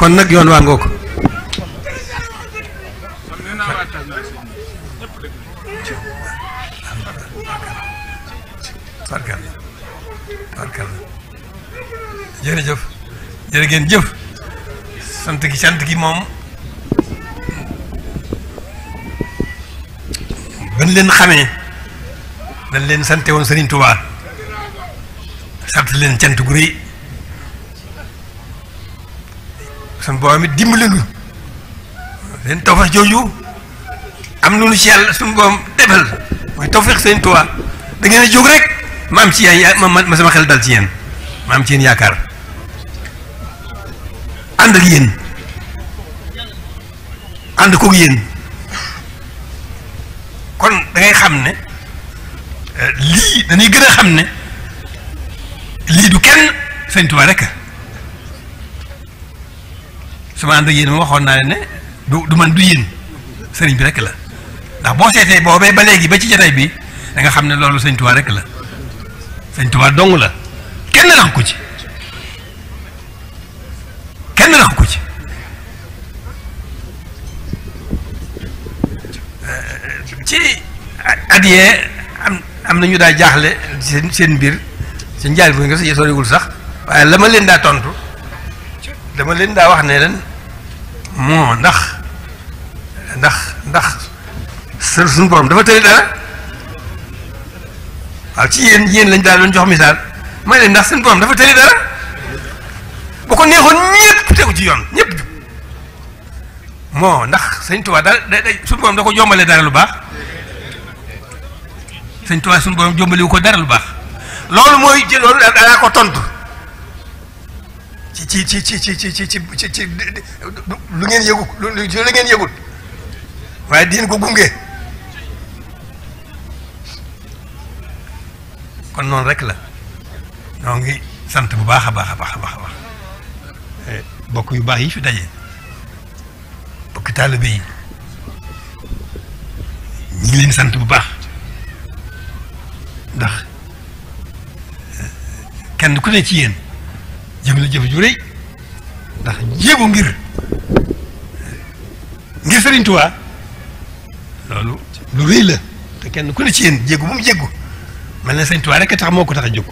Speaker 2: kon nag yoon waa ngoog barkal barkal jërëjëf jërë jëf sant gi sant gi moom ban leen xamee dañ leen sante woon Serigne Touba sant leen cant sun borom dimbali lu len tawfa joju am nu ci yalla sun borom tebal moy tawfax sen tuwa da ngay jog rek ma am ci ma sama xel dal ci yeen ma am ci yeen yaakar and ak yeen and ko yeen kon da ngay xamne eh, li dañuy gëna xamne li du kenn sen tuwa rek sama ànd ak yéen moom waxoon naa leen ne du du man du yéen sëriñ bi rek la ndax boo seetee boobee ba léegi ba ci jotaay bi da nga xam ne loolu sëñ Tuubaa rek la sëñ Tuubaa dong la kenn rax ko ci kenn rax ko ci ci adiyee am am na ñu daa jaaxle seen seen mbir seen jaay bu nga si soriwul sax waaye la ma leen daa tontu dama leen daa wax ne leen moo ndax ndax ndax seen borom dafa tëri dara waaw ci yéen yéen lañ daal doon jox misaal may leen ndax seen borom dafa tëri dara boo ko neexoon ñëpp tegu ci yoon ñëpp moo ndax sëñ Tuubaa daal da da suñu borom da ko jombalee dara lu baax sëñ Tuubaa suñu borom jombalewu ko dara lu baax loolu mooy jël loolu daa ko tontu. ci ci ci ci ci ci ci ci ci lu ngeen yëgu lu ngeen yëgul waaye diin ko gunge kon noonu rek la ñoo ngi sant bu baax a baax a baax a baax a baax eh, bokk yu baax yi fi daje bokk taalibe yi ñu ngi leen sant bu baax ndax eh, kenn ku ne ci yéen. jëf la jëf ju rëy ndax ngir ngir Sëriñ Tuubaa loolu lu rëy la te kenn ku ne ci yéen jéego bu mu jéego mel na Sëriñ Tuubaa rek tax moo ko tax a jóg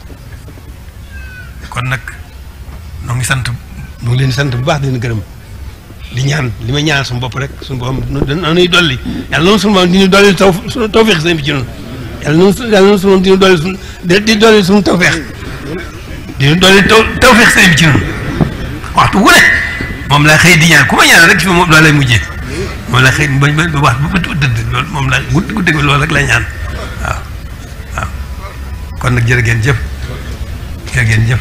Speaker 2: kon nag noo ngi sant noo ngi leen sant bu baax di leen gërëm di ñaan li ma ñaan suñu bopp rek suñu boppam dañuy dolli yàlla noonu suñu boppam di ñu dolli taw tawfeex sëñ bi ci noonu yàlla noonu yàlla noonu suñu boppam di ñu di dolli suñu tawfeex dina doole taw tawfeex sëriñ bi ci noonu waxtu wu moom lay xëy di ñaan ku ma ñaan rek ci moom laa lay mujjee moom laa xëy ba ba wax ba dëdd loolu moom laa gudd gudd gi loolu rek lay ñaan waaw waaw kon nag jërë geen jëf jërë ngeen jëf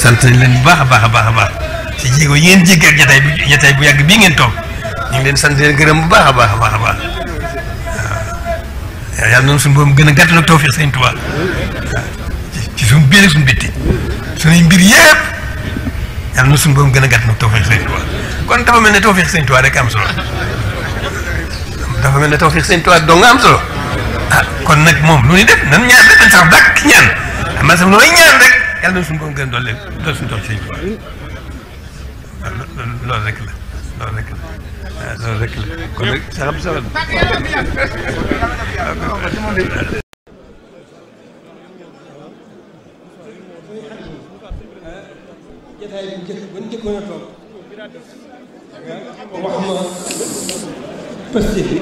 Speaker 2: sant nañ leen bu baax baax a baax a baax ci jéego yi ngeen jéggi ak jataay bi jataay bu yàgg bii ngeen toog ñu ngi leen sant leen gërëm bu baax a baax a baax a baax yàlla noonu suñu mu gën a gàtt nag tawfeex sëñ Tuubaa ci suñu biir ak suñu bitti suñuy mbir yëpp yàlla noonu suñu boobu gën a gàtt nag tawfeex sëñ Tuubaa kon dafa mel ne tawfeex sëñ Tuubaa rek am solo mel ne tawfeex sëñ Tuubaa doo nga am solo ah kon nag moom lu ñuy def nan ñaan rek dañ sax dàkk ñaan am na sax lu may ñaan rek yàlla noonu suñu boobu gën a dolli dolli suñu tawfeex sëñ Tuubaa loolu rek la. No reclama. No reclama. Hagamos a jotaay bi jëkk ba ñu jëkkoon a toog wax ma pëste bi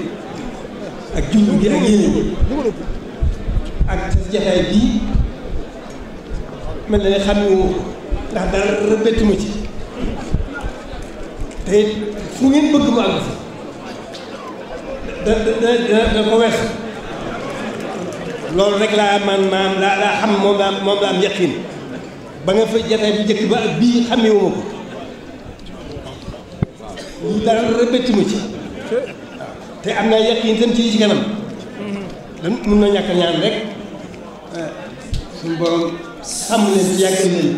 Speaker 2: ak jumb gi ak yéene bi
Speaker 6: ak jotaay bii
Speaker 2: mel na ne xam nga ndax dara rëbbetuma ci te fu ngeen bëgg mu àgg fa da da da da wees loolu rek laa man maam laa laa xam moom laa moom laa am yaqin ba nga fa jataay bu ba bii xamewuma
Speaker 5: ko
Speaker 3: lii dara rëbbati ma
Speaker 2: ci te am naa yaqin tam ci ci kanam dan mun na ñàkk ñaan rek suñu borom sàmm leen ci yàggal leen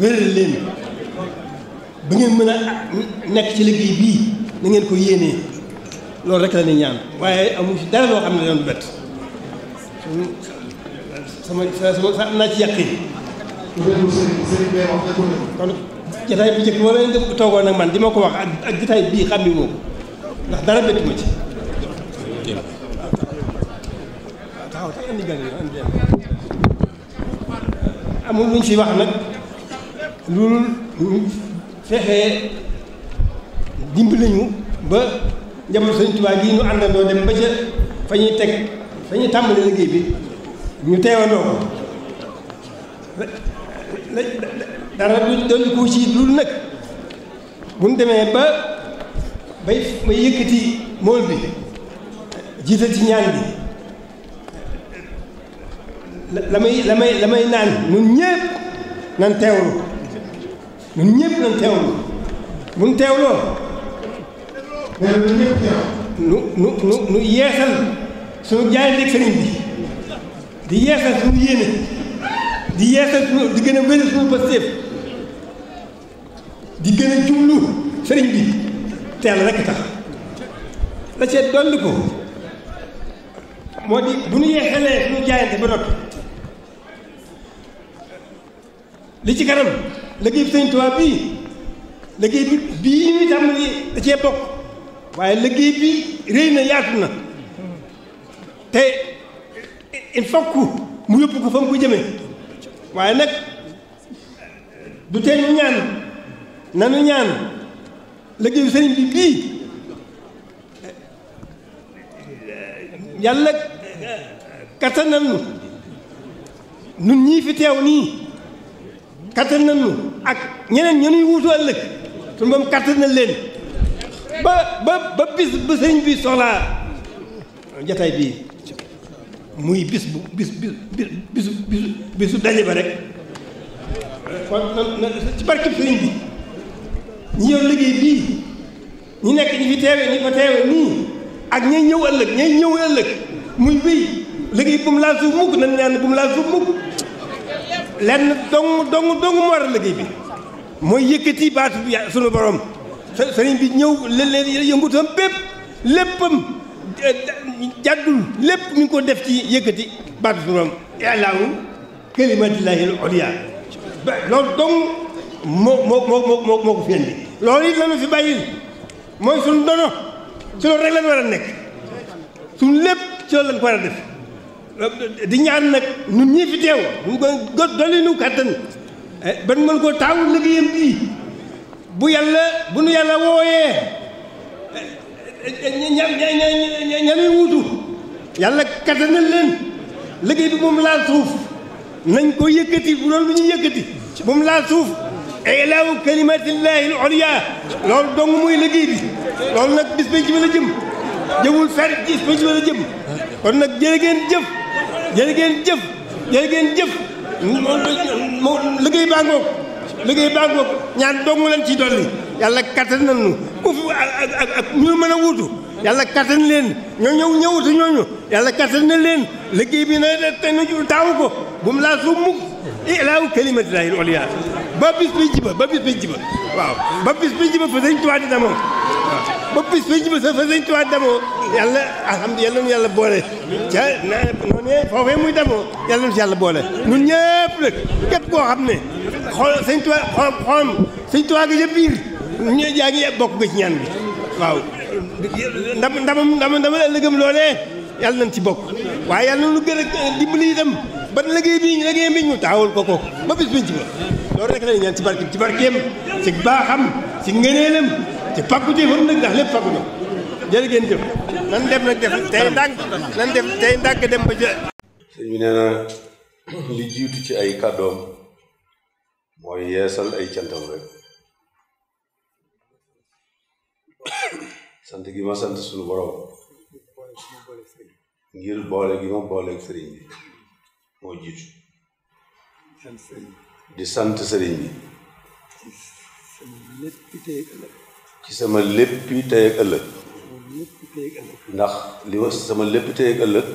Speaker 2: wéral leen ba ngeen mën a nekk ci liggéey bii na ko yéenee loolu rek la ñaan waaye amu ci dara loo xam ne doon bett sama sama sa am naa ci yàqin kon bi njëkk wala def nag man di ma ko wax ak jataay bii xam ni moom ndax dara bett ma ci amul luñ ci wax nag loolu fexe dimbali ñu ba njaboot Sëriñ Tuubaa gi ñu àndandoo dem ba ca fa ñuy teg fa ñuy tàmbali liggéey bi ñu teewandoo ko dara du doon ko ci loolu nag bu ñu demee ba bay bay yëkkati mool bi jiital ci ñaan bi la may la may la may naan ñun ñépp nan teewlu ñun ñëpp nañ teewlu buñ teewloo nee na ñun ñëpp nu nu nu nu yeesal suñu jaayante ak bi di yeesal suñu yéene di yeesal suñu di gën a wéral suñu pasteef di gën a jublu sëriñ bi teel rek tax la cee dolli ko moo di bu ñu yeesalee suñu jaayante ba noppi li ci kanam liggéey bi sëñ Tuubaa bii liggéey bi bii ñu tam da cee bokk waaye liggéey bi réy na yaatu na te il mu yóbbu ko fa mu ko jëmee waaye nag du tee ñu ñaan nanu ñaan liggéey bi sëriñ bi bii yàlla kattanal nu nun ñii fi teew nii kattan na nu ak ñeneen ñu ñuy wuutu ëllëg suñu borom kattan na leen ba ba ba bis ba sëriñ bi soxlaa jataay bii muy bis bu bis bis bisu bisu bisu daje ba rek kon ci barkib sëriñ bi ñi yor liggéey bii ñi nekk ñi fi teewe ñi fa teewe nii ak ñay ñëw ëllëg ñay ñëw ëllëg muy béy liggéey bu mu laal suuf mukk nan ñaan bu mu laal suuf mukk lenn dong dong dong moo war a liggéey bi mooy yëkkati baatu sunu borom sëriñ bi ñëw leen yëngutam bépp léppam eh, jàddul lépp mi ngi ko def ci yëkkati baatu sunu borom ilaahu kalimatillahi al-ulya ba loolu dong moo moo moo moo moo ko fi indi loolu it lañu fi bàyyil mooy suñu dono ci loolu rek lañu war a nekk suñu lépp ci loolu lañu ko war def di ñaan nag ñun ñii fi teew mu ko dolli nu kàttan ban mën ko taawu liggéeyam bii bu yàlla bu nu yàlla wooyee ña ña ña wuutu yàlla kattanal leen liggéey bi moom laal suuf nañ ko yëkkati bu doon lu ñu yëkkati moom laal suuf ilaawu kalimatillahi l oliya loolu dong mooy bi loolu nag bis jëm jëwul fer bis jëm kon nag jërë jëf jërë ngeen jëf jërë ngeen jëf liggéey baa ngoog liggéey baa ngoog ñaan dong leen ci dolli yàlla kattan nañu ku fi ak mën a wuutu yàlla kattan leen ñoo ñëw ñëwutu ñooñu yàlla kattan na leen liggéey bi na te nu taamu ko bu mu laa suuf mukk ilaahu kalimatillahi oliya ba bis bi jiba ba bis bi jiba waaw ba bis bi jiba fa dañ tuwaa dina moom waaw ba bis ba ñu sa fa sëñ Tuubaa demoo yàlla alhamdulilah yàlla nu yàlla boole ca noonee foofee muy demoo yàlla nu si yàlla boole ñun ñëpp nag képp koo xam ne xool sëñ Tuubaa xool xool sëñ Tuubaa ga ca biir ñu yaa ngi bokk nga ci ñaan bi waaw ndam ndamam ndam ndam ëllëgëm loolee yàlla nañ ci bokk waaye yàlla nu gën a dimbali itam ba liggéey bi liggéey bi ñu taawul ko kooku ba bis biñ ci ba loolu rek la ñaan ci barke ci barkeem ci baaxam ci ngëneelam te pàggu jëfoon nag ndax lépp pàggu jëf jërë
Speaker 5: ngeen jëf nan dem nag def tey ndànk dem ba jë
Speaker 1: sëñ bi nee jiitu ci ay kàddoom mooy yeesal ay cantam rek sant gi ma sant suñu borom ngir boole gi ma booleeg sëriñ bi moo jiitu di sant sëriñ bi ci sama léppi tey ak ëllëg ndax li was sama léppi tey ak ëllëg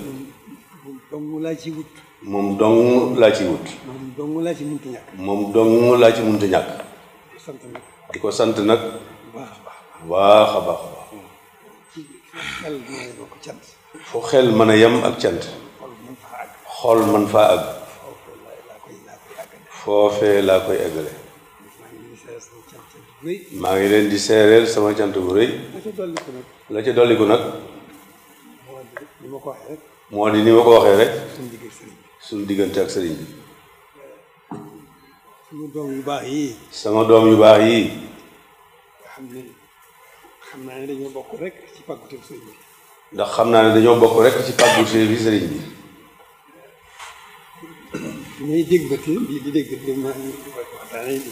Speaker 2: moom dong laa ci wut
Speaker 1: moom dong laa ci wut
Speaker 2: moom dong laa ci munta ñàkk moom dong laa ci munta ñàkk
Speaker 1: di ko sant nag baax a
Speaker 2: foo xel mën a yem ak cant
Speaker 1: xool man faa ak foofee laa koy eggale maa ngi leen di seereel sama cant bu rëy
Speaker 4: la ca dolliku nag moo di ni
Speaker 1: ma ko waxee rek suñu diggante ak sëriñ bi
Speaker 2: sama doom yu baax
Speaker 5: yii
Speaker 1: sama doom yu baax yii
Speaker 2: xam naa ne dañoo bokk rek ci pàggute
Speaker 1: ndax xam naa ne dañoo bokk rek ci pàggute bi sëriñ
Speaker 2: bi may dégg ba tey di dégg di ma waxtaane di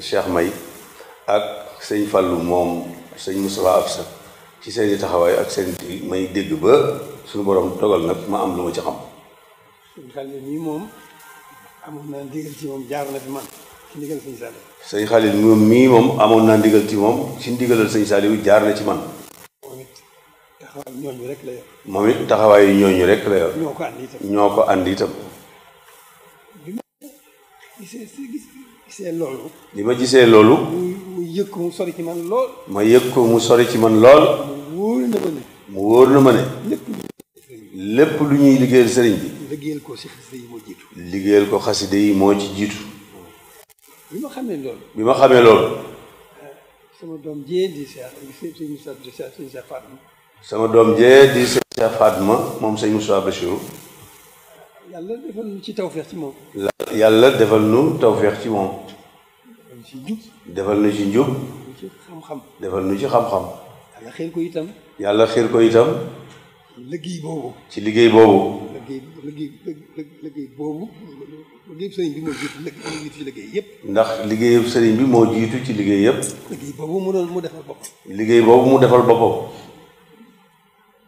Speaker 1: Cheikh May ak sëñ Fallou moom sëñ Moustapha Absa ci seen taxawaay ak seen i may dégg ba suñu borom dogal nag ma am lu ma ci xam.
Speaker 2: sëñ Khalil mii moom amoon naa ndigal ci moom na fi man ci ndigal sëñ Saliou.
Speaker 1: sëñ Khalil moom mii amoon naa ndigal ci moom ci ndigalal sëñ Saliou jaar na ci man. moom
Speaker 2: it taxawaayu ñooñu rek la moom it taxawaayu ñooñu rek la ñoo ko andi itam ñoo gisee loolu.
Speaker 1: bi ma gisee loolu.
Speaker 2: mu yëg ko mu sori ci man lool.
Speaker 1: ma yëg ko mu sori ci man lool.
Speaker 2: mu wóor na ma ne.
Speaker 1: mu wóor na ma ne. lépp lu ñuy liggéeyal sëriñ bi.
Speaker 2: liggéeyal ko si xaside yi moo jiitu.
Speaker 1: liggéeyal ko xaside yi moo ci jiitu.
Speaker 2: bi ma xamee loolu. bi ma xamee loolu. Eh, sama doom jee di Cheikh Fatma.
Speaker 1: sama doom jee di Cheikh Fatma moom sëñ Moussa Bachirou.
Speaker 2: yàlla defal nu ci tawfeex ci moom.
Speaker 1: yàlla defal nu tawfeex ci moom.
Speaker 6: ci jub defal na ci njub
Speaker 2: ci xam-xam
Speaker 1: defal nu ci xam-xam
Speaker 2: yàlla xiir ko itam
Speaker 1: yàlla xiir ko itam
Speaker 2: liggéey boobu ci liggéey boobu boobu liggéeyu sëriñ bi ci liggéey yëpp ndax sëriñ bi moo jiitu ci liggéey yëpp liggéey mu doon mu defal boppam
Speaker 1: liggéey boobu mu defal boppam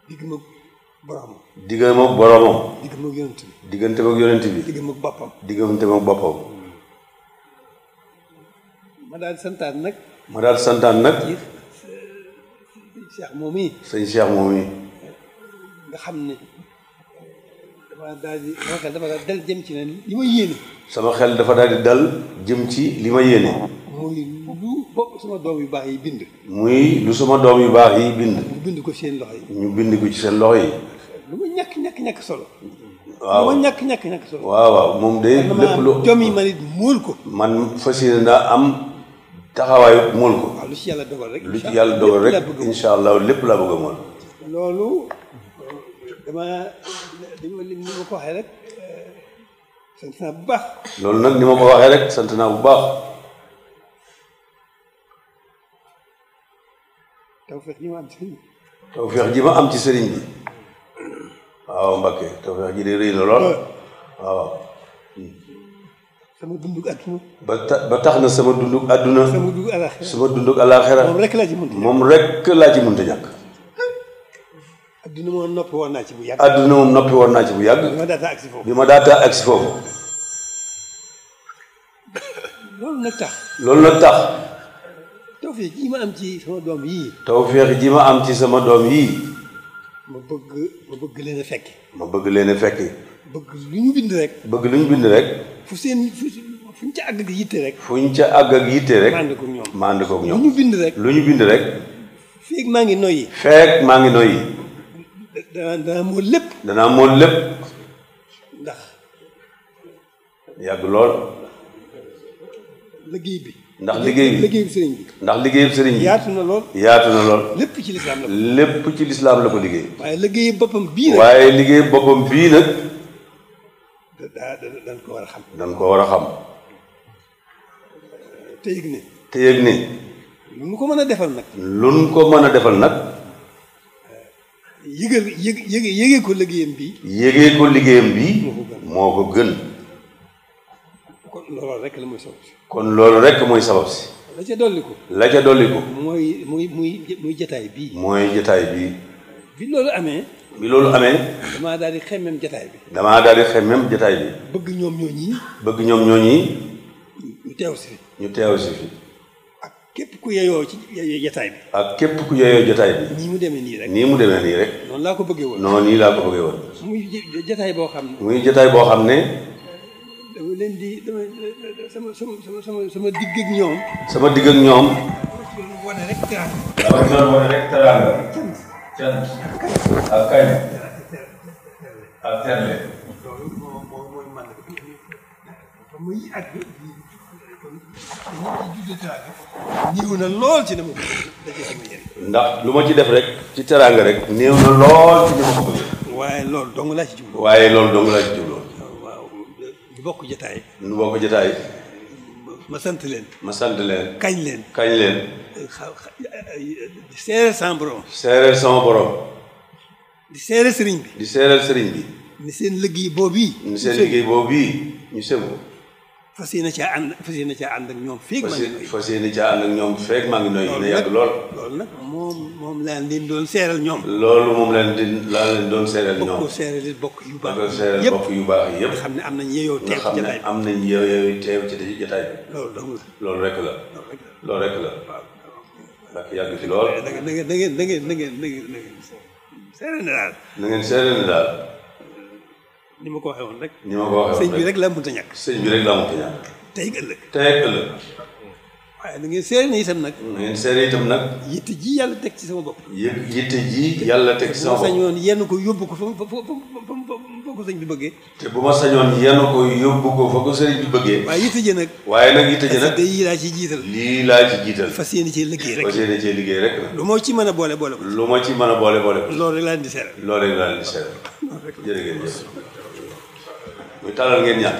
Speaker 1: diggam ak boromam diggam ak boromam diggam ak bi diggante ak yonent bi diggam ak boppam diggante ak boppam
Speaker 2: ma daal santaan nag. ma daal santaan nag. ci sëñ Cheikh moom yi.
Speaker 1: sëñ Cheikh moom yi.
Speaker 2: nga xam ne dafa daal di sama dal jëm ci li ma yéene.
Speaker 1: sama xel dafa daal di dal jëm ci li ma yéene.
Speaker 2: muy lu bopp doom yu baax yi bind.
Speaker 1: mu sama doom yu baax yi bind. ñu ko seen loxo yi. ñu bind ko ci seen loxo yi.
Speaker 2: lu ma ñàkk ñàkk ñàkk solo.
Speaker 1: waaw waaw moom de lépp lu. doom yi man it muul ko. man fas naa am. taxawaayu mool ko. lu ci yàlla dogal rek. lu yàlla dogal rek incha allah lépp laa bëgg a mool.
Speaker 2: loolu dama dama ma ko waxee rek eh, sant naa bu baax.
Speaker 1: loolu nag ni ma ko waxee rek sant bu baax.
Speaker 2: tawfeex ji ma am ci sëriñ
Speaker 1: bi. waaw Mbacke tawfeex ji de rëy waaw.
Speaker 2: sama dundug àdduna.
Speaker 1: ba ta ba tax na sama dundug àdduna. sama dundug alaaxira sama dundug alaaxira moom rek laa ci mënta ñàkk moom rek
Speaker 2: laa ci moom noppi woon naa ci bu yàgg. àdduna moom noppi woon naa ci bu bi ma daataa agsi
Speaker 1: foofu bi ma daataa agsi foofu. loolu nag tax. loolu nag tax.
Speaker 2: tawfeex ji ma am ci sama doom yii.
Speaker 1: tawfeex ji ma am ci sama doom yii.
Speaker 2: ma bëgg ma bëgg leen
Speaker 1: bëgg leen a fekki.
Speaker 2: bëgg lu ñu bind rek.
Speaker 1: bëgg lu ñu bind rek.
Speaker 2: fu seen fu ñu ca àgg ak yitte rek. fu ñu ca àgg ak yitte rek. mànd koog ñoom
Speaker 1: mànd ñoom. lu ñu bind rek. lu ñu bind rek.
Speaker 2: feeg maa ngi noyyi.
Speaker 1: feeg maa ngi noy
Speaker 2: danaa danaa mool lépp.
Speaker 1: danaa mool lépp.
Speaker 2: ndax. liggéey bi. ndax liggéey bi liggéeyu sëriñ bi.
Speaker 1: ndax liggéeyu sëriñ bi yaatu na lool. yaatu na lool. lépp ci lislaam la ko ci lislaam la ko liggéey.
Speaker 2: waaye liggéeyu boppam bii nag. waaye
Speaker 1: liggéeyu boppam bii nag.
Speaker 2: da dañ ko war a xam. dañ ko war a xam. te yëg ni. te yëg ni. lu nu ko mën a defal nag. lu nu
Speaker 1: ko mën a defal nag.
Speaker 2: yëgal yëg yëge yëgee ko liggéeyam bi yëgee liggéeyam bi
Speaker 1: moo ko gën.
Speaker 2: kon loolu rek la mooy sabab si.
Speaker 1: kon loolu rek mooy sabab si. la ca dolli ko. la ca dolli ko.
Speaker 2: mooy muy muy muy jataay bii. mooy jataay bii. bi loolu amee. bi loolu amee. damaa daal di xemmem jataay bi.
Speaker 1: damaa daal di xemmem jataay bi. bëgg ñoom ñooñi. bëgg ñoom ñooñi. ñu teew si ñu teew si fi.
Speaker 2: ak képp ku yeyoo ci jataay bi. ak képp ku yeyoo jataay bi. nii mu demee nii rek. nii mu demee nii rek. noonu laa ko bëggee woon. noonu nii laa ko bëggee woon. muy jataay boo xam ne. muy jataay boo xam ne. leen di dama sama sama sama sama digg ak ñoom.
Speaker 1: sama digg ak ñoom. dama cant ak kañ ak terle ndax lu ma ci def rek ci teraanga rek néew na lool
Speaker 2: ci ni ma ko bëggee waaye loolu dong
Speaker 1: laa ci waaye loolu dong laa bokk jotaay ñu ma sant leen. ma kañ leen. kañ leen.
Speaker 2: di seereel sama borom. seereel sama borom.
Speaker 1: di seereel sëriñ bi. di seereel sëriñ bi.
Speaker 2: ni seen liggéey boobu yi.
Speaker 1: ni seen liggéey boobu yi ñu sëgoo.
Speaker 2: fas yéene caa ànd fas yéene caa ànd ak ñoom feeg maa ngi noyyi
Speaker 1: fas ñoom feeg maa ngi noyyi yàgg lool
Speaker 2: loolu nag moom moom laa leen doon seeral ñoom loolu moom laa leen laa leen doon seeral ñoom bokk seeral bokk yu baax
Speaker 1: yëpp xam ne am nañ yeeyoo teew ci jotaay am nañ yeeyoo loolu dong la loolu rek la loolu rek la waaw ndax yàgg lool eh, da ngeen
Speaker 2: da ngeen da ngeen da ngeen da ngeen seeral ni ma ko waxee woon rek. ni ma ko waxee woon rek sëñ rek laa mënta ñàkk. sëñ bi rek tey ak ëllëg. tey ak ëllëg. waaye na ngeen nag. na itam nag. yitte ji yàlla teg ci sama bopp. yitte ji yàlla teg ci sama bopp. yenn ko yóbbu ko fa fa fa sëñ bi bëggee. te bu ma sañoon yenn ko yóbbu ko ko
Speaker 1: sëñ bi bëggee. waaye yitte ji waaye nag yitte ji nag. lii laa ci jiital. lii laa jiital. fas yéene cee liggéey rek. fas yéene cee liggéey rek. mën a boole boole mën
Speaker 3: a boole boole ko. loolu laa indi seere. loolu
Speaker 1: muy tàllal ngeen ñaan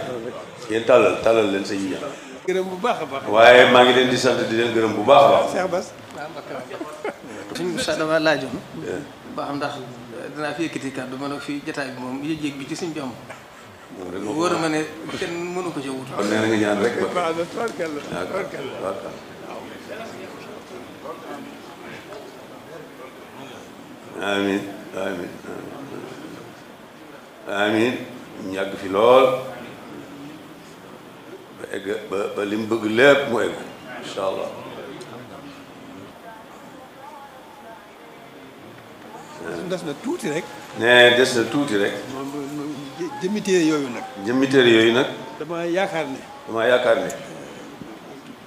Speaker 1: ngeen tàllal tàllal leen sañu ñaan gërëm bu baax a baax waaye maa ngi leen di sant di leen gërëm bu baax a baax Cheikh
Speaker 2: Bass suñ Moussa dama laajoon eh. ba xam ndax dinaa fi yëkkati kàddu ma ne fii jotaay bi moom yëg-yëg bi ci suñ bi am wóor ma ne kenn mënu ko ci wut kon nee na nga ñaan rek
Speaker 1: amin amin amin ñu yàgg fi lool ba egg ba ba li bëgg lépp mu egg incha allah
Speaker 7: des na tuuti rek
Speaker 2: ne des na tuuti rek jëmmi yooyu nag jëmmi yooyu nag dama yaakaar ne
Speaker 1: dama yaakaar ne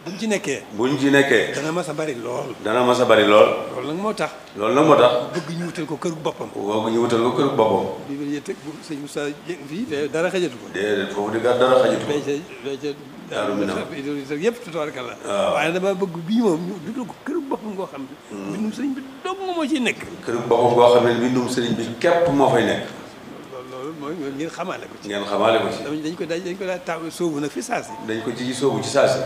Speaker 2: buñ ci nekkee. buñ ci nekkee. dana mas a bari lool. dana mas a bari lool. loolu nag moo tax. loolu nag moo tax. bëgg ñu wutal ko kër boppam. waaw ñu wutal ko kër boppam. bii ba yéete bu sëñ Moussa Dieng fii bi xajatu ko. déedéet foofu di dara xajatu ko. béykat béykat. daaru mi yëpp tutuwaarka la. waaw waaye dama bëgg bii moom ñu wutal ko kër boppam goo xam ne. Hmm. bindum sëriñ bi dong moo ciy nekk.
Speaker 1: kër boppam goo xam ne bindum sëriñ bi képp moo fay nekk.
Speaker 2: mooy ngeen xamaale ko ci. ngeen xamaa ko ci. dañ ko dañ ko daal taaw sóobu nag fi saa si dañ ko ci sóobu ci saasi.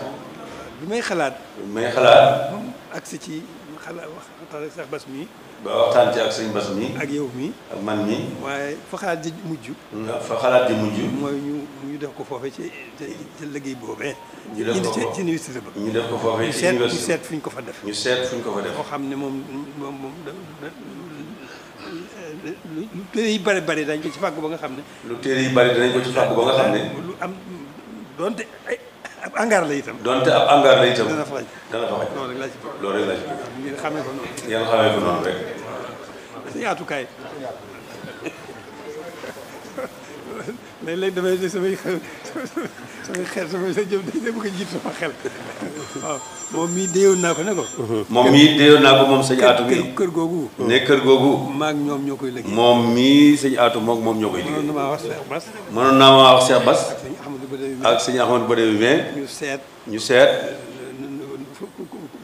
Speaker 2: lu may xalaat. bi may xalaat. agsi ci xalaat waxtaan ak sax bas mi. ba waxtaan ci ak sëñ bas mi. ak yow mii ak man mi. waaye fa xalaat ji mujj. fa xalaat ji mujj. mooy ñu ñu def ko foofee ci ci liggéey boobee. ñu def ko ba. ñu def ko foofee ci seet fu ko fa def. ñu seet fu ko fa def. xam ne moom moom moom lu téere yi bari bari dañ ko ci fàgg ba nga xam ne. lu téere yi bari danañ ko ci fàgg ba nga xam ne. lu am donte ay. ab angaar la itam. donte ab angaar la itam. dana fa xaj dana fa xaj loolu rek laa ci bëgg. loolu rek laa ci bëgg. ngeen xamee ko noonu. ngeen xamee ko noonu rek. yaatukaay. léeg léeg damay ne samay xel samay xel samay sa jëm dañ ko jiit sama xel waaw moom mii déewoon naa ko ne ko. moom mii déewoon naa ko moom sëñ Atou mii. kër googu. ne kër
Speaker 1: googu. maa ngi ñoom ñoo koy liggéey. moom mii sëñ Atou moom moom ñoo koy liggéey. mënoon naa wax Cheikh Bass. mënoon naa wax Cheikh Bass. ak sëñ Ahmadou Badé bi ak sëñ Ahmadou Badé bi ñu seet. ñu seet.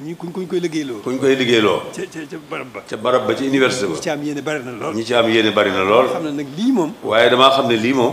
Speaker 1: ñi kuñ kuñ koy liggéeyloo. kuñ koy liggéeyloo. ca ca ca barab ba. ca barab ba ci université am yéene bari na lool. ñi ci am yéene bari na lool. xam
Speaker 2: na lii moom. waaye damaa xam ne lii moom.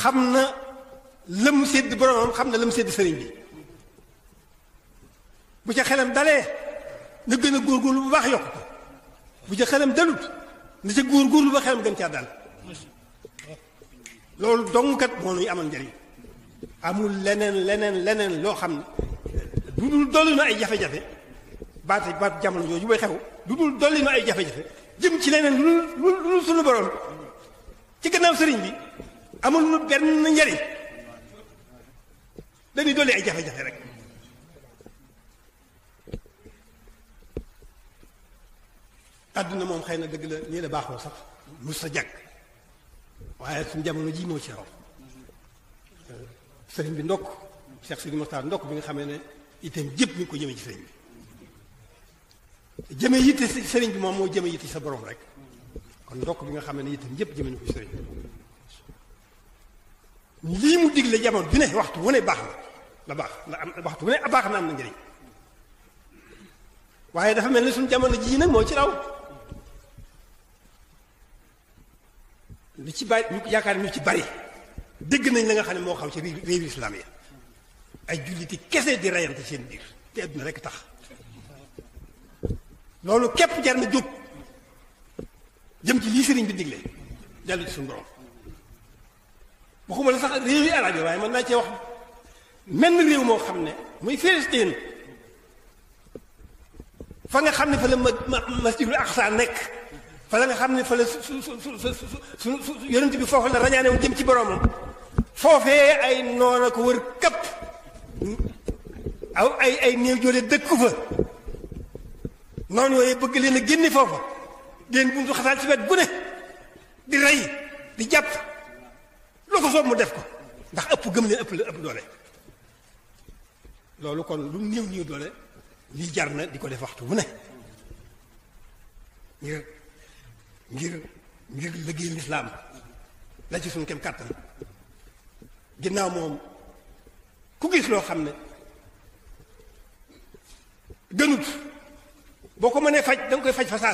Speaker 2: xam na lëm sédd boromam xam na lëm sédd sëriñ bi bu ca xelam dalee na gën a góorgóorlu bu baax yokk ko bu ca xelam dalut na ca góorgóorlu ba xelam gën caa dal loolu dongkat moo nuy amal njëriñ amul leneen leneen leneen loo xam ne du dul dolli na ay jafe-jafe baat baat jamono jooju bay xew du dul dolli na ay jafe-jafe jëm ci leneen lu lu lu sunu borom ci gannaaw sëriñ bi amul lu benn njariñ dañuy dolli ay jafe-jafe rek àdduna moom xëy na dëgg la nii la baaxoo sax mus sa jàkk waaye suñu jamono ji moo ci raw sëriñ bi ndokk Cheikh Sidi Moustapha ndokk bi nga xamee ne itam jëpp ñu ko jëmee ci sëriñ bi jëmee yitte sëriñ bi moom moo jëmee yitte sa borom rek kon ndokk bi nga xamee ne itam jëpp jëmee ñu ko sëriñ lii mu digle jamono ju ne waxtu wu ne baax na la baax la am waxtu wu ne baax na am na njëriñ waaye dafa mel ni suñ jamono jii nag moo ci raw li ci bari ñu yaakaar ñu ci bari dégg nañ la nga xam ne moo xaw ci réewi islam yi ay julliti kese di reyante seen biir te àdduna rek tax loolu képp jar na jóg jëm ci lii sëriñ bi digle dellu ci suñu borom waxuma la sax réew yi arab yi waaye mën naa cee wax menn réew moo xam ne muy Filistin fa nga xam ne fa la masjidul aqsa nekk fa la nga xam ne fa la su su su su yonent bi foofu la rañaane wu jëm ci boromam foofee ay noona ko wër këpp aw ay ay néew joole dëkku fa noonu yooyu bëgg leen a génne foofa leen buntu xasaal ci wet gu ne di rey di jàpp loo ko soob mu def ko ndax ëpp gëm leen ëpp la ëpp doole loolu kon lu néew néew doole lii jar na di ko def waxtu bu ne ngir ngir ngir liggéey lislaam la ci suñu kem kàttan ginnaaw moom ku gis loo xam ne gënut boo ko mënee faj da koy faj fa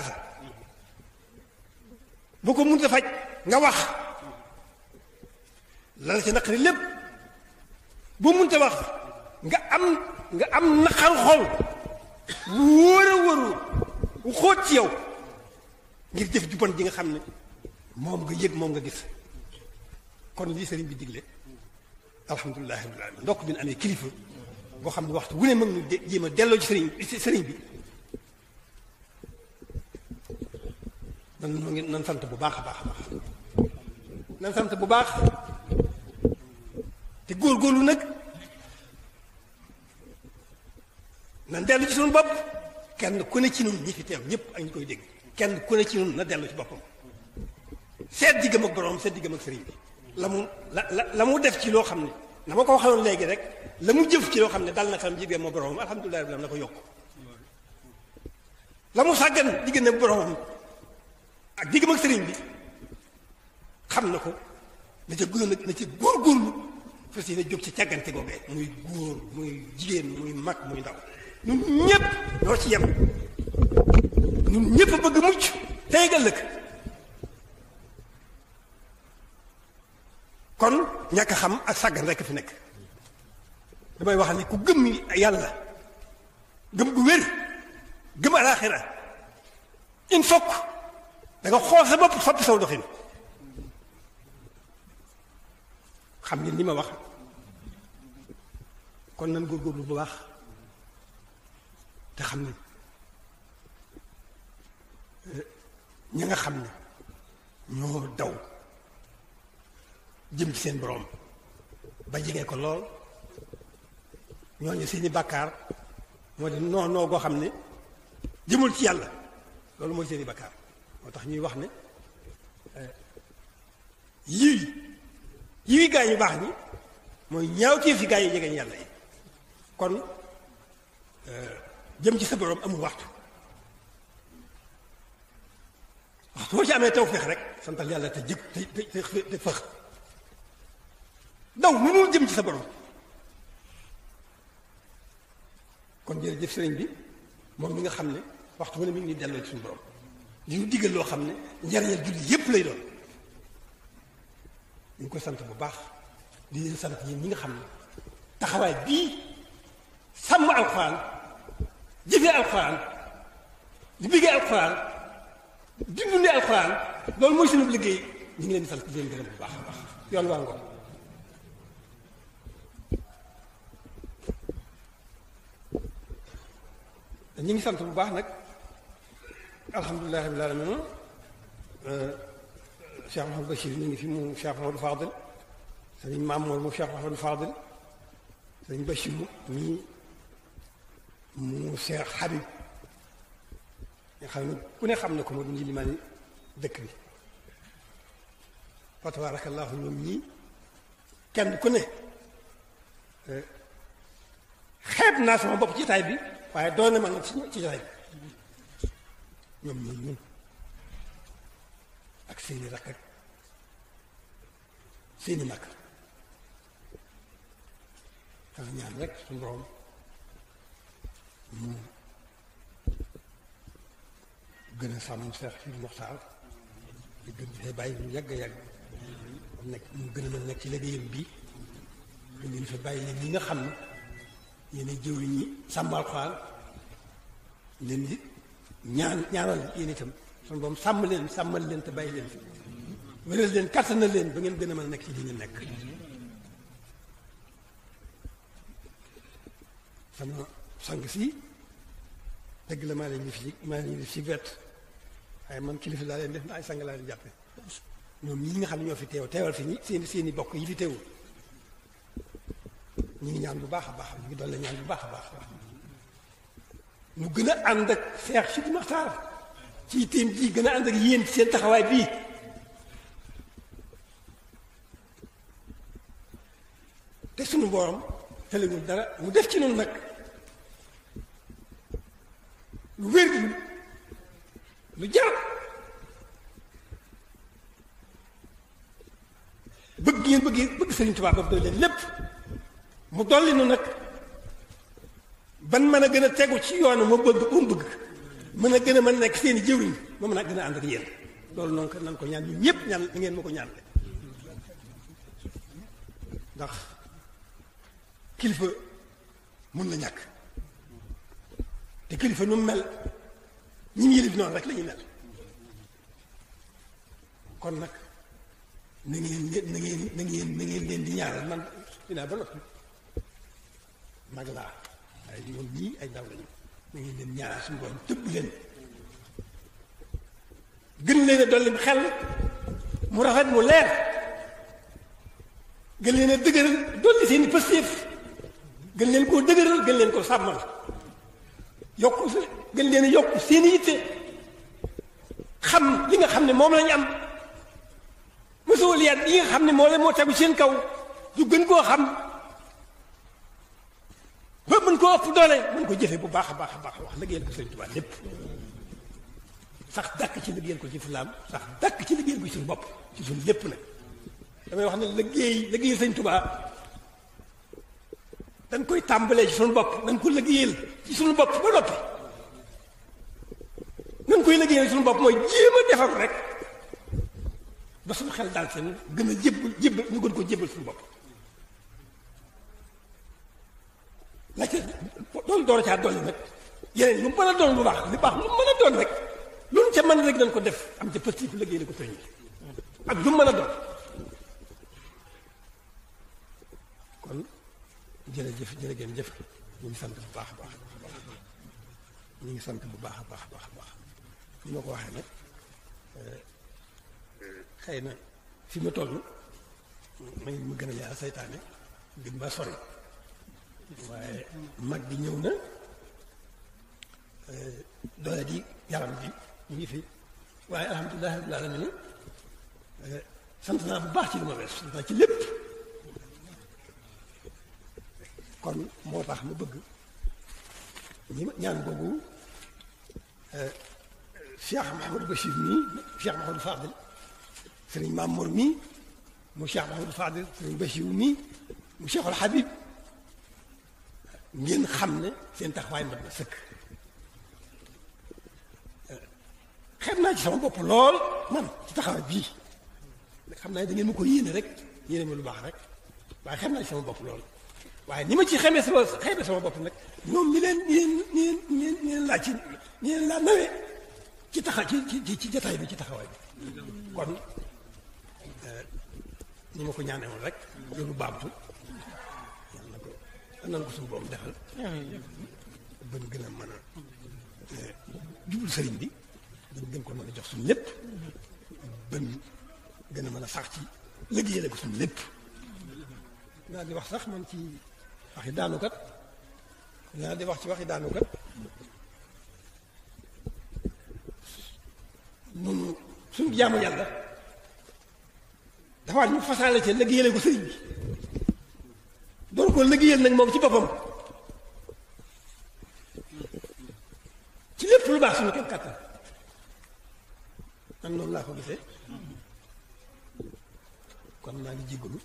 Speaker 2: boo ko mënut a faj nga wax la ci naqari lépp bu munta wax nga am nga am naqar xol bu wóor a wóoru bu xóot ci yow ngir jëf ju bon ji nga xam ne moom nga yëg moom nga gis kon lii sëriñ bi digle alhamdulilah rabbil alamin ndokk bi ñu amee kilifa boo xam ne waxtu wu ne mag nu jéem a delloo ci sëriñ sëriñ bi nan nan sant bu baax a baax a baax nan sant bu baax te góor góorgóorlu nag nan dellu ci suñu bopp kenn ku ne ci ñun ñi fi teew ñëpp ak ñi koy dégg kenn ku ne ci ñun na dellu ci boppam seet diggam ak borom seet diggam ak sëriñ bi la mu la la la mu def ci loo xam ne na ma ko waxoon léegi rek la mu jëf ci loo xam ne dal na xam jigéen ma boromam alhamdulilah rabbil na ko yokk la mu sàggan jigéen ne boromam ak diggam ak sëriñ bi xam na ko na ca góor na ca góorgóorlu fas yéene jóg ci tagante googee muy góor muy jigen muy mak muy ndaw ñun ñëpp ñoo ci yam ñun ñëpp bëgg mucc tey ëllëg kon ñaka xam ak sàggan rek fi nek damay wax ni ku gëm ni yàlla gëm gu wér gëm alaaxira in fokk da nga xoxe bop bopp fàpp saw doxin xam ngeen li ma wax kon nan góorgóorlu bu baax te xam ne eh, ña nga xam ne ñoo daw jëm ci seen boroom ba jege ko lool ñooñu seeni bàkkaar moo di noo noo goo xam ne jëmul ci yàlla loolu mooy seeni bàkkaar moo tax ñuy wax ne eh, yii yi gaa ñu baax ñi moy ñaaw ci fi gaa yi jege yàlla yi kon euh jëm ci sa borom amu waxtu waxtu boo ci amee tawfeex rek santal yàlla te jëg te te te fëx daw mënul jëm ci sa borom kon jëf sëriñ bi moom mi nga xam ne waxtu wala mi ngi delloo ci suñu borom li ñu diggal loo xam ne njariñal julli yépp lay doon dañ koy sant bu baax di leen sant yéen ñi nga xam ne taxawaay bii sàmm alxuraan jëfee alxuraan di liggéey alxuraan di dundee alxuraan loolu mooy suñu liggéey ñu ngi leen di sant di leen gërëm bu baax a baax yoon waa ngoon ñu ngi sant bu baax nag alhamdulilah rabbil alamin شيخ محمد بشير مني في مو شيخ محمد الفاضل سليم معمر مو شيخ محمد الفاضل سليم بشير مني مو شيخ حبيب يا خالد كوني خامنكم ودي اللي ماني ذكري فتبارك الله اليوم كان كوني أه، خيب ناس ما بقيت عيبي فهي دون ما نتشي تجاهي يوم يوم ak seeni rakk ak seeni mag xanaa ñaan rek suñu borom
Speaker 12: mu gën a sàmm Seex
Speaker 2: Sidi Muxtaar di gën di bàyyi lu yàgg yàgg nekk mu gën a mën nekk ci liggéeyam bi ñu ngi fi bàyyi leen ñi nga xam ne yéen a yi ñi sàmmal Alxuraan leen di ñaan ñaanal yéen itam. suñu boom sàmm leen sàmmal leen te bàyyi leen fi leen kàttanal leen ba ngeen gën a mën a nekk ci li ngeen nekk sama sang si dëgg la maa leen def ci maa leen ci wet waaye man kilifa laa leen def na ay sang laa leen jàppe ñoom ñii nga xam ñoo fi teew teewal fi ñi seeni seen bokk yi fi teewul ñu ngi ñaan bu baax a baax ñu ngi doon la ñaan bu baax a baax mu gën a ànd ak Seex Sidi Maxtaar تيتم جي قنا عندك يين تسين تخوى بيك te sunu borom tëlëgul dara mu def ci noonu nag lu wér lu jar bëgg ngeen bëgg bëgg sëriñ tubaab boobu doy leen lépp mu dolli nu nag ban mën a gën a tegu ci yoonu ma bëgg bu mu bëgg mën na gën a mën a nekk seen i jëwriñ ba gën a ànd ak yéen loolu noonu ko nan ko ñaan ñun ñëpp ñaan ngeen ma ñaan kilifa mun na ñàkk te kilifa nu mel ñi mu yëlif noonu rek la ñu mel kon nag na ngeen na ngeen na ngeen na leen di ñaaral man dinaa ba noppi mag laa ay ñoom ñii ay ndaw lañu na ngeen leen ñaanal suñu borom tëbb leen
Speaker 5: gën leen a dolli xel mu rafet mu leer gën leen a dëgëral dolli seen i pëstéef gën leen koo dëgëral gën leen koo sàmmal
Speaker 2: yokk gën leen a yokk seen i yitte xam li nga xam ne moom lañu am mësuwaliyaat yi nga xam ne moo leen moo tegu seen kaw du gën koo xam من كو اوف دولي من كو جيفي بو باخ باخ باخ واخ لغي يلكو سيرن توبا ليب صاح داك سي لغي يلكو جيف لام صاح داك سي لغي يلكو سيرن بوب سي سون ليب نا داماي واخ ني لغي لغي سيرن توبا دان كوي تامبلي سي سون بوب دان كو لغي يل سي سون بوب با نوبي نان كوي لغي يل سون بوب موي جيما ديفاك رك با سون خيل دال سن گنا جيب جيب ني گون كو جيبل سون بوب la ca doon door caa dolli nag yeneen lu mu mën a doon lu baax li baax lu mu mën a doon rek lu mu ca mën rek dañ ko def am ca positif liggéey la ko sëñ bi ak lu mën a doon kon jërëjëf jërë ngeen jëf ñu ngi sant bu baax a baax ñu ngi sant bu baax a baax baax baax ni ma ko waxee nag eh, xëy na fi ma toll ma ngi ma gën a yaal saytaane gën maa sori waaye mag bi ñëw na doole di yaram bi ñu ngi fi waaye alhamdulilah rabbil alamin sant naa bu baax ci lu ma wees sant naa ci lépp kon moo tax ma bëgg ñi ñaan boobu Cheikh Mahamadou Bachir mii Cheikh Mahamadou Fadil sëriñ Mamour mii mu Cheikh Mahamadou Fadil sëriñ Bachir mii mu Cheikhul Habib ngeen xam ne seen taxawaay mat na sëkk eh, xeeb naa ci sama bopp lool man ci taxawaay bii xam naa da ngeen ma ko yéene rek yéene ma lu baax rek waaye xem naa ci sama bopp lool waaye ni ma ci xamee sama xeebee sama bopp nag ñoom ñi leen leen ñi leen laa ci ñi ci taxa ci ci ci jataay bi ci taxawaay bi kon eh, ma ko ñaanee woon rek loolu baamtu nangu suñu borom defal ba ñu gën a mën a jublu sëriñ bi dañ gën ko mën a jox suñu lépp ba ñu gën a mën a sax ci liggéeyale ko suñu lépp daal di wax sax man ci waxi daanukat daal di wax ci waxi daanukat noonu suñu jaamu yàlla dafa ñu fasaale ca liggéeyale ko sëriñ bi doon ko liggéeyal nag moom ci boppam ci lépp lu baax suñu kenn kàttan man noonu laa ko gisee kon maa ngi jéggalu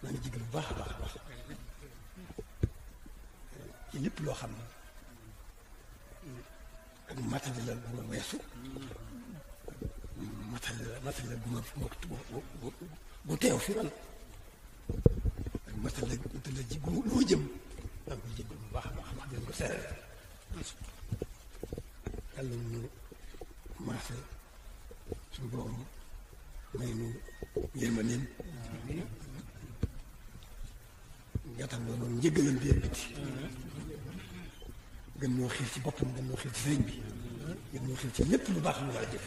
Speaker 2: maa ngi jéggalu bu baax a baax baax ci lépp loo xam ne ak matali la bu ma weesu matali la matali la bu ma bu teew fi man ak matal la matal la ji bu lu ma jëm maa ngi koy jéggalu bu baax a baax wax dëgg ko seeral yàlla ñu maase suñu borom may nu yërmandeem gàttal njëggalam bi biti gën ñoo xiir ci boppam gën ñoo xiir ci sëriñ bi gën ñoo xiir ci lépp lu baax lu war a jëf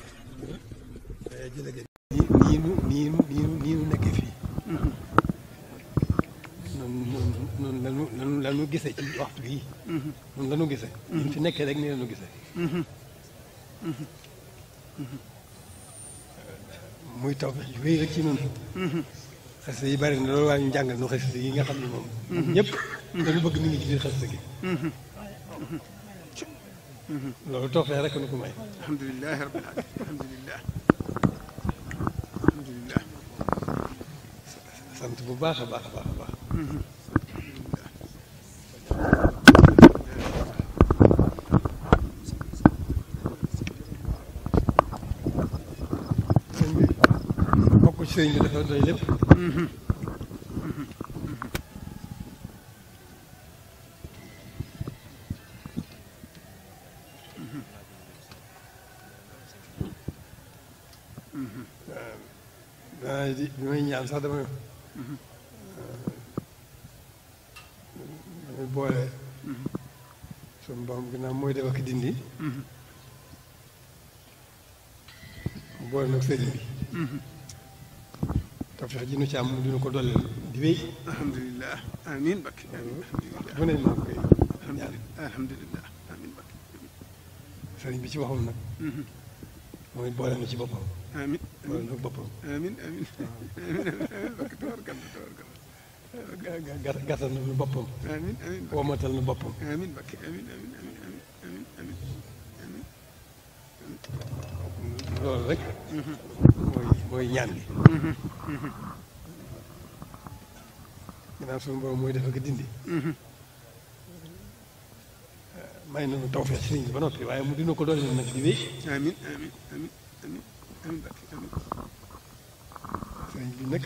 Speaker 2: eh, jërëjëf nii nii nu nii nu nii nu nekkee fii noonu la ñu noonu la ñu gisee ci waxtu bii. noonu la ñu gisee. ñu fi nekkee rek nii la ñu muy taw bi wéy rek ci noonu. xasida yi bari na loolu waa ñu nu xasida yi nga xam ne moom. ñëpp dañu bëgg mi ngi ci biir xasida gi. loolu tawfeex rek nu ko may. alhamdulilah rabbil sant bu baax a baax a baax a baax.
Speaker 3: sëñ bi dafa doy lépp
Speaker 2: bi may ñaan sax dama boole suñu borom ginnaaw mooy def ak dindi mu mm-hmm. boole nag sëriñ bi mm-hmm. tawfeex ji nu ci am dina ko dolleel di wéy alhamdulilah amin bakki bu
Speaker 4: nañ bi ci waxul nag mm-hmm. mooy boole na ci boppam boole nag boppam amin amin amin amin
Speaker 2: bakki tawarkal
Speaker 4: tawarkal gàttal na nu boppam. amiin amiin womatal na boppam. amiin Mbakke amiin amiin amiin
Speaker 2: loolu rek. Mm-hmm. mooy mooy ñaan gi. Mm-hmm. ginnaaw suñu borom mooy def ak dindi. Mm-hmm.
Speaker 4: Eh, may nañu tawfeex si nit ñi ba noppi waaye mu dina ko doon leen nag di wéy. amiin amiin amiin amiin Mbakke amiin. sëriñ
Speaker 2: bi nag.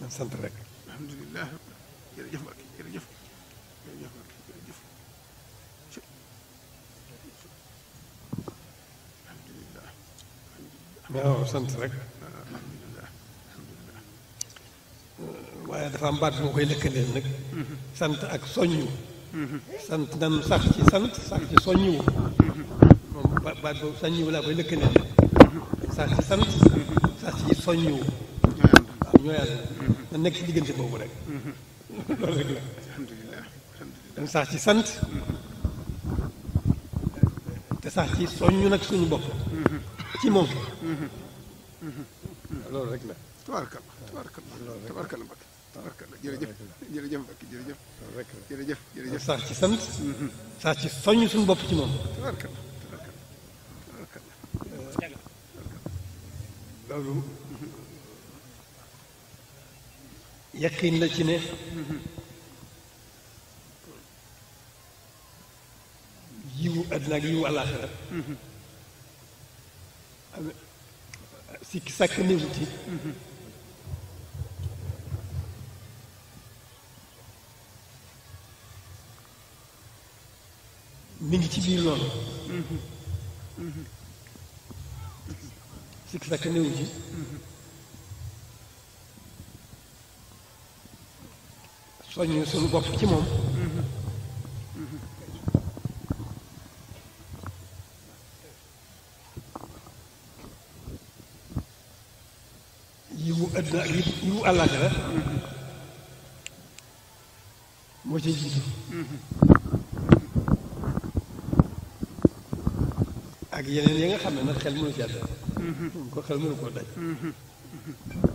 Speaker 2: man
Speaker 4: waaw sant
Speaker 2: rek. waaye dafa am baat moo koy lëkkaleel nag. sant ak soññu. sant nan sax ci sant sax ci soññu. moom baat boobu soññu laa sax ci sant sax ci soññu. ñoo yàlla na nekk ci diggante boobu rek loolu rek la alhamdulilah dañ sax ci sant te sax ci soññu nag suñu bopp mhm. ci moom mhm. loolu rek la
Speaker 4: tabaarakallah tabaarakallah tabaarakallah mbak tabaarakallah jërëjëf jërëjëf mbak jërëjëf rek jërëjëf jërëjëf sax ci sant mhm. sax ci soññu suñu bopp
Speaker 2: ci moom tabaarakallah
Speaker 4: tabaarakallah
Speaker 3: tabaarakallah
Speaker 2: loolu yaqin la ci ne
Speaker 3: yiwu àddina ak yiwu àllaaxira
Speaker 2: sikki sàkk néewu ci mi ngi ci biir loolu sikki sàkk néewu soññu suñu bopp ci moom yiwu àdduna ak yiwu àllaaxira moo ci jiitu ak yeneen yi nga xam ne nag xel mënu ci àdduna mm-hmm. ko xel mënu koo daj mm-hmm. Mm-hmm.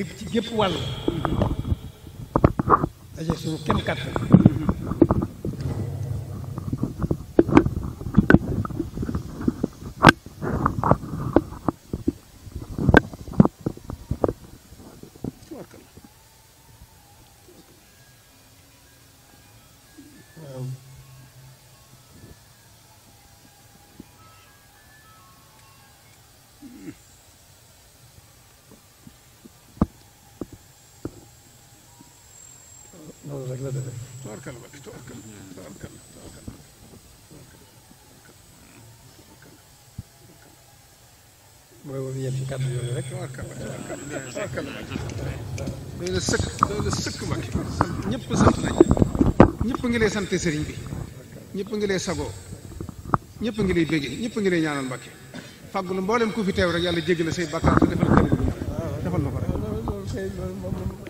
Speaker 2: gépp ci gépp wàll daje suñu
Speaker 3: kenn
Speaker 4: rek la demee. tubaarkal ba tubaarkal tubaarkal tubaarkal mooy woon yem ci kàddu yooyu rek tubaarkal
Speaker 2: sëkk doy la
Speaker 4: sëkk mag ñëpp sant nañ ñëpp ngi lay sant sëriñ bi ñëpp ngi lay sagoo ñëpp ngi lay béggee ñëpp ngi lay ñaanal mbàkke fàggu la ku fi teew rek yàlla jéggi la say bàkkaar te defal na ko rek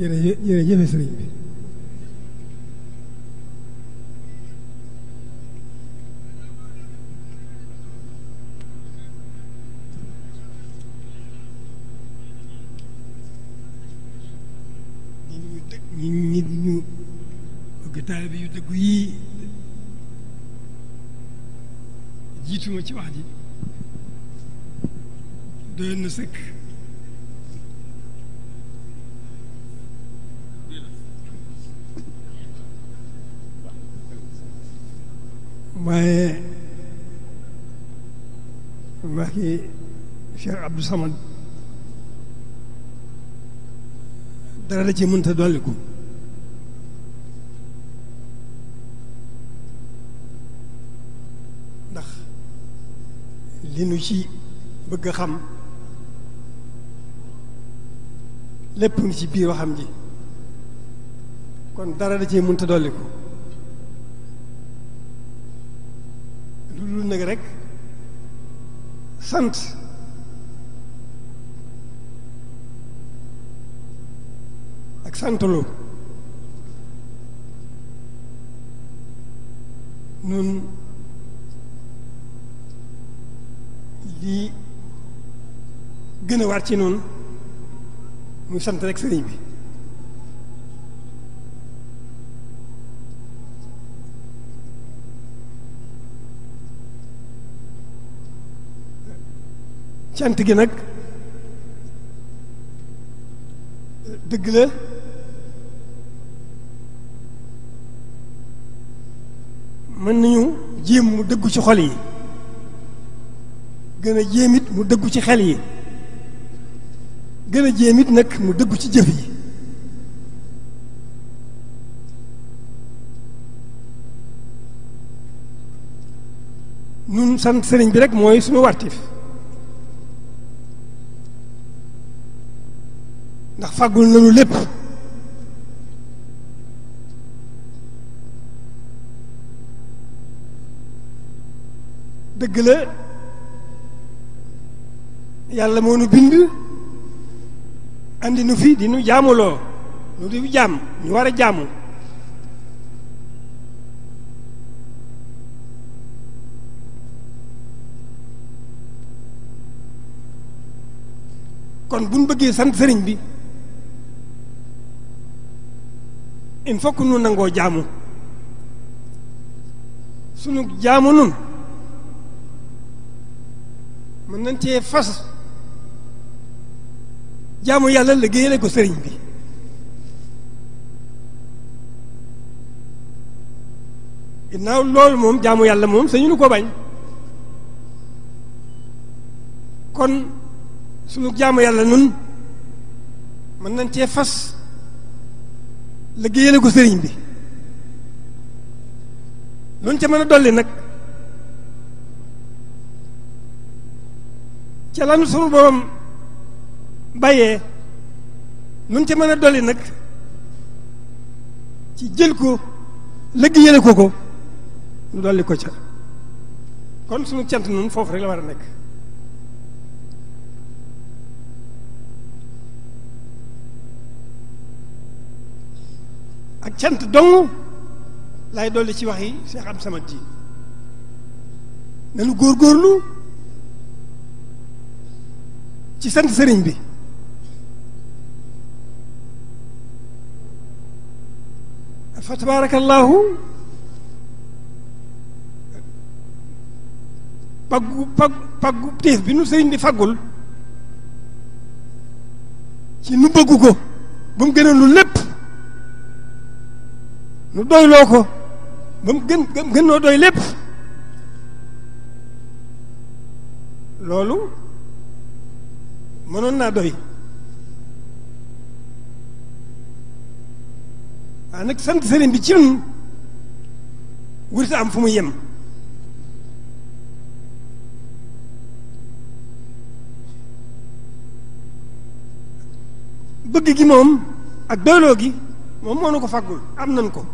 Speaker 2: jërëjëf jërëjëf sëriñ bi ñi ñu bëgg taalibe yu dëggu yii jiituma ci wax ji doyoon na sëkk waaye waxi Cheikh Abdou Samad dara da ci mënta dolliku ndax li nu ci bëgg a xam lépp ngi ci biir waxam ji kon dara da ci mënta dolliku sunna rekk sant ak santlu nun lii gën a war ci noonu muy sant rek sëriñ bi sant gi nag dëgg la mën nañu jéem mu dëggu ci xol yi gën a jéem it mu dëggu ci xel yi gën a jéem it nag mu dëggu ci jëf yi nun sant sëriñ bi rekk mooy suñu wartif
Speaker 5: ndax fàggul nañu lépp dëgg la
Speaker 2: yàlla moo nu bind andi nu fi di nu nu di jaam ñu war a jaamu kon buñ bëggee sant sëriñ bi il faut que nu nangoo jaamu sunu jaamu nun mën nañ cee fas jaamu yàlla liggéeyale ko sëriñ bi ginnaaw loolu moom jaamu yàlla moom sañu nu ko bañ kon sunu jaamu yàlla nun mën nañ cee fas liggéeyale ko sëriñ bi luñ ca mën a dolli nag ca lanu sunu borom bàyyee luñ ca mën a dolli nag ci jël ko liggéeyale ko ko ñu dolli ko ca kon sunu cant noonu foofu rek la war a nekk ak cant dong lay dolli ci wax yi Cheikh am sama ji
Speaker 5: nanu góorgóorlu
Speaker 2: ci sant sëriñ bi fa tabaarakallaahu paggu paggu paggu téef bi nu sëriñ bi faggul ci nu bëggu ko ba mu gënal lu lépp nu doy loo ko ba mu gën gën noo
Speaker 5: doy lépp loolu mënoon naa doy
Speaker 2: waaye nag sant sëriñ bi ci nun wurita am fu mu yem bëgg gi moom ak doyloo gi moom moo nu ko faggul am nan ko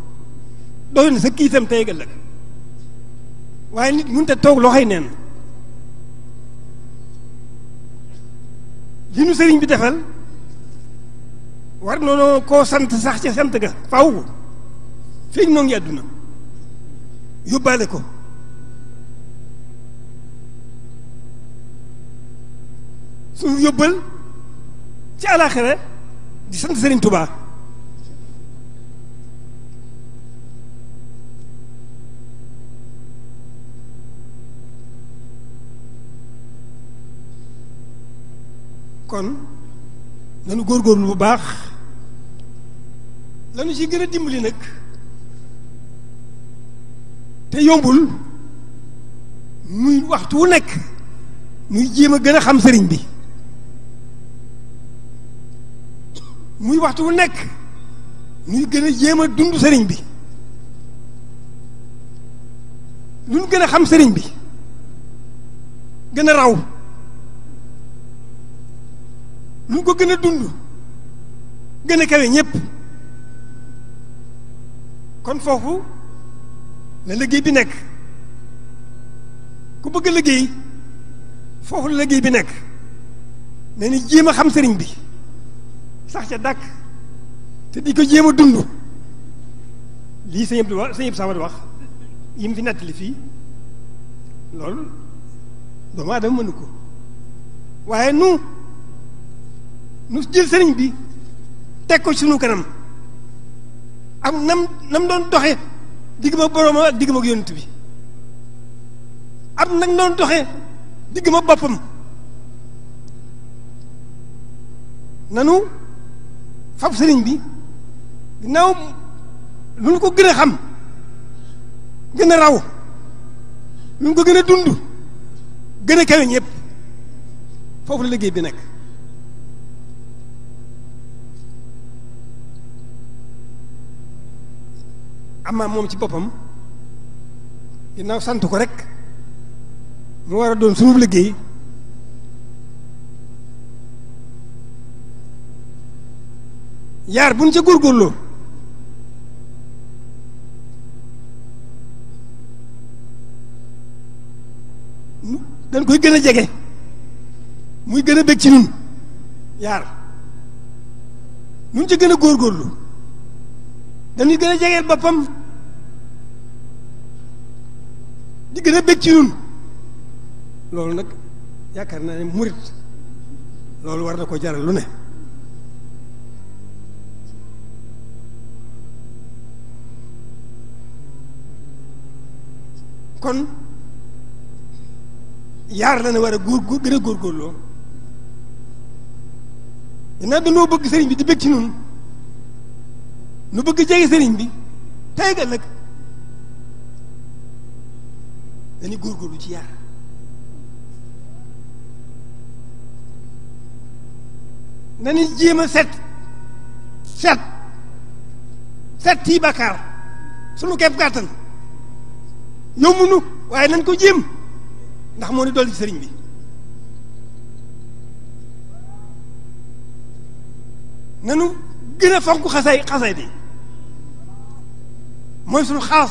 Speaker 2: doy na sa kiitam tey ëllëg waaye nit mënut a toog loxoy neen li nu sëriñ bi defal war noonu koo sant sax ca sant ga faw feeñ noo ngi àdduna yóbbaale ko suñu yóbbal ci àllaaxira di sant sëriñ Tubaa kon góor góorgóorlu bu baax lanu ci gën a dimbali nag te yombul muy waxtu wu nekk muy jéem a gën a xam sëriñ bi muy waxtu wu nekk muy gën a jéem a dund sëriñ bi lu nu gën a xam sëriñ bi gën a raw mu ko gën a dund gën a kawe ñëpp kon foofu la liggéey bi nekk ku bëgg liggéey foofu la liggéey bi nekk ne ni jéem a xam sëriñ bi sax ca dàkk te di ko jéem a dund lii sëñ Abdou sëñ Abdou Samad wax yi mu fi li fii loolu doomu aadama mënu ko waaye nu nu jël sëriñ bi teg ko sunu kanam am nam nam doon doxe digg ma boroomam ak digg ma yonent bi am nag doon doxe digg ma boppam nanu fab sëriñ bi ginnaaw lu nu ko gën a xam gën a raw lu nu ko gën a dund gën a kawe ñëpp foofu la liggéey bi nag amma mom ci bopam ginnaw sant ko rek mu wara doon sunu liggéey
Speaker 5: yar buñ ci gorgorlo dañ koy gëna jégé
Speaker 2: muy gëna a ci ñun yar nun ci gëna gorgorlo dañuy gën a jegeel bappam di gën a bëgg ci loolu nag yaakaar naa ne murit loolu war ko jaral lu ne kon yaar la ne war a góor gën a góorgóorloo dinaa dañoo bëgg sëriñ bi di bëgg ci ñun nu bëgg jege sëriñ bi tey ëllëg dañu góorgóorlu ci yar
Speaker 5: dañu jéem a set set set tii bàkkaar sunu kepp kàttan
Speaker 2: yomb nu waaye nañ ko jéem ndax moo ni ci sëriñ bi nanu جنا فوق خزاي قصيدي موسم خاص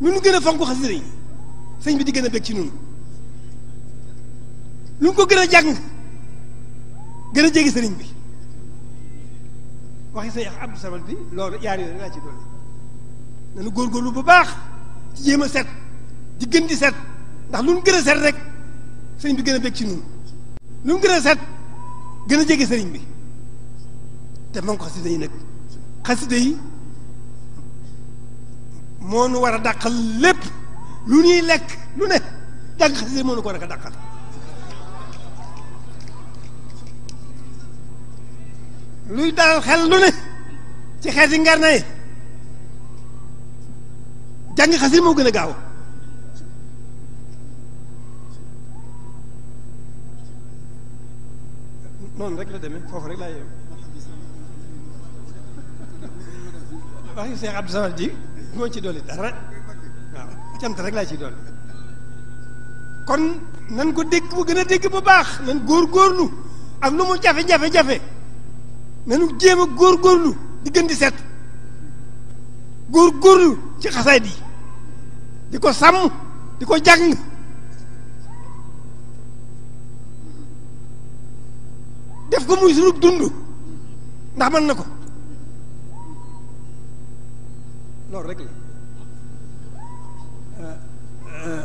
Speaker 2: من جنا فوق خزري سين بدي جنا بكتنون لونكو جنا جنگ جنا جيجي سرين بي واخي سي عبد السلام دي لور ياري لا سي دول غور غور لو باخ تييما سيت دي گندي سيت ndax lu ngeena set rek serigne bi geuna bekk ci nun lu ngeena set geuna te man ko xasida yi nag xasida yi moo nu war a dàqal lépp lu ñuy lekk lu ne jàng xasida moo nu ko war a dàqal
Speaker 5: luy dalal xel lu ne ci xeeti ngar na yi
Speaker 2: jàng moo gën a gaaw noonu rek la demee foofu rek laa wax yu Seex Abdu Samad ji moo ci dolli dara waaw cant rek laa ci dolli kon nan ko dégg bu gën a dégg bu baax nan góorgóorlu ak lu mu jafe-jafe-jafe nanu jéem a góorgóorlu di gën di set góorgóorlu ci xasaayid
Speaker 5: yi di ko sàmm di ko jàng def ko muy sunu dund ndax mën na ko
Speaker 2: loolu rek la
Speaker 3: eh, eh,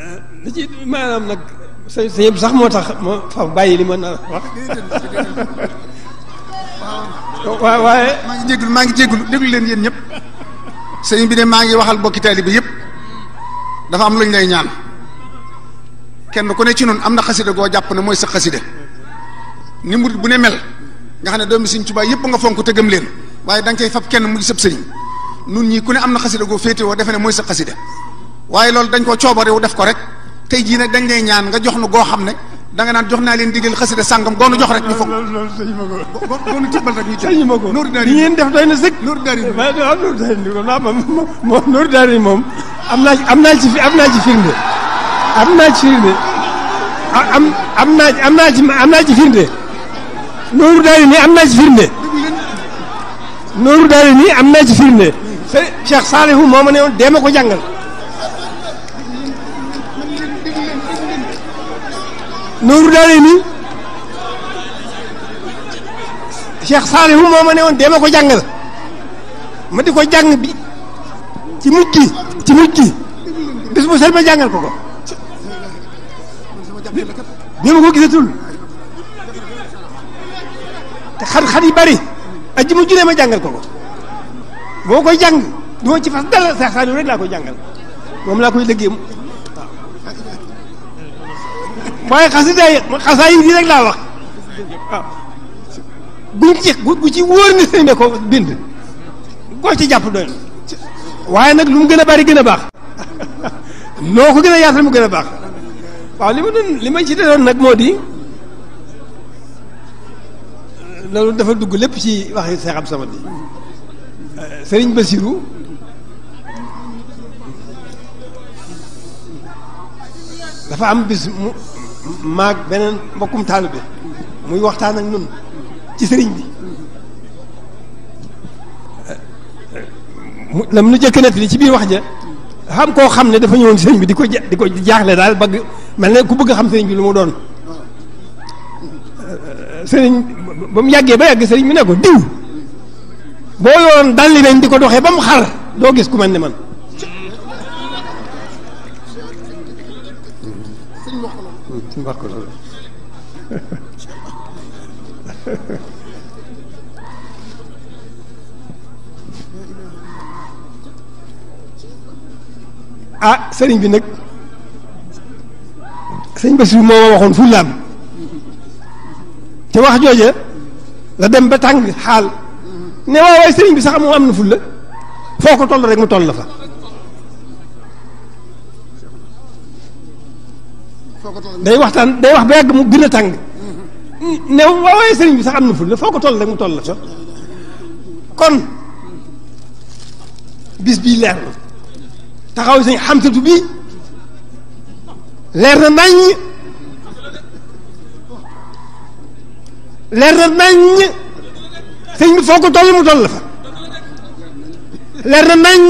Speaker 2: eh, li ci maanaam nag
Speaker 6: sa sa yëpp sax moo tax ma fa bàyyi li ma nar wax waaye maa ngi jégalu maa ngi jégalu déglu leen yéen ñëpp sëñ bi ne maa ngi waxal bokki bi yëpp dafa am luñ lay ñaan kenn ku ne ci noonu am na xasida goo jàpp ne mooy sa xasida ni murit bu ne mel nga xam ne doomi sëñ Tuubaa yëpp nga fonk te gëm leen waaye da koy fab kenn mu ngi sëb sëriñ nun ñii ku ne am na xasida goo féetewoo defe ne mooy sa xasida waaye loolu dañ ko coobarewu def ko rek tey jii dañ lay ñaan nga jox nu goo xam ne danga naan jox naa leen digal xasida sàngam goonu jox rek ñu foog goonu tibbal rek ñu sëñ ma ko nooru daari ngeen def doy na sëg nooru daari
Speaker 2: nooru daari moom am naa ci am naa ci am naa ci firnde am naa ci firnde am am naa am naa am naa ci firnde nooru daari nii am naaj ci
Speaker 5: firnde nooru daari nii am naa sëriñ Cheikh Salihu moo ma ne woon dee ma ko jàngal nooru daale ni Cheikh ma ko jàngal ma di ko jàng bi ci mujj ci mujj gi bis bu set ma jàngal ko ko ni ma ko gisatul te xat xat yi bari ajji mu juree ma jàngal ko ko boo koy jàng doo ci fas dara Seex
Speaker 2: Saaliw rek laa koy jàngal moom laa koy lëggee waaw waaye xasida yi xasaa yi rek laa wax waaw ci bu ci wóor ni sëñ bi ko bind koo ci jàpp doy waaye nag lu mu gën a bari gën a baax noo ko gën a yaatal mu gën a baax waaw li ma doon li ma ci doon nag moo di la loolu dafa dugg lépp ci wax Seex Abdu Samad bi
Speaker 9: sëriñ Basirou
Speaker 2: dafa am bis mu maag beneen mbokkum bi muy waxtaan ak ñun ci sëriñ bi mu lam nu jëkk nett li ci biir wax ja xam koo xam ne dafa ñëwoon sëriñ bi di ko di ko jaaxle daal bëgg mel ne ku bëgg xam sëriñ bi lu mu doon sëriñ ba mu yàggee ba yàgg sëriñ bi ne diw bo yoroon dal li di diko doxé bam xar do gis ku mel ni man ah serigne bi nak serigne Basiru moo waxone waxoon fullaam te wax jojje la dem ba tang hal ne waaw sëriñ bi sax moo am na fulla foo ko toll rek mu toll la fa day waxtaan day wax ba yàgg mu gën tàng ne waaw sëriñ bi sax am na fulla foo ko toll rek mu toll la fa kon bis bii leer na taxaw sañ xamsatu bii leer na naññ
Speaker 5: leer na naññ sëñ bi foo ko mu toll fa leer na nañ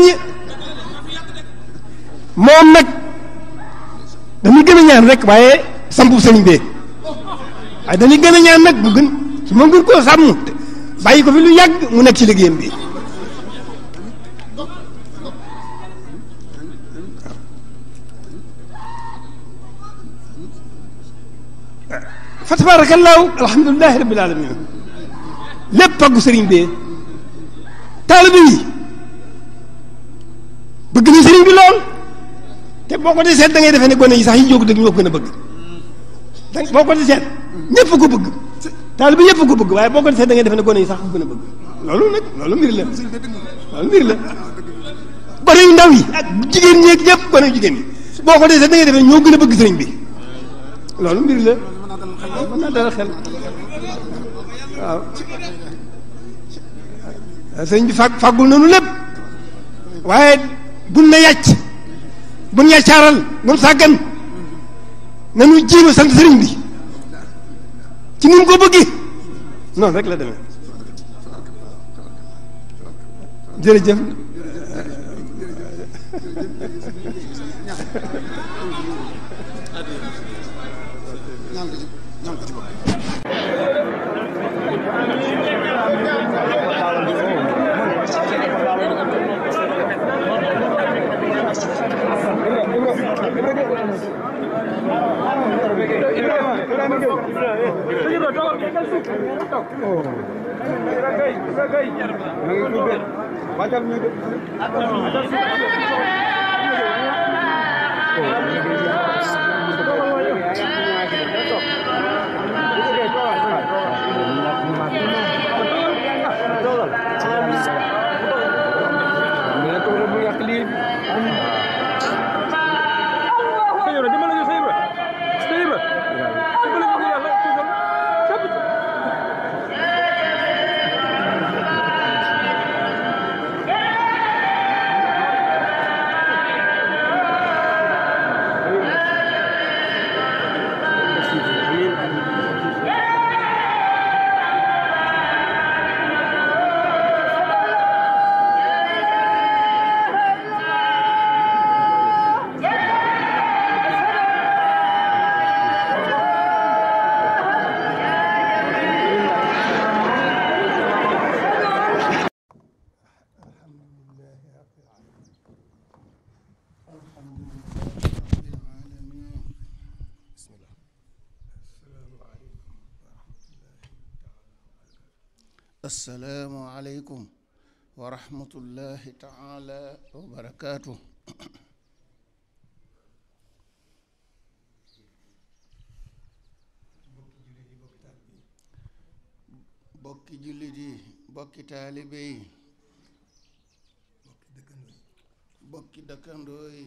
Speaker 5: moom nag dañuy gën a ñaan rek waaye sampu sëñ bee waaye dañuy gën a ñaan nag mu gën su ma gën koo sàmm bàyyi ko fi lu yàgg mu nekk ci liggéeyam bi fa tabaarakallaahu alhamdulilahi rabbil
Speaker 2: lépp pàggu sëriñ bee taalibe yi bëgg na sëriñ bi lool te boo ko di seet da ngay defee ne gone yi sax yi jóg dëgg ñoo ko gën a bëgg da boo ko di seet ñëpp ko bëgg waaye boo ko di seet ngay defee ne gone yi sax ko gën a bëgg loolu nag loolu mbir la loolu la gone yu ndaw yi ak jigéen ñeeg ñëpp gone yu jigéen yi boo ko di seet da ngay defee ñoo gën a bëgg sëriñ bi loolu mbir la
Speaker 5: mën naa dalal xel waaw bi fag faggul nañu lépp waaye bun na yàcc bun yàccaaral bun sàggan nañu jiima sant sëriñ bi ci ni ko bëggi noonu rek la
Speaker 2: demee jërëjëf
Speaker 3: Macam
Speaker 8: السلام عليكم ورحمة الله تعالى وبركاته bokki jullit yi bokki taalibe yi bokki dëkkandoo yi bokki dëkkandoo yi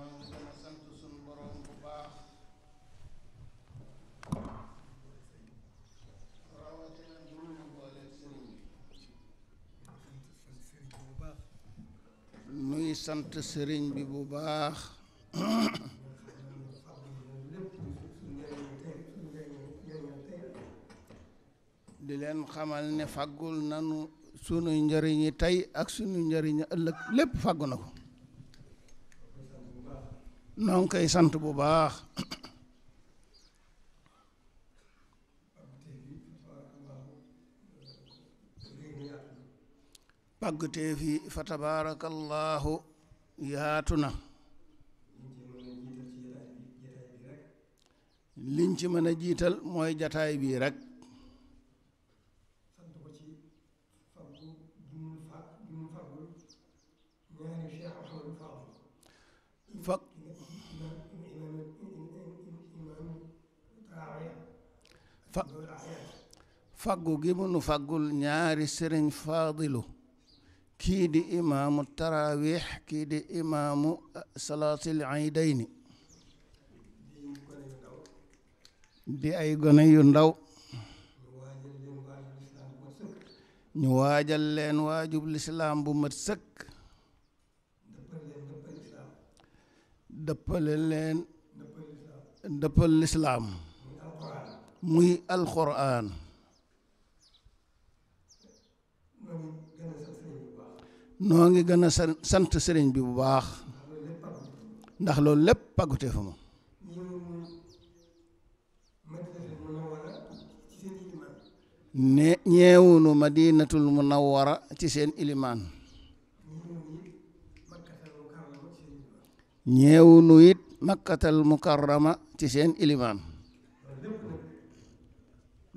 Speaker 10: bu baax
Speaker 3: rawatina bu
Speaker 8: nuy sant sëriñ bi bu baax di leen xamal ne faggul nanu sunu njëriñi tey ak sunuy njëriñi ëllëg lépp faggu na ko noo ngi sant bu baax pàggtee fi fa tabaarakallaahu yaatu na liñ ci mën a jiital mooy jataay bii rekk faggu gi mu faggul ñaari sëriñ faadilu kii di imaamu taraawix kii di imaamu eh, salaatil aydayni di ay gone yu ndaw ñu waajal leen waajub lislaam bu mat sëkk dëppale leen dëppal lislaam muy alxuraan noo ngi gën a sant sëriñ bi bu baax ndax loolu lépp paggute fa moom ne ñeewunu madinatul munawwara ci seen ilimaan ñeewunu it makkatal mukarrama ci seen ilimaan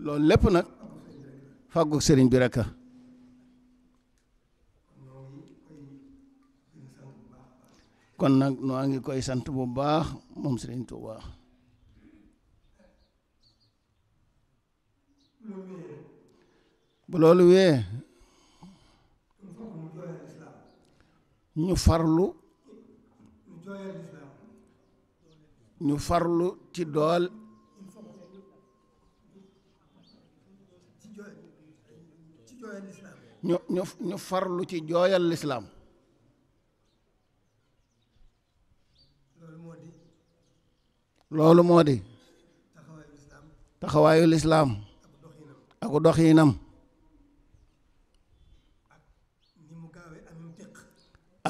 Speaker 8: loolu lépp nag fàggu sëriñ bi rekk kon nag noo ngi koy sant bu baax moom Sëriñ Tuuba bu loolu wee ñu farlu ñu farlu ci dool ñu ñu farlu ci jooyal lislaam loolu moo de taxawaayu lislaam ak doxiinam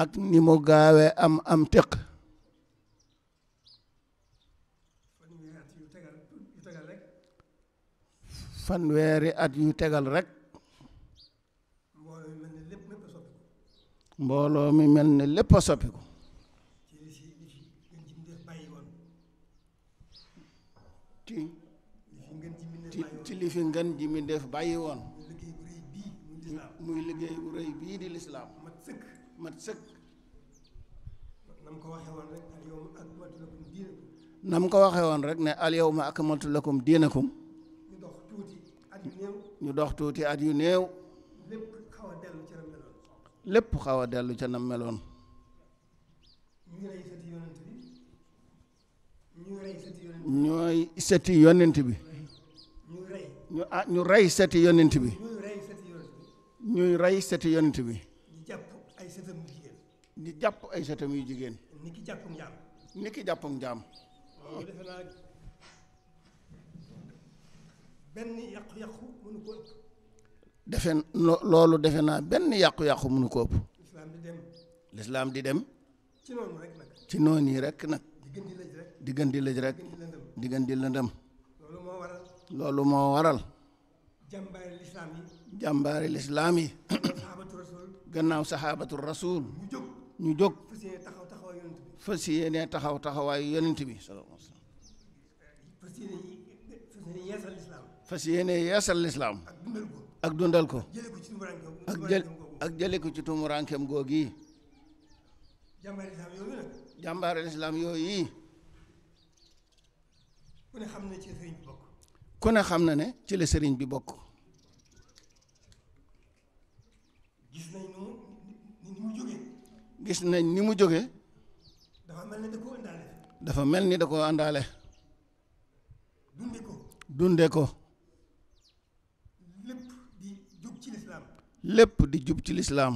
Speaker 8: ak ni mu gaawee am am téq fanweeri at yu tegal rek mbooloo mi mel ni lépp a soppiku tilifi ngan ji def bàyyi woon muy liggéey bu rëy bii di lislaam mat ko waxee woon rek alyawma akmaltu lakum diinakum nam
Speaker 2: ko waxee woon rek ne alyawma akmaltu
Speaker 8: lakum diinakum ñu dox tuuti at yu néew ñu lépp xaw a dellu ca nam meloon ñooy sëti yonent bi ñu ah ñu rey seti yonent bi. ñuy rey seti yonent bi.
Speaker 2: di jàpp ay setam yu jigéen.
Speaker 8: jàpp ay setam yu jigéen.
Speaker 2: ni ki jàpp njaam. ni ki jàpp
Speaker 8: loolu defe naa benn yàqu-yàqu mënu ko ëpp. loolu defe naa benn yàqu-yàqu mënu ko ëpp. lislaam di dem. ci noonu rek nag. ci noonu yi rek nag. di gën lëj rek. di gën di lëndëm. loolu moo waral.
Speaker 2: jàmbaari lislaam yi.
Speaker 8: jàmbaari lislaam gannaaw saxaabatu rasul. ñu jóg ñu jóg. fas taxaw taxawaayu yonent bi. fas
Speaker 2: yéene taxaw
Speaker 8: taxawaayu yonent yeesal lislaam. ak dundal ko. ak jël ak jële ci tumuraankeem googi. jàmbaari jàmbaari lislaam yooyu. ku ku ne xam na ne ci la sëriñ bi bokk. gis nañ ni mu jóge gis nañ ni mu jóge dafa mel ni da àndaale. mel ni da koo àndaale. dunde ko. dunde ko. lépp di jub ci lislaam. lépp di jub ci lislaam.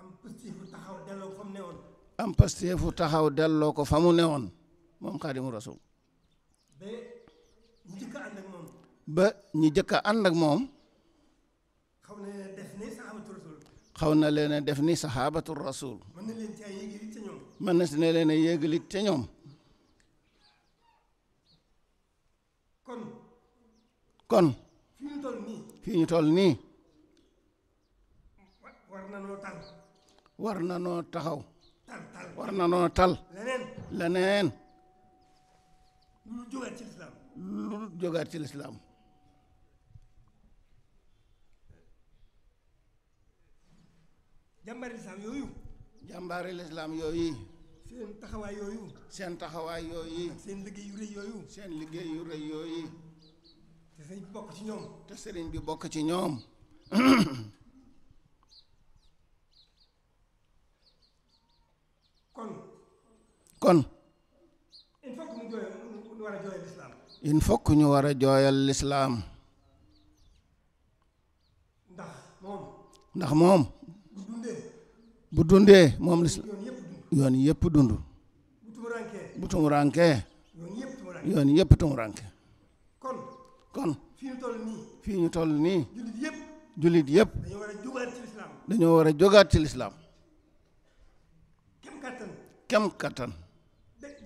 Speaker 2: am pasteefu taxaw delloo ko fa mu newoon.
Speaker 8: am pasteefu taxaw delloo ko fa mu newoon moom xaadimu rasul ba ñu jëkk a ànd ak moom xaw na leen def ni saxaabatu rasul mën na si ne leen a yéegalit ca ñoom kon fii ñu toll nii
Speaker 2: war na noo taxaw war na noo tal leneen lu jógaat ci lislaam
Speaker 8: lu jógaat ci lislaam jàmbaari lislaam yooyu jàmbaari lislaam yooyu seen taxawaay yooyu seen taxawaay yooyu seen liggéey yu rëy yooyu seen liggéey yu rëy yooyu te bi bokk ci ñoom te bi bokk ci ñoom
Speaker 2: kon kon
Speaker 8: il faut ñu war a jooyal lislaam ndax moom ndax moom bu dundee moom lislaam yoon yëpp dund bu tumurankee yoon yëpp tumurankee kon fii ñu toll nii jullit yëpp dañoo war a jógaat ci lislaam kem kattan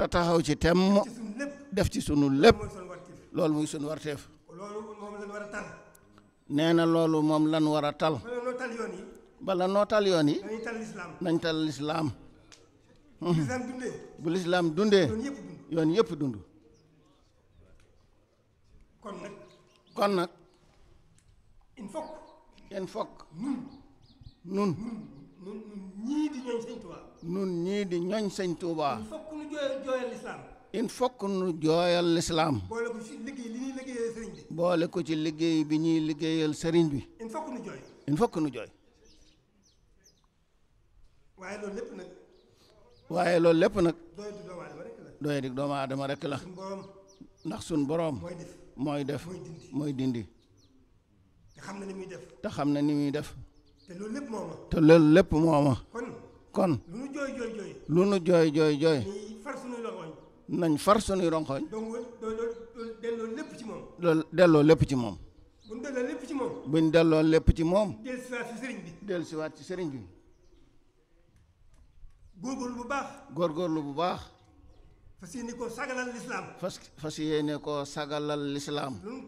Speaker 8: te taxaw ci temm def ci sunu lépp loolu muy sunu warteef nee na loolu moom lan war a tal bala noo tal yoon yi nañ tal lislaam bu lislaam dundee yoon yëpp dund kon nag kon nag il faut il faut nun nun ñii di ñooñ Sëñ Tuubaa nun ñi di ñoñ sëñ Touba. il faut que nu joyal l'islam il
Speaker 2: faut que nu jooyal lislaam. boole ko ci liggéey li ñi liggéeyal sëriñ
Speaker 8: bi. boole ko ci liggéey bi ñuy liggéeyal sëriñ bi. il faut que nu joy il faut que lépp nak waaye loolu lépp nag. rek la. rek la. ndax suñ borom moy def moy def dindi. te xamna ni muy def. te xamna ni muy def. te loolu lépp moma te loolu lépp moma kon. kon lu nu jooy jooy jooy. lu nu jooy jooy jooy. nañ far sunuy rongoñ.
Speaker 2: donc
Speaker 5: delloo
Speaker 8: lépp ci moom. delloo lépp ci moom. buñ delloo lépp ci moom. buñ delloo lépp ci moom. dellusiwaat ci sëriñ bi. dellusiwaat ci sëriñ bi. góorgóorlu bu baax. góor góorgóorlu bu baax. fas yéene koo sagalal lislaam. fas fas yéene koo sagalal lislaam.
Speaker 2: li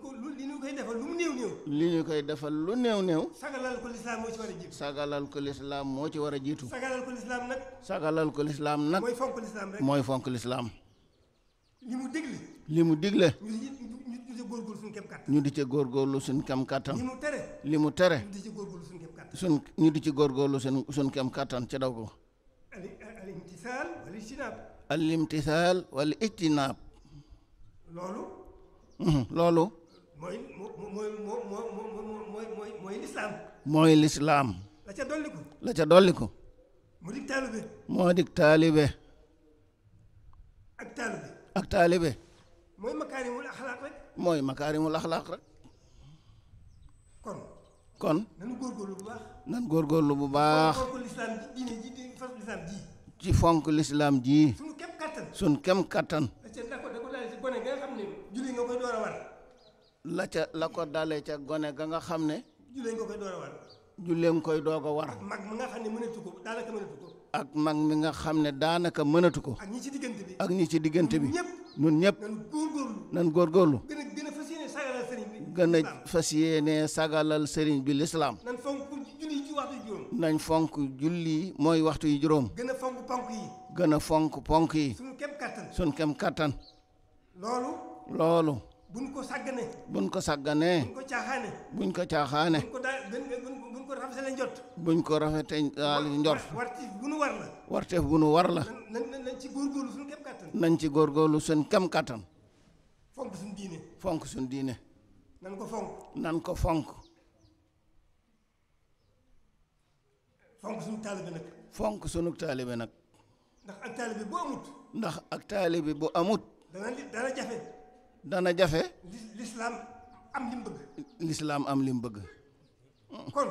Speaker 2: ñu koy defal lu mu néew
Speaker 8: ñu koy defal lu néew néew. sagalal ko lislaam moo ci war a jiitu.
Speaker 2: sagalal ko lislaam moo ci nag.
Speaker 8: sagalal ko lislaam nag. mooy fonk lislaam rek. mooy li mu digle. li mu digle. ñu di ñu di góorgóorlu suñu kem kàttan. kem kàttan. li mu tere. li di ci góorgóorlu suñu ci daw ko. alimtisaal wala ijtinaab loolu mm-hmm. loolu mooy
Speaker 2: mooy mooy lislaam
Speaker 8: mooy lislaam la ca dolliku la ca dolliku moo dig taalibe
Speaker 2: moo mooy makaarimul axlaaq rek
Speaker 8: mooy makaarimul axlaaq rek kon kon nan góorgóorlu bu baax
Speaker 2: bu baax
Speaker 8: ci fonk lislaam ji suñ kem kattan la ca la ko dalee ca gone ga nga xam ne jullee nga koy door war doog a war ak mag mi nga xam ne daanaka mënatu ko ak ñi ci diggante bi ak ñi ci diggante bi nan góorgóorlu gën a fas yéene sagalal sëriñ bi lislaam nañ fonk julli mooy waxtu yi juróom.
Speaker 2: gën a fonk ponk yi.
Speaker 8: gën a fonk ponk yi. kem kattan. loolu. buñ ko ko sàgganee. ko caaxaanee. buñ ko caaxaanee. buñ war la. ci góorgóorlu suñ kem kattan. nañ suñ kem kattan.
Speaker 2: fonk suñ diine.
Speaker 8: fonk suñ diine. nan ko fonk. nan ko fonk.
Speaker 2: fonk sunu taalibe nag.
Speaker 8: fonk sunu taalibe nag.
Speaker 2: ndax ak taalibe bu amut.
Speaker 8: ndax ak taalibe bu amut. dana jafe. dana jafe.
Speaker 2: lislaam am lim bëgg.
Speaker 8: lislaam am lim bëgg. kon.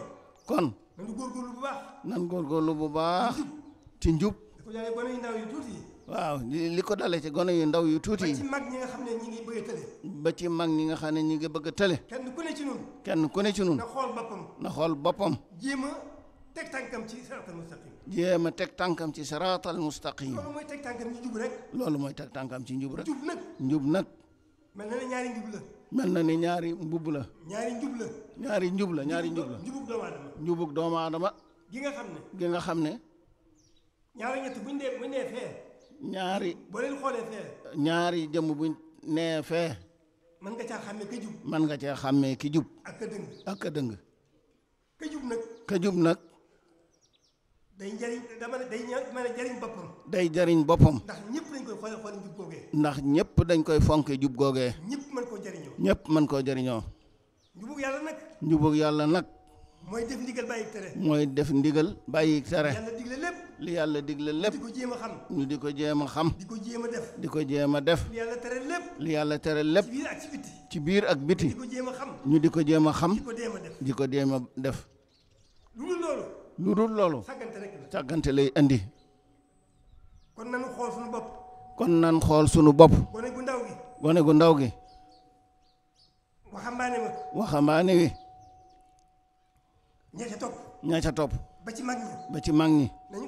Speaker 8: kon. nan góorgóorlu bu baax. nan góorgóorlu bu baax. ci njub.
Speaker 2: li ko dalee gone yu ndaw yu tuuti.
Speaker 8: waaw li ko dalee ci gone yu ndaw yu tuuti. ba ci mag ñi nga xam ne ñi nga xam ne ñi ngi bëgg a tële.
Speaker 2: kenn ku ne ci nun
Speaker 8: kenn ku ne ci nun na xool boppam. na xool boppam.
Speaker 2: teg tànkam ci siraatal mustaqim.
Speaker 8: jéem a teg tànkam ci siraatal mustaqim. loolu mooy loolu mooy teg tànkam ci njub rek. njub nag njub nag.
Speaker 2: mel na ne ñaari njub la.
Speaker 8: mel na ni ñaari mbubb la. ñaari njub la. ñaari njub la ñaari njub la. njubug doomu aadama. gi nga xam ne. gi nga xam ne.
Speaker 2: ñaari ñett buñ dee buñ dee fee.
Speaker 8: ñaari. boo xoolee fee. ñaari jëmm buñ nee fee.
Speaker 2: mën nga caa xàmmee ki jub.
Speaker 8: mën nga cee xàmmee ki ka dëng. ak ka dëng. ka jub nag. ka jub nag.
Speaker 2: day jariñ dama
Speaker 8: boppam. day jariñ boppam. ndax ñëpp dañ koy fonke jub googee. ñëpp man koo jariñoo. ñëpp mën koo jariñoo. njubug yàlla nag. njubug yàlla nag. mooy def ndigal bàyyi tere. yàlla digle lépp. li yàlla digle lépp. ko jéem a xam. ñu ko jéem ko jéem a def. di ko li yàlla tere lépp. ci biir ak ci biti. di ko jéem a xam. ñu di ko jéem xam. di ko jéem def. lu dul loolu. sàggante rek la lay indi. kon nan xool sunu bopp. kon nan xool sunu bopp. gone gu ndaw gi. gu ndaw gi. waxambaane wi. waxambaane wi. ca topp. ña ca topp. ba ci mag ñi. ba ci mag ñi. nañu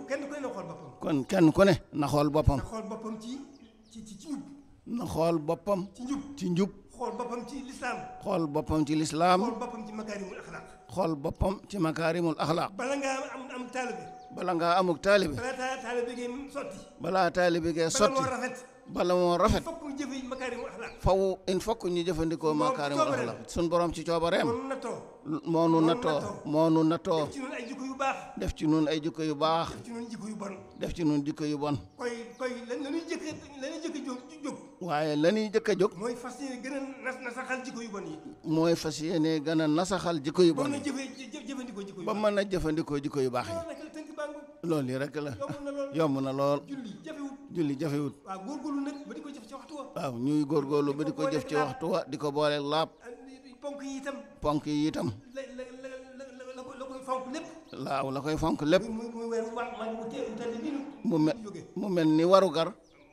Speaker 8: kon kenn ku ne na xool boppam. na
Speaker 2: xool boppam ci ci ci xool boppam. ci ci njub. xool boppam ci lislaam.
Speaker 8: xool boppam ci lislaam. xool
Speaker 2: boppam ci makaarimul
Speaker 8: xool boppam ci makaarimul axlaaq
Speaker 2: bala ngaa am am taalibe
Speaker 8: bala ngaa amuk taalibe
Speaker 2: balaa taalibe gi sotti
Speaker 8: balaa taalibe gi sotti bala moo rafet bala moo rafet fokk
Speaker 2: ñu jëfe makaarimul
Speaker 8: axlaaq faw in fokk ñu jëfandikoo makaarimul axlaaq suñ borom ci coobareem moonu natoo moonu natoo def ci ñun ay jikko yu baax def ci
Speaker 2: ñun ay jikko yu baax
Speaker 8: def ci ñun jikko yu bon
Speaker 2: def jëkk a jóg jóg
Speaker 8: waaye lañuy jëkk jóg mooy
Speaker 2: fas yéene gën a nasaxal jikko yu
Speaker 8: a nasaxal jikko yu bon a jëfandikoo jikko yu baax yi loolu yi rek la yomb na lool julli jafewut waaw ñuy góorgóorlu ba di ko jëf ci waxtu di ko boole laab ponk yi itam. ponk yi itam. la la
Speaker 2: la la koy fonk lépp.
Speaker 8: waaw la koy fonk lépp. mu mel ni warugar.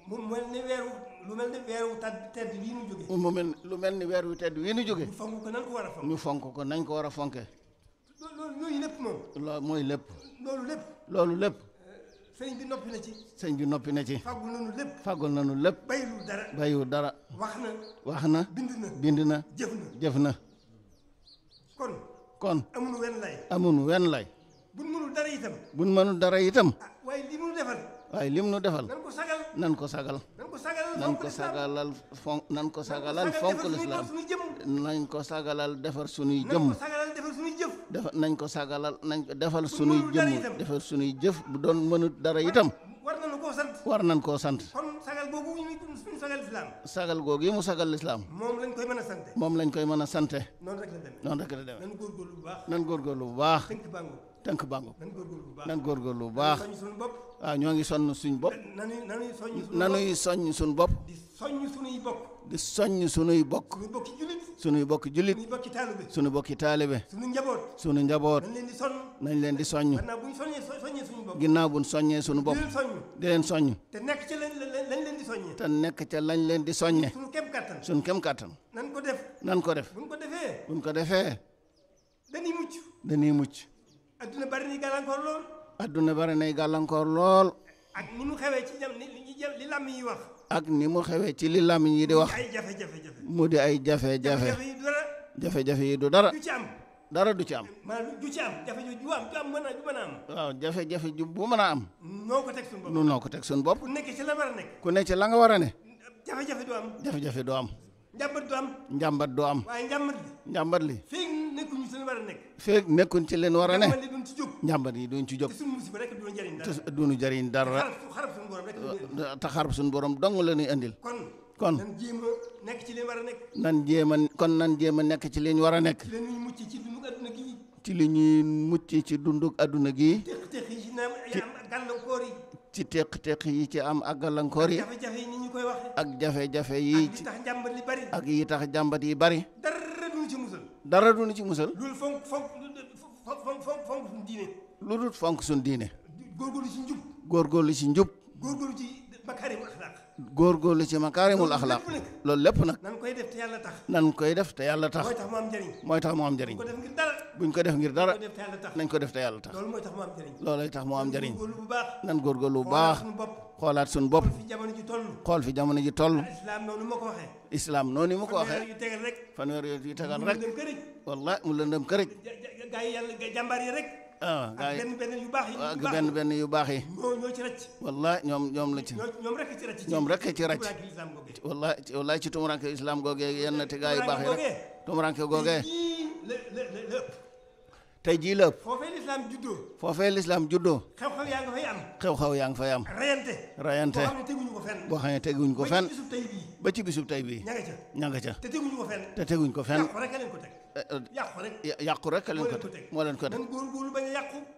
Speaker 2: mu mel ni weeru lu mel ni weeru tedd bii nu jóge.
Speaker 8: mu mel lu mel ni weeru tedd bii nu jóge. ñu fonk ko nañ ko war a fonk. ñu fonk ko nañ ko war a fonkee.
Speaker 2: loolu lépp. loolu lépp. loolu lépp. sëñ bi noppi na ci.
Speaker 8: sëñ bi noppi na ci. fàggul nañu lépp. fàggul nañu lépp. bayiwul dara. bayiwul dara. wax na. wax na. bind na bind na. jëf na jëf na. kon. kon amuñu wen lay. amuñu mënul dara itam. buñ mënul dara itam. Ah, waaye li mu defal. waaye lim nu defal. nan ko sagal. nan ko sagal. nan ko sagalal fonk nan ko sagalal fonk lislaam. nan ko sagalal defar sunuy jëmm. def nañ ko sagalal nañ ko defal suñuy jëmm defal suñuy jëf bu doon mënut dara itam war nañ koo sant war sagal googu mu sagal lislaam yi mu sagal lislaam moom
Speaker 2: lañ koy mën a sante
Speaker 8: moom lañ koy mën a sante
Speaker 2: noonu rek la demee noonu
Speaker 8: nan góorgóorlu bu baax bu baax tënk bàngu tënk bàngu nan bu baax waaw ñoo ngi sonn suñ bopp nanuy soñ suñ bopp di
Speaker 2: soññ suñuy bopp
Speaker 8: di soññ sunuy bokk sunuy bokk jullit sunu bokki taalibe sunu njaboot nañ leen di soññ ginnaaw buñ soññee sunu bopp di leen soññ te nekk ca lañ leen di soññee sunu kem kàttan nan ko def nan ko def buñ ko defee dañuy mucc dañuy mucc adduna bari adduna bari nay gàllankoor lool
Speaker 2: ak ni mu xewee ci li làmm yi wax
Speaker 8: ak ni mu xewee ci li làmmiñ yi di wax mu di ay jafe-jafe jafe yi du dara dara ci am.
Speaker 2: maanaam du ci am jafe ju am ju am am.
Speaker 8: waaw jafe-jafe ju bu mën am. noo ko teg suñu bopp noo ko teg ku nekk ci la war nga war a ne.
Speaker 2: jafe-jafe du am.
Speaker 8: jafe-jafe du am. njàmbat du am. njàmbat du am. njàmbat li. njàmbat li. feeg
Speaker 2: ci leen war a nekk.
Speaker 8: feeg nekkuñ ci leen war a nekk. njàmbat yi duñ ci jóg. te suñu musiba dara. te duñu jëriñ te xarab suñu borom dong la ñuy andil. kon nan
Speaker 2: jéem nekk ci li war a
Speaker 8: nekk. nan jéem kon nan jéem a nekk ci leen war a nekk. ci mucc ci dundug adduna gii. ci téq téq yi ci am ak gàllankoor yi. ak jafe-jafe yi ni ak jafe yi. tax
Speaker 2: jàmbat yi bari. ak
Speaker 8: yi tax jàmbat yi bari. dara duñu ci musal. dara duñu ci musal. loolu
Speaker 2: fonk fonk fonk fonk suñu diine.
Speaker 8: lu dul fonk suñu diine. góorgóorlu ci njub. góor ci njub. ci makaarimul góor góorgóorlu ci makaarimul axlaaq loolu lépp nag nan koy def te yàlla tax koy def te yàlla tax mooy tax mu am njëriñ buñ ko def ngir dara nañ ko def te yàlla tax loolooy tax mu am njëriñ nan góorgóorlu bu baax xoolaat suñu bopp xool fi jamono ji toll islaam noonu ma ko waxee fanweer yu tegal rek wallaay mu lëndëm kërëj
Speaker 2: gaa yi yàlla jàmbaar rek
Speaker 8: ah benn benn yu baax yi. ak ñoom ñoom la ci. ñoom rek ci rëcc. ñoom rek ci rëcc. wallaahi wallaahi tumuranke islam googee yenn gaa yu baax yi rek. tumuranke googee. tey jii la. foofee lislaam juddoo. foofee lislaam juddoo.
Speaker 2: xew-xew yaa ngi fay am.
Speaker 8: xew-xew yaa ngi fay am. rayante. rayante boo xam ne teguñu ko fenn. ba ci bisub tey bii. ña ca te teguñu ko fen te yàqu rek eh, eh, yàqu rek leen ko teg moo leen ko teg.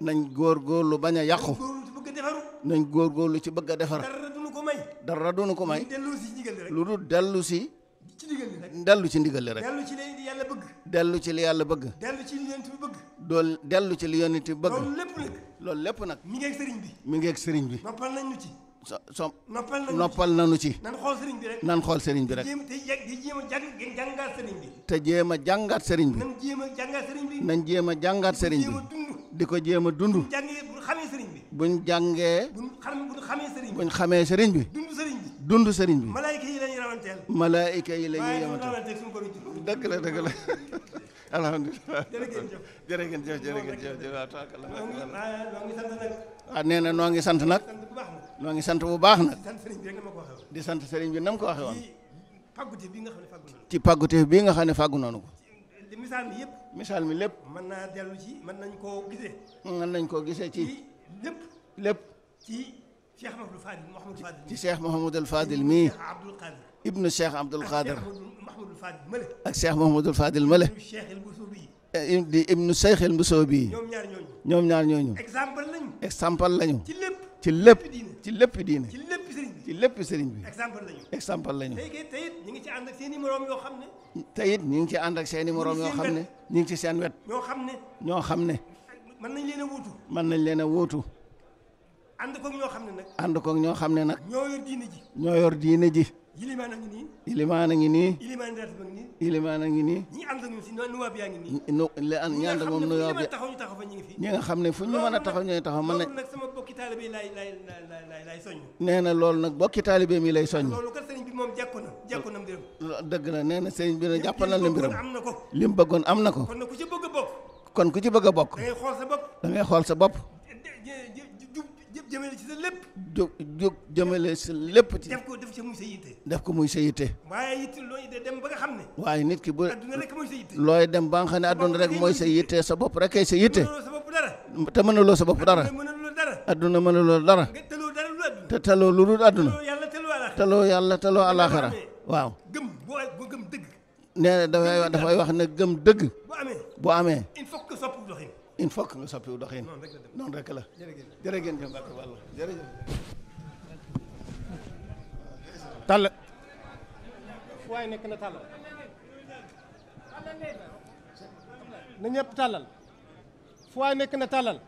Speaker 8: nañ góorgóorlu bañ a yàqu. nañ góorgóorlu bañ a yàqu. nañ góorgóorlu ci bëgg a defar. dara duñu ko may. dara duñu ko may. lu dul dellu si ci ndigal li rek dellu ci ndigal li rek.
Speaker 2: dellu ci li yàlla bëgg.
Speaker 8: dellu ci li yàlla bëgg.
Speaker 2: dellu ci li yonent bi bëgg.
Speaker 8: dool dellu ci li yonent bi bëgg. loolu lépp nag. loolu lépp nag. mi ngi ak sëriñ bi. mi ngi ak sëriñ bi. noppal nañ ñu ci. so
Speaker 2: noppal nañu ci nan xool sëriñ bi rek jéem a jàngaat sëriñ bi
Speaker 8: te jéem a jàngaat sëriñ bi nan jéem jàngaat sëriñ bi di ko jéem a dund buñ jàngee
Speaker 2: buñ xamee sëriñ bi
Speaker 8: xamee sëriñ bi buñ xamee sëriñ bi dund sëriñ bi dund sëriñ bi
Speaker 2: malaayika yi lañuy rawanteel
Speaker 8: malaayika la dëgg la alhamdulilah jërë na noo ngi sant nag noo ngi sant bu baax nag di sant sëriñ bi nam ko waxe woon ci pàgguteef bii nga xam ne fàggu noonu ko misaal mi yëpp misaal mi lépp mën naa dellu ci man nañ koo gisee mën nañ koo gisee ci lépp lépp ci
Speaker 2: Cheikh Mouhamadou Fadil Mouhamadou Fadil
Speaker 8: ci Cheikh Mouhamadou Fadil mii ibnu Cheikh Abdoul Khadir ak Cheikh Mouhamadou Fadil Male eh, di ibnu Cheikh El Bousso bii ñoom ñaar ñooñu ñoom lañu ci lépp ci lépp diine ci lépp sëriñ bi ci lépp sëriñ bi. exemple lañu exemple lañu. tey it ñu ngi ci ànd ak seen i yoo xam ne. tey ñu ngi ci ànd ak seen i morom xam ne. ñu ngi ci seen wet. ñoo xam ne. ñoo xam ne.
Speaker 2: mën nañ leen a wóotu.
Speaker 8: mën nañ leen a wóotu.
Speaker 2: ànd koog ñoo xam ne nag.
Speaker 8: ànd ñoo xam ne nag. ñoo ñoo yor diine ji.
Speaker 2: Ilimaan a ngi nii.
Speaker 8: Ilimaan a ngi nii. Ilimaan Ratib ngi nii. Ilimaan a ngi nii.
Speaker 2: ñi ànd ak ñun si nuwaab yaa ngi
Speaker 8: nii. nu ñi ànd ak moom nga xam ne fu ñu mën a taxaw ñooy taxaw mën na. loolu
Speaker 2: nag sama bokki taalibe lay lay lay lay soññ.
Speaker 8: nee loolu nag bokki taalibe mi lay soññ. loolu
Speaker 2: kat sëriñ bi moom jàpp na jàpp na mbiram.
Speaker 8: dëgg la nee na sëriñ bi nag jàpp na la mbiram. li mu bëggoon am na ko. kon
Speaker 2: ku ci bëgg bokk.
Speaker 8: kon ku ci bëgg a bokk.
Speaker 2: xool sa bopp.
Speaker 8: da ngay xool sa bopp. jëmale ci sa lépp. jóg lépp ci. def ko
Speaker 2: def ko muy sa yitte.
Speaker 8: def ko muy sa yitte. waaye nit ki bu looy dem ba nga xam ne adduna rek mooy sa yitte sa bopp rek kay sa yitte. te mënuloo sa bopp dara. adduna mënuloo dara. te taloo lu dul adduna. taloo yàlla taloo alaxira waaw. gëm boo gëm dëgg. nee na dafay dafay wax ne gëm dëgg. bu amee il faut nga soppiwu doxin noonu rek la jërëgéen jëf barke wàlla jërëjëf tàll
Speaker 5: waaye nekk na tàllal na ñëpp tàllal fu waay nekk na tàllal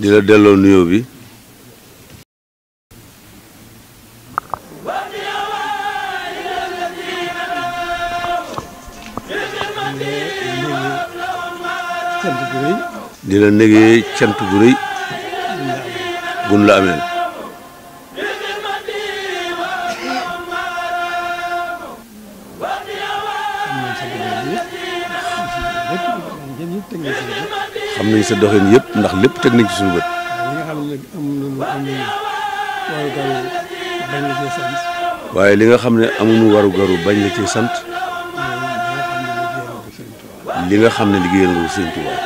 Speaker 1: di la bi cant gu rëy. di la négee cant gu rëy. gun la ameel. xam nañ sa doxin yëpp ndax lépp teg nañ ci suñu bët. waa li nga xam ne amuñu warugaru bañ la cee sant. li nga xam ne liggéeyal nga ko sëñ Tuubaa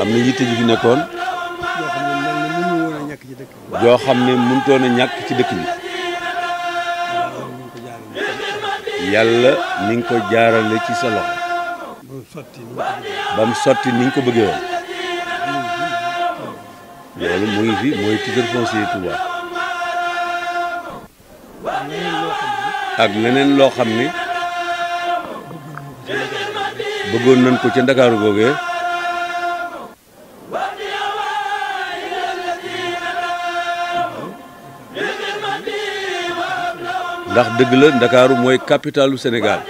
Speaker 1: am na yitte ji fi nekkoon
Speaker 2: joo xam ne mënutoon ñàkk ci dëkk bi
Speaker 1: yàlla ni nga ko jaarale ci sa loxo ba mu sotti ni nga ko bëggee woon loolu mu fi mooy titre foncier Touba ak leneen loo xam ne bëggoon nañ ko ci ndakaaru googee ndax dëgg la ndakaaru mooy capitalu Sénégal